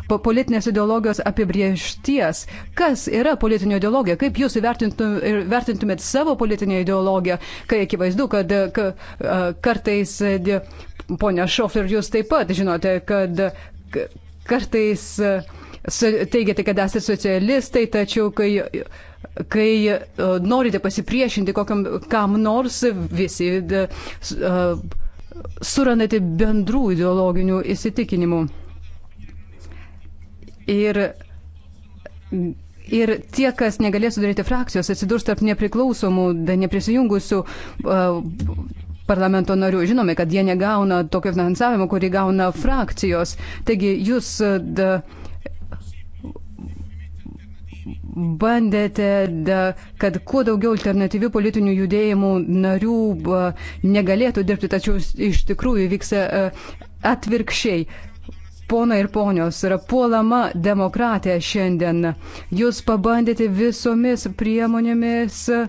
politinės ideologijos apibriešties. Kas yra politinė ideologija? Kaip jūs vertintumėt savo politinę ideologiją, kai akivaizdu, kad kartais, ponia Šofler, jūs taip pat žinote, kad kartais teigiate, kad esate socialistai, tačiau kai, kai norite pasipriešinti kokiam, kam nors, visi surandate bendrų ideologinių įsitikinimų. Ir, ir tie, kas negalės sudaryti frakcijos, atsidurs tarp nepriklausomų, neprisijungusių uh, parlamento narių. Žinome, kad jie negauna tokio finansavimo, kurį gauna frakcijos. Taigi jūs da, bandėte, da, kad kuo daugiau alternatyvių politinių judėjimų narių ba, negalėtų dirbti, tačiau iš tikrųjų vyksta atvirkščiai. Pona ir ponios, yra puolama demokratija šiandien. Jūs pabandėte visomis priemonėmis uh,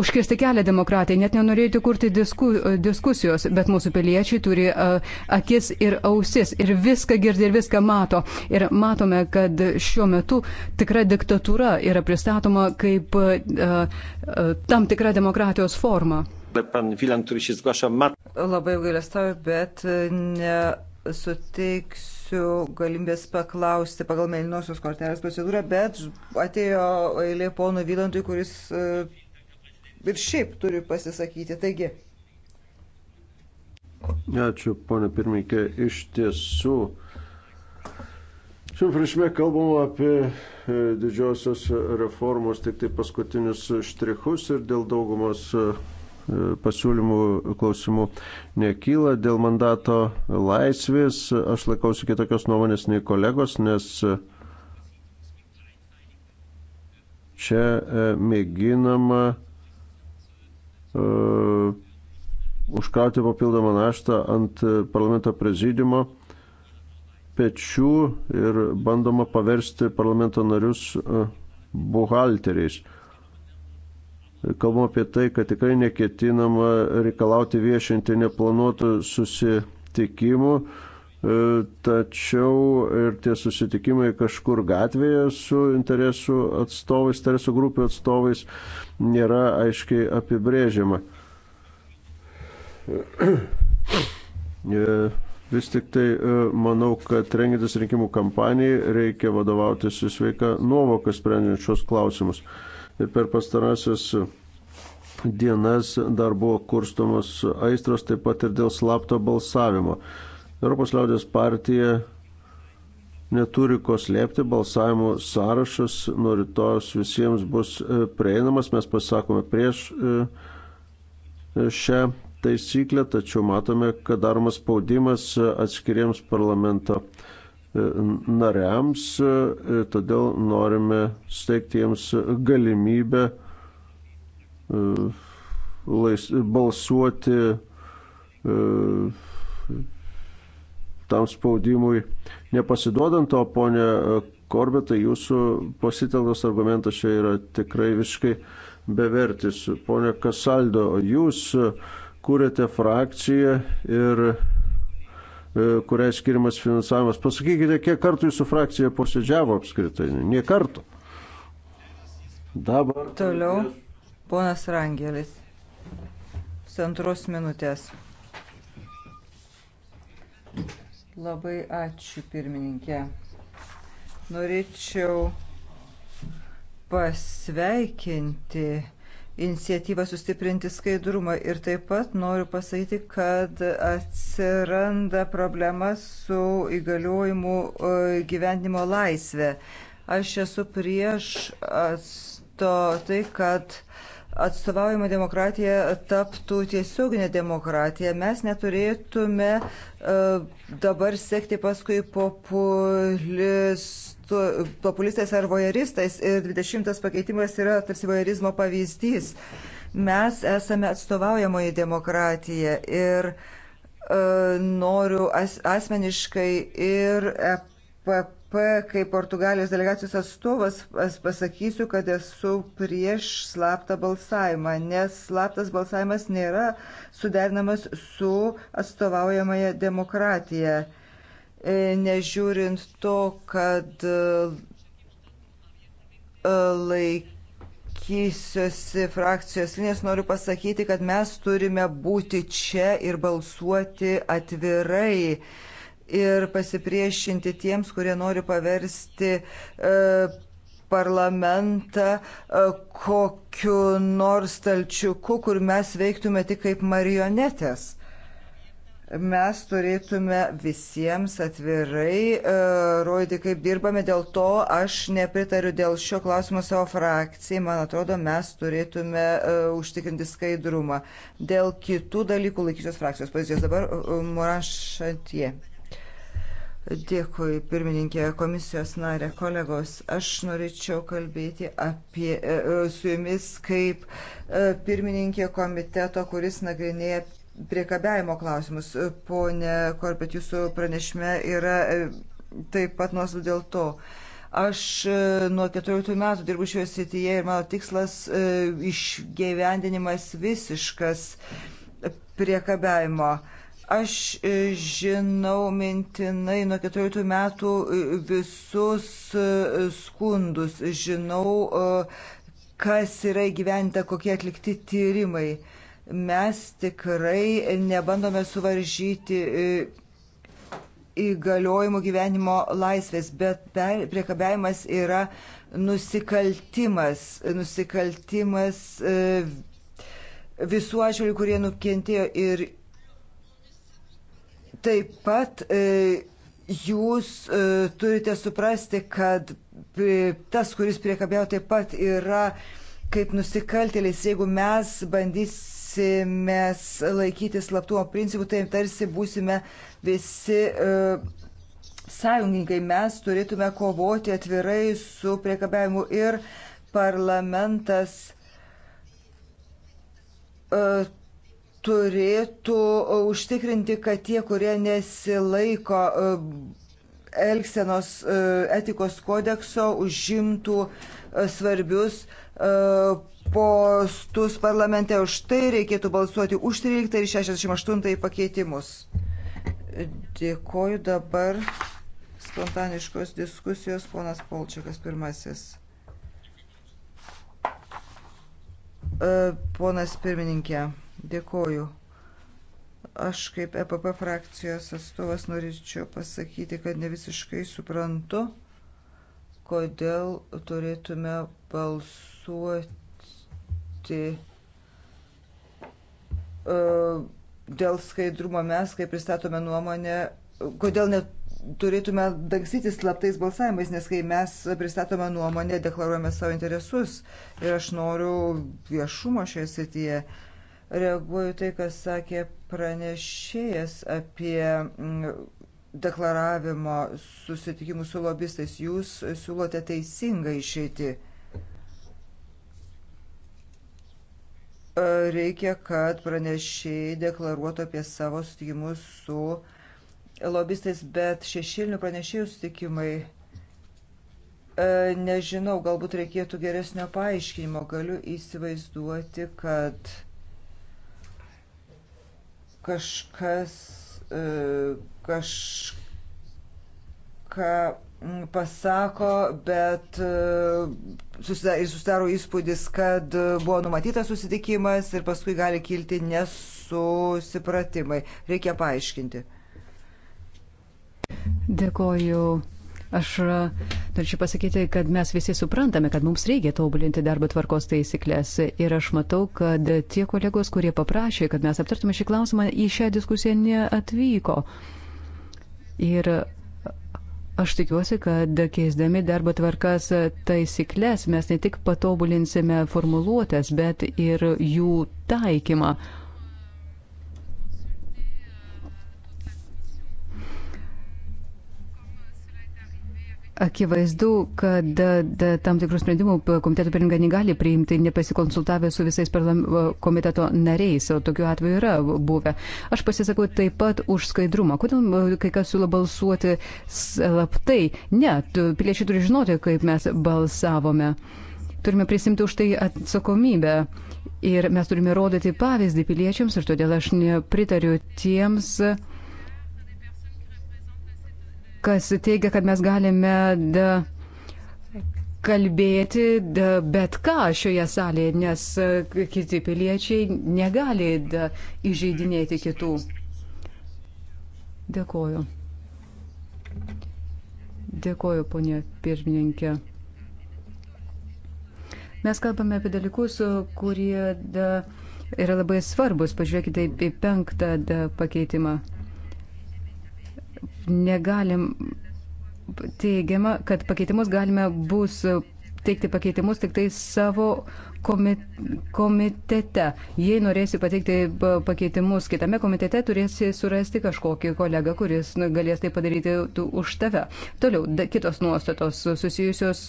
užkirsti kelią demokratijai, net nenorėjote kurti disku, diskusijos, bet mūsų piliečiai turi uh, akis ir ausis ir viską girdi ir viską mato. Ir matome, kad šiuo metu tikra diktatūra yra pristatoma kaip uh, uh, tam tikra demokratijos forma. Pan Wilan, kuris įsgašo mat. Labai gailestauju, bet ne suteiksiu galimybės paklausti pagal mėlynosios kortelės procedūrą, bet atėjo eilė pono Vylantui, kuris e, ir šiaip turi pasisakyti. Taigi. Ačiū, ponė pirmininkė. Iš tiesų, šiandien prašymė kalbam apie e, didžiosios reformos, tik tai paskutinius štrichus ir dėl daugumos e, E, pasiūlymų klausimų nekyla. Dėl mandato laisvės aš laikausi kitokios nuomonės nei kolegos, nes čia e, mėginama uh, užkrauti papildomą naštą ant parlamento prezidimo pečių ir bandoma paversti parlamento narius buhalteriais. Uh, kalbama apie tai, kad tikrai neketinama reikalauti viešinti neplanuotų susitikimų, e, tačiau ir tie susitikimai kažkur gatvėje su interesų atstovais, interesų grupių atstovais nėra aiškiai apibrėžiama. E, vis tik tai e, manau, kad rengintis rinkimų kampanijai reikia vadovautis sveika nuovoka sprendžiant šios klausimus ir per pastarąsias dienas dar buvo kurstomos aistros taip pat ir dėl slapto balsavimo. Europos liaudės partija neturi ko slėpti, balsavimo sąrašas nuo rytojus visiems bus e, prieinamas, mes pasakome prieš e, šią taisyklę, tačiau matome, kad daromas spaudimas atskiriems parlamento nariams, e, todėl norime steigti jiems galimybę e, lais, balsuoti e, tam spaudimui nepasiduodant, o ponė Korbetai, jūsų pasitelktas argumentas čia yra tikrai visiškai bevertis. Pone Kasaldo, jūs kūrėte frakciją ir E, kuriai skirimas finansavimas. Pasakykite, kiek kartų jūsų frakcija posėdžiavo apskritai? Nie kartų. Dabar. Toliau, ponas Rangelis. Pusantros minutės. Labai ačiū, pirmininkė. Norėčiau pasveikinti iniciatyvą sustiprinti skaidrumą. Ir taip pat noriu pasakyti, kad atsiranda problema su įgaliojimu e, gyvenimo laisvė. Aš esu prieš to, tai, kad atstovaujama demokratija taptų tiesioginė demokratija. Mes neturėtume e, dabar sekti paskui populistų populistais ar vojeristais ir 20 pakeitimas yra tarsi vojerizmo pavyzdys. Mes esame atstovaujamoji demokratija ir e, noriu as, asmeniškai ir EPP kaip Portugalijos delegacijos atstovas as, pasakysiu, kad esu prieš slaptą balsavimą, nes slaptas balsavimas nėra suderinamas su atstovaujamąją demokratiją. E, E, nežiūrint to, kad e, e, laikysiuosi frakcijos linės, noriu pasakyti, kad mes turime būti čia ir balsuoti atvirai ir pasipriešinti tiems, kurie nori paversti e, parlamentą e, kokiu nors talčiuku, kur mes veiktume tik kaip marionetės mes turėtume visiems atvirai e, rodyti, kaip dirbame. Dėl to aš nepritariu dėl šio klausimo savo frakcijai. Man atrodo, mes turėtume e, užtikrinti skaidrumą. Dėl kitų dalykų laikysios frakcijos pozicijos. Dabar e, Moran Šantie. Dėkui, pirmininkė, komisijos narė, kolegos. Aš norėčiau kalbėti apie, e, e, su jumis kaip e, pirmininkė komiteto, kuris nagrinėja priekabiajimo klausimus. Pone Korbet, jūsų pranešime yra e, taip pat nuostų dėl to. Aš e, nuo 14 metų dirbu šioje srityje ir mano tikslas e, išgyvendinimas visiškas priekabiajimo. Aš žinau mintinai nuo 14 metų visus skundus, žinau, kas yra įgyventa, kokie atlikti tyrimai. Mes tikrai nebandome suvaržyti e, įgaliojimų gyvenimo laisvės, bet priekabiavimas yra nusikaltimas, nusikaltimas e, visų atžvilgių, kurie nukentėjo ir taip pat e, jūs turite suprasti, kad tas, kuris priekabiavo, taip pat yra kaip nusikaltėlis, jeigu mes bandys imsime laikytis slaptumo principų, tai tarsi būsime visi e, sąjungininkai. Mes turėtume kovoti atvirai su priekabiavimu ir parlamentas e, turėtų užtikrinti, kad tie, kurie nesilaiko e, Elksenos e, etikos kodekso, užimtų e, svarbius postus parlamente. Už tai reikėtų balsuoti už 13 ir 68 pakeitimus. Dėkoju dabar spontaniškos diskusijos ponas Polčiakas pirmasis. E, ponas pirmininkė, dėkoju. Aš kaip EPP frakcijos atstovas norėčiau pasakyti, kad ne visiškai suprantu, kodėl turėtume balsuoti dirbti e, dėl skaidrumo mes, kai pristatome nuomonę, kodėl net turėtume dangstyti slaptais balsavimais, nes kai mes pristatome nuomonę, deklaruojame savo interesus ir aš noriu viešumo šioje srityje. Reaguoju tai, kas sakė pranešėjas apie mm, deklaravimo susitikimų su lobistais. Jūs siūlote teisingą išeitį. reikia, kad pranešiai deklaruotų apie savo sutikimus su lobistais, bet šešilinių pranešėjų sutikimai, nežinau, galbūt reikėtų geresnio paaiškinimo. Galiu įsivaizduoti, kad kažkas, kažką pasako, bet e, susidaro įspūdis, kad buvo numatytas susitikimas ir paskui gali kilti nesusipratimai. Reikia paaiškinti. Dėkoju. Aš e, norėčiau pasakyti, kad mes visi suprantame, kad mums reikia tobulinti darbo tvarkos taisyklės. Ir aš matau, kad tie kolegos, kurie paprašė, kad mes aptartume šį klausimą, į šią diskusiją neatvyko. Ir Aš tikiuosi, kad keisdami darbo tvarkas taisyklės mes ne tik patobulinsime formuluotės, bet ir jų taikymą. Akivaizdu, kad da, da, tam tikrų sprendimų komiteto pirmininkai negali priimti, nepasikonsultavę su visais komiteto nariais, o tokiu atveju yra buvę. Aš pasisakau taip pat už skaidrumą. Kodėl kai kas siūlo balsuoti slaptai? Ne, piliečiai turi žinoti, kaip mes balsavome. Turime prisimti už tai atsakomybę. Ir mes turime rodyti pavyzdį piliečiams ir todėl aš nepritariu tiems. Uh, kas teigia, kad mes galime da, kalbėti da, bet ką šioje salėje, nes e, kiti piliečiai negali da, įžeidinėti kitų. Dėkoju. Dėkoju, ponė pirmininkė. Mes kalbame apie dalykus, kurie da, yra labai svarbus. Pažiūrėkite į penktą da, pakeitimą negalim teigiama, kad pakeitimus galime bus teikti pakeitimus tik tai savo komitete. Jei norėsi pateikti pakeitimus kitame komitete, turėsi surasti kažkokį kolegą, kuris galės tai padaryti už tave. Toliau, da, kitos nuostatos susijusios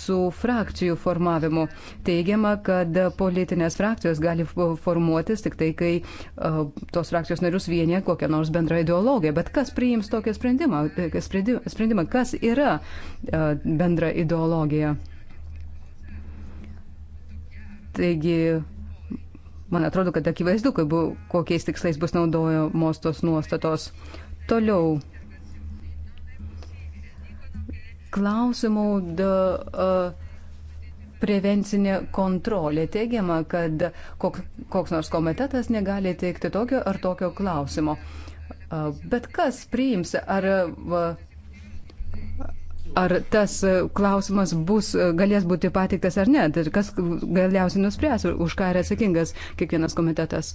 su frakcijų formavimu. Teigiama, kad politinės frakcijos gali formuotis tik tai, kai uh, tos frakcijos narius vienė kokią nors bendrą ideologiją. Bet kas priims tokį sprendimą? E, sprendimą, kas yra uh, bendra ideologija? Taigi, man atrodo, kad akivaizdu, kad bu, kokiais tikslais bus naudojamos tos nuostatos. Toliau. Klausimų da, uh, prevencinė kontrolė. Teigiama, kad kok, koks nors komitetas negali teikti tokio ar tokio klausimo. Uh, bet kas priims, ar uh, ar tas e, klausimas bus, e, galės būti patiktas ar ne, tai kas galiausiai nuspręs, už ką yra atsakingas kiekvienas komitetas.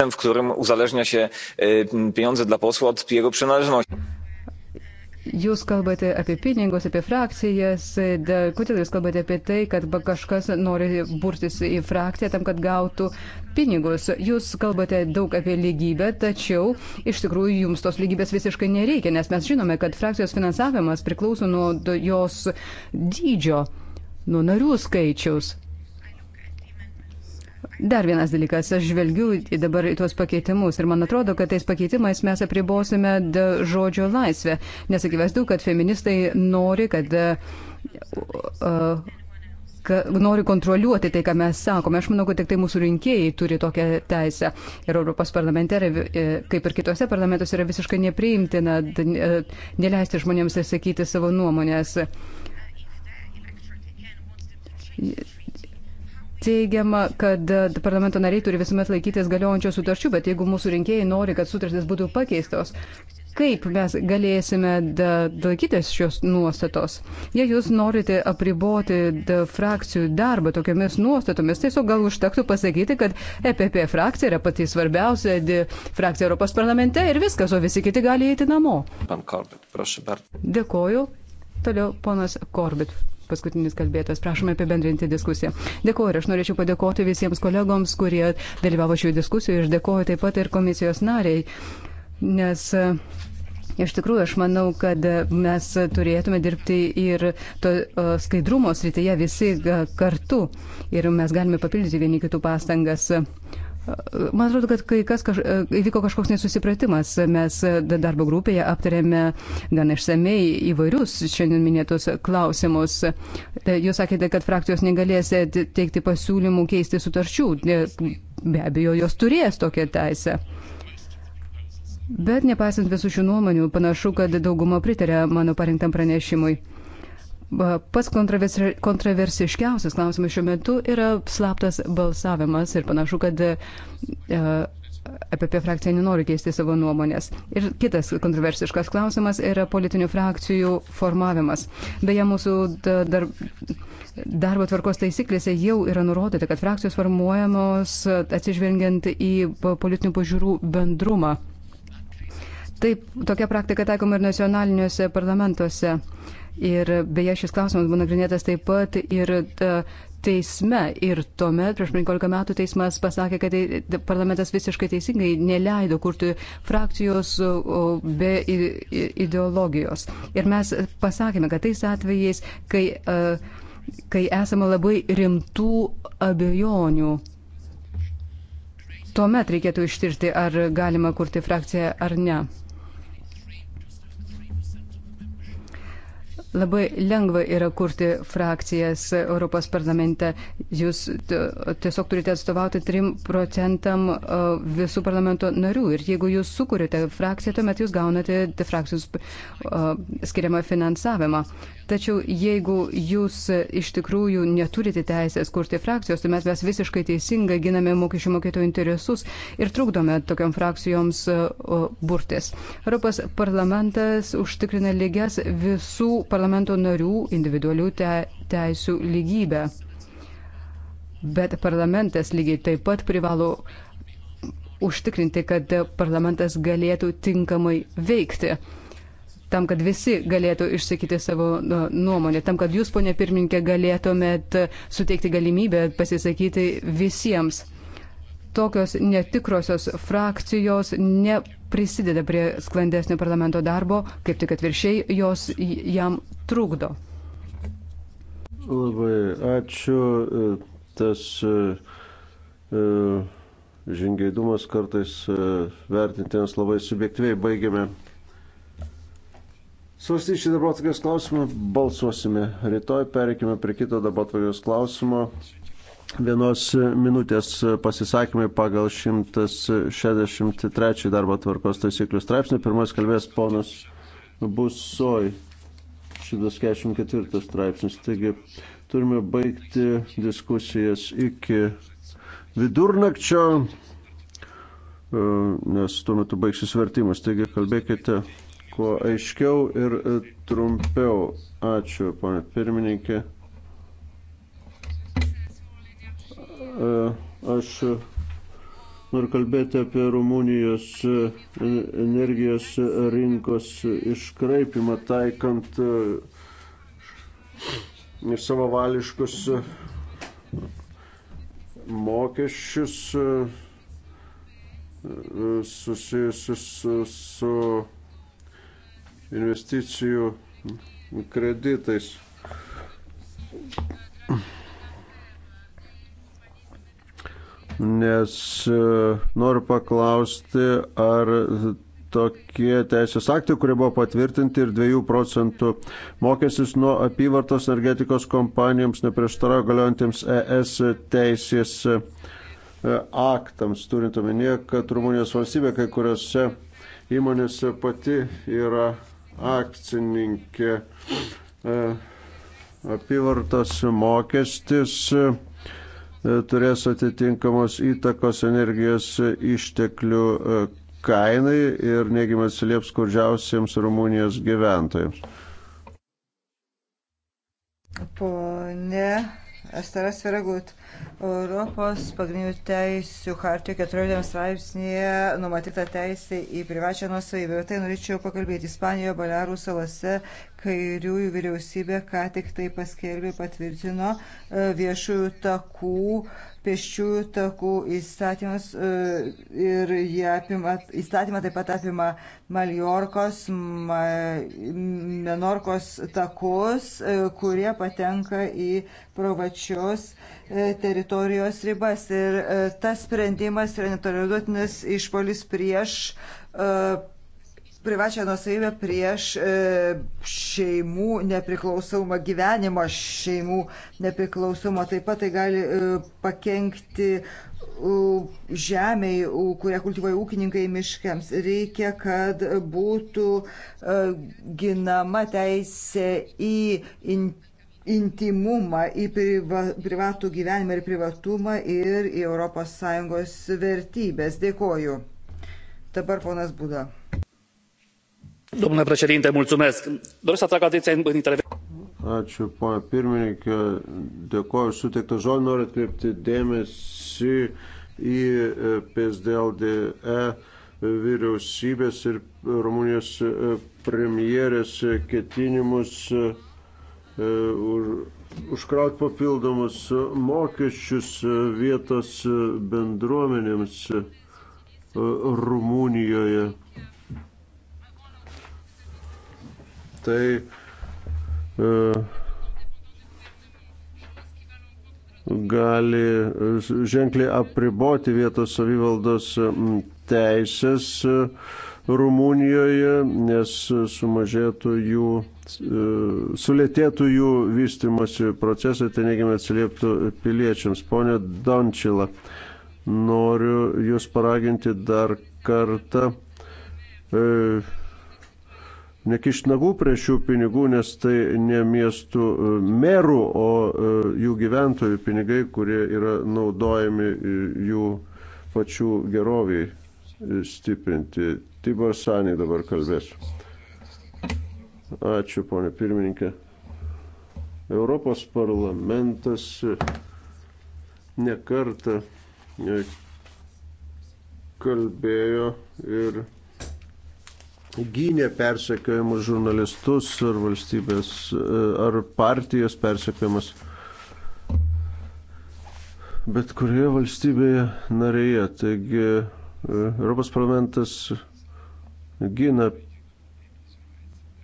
W którym uzależnia się e, pieniądze dla posła od jego przynależności. Jūs kalbate apie pinigus, apie frakcijas. De, kodėl jūs kalbate apie tai, kad kažkas nori burtis į frakciją tam, kad gautų pinigus? Jūs kalbate daug apie lygybę, tačiau iš tikrųjų jums tos lygybės visiškai nereikia, nes mes žinome, kad frakcijos finansavimas priklauso nuo jos dydžio, nuo narių skaičiaus. Dar vienas dalykas, aš žvelgiu dabar į tuos pakeitimus ir man atrodo, kad tais pakeitimais mes apribosime žodžio laisvę, nes akivaizdu, kad feministai nori, kad, e, kad nori kontroliuoti tai, ką mes sakome. Aš manau, kad tik tai mūsų rinkėjai turi tokią teisę. Ir Europos parlamente, e, kaip ir kitose parlamentuose, yra visiškai nepriimtina e, neleisti žmonėms išsakyti savo nuomonės teigiama, kad e, parlamento nariai turi visuomet laikytis galiojančios sutarčių, bet jeigu mūsų rinkėjai nori, kad sutartis būtų pakeistos, kaip mes galėsime laikytis šios nuostatos? Jei jūs norite apriboti da frakcijų darbą tokiamis nuostatomis, tiesiog gal užtektų pasakyti, kad EPP frakcija yra pati svarbiausia frakcija Europos parlamente ir viskas, o visi kiti gali eiti namo. Dėkoju. Toliau ponas Korbit paskutinis kalbėtas. Prašome apibendrinti diskusiją. Dėkuoju ir aš norėčiau padėkoti visiems kolegoms, kurie dalyvavo šioje diskusijoje ir dėkuoju taip pat ir komisijos nariai, nes e, Iš tikrųjų, aš manau, kad e, mes turėtume dirbti ir to e, skaidrumo srityje visi kartu ir mes galime papildyti vieni kitų pastangas. Man atrodo, kad kai kas kaž, įvyko kažkoks nesusipratimas. Mes darbo grupėje aptarėme gan išsamei įvairius šiandien minėtus klausimus. Tai jūs sakėte, kad frakcijos negalės teikti pasiūlymų keisti sutarčių. Be abejo, jos turės tokią teisę. Bet nepaisant visų šių nuomonių, panašu, kad dauguma pritarė mano parinktam pranešimui. Pats kontroversiškiausias klausimas šiuo metu yra slaptas balsavimas ir panašu, kad apie, apie e frakciją nenori keisti savo nuomonės. Ir kitas kontroversiškas klausimas yra politinių frakcijų formavimas. Beje, mūsų dar, darbo tvarkos taisyklėse jau yra nurodyta, kad frakcijos formuojamos atsižvelgiant į politinių pažiūrų bendrumą. Taip, tokia praktika taikoma ir nacionaliniuose parlamentuose. Uh, Ir beje, šis klausimas buvo nagrinėtas taip pat ir e, teisme. Ir tuomet, prieš 15 metų, teismas pasakė, kad tai parlamentas visiškai teisingai neleido kurti frakcijos be ideologijos. Ir mes pasakėme, kad tais atvejais, kai, e, kai esame labai rimtų abejonių tuomet reikėtų ištirti, ar galima kurti frakciją ar ne. Labai lengva yra kurti frakcijas Europos parlamente. Jūs tiesiog turite atstovauti 3 procentam e, visų parlamento narių. Ir jeigu jūs sukūrite frakciją, tuomet jūs gaunate frakcijos e, skiriamą finansavimą. Tačiau jeigu jūs iš tikrųjų neturite teisės kurti frakcijos, tuomet mes visiškai teisingai giname mokesčių mokėtojų interesus ir trukdome tokiam frakcijoms e, burtis. Europos parlamentas užtikrina lygias visų parlamento parlamento narių individualių te, teisų lygybę. Bet parlamentas lygiai taip pat privalo užtikrinti, kad parlamentas galėtų tinkamai veikti tam, kad visi galėtų išsakyti savo nuomonę, tam, kad jūs, ponė pirmininkė, galėtumėt suteikti galimybę pasisakyti visiems. Tokios netikrosios frakcijos ne, prisideda prie sklandesnio parlamento darbo, kaip tik atviršiai jos jam trukdo. Labai ačiū. E, tas e, e, žingėdumas kartais vertintiems labai subjektyviai baigiame. Svarstyti šį dabar atvarkės klausimą, balsuosime rytoj, pereikime prie kito dabar atvarkės klausimo vienos minutės pasisakymai pagal 163 darbo tvarkos taisyklių straipsnį. Pirmas kalbės ponas Busoj, 144 straipsnis. Taigi turime baigti diskusijas iki vidurnakčio, e, nes tuo metu baigsis vertimas. Taigi kalbėkite kuo aiškiau ir e, trumpiau. Ačiū, ponė pirmininkė. E, aš noriu kalbėti apie Rumunijos e, energijos rinkos iškraipimą, taikant e, savavališkus mokesčius susijusius su, su investicijų kreditais. nes e, noriu paklausti, ar tokie teisės aktai, kurie buvo patvirtinti ir 2 procentų mokestis nuo apyvartos energetikos kompanijoms neprieštarauja galiojantiems ES teisės e, aktams, turint omenyje, kad Rumunijos valstybė kai kuriuose įmonėse pati yra akcininkė e, apyvartos mokestis E, turės atitinkamos įtakos energijos išteklių e, kainai ir neigiamai atsilieps skurdžiausiems Rumunijos gyventojams. Pone Estaras Viragut, Europos pagrindinių teisių hartijų 14 straipsnėje numatyta teisė į privačią nuosavybę. Tai norėčiau pakalbėti Ispanijoje, Balearų salose, kairiųjų vyriausybė ką tik tai paskelbė patvirtino e, viešųjų takų, pėsčiųjų takų įstatymus e, ir apima, įstatymą taip pat apima Maliorkos, Menorkos takus, e, kurie patenka į provačios teritorijos ribas. Ir tas sprendimas yra netoleruotinas išpolis prieš privačią nusavybę prieš e, šeimų nepriklausomą gyvenimą, šeimų nepriklausomą. Taip pat tai gali e, pakengti žemiai, kurią kultivuoja ūkininkai miškiams. Reikia, kad būtų e, ginama teisė į intimumą, į priva, privatų gyvenimą ir privatumą ir į ES vertybės. Dėkoju. Dabar ponas Būda. Domnule președinte, mulțumesc. Doresc să atrag atenția în intervenție. Ačiū, ponia pirmininkė. Dėkoju suteiktą žodį. Noriu atkreipti dėmesį į PSDLDE e vyriausybės ir Rumunijos e, premjerės ketinimus e, užkrauti papildomus mokesčius vietos bendruomenėms Rumunijoje. tai e, gali ženkliai apriboti vietos savivaldos teisės e, Rumunijoje, nes sumažėtų jų, e, sulėtėtų jų vystimosi procesai, tai neigiamai atsilieptų piliečiams. Pone Dončila, noriu Jūs paraginti dar kartą e, nekišnagų prie šių pinigų, nes tai ne miestų e, merų, o e, jų gyventojų pinigai, kurie yra naudojami e, jų pačių geroviai stiprinti. Tibor Sanį dabar kalbės. Ačiū, ponė pirmininkė. Europos parlamentas nekarta kalbėjo ir gynė persekiojimus žurnalistus ar valstybės e, ar partijos persekiojimus. Bet kurioje valstybėje narėje. Taigi e, Europos parlamentas gina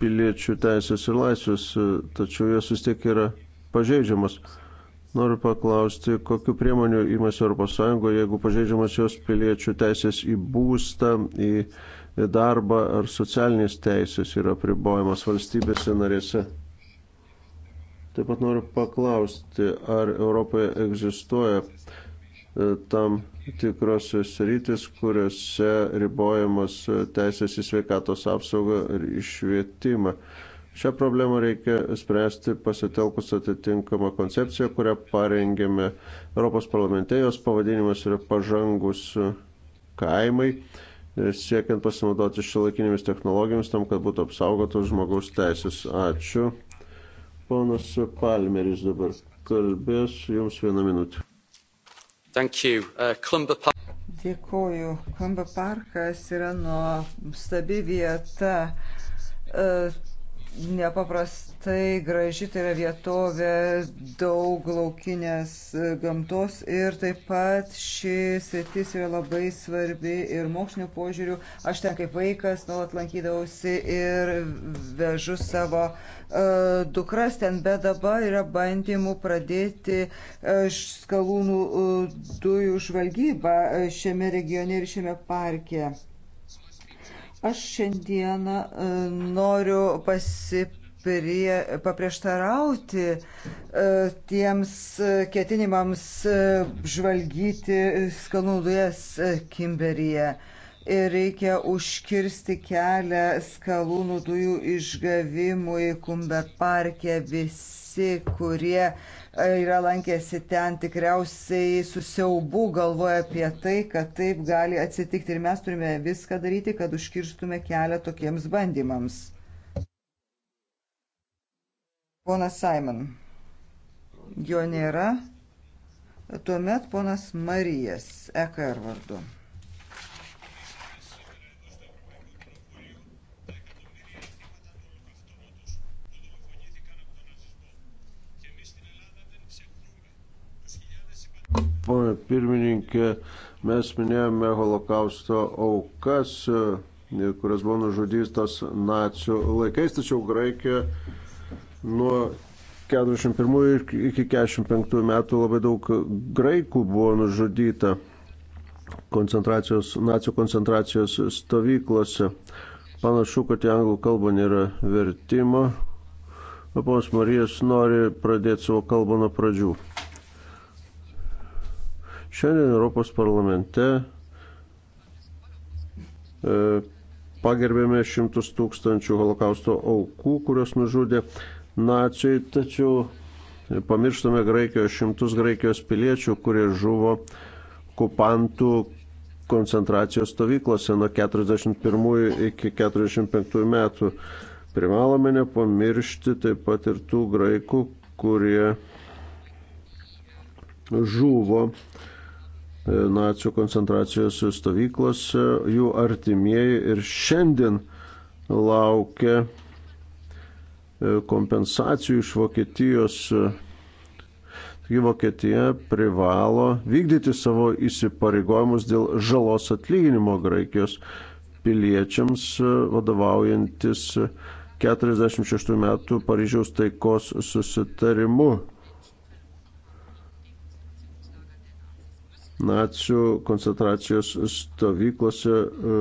piliečių teisės ir laisvės, e, tačiau jos vis tiek yra pažeidžiamas. Noriu paklausti, kokiu priemoniu įmasi ES, jeigu pažeidžiamas jos piliečių teisės į būstą, į darbą ar socialinės teisės yra pribojamas valstybėse narėse. Taip pat noriu paklausti, ar Europoje egzistuoja e, tam tikros sritis, kuriuose ribojamas e, teisės į sveikatos apsaugą ir išvietimą. Šią problemą reikia spręsti pasitelkus atitinkamą koncepciją, kurią parengėme Europos parlamente. Jos pavadinimas yra pažangus e, kaimai siekiant pasinaudoti šiolaikinėmis technologijomis tam, kad būtų apsaugotos žmogaus teisės. Ačiū. Ponas Palmeris dabar kalbės jums vieną minutę. Uh, Dėkuoju. Klumba parkas yra nuostabi vieta. Uh, nepaprastai graži, tai yra vietovė daug laukinės e, gamtos ir taip pat ši sritis yra labai svarbi ir mokslinio požiūrių. Aš ten kaip vaikas nuolat lankydavausi ir vežu savo uh, dukras ten, bet dabar yra bandymų pradėti uh, skalūnų uh, dujų žvalgybą uh, šiame regione ir šiame parke. Aš šiandieną e, noriu pasipasakyti prie, paprieštarauti e, tiems e, ketinimams žvalgyti skalūnų dujas Kimberyje. Ir reikia užkirsti kelią skalūnų dujų išgavimui Kumber parke visi, kurie E, yra lankėsi ten tikriausiai susiaubų galvoja apie tai, kad taip gali atsitikti ir mes turime viską daryti, kad užkirstume kelią tokiems bandymams. Ponas Simon. Jo nėra. Tuomet ponas Marijas, EKR vardu. Pone pirmininkė, mes minėjome holokausto aukas, e, kurios buvo nužudytos nacijų laikais, tačiau Graikija nuo 41 iki 45 metų labai daug graikų buvo nužudyta koncentracijos, nacijų koncentracijos stovyklose. Panašu, kad į anglų kalbą nėra vertimo. Papos Marijas nori pradėti savo kalbą nuo pradžių. Šiandien Europos parlamente e, pagerbėme šimtus tūkstančių holokausto aukų, kurios nužudė nacijai, tačiau pamirštame Graikijos šimtus Graikijos piliečių, kurie žuvo okupantų koncentracijos stovyklose nuo 41 iki 45 metų. Privalome nepamiršti taip pat ir tų graikų, kurie žuvo uh, E, nacių koncentracijos stovyklose, jų artimieji ir šiandien laukia e, kompensacijų iš Vokietijos. Taigi Vokietija privalo vykdyti savo įsipareigojimus dėl žalos atlyginimo Graikijos piliečiams e, vadovaujantis 46 metų Paryžiaus taikos susitarimu. nacių koncentracijos stovyklose e,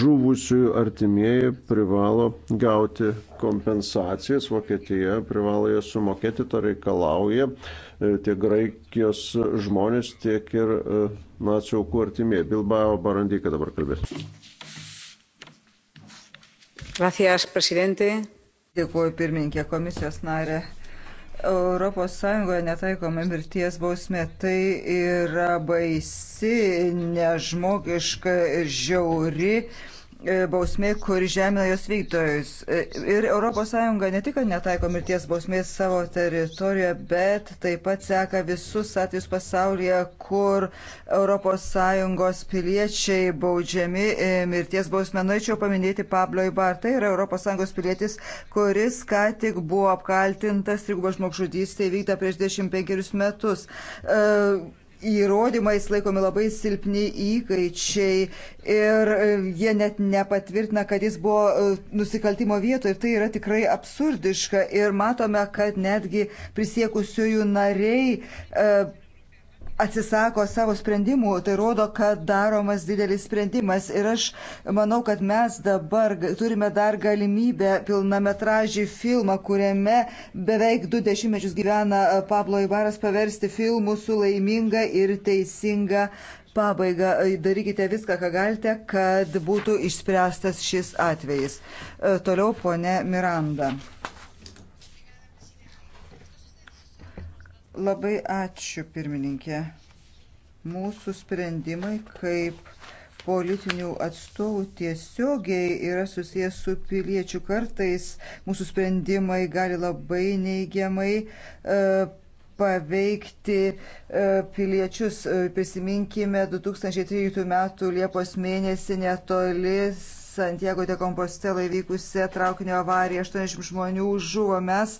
žuvusiųjų artimieji privalo gauti kompensacijas, Vokietija privalo jas sumokėti, to reikalauja e, tiek Graikijos žmonės, tiek ir e, nacijų aukų artimieji. Bilbao Barandyka dabar kalbės. Gracias, presidente. Dėkuoju pirmininkė komisijos narė Europos Sąjungoje netaikoma mirties bausmė. Tai yra baisi, nežmogiška, žiauri E, bausmė, kur žemina jos vykdytojus. E, ir ES ne tik netaiko mirties bausmės savo teritorijoje, bet taip pat seka visus atvejus pasaulyje, kur ES piliečiai baudžiami e, mirties bausmė. Norėčiau paminėti Pablo Ibar. Tai yra ES pilietis, kuris ką tik buvo apkaltintas trigubo žmogžudystė įvykta prieš 25 metus. Uh, įrodymais laikomi labai silpni įkaičiai ir e, jie net nepatvirtina, kad jis buvo e, nusikaltimo vietoje ir tai yra tikrai absurdiška ir matome, kad netgi prisiekusiųjų nariai e, atsisako savo sprendimų, tai rodo, kad daromas didelis sprendimas. Ir aš manau, kad mes dabar turime dar galimybę pilnametražį filmą, kuriame beveik du dešimtmečius gyvena Pablo Ibaras, paversti filmų su laiminga ir teisinga pabaigą darykite viską, ką galite, kad būtų išspręstas šis atvejis. Toliau ponė Miranda. Labai ačiū, pirmininkė. Mūsų sprendimai kaip politinių atstovų tiesiogiai yra susijęs su piliečių kartais. Mūsų sprendimai gali labai neigiamai e, paveikti e, piliečius. E, prisiminkime 2013 m. Liepos mėnesį netolis Santiago de Compostela įvykusią traukinio avariją. 80 žmonių žuvo. Mes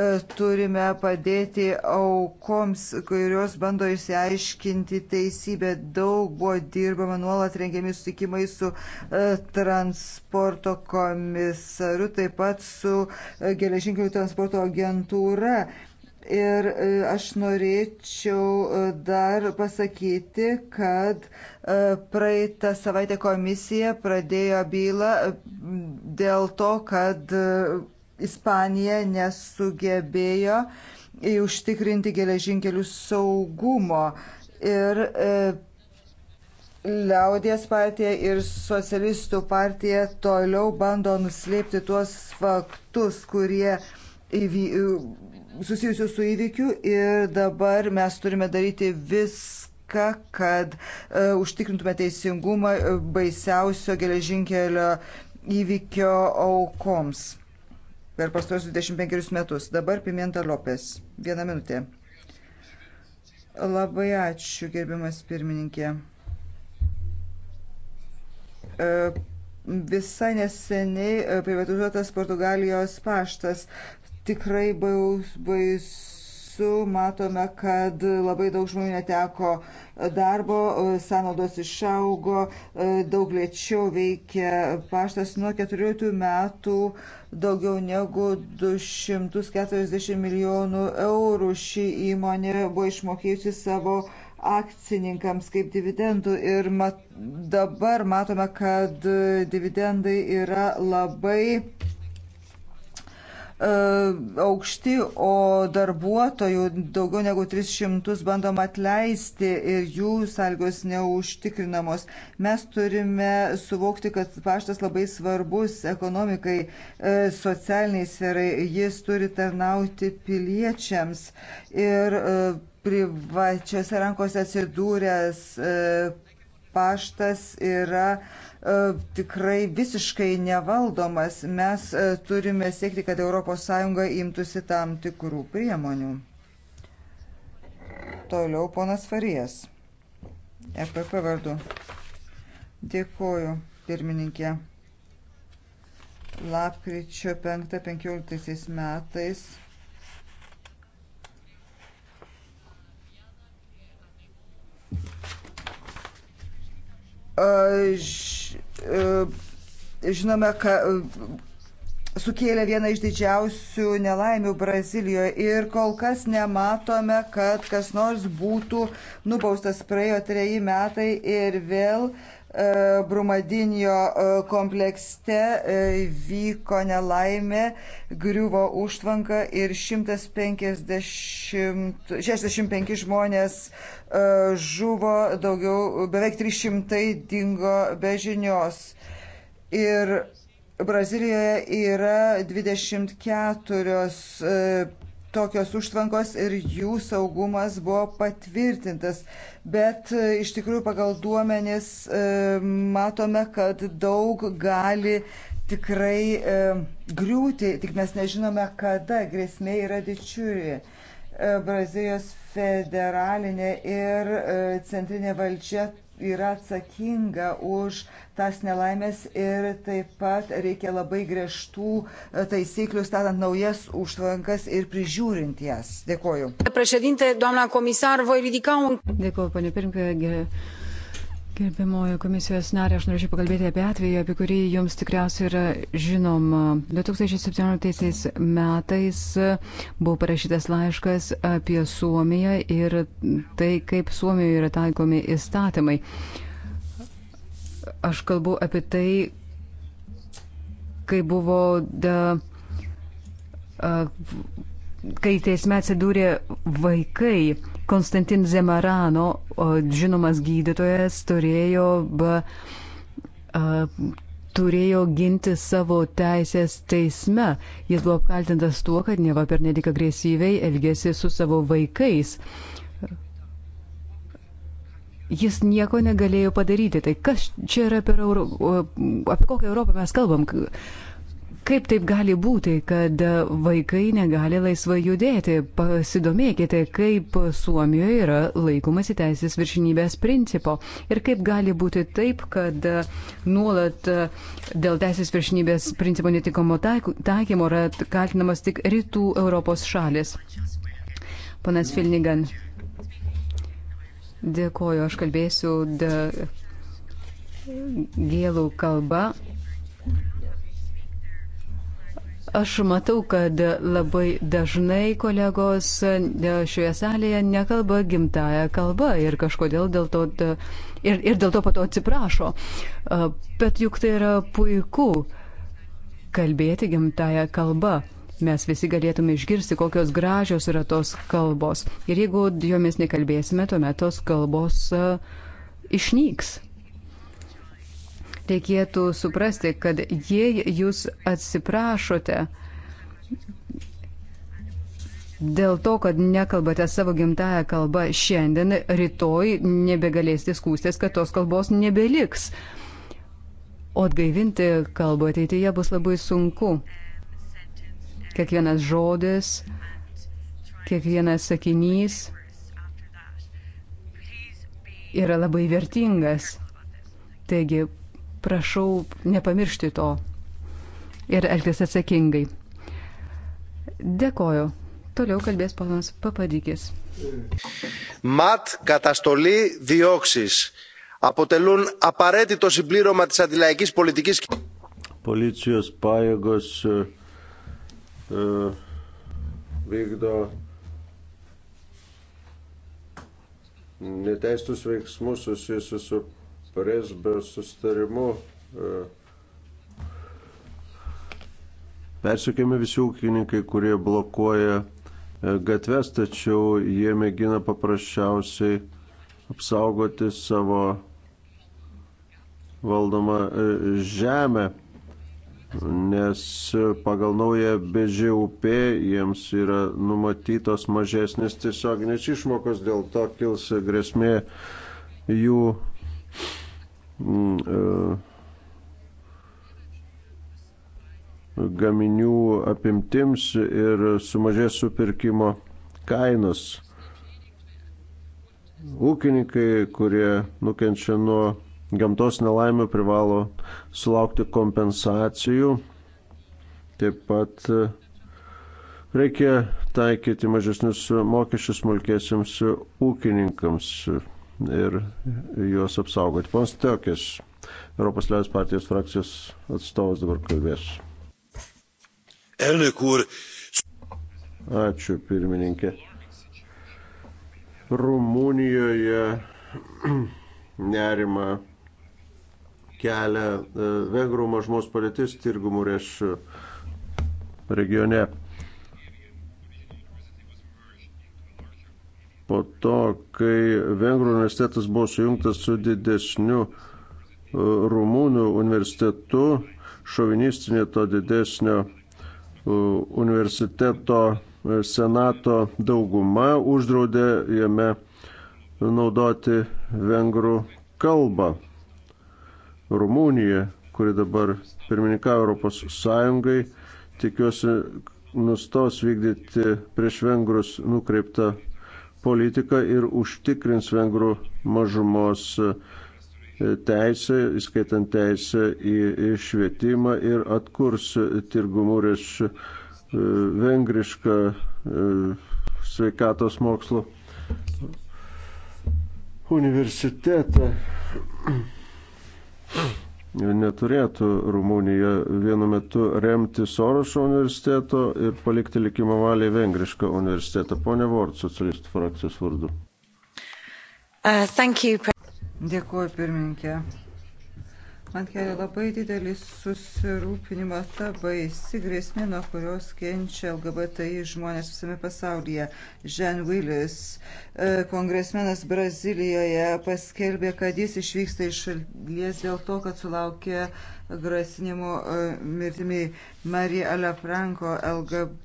e, turime padėti aukoms, kurios bando išsiaiškinti teisybę. Daug buvo dirbama nuolat rengiami sutikimai su e, transporto komisaru, taip pat su e, geležinkelių transporto agentūra. E, Ir e, aš norėčiau e, dar pasakyti, kad e, praeitą savaitę komisija pradėjo bylą dėl to, kad Ispanija nesugebėjo užtikrinti geležinkelių saugumo. Ir Liaudės partija ir socialistų partija toliau bando nuslėpti tuos faktus, kurie susijusių su įvykiu ir dabar mes turime daryti viską, kad uh, užtikrintume teisingumą e, baisiausio geležinkelio įvykio aukoms per pastarosius 25 metus. Dabar Pimienta Lopes. Vieną minutę. Labai ačiū, gerbiamas pirmininkė. E, visai neseniai privatizuotas Portugalijos paštas tikrai baus, baisu, matome, kad labai daug žmonių neteko darbo, sąnaudos išaugo, daug lėčiau veikia paštas nuo 14 metų daugiau negu 240 milijonų eurų ši įmonė buvo išmokėjusi savo akcininkams kaip dividendų ir mat, dabar matome, kad dividendai yra labai E, aukšti, o darbuotojų daugiau negu 300 bandoma atleisti ir jų sąlygos neužtikrinamos. Mes turime suvokti, kad paštas labai svarbus ekonomikai, e, socialiniai sferai, jis turi tarnauti piliečiams. Ir e, privačiose rankose atsidūręs paštas yra E, tikrai visiškai nevaldomas. Mes e, turime siekti, kad ES imtųsi tam tikrų priemonių. Toliau ponas Farijas. EPP vardu. Dėkuoju, pirmininkė. Lapkričio 5-15 metais Uh, E, žinome, kad e, sukėlė vieną iš didžiausių nelaimių Brazilijoje ir kol kas nematome, kad kas nors būtų nubaustas praėjo treji metai ir vėl uh, E, Brumadinio e, komplekste e, vyko nelaimė, griuvo užtvanka ir 150, 65 žmonės žuvo, daugiau, beveik 300 dingo be žinios. Ir Brazilijoje yra 24 tokios užtvankos ir jų saugumas buvo patvirtintas. Bet e, iš tikrųjų pagal duomenis e, matome, kad daug gali tikrai e, griūti, tik mes nežinome, kada grėsmė yra didžiulė. Brazilijos federalinė ir centrinė valdžia yra atsakinga už tas nelaimės ir taip pat reikia labai griežtų e, taisyklių statant naujas užtvankas ir prižiūrint jas. Dėkoju. Dėkoju, panė pirmininkė. Gerbiamojo komisijos narė, aš norėčiau pakalbėti apie atvejį, apie kurį jums tikriausiai yra žinoma. 2017 metais buvo parašytas laiškas apie Suomiją ir tai, kaip Suomijoje yra taikomi įstatymai. Aš kalbu apie tai, kai buvo. Da, a, kai teisme atsidūrė vaikai. Konstantin Zemarano, žinomas gydytojas, turėjo, ba, a, turėjo ginti savo teisės teisme. Jis buvo apkaltintas tuo, kad neva per nedik agresyviai elgėsi su savo vaikais. Jis nieko negalėjo padaryti. Tai kas čia yra per Europą, apie kokią Europą mes kalbam? Kaip taip gali būti, kad vaikai negali laisvai judėti? Pasidomėkite, kaip Suomijoje yra laikomasi teisės viršinybės principo. Ir kaip gali būti taip, kad nuolat dėl teisės viršinybės principo netikomo taikymo yra kaltinamas tik rytų Europos šalis. Panas Filnigan. Dėkoju, aš kalbėsiu gėlų kalba Aš matau, kad labai dažnai kolegos e, šioje salėje nekalba gimtają kalbą ir kažkodėl dėl to, e, ir, ir dėl to pato atsiprašo. E, bet juk tai yra puiku kalbėti gimtają kalbą. Mes visi galėtume išgirsti, kokios gražios yra tos kalbos. Ir jeigu jomis nekalbėsime, tuomet tos kalbos išnyks reikėtų suprasti, kad jei jūs atsiprašote dėl to, kad nekalbate savo gimtają kalbą šiandien, rytoj nebegalėsite skūstis, kad tos kalbos nebeliks. O atgaivinti kalbą ateityje bus labai sunku. Kiekvienas žodis, kiekvienas sakinys yra labai vertingas. Taigi prašau nepamiršti to ir elgtis atsakingai. Dėkoju. Toliau kalbės ponas Papadykis. Mat καταστολή διώξεις αποτελούν απαραίτητο συμπλήρωμα της αντιλαϊκής πολιτικής Policijos pajėgos uh, vykdo neteistus veiksmus susijusius su Presbės sustarimu e, persikėmi visi ūkininkai, kurie blokuoja e, gatves, tačiau jie mėgina paprasčiausiai apsaugoti savo valdomą e, žemę, nes pagal naują BŽUP jiems yra numatytos mažesnės tiesioginės išmokos, dėl to kils grėsmė jų Mm, e, gaminių apimtims ir sumažės supirkimo kainos. Ūkininkai, kurie nukenčia nuo gamtos nelaimių, privalo sulaukti kompensacijų. Taip pat e, reikia taikyti mažesnius mokesčius smulkėsiams ūkininkams ir juos apsaugoti. Pons Teokis, Europos Liaudės partijos frakcijos atstovas dabar kalbės. Elnikur. Ačiū, pirmininkė. Rumunijoje nerima kelia e, vengrų mažumos padėtis Tirgumurėš regione. po to, kai Vengrų universitetas buvo sujungtas su didesniu e, Rumunų universitetu, šovinistinė to didesnio e, universiteto e, senato dauguma uždraudė jame naudoti vengrų kalbą. Rumunija, kuri dabar pirmininkavo Europos Sąjungai, tikiuosi nustos vykdyti prieš vengrus nukreiptą politiką ir užtikrins vengrų mažumos e, teisę, įskaitant teisę į švietimą ir atkurs tirgumūrės e, vengrišką e, sveikatos mokslo universitetą neturėtų Rumunija vienu metu remti Sorošo universiteto ir palikti likimo valiai Vengrišką universitetą. Pone Vort, socialistų frakcijos vardu. Uh, you, Dėkuoju, pirmininkė. Man kelia labai didelį susirūpinimą ta baisi grėsmė, nuo kurios kenčia LGBTI žmonės visame pasaulyje. Žen Willis, e, kongresmenas Brazilijoje, paskelbė, kad jis išvyksta iš šalies dėl to, kad sulaukė grasinimų e, mirtimi Marija Alefranko LGB.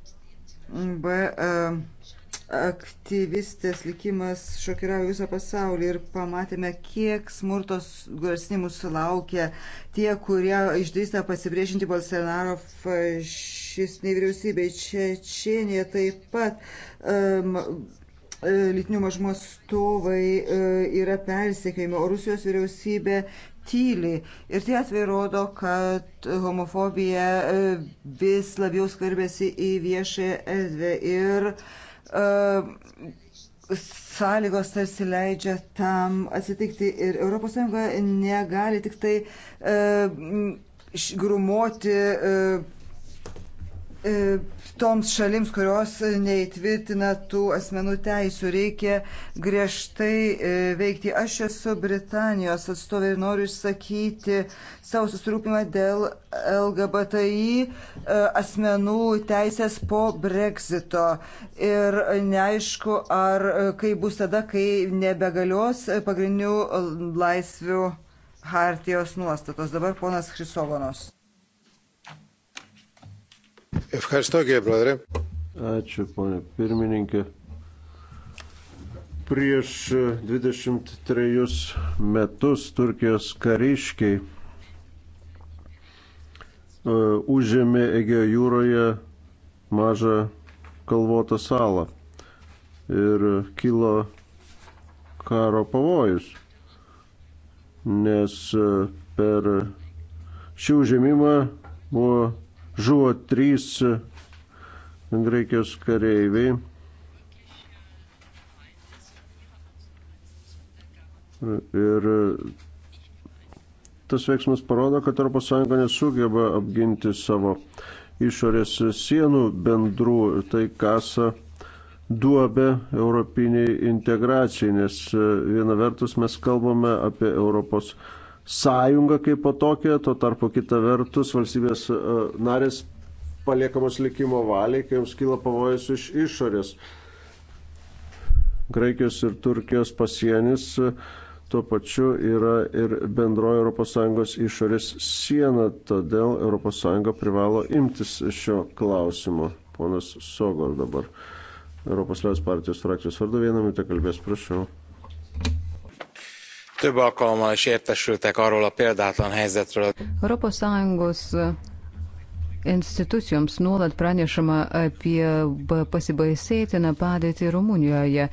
B, e, aktyvistės likimas šokiravo visą pasaulį ir pamatėme, kiek smurtos grasinimų sulaukia tie, kurie išdrįsta pasipriešinti Bolsonaro fašistiniai vyriausybei. Čečienė taip pat. Um, Lytinių mažumų atstovai e, yra persiekėjami, o Rusijos vyriausybė tyliai. Ir tai atvejai rodo, kad homofobija e, vis labiau skarbėsi į viešąją erdvę. Ir uh, E, sąlygos tarsi leidžia tam atsitikti ir ES negali tik tai e, grumoti e, E, toms šalims, kurios neįtvirtina tų asmenų teisų, reikia griežtai e, veikti. Aš esu Britanijos atstovė ir noriu išsakyti savo susirūpimą dėl LGBTI e, asmenų teisės po Brexito. Ir neaišku, ar kai bus tada, kai nebegalios pagrindinių laisvių hartijos nuostatos. Dabar ponas Krisovonos. Ačiū, ponė pirmininkė. Prieš 23 e, metus Turkijos kariškiai e, užėmė Egėjo jūroje mažą kalvotą salą ir kilo karo pavojus, nes e, per šį užėmimą buvo žuvo trys Graikijos kareiviai. Ir tas veiksmas parodo, kad ES nesugeba apginti savo išorės sienų bendrų ir tai kasa duobę europiniai integracijai, nes viena vertus mes kalbame apie Europos sąjungą kaip po tokią, tuo tarpu kita vertus valstybės e, narės paliekamos likimo valiai, kai jums kyla pavojus iš išorės. Graikijos ir Turkijos pasienis e, tuo pačiu yra ir bendroji ES išorės siena, todėl ES privalo imtis šio klausimo. Ponas Sogor dabar. Europos Liaudės partijos frakcijos vardu vieną minutę kalbės, prašau. Több alkalommal is értesültek arról a példátlan helyzetről. Europos Sąjungos institucijoms nuolat pranešama apie pasibaisėtiną padėtį Rumunijoje.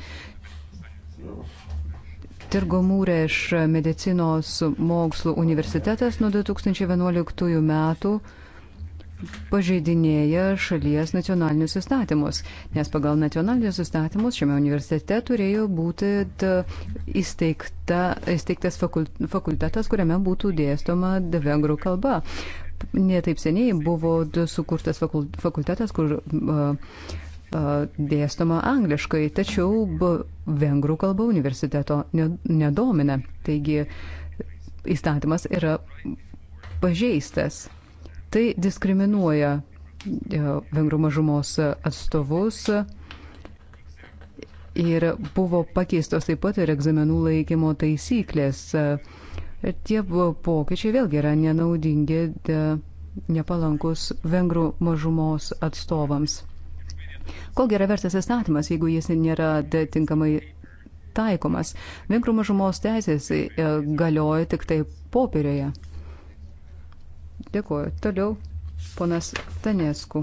Tirgomūrėš medicinos mokslų universitetas nuo 2011 metų pažeidinėja šalies nacionalinius įstatymus, nes pagal nacionalinius įstatymus šiame universitete turėjo būti įsteigta, įsteigtas fakultetas, kuriame būtų dėstoma vengrų kalba. Netaip seniai buvo sukurtas fakultetas, kur dėstoma angliškai, tačiau vengrų kalba universiteto nedomina. Taigi įstatymas yra pažeistas. Tai diskriminuoja e, vengrų mažumos atstovus ir buvo pakeistos taip pat ir egzaminų laikymo taisyklės. Ir tie pokyčiai vėlgi yra nenaudingi, de, nepalankus vengrų mažumos atstovams. Kol gera versas įstatymas, jeigu jis nėra de, tinkamai taikomas, vengrų mažumos teisės e, galioja tik tai popierioje. Dėkuoju. Toliau ponas Tanesku,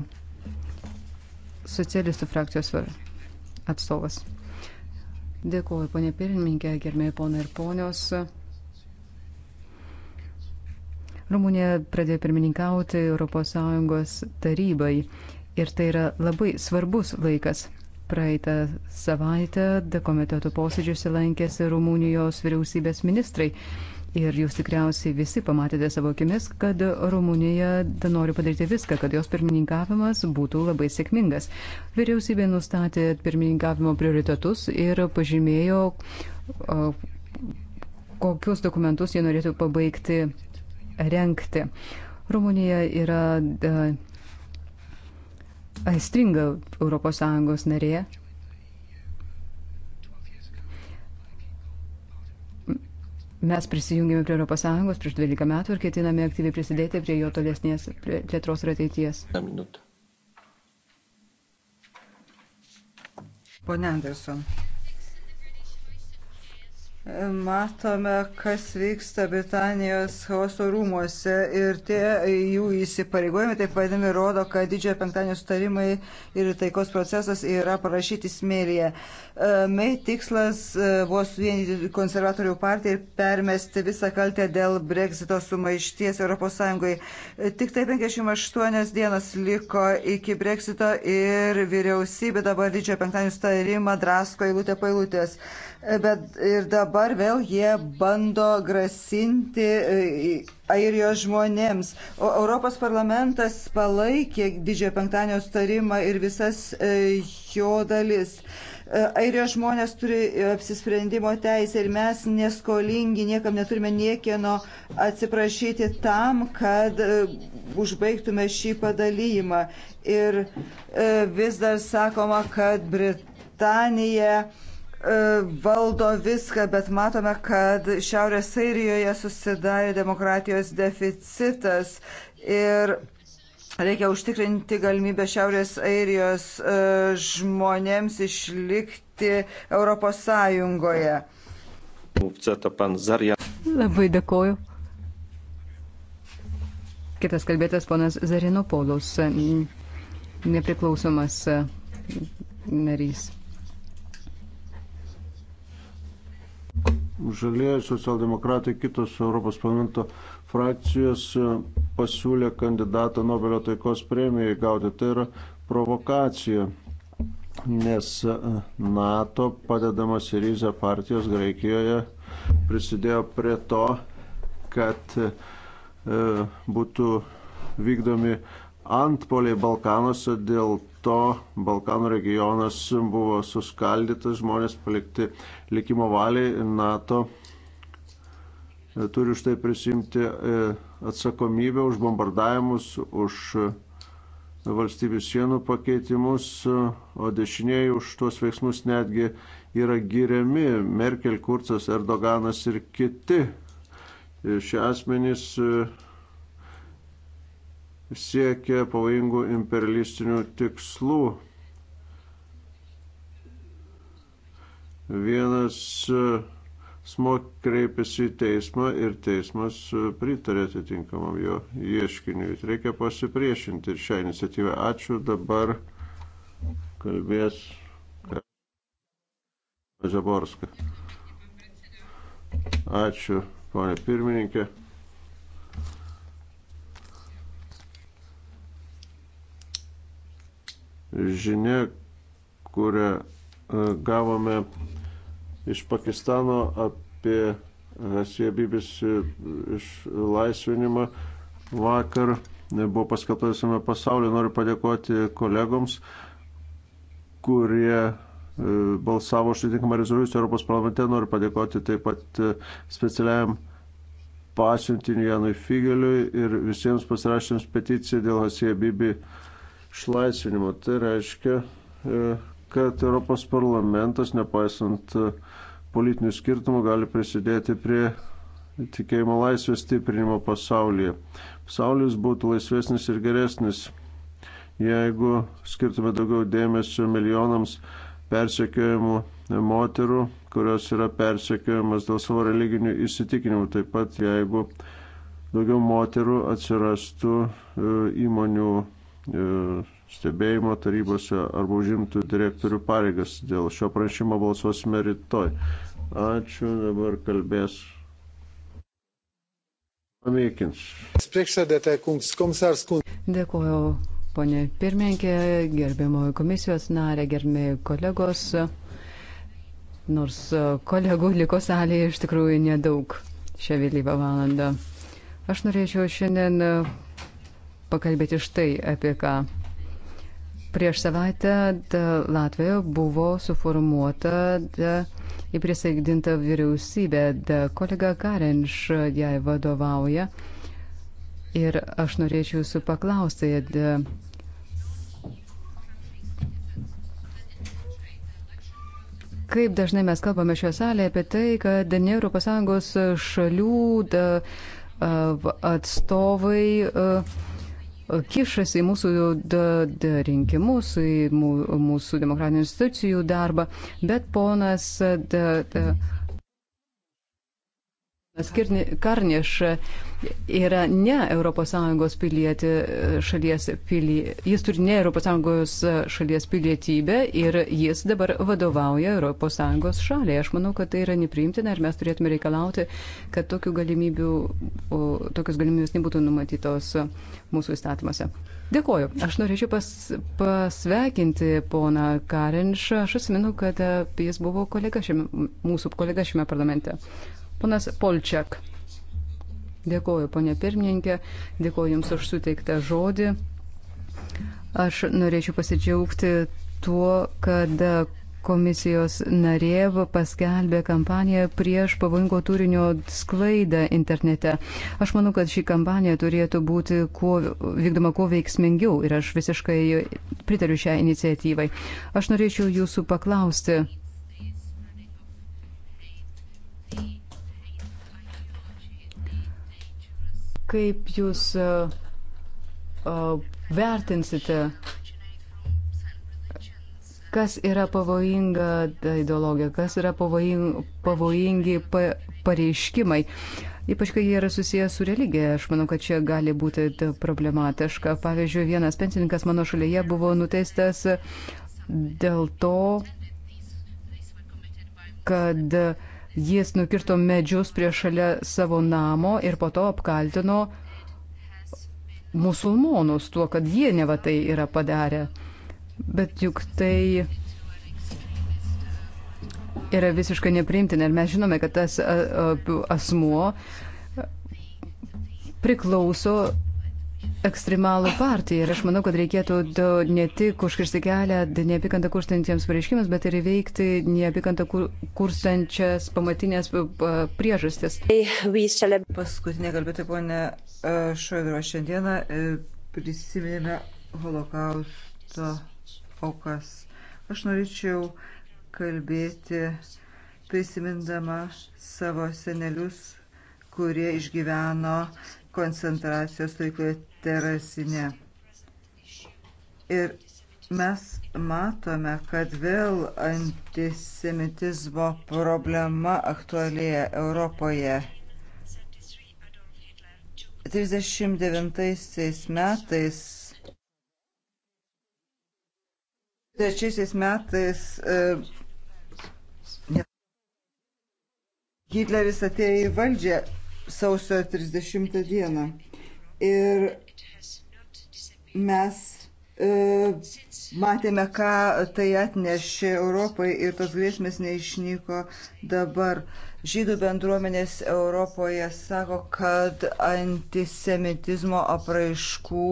socialistų frakcijos atstovas. Dėkuoju, ponė pirmininkė, gerbėjai ponai ir ponios. Rumunija pradėjo pirmininkauti ES tarybai ir tai yra labai svarbus laikas. Praeitą savaitę komiteto posėdžiuose lankėsi Rumunijos vyriausybės ministrai Ir jūs tikriausiai visi pamatėte savo akimis, kad Rumunija nori padaryti viską, kad jos pirmininkavimas būtų labai sėkmingas. Vyriausybė nustatė pirmininkavimo prioritetus ir pažymėjo, kokius dokumentus jie norėtų pabaigti renkti. Rumunija yra aistringa ES narė Mes prisijungėme prie ES prieš 12 metų ir ketiname aktyviai prisidėti prie jo tolesnės plėtros ir ateities. Pone Anderson. Matome, kas vyksta Britanijos chaoso rūmuose ir tie jų įsipareigojimai, taip vadinami, rodo, kad didžiojo penktadienio sutarimai ir taikos procesas yra parašyti smėlėje. E, Mei tikslas e, buvo suvienyti konservatorių partiją ir permesti visą kaltę dėl Brexito sumaišties ES. E, Tik tai 58 dienos liko iki Brexito ir vyriausybė dabar didžiojo penktadienio sutarimą drasko eilutė pailutės. Pa bet ir dabar vėl jie bando grasinti e, Airijos žmonėms. O Europos parlamentas palaikė didžiojo penktadienio starimą ir visas e, jo dalis. E, Airijos žmonės turi apsisprendimo teisę ir mes neskolingi, niekam neturime niekieno atsiprašyti tam, kad užbaigtume šį padalyjimą. Ir vis dar sakoma, kad Britanija E, valdo viską, bet matome, kad Šiaurės Airijoje susidarė demokratijos deficitas ir reikia užtikrinti galimybę Šiaurės Airijos e, žmonėms išlikti Europos Sąjungoje. Labai dėkoju. Kitas kalbėtas ponas Zarinopoulos, nepriklausomas narys. žalieji, socialdemokratai, kitos Europos parlamento frakcijos e, pasiūlė kandidatą Nobelio taikos premijai gauti. Tai yra provokacija, nes e, NATO padedamas į ryzę partijos Graikijoje prisidėjo prie to, kad e, būtų vykdomi antpoliai Balkanuose, dėl to Balkanų regionas buvo suskaldytas, žmonės palikti likimo valiai NATO turi už tai prisimti e, atsakomybę už bombardavimus, už e, valstybių sienų pakeitimus, e, o dešiniai už tuos veiksmus netgi yra giriami Merkel, Kurcas, Erdoganas ir kiti. Šie asmenys siekia pavojingų imperialistinių tikslų Vienas e, asmo kreipėsi į teismą ir teismas e, pritarė atitinkamam jo ieškiniui. Reikia pasipriešinti šią iniciatyvą. Ačiū. Dabar kalbės Zaborska. Ačiū, ponė pirmininkė. Žinia, kurią E, gavome iš Pakistano apie Asie Bibis e, išlaisvinimą vakar. E, buvo paskelbta visame pasaulyje. Noriu padėkoti kolegoms, kurie balsavo už atitinkamą rezoliuciją Europos parlamente. Noriu padėkoti taip pat specialiajam pasiuntiniu Janui Figeliui ir visiems pasirašėms peticiją dėl Asie Bibi išlaisvinimo. Tai reiškia, kad Europos parlamentas, nepaisant e, politinių skirtumų, gali prisidėti prie tikėjimo laisvės stiprinimo pasaulyje. Pasaulis būtų laisvesnis ir geresnis, jeigu skirtume daugiau dėmesio milijonams persekiojimų moterų, kurios yra persekiojamas dėl savo religinių įsitikinimų. Taip pat jeigu daugiau moterų atsirastų e, įmonių e, stebėjimo tarybose arba užimtų direktorių pareigas. Dėl šio pranešimo balsuosime rytoj. Ačiū, dabar kalbės. Pamėkins. Dėkuoju, ponė pirmininkė, gerbiamoji komisijos narė, gerbiami kolegos. Nors kolegų liko salėje iš tikrųjų nedaug šią vėlyvą valandą. Aš norėčiau šiandien pakalbėti štai apie ką. Prieš savaitę Latvijoje buvo suformuota įprisaigdinta vyriausybė, da, kolega Karenš jai vadovauja. Ir aš norėčiau jūsų paklausti, da, kaip dažnai mes kalbame šioje salėje apie tai, kad ne ES šalių da, atstovai. Uh, kišasi į mūsų da, da, rinkimus, į mūsų demokratinių institucijų darbą, bet ponas da, da, Karniš yra ne ES pilietė e, šalies pilietė. Jis turi ne ES e, šalies pilietybę ir jis dabar vadovauja ES šaliai. Aš manau, kad tai yra nepriimtina ir mes turėtume reikalauti, kad tokių galimybių, tokios galimybės nebūtų numatytos mūsų įstatymuose. Dėkoju. Aš norėčiau pas, pasveikinti poną Karinšą. Aš atsimenu, kad jis buvo kolega šiame, mūsų kolega šiame parlamente. Ponas Polčiak. Dėkoju, ponė pirmininkė, dėkoju Jums už suteiktą žodį. Aš norėčiau pasidžiaugti tuo, kad komisijos narė paskelbė kampaniją prieš pavojingo turinio sklaidą internete. Aš manau, kad ši kampanija turėtų būti kuo, vykdoma kuo veiksmingiau ir aš visiškai pritariu šią iniciatyvai. Aš norėčiau jūsų paklausti. kaip jūs e, e, vertinsite, kas yra pavojinga ideologija, kas yra pavojingi, pavojingi pa, pareiškimai. Ypač kai jie yra susijęs su religija, aš manau, kad čia gali būti problematiška. Pavyzdžiui, vienas pensininkas mano šalyje buvo nuteistas dėl to, kad uh, Jis nukirto medžius prie šalia savo namo ir po to apkaltino musulmonus tuo, kad jie neva tai yra padarę. Bet juk tai yra visiškai nepriimtina ir mes žinome, kad tas asmuo priklauso ekstremalų partiją ir aš manau, kad reikėtų ne tik užkirsti kelią neapykantą kurstantiems pareiškimams, bet ir įveikti neapykantą kurstančias pamatinės priežastis. Paskutinė kalbėtoja, ponė e, Šoidro, šiandieną e, prisiminėme holokausto aukas. Aš norėčiau kalbėti prisimindama savo senelius, kurie išgyveno koncentracijos stovykloje terasinė. Ir mes matome, kad vėl antisemitizmo problema aktualėja Europoje. 39 metais trečiaisiais metais e, Hitleris atėjo į valdžią sausio 30 dieną. Ir mes e, matėme, ką tai atnešė Europai ir tos grėsmės neišnyko dabar. Žydų bendruomenės Europoje sako, kad antisemitizmo apraiškų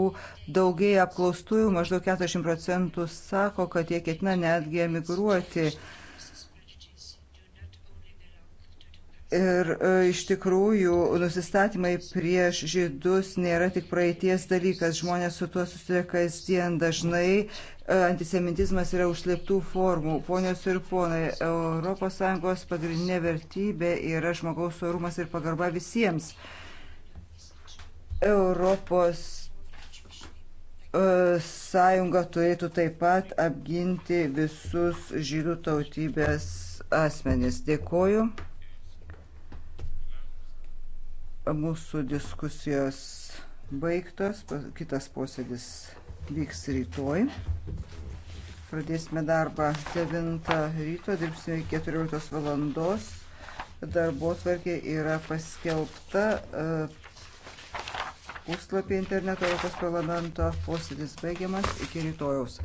daugėja apklaustųjų, maždaug 40 procentų sako, kad jie ketina netgi emigruoti. E, Ir e, iš tikrųjų nusistatymai prieš žydus nėra tik praeities dalykas, žmonės su tuo susiduria kasdien dažnai. E, antisemitizmas yra užslėptų formų. Ponios ir ponai, ES pagrindinė vertybė yra žmogaus orumas ir pagarba visiems. Europos e, sąjunga turėtų taip pat apginti visus žydų tautybės asmenis. Dėkoju. Mūsų diskusijos baigtos, kitas posėdis vyks rytoj. Pradėsime darbą 9 ryto, dirbsime iki 14 valandos. Darbo tvarkė yra paskelbta e, puslapį interneto Europos parlamento. Posėdis baigiamas iki rytojaus.